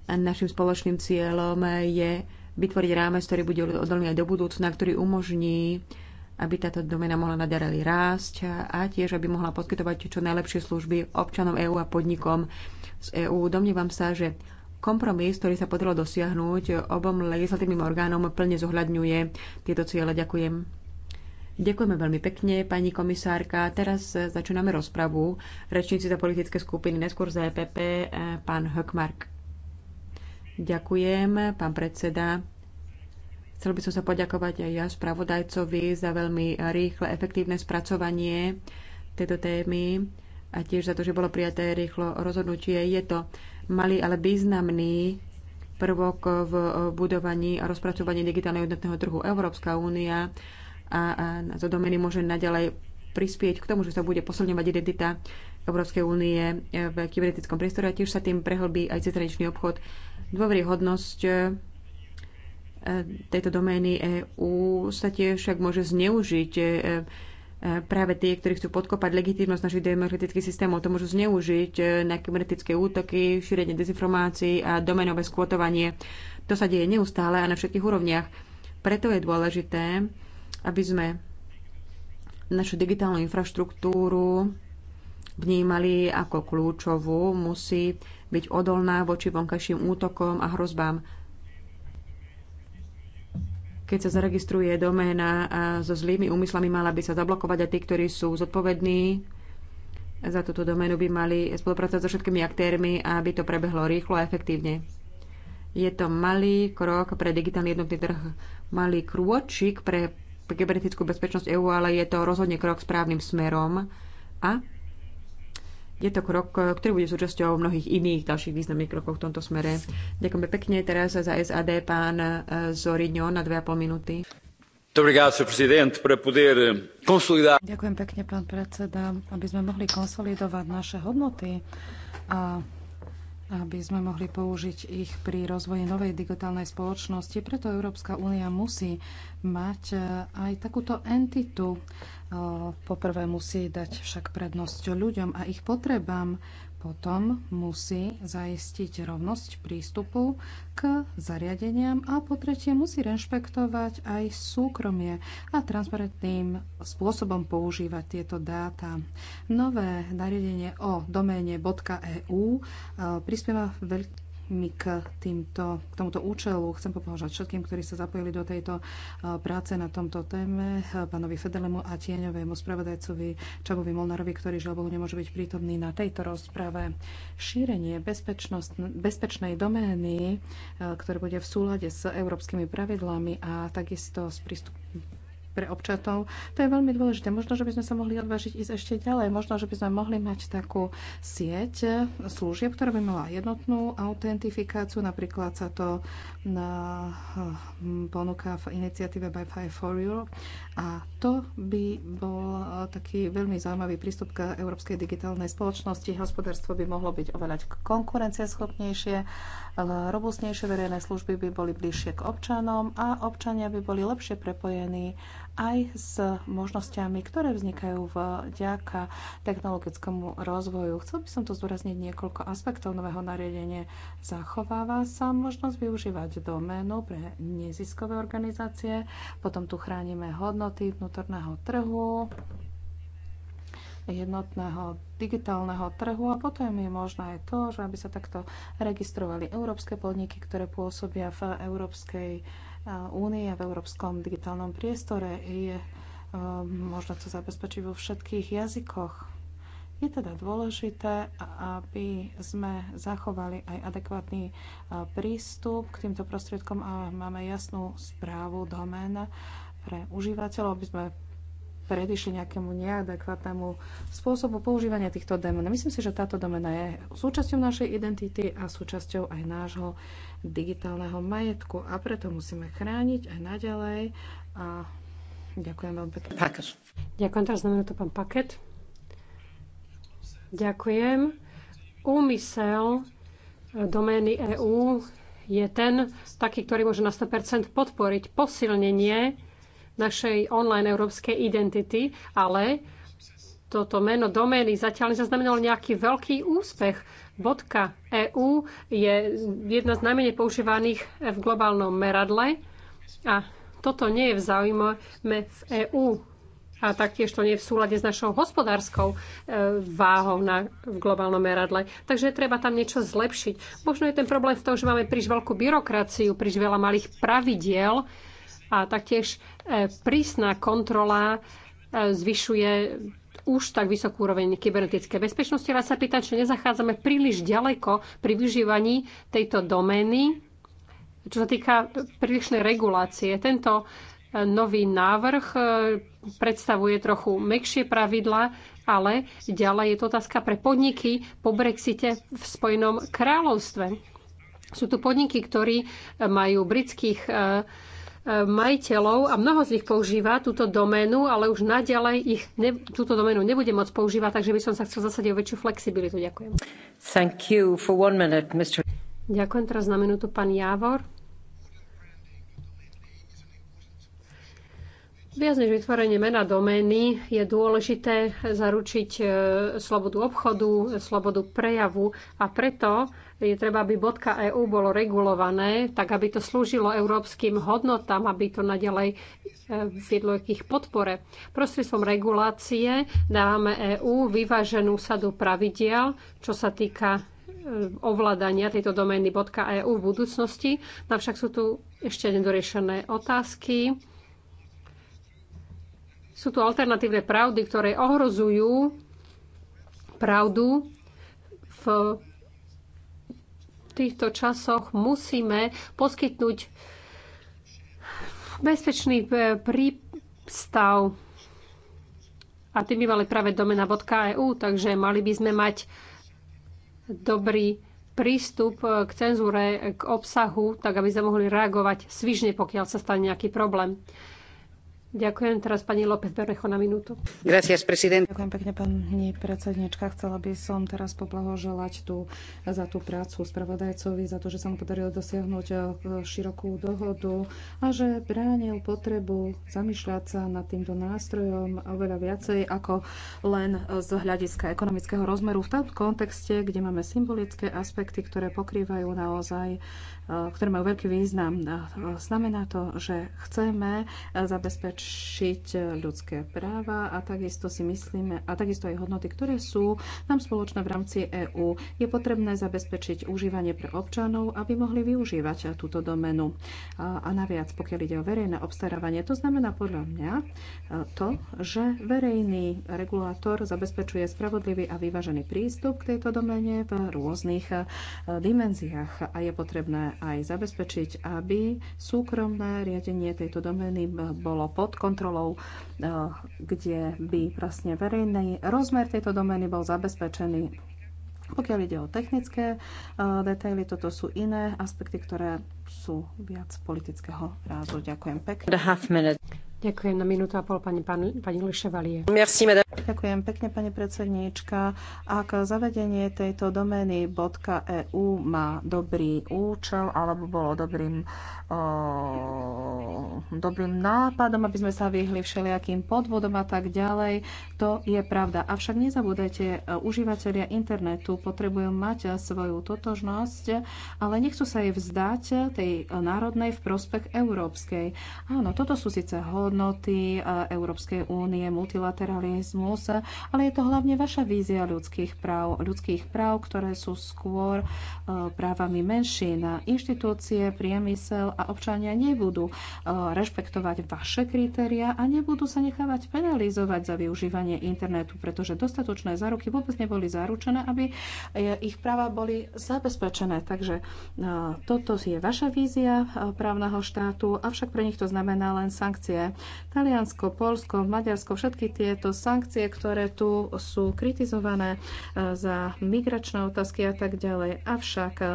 A našim spoločným cieľom je vytvoriť rámec, ktorý bude odolný aj do budúcna, ktorý umožní, aby táto domena mohla naďalej rásť a tiež, aby mohla poskytovať čo najlepšie služby občanom EÚ a podnikom z EÚ. Domnievam sa, že kompromis, ktorý sa podarilo dosiahnuť, obom legislatívnym orgánom plne zohľadňuje tieto ciele. Ďakujem. Ďakujeme veľmi pekne, pani komisárka. Teraz e, začíname rozpravu. Rečníci za politické skupiny, neskôr za EPP, e, pán Hökmark. Ďakujem, pán predseda. Chcel by som sa poďakovať aj ja spravodajcovi za veľmi rýchle, efektívne spracovanie tejto témy a tiež za to, že bolo prijaté rýchlo rozhodnutie. Je to malý, ale významný prvok v budovaní a rozpracovaní digitálneho jednotného trhu. Európska únia a to domény môže naďalej prispieť k tomu, že sa bude posilňovať identita Európskej únie e, v kybernetickom priestore a tiež sa tým prehlbí aj cezhraničný obchod. Dôveryhodnosť e, tejto domény EÚ sa tiež však môže zneužiť e, práve tie, ktorí chcú podkopať legitimnosť našich demokratických systémov. To môžu zneužiť na kybernetické útoky, šírenie dezinformácií a domenové skvotovanie. To sa deje neustále a na všetkých úrovniach. Preto je dôležité, aby sme našu digitálnu infraštruktúru vnímali ako kľúčovú, musí byť odolná voči vonkajším útokom a hrozbám. Keď sa zaregistruje doména so zlými úmyslami, mala by sa zablokovať a tí, ktorí sú zodpovední za túto doménu, by mali spolupracovať so všetkými aktérmi, aby to prebehlo rýchlo a efektívne. Je to malý krok pre digitálny jednotný trh, malý krôčik pre kybernetickú bezpečnosť EÚ, ale je to rozhodne krok správnym smerom a je to krok, ktorý bude súčasťou mnohých iných ďalších významných krokov v tomto smere. Ďakujeme pekne teraz za SAD pán eh, Zoridňo, na 2,5 minúty. Eh, Ďakujem pekne, pán predseda, aby sme mohli konsolidovať naše hodnoty a aby sme mohli použiť ich pri rozvoji novej digitálnej spoločnosti. Preto Európska únia musí mať e, aj takúto entitu. E, poprvé musí dať však prednosť ľuďom a ich potrebám. Potom musí zaistiť rovnosť prístupu k zariadeniam a po tretie musí rešpektovať aj súkromie a transparentným spôsobom používať tieto dáta. Nové nariadenie o doméne .eu eh, prispieva veľkým my k, týmto, k tomuto účelu chcem popohožať všetkým, ktorí sa zapojili do tejto e, práce na tomto téme, e, pánovi Fedelemu a tieňovému spravodajcovi Čabovi Molnarovi, ktorý žiaľ Bohu nemôže byť prítomný na tejto rozprave. Šírenie bezpečnej domény, e, ktoré bude v súlade s európskymi pravidlami a takisto s prístupom pre občatov. To je veľmi dôležité. Možno, že by sme sa mohli odvážiť ísť ešte ďalej. Možno, že by sme mohli mať takú sieť služieb, ktorá by mala jednotnú autentifikáciu. Napríklad sa to na, eh, ponúka v iniciatíve By Five for Europe. A to by bol eh, taký veľmi zaujímavý prístup k európskej digitálnej spoločnosti. Hospodárstvo by mohlo byť oveľa konkurencieschopnejšie robustnejšie verejné služby by boli bližšie k občanom a občania by boli lepšie prepojení aj s možnosťami, ktoré vznikajú vďaka technologickému rozvoju. Chcel by som tu zdôrazniť niekoľko aspektov nového nariadenia. Zachováva sa možnosť využívať doménu pre neziskové organizácie, potom tu chránime hodnoty vnútorného trhu, jednotného digitálneho trhu a potom je možné aj to, že aby sa takto registrovali európske podniky, ktoré pôsobia v Európskej eh, únii a v európskom digitálnom priestore. Je eh, možno to zabezpečiť vo všetkých jazykoch. Je teda dôležité, aby sme zachovali aj adekvátny eh, prístup k týmto prostriedkom a máme jasnú správu domén pre užívateľov, aby sme predišli nejakému neadekvátnemu spôsobu používania týchto domén. Myslím si, že táto domena je súčasťou našej identity a súčasťou aj nášho digitálneho majetku a preto musíme chrániť aj naďalej. A ďakujem veľmi pekne. Paket. Ďakujem, teraz znamená to pán Paket. Ďakujem. Úmysel domény EÚ je ten, taký, ktorý môže na 100% podporiť posilnenie našej online európskej identity, ale toto meno domény zatiaľ nezaznamenalo nejaký veľký úspech. .eu je jedna z najmenej používaných v globálnom meradle a toto nie je v záujme v EÚ a taktiež to nie je v súlade s našou hospodárskou e, váhou na, v globálnom meradle. Takže treba tam niečo zlepšiť. Možno je ten problém v tom, že máme príliš veľkú byrokraciu, príliš veľa malých pravidiel, a taktiež e, prísna kontrola e, zvyšuje už tak vysokú úroveň kybernetickej bezpečnosti. Vás sa pýtam, či nezachádzame príliš ďaleko pri využívaní tejto domény, čo sa týka prílišnej regulácie. Tento e, nový návrh predstavuje trochu mekšie pravidla, ale ďalej je to otázka pre podniky po Brexite v Spojenom kráľovstve. Sú tu podniky, ktorí majú britských majiteľov a mnoho z nich používa túto doménu, ale už naďalej ich ne, túto doménu nebude môcť používať, takže by som sa chcel zasadiť o väčšiu flexibilitu. Ďakujem. Thank you for one minute, Mr. Ďakujem teraz na minútu pán Javor. Viac než vytvorenie mena domény je dôležité zaručiť e, slobodu obchodu, e, slobodu prejavu a preto je treba, aby .eu bolo regulované, tak aby to slúžilo európskym hodnotám, aby to nadalej e, viedlo k ich podpore. Prostredstvom regulácie dávame EÚ vyváženú sadu pravidiel, čo sa týka e, ovládania tejto domény .eu v budúcnosti. Avšak sú tu ešte nedoriešené otázky. Sú tu alternatívne pravdy, ktoré ohrozujú pravdu v týchto časoch musíme poskytnúť bezpečný e, prístav a tým by mali práve domena.eu, takže mali by sme mať dobrý prístup e, k cenzúre, k obsahu, tak aby sme mohli reagovať svižne, pokiaľ sa stane nejaký problém. Ďakujem teraz pani López Bernecho na minútu. Gracias, prezident. Ďakujem pekne, pani predsednička. Chcela by som teraz poblahoželať tu za tú prácu spravodajcovi, za to, že sa mu podarilo dosiahnuť e, širokú dohodu a že bránil potrebu zamýšľať sa nad týmto nástrojom oveľa viacej ako len z hľadiska ekonomického rozmeru v tom kontexte, kde máme symbolické aspekty, ktoré pokrývajú naozaj Eh, ktoré majú veľký význam. Eh, znamená to, že chceme eh, zabezpečiť ľudské práva a takisto si myslíme, a takisto aj hodnoty, ktoré sú nám spoločné v rámci EÚ. Je potrebné zabezpečiť užívanie pre občanov, aby mohli využívať túto domenu. A naviac, pokiaľ ide o verejné obstarávanie, to znamená podľa mňa to, že verejný regulátor zabezpečuje spravodlivý a vyvážený prístup k tejto domene v rôznych dimenziách a je potrebné aj zabezpečiť, aby súkromné riadenie tejto domény bolo pod kontrolou, e, kde by vlastne verejný rozmer tejto domény bol zabezpečený. Pokiaľ ide o technické e, detaily, toto sú iné aspekty, ktoré sú viac politického rázu. Ďakujem pekne. Ďakujem na minútu a pol pani, pani, pani Leševalie. Merci, madame. Ďakujem pekne, pani predsedníčka. Ak zavedenie tejto domény .eu má dobrý účel alebo bolo dobrým, o, dobrým nápadom, aby sme sa vyhli všelijakým podvodom a tak ďalej, to je pravda. Avšak nezabudete, e, užívateľia internetu potrebujú mať svoju totožnosť, ale nechcú sa jej vzdať tej národnej v prospech európskej. Áno, toto sú síce hod hodnoty e, Európskej únie, multilateralizmus, ale je to hlavne vaša vízia ľudských práv, ľudských práv, ktoré sú skôr e, právami menšín. Inštitúcie, priemysel a občania nebudú e, rešpektovať vaše kritéria a nebudú sa nechávať penalizovať za využívanie internetu, pretože dostatočné záruky vôbec neboli zaručené, aby ich práva boli zabezpečené. Takže toto je vaša vízia právneho štátu, avšak pre nich to znamená len sankcie. Taliansko, Polsko, Maďarsko, všetky tieto sankcie, ktoré tu sú kritizované e, za migračné otázky a tak ďalej. Avšak e,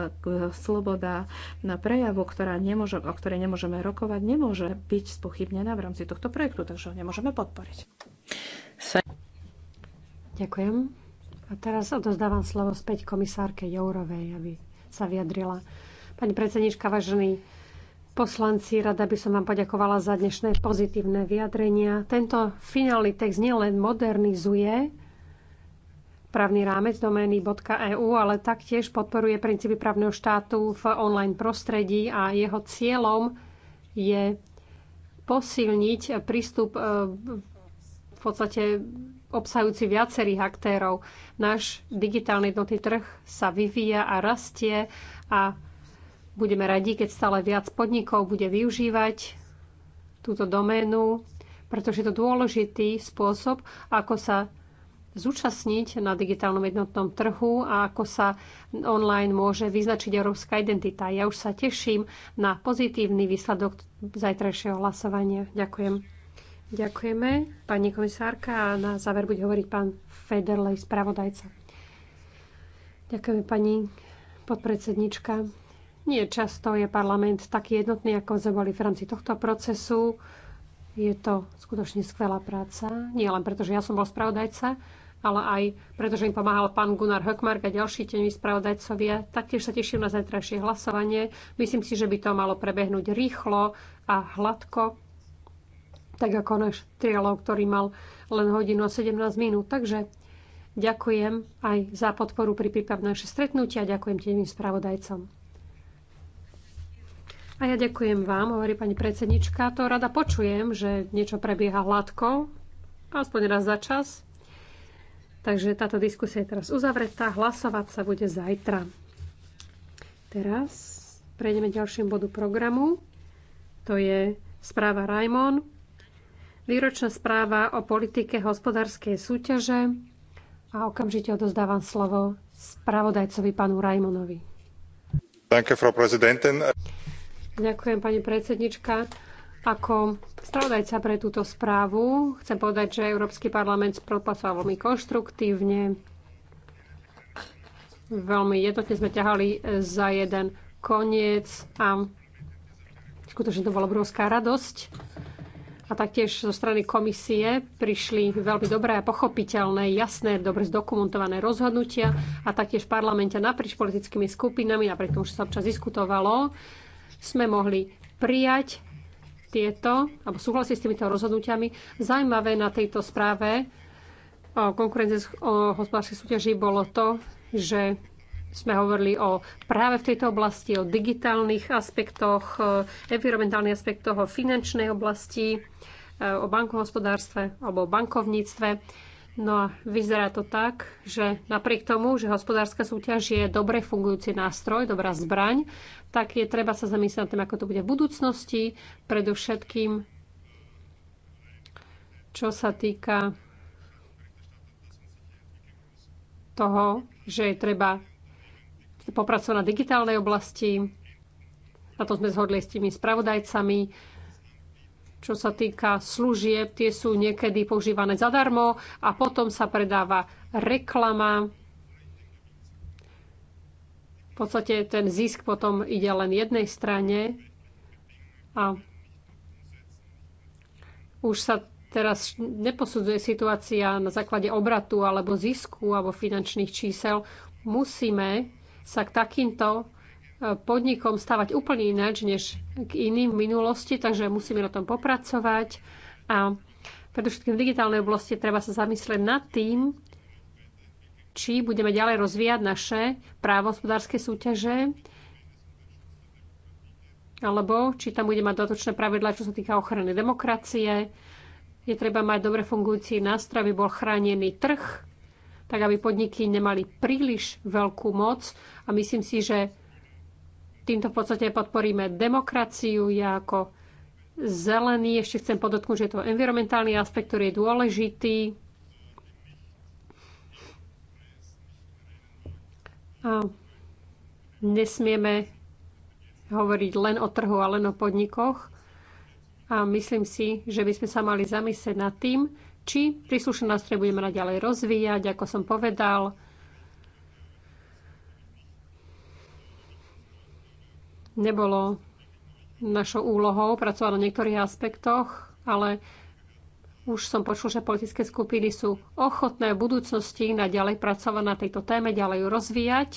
sloboda na prejavu, ktorá nemôže, o ktorej nemôžeme rokovať, nemôže byť spochybnená v rámci tohto projektu, takže ho nemôžeme podporiť. Ďakujem. A teraz odozdávam slovo späť komisárke Jourovej, aby sa vyjadrila. Pani predsednička, vážený poslanci, rada by som vám poďakovala za dnešné pozitívne vyjadrenia. Tento finálny text nielen modernizuje právny rámec domény.eu, ale taktiež podporuje princípy právneho štátu v online prostredí a jeho cieľom je posilniť prístup e, v podstate obsahujúci viacerých aktérov. Náš digitálny jednotný trh sa vyvíja a rastie a Budeme radi, keď stále viac podnikov bude využívať túto doménu, pretože je to dôležitý spôsob, ako sa zúčastniť na digitálnom jednotnom trhu a ako sa online môže vyznačiť európska identita. Ja už sa teším na pozitívny výsledok zajtrajšieho hlasovania. Ďakujem. Ďakujeme, pani komisárka, a na záver bude hovoriť pán Federlej, spravodajca. Ďakujeme, pani podpredsednička. Nie často je parlament taký jednotný, ako sme boli v rámci tohto procesu. Je to skutočne skvelá práca. Nie len preto, že ja som bol spravodajca, ale aj preto, že im pomáhal pán Gunnar Hökmark a ďalší tení spravodajcovia. Taktiež sa teším na zajtrajšie hlasovanie. Myslím si, že by to malo prebehnúť rýchlo a hladko, tak ako náš trialog, ktorý mal len hodinu a 17 minút. Takže ďakujem aj za podporu pri prípravnom naše stretnutia a ďakujem tým spravodajcom. A ja ďakujem vám, hovorí pani predsednička. To rada počujem, že niečo prebieha hladko, aspoň raz za čas. Takže táto diskusia je teraz uzavretá. Hlasovať sa bude zajtra. Teraz prejdeme ďalším bodu programu. To je správa Rajmon. Výročná správa o politike hospodárskej súťaže. A okamžite odozdávam slovo spravodajcovi panu Rajmonovi. Ďakujem Frau Präsidentin. Ďakujem, pani predsednička. Ako spravodajca pre túto správu chcem povedať, že Európsky parlament spropasoval veľmi konštruktívne. Veľmi jednotne sme ťahali za jeden koniec a skutočne to bola obrovská radosť. A taktiež zo strany komisie prišli veľmi dobré a pochopiteľné, jasné, dobre zdokumentované rozhodnutia a taktiež v parlamente naprieč politickými skupinami, napriek tomu, že sa občas diskutovalo, sme mohli prijať tieto, alebo súhlasiť s týmito rozhodnutiami. Zajímavé na tejto správe o konkurencii o hospodárskej súťaži bolo to, že sme hovorili o práve v tejto oblasti, o digitálnych aspektoch, environmentálnych aspektoch, o finančnej oblasti, e, o bankohospodárstve alebo o bankovníctve. No a vyzerá to tak, že napriek tomu, že hospodárska súťaž je dobre fungujúci nástroj, dobrá zbraň, tak je treba sa zamyslieť nad tým, ako to bude v budúcnosti, predovšetkým čo sa týka toho, že je treba popracovať na digitálnej oblasti. Na to sme zhodli s tými spravodajcami čo sa týka služieb, tie sú niekedy používané zadarmo a potom sa predáva reklama. V podstate ten zisk potom ide len jednej strane a už sa teraz neposudzuje situácia na základe obratu alebo zisku alebo finančných čísel. Musíme sa k takýmto podnikom stavať úplne ináč než k iným v minulosti, takže musíme na tom popracovať a predovšetkým v digitálnej oblasti treba sa zamyslieť nad tým, či budeme ďalej rozvíjať naše právo súťaže, alebo či tam bude mať dotočné pravidlá, čo sa týka ochrany demokracie. Je treba mať dobre fungujúci nástroj, aby bol chránený trh, tak aby podniky nemali príliš veľkú moc. A myslím si, že Týmto v podstate podporíme demokraciu. Ja ako zelený ešte chcem podotknúť, že je to environmentálny aspekt, ktorý je dôležitý. A nesmieme hovoriť len o trhu a len o podnikoch. A myslím si, že by sme sa mali zamyslieť nad tým, či príslušné nástroje budeme naďalej rozvíjať, ako som povedal, Nebolo našou úlohou pracovať na niektorých aspektoch, ale už som počul, že politické skupiny sú ochotné v budúcnosti naďalej pracovať na tejto téme, ďalej ju rozvíjať.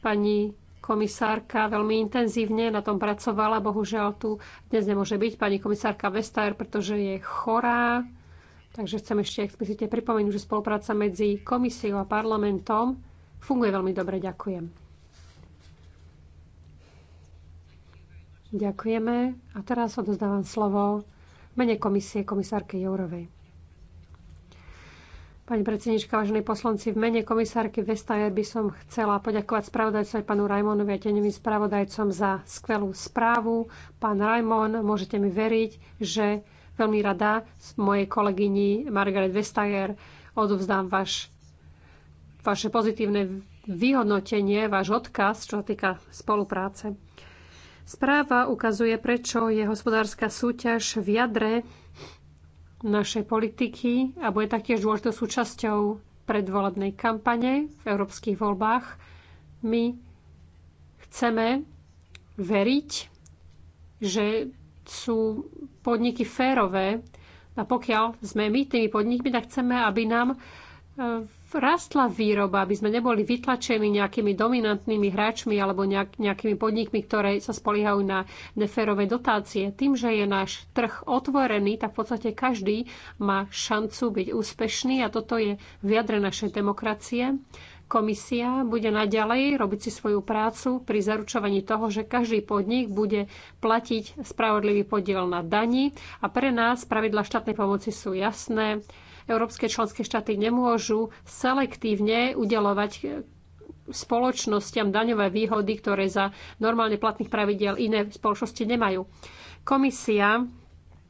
Pani komisárka veľmi intenzívne na tom pracovala, bohužiaľ tu dnes nemôže byť pani komisárka Vestager, pretože je chorá. Takže chcem ešte explicitne pripomenúť, že spolupráca medzi komisiou a parlamentom funguje veľmi dobre. Ďakujem. Ďakujeme. A teraz odozdávam slovo mene komisie komisárke Jourovej. Pani predsednička, vážení poslanci, v mene komisárky Vestager by som chcela poďakovať spravodajcovi panu Rajmonovi a tenovým spravodajcom za skvelú správu. Pán Rajmon, môžete mi veriť, že veľmi rada s mojej kolegyni Margaret Vestager odovzdám vaš, vaše pozitívne vyhodnotenie, váš odkaz, čo sa týka spolupráce. Správa ukazuje, prečo je hospodárska súťaž v jadre našej politiky a bude taktiež dôležitou súčasťou predvolebnej kampane v európskych voľbách. My chceme veriť, že sú podniky férové a pokiaľ sme my tými podnikmi, tak chceme, aby nám eh, rastla výroba, aby sme neboli vytlačení nejakými dominantnými hráčmi alebo nejakými podnikmi, ktoré sa spolíhajú na neférové dotácie. Tým, že je náš trh otvorený, tak v podstate každý má šancu byť úspešný a toto je v jadre našej demokracie. Komisia bude naďalej robiť si svoju prácu pri zaručovaní toho, že každý podnik bude platiť spravodlivý podiel na dani a pre nás pravidla štátnej pomoci sú jasné európske členské štáty nemôžu selektívne udelovať spoločnosťam daňové výhody, ktoré za normálne platných pravidel iné spoločnosti nemajú. Komisia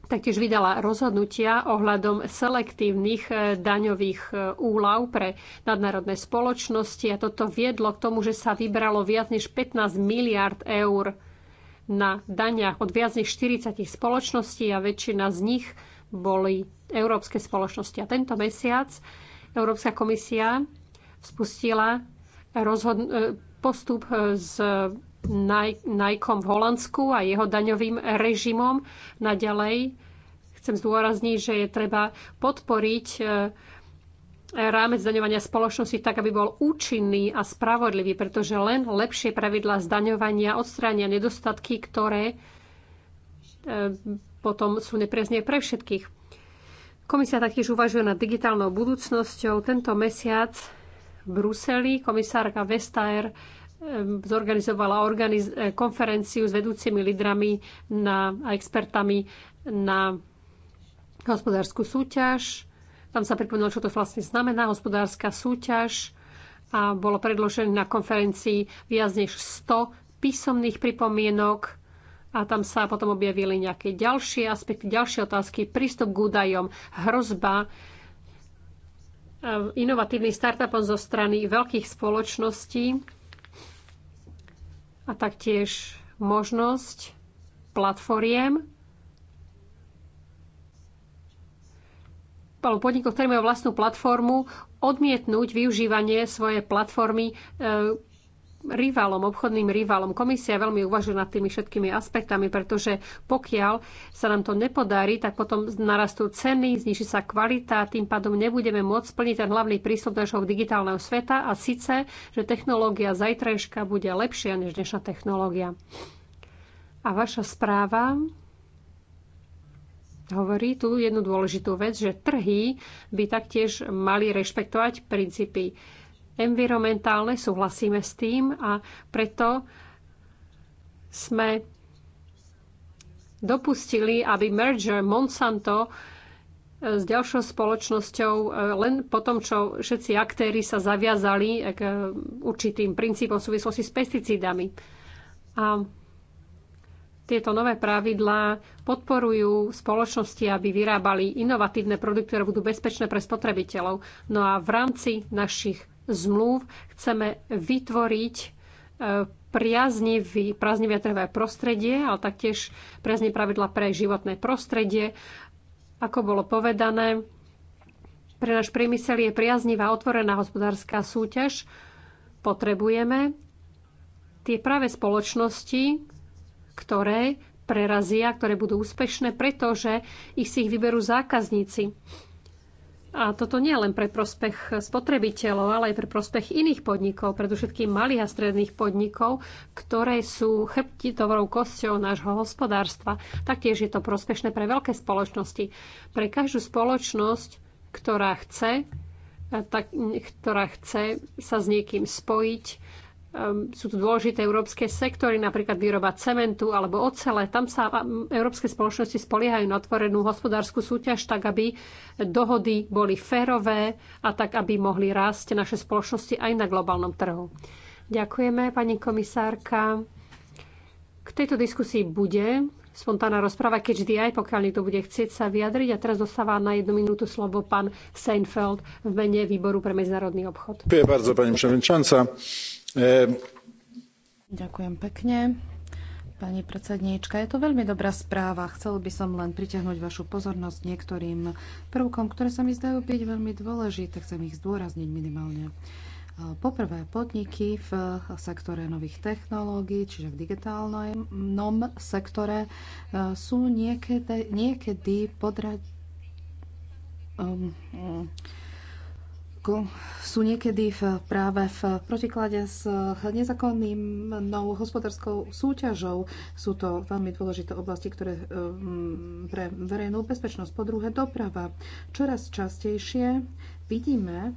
taktiež vydala rozhodnutia ohľadom selektívnych eh, daňových eh, úľav pre nadnárodné spoločnosti a toto viedlo k tomu, že sa vybralo viac než 15 miliard eur na daniach od viac než 40 spoločností a väčšina z nich boli európske spoločnosti. A tento mesiac Európska komisia spustila rozhod- e, postup e, s Nikeom v Holandsku a jeho daňovým režimom. Naďalej chcem zdôrazniť, že je treba podporiť e, rámec zdaňovania spoločnosti tak, aby bol účinný a spravodlivý, pretože len lepšie pravidlá zdaňovania odstránia nedostatky, ktoré potom sú nepreznie pre všetkých. Komisia taktiež uvažuje nad digitálnou budúcnosťou. Tento mesiac v Bruseli komisárka Vestager zorganizovala organiz- eh, konferenciu s vedúcimi lídrami na, a expertami na hospodárskú súťaž. Tam sa pripomínalo, čo to vlastne znamená, hospodárska súťaž. A bolo predložené na konferencii viac než 100 písomných pripomienok a tam sa potom objavili nejaké ďalšie aspekty, ďalšie otázky, prístup k údajom, hrozba e, inovatívny startupom zo strany veľkých spoločností a taktiež možnosť platformiem alebo podnikov, ktoré majú vlastnú platformu, odmietnúť využívanie svojej platformy e, rivalom, obchodným rivalom. Komisia veľmi uvažuje nad tými všetkými aspektami, pretože pokiaľ sa nám to nepodarí, tak potom narastú ceny, zniží sa kvalita, tým pádom nebudeme môcť splniť ten hlavný prístup našho digitálneho sveta a síce, že technológia zajtrajška bude lepšia než dnešná technológia. A vaša správa hovorí tu jednu dôležitú vec, že trhy by taktiež mali rešpektovať princípy environmentálne, súhlasíme s tým a preto sme dopustili, aby merger Monsanto e, s ďalšou spoločnosťou e, len po tom, čo všetci aktéry sa zaviazali k e, určitým princípom v súvislosti s pesticídami. A tieto nové pravidlá podporujú spoločnosti, aby vyrábali inovatívne produkty, ktoré budú bezpečné pre spotrebiteľov. No a v rámci našich zmluv chceme vytvoriť e, priaznivý, priaznivé trvé prostredie, ale taktiež priaznivé pravidla pre životné prostredie. Ako bolo povedané, pre náš priemysel je priaznivá otvorená hospodárska súťaž. Potrebujeme tie práve spoločnosti, ktoré prerazia, ktoré budú úspešné, pretože ich si ich vyberú zákazníci. A toto nie len pre prospech spotrebiteľov, ale aj pre prospech iných podnikov, predovšetkým malých a stredných podnikov, ktoré sú chrbtitovou kosťou nášho hospodárstva. Taktiež je to prospešné pre veľké spoločnosti. Pre každú spoločnosť, ktorá chce, eh, tak, ktorá chce sa s niekým spojiť, Ehm, sú tu dôležité európske sektory, napríklad výroba cementu alebo ocele. Tam sa ehm, európske spoločnosti spoliehajú na otvorenú hospodárskú súťaž, tak aby dohody boli férové a tak, aby mohli rásť naše spoločnosti aj na globálnom trhu. Ďakujeme, pani komisárka. K tejto diskusii bude spontánna rozpráva, keď aj pokiaľ niekto bude chcieť sa vyjadriť. A teraz dostáva na jednu minútu slovo pán Seinfeld v mene Výboru pre medzinárodný obchod. Ďakujem bardzo, pani przewodnicząca. Ehm. Ďakujem pekne. Pani predsedníčka, je to veľmi dobrá správa. Chcel by som len pritiahnuť vašu pozornosť niektorým prvkom, ktoré sa mi zdajú byť veľmi dôležité. Chcem ich zdôrazniť minimálne. Poprvé, podniky v sektore nových technológií, čiže v digitálnom sektore, sú niekedy, niekedy Um, um, sú niekedy v, práve v protiklade s novou hospodárskou súťažou. Sú to veľmi dôležité oblasti, ktoré um, pre verejnú bezpečnosť. Po druhé, doprava. Čoraz častejšie vidíme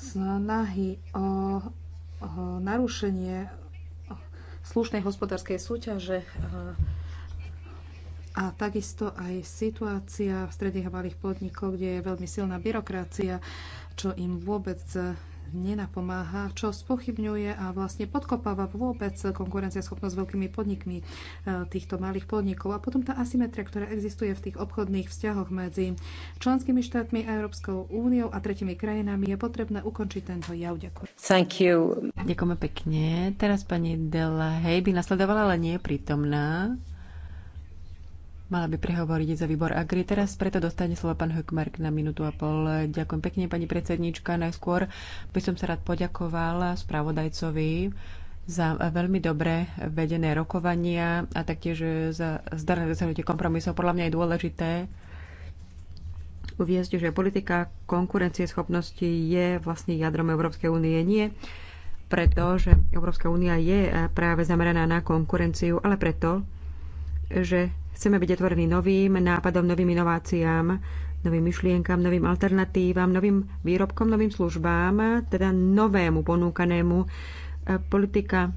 snahy o, o narušenie slušnej hospodárskej súťaže a takisto aj situácia v stredných a malých podnikov, kde je veľmi silná byrokracia, čo im vôbec nenapomáha, čo spochybňuje a vlastne podkopáva vôbec konkurencieschopnosť veľkými podnikmi e, týchto malých podnikov. A potom tá asymetria, ktorá existuje v tých obchodných vzťahoch medzi členskými štátmi a Európskou úniou a tretimi krajinami, je potrebné ukončiť tento jav. Ďakujem. Thank you. Ďakujeme pekne. Teraz pani Dela Hej by nasledovala, ale nie je prítomná. Mala by prehovoriť za výbor Agri. Teraz preto dostane slovo pán Hökmark na minútu a pol. Ďakujem pekne, pani predsednička. Najskôr by som sa rád poďakovala spravodajcovi za veľmi dobre vedené rokovania a taktiež za zdarné dosiahnutie kompromisov. Podľa mňa je dôležité uviezť, že politika konkurencieschopnosti je vlastne jadrom Európskej únie. Nie preto, že Európska únia je práve zameraná na konkurenciu, ale preto, že Chceme byť otvorení novým nápadom, novým inováciám, novým myšlienkam, novým alternatívam, novým výrobkom, novým službám, teda novému ponúkanému. E, politika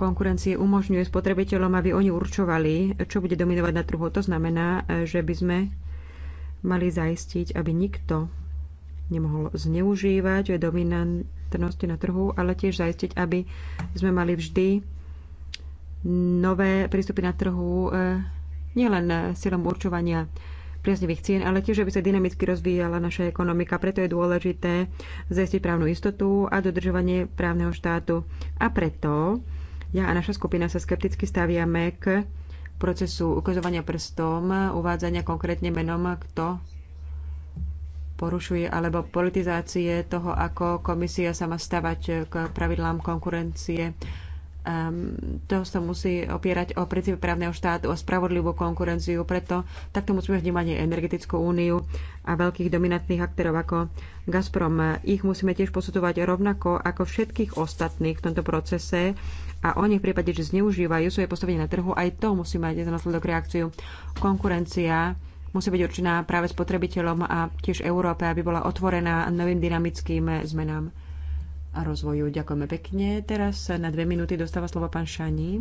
konkurencie umožňuje spotrebiteľom, aby oni určovali, čo bude dominovať na trhu. To znamená, e, že by sme mali zaistiť, aby nikto nemohol zneužívať dominantnosti na trhu, ale tiež zaistiť, aby sme mali vždy nové prístupy na trhu e, nielen silom určovania priaznivých cien, ale tiež, aby sa dynamicky rozvíjala naša ekonomika. Preto je dôležité zajistiť právnu istotu a dodržovanie právneho štátu. A preto ja a naša skupina sa skepticky staviame k procesu ukazovania prstom, uvádzania konkrétne menom, kto porušuje alebo politizácie toho, ako komisia sa má stavať k pravidlám konkurencie Um, to sa musí opierať o princíp právneho štátu, o spravodlivú konkurenciu, preto takto musíme vnímať aj energetickú úniu a veľkých dominantných aktérov ako Gazprom. Ich musíme tiež posudovať rovnako ako všetkých ostatných v tomto procese a oni v prípade, že zneužívajú svoje postavenie na trhu, aj to musí mať za následok reakciu. Konkurencia musí byť určená práve spotrebiteľom a tiež Európe, aby bola otvorená novým dynamickým zmenám a rozvoju. Ďakujeme pekne. Teraz na dve minúty dostáva slovo pán Šani.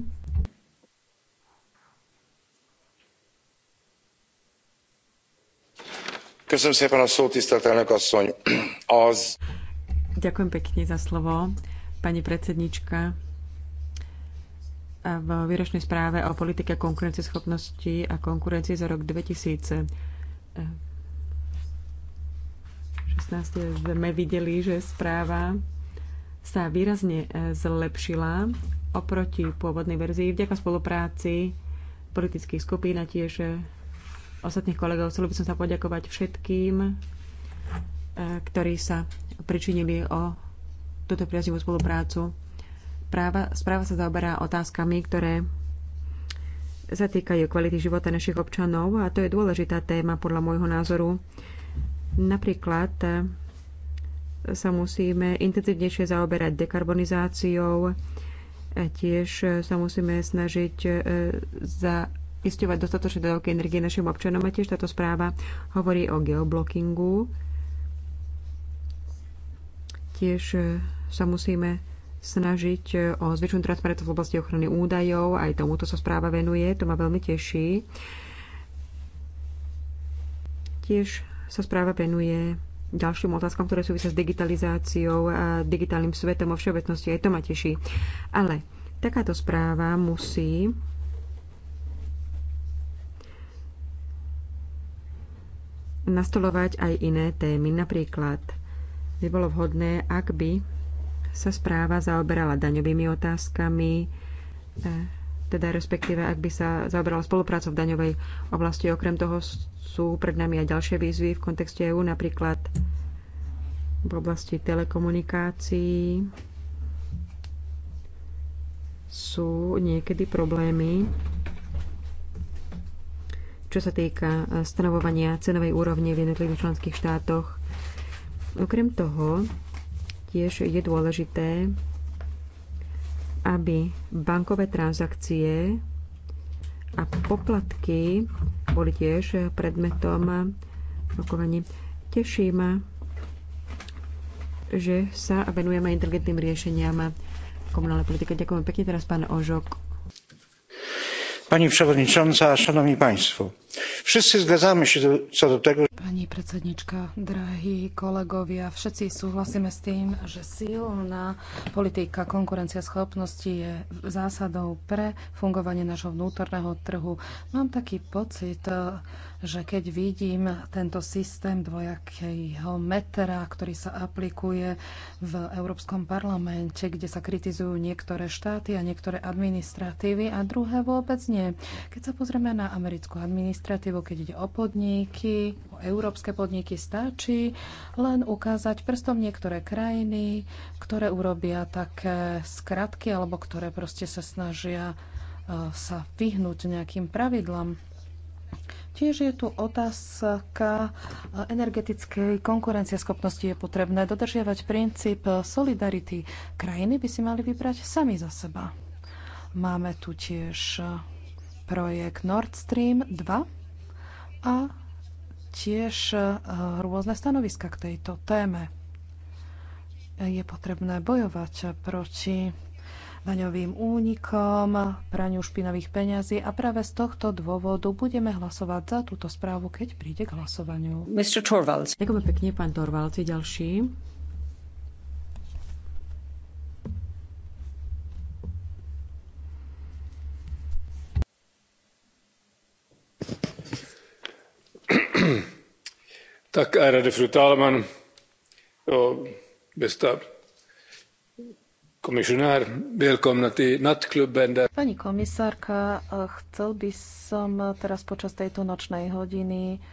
Ďakujem pekne za slovo, pani predsednička. V výročnej správe o politike konkurencieschopnosti a konkurencie za rok 2016 16. sme videli, že správa sa výrazne e, zlepšila oproti pôvodnej verzii vďaka spolupráci politických skupín a tiež e, ostatných kolegov. Chcel by som sa poďakovať všetkým, e, ktorí sa pričinili o túto priaznivú spoluprácu. Práva, správa sa zaoberá otázkami, ktoré sa týkajú kvality života našich občanov a to je dôležitá téma podľa môjho názoru. Napríklad sa musíme intenzívnejšie zaoberať dekarbonizáciou, tiež sa musíme snažiť e, zaisťovať dostatočné dodávky energie našim občanom a tiež táto správa hovorí o geoblockingu. Tiež e, sa musíme snažiť e, o zväčšenú transparentnosť v oblasti ochrany údajov. Aj tomuto sa správa venuje, to ma veľmi teší. Tiež sa správa venuje ďalším otázkom, ktoré súvisia s digitalizáciou a digitálnym svetom vo všeobecnosti. Aj to ma teší. Ale takáto správa musí nastolovať aj iné témy. Napríklad by bolo vhodné, ak by sa správa zaoberala daňovými otázkami, teda respektíve ak by sa zaoberala spolupráca v daňovej oblasti. Okrem toho sú pred nami aj ďalšie výzvy v kontexte EÚ, napríklad v oblasti telekomunikácií sú niekedy problémy, čo sa týka stanovovania cenovej úrovne v jednotlivých členských štátoch. Okrem toho tiež je dôležité aby bankové transakcie a poplatky boli tiež predmetom rokovaní. Teší ma, že sa venujeme inteligentným riešeniam komunálnej politiky. Ďakujem pekne teraz pán Ožok. Pani przewodnicząca, szanowni państwo. Wszyscy zgadzamy się co do tego, Pani predsednička, drahí kolegovia, všetci súhlasíme s tým, že silná politika konkurencia schopnosti je zásadou pre fungovanie nášho vnútorného trhu. Mám taký pocit, že keď vidím tento systém dvojakého metra, ktorý sa aplikuje v Európskom parlamente, kde sa kritizujú niektoré štáty a niektoré administratívy a druhé vôbec nie. Keď sa pozrieme na americkú administratívu, keď ide o podniky, európske podniky stačí len ukázať prstom niektoré krajiny, ktoré urobia také skratky alebo ktoré proste sa snažia e, sa vyhnúť nejakým pravidlám. Tiež je tu otázka energetickej konkurencieschopnosti. Je potrebné dodržiavať princíp solidarity. Krajiny by si mali vybrať sami za seba. Máme tu tiež projekt Nord Stream 2 a tiež e, rôzne stanoviska k tejto téme. Je potrebné bojovať proti daňovým únikom, praniu špinavých peňazí a práve z tohto dôvodu budeme hlasovať za túto správu, keď príde k hlasovaniu. Mr. Torvalds. Ďakujem pekne, pán Torvalds. Ďalší. Tak, ärade fru talman och bästa komisionär, välkomna till nattklubben. Där... Pani komisárka, eh, chcel by som teraz počas tejto nočnej hodiny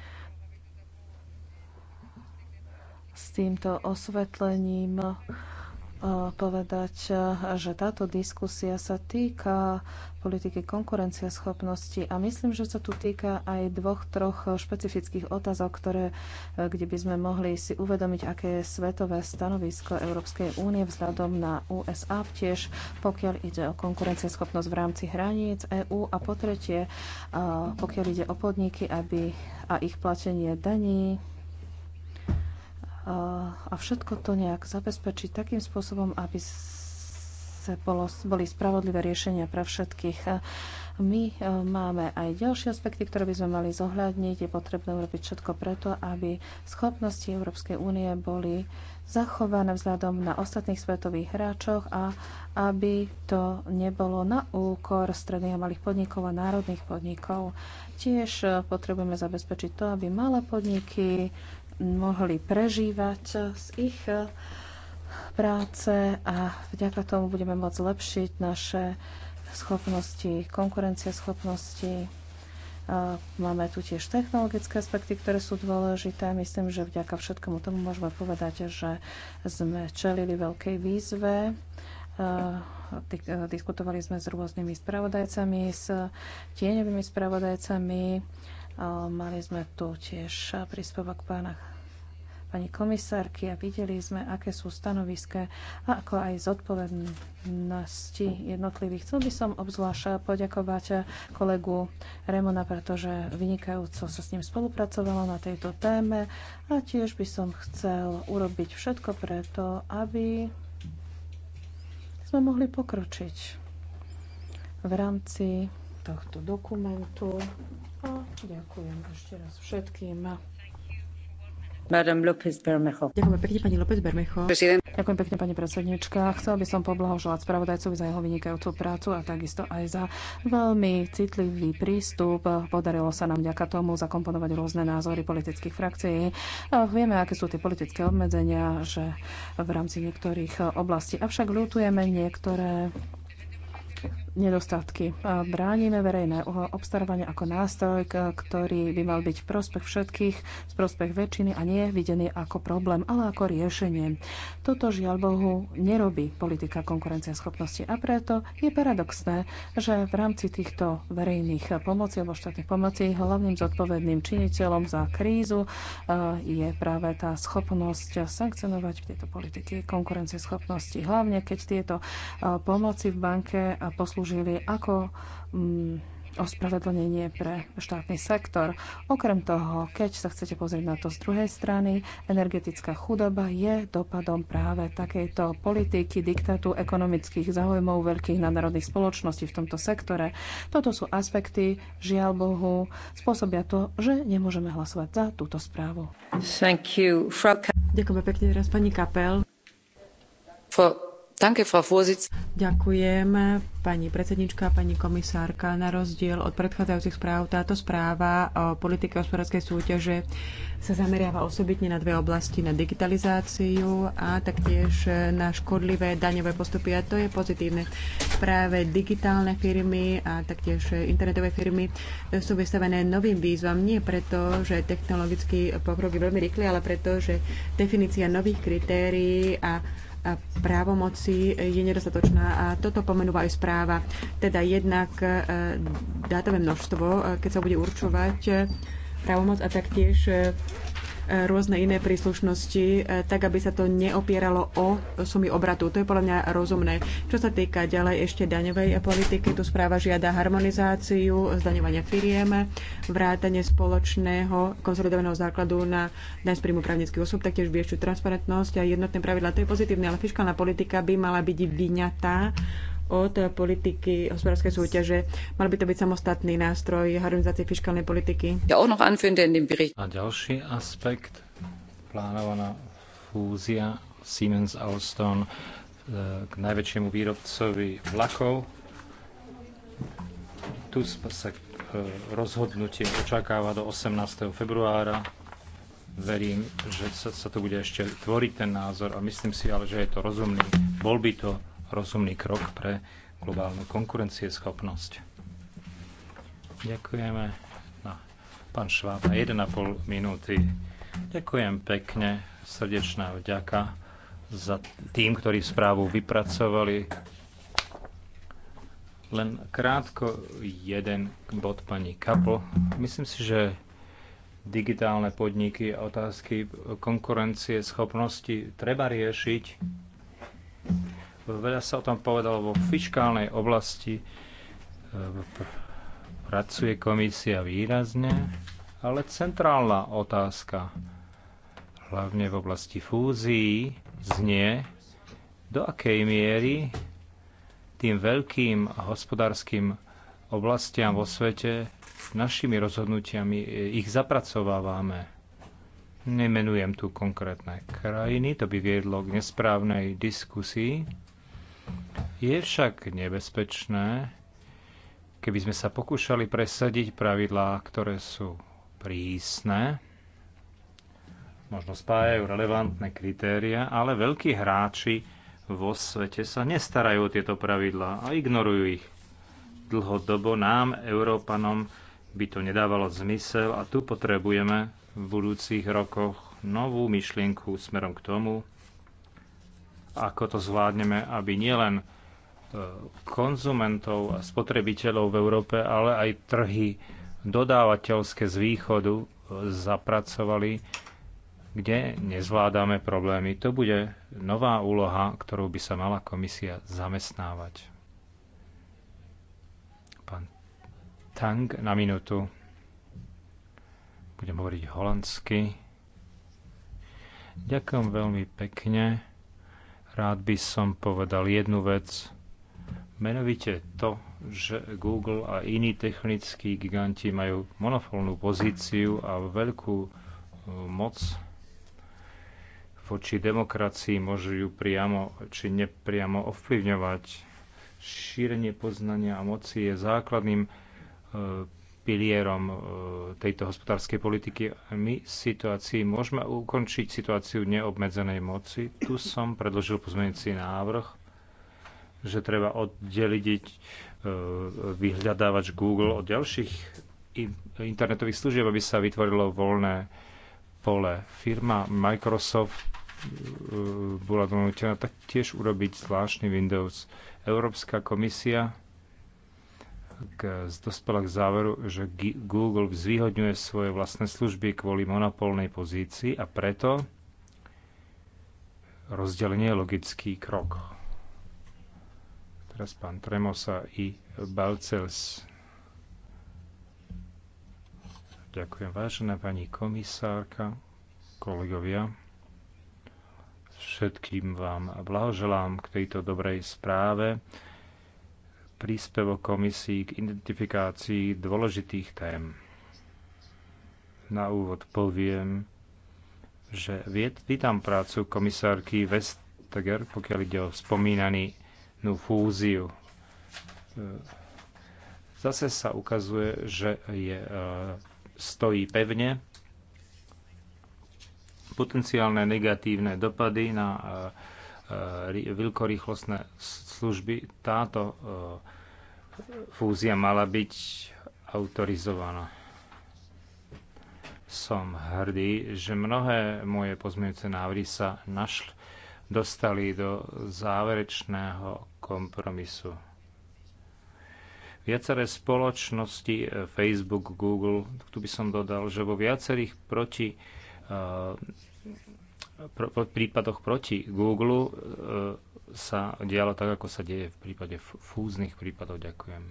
s týmto osvetlením povedať, že táto diskusia sa týka politiky konkurencieschopnosti a myslím, že sa tu týka aj dvoch, troch špecifických otázok, ktoré, kde by sme mohli si uvedomiť, aké je svetové stanovisko Európskej únie vzhľadom na USA, tiež pokiaľ ide o konkurencieschopnosť v rámci hraníc EÚ a po tretie, pokiaľ ide o podniky aby, a ich platenie daní a všetko to nejak zabezpečiť takým spôsobom, aby sa bolo, boli spravodlivé riešenia pre všetkých. My e, máme aj ďalšie aspekty, ktoré by sme mali zohľadniť. Je potrebné urobiť všetko preto, aby schopnosti Európskej únie boli zachované vzhľadom na ostatných svetových hráčoch a aby to nebolo na úkor stredných a malých podnikov a národných podnikov. Tiež e, potrebujeme zabezpečiť to, aby malé podniky mohli prežívať z ich eh, práce a vďaka tomu budeme môcť zlepšiť naše schopnosti, konkurencieschopnosti. Eh, máme tu tiež technologické aspekty, ktoré sú dôležité. Myslím, že vďaka všetkému tomu môžeme povedať, že sme čelili veľkej výzve eh, diskutovali sme s rôznymi spravodajcami, s tieňovými spravodajcami. Mali sme tu tiež príspevok pána pani komisárky a videli sme, aké sú stanoviska, ako aj zodpovednosti jednotlivých. Chcel by som obzvlášť poďakovať kolegu Remona, pretože vynikajúco sa s ním spolupracovalo na tejto téme a tiež by som chcel urobiť všetko preto, aby sme mohli pokročiť v rámci tohto dokumentu. A ďakujem ešte raz všetkým. Ďakujem pekne, pani López Bermecho. Ďakujem pekne, pani predsednička. Chcel by som poblahožovať spravodajcovi za jeho vynikajúcu prácu a takisto aj za veľmi citlivý prístup. Podarilo sa nám vďaka tomu zakomponovať rôzne názory politických frakcií. Vieme, aké sú tie politické obmedzenia, že v rámci niektorých oblastí. Avšak ľutujeme niektoré nedostatky. Bránime verejné obstarávanie ako nástroj, ktorý by mal byť v prospech všetkých, v prospech väčšiny a nie videný ako problém, ale ako riešenie. Toto žiaľ Bohu nerobí politika konkurencia schopnosti a preto je paradoxné, že v rámci týchto verejných pomoci alebo štátnych pomoci hlavným zodpovedným činiteľom za krízu e, je práve tá schopnosť sankcionovať tieto politiky konkurencie schopnosti. Hlavne keď tieto e, pomoci v banke poslú slúžili ako mm, ospravedlnenie pre štátny sektor. Okrem toho, keď sa chcete pozrieť na to z druhej strany, energetická chudoba je dopadom práve takejto politiky, diktatu ekonomických záujmov veľkých nadnárodných spoločností v tomto sektore. Toto sú aspekty, žiaľ Bohu, spôsobia to, že nemôžeme hlasovať za túto správu. Thank you. pekne teraz pani Kapel. For Ďakujem, pani predsednička, pani komisárka. Na rozdiel od predchádzajúcich správ, táto správa o politike hospodárskej súťaže sa zameriava osobitne na dve oblasti, na digitalizáciu a taktiež na škodlivé daňové postupy. A to je pozitívne. Práve digitálne firmy a taktiež internetové firmy sú vystavené novým výzvam. Nie preto, že technologický pokrok je veľmi rýchly, ale preto, že definícia nových kritérií a právomoci je nedostatočná a toto pomenúva aj správa. Teda jednak e, dátové množstvo, e, keď sa bude určovať e, právomoc a taktiež rôzne iné príslušnosti, e, tak aby sa to neopieralo o sumy obratu. To je podľa mňa rozumné. Čo sa týka ďalej ešte daňovej politiky, tu správa žiada harmonizáciu zdaňovania firiem, vrátanie spoločného konsolidovaného základu na daň z príjmu právnických osôb, taktiež väčšiu transparentnosť a jednotné pravidlá. To je pozitívne, ale fiskálna politika by mala byť vyňatá od politiky hospodárskej súťaže. Mal by to byť samostatný nástroj harmonizácie fiskálnej politiky. A ďalší aspekt, plánovaná fúzia Siemens Alstom e, k najväčšiemu výrobcovi vlakov. Tu sa e, rozhodnutie očakáva do 18. februára. Verím, že sa, sa tu bude ešte tvoriť ten názor a myslím si ale, že je to rozumný. Bol by to rozumný krok pre globálnu konkurencieschopnosť. Ďakujeme. No, pán Šváb, 1,5 minúty. Ďakujem pekne, srdečná vďaka za tým, ktorí správu vypracovali. Len krátko jeden bod pani Kapl. Myslím si, že digitálne podniky a otázky konkurencie schopnosti treba riešiť Veľa sa o tom povedalo vo fiškálnej oblasti. Ehm, pracuje komisia výrazne, ale centrálna otázka, hlavne v oblasti fúzií, znie, do akej miery tým veľkým hospodárskym oblastiam vo svete našimi rozhodnutiami e, ich zapracovávame. Nemenujem tu konkrétne krajiny, to by viedlo k nesprávnej diskusii je však nebezpečné, keby sme sa pokúšali presadiť pravidlá, ktoré sú prísne, možno spájajú relevantné kritéria, ale veľkí hráči vo svete sa nestarajú o tieto pravidlá a ignorujú ich. Dlhodobo nám, Európanom, by to nedávalo zmysel a tu potrebujeme v budúcich rokoch novú myšlienku smerom k tomu, ako to zvládneme, aby nielen e, konzumentov a spotrebiteľov v Európe, ale aj trhy dodávateľské z východu e, zapracovali, kde nezvládame problémy. To bude nová úloha, ktorú by sa mala komisia zamestnávať. Pán Tang na minútu. Budem hovoriť holandsky. Ďakujem veľmi pekne Rád by som povedal jednu vec, menovite to, že Google a iní technickí giganti majú monopolnú pozíciu a veľkú e, moc voči demokracii môžu ju priamo či nepriamo ovplyvňovať. Šírenie poznania a moci je základným e, pilierom e, tejto hospodárskej politiky. My situácii môžeme ukončiť situáciu neobmedzenej moci. Tu som predložil pozmeňujúci návrh, že treba oddeliť e, vyhľadávač Google od ďalších internetových služieb, aby sa vytvorilo voľné pole. Firma Microsoft e, bola donútená tak tiež urobiť zvláštny Windows. Európska komisia k, dospela k záveru, že Google zvýhodňuje svoje vlastné služby kvôli monopolnej pozícii a preto rozdelenie je logický krok. Teraz pán Tremosa i Balcels. Ďakujem, vážená pani komisárka, kolegovia. Všetkým vám blahoželám k tejto dobrej správe príspevok komisii k identifikácii dôležitých tém. Na úvod poviem, že vítam prácu komisárky Vestager, pokiaľ ide o spomínanú fúziu. Zase sa ukazuje, že je, e, stojí pevne. Potenciálne negatívne dopady na e, veľkorýchlostné služby. Táto e, fúzia mala byť autorizovaná. Som hrdý, že mnohé moje pozmeňujúce návrhy sa našli, dostali do záverečného kompromisu. Viaceré spoločnosti, e, Facebook, Google, tu by som dodal, že vo viacerých proti e, pr- prípadoch proti Google e, sa dialo tak, ako sa deje v prípade fúznych prípadov. Ďakujem.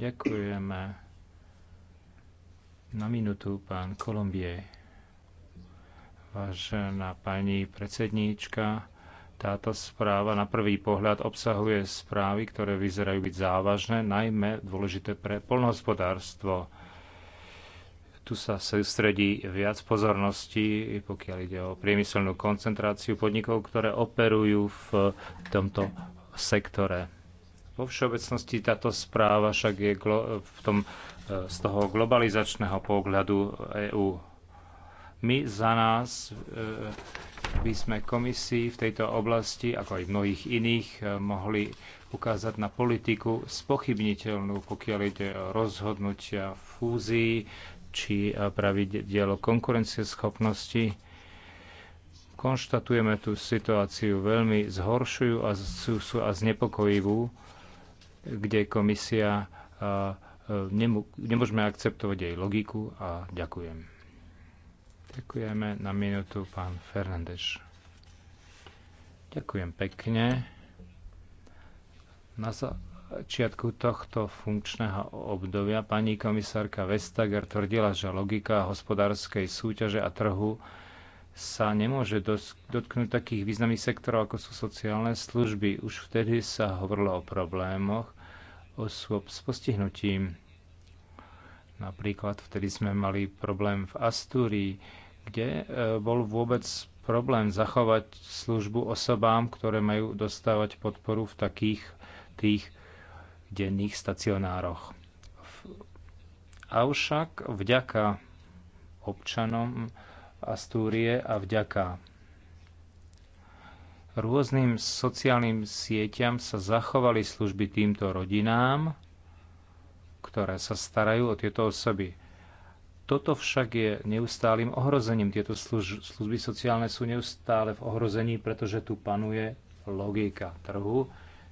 Ďakujeme. Na minútu pán Kolumbie. Vážená pani predsedníčka, táto správa na prvý pohľad obsahuje správy, ktoré vyzerajú byť závažné, najmä dôležité pre polnohospodárstvo tu sa sústredí viac pozornosti, pokiaľ ide o priemyselnú koncentráciu podnikov, ktoré operujú v tomto sektore. Vo všeobecnosti táto správa však je v tom, eh, z toho globalizačného pohľadu EÚ. My za nás eh, by sme komisii v tejto oblasti, ako aj v mnohých iných, eh, mohli ukázať na politiku spochybniteľnú, pokiaľ ide o rozhodnutia fúzií, či eh, pravidiel o konkurencieschopnosti. Konštatujeme tú situáciu veľmi zhoršujú a, sú, sú a znepokojivú, kde komisia a, eh, eh, nemôžeme akceptovať jej logiku a ďakujem. Ďakujeme na minútu pán Fernandeš. Ďakujem pekne. Na, za, začiatku tohto funkčného obdobia pani komisárka Vestager tvrdila, že logika hospodárskej súťaže a trhu sa nemôže dotknúť takých významných sektorov, ako sú sociálne služby. Už vtedy sa hovorilo o problémoch osôb s postihnutím. Napríklad vtedy sme mali problém v Astúrii, kde e, bol vôbec problém zachovať službu osobám, ktoré majú dostávať podporu v takých tých denných stacionároch. Avšak vďaka občanom Astúrie a vďaka rôznym sociálnym sieťam sa zachovali služby týmto rodinám, ktoré sa starajú o tieto osoby. Toto však je neustálým ohrozením. Tieto služ- služby sociálne sú neustále v ohrození, pretože tu panuje logika trhu,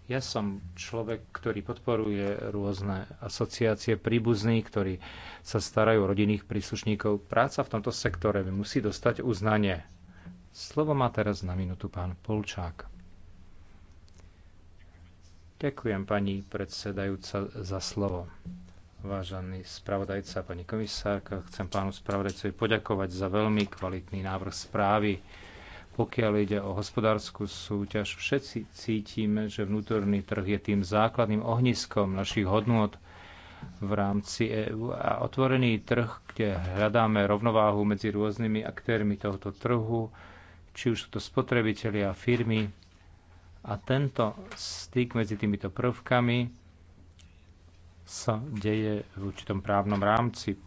ja som človek, ktorý podporuje rôzne asociácie príbuzných, ktorí sa starajú o rodinných príslušníkov. Práca v tomto sektore musí dostať uznanie. Slovo má teraz na minútu pán Polčák. Ďakujem pani predsedajúca za slovo. Vážený spravodajca, pani komisárka, chcem pánu spravodajcovi poďakovať za veľmi kvalitný návrh správy pokiaľ ide o hospodárskú súťaž, všetci cítime, že vnútorný trh je tým základným ohniskom našich hodnôt v rámci EÚ a otvorený trh, kde hľadáme rovnováhu medzi rôznymi aktérmi tohoto trhu, či už sú to spotrebitelia a firmy. A tento styk medzi týmito prvkami sa deje v určitom právnom rámci.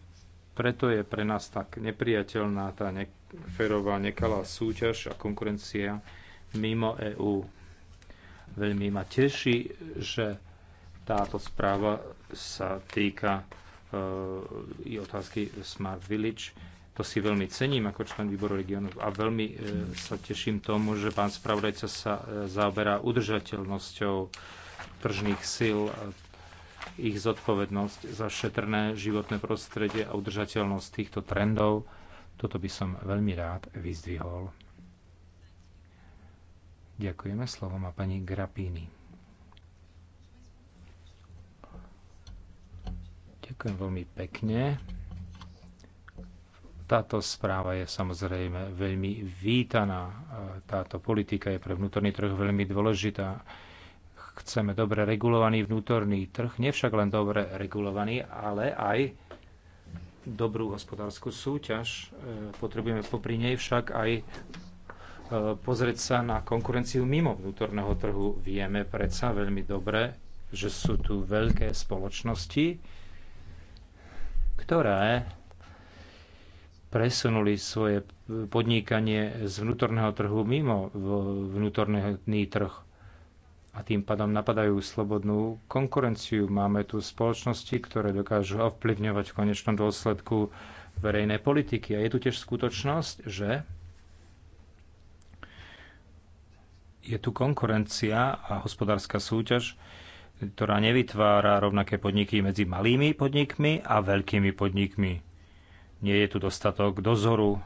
Preto je pre nás tak nepriateľná tá nek- Férová nekalá súťaž a konkurencia mimo EÚ. Veľmi ma teší, že táto správa sa týka e, i otázky Smart Village. To si veľmi cením ako člen výboru regionov a veľmi e, sa teším tomu, že pán spravodajca sa e, zaoberá udržateľnosťou tržných síl, ich zodpovednosť za šetrné životné prostredie a udržateľnosť týchto trendov toto by som veľmi rád vyzdvihol. Ďakujeme. Slovo má pani Grapini. Ďakujem veľmi pekne. Táto správa je samozrejme veľmi vítaná. Táto politika je pre vnútorný trh veľmi dôležitá. Chceme dobre regulovaný vnútorný trh, nevšak len dobre regulovaný, ale aj dobrú hospodárskú súťaž. E, potrebujeme popri nej však aj e, pozrieť sa na konkurenciu mimo vnútorného trhu. Vieme predsa veľmi dobre, že sú tu veľké spoločnosti, ktoré presunuli svoje podnikanie z vnútorného trhu mimo vnútorný trh a tým pádom napadajú slobodnú konkurenciu. Máme tu spoločnosti, ktoré dokážu ovplyvňovať v konečnom dôsledku verejné politiky. A je tu tiež skutočnosť, že je tu konkurencia a hospodárska súťaž, ktorá nevytvára rovnaké podniky medzi malými podnikmi a veľkými podnikmi. Nie je tu dostatok dozoru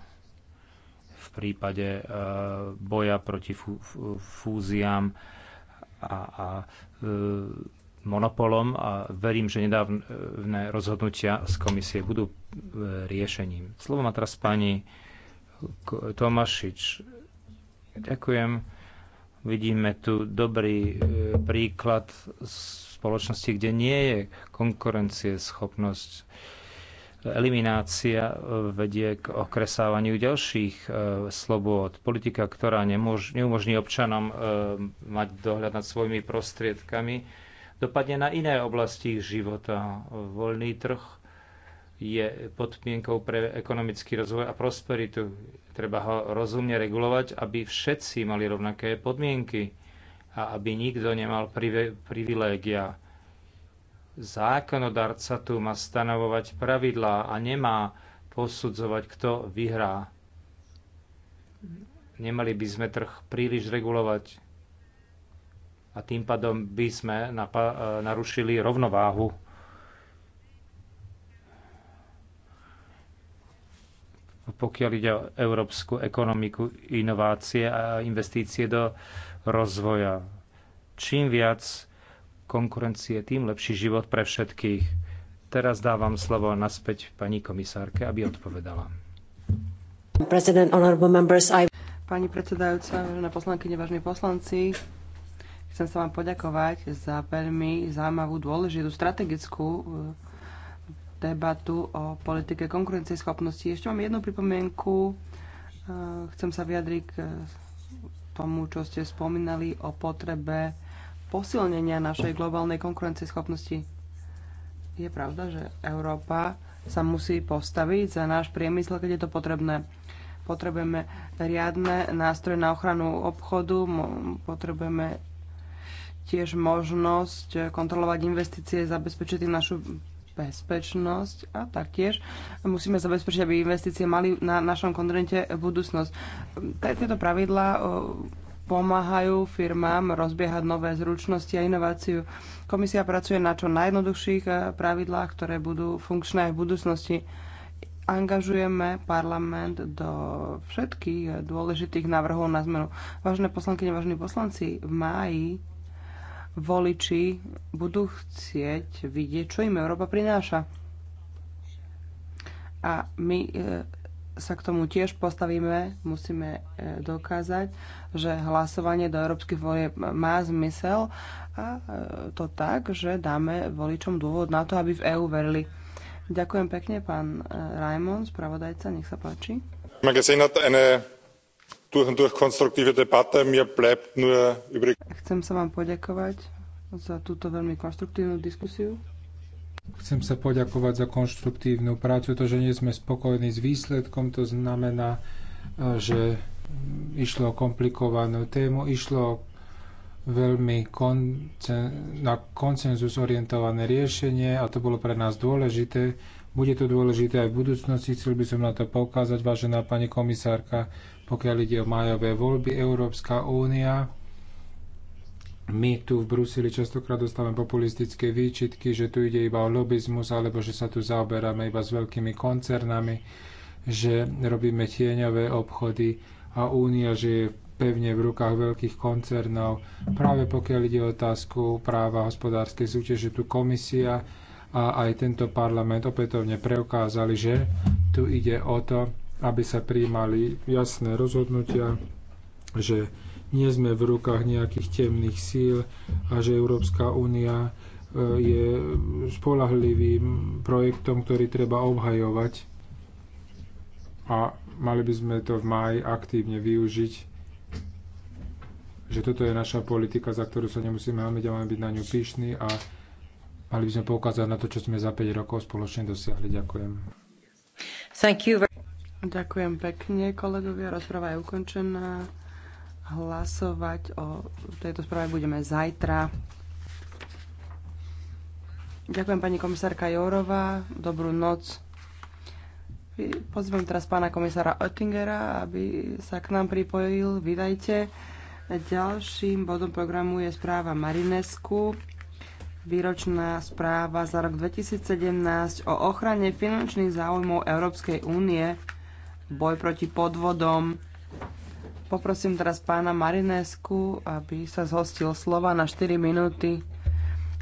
v prípade eh, boja proti fúziám a, a e, monopolom a verím, že nedávne rozhodnutia z komisie budú e, riešením. Slovo má teraz pani Tomašič. Ďakujem. Vidíme tu dobrý e, príklad spoločnosti, kde nie je konkurencie schopnosť eliminácia e, vedie k okresávaniu ďalších e, slobôd. Politika, ktorá nemôž, neumožní občanom e, mať dohľad nad svojimi prostriedkami, dopadne na iné oblasti života. Voľný trh je podmienkou pre ekonomický rozvoj a prosperitu. Treba ho rozumne regulovať, aby všetci mali rovnaké podmienky a aby nikto nemal privilégia Zákonodarca tu má stanovovať pravidlá a nemá posudzovať, kto vyhrá. Nemali by sme trh príliš regulovať a tým pádom by sme e, narušili rovnováhu. Pokiaľ ide o európsku ekonomiku, inovácie a investície do rozvoja. Čím viac konkurencie, tým lepší život pre všetkých. Teraz dávam slovo naspäť pani komisárke, aby odpovedala. Pani predsedajúca, vážené poslankyne, vážení poslanci, chcem sa vám poďakovať za veľmi zaujímavú, dôležitú, strategickú e, debatu o politike konkurencieschopnosti. Ešte mám jednu pripomienku. E, chcem sa vyjadriť k tomu, čo ste spomínali o potrebe posilnenia našej globálnej konkurencieschopnosti. Je pravda, že Európa sa musí postaviť za náš priemysel, keď je to potrebné. Potrebujeme riadne nástroje na ochranu obchodu, potrebujeme tiež možnosť kontrolovať investície, zabezpečiť im našu bezpečnosť a taktiež musíme zabezpečiť, aby investície mali na našom kontinente budúcnosť. Tieto pravidlá pomáhajú firmám rozbiehať nové zručnosti a inováciu. Komisia pracuje na čo najjednoduchších eh, pravidlách, ktoré budú funkčné aj v budúcnosti. Angažujeme parlament do všetkých eh, dôležitých návrhov na zmenu. Vážené poslanky, vážení poslanci, v máji voliči budú chcieť vidieť, čo im Európa prináša. A my eh, sa k tomu tiež postavíme, musíme e, dokázať, že hlasovanie do európskych volieb má zmysel a e, to tak, že dáme voličom dôvod na to, aby v EÚ verili. Ďakujem pekne, pán e, Raimond, spravodajca, nech sa páči. Chcem sa vám poďakovať za túto veľmi konstruktívnu diskusiu. Chcem sa poďakovať za konštruktívnu prácu. To, že nie sme spokojní s výsledkom, to znamená, e, že išlo o komplikovanú tému, išlo o veľmi koncen- na koncenzus orientované riešenie a to bolo pre nás dôležité. Bude to dôležité aj v budúcnosti, chcel by som na to poukázať, vážená pani komisárka, pokiaľ ide o májové voľby, Európska únia my tu v Bruseli častokrát dostávame populistické výčitky, že tu ide iba o lobizmus, alebo že sa tu zaoberáme iba s veľkými koncernami, že robíme tieňové obchody a únia, že je pevne v rukách veľkých koncernov. Práve pokiaľ ide o otázku práva hospodárskej súťaže, tu komisia a aj tento parlament opätovne preukázali, že tu ide o to, aby sa príjmali jasné rozhodnutia, že nie sme v rukách nejakých temných síl a že Európska únia e, je spolahlivým projektom, ktorý treba obhajovať a mali by sme to v máji aktívne využiť, že toto je naša politika, za ktorú sa nemusíme hamiť a máme byť na ňu pyšní a mali by sme poukázať na to, čo sme za 5 rokov spoločne dosiahli. Ďakujem. Thank you. Ďakujem pekne, kolegovia. Rozpráva je ukončená. Hlasovať o tejto správe budeme zajtra. Ďakujem pani komisárka Jourová. Dobrú noc. Pozvem teraz pána komisára Oettingera, aby sa k nám pripojil. Vydajte. Ďalším bodom programu je správa Marinesku. Výročná správa za rok 2017 o ochrane finančných záujmov Európskej únie, boj proti podvodom Poprosím teraz pána Marinesku, aby sa zhostil slova na 4 minúty.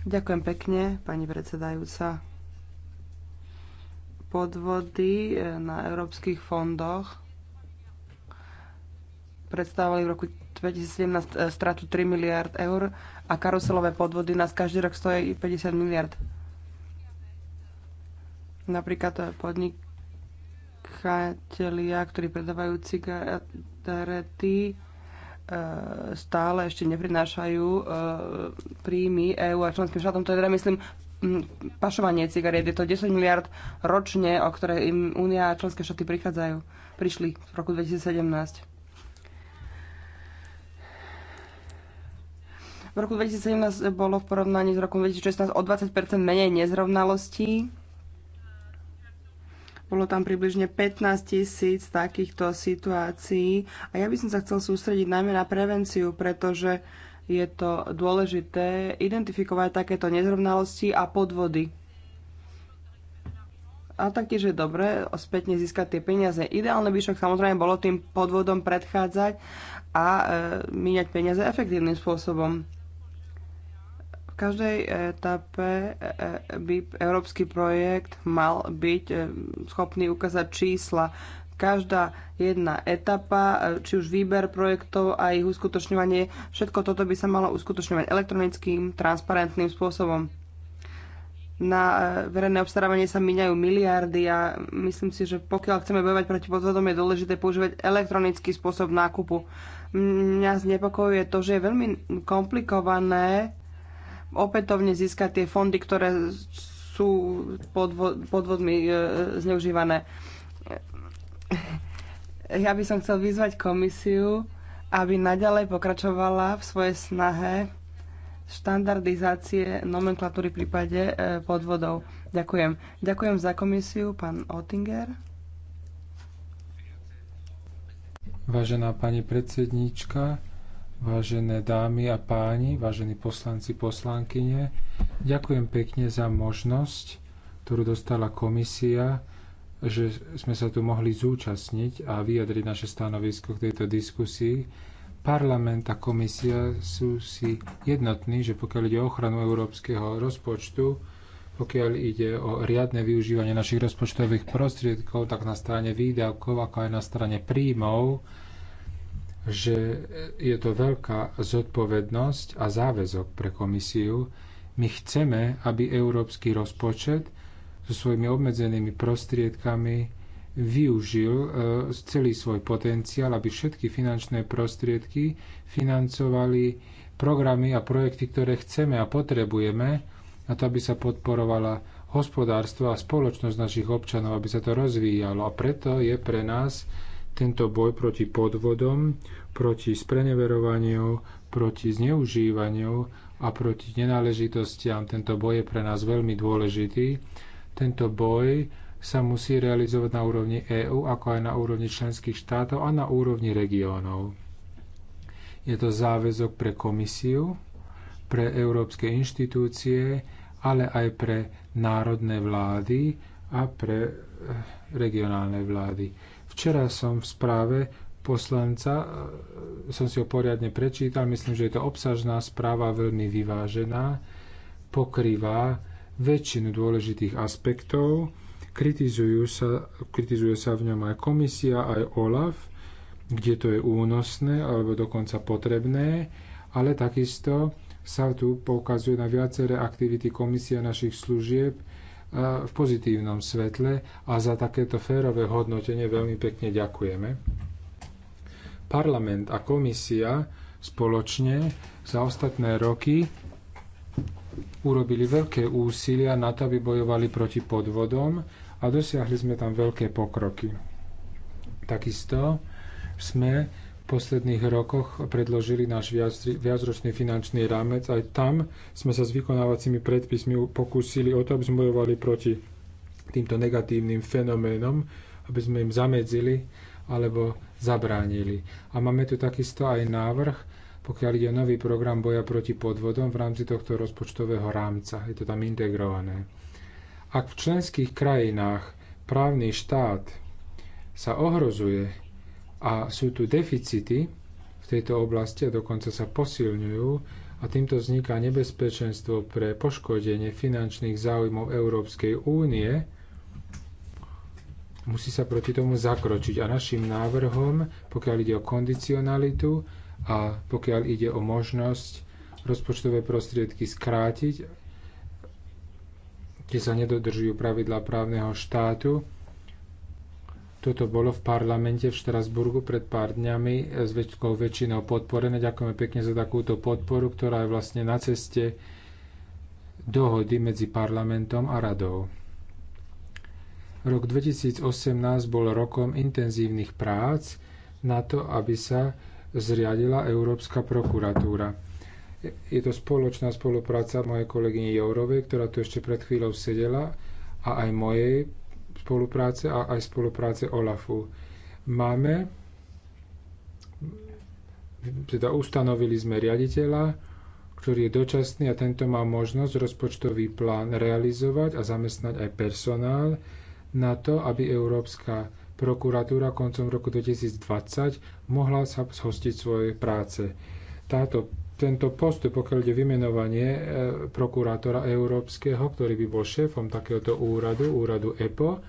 Ďakujem pekne, pani predsedajúca. Podvody eh, na európskych fondoch predstavovali v roku 2017 eh, stratu 3 miliard eur a karuselové podvody nás každý rok stojí 50 miliard. Napríklad eh, podnik podnikatelia, ktorí predávajú cigarety, e, stále ešte neprinášajú e, príjmy EÚ a členským štátom. To je teda, myslím, pašovanie cigariet. Je to 10 miliard ročne, o ktoré im Únia a členské štáty prichádzajú. Prišli v roku 2017. V roku 2017 bolo v porovnaní s rokom 2016 o 20 menej nezrovnalostí bolo tam približne 15 tisíc takýchto situácií a ja by som sa chcel sústrediť najmä na prevenciu, pretože je to dôležité identifikovať takéto nezrovnalosti a podvody. A taktiež je dobré spätne získať tie peniaze. Ideálne by však samozrejme bolo tým podvodom predchádzať a e, míňať peniaze efektívnym spôsobom každej etape eh, eh, by európsky projekt mal byť eh, schopný ukázať čísla. Každá jedna etapa, či už výber projektov a ich uskutočňovanie, všetko toto by sa malo uskutočňovať elektronickým, transparentným spôsobom. Na verejné obstarávanie sa míňajú miliardy a myslím si, že pokiaľ chceme bojovať proti podvodom, je dôležité používať elektronický spôsob nákupu. Mňa znepokojuje to, že je veľmi komplikované opätovne získať tie fondy, ktoré sú podvodmi e, zneužívané. Ja by som chcel vyzvať komisiu, aby naďalej pokračovala v svojej snahe štandardizácie nomenklatúry v prípade e, podvodov. Ďakujem. Ďakujem za komisiu, pán Ottinger. Vážená pani predsednička, vážené dámy a páni, vážení poslanci, poslankyne. Ďakujem pekne za možnosť, ktorú dostala komisia, že sme sa tu mohli zúčastniť a vyjadriť naše stanovisko k tejto diskusii. Parlament a komisia sú si jednotní, že pokiaľ ide o ochranu európskeho rozpočtu, pokiaľ ide o riadne využívanie našich rozpočtových prostriedkov, tak na strane výdavkov, ako aj na strane príjmov, že je to veľká zodpovednosť a záväzok pre komisiu. My chceme, aby európsky rozpočet so svojimi obmedzenými prostriedkami využil e, celý svoj potenciál, aby všetky finančné prostriedky financovali programy a projekty, ktoré chceme a potrebujeme, na to, aby sa podporovala hospodárstvo a spoločnosť našich občanov, aby sa to rozvíjalo. A preto je pre nás tento boj proti podvodom proti spreneverovaniu, proti zneužívaniu a proti nenáležitostiam. Tento boj je pre nás veľmi dôležitý. Tento boj sa musí realizovať na úrovni EÚ, ako aj na úrovni členských štátov a na úrovni regiónov. Je to záväzok pre komisiu, pre európske inštitúcie, ale aj pre národné vlády a pre eh, regionálne vlády. Včera som v správe poslanca e, e, som si ho poriadne prečítal. Myslím, že je to obsažná správa, veľmi vyvážená, pokrýva väčšinu dôležitých aspektov. Kritizujú sa, kritizuje sa v ňom aj komisia, aj OLAF, kde to je únosné alebo dokonca potrebné, ale takisto sa tu poukazuje na viaceré aktivity komisia našich služieb e, v pozitívnom svetle a za takéto férové hodnotenie veľmi pekne ďakujeme. Parlament a komisia spoločne za ostatné roky urobili veľké úsilia na to, aby bojovali proti podvodom a dosiahli sme tam veľké pokroky. Takisto sme v posledných rokoch predložili náš viacročný finančný rámec. Aj tam sme sa s vykonávacími predpismi pokúsili o to, aby sme bojovali proti týmto negatívnym fenoménom, aby sme im zamedzili alebo zabránili. A máme tu takisto aj návrh, pokiaľ ide o nový program boja proti podvodom v rámci tohto rozpočtového rámca. Je to tam integrované. Ak v členských krajinách právny štát sa ohrozuje a sú tu deficity v tejto oblasti a dokonca sa posilňujú, a týmto vzniká nebezpečenstvo pre poškodenie finančných záujmov Európskej únie, musí sa proti tomu zakročiť. A našim návrhom, pokiaľ ide o kondicionalitu a pokiaľ ide o možnosť rozpočtové prostriedky skrátiť, kde sa nedodržujú pravidlá právneho štátu, toto bolo v parlamente v Štrasburgu pred pár dňami s veľkou väčšinou podporené. Ďakujeme pekne za takúto podporu, ktorá je vlastne na ceste dohody medzi parlamentom a radou. Rok 2018 bol rokom intenzívnych prác na to, aby sa zriadila Európska prokuratúra. Je to spoločná spolupráca mojej kolegyne Jourovej, ktorá tu ešte pred chvíľou sedela, a aj mojej spolupráce a aj spolupráce OLAFu. Máme, teda ustanovili sme riaditeľa, ktorý je dočasný a tento má možnosť rozpočtový plán realizovať a zamestnať aj personál, na to, aby Európska prokuratúra koncom roku 2020 mohla sa zhostiť svojej práce. tento postup, pokiaľ ide vymenovanie e, prokurátora európskeho, ktorý by bol šéfom takéhoto úradu, úradu EPO,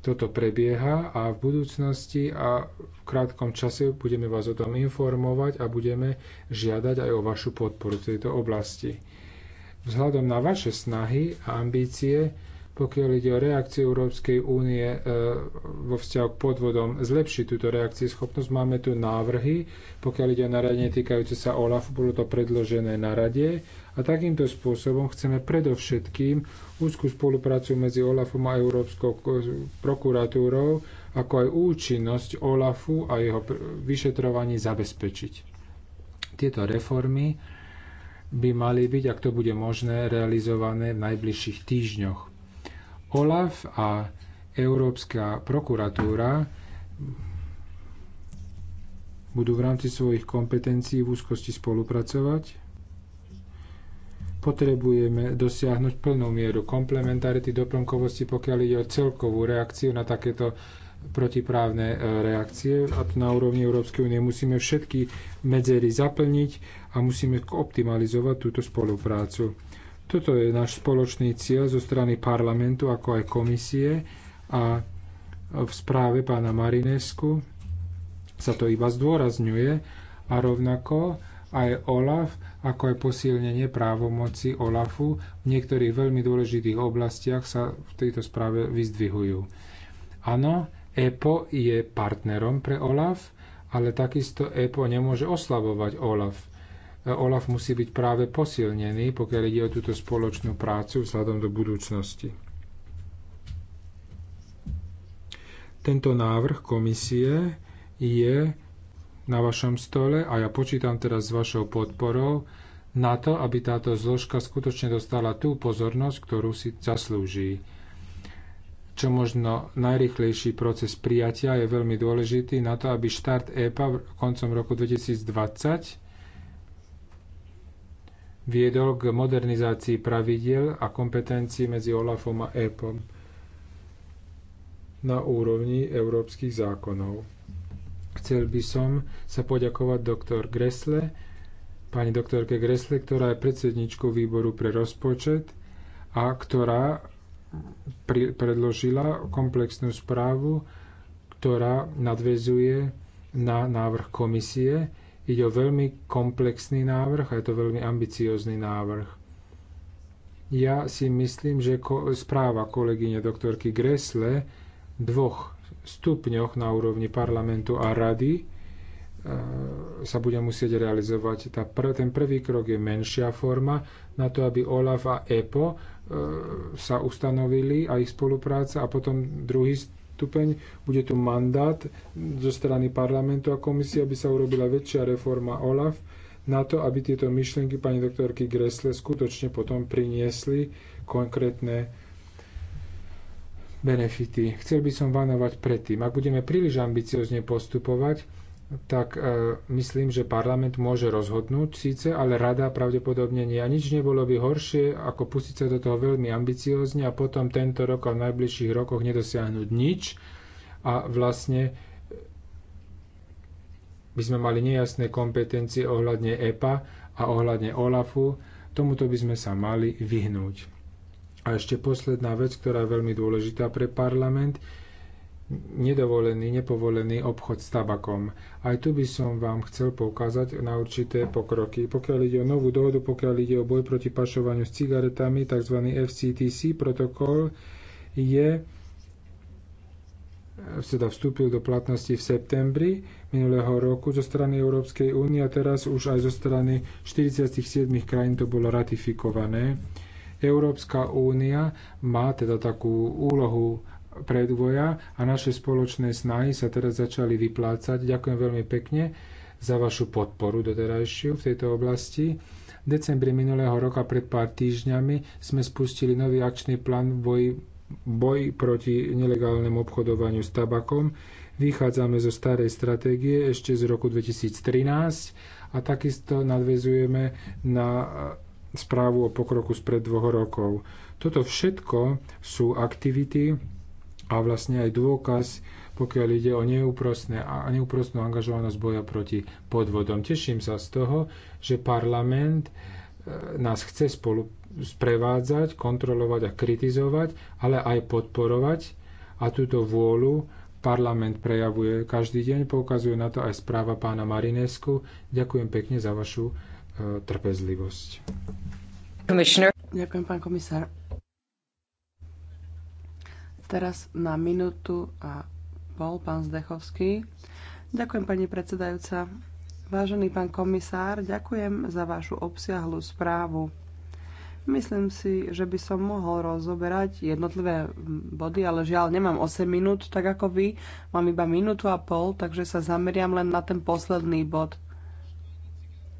toto prebieha a v budúcnosti a v krátkom čase budeme vás o tom informovať a budeme žiadať aj o vašu podporu v tejto oblasti. Vzhľadom na vaše snahy a ambície pokiaľ ide o reakciu Európskej únie e, vo vzťahu k podvodom, zlepšiť túto reakciu schopnosť. Máme tu návrhy, pokiaľ ide o naradenie týkajúce sa OLAF, bolo to predložené na rade a takýmto spôsobom chceme predovšetkým úzku spoluprácu medzi OLAFom a Európskou prokuratúrou, ako aj účinnosť OLAFu a jeho vyšetrovaní zabezpečiť. Tieto reformy by mali byť, ak to bude možné, realizované v najbližších týždňoch. OLAF a Európska prokuratúra budú v rámci svojich kompetencií v úzkosti spolupracovať. Potrebujeme dosiahnuť plnú mieru komplementarity doplnkovosti, pokiaľ ide o celkovú reakciu na takéto protiprávne e, reakcie a na úrovni Európskej únie musíme všetky medzery zaplniť a musíme optimalizovať túto spoluprácu. Toto je náš spoločný cieľ zo strany parlamentu ako aj komisie a v správe pána Marinesku sa to iba zdôrazňuje a rovnako aj OLAF, ako aj posilnenie právomoci OLAFu v niektorých veľmi dôležitých oblastiach sa v tejto správe vyzdvihujú. Áno, EPO je partnerom pre OLAF, ale takisto EPO nemôže oslabovať OLAF OLAF musí byť práve posilnený, pokiaľ ide o túto spoločnú prácu vzhľadom do budúcnosti. Tento návrh komisie je na vašom stole a ja počítam teraz s vašou podporou na to, aby táto zložka skutočne dostala tú pozornosť, ktorú si zaslúži. Čo možno najrychlejší proces prijatia je veľmi dôležitý na to, aby štart EPA koncom roku 2020 viedol k modernizácii pravidiel a kompetencií medzi OLAFom a EPom na úrovni európskych zákonov. Chcel by som sa poďakovať doktor Gresle, pani doktorke Gresle, ktorá je predsedničkou výboru pre rozpočet a ktorá pri, predložila komplexnú správu, ktorá nadvezuje na návrh komisie Ide o veľmi komplexný návrh a je to veľmi ambiciózny návrh. Ja si myslím, že ko- správa kolegyne doktorky Gresle v dvoch stupňoch na úrovni parlamentu a rady e, sa bude musieť realizovať. Tá pr- ten prvý krok je menšia forma na to, aby OLAF a EPO e, sa ustanovili a ich spolupráca a potom druhý stupeň. Bude tu mandát zo strany parlamentu a Komisie, aby sa urobila väčšia reforma OLAF na to, aby tieto myšlienky pani doktorky Gressle skutočne potom priniesli konkrétne benefity. Chcel by som vanovať predtým, ak budeme príliš ambiciozne postupovať, tak e, myslím, že parlament môže rozhodnúť síce, ale rada pravdepodobne nie. A nič nebolo by horšie, ako pustiť sa do toho veľmi ambiciozne a potom tento rok a v najbližších rokoch nedosiahnuť nič a vlastne e, by sme mali nejasné kompetencie ohľadne EPA a ohľadne OLAFu. Tomuto by sme sa mali vyhnúť. A ešte posledná vec, ktorá je veľmi dôležitá pre parlament, nedovolený, nepovolený obchod s tabakom. Aj tu by som vám chcel poukázať na určité pokroky. Pokiaľ ide o novú dohodu, pokiaľ ide o boj proti pašovaniu s cigaretami, tzv. FCTC protokol je teda vstúpil do platnosti v septembri minulého roku zo strany Európskej únie a teraz už aj zo strany 47 krajín to bolo ratifikované. Európska únia má teda takú úlohu predvoja a naše spoločné snahy sa teraz začali vyplácať. Ďakujem veľmi pekne za vašu podporu doterajšiu v tejto oblasti. V decembri minulého roka pred pár týždňami sme spustili nový akčný plán boj, boj proti nelegálnemu obchodovaniu s tabakom. Vychádzame zo starej stratégie ešte z roku 2013 a takisto nadvezujeme na správu o pokroku spred dvoch rokov. Toto všetko sú aktivity, a vlastne aj dôkaz, pokiaľ ide o neúprostné a neúprostnú angažovanosť boja proti podvodom. Teším sa z toho, že parlament e, nás chce spolu sprevádzať, kontrolovať a kritizovať, ale aj podporovať a túto vôľu parlament prejavuje každý deň, poukazuje na to aj správa pána Marinesku. Ďakujem pekne za vašu e, trpezlivosť. Ďakujem, pán komisár. Teraz na minútu a pol pán Zdechovský. Ďakujem pani predsedajúca. Vážený pán komisár, ďakujem za vašu obsiahlu správu. Myslím si, že by som mohol rozoberať jednotlivé body, ale žiaľ nemám 8 minút, tak ako vy. Mám iba minútu a pol, takže sa zameriam len na ten posledný bod.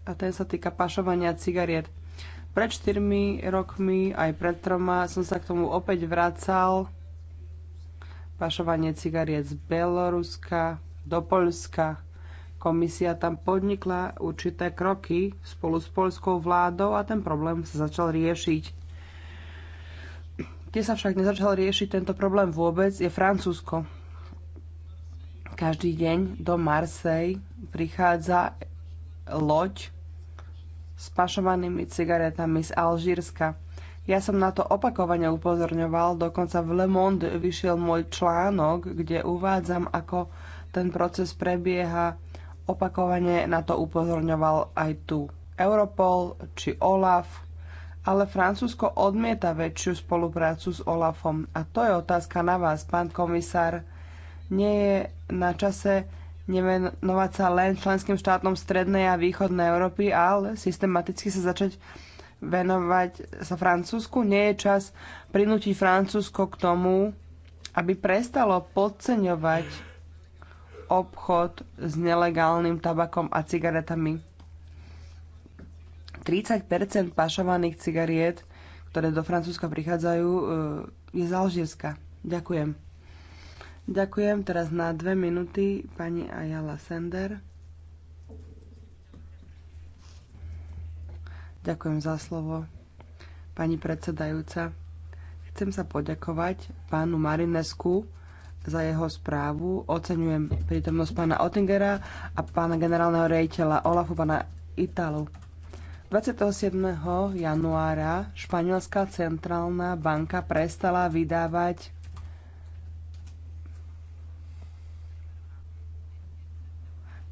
A ten sa týka pašovania cigariet. Pred 4 rokmi, aj pred troma, som sa k tomu opäť vracal pašovanie cigariet z Bieloruska do Polska. Komisia tam podnikla určité kroky spolu s polskou vládou a ten problém sa začal riešiť. Kde sa však nezačal riešiť tento problém vôbec, je Francúzsko. Každý deň do Marsej prichádza loď s pašovanými cigaretami z Alžírska. Ja som na to opakovane upozorňoval, dokonca v Le Monde vyšiel môj článok, kde uvádzam, ako ten proces prebieha. Opakovane na to upozorňoval aj tu Europol či OLAF, ale Francúzsko odmieta väčšiu spoluprácu s OLAFom. A to je otázka na vás, pán komisár. Nie je na čase nevenovať sa len členským štátom Strednej a Východnej Európy, ale systematicky sa začať venovať sa Francúzsku. Nie je čas prinútiť Francúzsko k tomu, aby prestalo podceňovať obchod s nelegálnym tabakom a cigaretami. 30 pašovaných cigariet, ktoré do Francúzska prichádzajú, e, je z Alžírska. Ďakujem. Ďakujem teraz na dve minúty pani Ayala Sender. Ďakujem za slovo. Pani predsedajúca, chcem sa poďakovať pánu Marinesku za jeho správu. Oceňujem prítomnosť pána Ottingera a pána generálneho rejiteľa Olafu, pána Italu. 27. januára Španielská centrálna banka prestala vydávať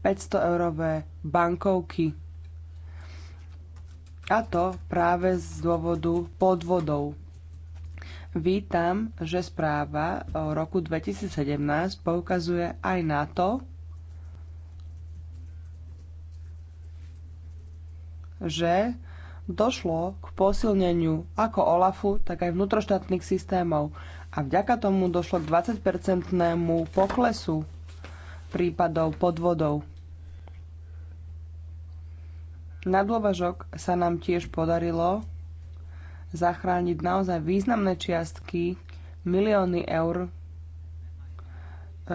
...500 eurové bankovky a to práve z dôvodu podvodov. Vítam, že správa o roku 2017 poukazuje aj na to, že došlo k posilneniu ako OLAFu, tak aj vnútroštátnych systémov a vďaka tomu došlo k 20-percentnému poklesu prípadov podvodov. Na dôvažok sa nám tiež podarilo zachrániť naozaj významné čiastky, milióny eur e, e,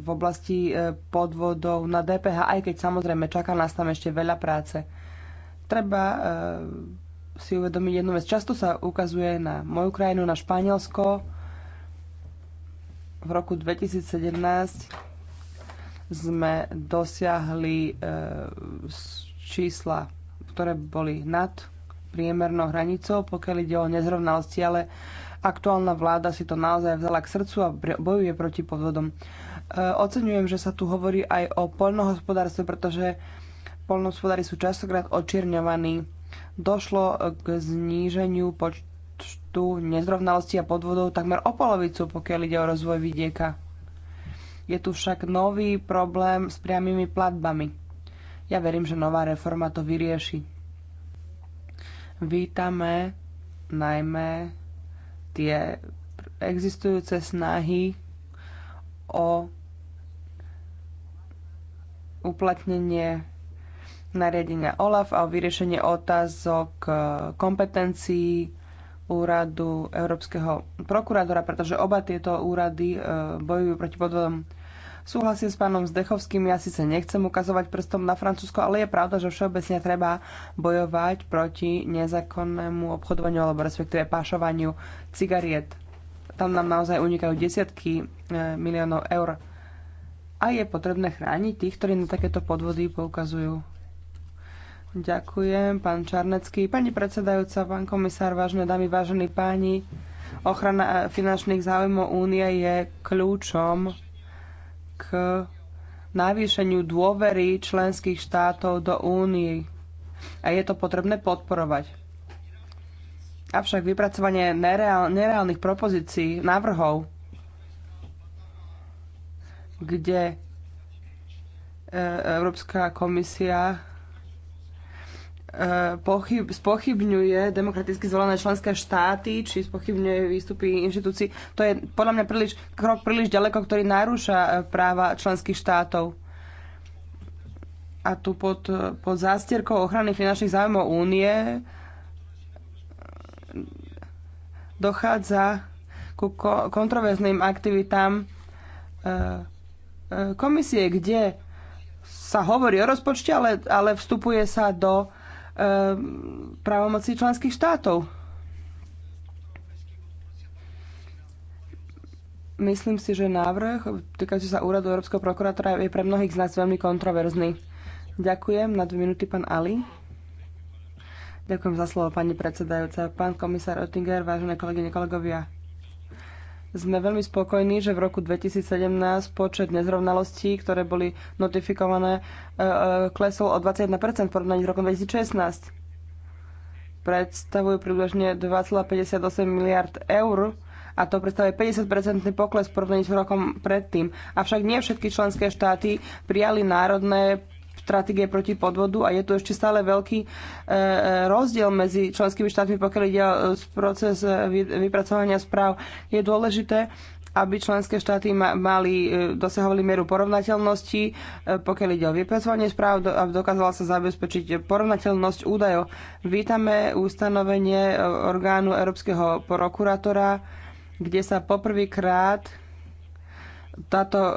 v oblasti e, podvodov na DPH, aj keď samozrejme čaká nás tam ešte veľa práce. Treba si uvedomiť jednu vec. Často sa ukazuje na moju krajinu, na Španielsko. V roku 2017 sme dosiahli čísla, ktoré boli nad priemernou hranicou, pokiaľ ide o nezrovnalosti, ale aktuálna vláda si to naozaj vzala k srdcu a bojuje proti podvodom. E, oceňujem, že sa tu hovorí aj o poľnohospodárstve, pretože poľnohospodári sú častokrát očierňovaní. Došlo k zníženiu počtu nezrovnalostí a podvodov takmer o polovicu, pokiaľ ide o rozvoj vidieka. Je tu však nový problém s priamými platbami ja verím, že nová reforma to vyrieši. Vítame najmä tie existujúce snahy o uplatnenie nariadenia OLAF a o vyriešenie otázok e, kompetencií úradu Európskeho prokurátora, pretože oba tieto úrady e, bojujú proti podvodom Súhlasím s pánom Zdechovským, ja síce nechcem ukazovať prstom na Francúzsko, ale je pravda, že všeobecne treba bojovať proti nezákonnému obchodovaniu alebo respektíve pášovaniu cigariet. Tam nám naozaj unikajú desiatky e, miliónov eur. A je potrebné chrániť tých, ktorí na takéto podvody poukazujú. Ďakujem, pán Čarnecký. Pani predsedajúca, pán komisár, vážne dámy, vážení páni, ochrana e, finančných záujmov únie je kľúčom k navýšeniu dôvery členských štátov do únie. a je to potrebné podporovať. Avšak vypracovanie nereál, nereálnych propozícií, návrhov, kde e, Európska komisia pochyb, spochybňuje demokraticky zvolené členské štáty, či spochybňuje výstupy inštitúcií. To je podľa mňa príliš, krok príliš ďaleko, ktorý narúša e, práva členských štátov. A tu pod, pod zástierkou ochrany finančných zájmov únie e, dochádza ku kontroverzným aktivitám e, komisie, kde sa hovorí o rozpočte, ale, ale vstupuje sa do Eh, právomocí členských štátov. Myslím si, že návrh týkajúci sa úradu Európskeho prokurátora je pre mnohých z nás veľmi kontroverzný. Ďakujem. Na dve minúty pán Ali. Ďakujem za slovo, pani predsedajúca. Pán komisár Oettinger, vážené kolegyne, kolegovia. Sme veľmi spokojní, že v roku 2017 počet nezrovnalostí, ktoré boli notifikované, e, e, klesol o 21% v porovnaní s rokom 2016. Predstavujú približne 2,58 miliard eur, a to predstavuje 50-percentný pokles v porovnaní s rokom predtým. Avšak nie všetky členské štáty prijali národné stratégie proti podvodu a je tu ešte stále veľký e, e, rozdiel medzi členskými štátmi, pokiaľ ide e, proces vypracovania správ. Je dôležité, aby členské štáty mali, dosahovali mieru porovnateľnosti, pokiaľ ide o vypracovanie správ a dokázala sa zabezpečiť porovnateľnosť údajov. Vítame ustanovenie orgánu Európskeho prokurátora, kde sa poprvýkrát táto e,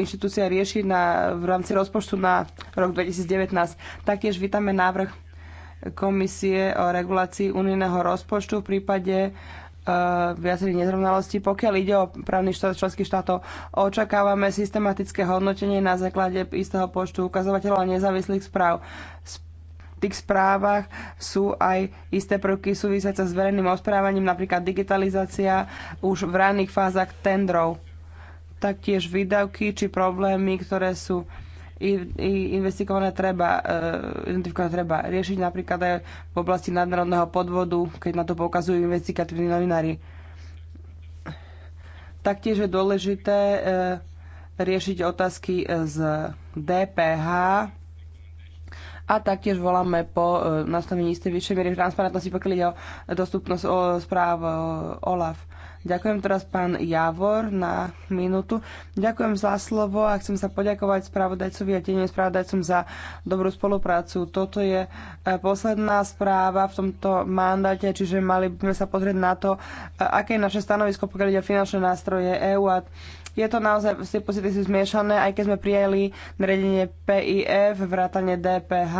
inštitúcia rieši na, v rámci rozpočtu na rok 2019. Taktiež vítame návrh komisie o regulácii unijného rozpočtu v prípade e, viacerých nezrovnalostí. Pokiaľ ide o právny štát členských štátov, očakávame systematické hodnotenie na základe istého počtu ukazovateľov a nezávislých správ tých správach sú aj isté prvky súvisiace s verejným osprávaním, napríklad digitalizácia už v ranných fázach tendrov. Taktiež výdavky či problémy, ktoré sú investikované, treba, e, identifikované treba riešiť napríklad aj v oblasti nadnárodného podvodu, keď na to poukazujú investigatívni novinári. Taktiež je dôležité e, riešiť otázky e, z DPH, a taktiež voláme po e, nastavení istej vyššej miery transparentnosti, pokiaľ ide o dostupnosť o správ e, OLAF. Ďakujem teraz pán Javor na minútu. Ďakujem za slovo a chcem sa poďakovať spravodajcovi a tieňovým spravodajcom za dobrú spoluprácu. Toto je e, posledná správa v tomto mandáte, čiže mali by sme sa pozrieť na to, aké je naše stanovisko, pokiaľ ide o finančné nástroje EU a je to naozaj, pocity sú zmiešané, aj keď sme prijali nariadenie PIF, vrátanie DPH,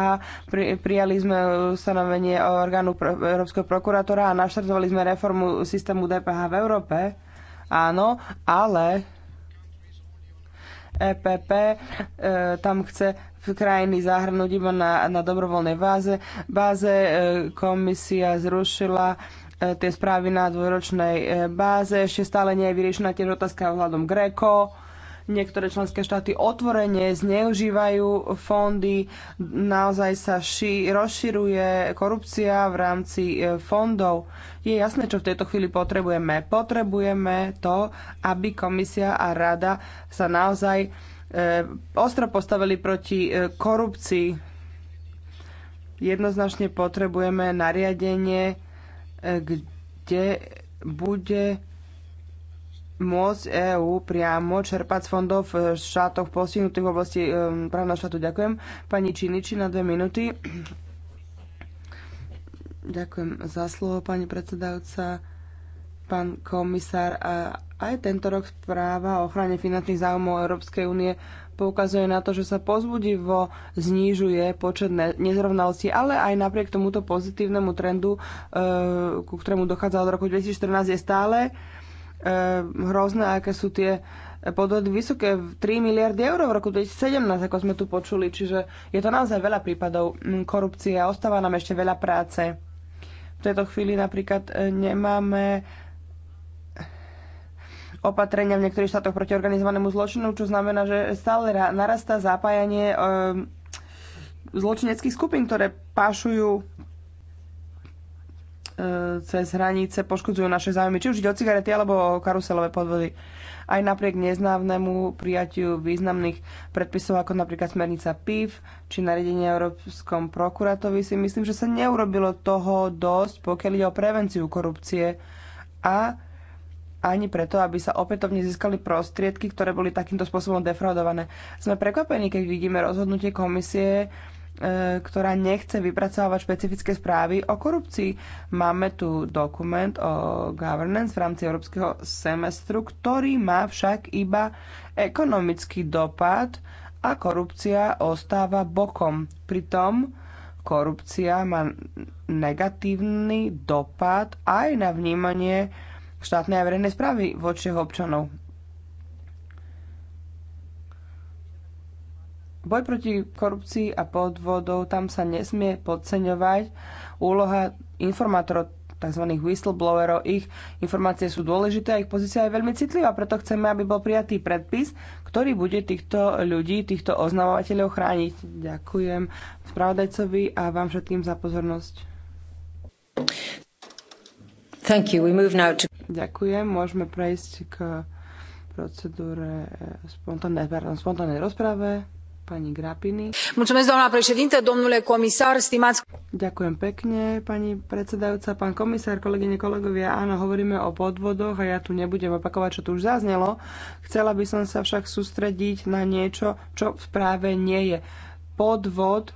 pri, prijali sme ustanovenie orgánu pro, Európskeho prokurátora a naštartovali sme reformu systému DPH v Európe. Áno, ale EPP e, tam chce krajiny zahrnúť iba na, na dobrovoľnej báze. Báze e, komisia zrušila E, tie správy na dvojročnej e, báze. Ešte stále nie je vyriešená tiež otázka ohľadom Greko. Niektoré členské štáty otvorene zneužívajú fondy, naozaj sa ši, rozširuje korupcia v rámci e, fondov. Je jasné, čo v tejto chvíli potrebujeme. Potrebujeme to, aby komisia a rada sa naozaj ostro postavili proti korupcii. Jednoznačne potrebujeme nariadenie kde bude môcť EÚ priamo čerpať z fondov v štátoch postihnutých v oblasti um, právneho štátu. Ďakujem. Pani Činiči na dve minúty. Ďakujem za slovo, pani predsedajúca, pán komisár. A aj tento rok správa o ochrane finančných záujmov Európskej únie poukazuje na to, že sa pozbudivo znižuje počet nezrovnalostí, ale aj napriek tomuto pozitívnemu trendu, e, ku ktorému dochádza od roku 2014, je stále e, hrozné, aké sú tie podvody vysoké 3 miliardy eur v roku 2017, ako sme tu počuli. Čiže je to naozaj veľa prípadov korupcie a ostáva nám ešte veľa práce. V tejto chvíli napríklad e, nemáme opatrenia v niektorých štátoch proti organizovanému zločinu, čo znamená, že stále narastá zapájanie ehm, zločineckých skupín, ktoré pášujú ehm, cez hranice poškodzujú naše záujmy, či už ide o cigarety alebo o karuselové podvody. Aj napriek neznávnemu prijatiu významných predpisov ako napríklad smernica PIV či nariadenie Európskom prokuratovi si myslím, že sa neurobilo toho dosť, pokiaľ ide o prevenciu korupcie a ani preto, aby sa opätovne získali prostriedky, ktoré boli takýmto spôsobom defraudované. Sme prekvapení, keď vidíme rozhodnutie komisie, e, ktorá nechce vypracovať špecifické správy o korupcii. Máme tu dokument o governance v rámci európskeho semestru, ktorý má však iba ekonomický dopad a korupcia ostáva bokom. Pritom korupcia má negatívny dopad aj na vnímanie štátnej a verejnej správy voči jeho občanov. Boj proti korupcii a podvodov, tam sa nesmie podceňovať úloha informátorov, tzv. whistleblowerov. Ich informácie sú dôležité a ich pozícia je veľmi citlivá, preto chceme, aby bol prijatý predpis, ktorý bude týchto ľudí, týchto oznamovateľov chrániť. Ďakujem spravodajcovi a vám všetkým za pozornosť. Thank you. We move now to... Ďakujem. Môžeme prejsť k procedúre eh, spontánnej, spontánnej rozprave. Pani Grapini. Mulțumesc, doamna președinte, domnule comisar, stimați... Ďakujem pekne, pani predsedajúca, pán komisár, kolegyne, kolegovia. Áno, hovoríme o podvodoch a ja tu nebudem opakovať, čo tu už zaznelo. Chcela by som sa však sústrediť na niečo, čo v správe nie je. Podvod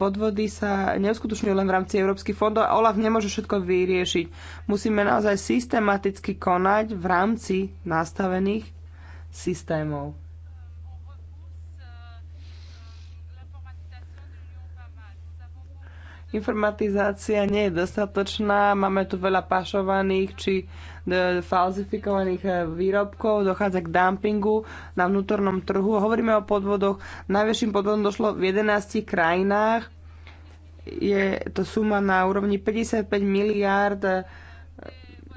podvody sa neuskutočňujú len v rámci európskych fondov a OLAF nemôže všetko vyriešiť. Musíme naozaj systematicky konať v rámci nastavených systémov. Informatizácia nie je dostatočná, máme tu veľa pašovaných či E, falzifikovaných e, výrobkov, dochádza k dumpingu na vnútornom trhu. Hovoríme o podvodoch. Najväčším podvodom došlo v 11 krajinách. Je to suma na úrovni 55 miliárd e,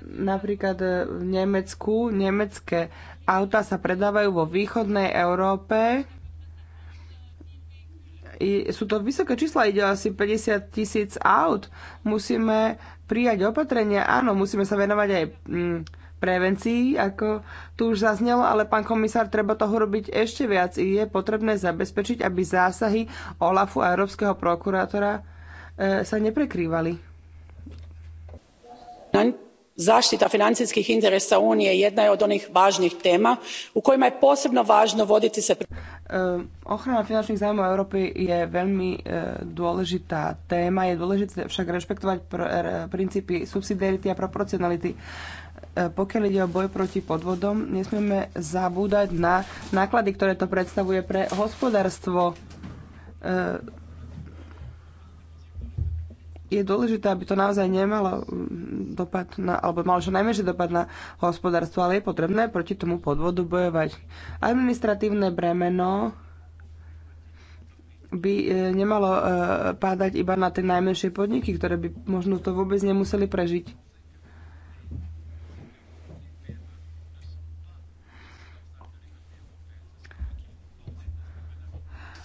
napríklad v Nemecku. Nemecké auta sa predávajú vo východnej Európe sú to vysoké čísla, ide asi 50 tisíc aut. Musíme prijať opatrenia, áno, musíme sa venovať aj mm, prevencii, ako tu už zaznelo, ale pán komisár, treba toho robiť ešte viac. Je potrebné zabezpečiť, aby zásahy OLAFu a Európskeho prokurátora e, sa neprekrývali zatita financijskih interesa unije jedna je od onih vanih tema u kojima je posebno vano voditi se e, Ochrana finančných záujmov Európy je veľmi e, dôležitá téma. Je dôležité však rešpektovať pr- e, princípy subsidiarity a proporcionality. Pokiaľ ide o boj proti podvodom, nesmieme zabúdať na náklady, ktoré to predstavuje pre hospodárstvo je dôležité, aby to naozaj nemalo mm, dopad na, alebo malo čo najmenší dopad na hospodárstvo, ale je potrebné proti tomu podvodu bojovať. Administratívne bremeno by e, nemalo e, pádať iba na tie najmenšie podniky, ktoré by možno to vôbec nemuseli prežiť.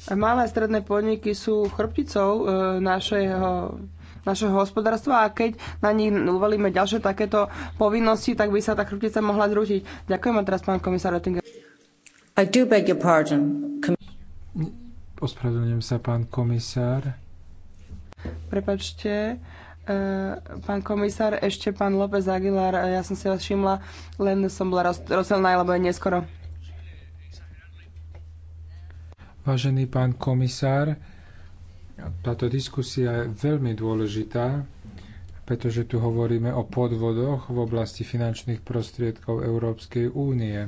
Malé a stredné podniky sú chrbticou e, našeho našeho hospodárstva a keď na nich uvalíme ďalšie takéto povinnosti, tak by sa tá krutica mohla zrušiť. Ďakujem a teraz pán komisár Oettinger. I do beg your pardon. Com- Ospravedlňujem sa, pán komisár. Prepačte, e, pán komisár, ešte pán López Aguilar, e, ja som si vás všimla, len som bola roz- rozdelná, lebo je neskoro. Vážený pán komisár, táto diskusia je veľmi dôležitá, pretože tu hovoríme o podvodoch v oblasti finančných prostriedkov Európskej únie.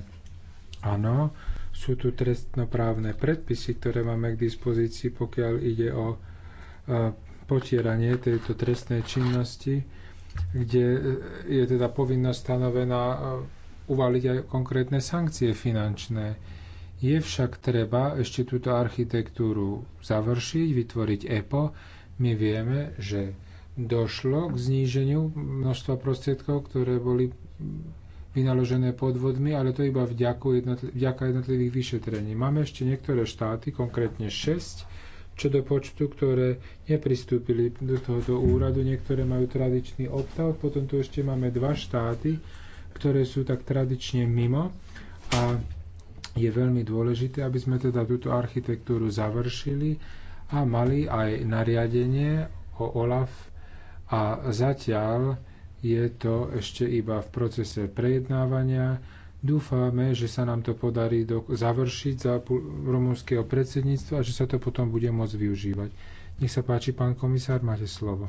Áno, sú tu trestnoprávne predpisy, ktoré máme k dispozícii, pokiaľ ide o e, potieranie tejto trestnej činnosti, kde e, je teda povinnosť stanovená e, uvaliť aj konkrétne sankcie finančné. Je však treba ešte túto architektúru završiť, vytvoriť EPO. My vieme, že došlo k zníženiu množstva prostriedkov, ktoré boli vynaložené podvodmi, ale to iba vďaku jednotl- vďaka jednotlivých vyšetrení. Máme ešte niektoré štáty, konkrétne 6, čo do počtu, ktoré nepristúpili do tohoto úradu. Niektoré majú tradičný optav. potom tu ešte máme dva štáty, ktoré sú tak tradične mimo. A je veľmi dôležité, aby sme teda túto architektúru završili a mali aj nariadenie o OLAF a zatiaľ je to ešte iba v procese prejednávania. Dúfame, že sa nám to podarí do, završiť za rumúnskeho predsedníctva a že sa to potom bude môcť využívať. Nech sa páči, pán komisár, máte slovo.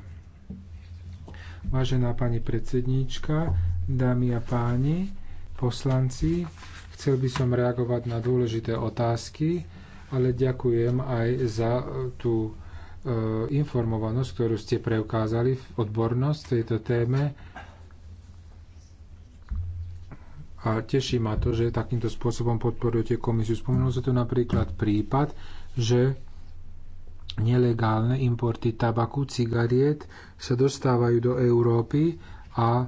Vážená pani predsedníčka, dámy a páni, poslanci, Chcel by som reagovať na dôležité otázky, ale ďakujem aj za e, tú e, informovanosť, ktorú ste preukázali, v odbornosť tejto téme. A teší ma to, že takýmto spôsobom podporujete komisiu. Spomenul sa tu napríklad prípad, že nelegálne importy tabaku, cigariet sa dostávajú do Európy a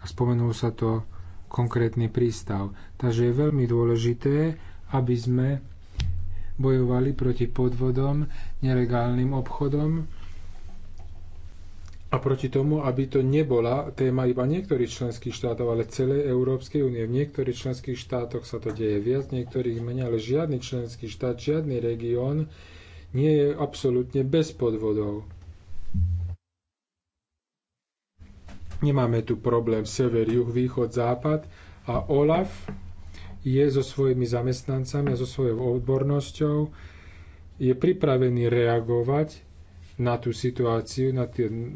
spomenul sa to konkrétny prístav. Takže je veľmi dôležité, aby sme bojovali proti podvodom, nelegálnym obchodom a proti tomu, aby to nebola téma iba niektorých členských štátov, ale celej Európskej únie. V niektorých členských štátoch sa to deje viac, niektorých menej, ale žiadny členský štát, žiadny región nie je absolútne bez podvodov. Nemáme tu problém sever, juh, východ, západ a OLAF je so svojimi zamestnancami a so svojou odbornosťou je pripravený reagovať na tú situáciu, na ten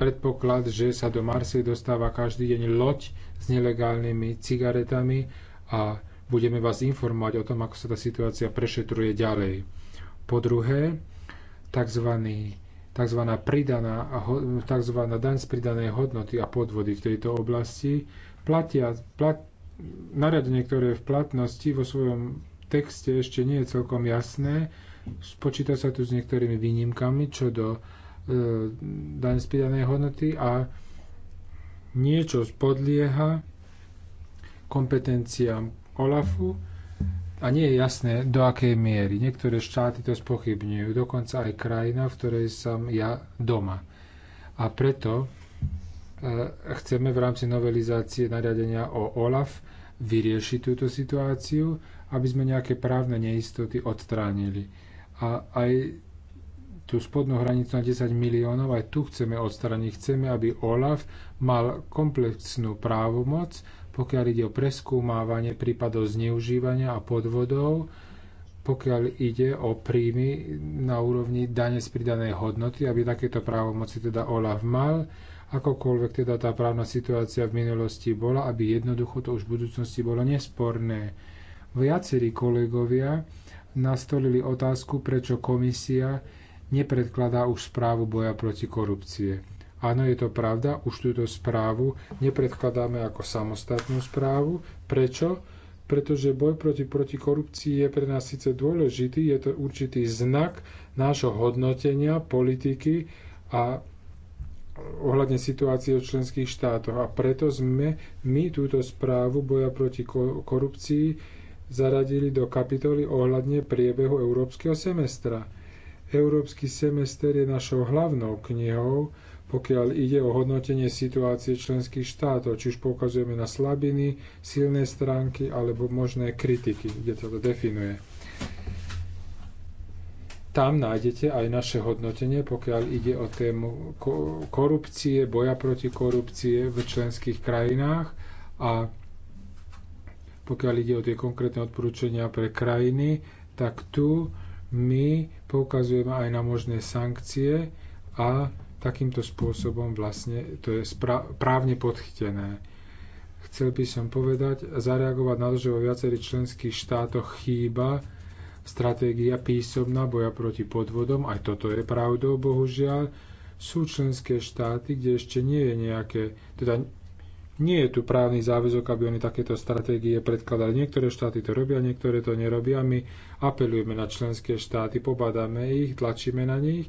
predpoklad, že sa do Marsie dostáva každý deň loď s nelegálnymi cigaretami a budeme vás informovať o tom, ako sa tá situácia prešetruje ďalej. Po druhé, takzvaný tzv. Pridaná, tzv. daň z pridanej hodnoty a podvody v tejto oblasti platia, plat, nariadenie, ktoré je v platnosti vo svojom texte ešte nie je celkom jasné. Spočíta sa tu s niektorými výnimkami čo do e, daň z pridanej hodnoty a niečo spodlieha kompetenciám OLAFu a nie je jasné, do akej miery. Niektoré štáty to spochybňujú, dokonca aj krajina, v ktorej som ja doma. A preto e, chceme v rámci novelizácie nariadenia o OLAF vyriešiť túto situáciu, aby sme nejaké právne neistoty odstránili. A aj tú spodnú hranicu na 10 miliónov, aj tu chceme odstraniť. Chceme, aby OLAF mal komplexnú právomoc, pokiaľ ide o preskúmávanie prípadov zneužívania a podvodov, pokiaľ ide o príjmy na úrovni dane z pridanej hodnoty, aby takéto právomoci teda OLAF mal, akokoľvek teda tá právna situácia v minulosti bola, aby jednoducho to už v budúcnosti bolo nesporné. Viacerí kolegovia nastolili otázku, prečo komisia nepredkladá už správu boja proti korupcie. Áno, je to pravda, už túto správu nepredkladáme ako samostatnú správu. Prečo? Pretože boj proti, proti korupcii je pre nás síce dôležitý, je to určitý znak nášho hodnotenia politiky a ohľadne situácie v členských štátoch. A preto sme my túto správu boja proti korupcii zaradili do kapitoly ohľadne priebehu európskeho semestra. Európsky semester je našou hlavnou knihou, pokiaľ ide o hodnotenie situácie členských štátov, či už poukazujeme na slabiny, silné stránky alebo možné kritiky, kde to definuje. Tam nájdete aj naše hodnotenie, pokiaľ ide o tému korupcie, boja proti korupcie v členských krajinách a pokiaľ ide o tie konkrétne odporúčania pre krajiny, tak tu my poukazujeme aj na možné sankcie a takýmto spôsobom vlastne to je právne podchytené. Chcel by som povedať, a zareagovať na to, že vo viacerých členských štátoch chýba stratégia písomná boja proti podvodom, aj toto je pravdou, bohužiaľ. Sú členské štáty, kde ešte nie je nejaké, teda nie je tu právny záväzok, aby oni takéto stratégie predkladali. Niektoré štáty to robia, niektoré to nerobia. My apelujeme na členské štáty, pobadáme ich, tlačíme na nich,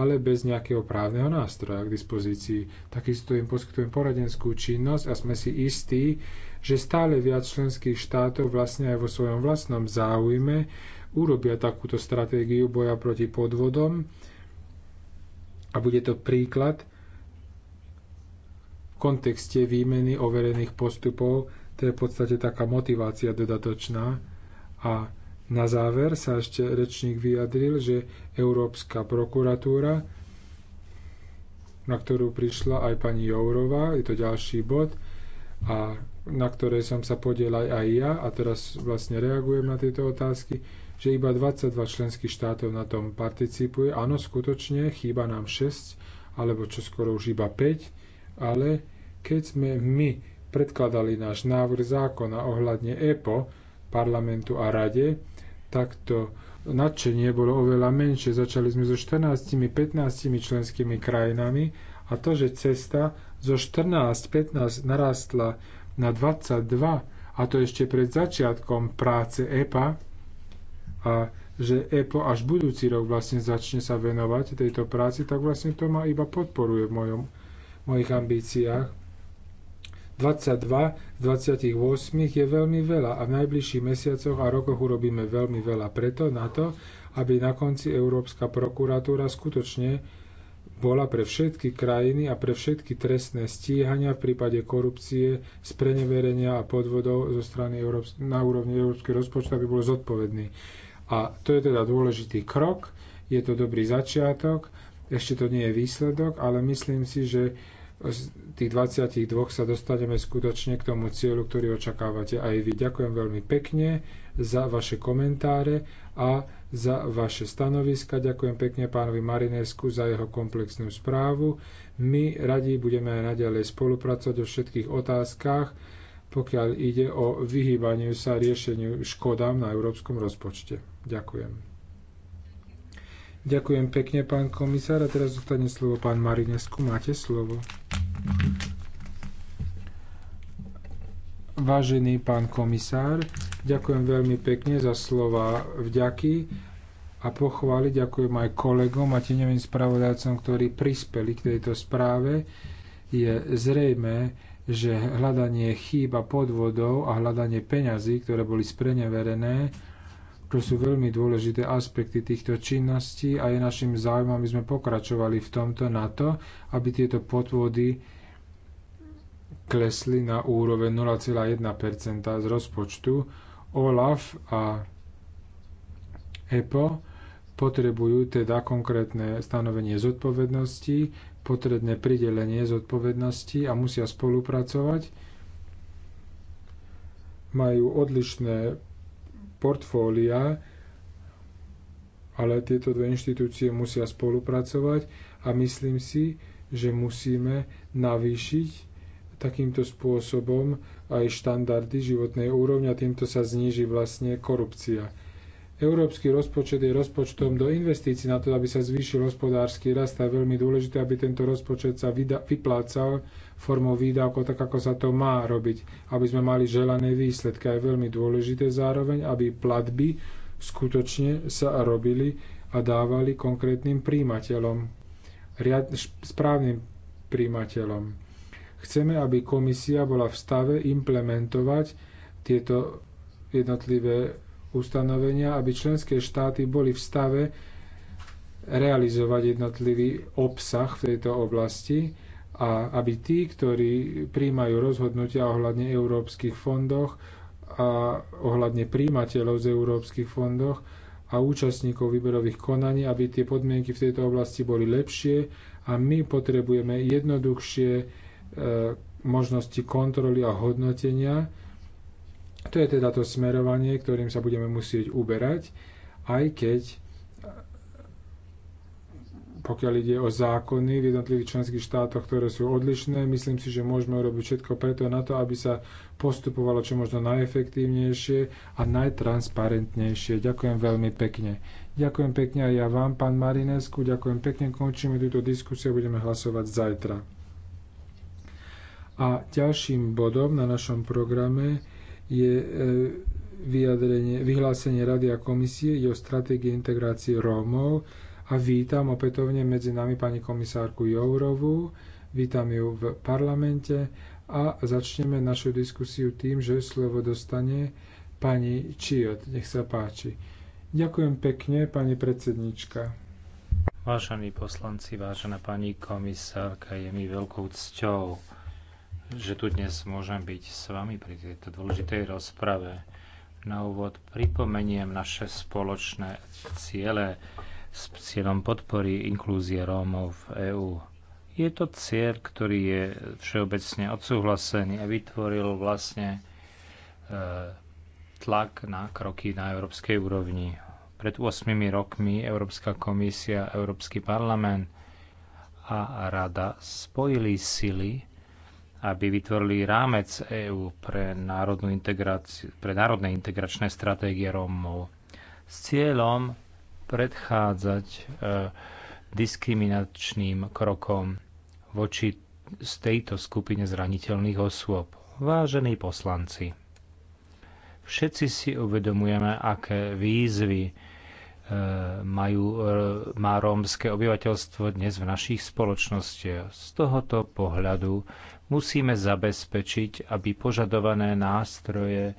ale bez nejakého právneho nástroja k dispozícii. Takisto im poskytujem poradenskú činnosť a sme si istí, že stále viac členských štátov vlastne aj vo svojom vlastnom záujme urobia takúto stratégiu boja proti podvodom a bude to príklad v kontexte výmeny overených postupov. To je v podstate taká motivácia dodatočná a na záver sa ešte rečník vyjadril, že Európska prokuratúra, na ktorú prišla aj pani Jourová, je to ďalší bod, a na ktorej som sa podielal aj ja, a teraz vlastne reagujem na tieto otázky, že iba 22 členských štátov na tom participuje. Áno, skutočne, chýba nám 6, alebo čo skoro už iba 5, ale keď sme my predkladali náš návrh zákona ohľadne EPO parlamentu a rade, takto nadšenie bolo oveľa menšie. Začali sme so 14-15 členskými krajinami a to, že cesta zo 14-15 narastla na 22 a to ešte pred začiatkom práce EPA a že EPO až budúci rok vlastne začne sa venovať tejto práci, tak vlastne to ma iba podporuje v mojom, mojich ambíciách. 22 z 28 je veľmi veľa a v najbližších mesiacoch a rokoch urobíme veľmi veľa preto na to, aby na konci Európska prokuratúra skutočne bola pre všetky krajiny a pre všetky trestné stíhania v prípade korupcie, spreneverenia a podvodov zo strany Európs- na úrovni európskeho rozpočtu, aby bol zodpovedný. A to je teda dôležitý krok, je to dobrý začiatok, ešte to nie je výsledok, ale myslím si, že z tých 22 sa dostaneme skutočne k tomu cieľu, ktorý očakávate aj vy. Ďakujem veľmi pekne za vaše komentáre a za vaše stanoviska. Ďakujem pekne pánovi Marinesku za jeho komplexnú správu. My radi budeme aj naďalej spolupracovať o všetkých otázkach, pokiaľ ide o vyhýbanie sa riešeniu škodám na európskom rozpočte. Ďakujem. Ďakujem pekne, pán komisár. A teraz zostane slovo pán Marinesku. Máte slovo. Vážený pán komisár, ďakujem veľmi pekne za slova vďaky a pochváli. Ďakujem aj kolegom a teňovým spravodajcom, ktorí prispeli k tejto správe. Je zrejme, že hľadanie chýba podvodov a hľadanie peňazí, ktoré boli spreneverené, to sú veľmi dôležité aspekty týchto činností a je našim záujmom, aby sme pokračovali v tomto na to, aby tieto podvody klesli na úroveň 0,1 z rozpočtu. OLAF a EPO potrebujú teda konkrétne stanovenie zodpovednosti, potrebné pridelenie zodpovednosti a musia spolupracovať. Majú odlišné portfólia, ale tieto dve inštitúcie musia spolupracovať a myslím si, že musíme navýšiť takýmto spôsobom aj štandardy životnej úrovne a týmto sa zníži vlastne korupcia. Európsky rozpočet je rozpočtom do investícií na to, aby sa zvýšil hospodársky rast a je veľmi dôležité, aby tento rozpočet sa vyplácal formou výdavkov, tak ako sa to má robiť, aby sme mali želané výsledky. A je veľmi dôležité zároveň, aby platby skutočne sa robili a dávali konkrétnym príjimateľom, riad, správnym príjimateľom. Chceme, aby komisia bola v stave implementovať tieto jednotlivé ustanovenia, aby členské štáty boli v stave realizovať jednotlivý obsah v tejto oblasti a aby tí, ktorí príjmajú rozhodnutia ohľadne európskych fondoch a ohľadne príjmateľov z európskych fondoch a účastníkov výberových konaní, aby tie podmienky v tejto oblasti boli lepšie a my potrebujeme jednoduchšie e, možnosti kontroly a hodnotenia. To je teda to smerovanie, ktorým sa budeme musieť uberať, aj keď pokiaľ ide o zákony v jednotlivých členských štátoch, ktoré sú odlišné. Myslím si, že môžeme urobiť všetko preto na to, aby sa postupovalo čo možno najefektívnejšie a najtransparentnejšie. Ďakujem veľmi pekne. Ďakujem pekne aj ja vám, pán Marinesku. Ďakujem pekne. Končíme túto diskusiu a budeme hlasovať zajtra. A ďalším bodom na našom programe je e, vyjadrenie, vyhlásenie Rady a komisie o stratégii integrácie Rómov a vítam opätovne medzi nami pani komisárku Jourovú. Vítam ju v parlamente a začneme našu diskusiu tým, že slovo dostane pani Čiot. Nech sa páči. Ďakujem pekne, pani predsednička. Vážení poslanci, vážená pani komisárka, je mi veľkou cťou, že tu dnes môžem byť s vami pri tejto dôležitej rozprave. Na úvod pripomeniem naše spoločné ciele s cieľom podpory inklúzie Rómov v EÚ. Je to cieľ, ktorý je všeobecne odsúhlasený a vytvoril vlastne e, tlak na kroky na európskej úrovni. Pred 8 rokmi Európska komisia, Európsky parlament a Rada spojili sily, aby vytvorili rámec EÚ pre, národnú pre národné integračné stratégie Rómov s cieľom predchádzať eh, diskriminačným krokom voči z tejto skupine zraniteľných osôb. Vážení poslanci, všetci si uvedomujeme, aké výzvy eh, majú, eh, má rómske obyvateľstvo dnes v našich spoločnostiach. Z tohoto pohľadu musíme zabezpečiť, aby požadované nástroje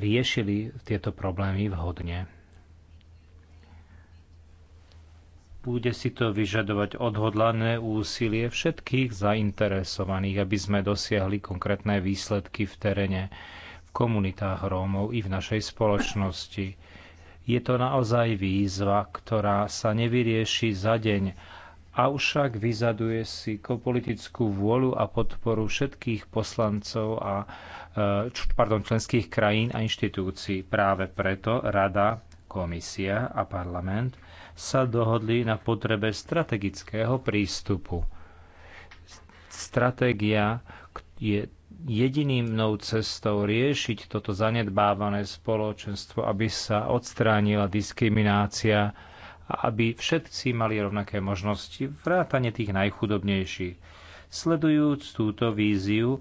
riešili tieto problémy vhodne. bude si to vyžadovať odhodlané úsilie všetkých zainteresovaných, aby sme dosiahli konkrétne výsledky v teréne, v komunitách Rómov i v našej spoločnosti. Je to naozaj výzva, ktorá sa nevyrieši za deň, a však vyzaduje si politickú vôľu a podporu všetkých poslancov a e, pardon, členských krajín a inštitúcií. Práve preto Rada, Komisia a parlament – sa dohodli na potrebe strategického prístupu. Stratégia je jediným cestou riešiť toto zanedbávané spoločenstvo, aby sa odstránila diskriminácia a aby všetci mali rovnaké možnosti, vrátane tých najchudobnejších. Sledujúc túto víziu,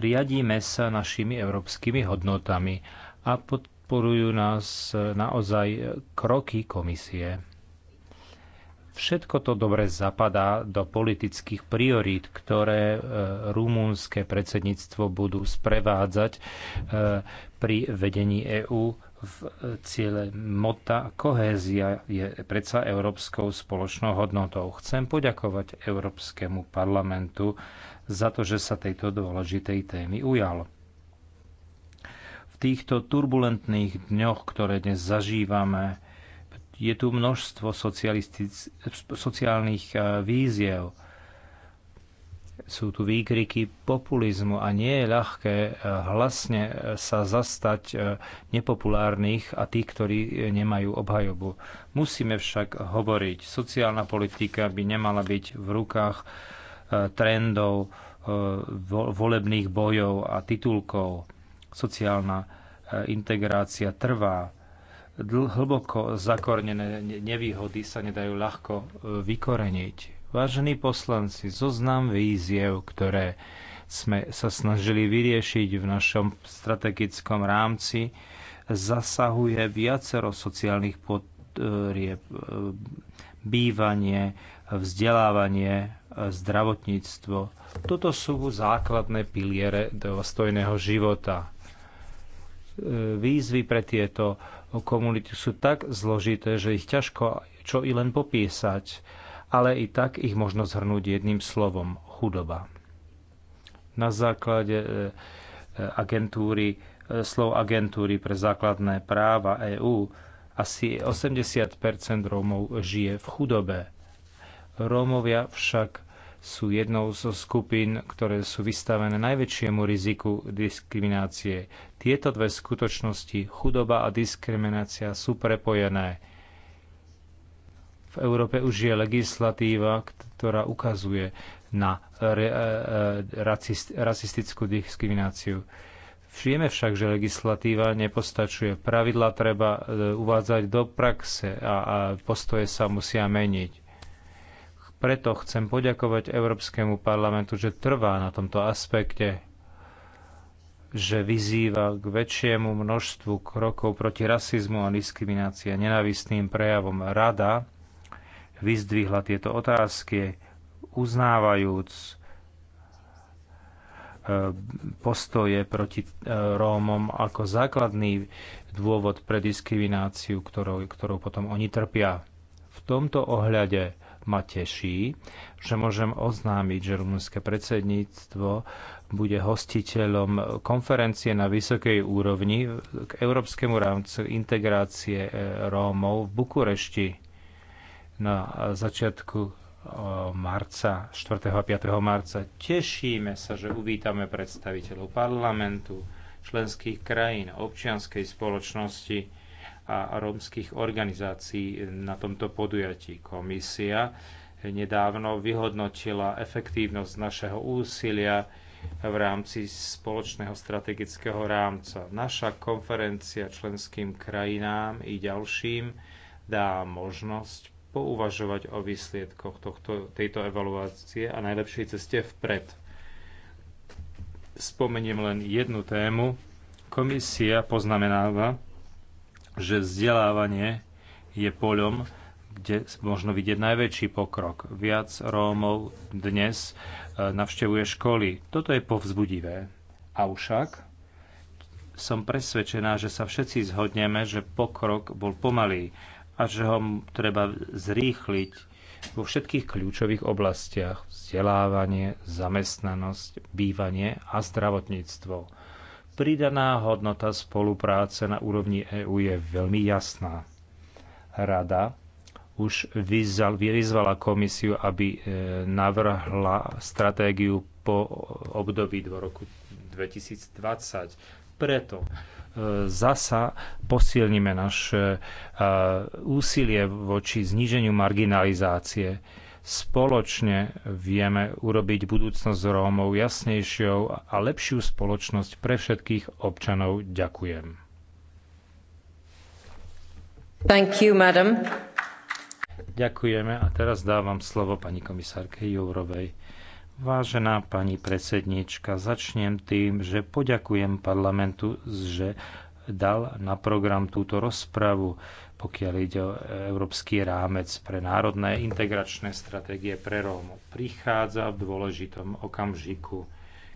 riadíme sa našimi európskymi hodnotami a podporujú nás naozaj kroky komisie. Všetko to dobre zapadá do politických priorít, ktoré e, rumúnske predsedníctvo budú sprevádzať e, pri vedení EÚ v ciele mota kohézia je predsa európskou spoločnou hodnotou. Chcem poďakovať Európskemu parlamentu za to, že sa tejto dôležitej témy ujal. V týchto turbulentných dňoch, ktoré dnes zažívame, je tu množstvo sociálnych e, víziev. Sú tu výkriky populizmu a nie je ľahké e, hlasne e, sa zastať nepopulárnych a tých, ktorí nemajú obhajobu. Musíme však hovoriť. Sociálna politika by nemala byť v rukách trendov, volebných bojov a titulkov. Sociálna integrácia trvá hlboko zakornené nevýhody sa nedajú ľahko e, vykoreniť. Vážení poslanci, zoznam víziev, ktoré sme sa snažili vyriešiť v našom strategickom rámci, zasahuje viacero sociálnych potrieb, e, bývanie, vzdelávanie, e, zdravotníctvo. Toto sú základné piliere dôstojného života. Výzvy pre tieto komunity sú tak zložité, že ich ťažko čo i len popísať, ale i tak ich možno zhrnúť jedným slovom – chudoba. Na základe e, e, agentúry, e, slov agentúry pre základné práva EÚ asi 80 Rómov žije v chudobe. Rómovia však sú jednou zo skupín, ktoré sú vystavené najväčšiemu riziku diskriminácie. Tieto dve skutočnosti, chudoba a diskriminácia, sú prepojené. V Európe už je legislatíva, ktorá ukazuje na e, e, rasistickú diskrimináciu. Vieme však, že legislatíva nepostačuje. Pravidla treba e, uvádzať do praxe a postoje sa musia meniť preto chcem poďakovať Európskemu parlamentu, že trvá na tomto aspekte, že vyzýva k väčšiemu množstvu krokov proti rasizmu a diskriminácii a nenávistným prejavom. Rada vyzdvihla tieto otázky, uznávajúc e, postoje proti e, Rómom ako základný dôvod pre diskrimináciu, ktorou, ktorou potom oni trpia. V tomto ohľade ma teší, že môžem oznámiť, že rumunské predsedníctvo bude hostiteľom konferencie na vysokej úrovni k Európskemu rámcu integrácie e, Rómov v Bukurešti na začiatku e, marca, 4. a 5. marca. Tešíme sa, že uvítame predstaviteľov parlamentu, členských krajín, občianskej spoločnosti, a rómskych organizácií na tomto podujatí. Komisia nedávno vyhodnotila efektívnosť našeho úsilia v rámci spoločného strategického rámca. Naša konferencia členským krajinám i ďalším dá možnosť pouvažovať o výsledkoch tohto, tejto evaluácie a najlepšej ceste vpred. Spomeniem len jednu tému. Komisia poznamenáva, že vzdelávanie je poľom, kde možno vidieť najväčší pokrok. Viac Rómov dnes e, navštevuje školy. Toto je povzbudivé. Avšak som presvedčená, že sa všetci zhodneme, že pokrok bol pomalý a že ho treba zrýchliť vo všetkých kľúčových oblastiach vzdelávanie, zamestnanosť, bývanie a zdravotníctvo. Pridaná hodnota spolupráce na úrovni EÚ je veľmi jasná. Rada už vyzvala komisiu, aby e, navrhla stratégiu po období do roku 2020. Preto e, zasa posilníme naše e, úsilie voči zníženiu marginalizácie Spoločne vieme urobiť budúcnosť Rómov jasnejšou a lepšiu spoločnosť pre všetkých občanov. Ďakujem. Thank you, madam. Ďakujeme a teraz dávam slovo pani komisárke Jourovej. Vážená pani predsednička, začnem tým, že poďakujem parlamentu, že dal na program túto rozpravu, pokiaľ ide o európsky rámec pre národné integračné stratégie pre Rómov. Prichádza v dôležitom okamžiku,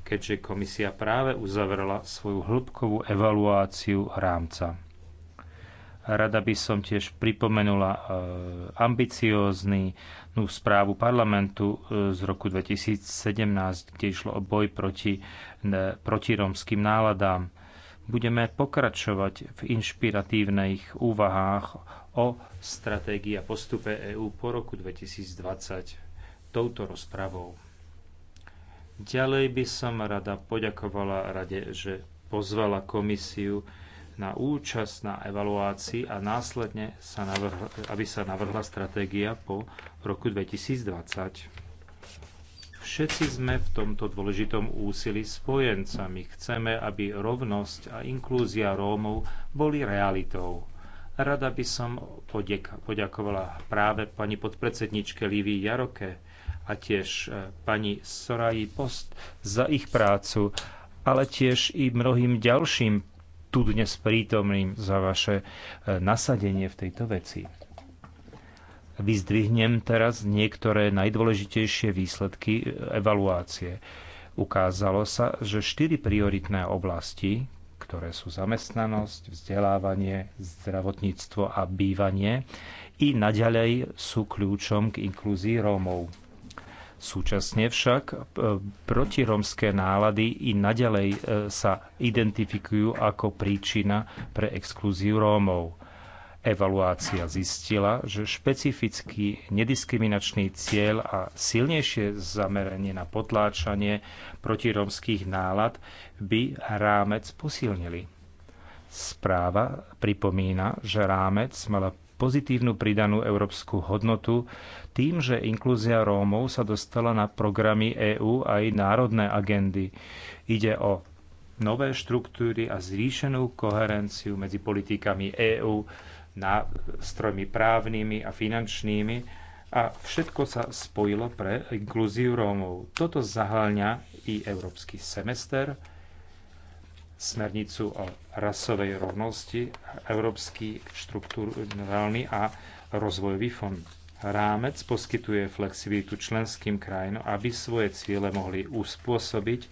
keďže komisia práve uzavrela svoju hĺbkovú evaluáciu rámca. Rada by som tiež pripomenula e, ambiciózny správu parlamentu e, z roku 2017, kde išlo o boj proti, e, proti rómskym náladám budeme pokračovať v inšpiratívnych úvahách o stratégii a postupe EÚ po roku 2020 touto rozpravou. Ďalej by som rada poďakovala rade, že pozvala komisiu na účasť na evaluácii a následne, sa navrhla, aby sa navrhla stratégia po roku 2020. Všetci sme v tomto dôležitom úsilí spojencami. Chceme, aby rovnosť a inklúzia Rómov boli realitou. Rada by som poďakovala práve pani podpredsedničke Lívii Jaroke a tiež e, pani Soraji Post za ich prácu, ale tiež i mnohým ďalším tu dnes prítomným za vaše e, nasadenie v tejto veci. Vyzdvihnem teraz niektoré najdôležitejšie výsledky e, evaluácie. Ukázalo sa, že štyri prioritné oblasti, ktoré sú zamestnanosť, vzdelávanie, zdravotníctvo a bývanie, i naďalej sú kľúčom k inklúzii Rómov. Súčasne však e, protiromské nálady i naďalej e, sa identifikujú ako príčina pre exklúziu Rómov Evaluácia zistila, že špecifický nediskriminačný cieľ a silnejšie zameranie na potláčanie protiromských nálad by rámec posilnili. Správa pripomína, že rámec mala pozitívnu pridanú európsku hodnotu tým, že inklúzia Rómov sa dostala na programy EÚ aj národné agendy. Ide o nové štruktúry a zvýšenú koherenciu medzi politikami EÚ, nástrojmi právnymi a finančnými a všetko sa spojilo pre inklúziu Rómov. Toto zahalňa i európsky semester, smernicu o rasovej rovnosti, európsky štruktúrny a rozvojový fond. Rámec poskytuje flexibilitu členským krajinom, aby svoje ciele mohli uspôsobiť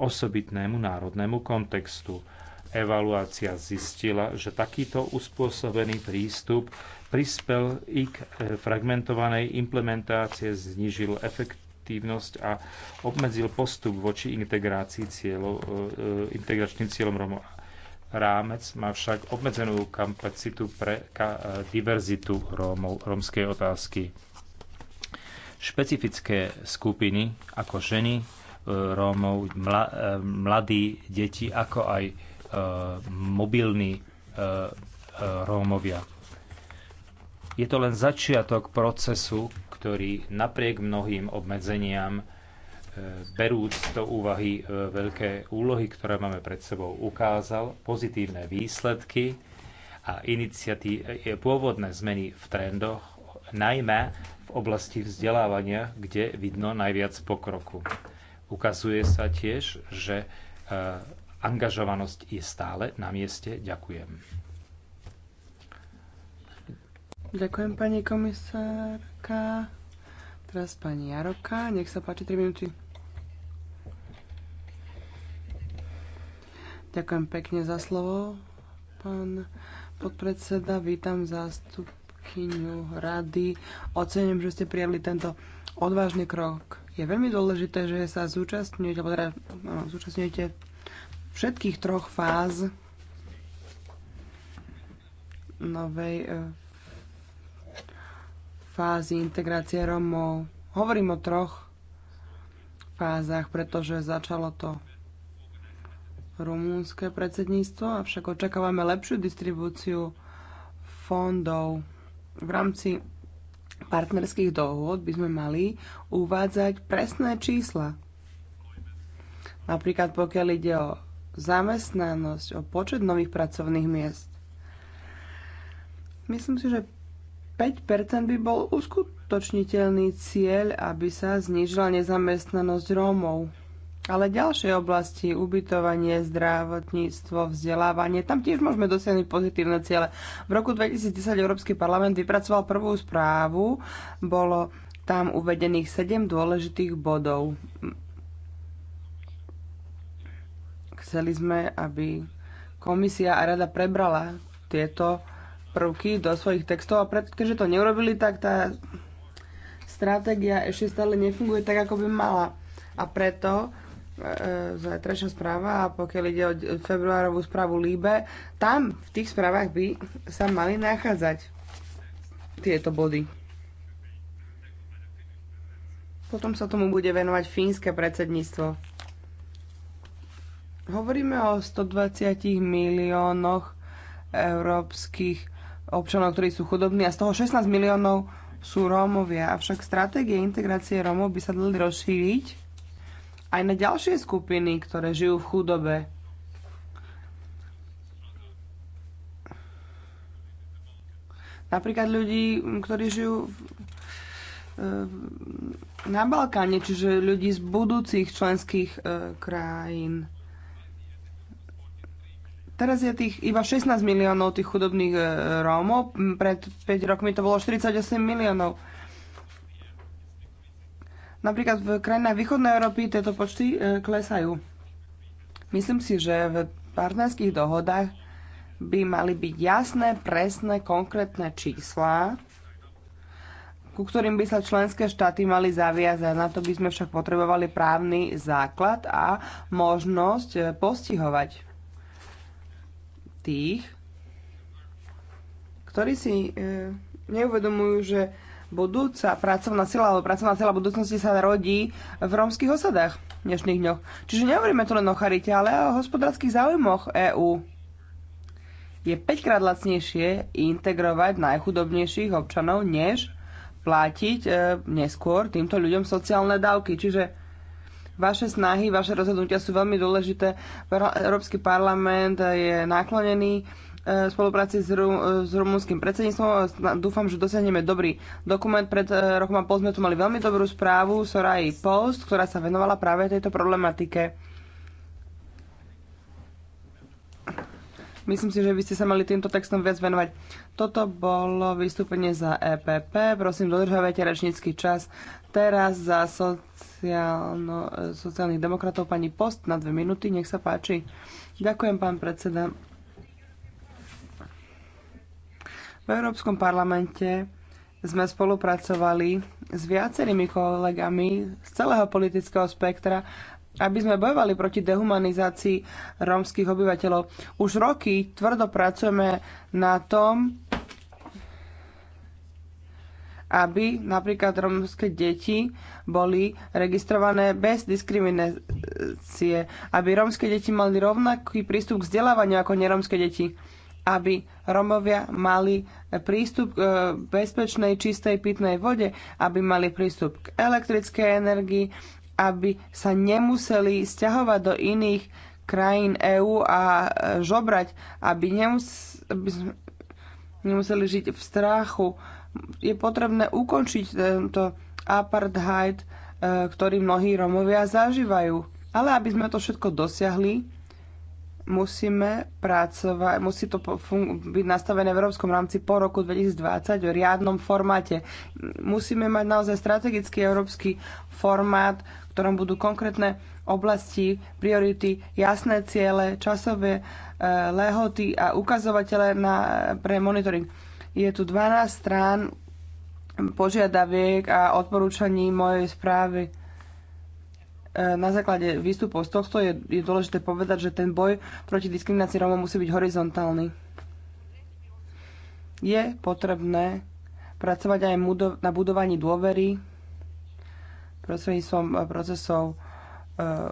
osobitnému národnému kontextu evaluácia zistila, že takýto uspôsobený prístup prispel i k e, fragmentovanej implementácie, znížil efektívnosť a obmedzil postup voči integrácii cieľov, e, e, integračným cieľom Romov. Rámec má však obmedzenú kapacitu pre diverzitu Rómov, rómskej otázky. Špecifické skupiny ako ženy, Rómov, mladí, deti, ako aj E, mobilní e, e, Rómovia. Je to len začiatok procesu, ktorý napriek mnohým obmedzeniam berúc do úvahy veľké úlohy, ktoré máme pred sebou, ukázal pozitívne výsledky a pôvodné zmeny v trendoch, najmä v oblasti vzdelávania, kde vidno najviac pokroku. Ukazuje sa tiež, že angažovanosť je stále na mieste. Ďakujem. Ďakujem pani komisárka. Teraz pani Jaroka, nech sa páči 3 minúty. Ďakujem pekne za slovo, pán podpredseda. Vítam zástupkyňu rady. Ocením, že ste prijali tento odvážny krok. Je veľmi dôležité, že sa zúčastňujete, alebo teda, no, zúčastňujete všetkých troch fáz novej e, fázy integrácie Romov. Hovorím o troch fázach, pretože začalo to rumúnske predsedníctvo, avšak očakávame lepšiu distribúciu fondov v rámci partnerských dohôd by sme mali uvádzať presné čísla. Napríklad pokiaľ ide o zamestnanosť, o počet nových pracovných miest. Myslím si, že 5% by bol uskutočniteľný cieľ, aby sa znížila nezamestnanosť Rómov. Ale ďalšie oblasti, ubytovanie, zdravotníctvo, vzdelávanie, tam tiež môžeme dosiahnuť pozitívne ciele. V roku 2010 Európsky parlament vypracoval prvú správu, bolo tam uvedených 7 dôležitých bodov. Chceli sme, aby komisia a rada prebrala tieto prvky do svojich textov a preto, keďže to neurobili, tak tá stratégia ešte stále nefunguje tak, ako by mala. A preto e, e zajtrajšia správa a pokiaľ ide o februárovú správu Líbe, tam v tých správach by sa mali nachádzať tieto body. Potom sa tomu bude venovať fínske predsedníctvo. Hovoríme o 120 miliónoch európskych občanov, ktorí sú chudobní a z toho 16 miliónov sú Rómovia. Avšak stratégie integrácie Rómov by sa dali rozšíriť aj na ďalšie skupiny, ktoré žijú v chudobe. Napríklad ľudí, ktorí žijú v, eh, na Balkáne, čiže ľudí z budúcich členských eh, krajín. Teraz je tých iba 16 miliónov tých chudobných e, Rómov, pred 5 rokmi to bolo 48 miliónov. Napríklad v krajinách východnej Európy tieto počty e, klesajú. Myslím si, že v partnerských dohodách by mali byť jasné, presné, konkrétne čísla, ku ktorým by sa členské štáty mali zaviazať. Na to by sme však potrebovali právny základ a možnosť e, postihovať tých, ktorí si e, neuvedomujú, že budúca pracovná sila alebo pracovná sila budúcnosti sa rodí v rómskych osadách v dnešných dňoch. Čiže nehovoríme tu len o charite, ale o hospodárskych záujmoch EÚ. Je 5 krát lacnejšie integrovať najchudobnejších občanov, než platiť e, neskôr týmto ľuďom sociálne dávky. Čiže Vaše snahy, vaše rozhodnutia sú veľmi dôležité. Európsky parlament je naklonený e, spolupráci s, Ru- s rumúnskym predsedníctvom. E, dúfam, že dosiahneme dobrý dokument. Pred e, rokom a pol sme tu mali veľmi dobrú správu Sorai Post, ktorá sa venovala práve tejto problematike. Myslím si, že by ste sa mali týmto textom viac venovať. Toto bolo vystúpenie za EPP. Prosím, dodržavajte rečnícky čas. Teraz za sociálno, sociálnych demokratov pani Post na dve minúty, nech sa páči. Ďakujem, pán predseda. V Európskom parlamente sme spolupracovali s viacerými kolegami z celého politického spektra, aby sme bojovali proti dehumanizácii rómskych obyvateľov. Už roky tvrdo pracujeme na tom, aby napríklad romské deti boli registrované bez diskriminácie, aby romské deti mali rovnaký prístup k vzdelávaniu ako neromské deti, aby Romovia mali prístup k e, bezpečnej, čistej pitnej vode, aby mali prístup k elektrickej energii, aby sa nemuseli stiahovať do iných krajín EÚ a e, žobrať, aby, aby nemuseli žiť v strachu, je potrebné ukončiť tento apartheid, e, ktorý mnohí Romovia zažívajú. Ale aby sme to všetko dosiahli, musíme pracovať, musí to byť nastavené v európskom rámci po roku 2020 v riadnom formáte. Musíme mať naozaj strategický európsky formát, v ktorom budú konkrétne oblasti, priority, jasné ciele, časové e, lehoty a ukazovatele na, pre monitoring. Je tu 12 strán požiadaviek a odporúčaní mojej správy. E, na základe výstupov z tohto je, je dôležité povedať, že ten boj proti diskriminácii Rómov musí byť horizontálny. Je potrebné pracovať aj na budovaní dôvery prostredníctvom e, procesov e,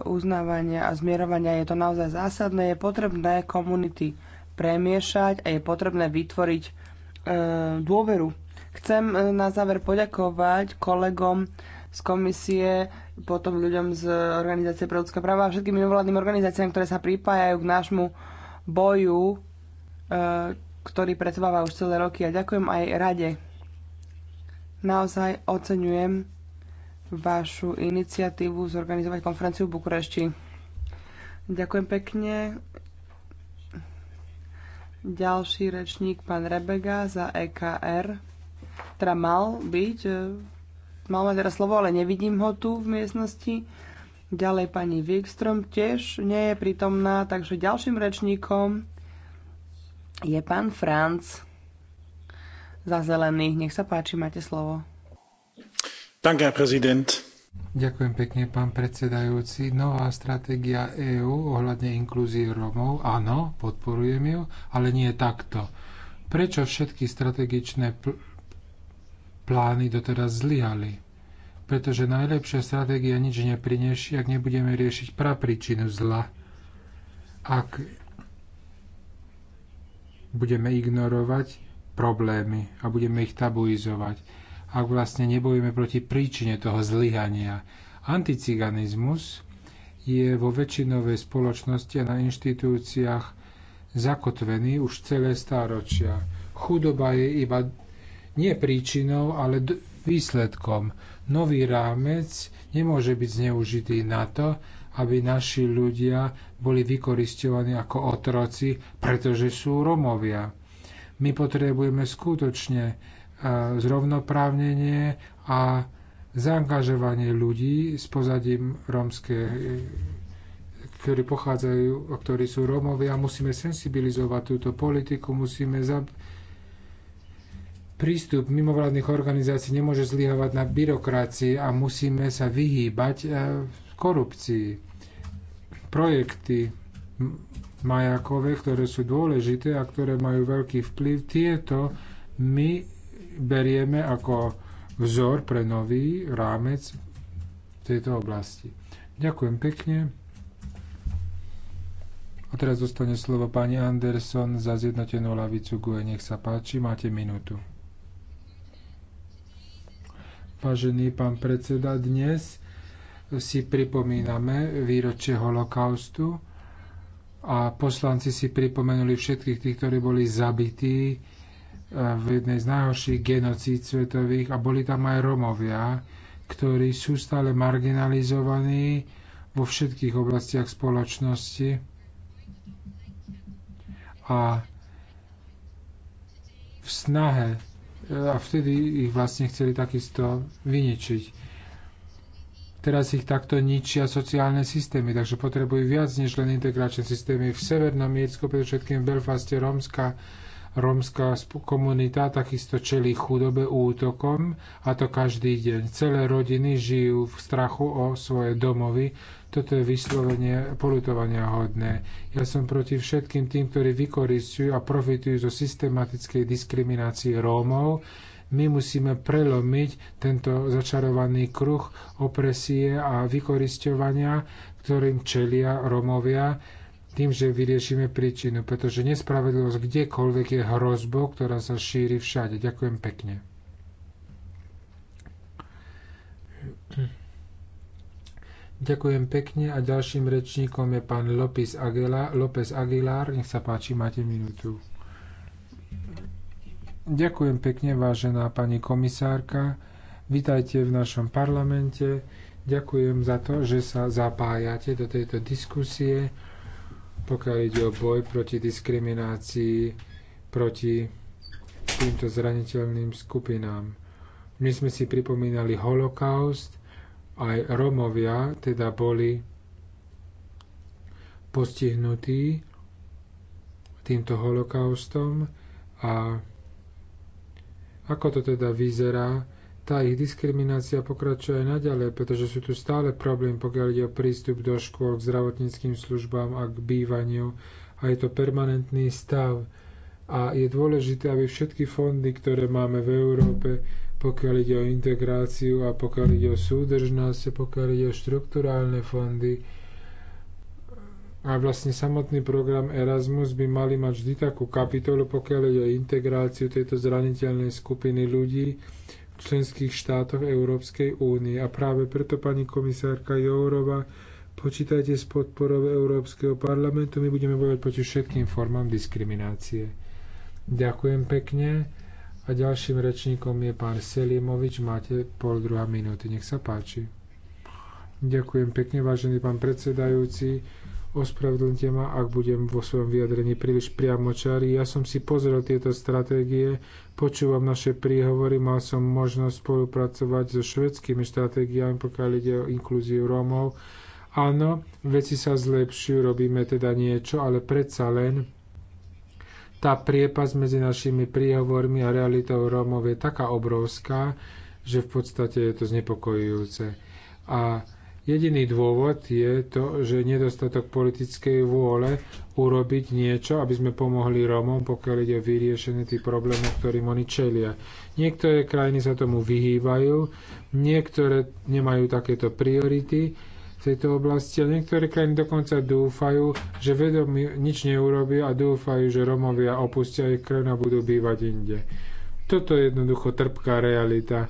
uznávania a zmierovania. Je to naozaj zásadné. Je potrebné komunity premiešať a je potrebné vytvoriť E, dôveru. Chcem e, na záver poďakovať kolegom z komisie, potom ľuďom z Organizácie pre ľudské práva a všetkým mimovládnym organizáciám, ktoré sa pripájajú k nášmu boju, e, ktorý pretrváva už celé roky. A ďakujem aj rade. Naozaj oceňujem vašu iniciatívu zorganizovať konferenciu v Bukurešti. Ďakujem pekne. Ďalší rečník, pán Rebega za EKR, teda mal byť, e, mal mať teraz slovo, ale nevidím ho tu v miestnosti. Ďalej pani Wikström tiež nie je prítomná, takže ďalším rečníkom je pán Franc za zelených. Nech sa páči, máte slovo. Danke, Präsident. Ďakujem pekne, pán predsedajúci. Nová stratégia EÚ ohľadne inklúzie Romov, áno, podporujem ju, ale nie takto. Prečo všetky strategičné pl- plány doteraz zlyhali? Pretože najlepšia stratégia nič neprinesie, ak nebudeme riešiť prapríčinu zla. Ak budeme ignorovať problémy a budeme ich tabuizovať ak vlastne nebojujeme proti príčine toho zlyhania. Anticiganizmus je vo väčšinovej spoločnosti a na inštitúciách zakotvený už celé stáročia. Chudoba je iba nie príčinou, ale výsledkom. Nový rámec nemôže byť zneužitý na to, aby naši ľudia boli vykoristovaní ako otroci, pretože sú Romovia. My potrebujeme skutočne zrovnoprávnenie a zaangažovanie ľudí s pozadím rómske, ktorí pochádzajú a ktorí sú Rómovia. Musíme sensibilizovať túto politiku, musíme za... prístup mimovládnych organizácií nemôže zlyhovať na byrokracii a musíme sa vyhýbať e, korupcii. Projekty majakové, ktoré sú dôležité a ktoré majú veľký vplyv, tieto my berieme ako vzor pre nový rámec v tejto oblasti. Ďakujem pekne. A teraz zostane slovo pani Anderson za zjednotenú lavicu GUE. Nech sa páči, máte minútu. Vážený pán predseda, dnes si pripomíname výročie holokaustu a poslanci si pripomenuli všetkých tých, ktorí boli zabití v jednej z najhorších genocíd svetových a boli tam aj Romovia, ktorí sú stále marginalizovaní vo všetkých oblastiach spoločnosti a v snahe a vtedy ich vlastne chceli takisto vyničiť. Teraz ich takto ničia sociálne systémy, takže potrebujú viac než len integračné systémy. V Severnom Írsku, predovšetkým v Belfaste, rómska Rómska komunita takisto čelí chudobe útokom a to každý deň. Celé rodiny žijú v strachu o svoje domovy. Toto je vyslovenie polutovania hodné. Ja som proti všetkým tým, ktorí vykoristujú a profitujú zo systematickej diskriminácie Rómov, my musíme prelomiť tento začarovaný kruh opresie a vykorisťovania, ktorým čelia Romovia tým, že vyriešime príčinu, pretože nespravedlivosť kdekoľvek je hrozbou, ktorá sa šíri všade. Ďakujem pekne. Ďakujem pekne a ďalším rečníkom je pán López Aguilar. López Aguilar, nech sa páči, máte minútu. Ďakujem pekne, vážená pani komisárka. Vítajte v našom parlamente. Ďakujem za to, že sa zapájate do tejto diskusie pokiaľ ide o boj proti diskriminácii, proti týmto zraniteľným skupinám. My sme si pripomínali holokaust, aj Romovia teda boli postihnutí týmto holokaustom a ako to teda vyzerá tá ich diskriminácia pokračuje aj naďalej, pretože sú tu stále problém, pokiaľ ide o prístup do škôl, k zdravotníckým službám a k bývaniu. A je to permanentný stav. A je dôležité, aby všetky fondy, ktoré máme v Európe, pokiaľ ide o integráciu a pokiaľ ide o súdržnosť a pokiaľ ide o štrukturálne fondy, a vlastne samotný program Erasmus by mali mať vždy takú kapitolu, pokiaľ ide o integráciu tejto zraniteľnej skupiny ľudí, členských štátoch Európskej únie. A práve preto, pani komisárka Jourova, počítajte s podporou Európskeho parlamentu. My budeme bojovať proti všetkým formám diskriminácie. Ďakujem pekne. A ďalším rečníkom je pán Selimovič. Máte pol druhá minúty. Nech sa páči. Ďakujem pekne, vážený pán predsedajúci. Ospravedlňte ma, ak budem vo svojom vyjadrení príliš priamočarý. Ja som si pozrel tieto stratégie počúvam naše príhovory, mal som možnosť spolupracovať so švedskými stratégiami, pokiaľ ide o inklúziu Rómov. Áno, veci sa zlepšujú, robíme teda niečo, ale predsa len tá priepas medzi našimi príhovormi a realitou Rómov je taká obrovská, že v podstate je to znepokojujúce. A Jediný dôvod je to, že nedostatok politickej vôle urobiť niečo, aby sme pomohli Rómom, pokiaľ ide o vyriešenie tých problémov, ktorým oni čelia. Niektoré krajiny sa tomu vyhýbajú, niektoré nemajú takéto priority v tejto oblasti a niektoré krajiny dokonca dúfajú, že vedomí nič neurobia a dúfajú, že Romovia opustia ich krajinu a budú bývať inde. Toto je jednoducho trpká realita.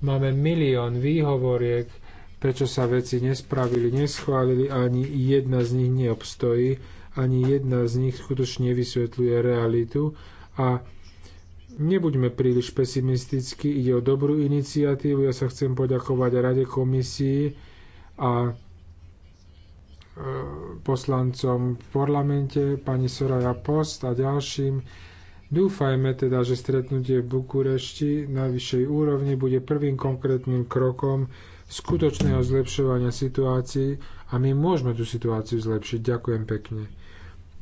Máme milión výhovoriek, prečo sa veci nespravili, neschválili, ani jedna z nich neobstojí, ani jedna z nich skutočne vysvetľuje realitu a nebuďme príliš pesimistickí, ide o dobrú iniciatívu, ja sa chcem poďakovať Rade komisii a e, poslancom v parlamente, pani Soraya Post a ďalším. Dúfajme teda, že stretnutie v Bukurešti na vyššej úrovni bude prvým konkrétnym krokom skutočného zlepšovania situácií a my môžeme tú situáciu zlepšiť. Ďakujem pekne.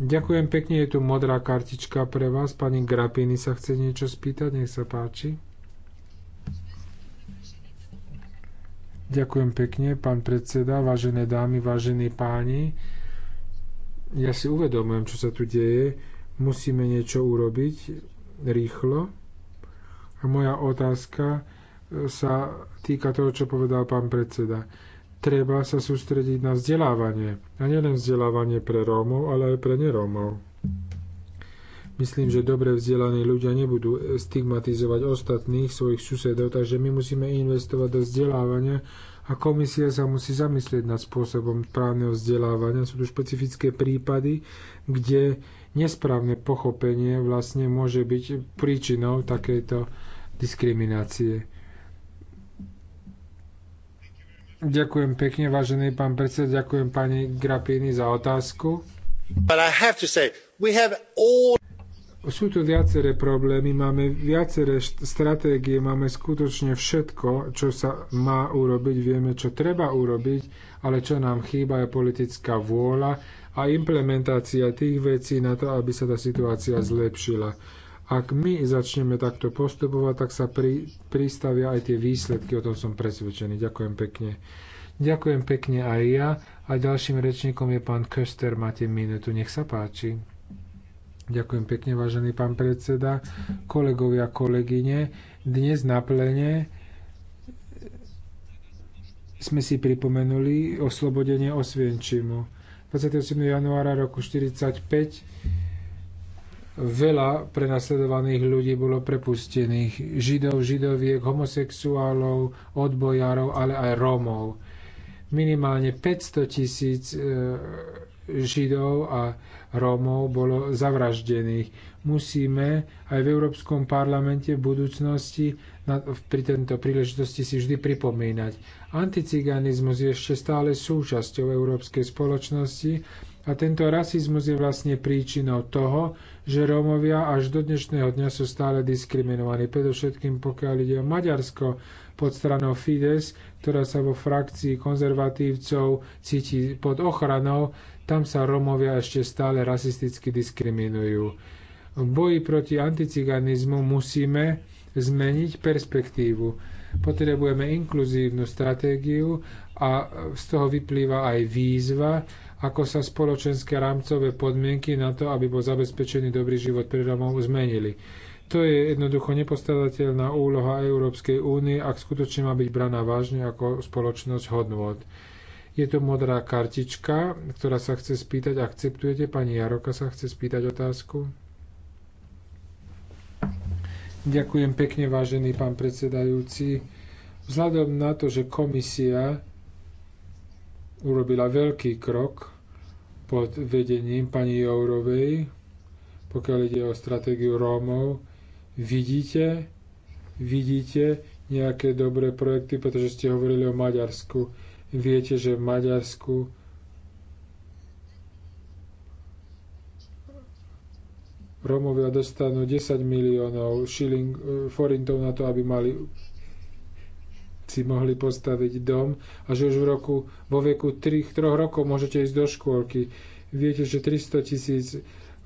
Ďakujem pekne, je tu modrá kartička pre vás. Pani Grapini sa chce niečo spýtať, nech sa páči. Ďakujem pekne, pán predseda, vážené dámy, vážení páni. Ja si uvedomujem, čo sa tu deje. Musíme niečo urobiť rýchlo. A moja otázka sa týka toho, čo povedal pán predseda. Treba sa sústrediť na vzdelávanie. A nielen vzdelávanie pre Rómov, ale aj pre nerómov. Myslím, že dobre vzdelaní ľudia nebudú stigmatizovať ostatných svojich susedov, takže my musíme investovať do vzdelávania a komisia sa musí zamyslieť nad spôsobom právneho vzdelávania. Sú tu špecifické prípady, kde nesprávne pochopenie vlastne môže byť príčinou takejto diskriminácie. Ďakujem pekne, vážený pán predseda, ďakujem pani Grapini za otázku. Say, all... Sú tu viaceré problémy, máme viaceré stratégie, máme skutočne všetko, čo sa má urobiť, vieme, čo treba urobiť, ale čo nám chýba je politická vôľa a implementácia tých vecí na to, aby sa tá situácia zlepšila ak my začneme takto postupovať, tak sa pri, pristavia aj tie výsledky, o tom som presvedčený. Ďakujem pekne. Ďakujem pekne aj ja. A ďalším rečníkom je pán Köster. Máte minútu, nech sa páči. Ďakujem pekne, vážený pán predseda, kolegovia, kolegyne. Dnes na plene sme si pripomenuli oslobodenie Osvienčimu. 27. januára roku 1945 veľa prenasledovaných ľudí bolo prepustených. Židov, židoviek, homosexuálov, odbojárov, ale aj Rómov. Minimálne 500 tisíc e, Židov a Rómov bolo zavraždených. Musíme aj v Európskom parlamente v budúcnosti pri tento príležitosti si vždy pripomínať. Anticiganizmus je ešte stále súčasťou európskej spoločnosti a tento rasizmus je vlastne príčinou toho, že Rómovia až do dnešného dňa sú stále diskriminovaní. Predovšetkým pokiaľ ide o Maďarsko pod stranou Fides, ktorá sa vo frakcii konzervatívcov cíti pod ochranou, tam sa Rómovia ešte stále rasisticky diskriminujú. V boji proti anticiganizmu musíme zmeniť perspektívu potrebujeme inkluzívnu stratégiu a z toho vyplýva aj výzva, ako sa spoločenské rámcové podmienky na to, aby bol zabezpečený dobrý život pre Rómov, zmenili. To je jednoducho nepostavedateľná úloha Európskej únie, ak skutočne má byť braná vážne ako spoločnosť hodnôt. Je to modrá kartička, ktorá sa chce spýtať, akceptujete? Pani Jaroka sa chce spýtať otázku. Ďakujem pekne, vážený pán predsedajúci. Vzhľadom na to, že komisia urobila veľký krok pod vedením pani Jourovej, pokiaľ ide o stratégiu Rómov. Vidíte, vidíte nejaké dobré projekty, pretože ste hovorili o Maďarsku. Viete, že v Maďarsku Rómovia dostanú 10 miliónov šiling, eh, forintov na to, aby mali si mohli postaviť dom a že už v roku, vo veku 3, 3 rokov môžete ísť do škôlky. Viete, že 300 tisíc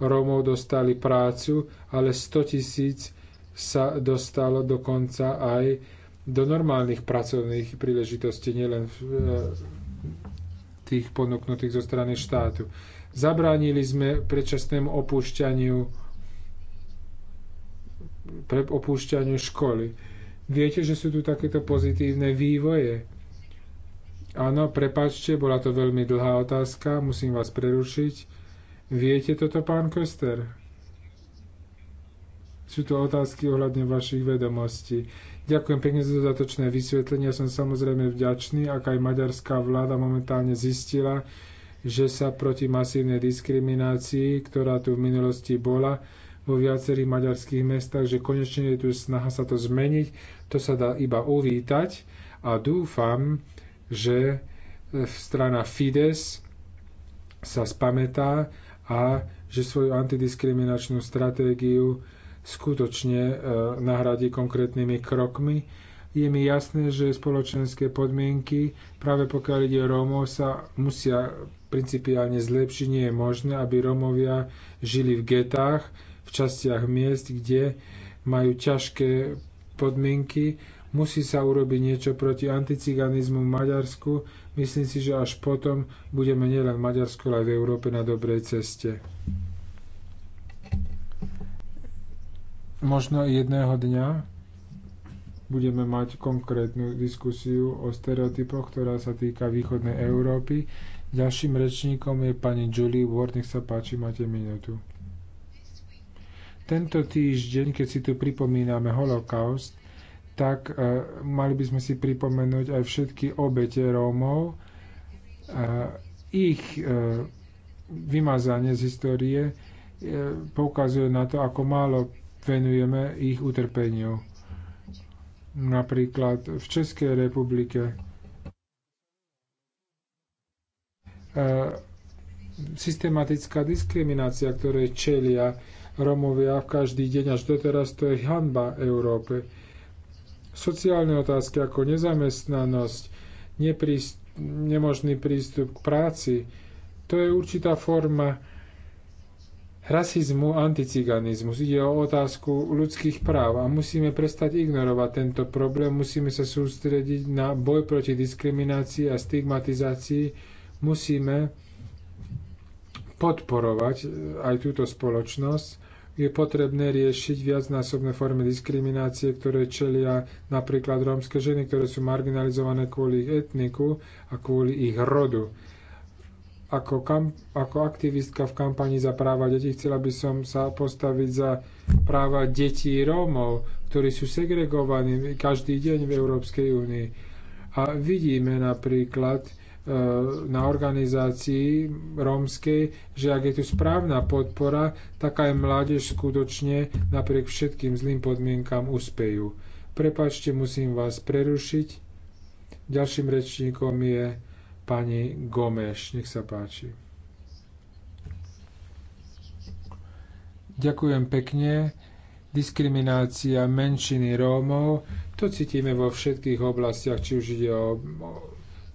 Rómov dostali prácu, ale 100 tisíc sa dostalo dokonca aj do normálnych pracovných príležitostí, nielen v, e, tých ponúknutých zo strany štátu. Zabránili sme predčasnému opúšťaniu pre opúšťaniu školy. Viete, že sú tu takéto pozitívne vývoje? Áno, prepačte, bola to veľmi dlhá otázka, musím vás prerušiť. Viete toto, pán Köster? Sú to otázky ohľadne vašich vedomostí. Ďakujem pekne za dodatočné vysvetlenie. Som samozrejme vďačný, ak aj maďarská vláda momentálne zistila, že sa proti masívnej diskriminácii, ktorá tu v minulosti bola, vo viacerých maďarských mestách, že konečne je tu snaha sa to zmeniť. To sa dá iba uvítať a dúfam, že e, strana Fides sa spametá a že svoju antidiskriminačnú stratégiu skutočne e, nahradí konkrétnymi krokmi. Je mi jasné, že spoločenské podmienky, práve pokiaľ ide o Rómov, sa musia principiálne zlepšiť. Nie je možné, aby Rómovia žili v getách, častiach miest, kde majú ťažké podmienky. Musí sa urobiť niečo proti anticiganizmu v Maďarsku. Myslím si, že až potom budeme nielen v Maďarsku, ale aj v Európe na dobrej ceste. Možno jedného dňa budeme mať konkrétnu diskusiu o stereotypoch, ktorá sa týka východnej Európy. Ďalším rečníkom je pani Julie Ward. Nech sa páči, máte minútu. Tento týždeň, keď si tu pripomíname holokaust, tak e, mali by sme si pripomenúť aj všetky obete Rómov, e, ich e, vymazanie z histórie e, poukazuje na to, ako málo venujeme ich utrpeniu. Napríklad v Českej republike e, systematická diskriminácia, ktoré čelia Romovia v každý deň až doteraz, to je hanba Európe. Sociálne otázky ako nezamestnanosť, neprist- nemožný prístup k práci, to je určitá forma rasizmu, anticiganizmus. Ide o otázku ľudských práv a musíme prestať ignorovať tento problém, musíme sa sústrediť na boj proti diskriminácii a stigmatizácii, musíme podporovať eh, aj túto spoločnosť je potrebné riešiť viacnásobné formy diskriminácie, ktoré čelia napríklad rómske ženy, ktoré sú marginalizované kvôli ich etniku a kvôli ich rodu. Ako, kam, ako aktivistka v kampani za práva detí chcela by som sa postaviť za práva detí Rómov, ktorí sú segregovaní každý deň v Európskej únii. A vidíme napríklad, Eh, na organizácii rómskej, že ak je tu správna podpora, tak aj mládež skutočne napriek všetkým zlým podmienkam uspejú. Prepačte, musím vás prerušiť. Ďalším rečníkom je pani Gomeš. Nech sa páči. Ďakujem pekne. Diskriminácia menšiny Rómov, to cítime vo všetkých oblastiach, či už ide o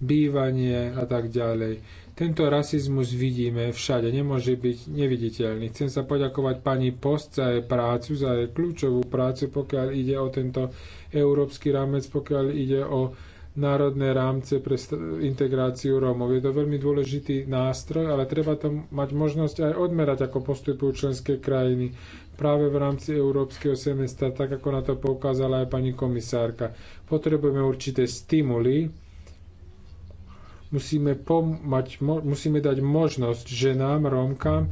bývanie a tak ďalej. Tento rasizmus vidíme všade, nemôže byť neviditeľný. Chcem sa poďakovať pani Post za jej prácu, za jej kľúčovú prácu, pokiaľ ide o tento európsky rámec, pokiaľ ide o národné rámce pre integráciu Rómov. Je to veľmi dôležitý nástroj, ale treba to mať možnosť aj odmerať, ako postupujú členské krajiny práve v rámci európskeho semestra, tak ako na to poukázala aj pani komisárka. Potrebujeme určité stimuly, Musíme, pomať, mo, musíme dať možnosť ženám, Rómkam,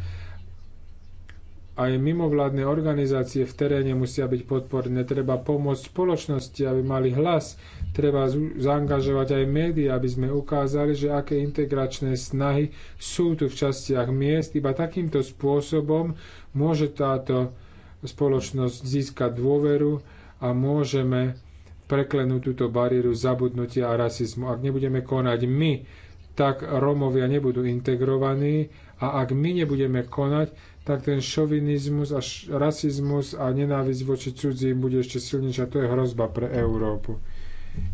aj mimovládne organizácie v teréne musia byť podporné. Treba pomôcť spoločnosti, aby mali hlas. Treba zaangažovať aj médiá, aby sme ukázali, že aké integračné snahy sú tu v častiach miest. Iba takýmto spôsobom môže táto spoločnosť získať dôveru a môžeme preklenú túto bariéru zabudnutia a rasizmu. Ak nebudeme konať my, tak Rómovia nebudú integrovaní a ak my nebudeme konať, tak ten šovinizmus a rasizmus a nenávisť voči cudzím bude ešte silnejšia. To je hrozba pre Európu.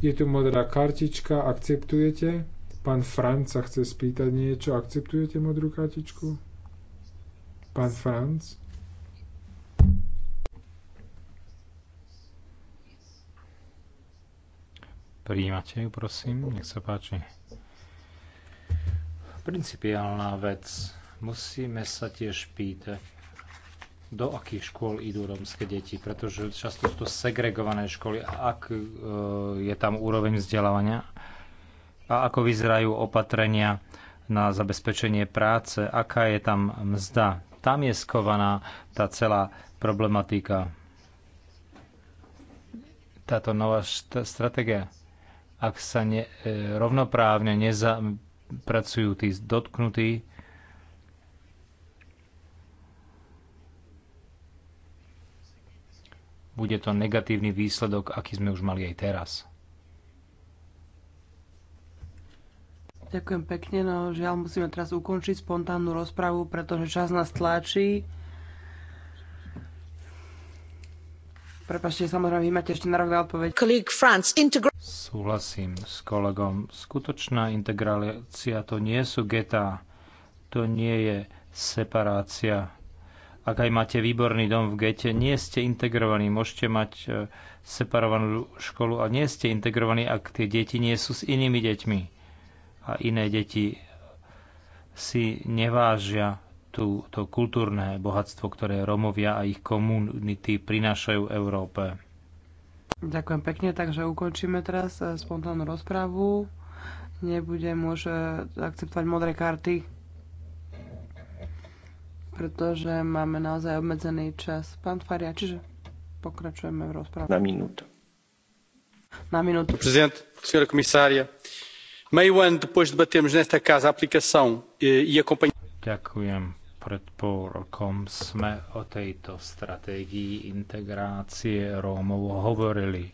Je tu modrá kartička, akceptujete? Pán Franc sa chce spýtať niečo, akceptujete modrú kartičku? Pán Franc? príjmate ju, prosím, nech sa páči. Principiálna vec. Musíme sa tiež pýtať, do akých škôl idú rómske deti, pretože často sú to segregované školy a ak e, je tam úroveň vzdelávania a ako vyzerajú opatrenia na zabezpečenie práce, aká je tam mzda. Tam je skovaná tá celá problematika. Táto nová št- stratégia ak sa ne, e, rovnoprávne nezapracujú tí dotknutí, bude to negatívny výsledok, aký sme už mali aj teraz. Ďakujem pekne, no žiaľ musíme teraz ukončiť spontánnu rozpravu, pretože čas nás tlačí. Prepašte, samozrejme, vy máte ešte na rok na odpoveď. Súhlasím s kolegom. Skutočná integrácia to nie sú getá. To nie je separácia. Ak aj máte výborný dom v gete, nie ste integrovaní. Môžete mať e, separovanú školu a nie ste integrovaní, ak tie deti nie sú s inými deťmi. A iné deti si nevážia tú, to kultúrne bohatstvo, ktoré Romovia a ich komunity prinášajú Európe. Ďakujem pekne, takže ukončíme teraz eh, spontánnu rozpravu. Nebudem už eh, akceptovať modré karty, pretože máme naozaj obmedzený čas. Pán Faria, čiže pokračujeme v rozprave. Na minútu. Na minútu. Prezident, senhora komisária, meio ano depois debatemos nesta casa a aplicação eh, e a companhia... Ďakujem pred pol rokom sme o tejto stratégii integrácie Rómov hovorili.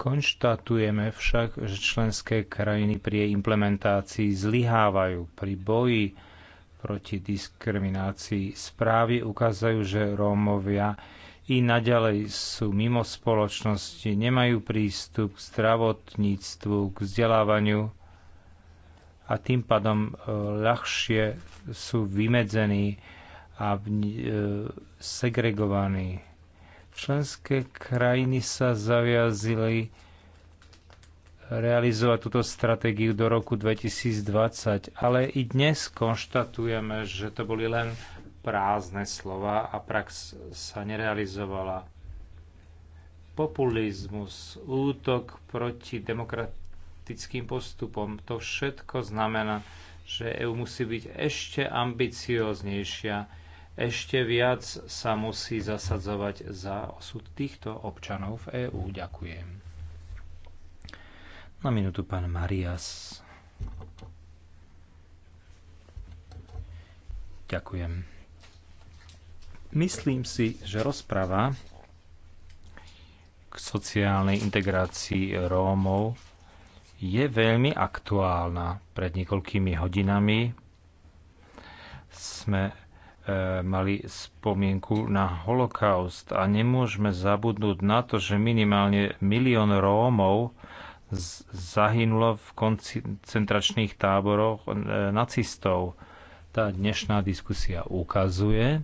Konštatujeme však, že členské krajiny pri jej implementácii zlyhávajú. Pri boji proti diskriminácii správy ukazujú, že Rómovia i naďalej sú mimo spoločnosti, nemajú prístup k zdravotníctvu, k vzdelávaniu a tým pádom e, ľahšie sú vymedzení a e, segregovaní. Členské krajiny sa zaviazili realizovať túto stratégiu do roku 2020, ale i dnes konštatujeme, že to boli len prázdne slova a prax sa nerealizovala populizmus, útok proti demokratii praktickým postupom. To všetko znamená, že EÚ musí byť ešte ambicióznejšia, ešte viac sa musí zasadzovať za osud týchto občanov v EÚ. Ďakujem. Na minútu pán Marias. Ďakujem. Myslím si, že rozprava k sociálnej integrácii Rómov je veľmi aktuálna. Pred niekoľkými hodinami sme e, mali spomienku na holokaust a nemôžeme zabudnúť na to, že minimálne milión Rómov zahynulo v koncentračných táboroch e, nacistov. Tá dnešná diskusia ukazuje,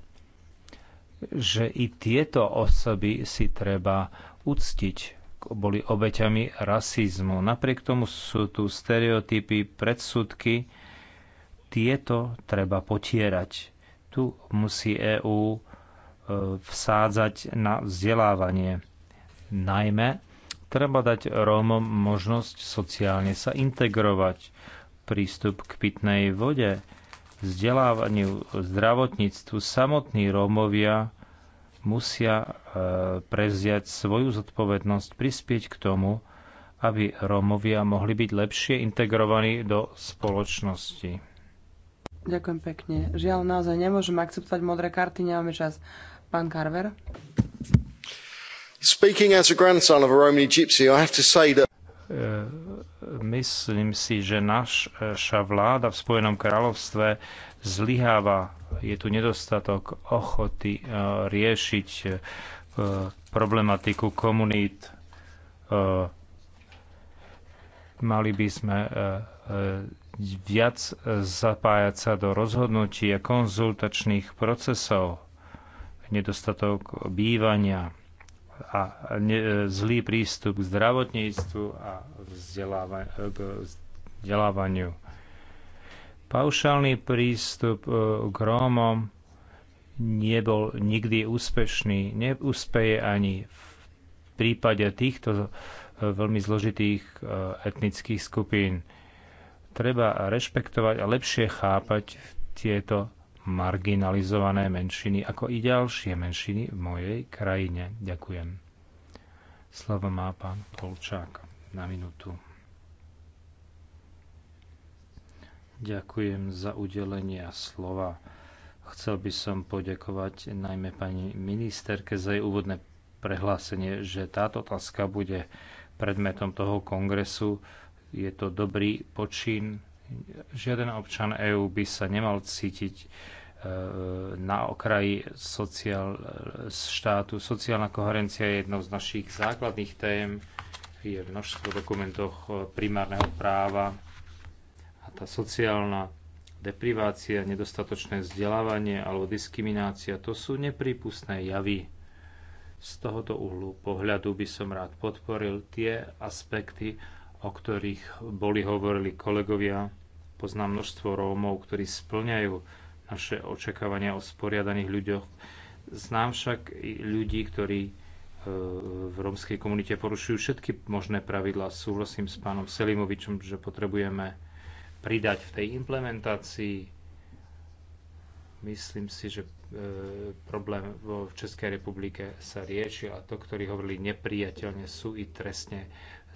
že i tieto osoby si treba uctiť boli obeťami rasizmu. Napriek tomu sú tu stereotypy, predsudky. Tieto treba potierať. Tu musí EÚ e, vsádzať na vzdelávanie. Najmä treba dať Rómom možnosť sociálne sa integrovať, prístup k pitnej vode, vzdelávaniu, zdravotníctvu. Samotní Rómovia musia e, prevziať svoju zodpovednosť, prispieť k tomu, aby Rómovia mohli byť lepšie integrovaní do spoločnosti. Ďakujem pekne. Žiaľ, naozaj nemôžem akceptovať modré karty, nemáme čas. Pán Carver. Speaking as a grandson of a Romani gypsy, I have to say that... Uh Myslím si, že naša vláda v Spojenom kráľovstve zlyháva. Je tu nedostatok ochoty eh, riešiť eh, problematiku komunít. Eh, mali by sme viac zapájať sa do rozhodnutí a konzultačných procesov, nedostatok bývania, a ne, zlý prístup k zdravotníctvu a vzdeláva, k vzdelávaniu. Paušálny prístup e, k Rómom nebol nikdy úspešný, neúspeje ani v prípade týchto e, veľmi zložitých e, etnických skupín. Treba rešpektovať a lepšie chápať tieto marginalizované menšiny, ako i ďalšie menšiny v mojej krajine. Ďakujem. Slovo má pán Polčák na minútu. Ďakujem za udelenie slova. Chcel by som poďakovať najmä pani ministerke za jej úvodné prehlásenie, že táto otázka bude predmetom toho kongresu. Je to dobrý počin Žiaden občan EÚ by sa nemal cítiť e, na okraji sociál, štátu. Sociálna koherencia je jednou z našich základných tém. Je v množstvo dokumentoch e, primárneho práva a tá sociálna deprivácia, nedostatočné vzdelávanie alebo diskriminácia, to sú neprípustné javy. Z tohoto uhlu pohľadu by som rád podporil tie aspekty o ktorých boli hovorili kolegovia. Poznám množstvo Rómov, ktorí splňajú naše očakávania o sporiadaných ľuďoch. Znám však i ľudí, ktorí e, v rómskej komunite porušujú všetky možné pravidlá. Súhlasím s pánom Selimovičom, že potrebujeme pridať v tej implementácii. Myslím si, že e, problém v Českej republike sa rieši a to, ktorí hovorili nepriateľne, sú i trestne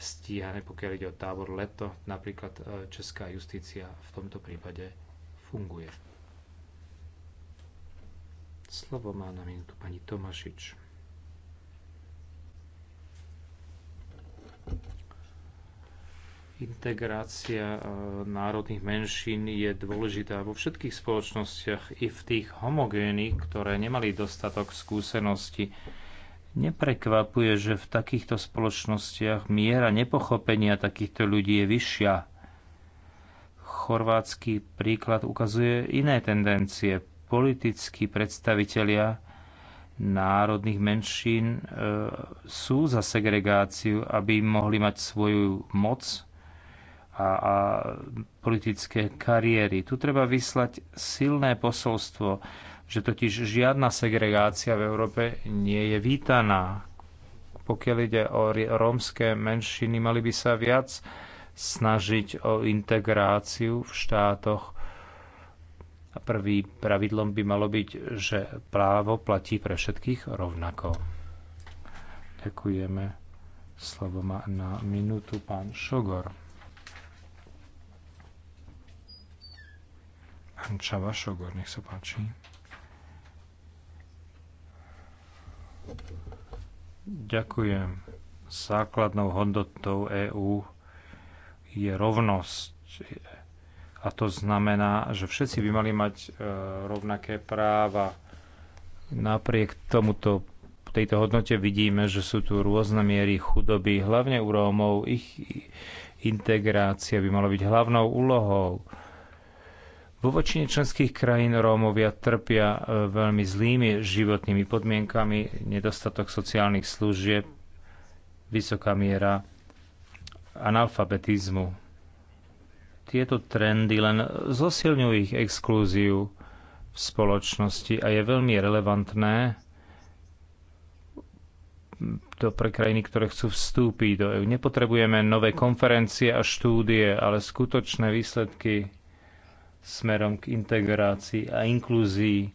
stíhané, pokiaľ ide o tábor leto. Napríklad e, česká justícia v tomto prípade funguje. Slovo má na minútu pani Tomašič. Integrácia e, národných menšín je dôležitá vo všetkých spoločnostiach, i v tých homogénnych, ktoré nemali dostatok skúseností Neprekvapuje, že v takýchto spoločnostiach miera nepochopenia takýchto ľudí je vyššia. Chorvátsky príklad ukazuje iné tendencie. Politickí predstavitelia národných menšín e, sú za segregáciu, aby mohli mať svoju moc a, a politické kariéry. Tu treba vyslať silné posolstvo že totiž žiadna segregácia v Európe nie je vítaná. Pokiaľ ide o rómske menšiny, mali by sa viac snažiť o integráciu v štátoch. A prvý pravidlom by malo byť, že právo platí pre všetkých rovnako. Ďakujeme. Slovo má na minútu pán Šogor. Pán Čava Šogor, nech sa páči. Ďakujem. Základnou hodnotou EÚ je rovnosť. A to znamená, že všetci by mali mať e, rovnaké práva. Napriek tomuto, tejto hodnote vidíme, že sú tu rôzne miery chudoby, hlavne u Rómov. Ich integrácia by mala byť hlavnou úlohou. Vo väčšine členských krajín Rómovia trpia e, veľmi zlými životnými podmienkami, nedostatok sociálnych služieb, vysoká miera analfabetizmu. Tieto trendy len zosilňujú ich exklúziu v spoločnosti a je veľmi relevantné to pre krajiny, ktoré chcú vstúpiť do EU. Nepotrebujeme nové konferencie a štúdie, ale skutočné výsledky smerom k integrácii a inklúzii,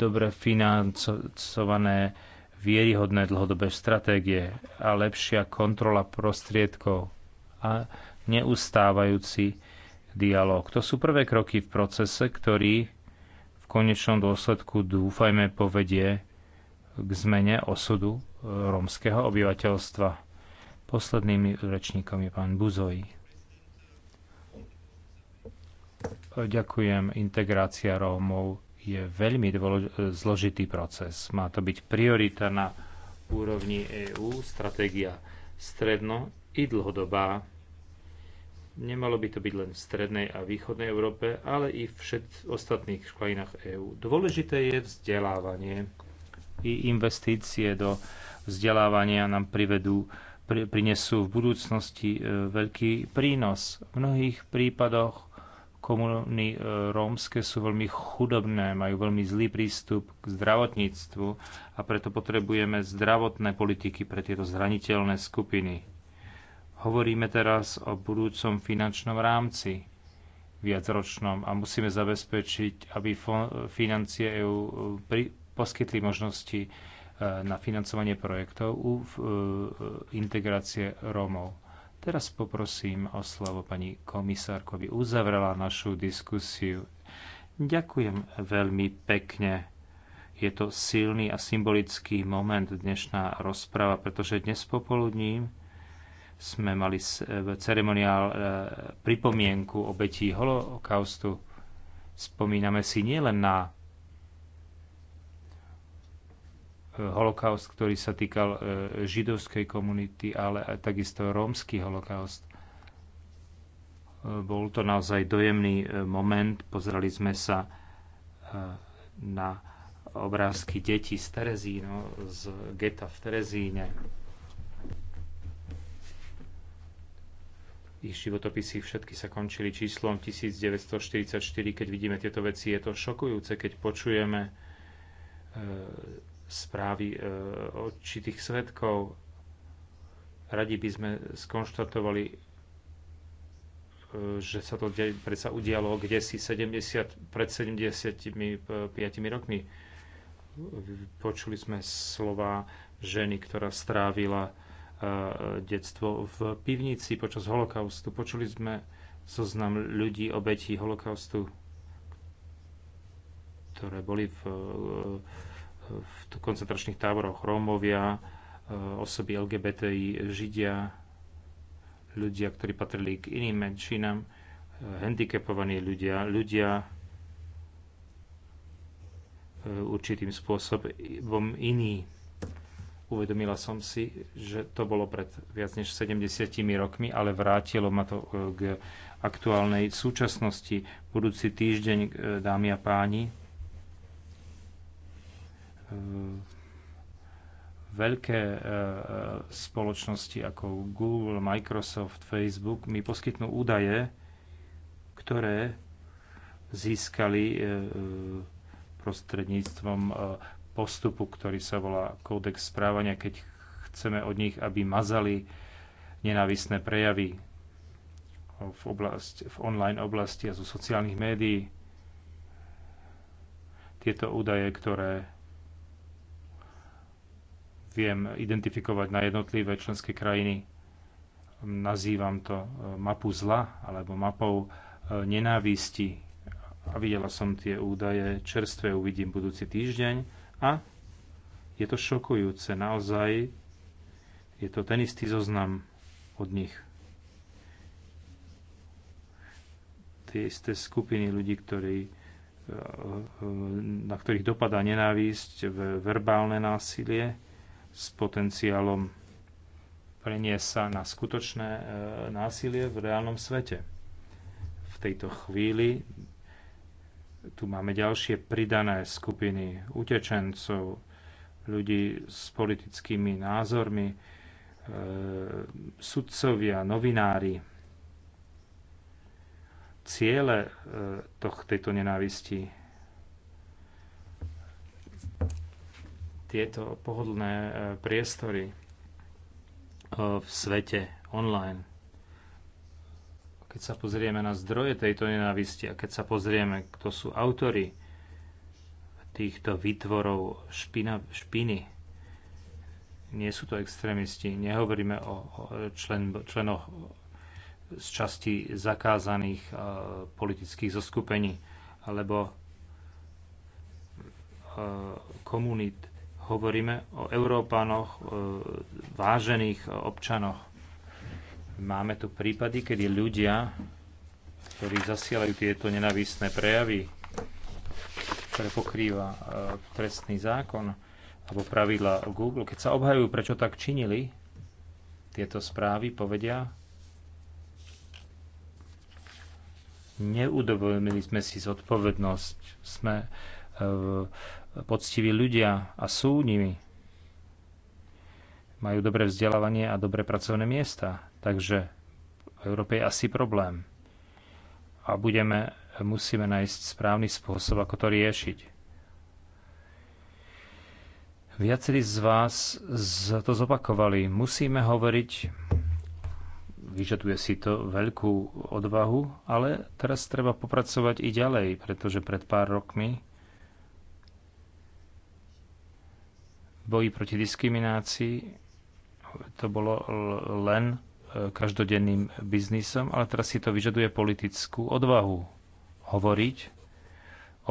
dobre financované, vieryhodné dlhodobé stratégie a lepšia kontrola prostriedkov a neustávajúci dialog. To sú prvé kroky v procese, ktorý v konečnom dôsledku dúfajme povedie k zmene osudu rómskeho obyvateľstva. Posledným rečníkom je pán Buzoj. Ďakujem. Integrácia Rómov je veľmi zložitý proces. Má to byť priorita na úrovni EÚ, stratégia stredno i dlhodobá. Nemalo by to byť len v strednej a východnej Európe, ale i v všet ostatných krajinách EÚ. Dôležité je vzdelávanie. I investície do vzdelávania nám privedú prinesú v budúcnosti e, veľký prínos. V mnohých prípadoch Komuny e, rómske sú veľmi chudobné, majú veľmi zlý prístup k zdravotníctvu a preto potrebujeme zdravotné politiky pre tieto zraniteľné skupiny. Hovoríme teraz o budúcom finančnom rámci viacročnom a musíme zabezpečiť, aby financie EU e, poskytli možnosti e, na financovanie projektov u integrácie Rómov Teraz poprosím o slovo pani komisárku, aby uzavrela našu diskusiu. Ďakujem veľmi pekne. Je to silný a symbolický moment dnešná rozprava, pretože dnes popoludní sme mali ceremoniál e, pripomienku obetí holokaustu. Spomíname si nielen na holokaust, ktorý sa týkal e, židovskej komunity, ale aj takisto rómsky holokaust. E, bol to naozaj dojemný e, moment. Pozreli sme sa na obrázky detí z Terezíno, z geta v Terezíne. Ich životopisy všetky sa končili číslom 1944. Keď vidíme tieto veci, je to šokujúce, keď počujeme správy e, očitých svetkov. Radi by sme skonštatovali, e, že sa to predsa udialo kde si 70, pred 75 rokmi. Počuli sme slova ženy, ktorá strávila e, detstvo v pivnici počas holokaustu. Počuli sme zoznam ľudí obetí holokaustu, ktoré boli v v koncentračných táboroch Rómovia, e, osoby LGBTI, Židia, ľudia, ktorí patrili k iným menšinám, e, handicapovaní ľudia, ľudia e, určitým spôsobom iní. Uvedomila som si, že to bolo pred viac než 70 rokmi, ale vrátilo ma to k aktuálnej súčasnosti. Budúci týždeň, dámy a páni, Ehm, veľké e, e, spoločnosti ako Google, Microsoft, Facebook mi poskytnú údaje, ktoré získali e, prostredníctvom postupu, ktorý sa volá kódex správania, keď chceme od nich, aby mazali nenávisné prejavy v, oblast, v online oblasti a zo sociálnych médií. Tieto údaje, ktoré viem identifikovať na jednotlivé členské krajiny. Nazývam to e, mapu zla alebo mapou e, nenávisti. A videla som tie údaje, čerstvé uvidím budúci týždeň a je to šokujúce. Naozaj je to ten istý zoznam od nich. Tie isté skupiny ľudí, ktorí e, na ktorých dopadá nenávisť, verbálne násilie, s potenciálom preniesť sa na skutočné e, násilie v reálnom svete. V tejto chvíli tu máme ďalšie pridané skupiny utečencov, ľudí s politickými názormi, e, sudcovia, novinári. Ciele e, toh, tejto nenávisti tieto pohodlné e, priestory e, v svete online. Keď sa pozrieme na zdroje tejto nenávisti a keď sa pozrieme, kto sú autory týchto výtvorov špina, špiny, nie sú to extrémisti, nehovoríme o, člen, členoch z časti zakázaných e, politických zoskupení alebo komunít Hovoríme o Európanoch, e, vážených občanoch. Máme tu prípady, kedy ľudia, ktorí zasielajú tieto nenavistné prejavy, ktoré pokrýva e, trestný zákon alebo pravidla Google, keď sa obhajujú, prečo tak činili, tieto správy povedia, neudovolili sme si zodpovednosť. Sme e, poctiví ľudia a sú nimi. Majú dobré vzdelávanie a dobré pracovné miesta. Takže v Európe je asi problém. A budeme, musíme nájsť správny spôsob, ako to riešiť. Viacerí z vás to zopakovali. Musíme hovoriť, vyžaduje si to veľkú odvahu, ale teraz treba popracovať i ďalej, pretože pred pár rokmi boji proti diskriminácii to bolo len e, každodenným biznisom, ale teraz si to vyžaduje politickú odvahu hovoriť,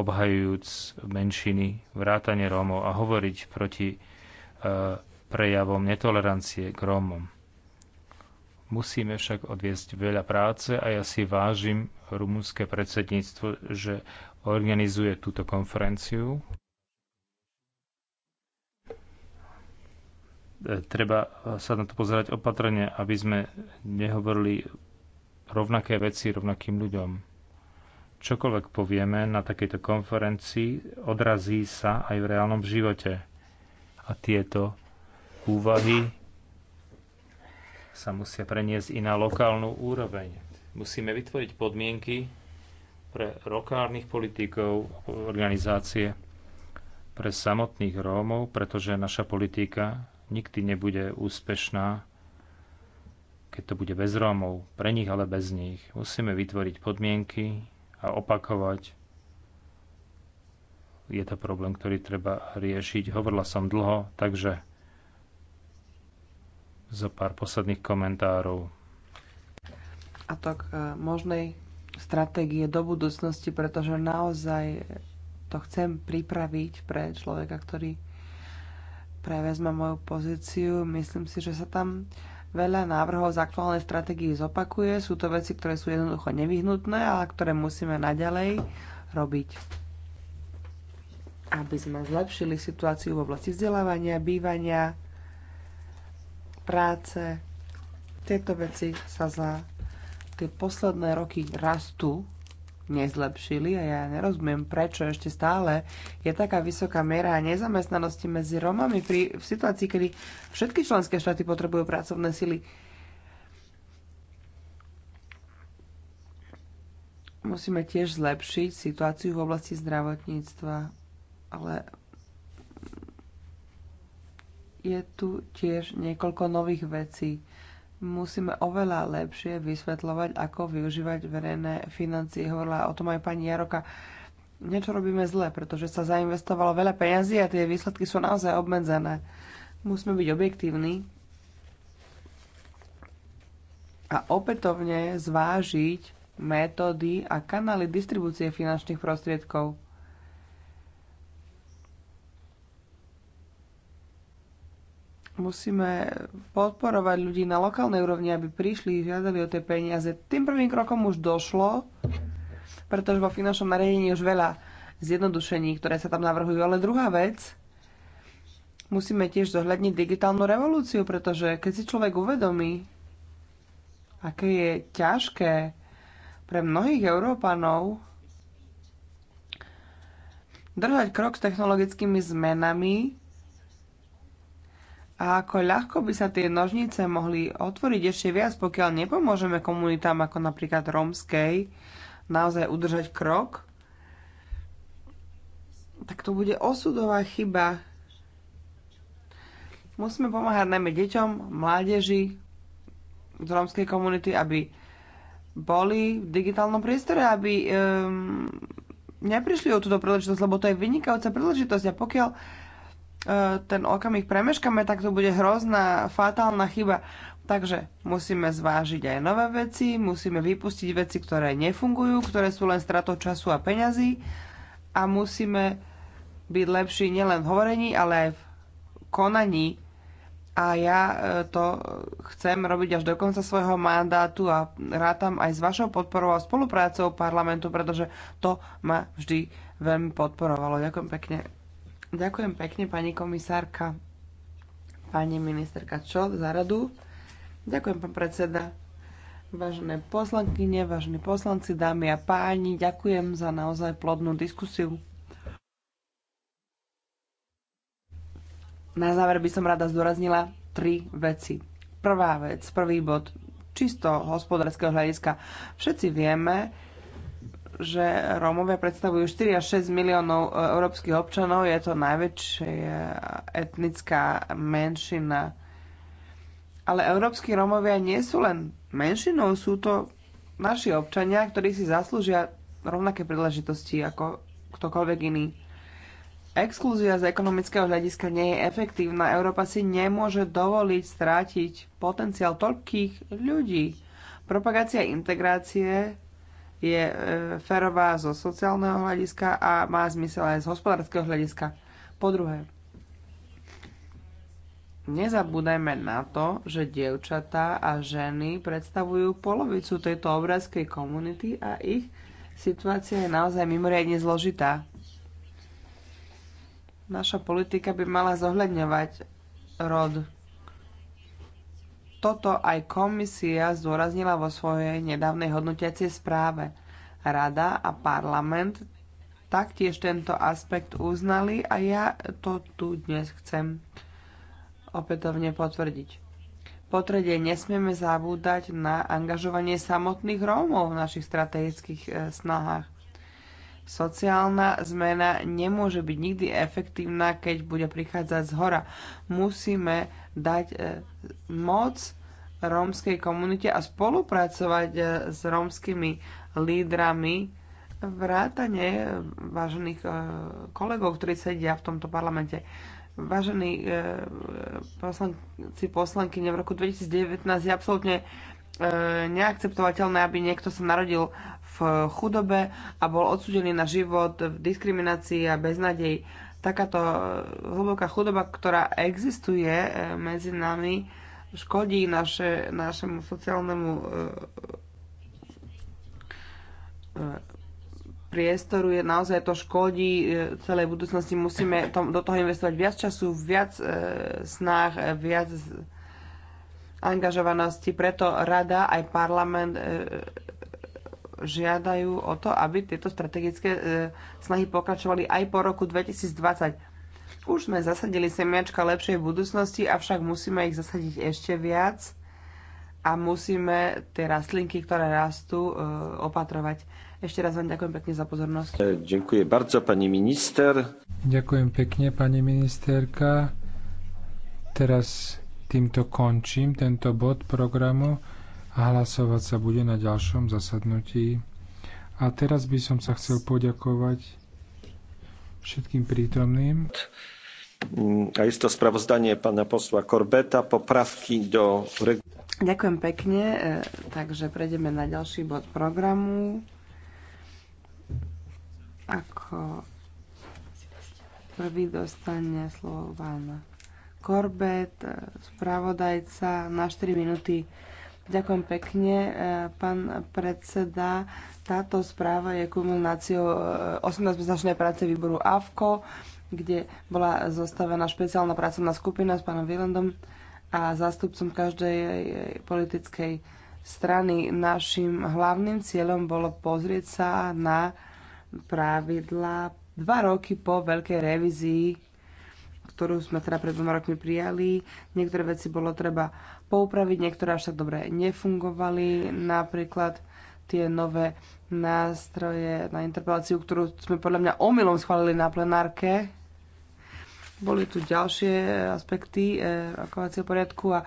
obhajujúc menšiny, vrátane Rómov a hovoriť proti e, prejavom netolerancie k Rómom. Musíme však odviesť veľa práce a ja si vážim rumúnske predsedníctvo, že organizuje túto konferenciu. E, treba sa na to pozerať opatrne, aby sme nehovorili rovnaké veci rovnakým ľuďom. Čokoľvek povieme na takejto konferencii, odrazí sa aj v reálnom živote. A tieto úvahy sa musia preniesť i na lokálnu úroveň. Musíme vytvoriť podmienky pre lokálnych politikov, organizácie, pre samotných Rómov, pretože naša politika nikdy nebude úspešná, keď to bude bez Rómov, pre nich ale bez nich. Musíme vytvoriť podmienky a opakovať. Je to problém, ktorý treba riešiť. Hovorila som dlho, takže zo pár posledných komentárov. A to k e, možnej stratégie do budúcnosti, pretože naozaj to chcem pripraviť pre človeka, ktorý prevezme moju pozíciu. Myslím si, že sa tam veľa návrhov z aktuálnej stratégie zopakuje. Sú to veci, ktoré sú jednoducho nevyhnutné, ale ktoré musíme naďalej robiť. Aby sme zlepšili situáciu v oblasti vzdelávania, bývania, práce. Tieto veci sa za tie posledné roky rastú nezlepšili a ja nerozumiem, prečo ešte stále je taká vysoká miera nezamestnanosti medzi Romami pri, v situácii, kedy všetky členské štáty potrebujú pracovné sily. Musíme tiež zlepšiť situáciu v oblasti zdravotníctva, ale je tu tiež niekoľko nových vecí musíme oveľa lepšie vysvetľovať, ako využívať verejné financie. Hovorila o tom aj pani Jaroka. Niečo robíme zle, pretože sa zainvestovalo veľa peňazí a tie výsledky sú naozaj obmedzené. Musíme byť objektívni a opätovne zvážiť metódy a kanály distribúcie finančných prostriedkov. Musíme podporovať ľudí na lokálnej úrovni, aby prišli, žiadali o tie peniaze. Tým prvým krokom už došlo, pretože vo finančnom nariadení už veľa zjednodušení, ktoré sa tam navrhujú. Ale druhá vec, musíme tiež zohľadniť digitálnu revolúciu, pretože keď si človek uvedomí, aké je ťažké pre mnohých Európanov držať krok s technologickými zmenami, a ako ľahko by sa tie nožnice mohli otvoriť ešte viac, pokiaľ nepomôžeme komunitám ako napríklad rómskej naozaj udržať krok, tak to bude osudová chyba. Musíme pomáhať najmä deťom, mládeži z rómskej komunity, aby boli v digitálnom priestore, aby um, neprišli o túto príležitosť, lebo to je vynikajúca príležitosť a pokiaľ E, ten okamih premeškame, tak to bude hrozná, fatálna chyba. Takže musíme zvážiť aj nové veci, musíme vypustiť veci, ktoré nefungujú, ktoré sú len stratou času a peňazí a musíme byť lepší nielen v hovorení, ale aj v konaní. A ja e, to chcem robiť až do konca svojho mandátu a rátam aj s vašou podporou a spoluprácou parlamentu, pretože to ma vždy veľmi podporovalo. Ďakujem pekne. Ďakujem pekne, pani komisárka, pani ministerka Čo za radu. Ďakujem, pán predseda. Vážené poslankyne, vážení poslanci, dámy a páni, ďakujem za naozaj plodnú diskusiu. Na záver by som rada zdôraznila tri veci. Prvá vec, prvý bod, čisto hospodárskeho hľadiska. Všetci vieme, že Rómovia predstavujú 4 až 6 miliónov e, európskych občanov. Je to najväčšia e, etnická menšina. Ale európsky Rómovia nie sú len menšinou, sú to naši občania, ktorí si zaslúžia rovnaké príležitosti ako ktokoľvek iný. Exklúzia z ekonomického hľadiska nie je efektívna. Európa si nemôže dovoliť strátiť potenciál toľkých ľudí. Propagácia integrácie je e, ferová zo sociálneho hľadiska a má zmysel aj z hospodárskeho hľadiska. Po druhé, nezabúdajme na to, že dievčatá a ženy predstavujú polovicu tejto obrázkej komunity a ich situácia je naozaj mimoriadne zložitá. Naša politika by mala zohľadňovať rod toto aj komisia zdôraznila vo svojej nedávnej hodnotiacej správe. Rada a parlament taktiež tento aspekt uznali a ja to tu dnes chcem opätovne potvrdiť. Po tretie, nesmieme zabúdať na angažovanie samotných Rómov v našich strategických e, snahách. Sociálna zmena nemôže byť nikdy efektívna, keď bude prichádzať z hora. Musíme dať e, moc rómskej komunite a spolupracovať e, s rómskymi lídrami vrátane vážených e, kolegov, ktorí sedia v tomto parlamente. Vážení poslanci, poslanky, v roku 2019 je absolútne neakceptovateľné, aby niekto sa narodil chudobe a bol odsudený na život v diskriminácii a beznadeji. Takáto hlboká chudoba, ktorá existuje eh, medzi nami, škodí naše, našemu sociálnemu eh, eh, priestoru je naozaj to škodí celej budúcnosti. Musíme tom, do toho investovať viac času, viac e, snách, viac angažovanosti. Preto rada aj parlament e, žiadajú o to, aby tieto strategické e, snahy pokračovali aj po roku 2020. Už sme zasadili semiačka lepšej budúcnosti, avšak musíme ich zasadiť ešte viac a musíme tie rastlinky, ktoré rastú, e, opatrovať. Ešte raz vám ďakujem pekne za pozornosť. E, ďakujem bardzo, pani minister. Ďakujem pekne, pani ministerka. Teraz týmto končím tento bod programu. Hlasovať sa bude na ďalšom zasadnutí. A teraz by som sa chcel poďakovať všetkým prítomným. A isto spravozdanie pána posla Korbeta, popravky do... Ďakujem pekne, e, takže prejdeme na ďalší bod programu. Ako prvý dostane slovo pán Korbet, e, spravodajca na 4 minúty. Ďakujem pekne, e, pán predseda. Táto správa je kumuláciou 18-mesačnej e, práce výboru AVKO, kde bola zostavená špeciálna pracovná skupina s pánom Vilandom a zástupcom každej e, politickej strany. Našim hlavným cieľom bolo pozrieť sa na pravidla dva roky po veľkej revízii, ktorú sme teda pred dvoma rokmi prijali. Niektoré veci bolo treba poupraviť, niektoré až tak dobre nefungovali, napríklad tie nové nástroje na interpeláciu, ktorú sme podľa mňa omylom schválili na plenárke. Boli tu ďalšie aspekty e, rokovacieho poriadku a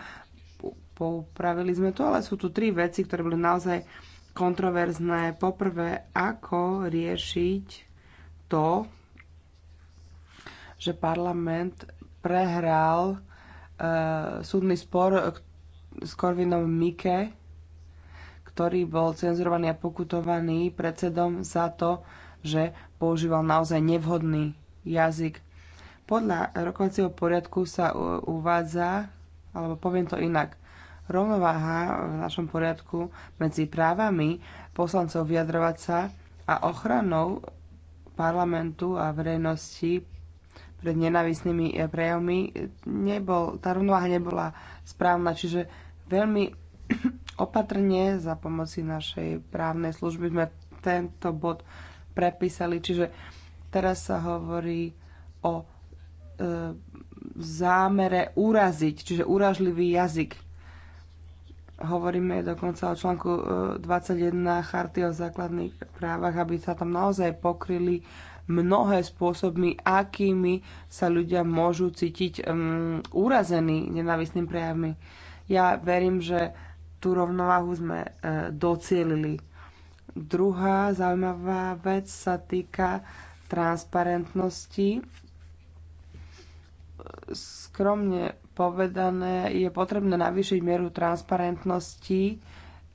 poupravili sme to, ale sú tu tri veci, ktoré boli naozaj kontroverzné. Poprvé, ako riešiť to, že parlament prehral e, súdny spor, s Korvinom Mike, ktorý bol cenzurovaný a pokutovaný predsedom za to, že používal naozaj nevhodný jazyk. Podľa rokovacieho poriadku sa uvádza, alebo poviem to inak, rovnováha v našom poriadku medzi právami poslancov vyjadrovať sa a ochranou parlamentu a verejnosti pred nenávisnými prejavmi nebol, tá rovnováha nebola správna, čiže Veľmi opatrne za pomoci našej právnej služby sme tento bod prepísali, čiže teraz sa hovorí o e, zámere uraziť, čiže uražlivý jazyk. Hovoríme dokonca o článku 21 e, Charty o základných právach, aby sa tam naozaj pokryli mnohé spôsobmi, akými sa ľudia môžu cítiť um, urazení nenávistným prejavmi. Uh, ja verím, že tú rovnováhu sme e, docielili. Druhá zaujímavá vec sa týka transparentnosti. Skromne povedané, je potrebné navýšiť mieru transparentnosti e,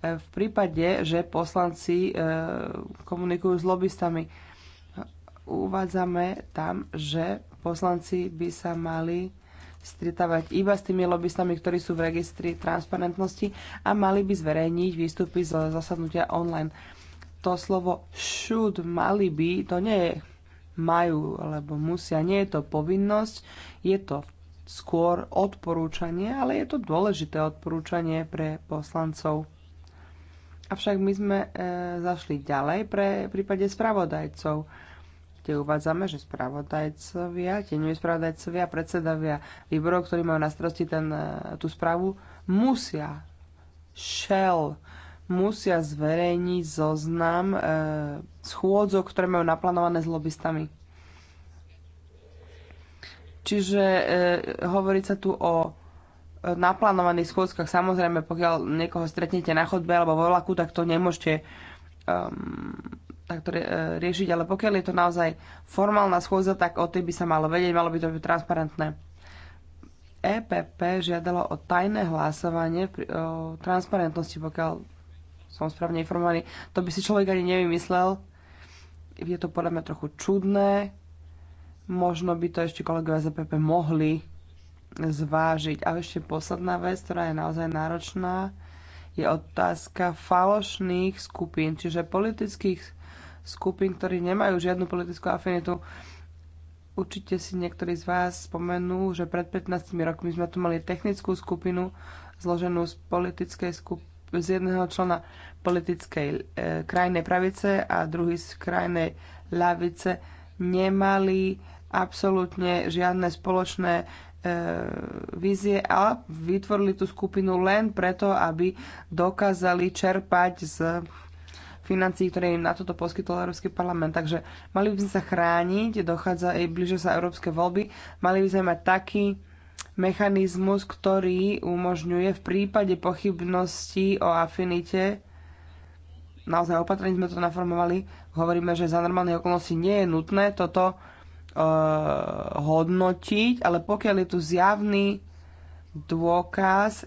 v prípade, že poslanci e, komunikujú s lobbystami. Uvádzame tam, že poslanci by sa mali stretávať iba s tými lobbystami, ktorí sú v registri transparentnosti a mali by zverejniť výstupy z zasadnutia online. To slovo should, mali by, to nie je majú alebo musia, nie je to povinnosť, je to skôr odporúčanie, ale je to dôležité odporúčanie pre poslancov. Avšak my sme e, zašli ďalej pre prípade spravodajcov kde uvádzame, že spravodajcovia, tieňoví spravodajcovia, predsedovia výborov, ktorí majú na starosti ten, e, tú správu, musia, šel, musia zverejniť zoznam e, schôdzok, ktoré majú naplánované s lobbystami. Čiže e, hovorí sa tu o e, naplánovaných schôdzkach. Samozrejme, pokiaľ niekoho stretnete na chodbe alebo vo vlaku, tak to nemôžete um, takto e, riešiť, ale pokiaľ je to naozaj formálna schôdza, tak o tej by sa malo vedieť, malo by to byť transparentné. EPP žiadalo o tajné hlasovanie o transparentnosti, pokiaľ som správne informovaný. To by si človek ani nevymyslel. Je to podľa mňa trochu čudné. Možno by to ešte kolegovia z EPP mohli zvážiť. A ešte posledná vec, ktorá je naozaj náročná, je otázka falošných skupín, čiže politických skupín, ktorí nemajú žiadnu politickú afinitu. Určite si niektorí z vás spomenú, že pred 15 rokmi sme tu mali technickú skupinu zloženú z, politickej skup- z jedného člena politickej e, krajnej pravice a druhý z krajnej ľavice. Nemali absolútne žiadne spoločné e, vízie a vytvorili tú skupinu len preto, aby dokázali čerpať z financií, ktoré im na toto poskytol Európsky parlament. Takže mali by sme sa chrániť, dochádza aj blíže sa európske voľby, mali by sme mať taký mechanizmus, ktorý umožňuje v prípade pochybnosti o afinite naozaj opatrení sme to naformovali. Hovoríme, že za normálne okolnosti nie je nutné toto e, hodnotiť, ale pokiaľ je tu zjavný dôkaz,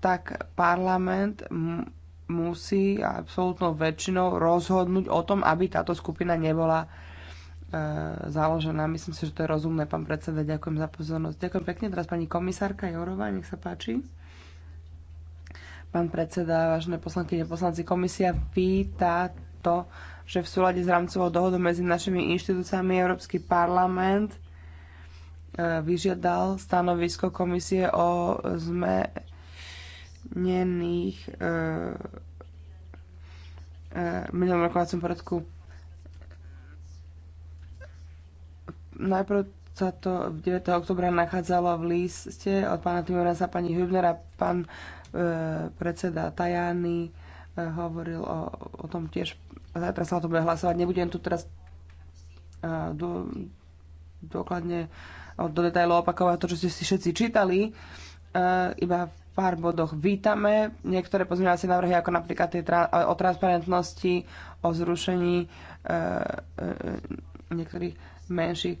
tak parlament musí absolútnou väčšinou rozhodnúť o tom, aby táto skupina nebola e, založená. Myslím si, že to je rozumné, pán predseda. Ďakujem za pozornosť. Ďakujem pekne. Teraz pani komisárka Jorová, nech sa páči. Pán predseda, vážne poslankyne, poslanci, komisia víta to, že v súlade s rámcovou dohodou medzi našimi inštitúciami Európsky parlament e, vyžiadal stanovisko komisie o zme zmenených e, eh, e, eh, minulom rokovacom poradku. Najprv sa to 9. oktobra nachádzalo v liste od pána Timora sa pani Hübnera. Pán e, predseda Tajany e, hovoril o, o tom tiež. Zajtra sa o tom bude hlasovať. Nebudem tu teraz e, do, dôkladne do detajlov opakovať to, čo ste si všetci čítali. E, iba pár bodoch vítame. Niektoré pozmeňovacie návrhy, ako napríklad tie tra- o transparentnosti, o zrušení e, e, niektorých menších e,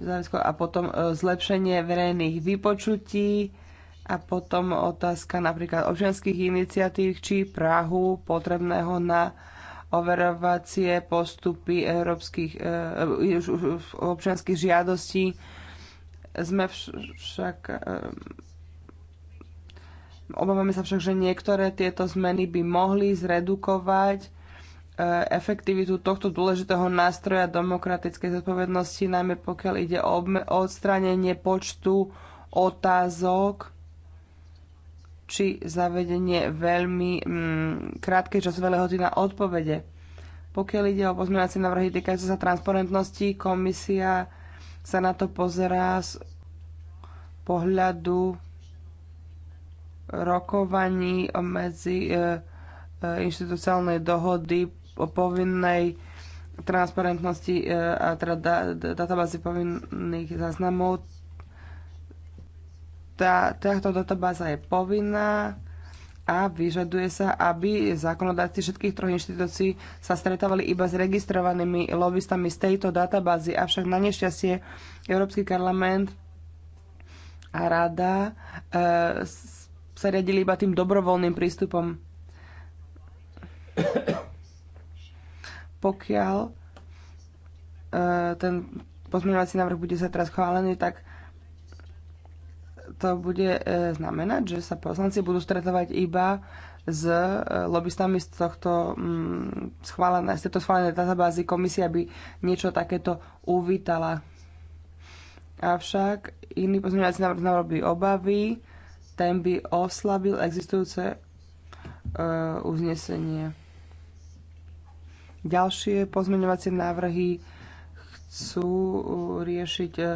záviskov a potom e, zlepšenie verejných vypočutí a potom otázka napríklad občianských iniciatív či Prahu potrebného na overovacie postupy európskych e, e občianských žiadostí. Sme však e, Obávame sa však, že niektoré tieto zmeny by mohli zredukovať e, efektivitu tohto dôležitého nástroja demokratickej zodpovednosti, najmä pokiaľ ide o odstránenie počtu otázok či zavedenie veľmi mm, krátkej časovej lehoty na odpovede. Pokiaľ ide o pozmeňovacie návrhy týkajúce sa transparentnosti, komisia sa na to pozerá z pohľadu rokovaní medzi e, e, inštitucionálnej dohody o povinnej transparentnosti e, a teda databázy povinných záznamov. táto databáza je povinná a vyžaduje sa, aby zákonodáci všetkých troch inštitúcií sa stretávali iba s registrovanými lobbystami z tejto databázy. Avšak na nešťastie Európsky parlament a rada sa riadili iba tým dobrovoľným prístupom. Pokiaľ e, ten pozmeňovací návrh bude sa teraz chválený, tak to bude e, znamenať, že sa poslanci budú stretovať iba s e, lobbystami z tohto mm, schválené, z tejto schválené databázy komisia by niečo takéto uvítala. Avšak iný pozmeňovací návrh by obavy, systém by oslabil existujúce e, uznesenie. Ďalšie pozmeňovacie návrhy chcú e, riešiť e,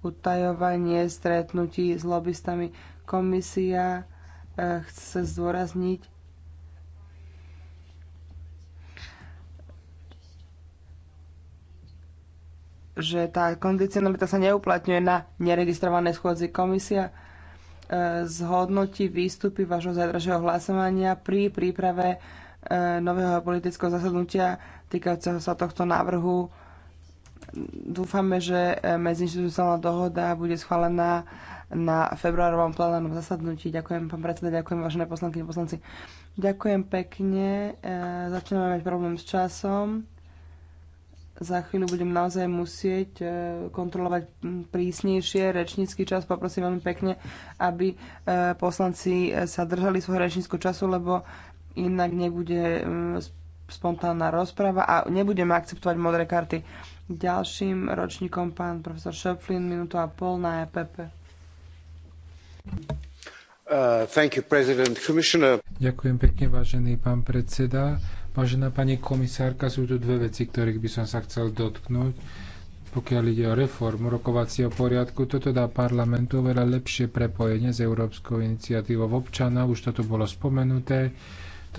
utajovanie stretnutí s lobbystami. Komisia chce zdôrazniť, že tá kondicionalita sa neuplatňuje na neregistrované schôdzi. Komisia E, zhodnotí výstupy vášho zajtrajšieho hlasovania pri príprave e, nového politického zasadnutia týkajúceho sa tohto návrhu. Dúfame, že e, medziinstitucionálna dohoda bude schválená na februárovom plenárnom zasadnutí. Ďakujem, pán predseda, ďakujem, vážené poslanky a poslanci. Ďakujem pekne. Začíname mať problém s časom za chvíľu budem naozaj musieť e, kontrolovať prísnejšie rečnícky čas. Poprosím veľmi pekne, aby e, poslanci e, sa držali svojho rečníckého času, lebo inak nebude spontánna rozprava a nebudeme akceptovať modré karty. Ďalším ročníkom pán profesor Šöpflin, minútu a pol na EPP. Uh, you, Ďakujem pekne, vážený pán predseda. Vážená pani komisárka, sú tu dve veci, ktorých by som sa chcel dotknúť. Pokiaľ ide o reformu rokovacieho poriadku, toto dá parlamentu veľa lepšie prepojenie s Európskou iniciatívou občanov, už toto bolo spomenuté.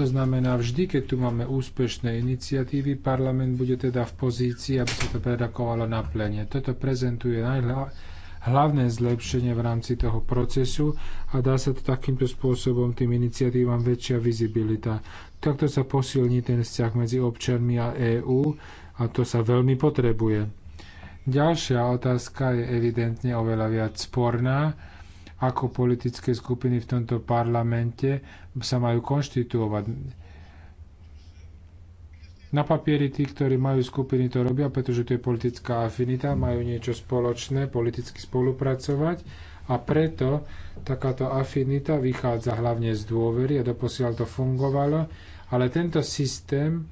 To znamená, vždy, keď tu máme úspešné iniciatívy, parlament bude teda v pozícii, aby sa to predakovalo na plene. Toto prezentuje najhľadšie hlavné zlepšenie v rámci toho procesu a dá sa to takýmto spôsobom tým iniciatívam väčšia vizibilita. Takto sa posilní ten vzťah medzi občanmi a EÚ a to sa veľmi potrebuje. Ďalšia otázka je evidentne oveľa viac sporná ako politické skupiny v tomto parlamente sa majú konštituovať na papieri tí, ktorí majú skupiny, to robia, pretože to je politická afinita, majú niečo spoločné, politicky spolupracovať a preto takáto afinita vychádza hlavne z dôvery a doposiaľ to fungovalo, ale tento systém e,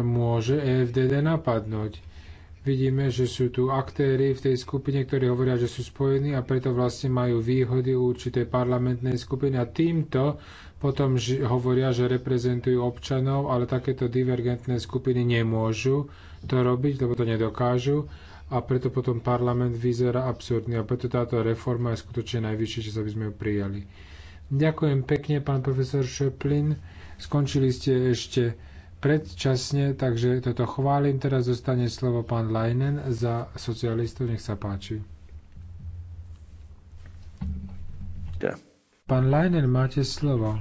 môže EFDD napadnúť. Vidíme, že sú tu aktéry v tej skupine, ktorí hovoria, že sú spojení a preto vlastne majú výhody určitej parlamentnej skupiny a týmto potom hovoria, že reprezentujú občanov, ale takéto divergentné skupiny nemôžu to robiť, lebo to nedokážu a preto potom parlament vyzerá absurdný a preto táto reforma je skutočne najvyššia, čo sa by sme ju prijali. Ďakujem pekne, pán profesor Šeplin. Skončili ste ešte predčasne, takže toto chválim. Teraz zostane slovo pán Leinen za socialistov. Nech sa páči. Pán Leinen, máte slovo.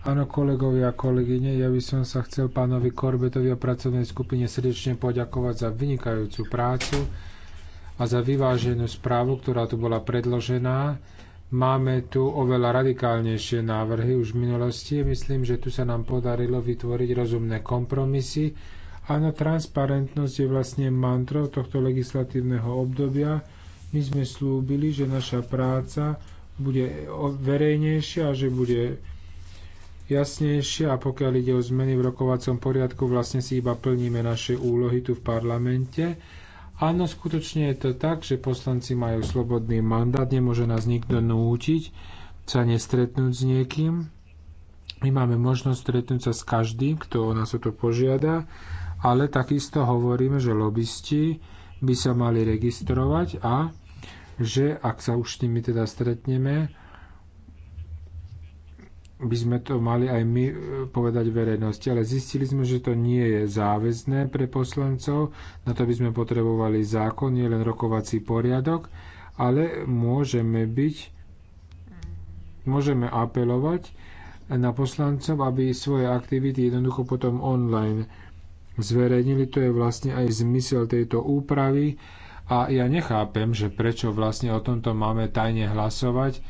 Áno, kolegovia a kolegyne, ja by som sa chcel pánovi Korbetovi a pracovnej skupine srdečne poďakovať za vynikajúcu prácu a za vyváženú správu, ktorá tu bola predložená. Máme tu oveľa radikálnejšie návrhy už v minulosti. Myslím, že tu sa nám podarilo vytvoriť rozumné kompromisy. Áno, transparentnosť je vlastne mantrou tohto legislatívneho obdobia. My sme slúbili, že naša práca bude verejnejšia a že bude jasnejšie a pokiaľ ide o zmeny v rokovacom poriadku, vlastne si iba plníme naše úlohy tu v parlamente. Áno, skutočne je to tak, že poslanci majú slobodný mandát, nemôže nás nikto nútiť sa nestretnúť s niekým. My máme možnosť stretnúť sa s každým, kto o nás o to požiada, ale takisto hovoríme, že lobbysti by sa mali registrovať a že ak sa už s nimi teda stretneme, by sme to mali aj my e, povedať verejnosti, ale zistili sme, že to nie je záväzné pre poslancov, na to by sme potrebovali zákon, nie len rokovací poriadok, ale môžeme byť, môžeme apelovať na poslancov, aby svoje aktivity jednoducho potom online zverejnili. To je vlastne aj zmysel tejto úpravy a ja nechápem, že prečo vlastne o tomto máme tajne hlasovať,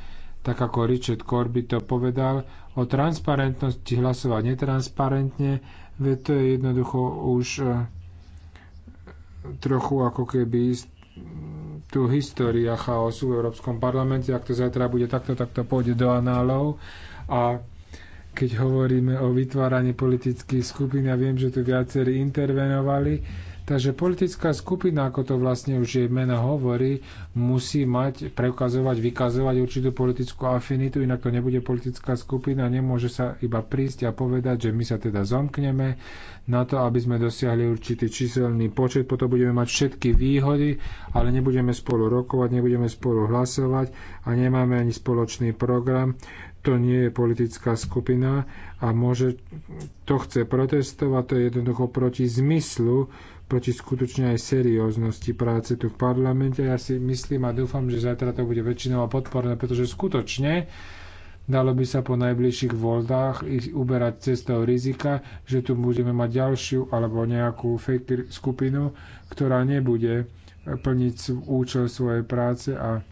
tak ako Richard Corby to povedal, o transparentnosti hlasovať netransparentne, veď to je jednoducho už e, trochu ako keby tu história chaosu v Európskom parlamente. Ak to zajtra bude takto, tak to pôjde do análov. A keď hovoríme o vytváraní politických skupín, ja viem, že tu viacerí intervenovali, Takže politická skupina, ako to vlastne už jej mena hovorí, musí mať, preukazovať, vykazovať určitú politickú afinitu, inak to nebude politická skupina, nemôže sa iba prísť a povedať, že my sa teda zomkneme na to, aby sme dosiahli určitý číselný počet, potom budeme mať všetky výhody, ale nebudeme spolu rokovať, nebudeme spolu hlasovať a nemáme ani spoločný program to nie je politická skupina a môže, to chce protestovať, to je jednoducho proti zmyslu proti skutočne aj serióznosti práce tu v parlamente. Ja si myslím a dúfam, že zajtra to bude väčšinou podporné, pretože skutočne dalo by sa po najbližších voľbách uberať cestou rizika, že tu budeme mať ďalšiu alebo nejakú fake skupinu, ktorá nebude plniť účel svojej práce a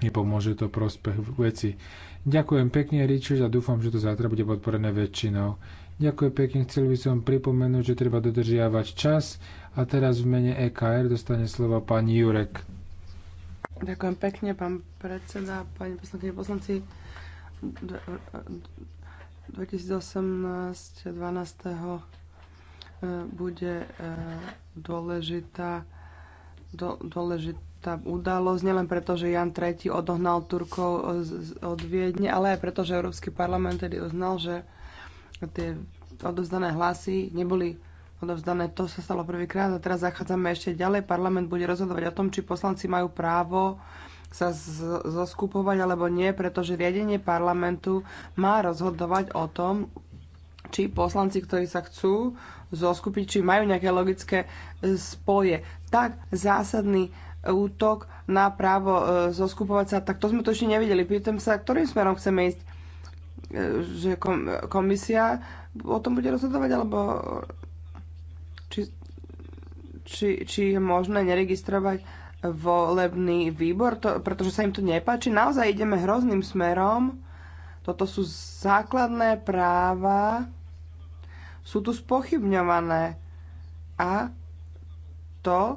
nepomôže to prospech veci. Ďakujem pekne, Richard, a dúfam, že to zajtra bude podporené väčšinou. Ďakujem pekne, chcel by som pripomenúť, že treba dodržiavať čas a teraz v mene EKR dostane slovo pán Jurek. Ďakujem pekne, pán predseda, pani poslankyne, poslanci. 2018 12. E, bude e, dôležitá, dôležitá udalosť, nielen preto, že Jan III odohnal Turkov e, od Viedne, ale aj preto, že Európsky parlament tedy uznal, že tie odovzdané hlasy neboli odovzdané. To sa stalo prvýkrát a teraz zachádzame ešte ďalej. Parlament bude rozhodovať o tom, či poslanci majú právo sa zoskupovať alebo nie, pretože riadenie parlamentu má rozhodovať o tom, či poslanci, ktorí sa chcú zoskupiť, či majú nejaké logické e, spoje. Tak zásadný útok na právo e, zoskupovať sa, tak to sme to ešte nevideli. Pýtam sa, ktorým smerom chceme ísť že komisia o tom bude rozhodovať, alebo či, či, či je možné neregistrovať volebný výbor, to, pretože sa im to nepáči. Naozaj ideme hrozným smerom. Toto sú základné práva, sú tu spochybňované. A to e,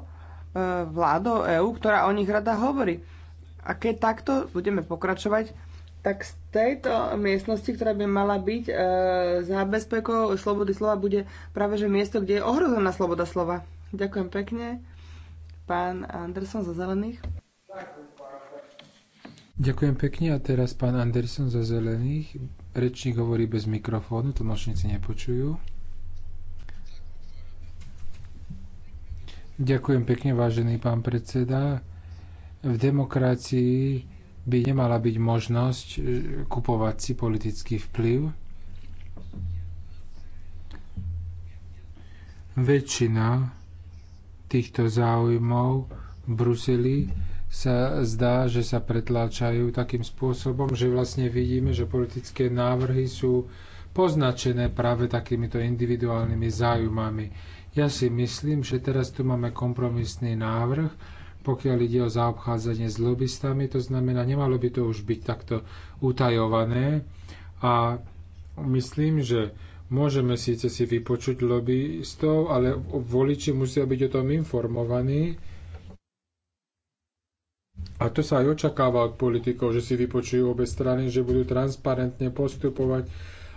vládou EÚ, ktorá o nich rada hovorí. A keď takto budeme pokračovať, tak z tejto miestnosti, ktorá by mala byť e, bezpekou slobody slova, bude práve že miesto, kde je ohrozená sloboda slova. Ďakujem pekne. Pán Anderson za zelených. Ďakujem pekne a teraz pán Anderson za zelených. Rečník hovorí bez mikrofónu, tlmočníci nepočujú. Ďakujem pekne, vážený pán predseda. V demokracii by nemala byť možnosť e, kupovať si politický vplyv. Väčšina týchto záujmov v Bruseli sa zdá, že sa pretláčajú takým spôsobom, že vlastne vidíme, že politické návrhy sú poznačené práve takýmito individuálnymi záujmami. Ja si myslím, že teraz tu máme kompromisný návrh, pokiaľ ide o zaobchádzanie s lobbystami. To znamená, nemalo by to už byť takto utajované. A myslím, že môžeme síce si vypočuť lobbystov, ale voliči musia byť o tom informovaní. A to sa aj očakáva od politikov, že si vypočujú obe strany, že budú transparentne postupovať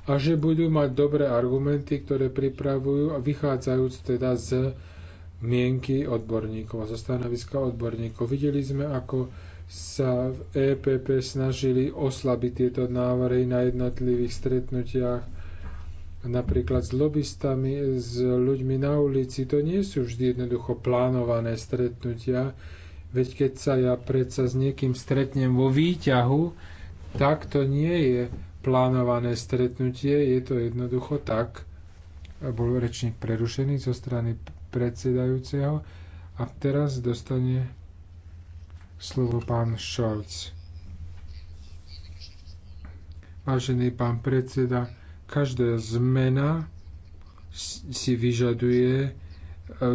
a že budú mať dobré argumenty, ktoré pripravujú a vychádzajúc teda z mienky odborníkov a zo stanoviska odborníkov. Videli sme, ako sa v EPP snažili oslabiť tieto návrhy na jednotlivých stretnutiach, napríklad s lobistami s ľuďmi na ulici. To nie sú vždy jednoducho plánované stretnutia, veď keď sa ja predsa s niekým stretnem vo výťahu, tak to nie je plánované stretnutie, je to jednoducho tak. Bol rečník prerušený zo strany predsedajúceho. A teraz dostane slovo pán Scholz. Vážený pán predseda, každá zmena si vyžaduje e,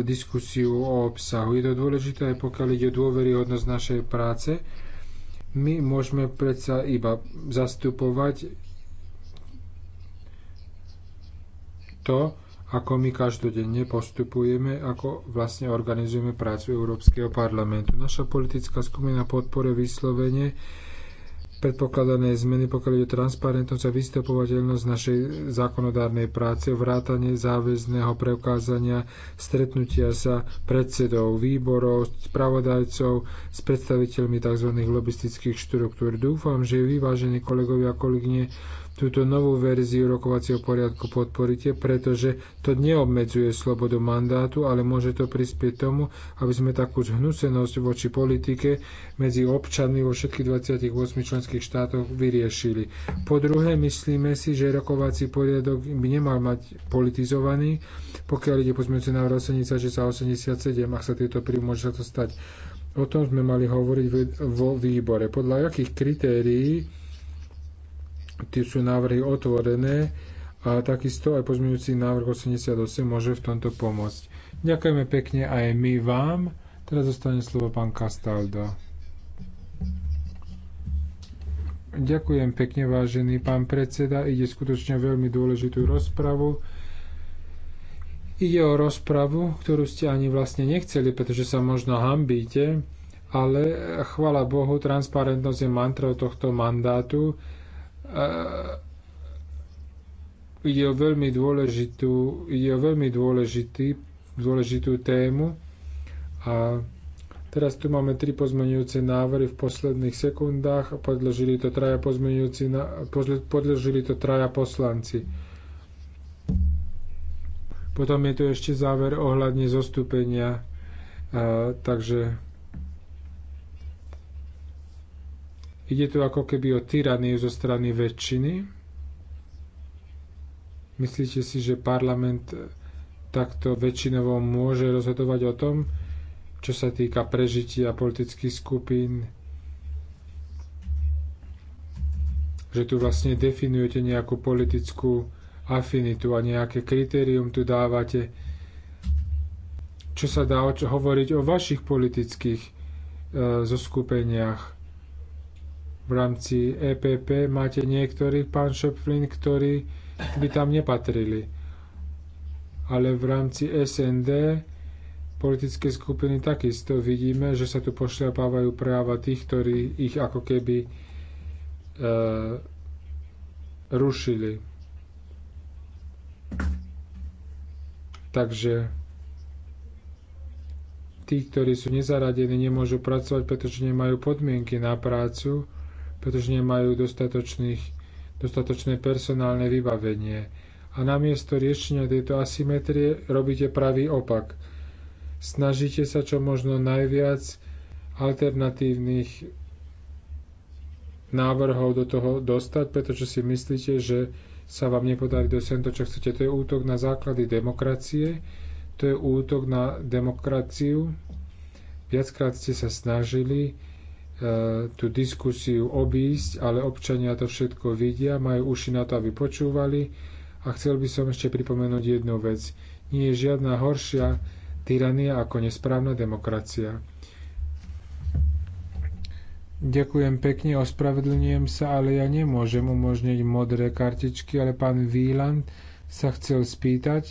diskusiu o obsahu. Je to dôležité, pokiaľ ide o dôveryhodnosť našej práce. My môžeme predsa iba zastupovať to, ako my každodenne postupujeme, ako vlastne organizujeme prácu Európskeho parlamentu. Naša politická skupina podporuje vyslovene predpokladané zmeny, pokiaľ ide transparentnosť a vystupovateľnosť našej zákonodárnej práce, vrátanie záväzného preukázania, stretnutia sa predsedov výborov, spravodajcov s predstaviteľmi tzv. lobistických štruktúr. Dúfam, že vy, vážení kolegovia a kolegyne, túto novú verziu rokovacieho poriadku podporíte, pretože to neobmedzuje slobodu mandátu, ale môže to prispieť tomu, aby sme takú zhnusenosť voči politike medzi občanmi vo všetkých 28 členských štátoch vyriešili. Po druhé, myslíme si, že rokovací poriadok by nemal mať politizovaný, pokiaľ ide pozmeňujúce návrh 86 a 87, ak sa tieto príjmu, môže sa to stať. O tom sme mali hovoriť vo výbore. Podľa akých kritérií tie sú návrhy otvorené a takisto aj pozmeňujúci návrh 88 môže v tomto pomôcť. Ďakujeme pekne aj my vám. Teraz zostane slovo pán Castaldo. Ďakujem pekne, vážený pán predseda. Ide skutočne veľmi dôležitú rozpravu. Ide o rozpravu, ktorú ste ani vlastne nechceli, pretože sa možno hambíte, ale chvala Bohu, transparentnosť je mantra tohto mandátu ide o veľmi dôležitú, ide o veľmi dôležitý, dôležitú tému a teraz tu máme tri pozmeňujúce návrhy v posledných sekundách a podložili to traja pozmeňujúci, podložili to traja poslanci. Potom je tu ešte záver ohľadne zostúpenia, a, takže Ide tu ako keby o tyraniu zo strany väčšiny. Myslíte si, že parlament takto väčšinovo môže rozhodovať o tom, čo sa týka prežitia politických skupín, že tu vlastne definujete nejakú politickú afinitu a nejaké kritérium tu dávate, čo sa dá hovoriť o vašich politických e, zoskupeniach v rámci EPP máte niektorých, pán Šopflin, ktorí by tam nepatrili. Ale v rámci SND politické skupiny takisto vidíme, že sa tu pošľapávajú práva tých, ktorí ich ako keby e, rušili. Takže tí, ktorí sú nezaradení, nemôžu pracovať, pretože nemajú podmienky na prácu pretože nemajú dostatočné personálne vybavenie. A namiesto riešenia tejto asymetrie robíte pravý opak. Snažíte sa čo možno najviac alternatívnych návrhov do toho dostať, pretože si myslíte, že sa vám nepodarí dosiahnuť to, čo chcete. To je útok na základy demokracie, to je útok na demokraciu. Viackrát ste sa snažili E, tú diskusiu obísť, ale občania to všetko vidia, majú uši na to, aby počúvali. A chcel by som ešte pripomenúť jednu vec. Nie je žiadna horšia tyrania ako nesprávna demokracia. Ďakujem pekne, ospravedlňujem sa, ale ja nemôžem umožniť modré kartičky, ale pán Wieland sa chcel spýtať,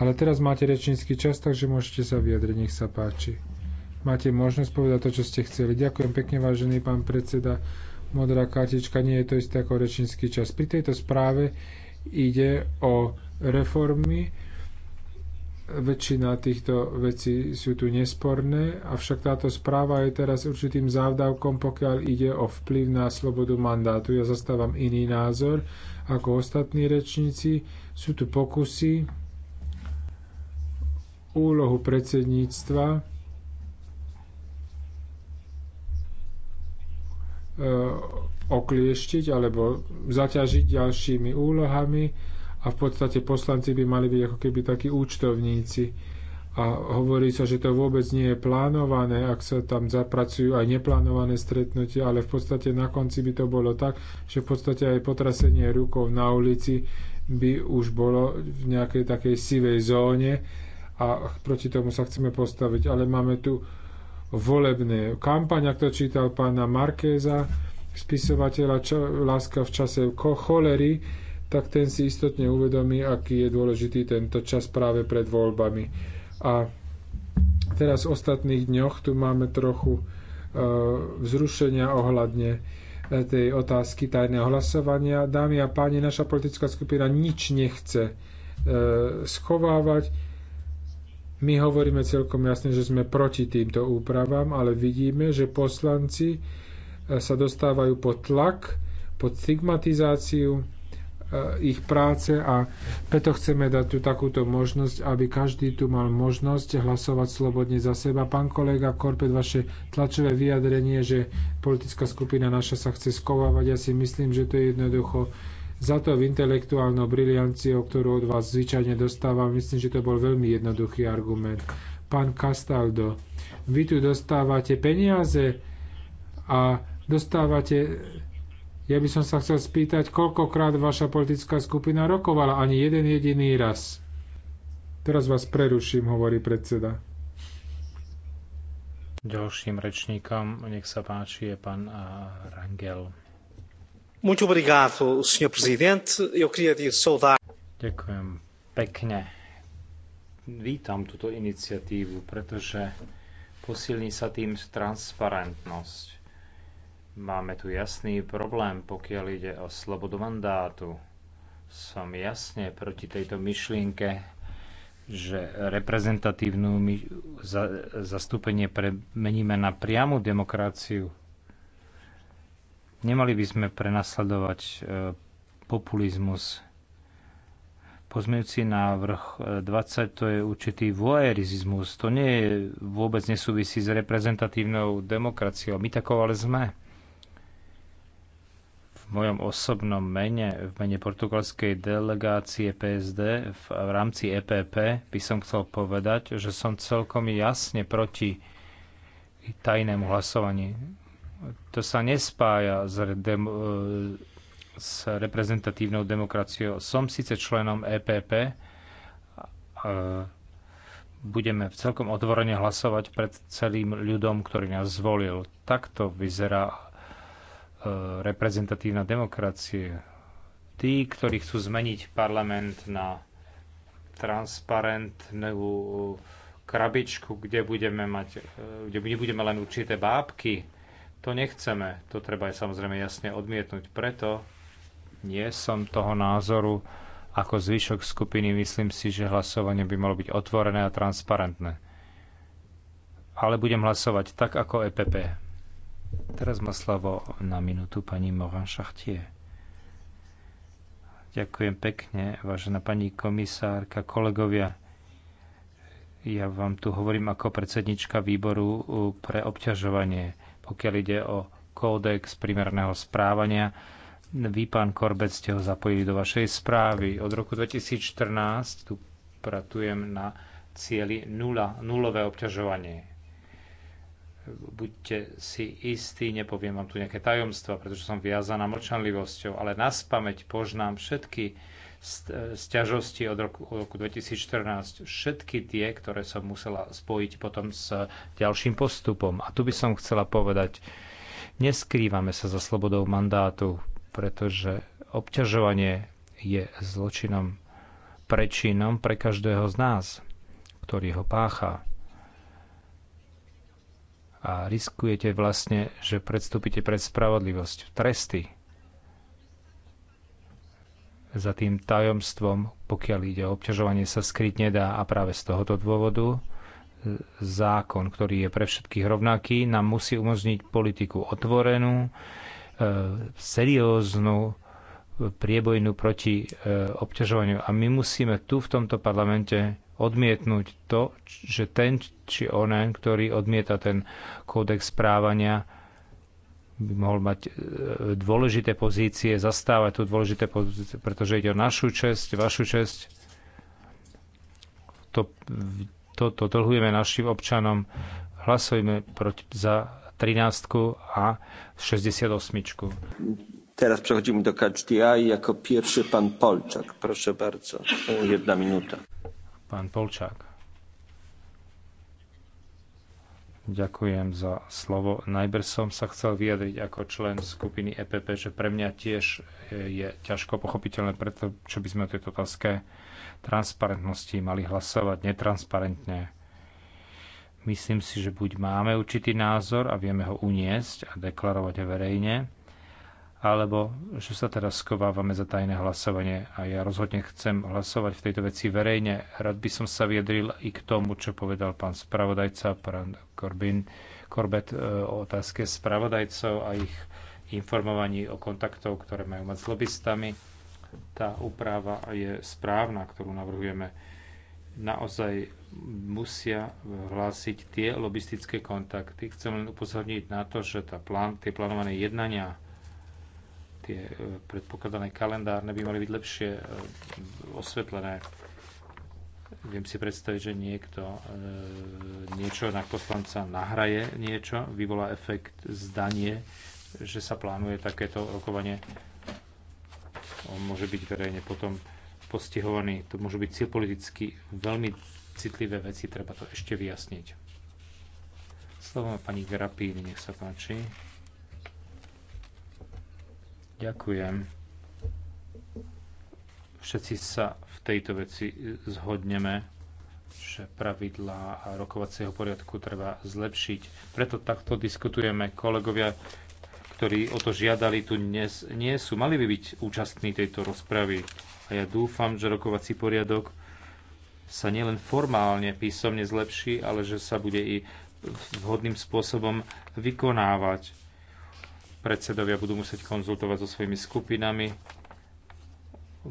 ale teraz máte rečnícky čas, takže môžete sa vyjadriť, nech sa páči máte možnosť povedať to, čo ste chceli. Ďakujem pekne, vážený pán predseda. Modrá kartička nie je to isté ako rečnícky čas. Pri tejto správe ide o reformy. Väčšina týchto vecí sú tu nesporné, avšak táto správa je teraz určitým závdavkom, pokiaľ ide o vplyv na slobodu mandátu. Ja zastávam iný názor ako ostatní rečníci. Sú tu pokusy úlohu predsedníctva Eh, oklieštiť alebo zaťažiť ďalšími úlohami a v podstate poslanci by mali byť ako keby takí účtovníci. A hovorí sa, že to vôbec nie je plánované, ak sa tam zapracujú aj neplánované stretnutia, ale v podstate na konci by to bolo tak, že v podstate aj potrasenie rukou na ulici by už bolo v nejakej takej sivej zóne a proti tomu sa chceme postaviť. Ale máme tu volebné kampaň, ak to čítal pána Markéza, spisovateľa ča, Láska v čase cholery, tak ten si istotne uvedomí, aký je dôležitý tento čas práve pred voľbami. A teraz v ostatných dňoch tu máme trochu e, vzrušenia ohľadne e, tej otázky tajného hlasovania. Dámy a páni, naša politická skupina nič nechce e, schovávať my hovoríme celkom jasne, že sme proti týmto úpravám, ale vidíme, že poslanci e, sa dostávajú pod tlak, pod stigmatizáciu e, ich práce a preto chceme dať tu takúto možnosť, aby každý tu mal možnosť hlasovať slobodne za seba. Pán kolega Korpet, vaše tlačové vyjadrenie, že politická skupina naša sa chce skovávať, ja si myslím, že to je jednoducho za to v intelektuálnou brilianciou, ktorú od vás zvyčajne dostávam. Myslím, že to bol veľmi jednoduchý argument. Pán Castaldo, vy tu dostávate peniaze a dostávate... Ja by som sa chcel spýtať, koľkokrát vaša politická skupina rokovala? Ani jeden jediný raz. Teraz vás preruším, hovorí predseda. Ďalším rečníkom, nech sa páči, je pán Rangel. Ďakujem pekne. Vítam túto iniciatívu, pretože posilní sa tým transparentnosť. Máme tu jasný problém, pokiaľ ide o slobodu mandátu. Som jasne proti tejto myšlienke, že reprezentatívnu zastúpenie premeníme na priamu demokraciu Nemali by sme prenasledovať e, populizmus. Pozmejúci návrh 20 e, to je určitý voerizmus. To nie je, vôbec nesúvisí s reprezentatívnou demokraciou. My takou ale sme. V mojom osobnom mene, v mene portugalskej delegácie PSD v, v rámci EPP by som chcel povedať, že som celkom jasne proti tajnému hlasovaní to sa nespája s, dem- e, s reprezentatívnou demokraciou. Som síce členom EPP, budeme celkom otvorene hlasovať pred celým ľudom, ktorý nás zvolil. Takto vyzerá e, reprezentatívna demokracie. Tí, ktorí chcú zmeniť parlament na transparentnú krabičku, kde budeme, mať, e, kde budeme len určité bábky, to nechceme, to treba aj samozrejme jasne odmietnúť. Preto nie som toho názoru ako zvyšok skupiny. Myslím si, že hlasovanie by malo byť otvorené a transparentné. Ale budem hlasovať tak ako EPP. Teraz má slovo na minútu pani Moran Šachtie. Ďakujem pekne, vážená pani komisárka, kolegovia. Ja vám tu hovorím ako predsednička výboru uh, pre obťažovanie pokiaľ ide o kódex primerného správania. Vy, pán Korbec, ste ho zapojili do vašej správy. Od roku 2014 tu pratujem na cieli nula, nulové obťažovanie. Buďte si istí, nepoviem vám tu nejaké tajomstva, pretože som viazaná mlčanlivosťou, ale spameť požnám všetky E, sťažosti od roku, roku 2014. Všetky tie, ktoré som musela spojiť potom s ďalším postupom. A tu by som chcela povedať, neskrývame sa za slobodou mandátu, pretože obťažovanie je zločinom, prečinom pre každého z nás, ktorý ho pácha. A riskujete vlastne, že predstúpite pred spravodlivosť, tresty, za tým tajomstvom, pokiaľ ide o obťažovanie, sa skryť nedá a práve z tohoto dôvodu e, zákon, ktorý je pre všetkých rovnaký, nám musí umožniť politiku otvorenú, e, serióznu, priebojnú proti e, obťažovaniu. A my musíme tu v tomto parlamente odmietnúť to, že ten či onen, ktorý odmieta ten kódex správania, by mohol mať e, dôležité pozície, zastávať tu dôležité pozície, pretože ide o našu česť, vašu česť. To, to, to dlhujeme našim občanom. Hlasujme proti, za 13 a 68. Teraz przechodzimy do KHDI. Jako pierwszy pan Polczak. Proszę bardzo. Jedna minuta. Pan Polczak. Ďakujem za slovo. Najprv som sa chcel vyjadriť ako člen skupiny EPP, že pre mňa tiež e, je ťažko pochopiteľné, preto čo by sme o tejto otázke transparentnosti mali hlasovať netransparentne. Myslím si, že buď máme určitý názor a vieme ho uniesť a deklarovať verejne, alebo že sa teraz skovávame za tajné hlasovanie. A ja rozhodne chcem hlasovať v tejto veci verejne. Rád by som sa viedril i k tomu, čo povedal pán spravodajca, pán Corbin, Corbett e, o otázke spravodajcov a ich informovaní o kontaktov, ktoré majú mať s lobbystami. Tá úprava je správna, ktorú navrhujeme. Naozaj musia hlásiť tie lobistické kontakty. Chcem len upozorniť na to, že tá plán, tie plánované jednania Tie e, predpokladané kalendárne by mali byť lepšie e, osvetlené. Viem si predstaviť, že niekto e, niečo na poslanca nahraje niečo, vyvolá efekt zdanie, že sa plánuje takéto rokovanie. On môže byť verejne potom postihovaný. To môžu byť politicky veľmi citlivé veci, treba to ešte vyjasniť. Slovo má pani Grapín, nech sa páči. Ďakujem. Všetci sa v tejto veci zhodneme, že pravidlá a rokovacieho poriadku treba zlepšiť. Preto takto diskutujeme. Kolegovia, ktorí o to žiadali, tu dnes nie sú. Mali by byť účastní tejto rozpravy. A ja dúfam, že rokovací poriadok sa nielen formálne písomne zlepší, ale že sa bude i vhodným spôsobom vykonávať Predsedovia budú musieť konzultovať so svojimi skupinami.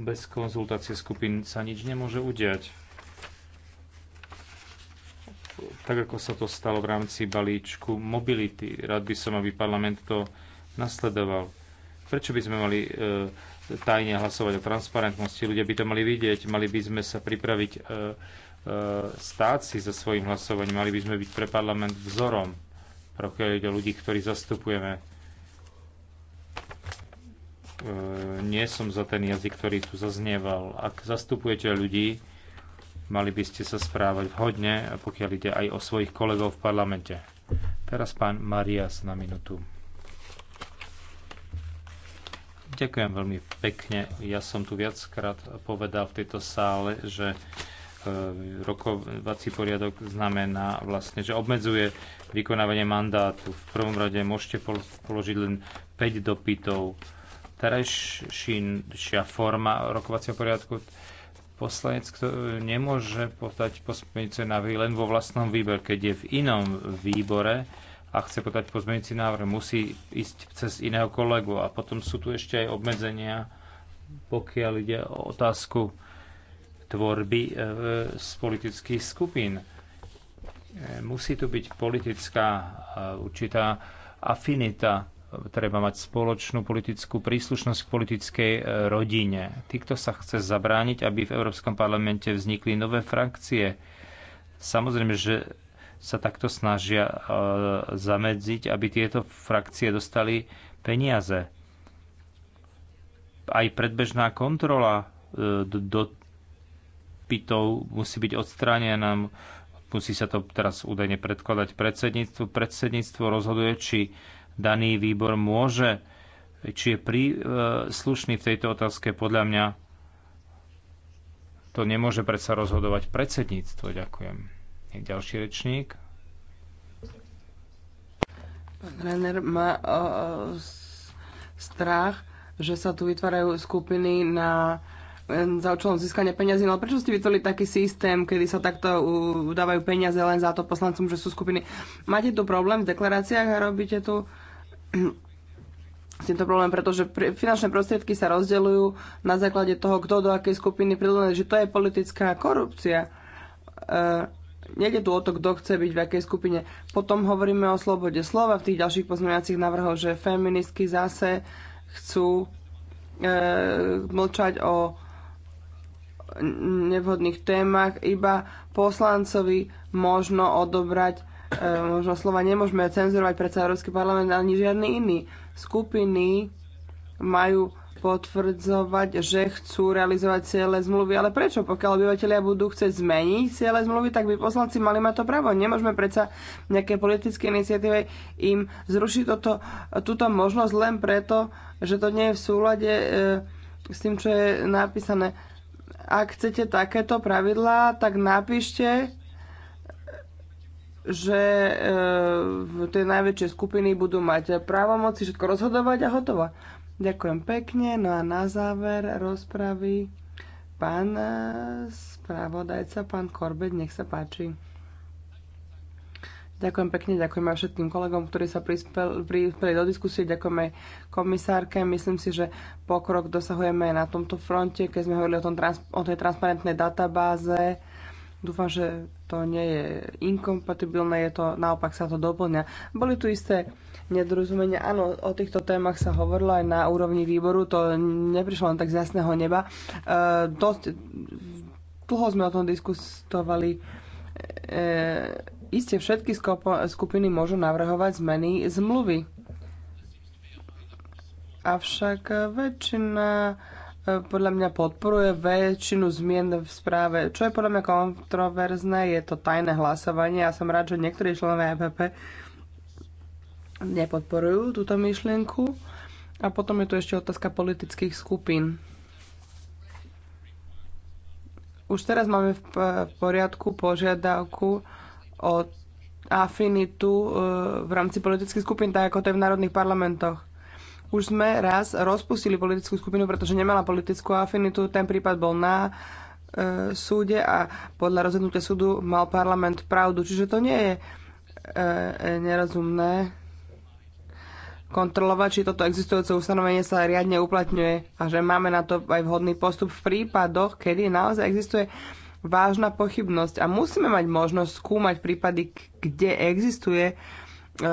Bez konzultácie skupín sa nič nemôže udiať. Tak ako sa to stalo v rámci balíčku mobility. Rád by som, aby parlament to nasledoval. Prečo by sme mali e, tajne hlasovať o transparentnosti? Ľudia by to mali vidieť, mali by sme sa pripraviť e, e stáť si za svojim hlasovaním. Mali by sme byť pre parlament vzorom, pre ľudí, ktorí zastupujeme. E, nie som za ten jazyk, ktorý tu zaznieval. Ak zastupujete ľudí, mali by ste sa správať vhodne, pokiaľ ide aj o svojich kolegov v parlamente. Teraz pán Marias na minutu. Ďakujem veľmi pekne. Ja som tu viackrát povedal v tejto sále, že e, rokovací poriadok znamená vlastne, že obmedzuje vykonávanie mandátu. V prvom rade môžete položiť len 5 dopytov terajšia forma rokovacieho poriadku poslanec nemôže podať pozmeňujúce návrhy len vo vlastnom výbore. Keď je v inom výbore a chce podať pozmeňujúci návrh, musí ísť cez iného kolegu. A potom sú tu ešte aj obmedzenia, pokiaľ ide o otázku tvorby e, z politických skupín. E, musí tu byť politická e, určitá afinita treba mať spoločnú politickú príslušnosť k politickej e, rodine. Týchto sa chce zabrániť, aby v Európskom parlamente vznikli nové frakcie. Samozrejme, že sa takto snažia e, zamedziť, aby tieto frakcie dostali peniaze. Aj predbežná kontrola e, pitov musí byť odstránená. Musí sa to teraz údajne predkladať predsedníctvu. Predsedníctvo rozhoduje, či daný výbor môže, či je príslušný e, v tejto otázke, podľa mňa to nemôže predsa rozhodovať predsedníctvo. Ďakujem. Je ďalší rečník. Pán Renner má o, e, o, e, strach, že sa tu vytvárajú skupiny na za účelom získania peniazy. No prečo ste vytvorili taký systém, kedy sa takto dávajú peniaze len za to poslancom, že sú skupiny? Máte tu problém v deklaráciách a robíte tu s týmto problémom, pretože finančné prostriedky sa rozdeľujú na základe toho, kto do akej skupiny že To je politická korupcia. E, nejde tu o to, kto chce byť v akej skupine. Potom hovoríme o slobode slova v tých ďalších pozmeňovacích návrhoch, že feministky zase chcú e, mlčať o nevhodných témach. Iba poslancovi možno odobrať E, možno slova nemôžeme cenzurovať, predsa Európsky parlament ani žiadny iný. Skupiny majú potvrdzovať, že chcú realizovať ciele zmluvy. Ale prečo? Pokiaľ obyvateľia budú chcieť zmeniť ciele zmluvy, tak by poslanci mali mať to právo. Nemôžeme predsa nejaké politické iniciatíve im zrušiť toto, túto možnosť len preto, že to nie je v súlade e, s tým, čo je napísané. Ak chcete takéto pravidlá, tak napíšte že e, v tej najväčšej skupiny budú mať právomoci všetko rozhodovať a hotovo. Ďakujem pekne. No a na záver rozpravy pán e, spravodajca, pán Korbet, nech sa páči. Ďakujem pekne, ďakujem aj všetkým kolegom, ktorí sa prispeli, prispeli do diskusie, ďakujem aj komisárke. Myslím si, že pokrok dosahujeme aj na tomto fronte, keď sme hovorili o, tom, o tej transparentnej databáze Dúfam, že to nie je inkompatibilné, je to, naopak sa to doplňa. Boli tu isté nedorozumenia. Áno, o týchto témach sa hovorilo aj na úrovni výboru, to neprišlo len tak z jasného neba. E, dosť, dlho sme o tom diskutovali. E, iste všetky skupiny môžu navrhovať zmeny zmluvy. Avšak väčšina podľa mňa podporuje väčšinu zmien v správe. Čo je podľa mňa kontroverzné, je to tajné hlasovanie. Ja som rád, že niektorí členové EPP nepodporujú túto myšlienku. A potom je tu ešte otázka politických skupín. Už teraz máme v poriadku požiadavku o afinitu e, v rámci politických skupín, tak ako to je v národných parlamentoch. Už sme raz rozpustili politickú skupinu, pretože nemala politickú afinitu. Ten prípad bol na e, súde a podľa rozhodnutia súdu mal parlament pravdu. Čiže to nie je e, nerozumné kontrolovať, či toto existujúce ustanovenie sa riadne uplatňuje a že máme na to aj vhodný postup v prípadoch, kedy naozaj existuje vážna pochybnosť a musíme mať možnosť skúmať prípady, kde existuje E,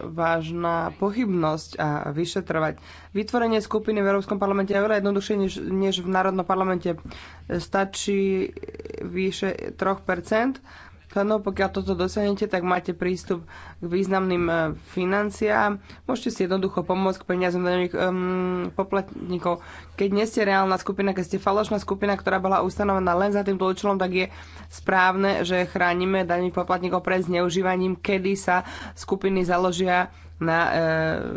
vážna pochybnosť a vyšetrovať. Vytvorenie skupiny v Európskom parlamente je oveľa jednoduchšie než, než v Národnom parlamente. Stačí vyše 3% členov. Pokiaľ toto dosiahnete, tak máte prístup k významným e, financiám. Môžete si jednoducho pomôcť k peniazom daných um, poplatníkov. Keď nie ste reálna skupina, keď ste falošná skupina, ktorá bola ustanovená len za týmto účelom, tak je správne, že chránime daných poplatníkov pred zneužívaním, kedy sa skupiny založia na e,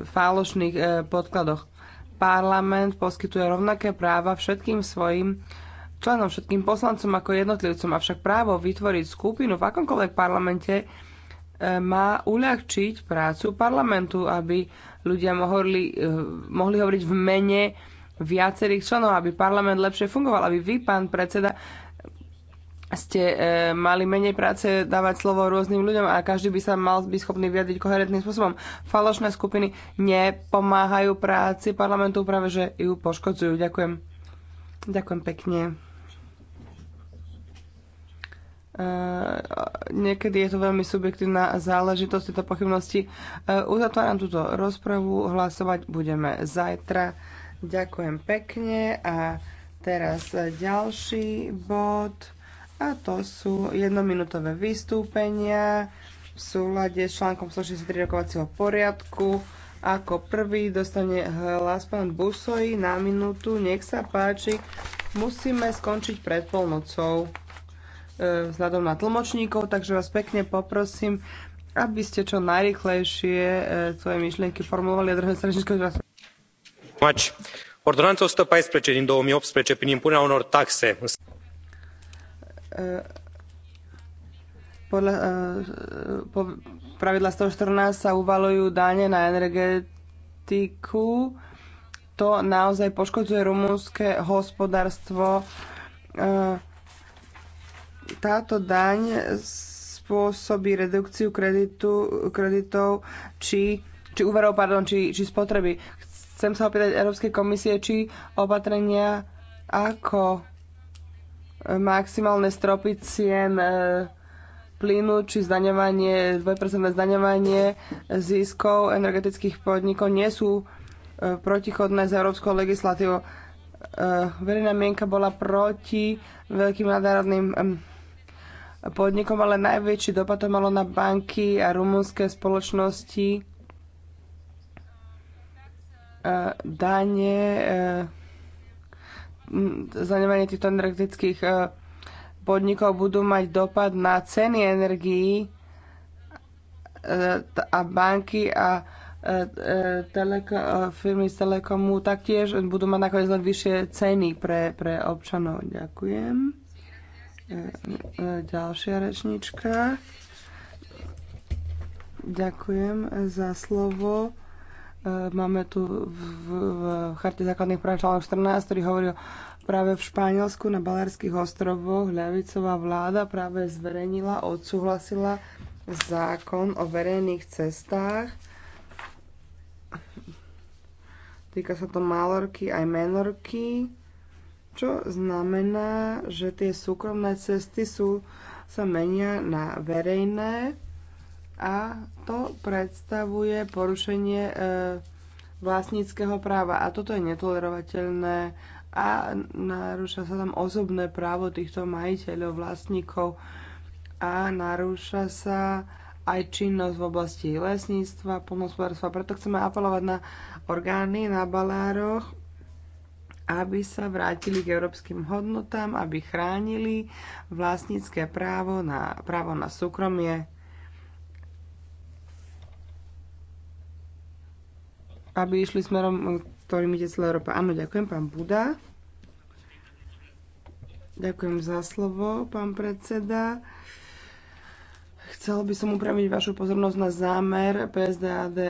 falošných e, podkladoch. Parlament poskytuje rovnaké práva všetkým svojim členom, všetkým poslancom ako jednotlivcom, avšak právo vytvoriť skupinu v akomkoľvek parlamente e, má uľahčiť prácu parlamentu, aby ľudia mohli, e, mohli hovoriť v mene viacerých členov, aby parlament lepšie fungoval, aby vy, pán predseda, ste e, mali menej práce dávať slovo rôznym ľuďom a každý by sa mal byť schopný vyjadriť koherentným spôsobom. Falošné skupiny nepomáhajú práci parlamentu, práve že ju poškodzujú. Ďakujem. Ďakujem pekne. Uh, niekedy je to veľmi subjektívna záležitosť tejto pochybnosti. Uh, uzatváram túto rozpravu, hlasovať budeme zajtra. Ďakujem pekne a teraz ďalší bod a to sú jednominútové vystúpenia v súlade s článkom 163 rokovacieho poriadku. Ako prvý dostane hlas pán Busoji na minútu. Nech sa páči, musíme skončiť pred polnocou e, vzhľadom na tlmočníkov, takže vás pekne poprosím, aby ste čo najrychlejšie e, svoje myšlienky formulovali a druhého straničného času. Mač. Ordonanța 114 din 2018 prin impunerea unor taxe. E, Podľa, po, pravidla 114 sa uvalujú dáne na energetiku. To naozaj poškodzuje rumúnske hospodárstvo. E, táto daň spôsobí redukciu kreditu, kreditov či, či úverov, pardon, či, či spotreby. Chcem sa opýtať Európskej komisie, či opatrenia ako maximálne stropy cien e, plynu či zdaňovanie, dvojpercentné zdaňovanie ziskov energetických podnikov nie sú e, protichodné s európskou legislatívou. E, verejná mienka bola proti veľkým nadárodným podnikom, ale najväčší dopad to malo na banky a rumunské spoločnosti. E, dane, zdaňovanie týchto energetických podnikov budú mať dopad na ceny energií e, a banky a e, e, teleko, firmy z Telekomu taktiež budú mať nakoniec len vyššie ceny pre, pre občanov. Ďakujem. Ďalšia rečnička. Ďakujem za slovo. Máme tu v, v, v charte základných práv článok 14, ktorý hovorí o Práve v Španielsku na Balárských ostrovoch ľavicová vláda práve zverejnila, odsúhlasila zákon o verejných cestách. Týka sa to malorky aj menorky, čo znamená, že tie súkromné cesty sú, sa menia na verejné a to predstavuje porušenie e, vlastníckého práva. A toto je netolerovateľné a narúša sa tam osobné právo týchto majiteľov, vlastníkov a narúša sa aj činnosť v oblasti lesníctva, pomospodárstva. Preto chceme apelovať na orgány na balároch, aby sa vrátili k európskym hodnotám, aby chránili vlastnícke právo na, právo na súkromie, aby išli smerom ktorým ide celá Európa. Áno, ďakujem, pán Buda. Ďakujem za slovo, pán predseda. Chcel by som upraviť vašu pozornosť na zámer PSDADE,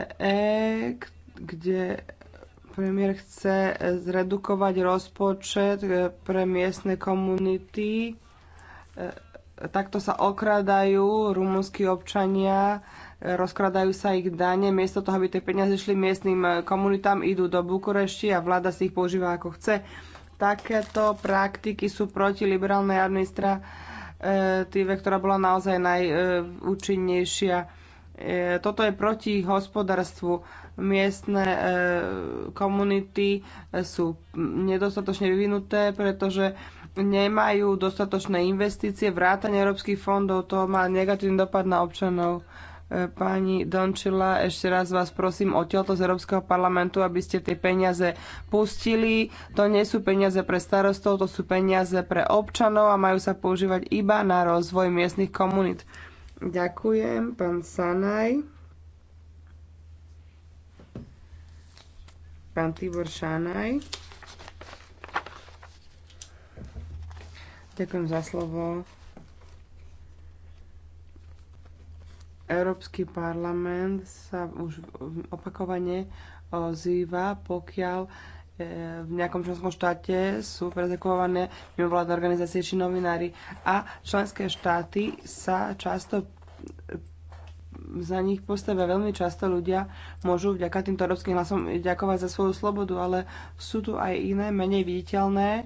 kde premiér chce zredukovať rozpočet e, pre miestne komunity. E, e, takto sa okradajú rumúnsky občania rozkradajú sa ich dane, miesto toho, aby tie peniaze išli miestnym eh, komunitám, idú do Bukurešti a vláda si ich používa ako chce. Takéto praktiky sú proti liberálnej administratíve, eh, ktorá bola naozaj najúčinnejšia. Eh, toto je proti hospodárstvu. Miestne komunity sú nedostatočne vyvinuté, pretože nemajú dostatočné investície, vrátanie európskych fondov, to má negatívny dopad na občanov. Pani Dončila, ešte raz vás prosím o z Európskeho parlamentu, aby ste tie peniaze pustili. To nie sú peniaze pre starostov, to sú peniaze pre občanov a majú sa používať iba na rozvoj miestnych komunít. Ďakujem, pán Sanaj. Pán Tibor Šanaj. Ďakujem za slovo. Európsky parlament sa už opakovane ozýva, pokiaľ e, v nejakom členskom štáte sú prezekované mimovládne organizácie či novinári a členské štáty sa často e, za nich postavia veľmi často ľudia môžu vďaka týmto európskym hlasom ďakovať za svoju slobodu, ale sú tu aj iné menej viditeľné e,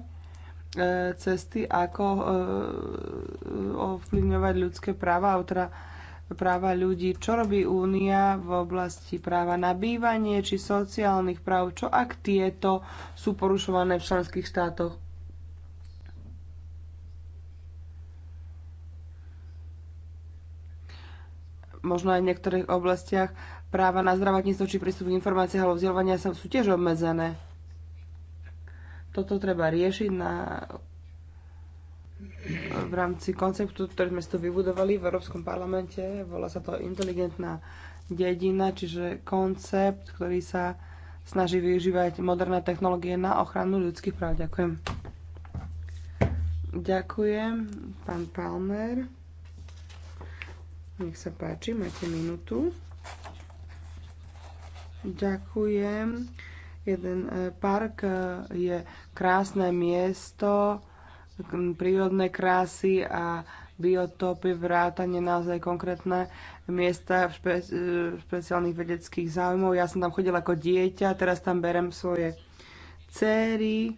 cesty, ako ovplyvňovať ľudské práva, alebo teda práva ľudí, čo robí Únia v oblasti práva na bývanie či sociálnych práv, čo ak tieto sú porušované v členských štátoch. Možno aj v niektorých oblastiach práva na zdravotníctvo či prístup k informáciám alebo vzdelávania sú tiež obmedzené. Toto treba riešiť na v rámci konceptu, ktorý sme si tu vybudovali v Európskom parlamente. Volá sa to inteligentná dedina, čiže koncept, ktorý sa snaží využívať moderné technológie na ochranu ľudských práv. Ďakujem. Ďakujem, pán Palmer. Nech sa páči, máte minútu. Ďakujem. Jeden eh, park eh, je krásne miesto, prírodné krásy a biotopy, vrátanie naozaj konkrétne miesta špe- eh, špeciálnych vedeckých záujmov. Ja som tam chodila ako dieťa, teraz tam berem svoje céry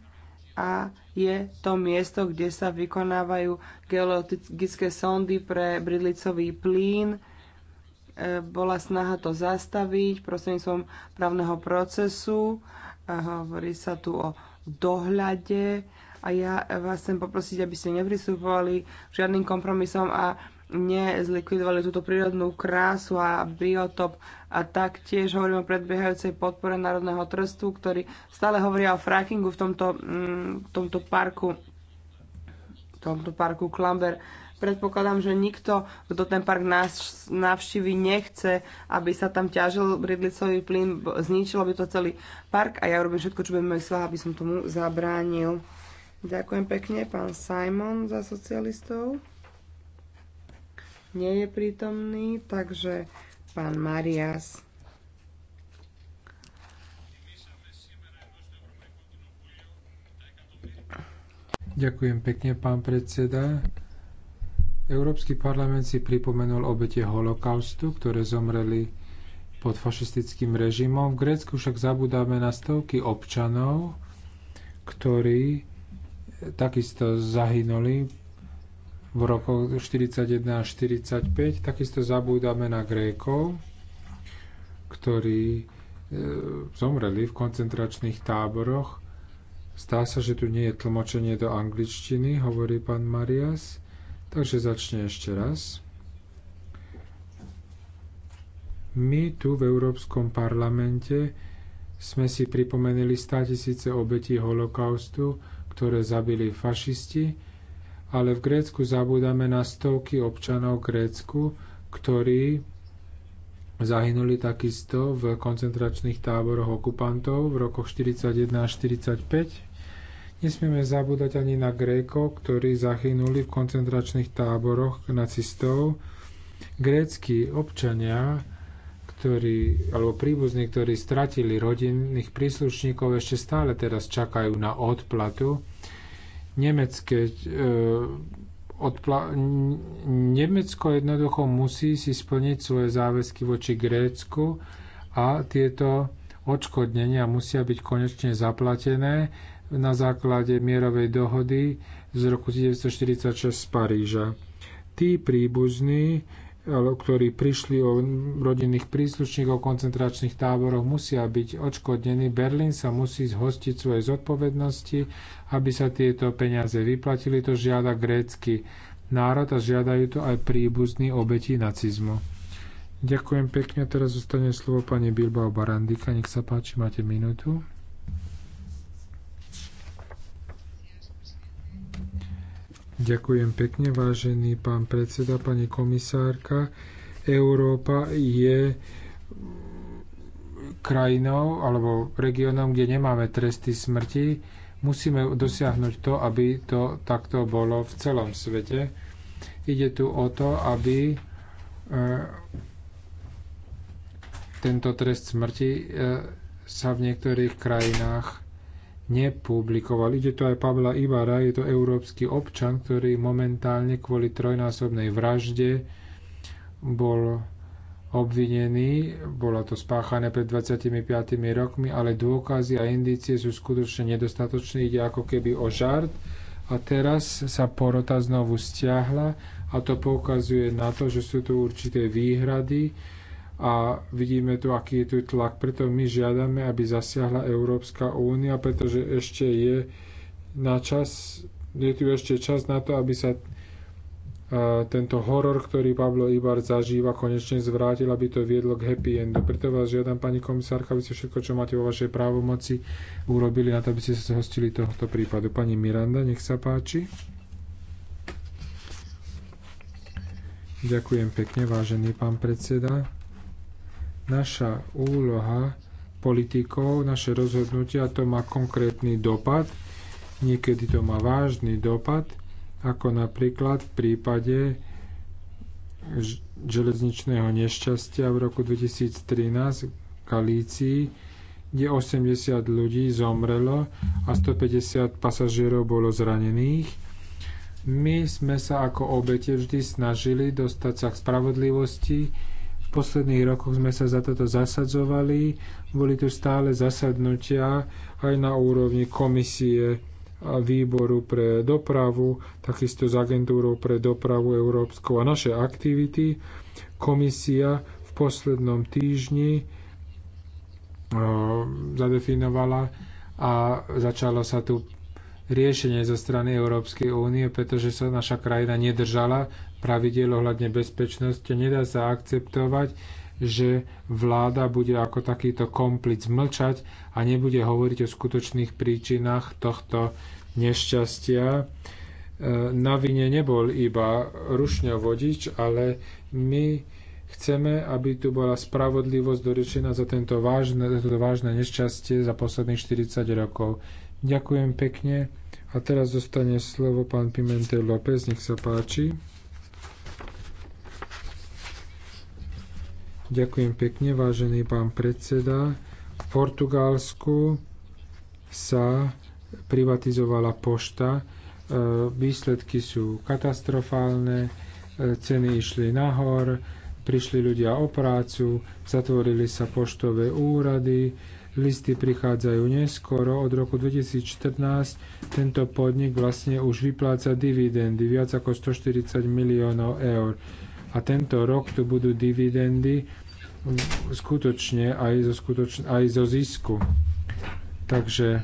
a je to miesto, kde sa vykonávajú geologické sondy pre bridlicový plyn. Eh, bola snaha to zastaviť prostredníctvom právneho procesu. Eh, hovorí sa tu o dohľade a ja vás chcem poprosiť, aby ste nepristupovali žiadnym kompromisom a nezlikvidovali túto prírodnú krásu a biotop. A taktiež hovorím o predbiehajúcej podpore Národného trstu, ktorý stále hovoria o frackingu v tomto, mm, v tomto parku tomto parku Klamber. Predpokladám, že nikto, kto ten park navštívi, nechce, aby sa tam ťažil bridlicový plyn, zničilo by to celý park a ja robím všetko, čo by mojich aby som tomu zabránil. Ďakujem pekne, pán Simon za socialistov. Nie je prítomný, takže pán Marias. Ďakujem pekne, pán predseda. Európsky parlament si pripomenul obete holokaustu, ktoré zomreli pod fašistickým režimom. V Grécku však zabudáme na stovky občanov, ktorí takisto zahynuli v rokoch 41 a 45. Takisto zabúdame na Grékov, ktorí e, zomreli v koncentračných táboroch. Stá sa, že tu nie je tlmočenie do angličtiny, hovorí pán Marias. Takže začne ešte raz. My tu v Európskom parlamente sme si pripomenuli 100 tisíce obetí holokaustu ktoré zabili fašisti, ale v Grécku zabúdame na stovky občanov Grécku, ktorí zahynuli takisto v koncentračných táboroch okupantov v rokoch 1941 1945 Nesmieme zabúdať ani na Grékov, ktorí zahynuli v koncentračných táboroch nacistov. Grécky občania ktorí, alebo príbuzní, ktorí stratili rodinných príslušníkov, ešte stále teraz čakajú na odplatu. Nemecké, e, odpla- Nemecko jednoducho musí si splniť svoje záväzky voči Grécku a tieto odškodnenia musia byť konečne zaplatené na základe mierovej dohody z roku 1946 z Paríža. Tí príbuzní, ktorí prišli o rodinných príslušníkov v koncentračných táboroch, musia byť odškodnení. Berlín sa musí zhostiť svoje zodpovednosti, aby sa tieto peniaze vyplatili. To žiada grécky národ a žiadajú to aj príbuzní obeti nacizmu. Ďakujem pekne. Teraz zostane slovo pani Bilbao Barandika. Nech sa páči, máte minútu. Ďakujem pekne, vážený pán predseda, pani komisárka. Európa je krajinou alebo regiónom, kde nemáme tresty smrti. Musíme dosiahnuť to, aby to takto bolo v celom svete. Ide tu o to, aby e, tento trest smrti e, sa v niektorých krajinách nepublikoval. Ide to aj Pavla Ibara, je to európsky občan, ktorý momentálne kvôli trojnásobnej vražde bol obvinený. Bolo to spáchané pred 25 rokmi, ale dôkazy a indície sú skutočne nedostatočné. Ide ako keby o žart. A teraz sa porota znovu stiahla a to poukazuje na to, že sú tu určité výhrady, a vidíme tu, aký je tu tlak. Preto my žiadame, aby zasiahla Európska únia, pretože ešte je na čas, je tu ešte čas na to, aby sa e, tento horor, ktorý Pablo Ibar zažíva, konečne zvrátil, aby to viedlo k happy endu. Preto vás žiadam, pani komisárka, aby ste všetko, čo máte vo vašej právomoci, urobili na to, aby ste sa zhostili tohoto prípadu. Pani Miranda, nech sa páči. Ďakujem pekne, vážený pán predseda. Naša úloha politikov, naše rozhodnutia, to má konkrétny dopad, niekedy to má vážny dopad, ako napríklad v prípade železničného nešťastia v roku 2013 v Galícii, kde 80 ľudí zomrelo a 150 pasažierov bolo zranených. My sme sa ako obete vždy snažili dostať sa k spravodlivosti, posledných rokoch sme sa za toto zasadzovali. Boli tu stále zasadnutia aj na úrovni komisie a výboru pre dopravu, takisto s agentúrou pre dopravu európskou a naše aktivity. Komisia v poslednom týždni e, zadefinovala a začalo sa tu riešenie zo strany Európskej únie, pretože sa naša krajina nedržala pravidiel ohľadne bezpečnosti. Nedá sa akceptovať, že vláda bude ako takýto komplic mlčať a nebude hovoriť o skutočných príčinách tohto nešťastia. E, na vine nebol iba rušňovodič, ale my chceme, aby tu bola spravodlivosť dorečená za tento vážne, za toto vážne nešťastie za posledných 40 rokov. Ďakujem pekne. A teraz dostane slovo pán Pimentel López, nech sa páči. Ďakujem pekne, vážený pán predseda. V Portugalsku sa privatizovala pošta. E, výsledky sú katastrofálne, e, ceny išli nahor, prišli ľudia o prácu, zatvorili sa poštové úrady, listy prichádzajú neskoro. Od roku 2014 tento podnik vlastne už vypláca dividendy viac ako 140 miliónov eur. A tento rok tu budú dividendy skutočne aj zo, skutočne, aj zo zisku. Takže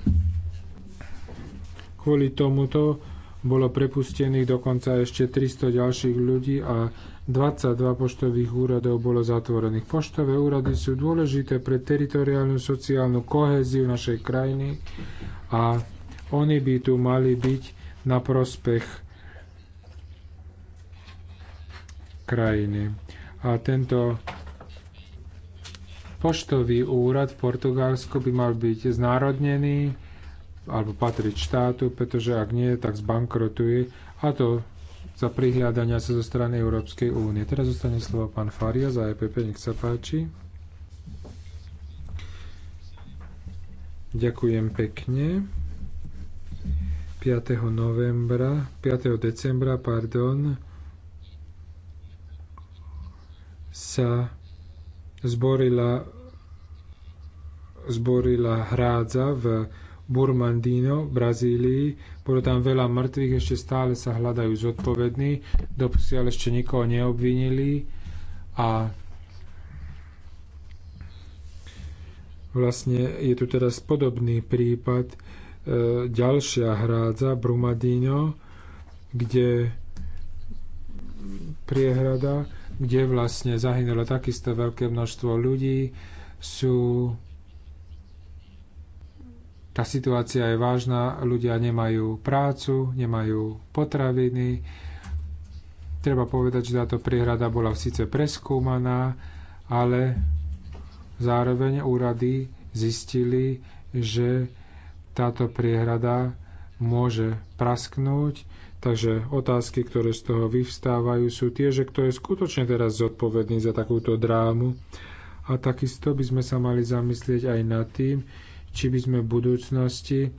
kvôli tomuto bolo prepustených dokonca ešte 300 ďalších ľudí a 22 poštových úradov bolo zatvorených. Poštové úrady sú dôležité pre teritoriálnu sociálnu kohéziu našej krajiny a oni by tu mali byť na prospech krajiny. A tento Poštový úrad v Portugalsku by mal byť znárodnený alebo patriť štátu, pretože ak nie, tak zbankrotuje a to za prihliadania sa zo strany Európskej únie. Teraz zostane slovo pán Faria za EPP, nech sa páči. Ďakujem pekne. 5. novembra, 5. decembra, pardon, sa zborila, zborila hrádza v Burmandino, Brazílii. Bolo tam veľa mŕtvych, ešte stále sa hľadajú zodpovední. Doposiaľ ešte nikoho neobvinili a vlastne je tu teraz podobný prípad e, ďalšia hrádza Brumadino, kde priehrada kde vlastne zahynulo takisto veľké množstvo ľudí, sú tá situácia je vážna, ľudia nemajú prácu, nemajú potraviny. Treba povedať, že táto priehrada bola síce preskúmaná, ale zároveň úrady zistili, že táto priehrada môže prasknúť Takže otázky, ktoré z toho vyvstávajú, sú tie, že kto je skutočne teraz zodpovedný za takúto drámu. A takisto by sme sa mali zamyslieť aj nad tým, či by sme v budúcnosti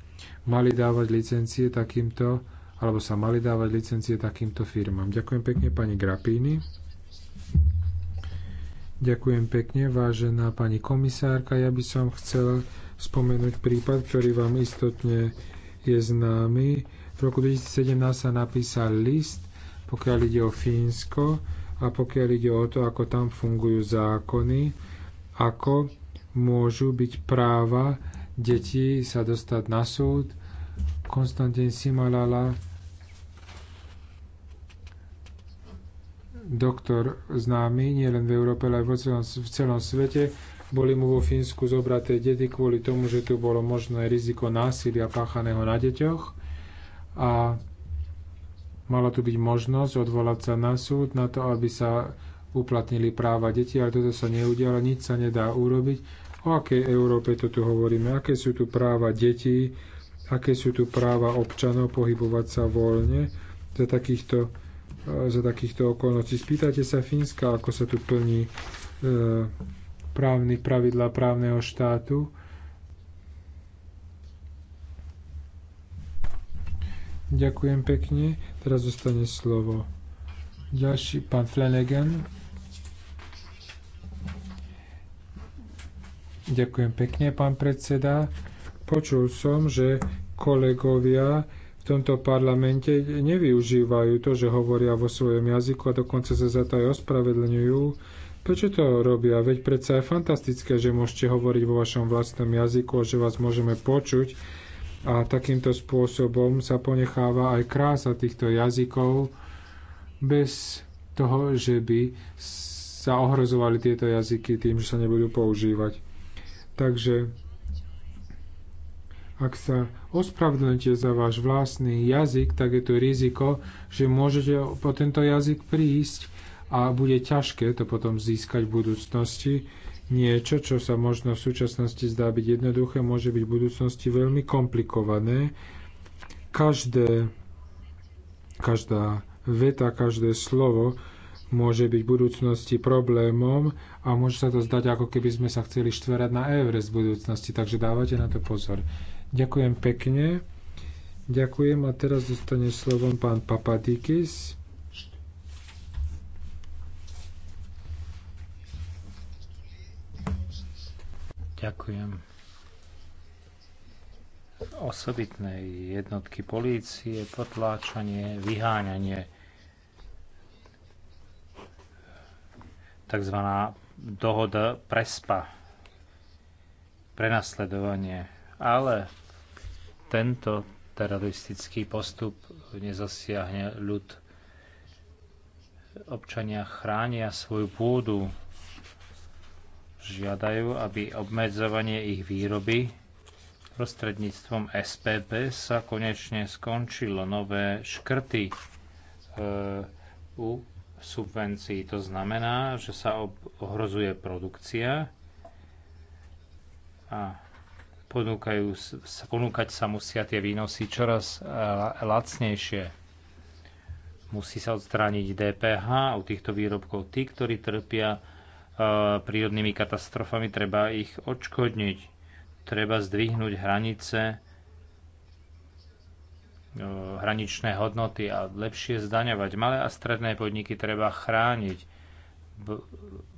mali dávať licencie takýmto, alebo sa mali dávať licencie takýmto firmám. Ďakujem pekne pani Grapíny. Ďakujem pekne, vážená pani komisárka. Ja by som chcel spomenúť prípad, ktorý vám istotne je známy v roku 2017 sa napísal list, pokiaľ ide o Fínsko a pokiaľ ide o to, ako tam fungujú zákony, ako môžu byť práva detí sa dostať na súd. Konstantin Simalala, doktor známy nielen v Európe, ale aj v celom, v celom svete, boli mu vo Fínsku zobraté deti kvôli tomu, že tu bolo možné riziko násilia páchaného na deťoch a mala tu byť možnosť odvolať sa na súd na to, aby sa uplatnili práva detí, ale toto sa neudialo, nič sa nedá urobiť. O akej Európe to tu hovoríme? Aké sú tu práva detí? Aké sú tu práva občanov pohybovať sa voľne za takýchto, eh, za takýchto okolností? Spýtajte sa Fínska, ako sa tu plní e, právny, pravidla právneho štátu Ďakujem pekne. Teraz zostane slovo ďalší pán Flanagan. Ďakujem pekne, pán predseda. Počul som, že kolegovia v tomto parlamente nevyužívajú to, že hovoria vo svojom jazyku a dokonca sa za to aj ospravedlňujú. Prečo to robia? Veď predsa je fantastické, že môžete hovoriť vo vašom vlastnom jazyku a že vás môžeme počuť a takýmto spôsobom sa ponecháva aj krása týchto jazykov bez toho, že by sa ohrozovali tieto jazyky tým, že sa nebudú používať. Takže ak sa ospravedlňujete za váš vlastný jazyk, tak je tu riziko, že môžete po tento jazyk prísť a bude ťažké to potom získať v budúcnosti niečo, čo sa možno v súčasnosti zdá byť jednoduché, môže byť v budúcnosti veľmi komplikované. Každé, každá veta, každé slovo môže byť v budúcnosti problémom a môže sa to zdať, ako keby sme sa chceli štverať na Everest v budúcnosti, takže dávajte na to pozor. Ďakujem pekne. Ďakujem a teraz dostane slovom pán Papadikis. Ďakujem. Osobitnej jednotky polície, potláčanie, vyháňanie, tzv. dohoda prespa, prenasledovanie. Ale tento teroristický postup nezasiahne ľud. Občania chránia svoju pôdu, žiadajú, aby obmedzovanie ich výroby prostredníctvom SPP sa konečne skončilo. Nové škrty e, u subvencií. To znamená, že sa ohrozuje produkcia a ponúkajú, ponúkať sa musia tie výnosy čoraz e, lacnejšie. Musí sa odstrániť DPH u týchto výrobkov. Tí, ktorí trpia prírodnými katastrofami, treba ich odškodniť, treba zdvihnúť hranice, e, hraničné hodnoty a lepšie zdaňovať. Malé a stredné podniky treba chrániť.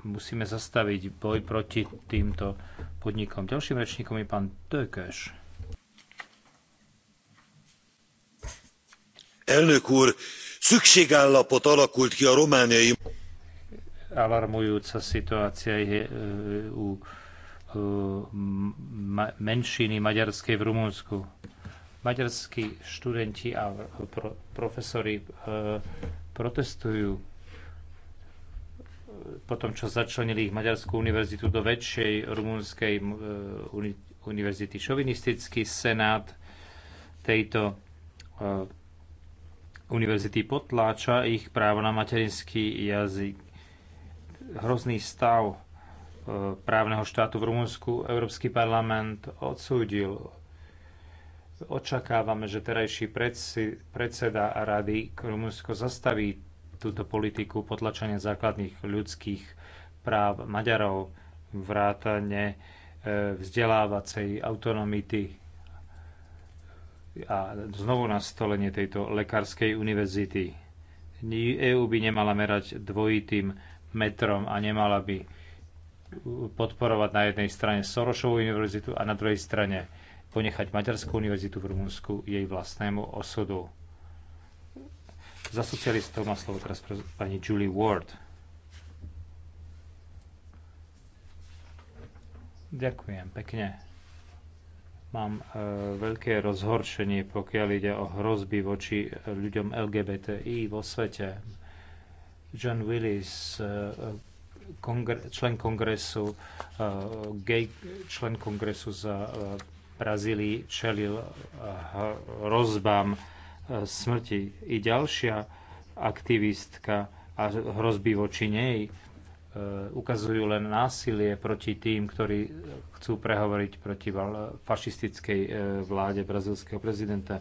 Musíme zastaviť boj proti týmto podnikom. Ďalším rečníkom je pán Tökeš. Elnök úr, szükségállapot alakult ki a romániai alarmujúca situácia je e, u e, menšiny maďarskej v Rumunsku. Maďarskí študenti a profesori e, protestujú po tom, čo začlenili ich Maďarskú univerzitu do väčšej rumúnskej univerzity. Šovinistický senát tejto univerzity potláča ich právo na materinský jazyk hrozný stav e, právneho štátu v Rumunsku Európsky parlament odsúdil. Očakávame, že terajší predseda rady Rumunsko zastaví túto politiku potlačenia základných ľudských práv Maďarov vrátane e, vzdelávacej autonomity a znovu nastolenie tejto lekárskej univerzity. EÚ by nemala merať dvojitým metrom a nemala by podporovať na jednej strane Sorošovú univerzitu a na druhej strane ponechať Maďarskú univerzitu v Rumunsku jej vlastnému osudu. Za socialistov má slovo teraz pani Julie Ward. Ďakujem pekne. Mám e, veľké rozhoršenie, pokiaľ ide o hrozby voči ľuďom LGBTI vo svete John Willis, eh, eh, kongre, člen kongresu, eh, gay člen kongresu za Brazílii, čelil hrozbám smrti. I ďalšia aktivistka a hrozby voči nej ukazujú len násilie proti tým, ktorí chcú prehovoriť proti fašistickej vláde brazilského prezidenta.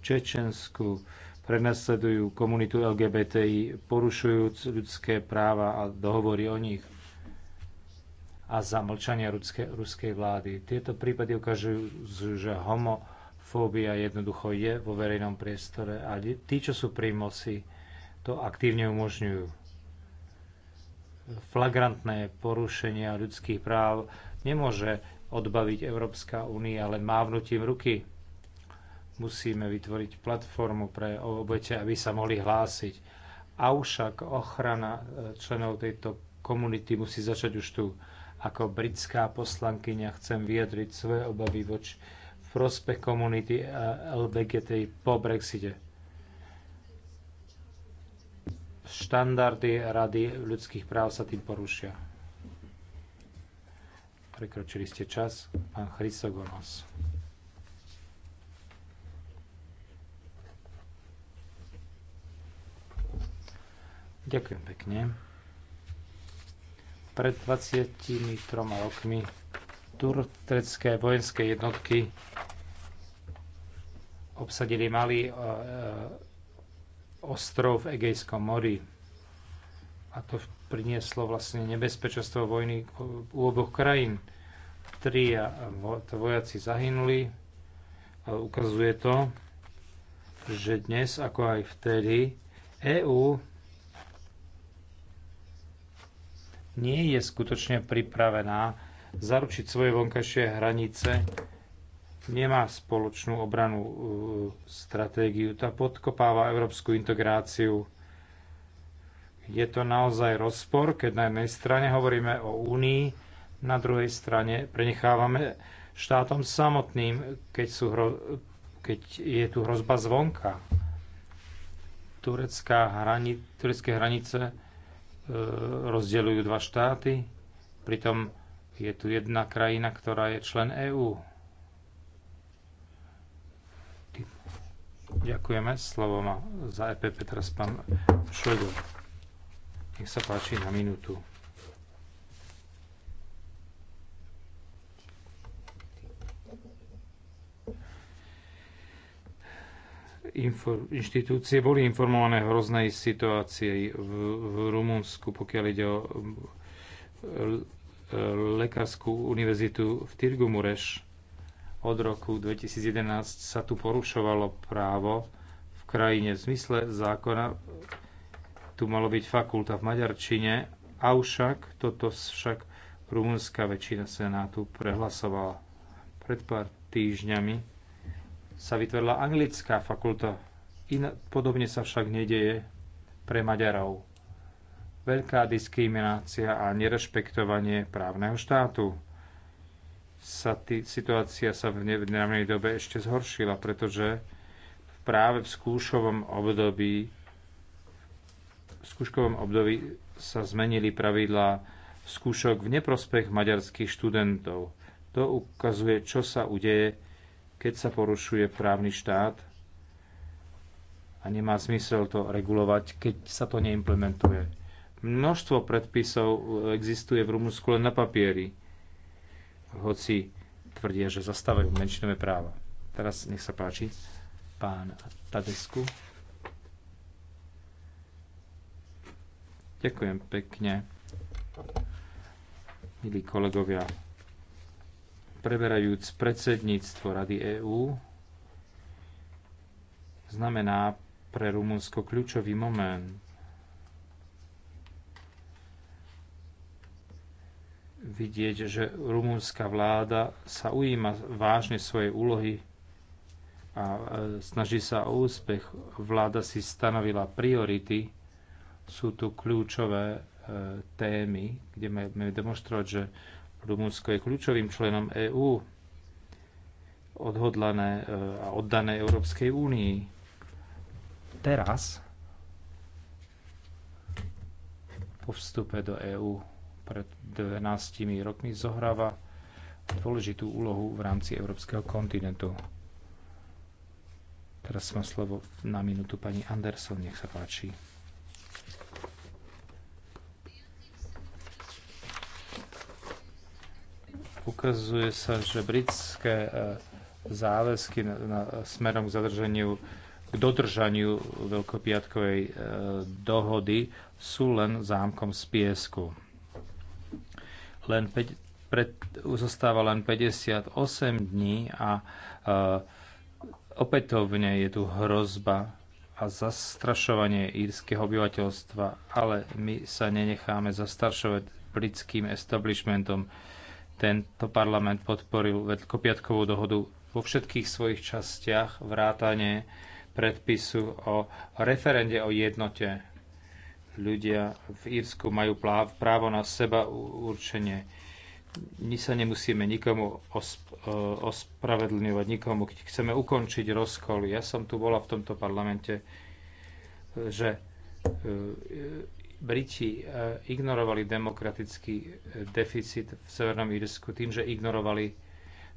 V Čečensku prenasledujú komunitu LGBTI, porušujúc ľudské práva a dohovory o nich a za mlčania ruské, ruskej vlády. Tieto prípady ukazujú, že homofóbia jednoducho je vo verejnom priestore a tí, čo sú pri moci, to aktívne umožňujú. Flagrantné porušenia ľudských práv nemôže odbaviť Európska únia len mávnutím ruky Musíme vytvoriť platformu pre obete, aby sa mohli hlásiť. Avšak ochrana e, členov tejto komunity musí začať už tu. Ako britská poslankyňa chcem vyjadriť svoje obavy voči v prospech komunity e, LBGT po Brexite. Štandardy Rady ľudských práv sa tým porušia. Prekročili ste čas. Pán Chrysogonos. Ďakujem pekne. Pred 23 rokmi turecké vojenské jednotky obsadili malý e, e, ostrov v Egejskom mori. A to prinieslo vlastne nebezpečenstvo vojny u oboch krajín. Tri e, vojaci zahynuli. A ukazuje to, že dnes, ako aj vtedy, EÚ nie je skutočne pripravená zaručiť svoje vonkajšie hranice, nemá spoločnú obranú e, stratégiu. Tá podkopáva európsku integráciu. Je to naozaj rozpor, keď na jednej strane hovoríme o únii, na druhej strane prenechávame štátom samotným, keď, sú hro, keď je tu hrozba zvonka. Turecká hrani, turecké hranice E, rozdeľujú dva štáty, pritom je tu jedna krajina, ktorá je člen EÚ. Ďakujeme. Slovo má za EPP teraz pán Šojdov. Nech sa páči na minútu. inštitúcie boli informované o hroznej situácii v, v Rumunsku, pokiaľ ide o lekárskú univerzitu v Mureš. Od roku 2011 sa tu porušovalo právo v krajine v zmysle zákona. Tu malo byť fakulta v Maďarčine, avšak toto však rumunská väčšina senátu prehlasovala pred pár týždňami sa vytvorila anglická fakulta. In, podobne sa však nedeje pre Maďarov. Veľká diskriminácia a nerešpektovanie právneho štátu. Sa tý, situácia sa v nedávnej dobe ešte zhoršila, pretože práve v skúšovom období v skúškovom období sa zmenili pravidlá skúšok v neprospech maďarských študentov. To ukazuje, čo sa udeje keď sa porušuje právny štát a nemá zmysel to regulovať, keď sa to neimplementuje. Množstvo predpisov e, existuje v Rumunsku len na papieri, hoci tvrdia, že zastávajú menšinové práva. Teraz nech sa páči, pán Tadesku. Ďakujem pekne. Milí kolegovia, preberajúc predsedníctvo Rady EÚ, znamená pre Rumunsko kľúčový moment. Vidieť, že rumúnska vláda sa ujíma vážne svojej úlohy a e, snaží sa o úspech. Vláda si stanovila priority, sú tu kľúčové e, témy, kde máme demonstrovať, že Rumunsko je kľúčovým členom EÚ, odhodlané eh, a oddané Európskej únii. Teraz, po vstupe do EÚ pred 12 rokmi, zohráva dôležitú úlohu v rámci európskeho kontinentu. Teraz má slovo na minútu pani Anderson, nech sa páči. Ukazuje sa, že britské e, záväzky na, na, smerom k zadržaniu k dodržaniu veľkopiatkovej e, dohody sú len zámkom z piesku. Len 5, pred, zostáva len 58 dní a e, opätovne je tu hrozba a zastrašovanie írskeho obyvateľstva, ale my sa nenecháme zastrašovať britským establishmentom. E, tento parlament podporil Veľkopiatkovú dohodu vo všetkých svojich častiach vrátane predpisu o referende o jednote. Ľudia v Írsku majú právo na seba určenie. My sa nemusíme nikomu osp- e, ospravedlňovať, nikomu, keď chceme ukončiť rozkoly. Ja som tu bola v tomto parlamente, že e, Briti e, ignorovali demokratický e, deficit v Severnom Írsku tým, že ignorovali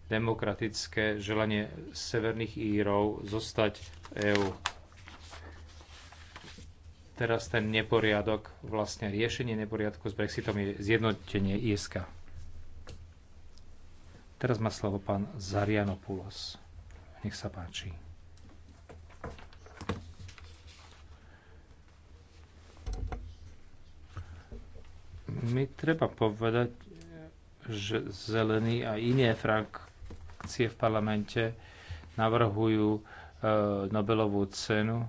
demokratické želanie Severných Írov zostať v EÚ. Teraz ten neporiadok, vlastne riešenie neporiadku s Brexitom je zjednotenie Írska. Teraz má slovo pán Zarianopoulos. Nech sa páči. My treba povedať, že zelení a iné frakcie v parlamente navrhujú e, Nobelovú cenu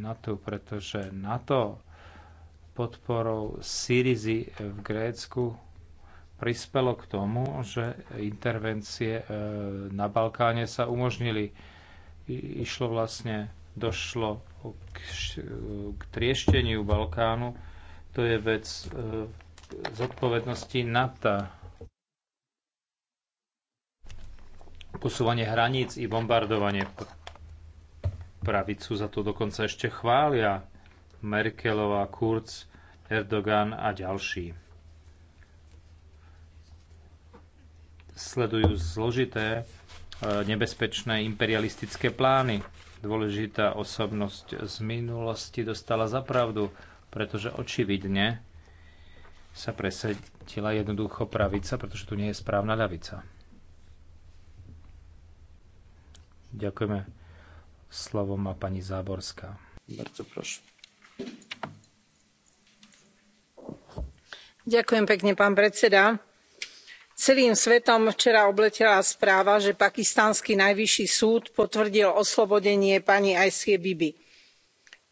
NATO, pretože NATO podporou Syrizy v Grécku prispelo k tomu, že intervencie e, na Balkáne sa umožnili. Išlo vlastne, došlo k, e, k triešteniu Balkánu, to je vec e, zodpovednosti NATO. Posúvanie hraníc i bombardovanie pravicu za to dokonca ešte chvália Merkelová, Kurz, Erdogan a ďalší. Sledujú zložité, e, nebezpečné imperialistické plány. Dôležitá osobnosť z minulosti dostala zapravdu. pravdu pretože očividne sa presetila jednoducho pravica, pretože tu nie je správna ľavica. Ďakujeme. Slovo má pani Záborská. Bardzo prosím. Ďakujem pekne, pán predseda. Celým svetom včera obletela správa, že pakistanský najvyšší súd potvrdil oslobodenie pani Aisie Bibi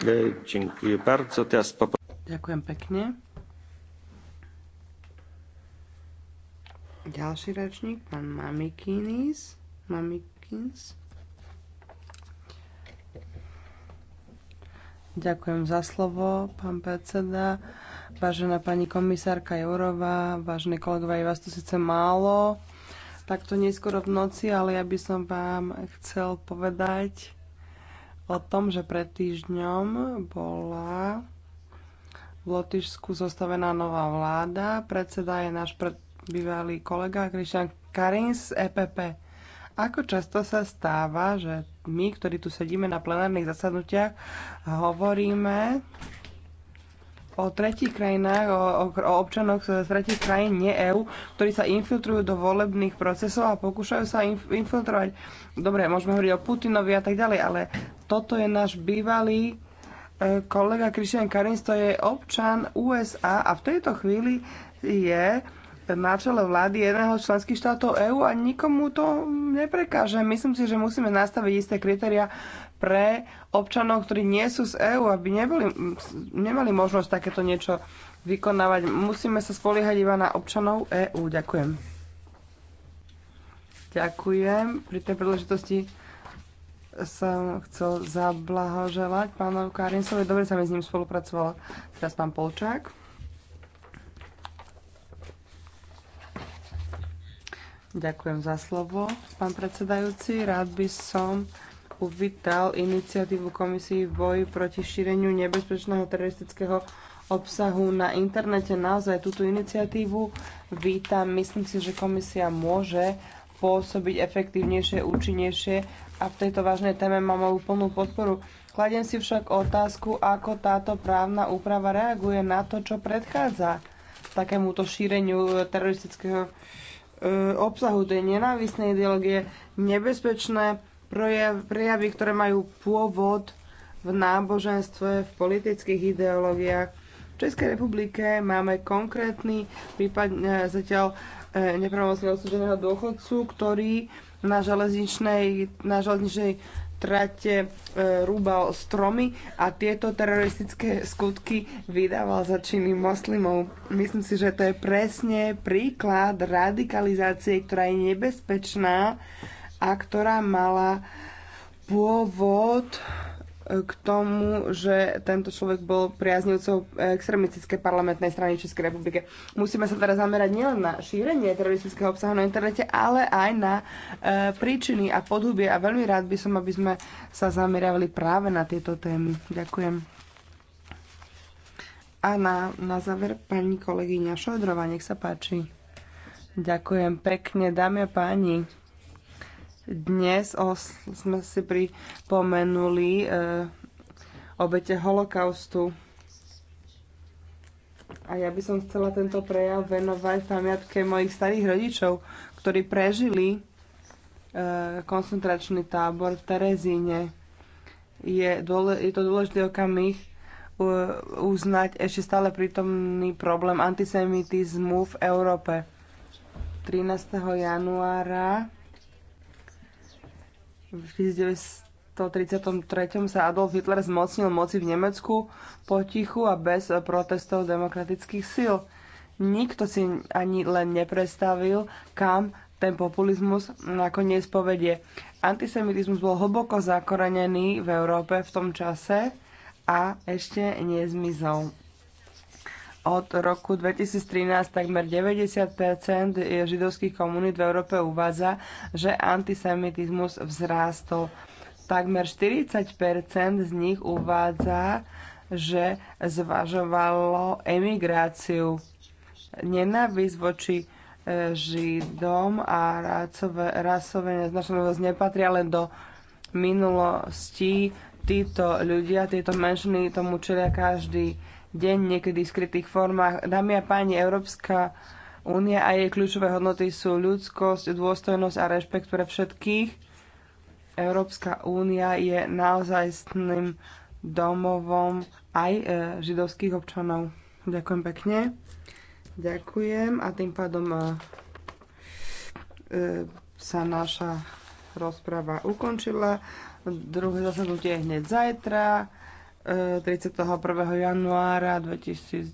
Ďakujem pekne. Ďalší rečník, pán Mamikinis. Mamikins. Ďakujem za slovo, pán predseda. Vážená pani komisárka Jourová, vážení kolegovia, je vás tu síce málo, takto neskoro v noci, ale ja by som vám chcel povedať, o tom, že pred týždňom bola v Lotyšsku zostavená nová vláda. Predseda je náš pred, bývalý kolega Krišan Karins z EPP. Ako často sa stáva, že my, ktorí tu sedíme na plenárnych zasadnutiach, hovoríme o tretich krajinách, o, o, o občanoch z tretich krajín, nie EÚ, ktorí sa infiltrujú do volebných procesov a pokúšajú sa inf, infiltrovať. Dobre, môžeme hovoriť o Putinovi a tak ďalej, ale toto je náš bývalý e, kolega Christian Karins, to je občan USA a v tejto chvíli je na čele vlády jedného z členských štátov EÚ a nikomu to neprekáže. Myslím si, že musíme nastaviť isté kritéria pre občanov, ktorí nie sú z EÚ, aby neboli, nemali možnosť takéto niečo vykonávať. Musíme sa spoliehať iba na občanov EÚ. Ďakujem. Ďakujem. Pri tej príležitosti som chcel zablahoželať pánov Karinsovi. Dobre sa mi s ním spolupracovala. Teraz pán Polčák. Ďakujem za slovo, pán predsedajúci. Rád by som uvítal iniciatívu komisie v boji proti šíreniu nebezpečného teroristického obsahu na internete. Naozaj túto iniciatívu vítam. Myslím si, že komisia môže pôsobiť efektívnejšie, účinnejšie a v tejto vážnej téme máme moju plnú podporu. Kladiem si však otázku, ako táto právna úprava reaguje na to, čo predchádza takémuto šíreniu e, teroristického e, obsahu tej nenávisnej ideológie nebezpečné prejavy, ktoré majú pôvod v náboženstve, v politických ideológiách. V Českej republike máme konkrétny prípad e, zatiaľ e, nepravomocne odsúdeného dôchodcu, ktorý na železničnej, na železničnej trate e, rúbal stromy a tieto teroristické skutky vydával za činy moslimov. Myslím si, že to je presne príklad radikalizácie, ktorá je nebezpečná a ktorá mala pôvod e, k tomu, že tento človek bol priaznivcov extremistickej parlamentnej strany Českej republike. Musíme sa teraz zamerať nielen na šírenie teroristického obsahu na internete, ale aj na e, príčiny a podhubie a veľmi rád by som, aby sme sa zameriavali práve na tieto témy. Ďakujem. A na, na záver pani kolegyňa Šodrova, nech sa páči. Ďakujem pekne, dámy a páni. Dnes os, sme si pripomenuli e, obete holokaustu. A ja by som chcela tento prejav venovať pamiatke mojich starých rodičov, ktorí prežili e, koncentračný tábor v Terezíne. Je, dôle, je to dôležitý okamih uznať ešte stále prítomný problém antisemitizmu v Európe. 13. januára v 1933 sa Adolf Hitler zmocnil moci v Nemecku potichu a bez protestov demokratických síl. Nikto si ani len neprestavil, kam ten populizmus nakoniec povedie. Antisemitizmus bol hlboko zakorenený v Európe v tom čase a ešte nezmizol. Od roku 2013 takmer 90 židovských komunít v Európe uvádza, že antisemitizmus vzrástol. Takmer 40 z nich uvádza, že zvažovalo emigráciu. Nenávisť voči e, Židom a rácové, rasové neznačenosť nepatria len do minulosti. Títo ľudia, tieto menšiny tomu čelia každý deň, niekedy v skrytých formách. Dámy a páni, Európska únia a jej kľúčové hodnoty sú ľudskosť, dôstojnosť a rešpekt pre všetkých. Európska únia je naozaj domovom aj e, židovských občanov. Ďakujem pekne. Ďakujem a tým pádom e, e, sa naša rozpráva ukončila. Druhé zasadnutie je hneď zajtra. 31. januára 2019.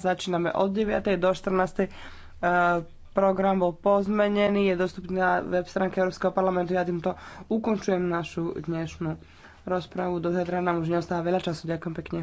Začíname od 9. do 14. E, program bol pozmenený, je dostupný na web stránke Európskeho parlamentu. Ja týmto ukončujem našu dnešnú rozpravu. Do zajtra nám už neostáva veľa času. Ďakujem pekne.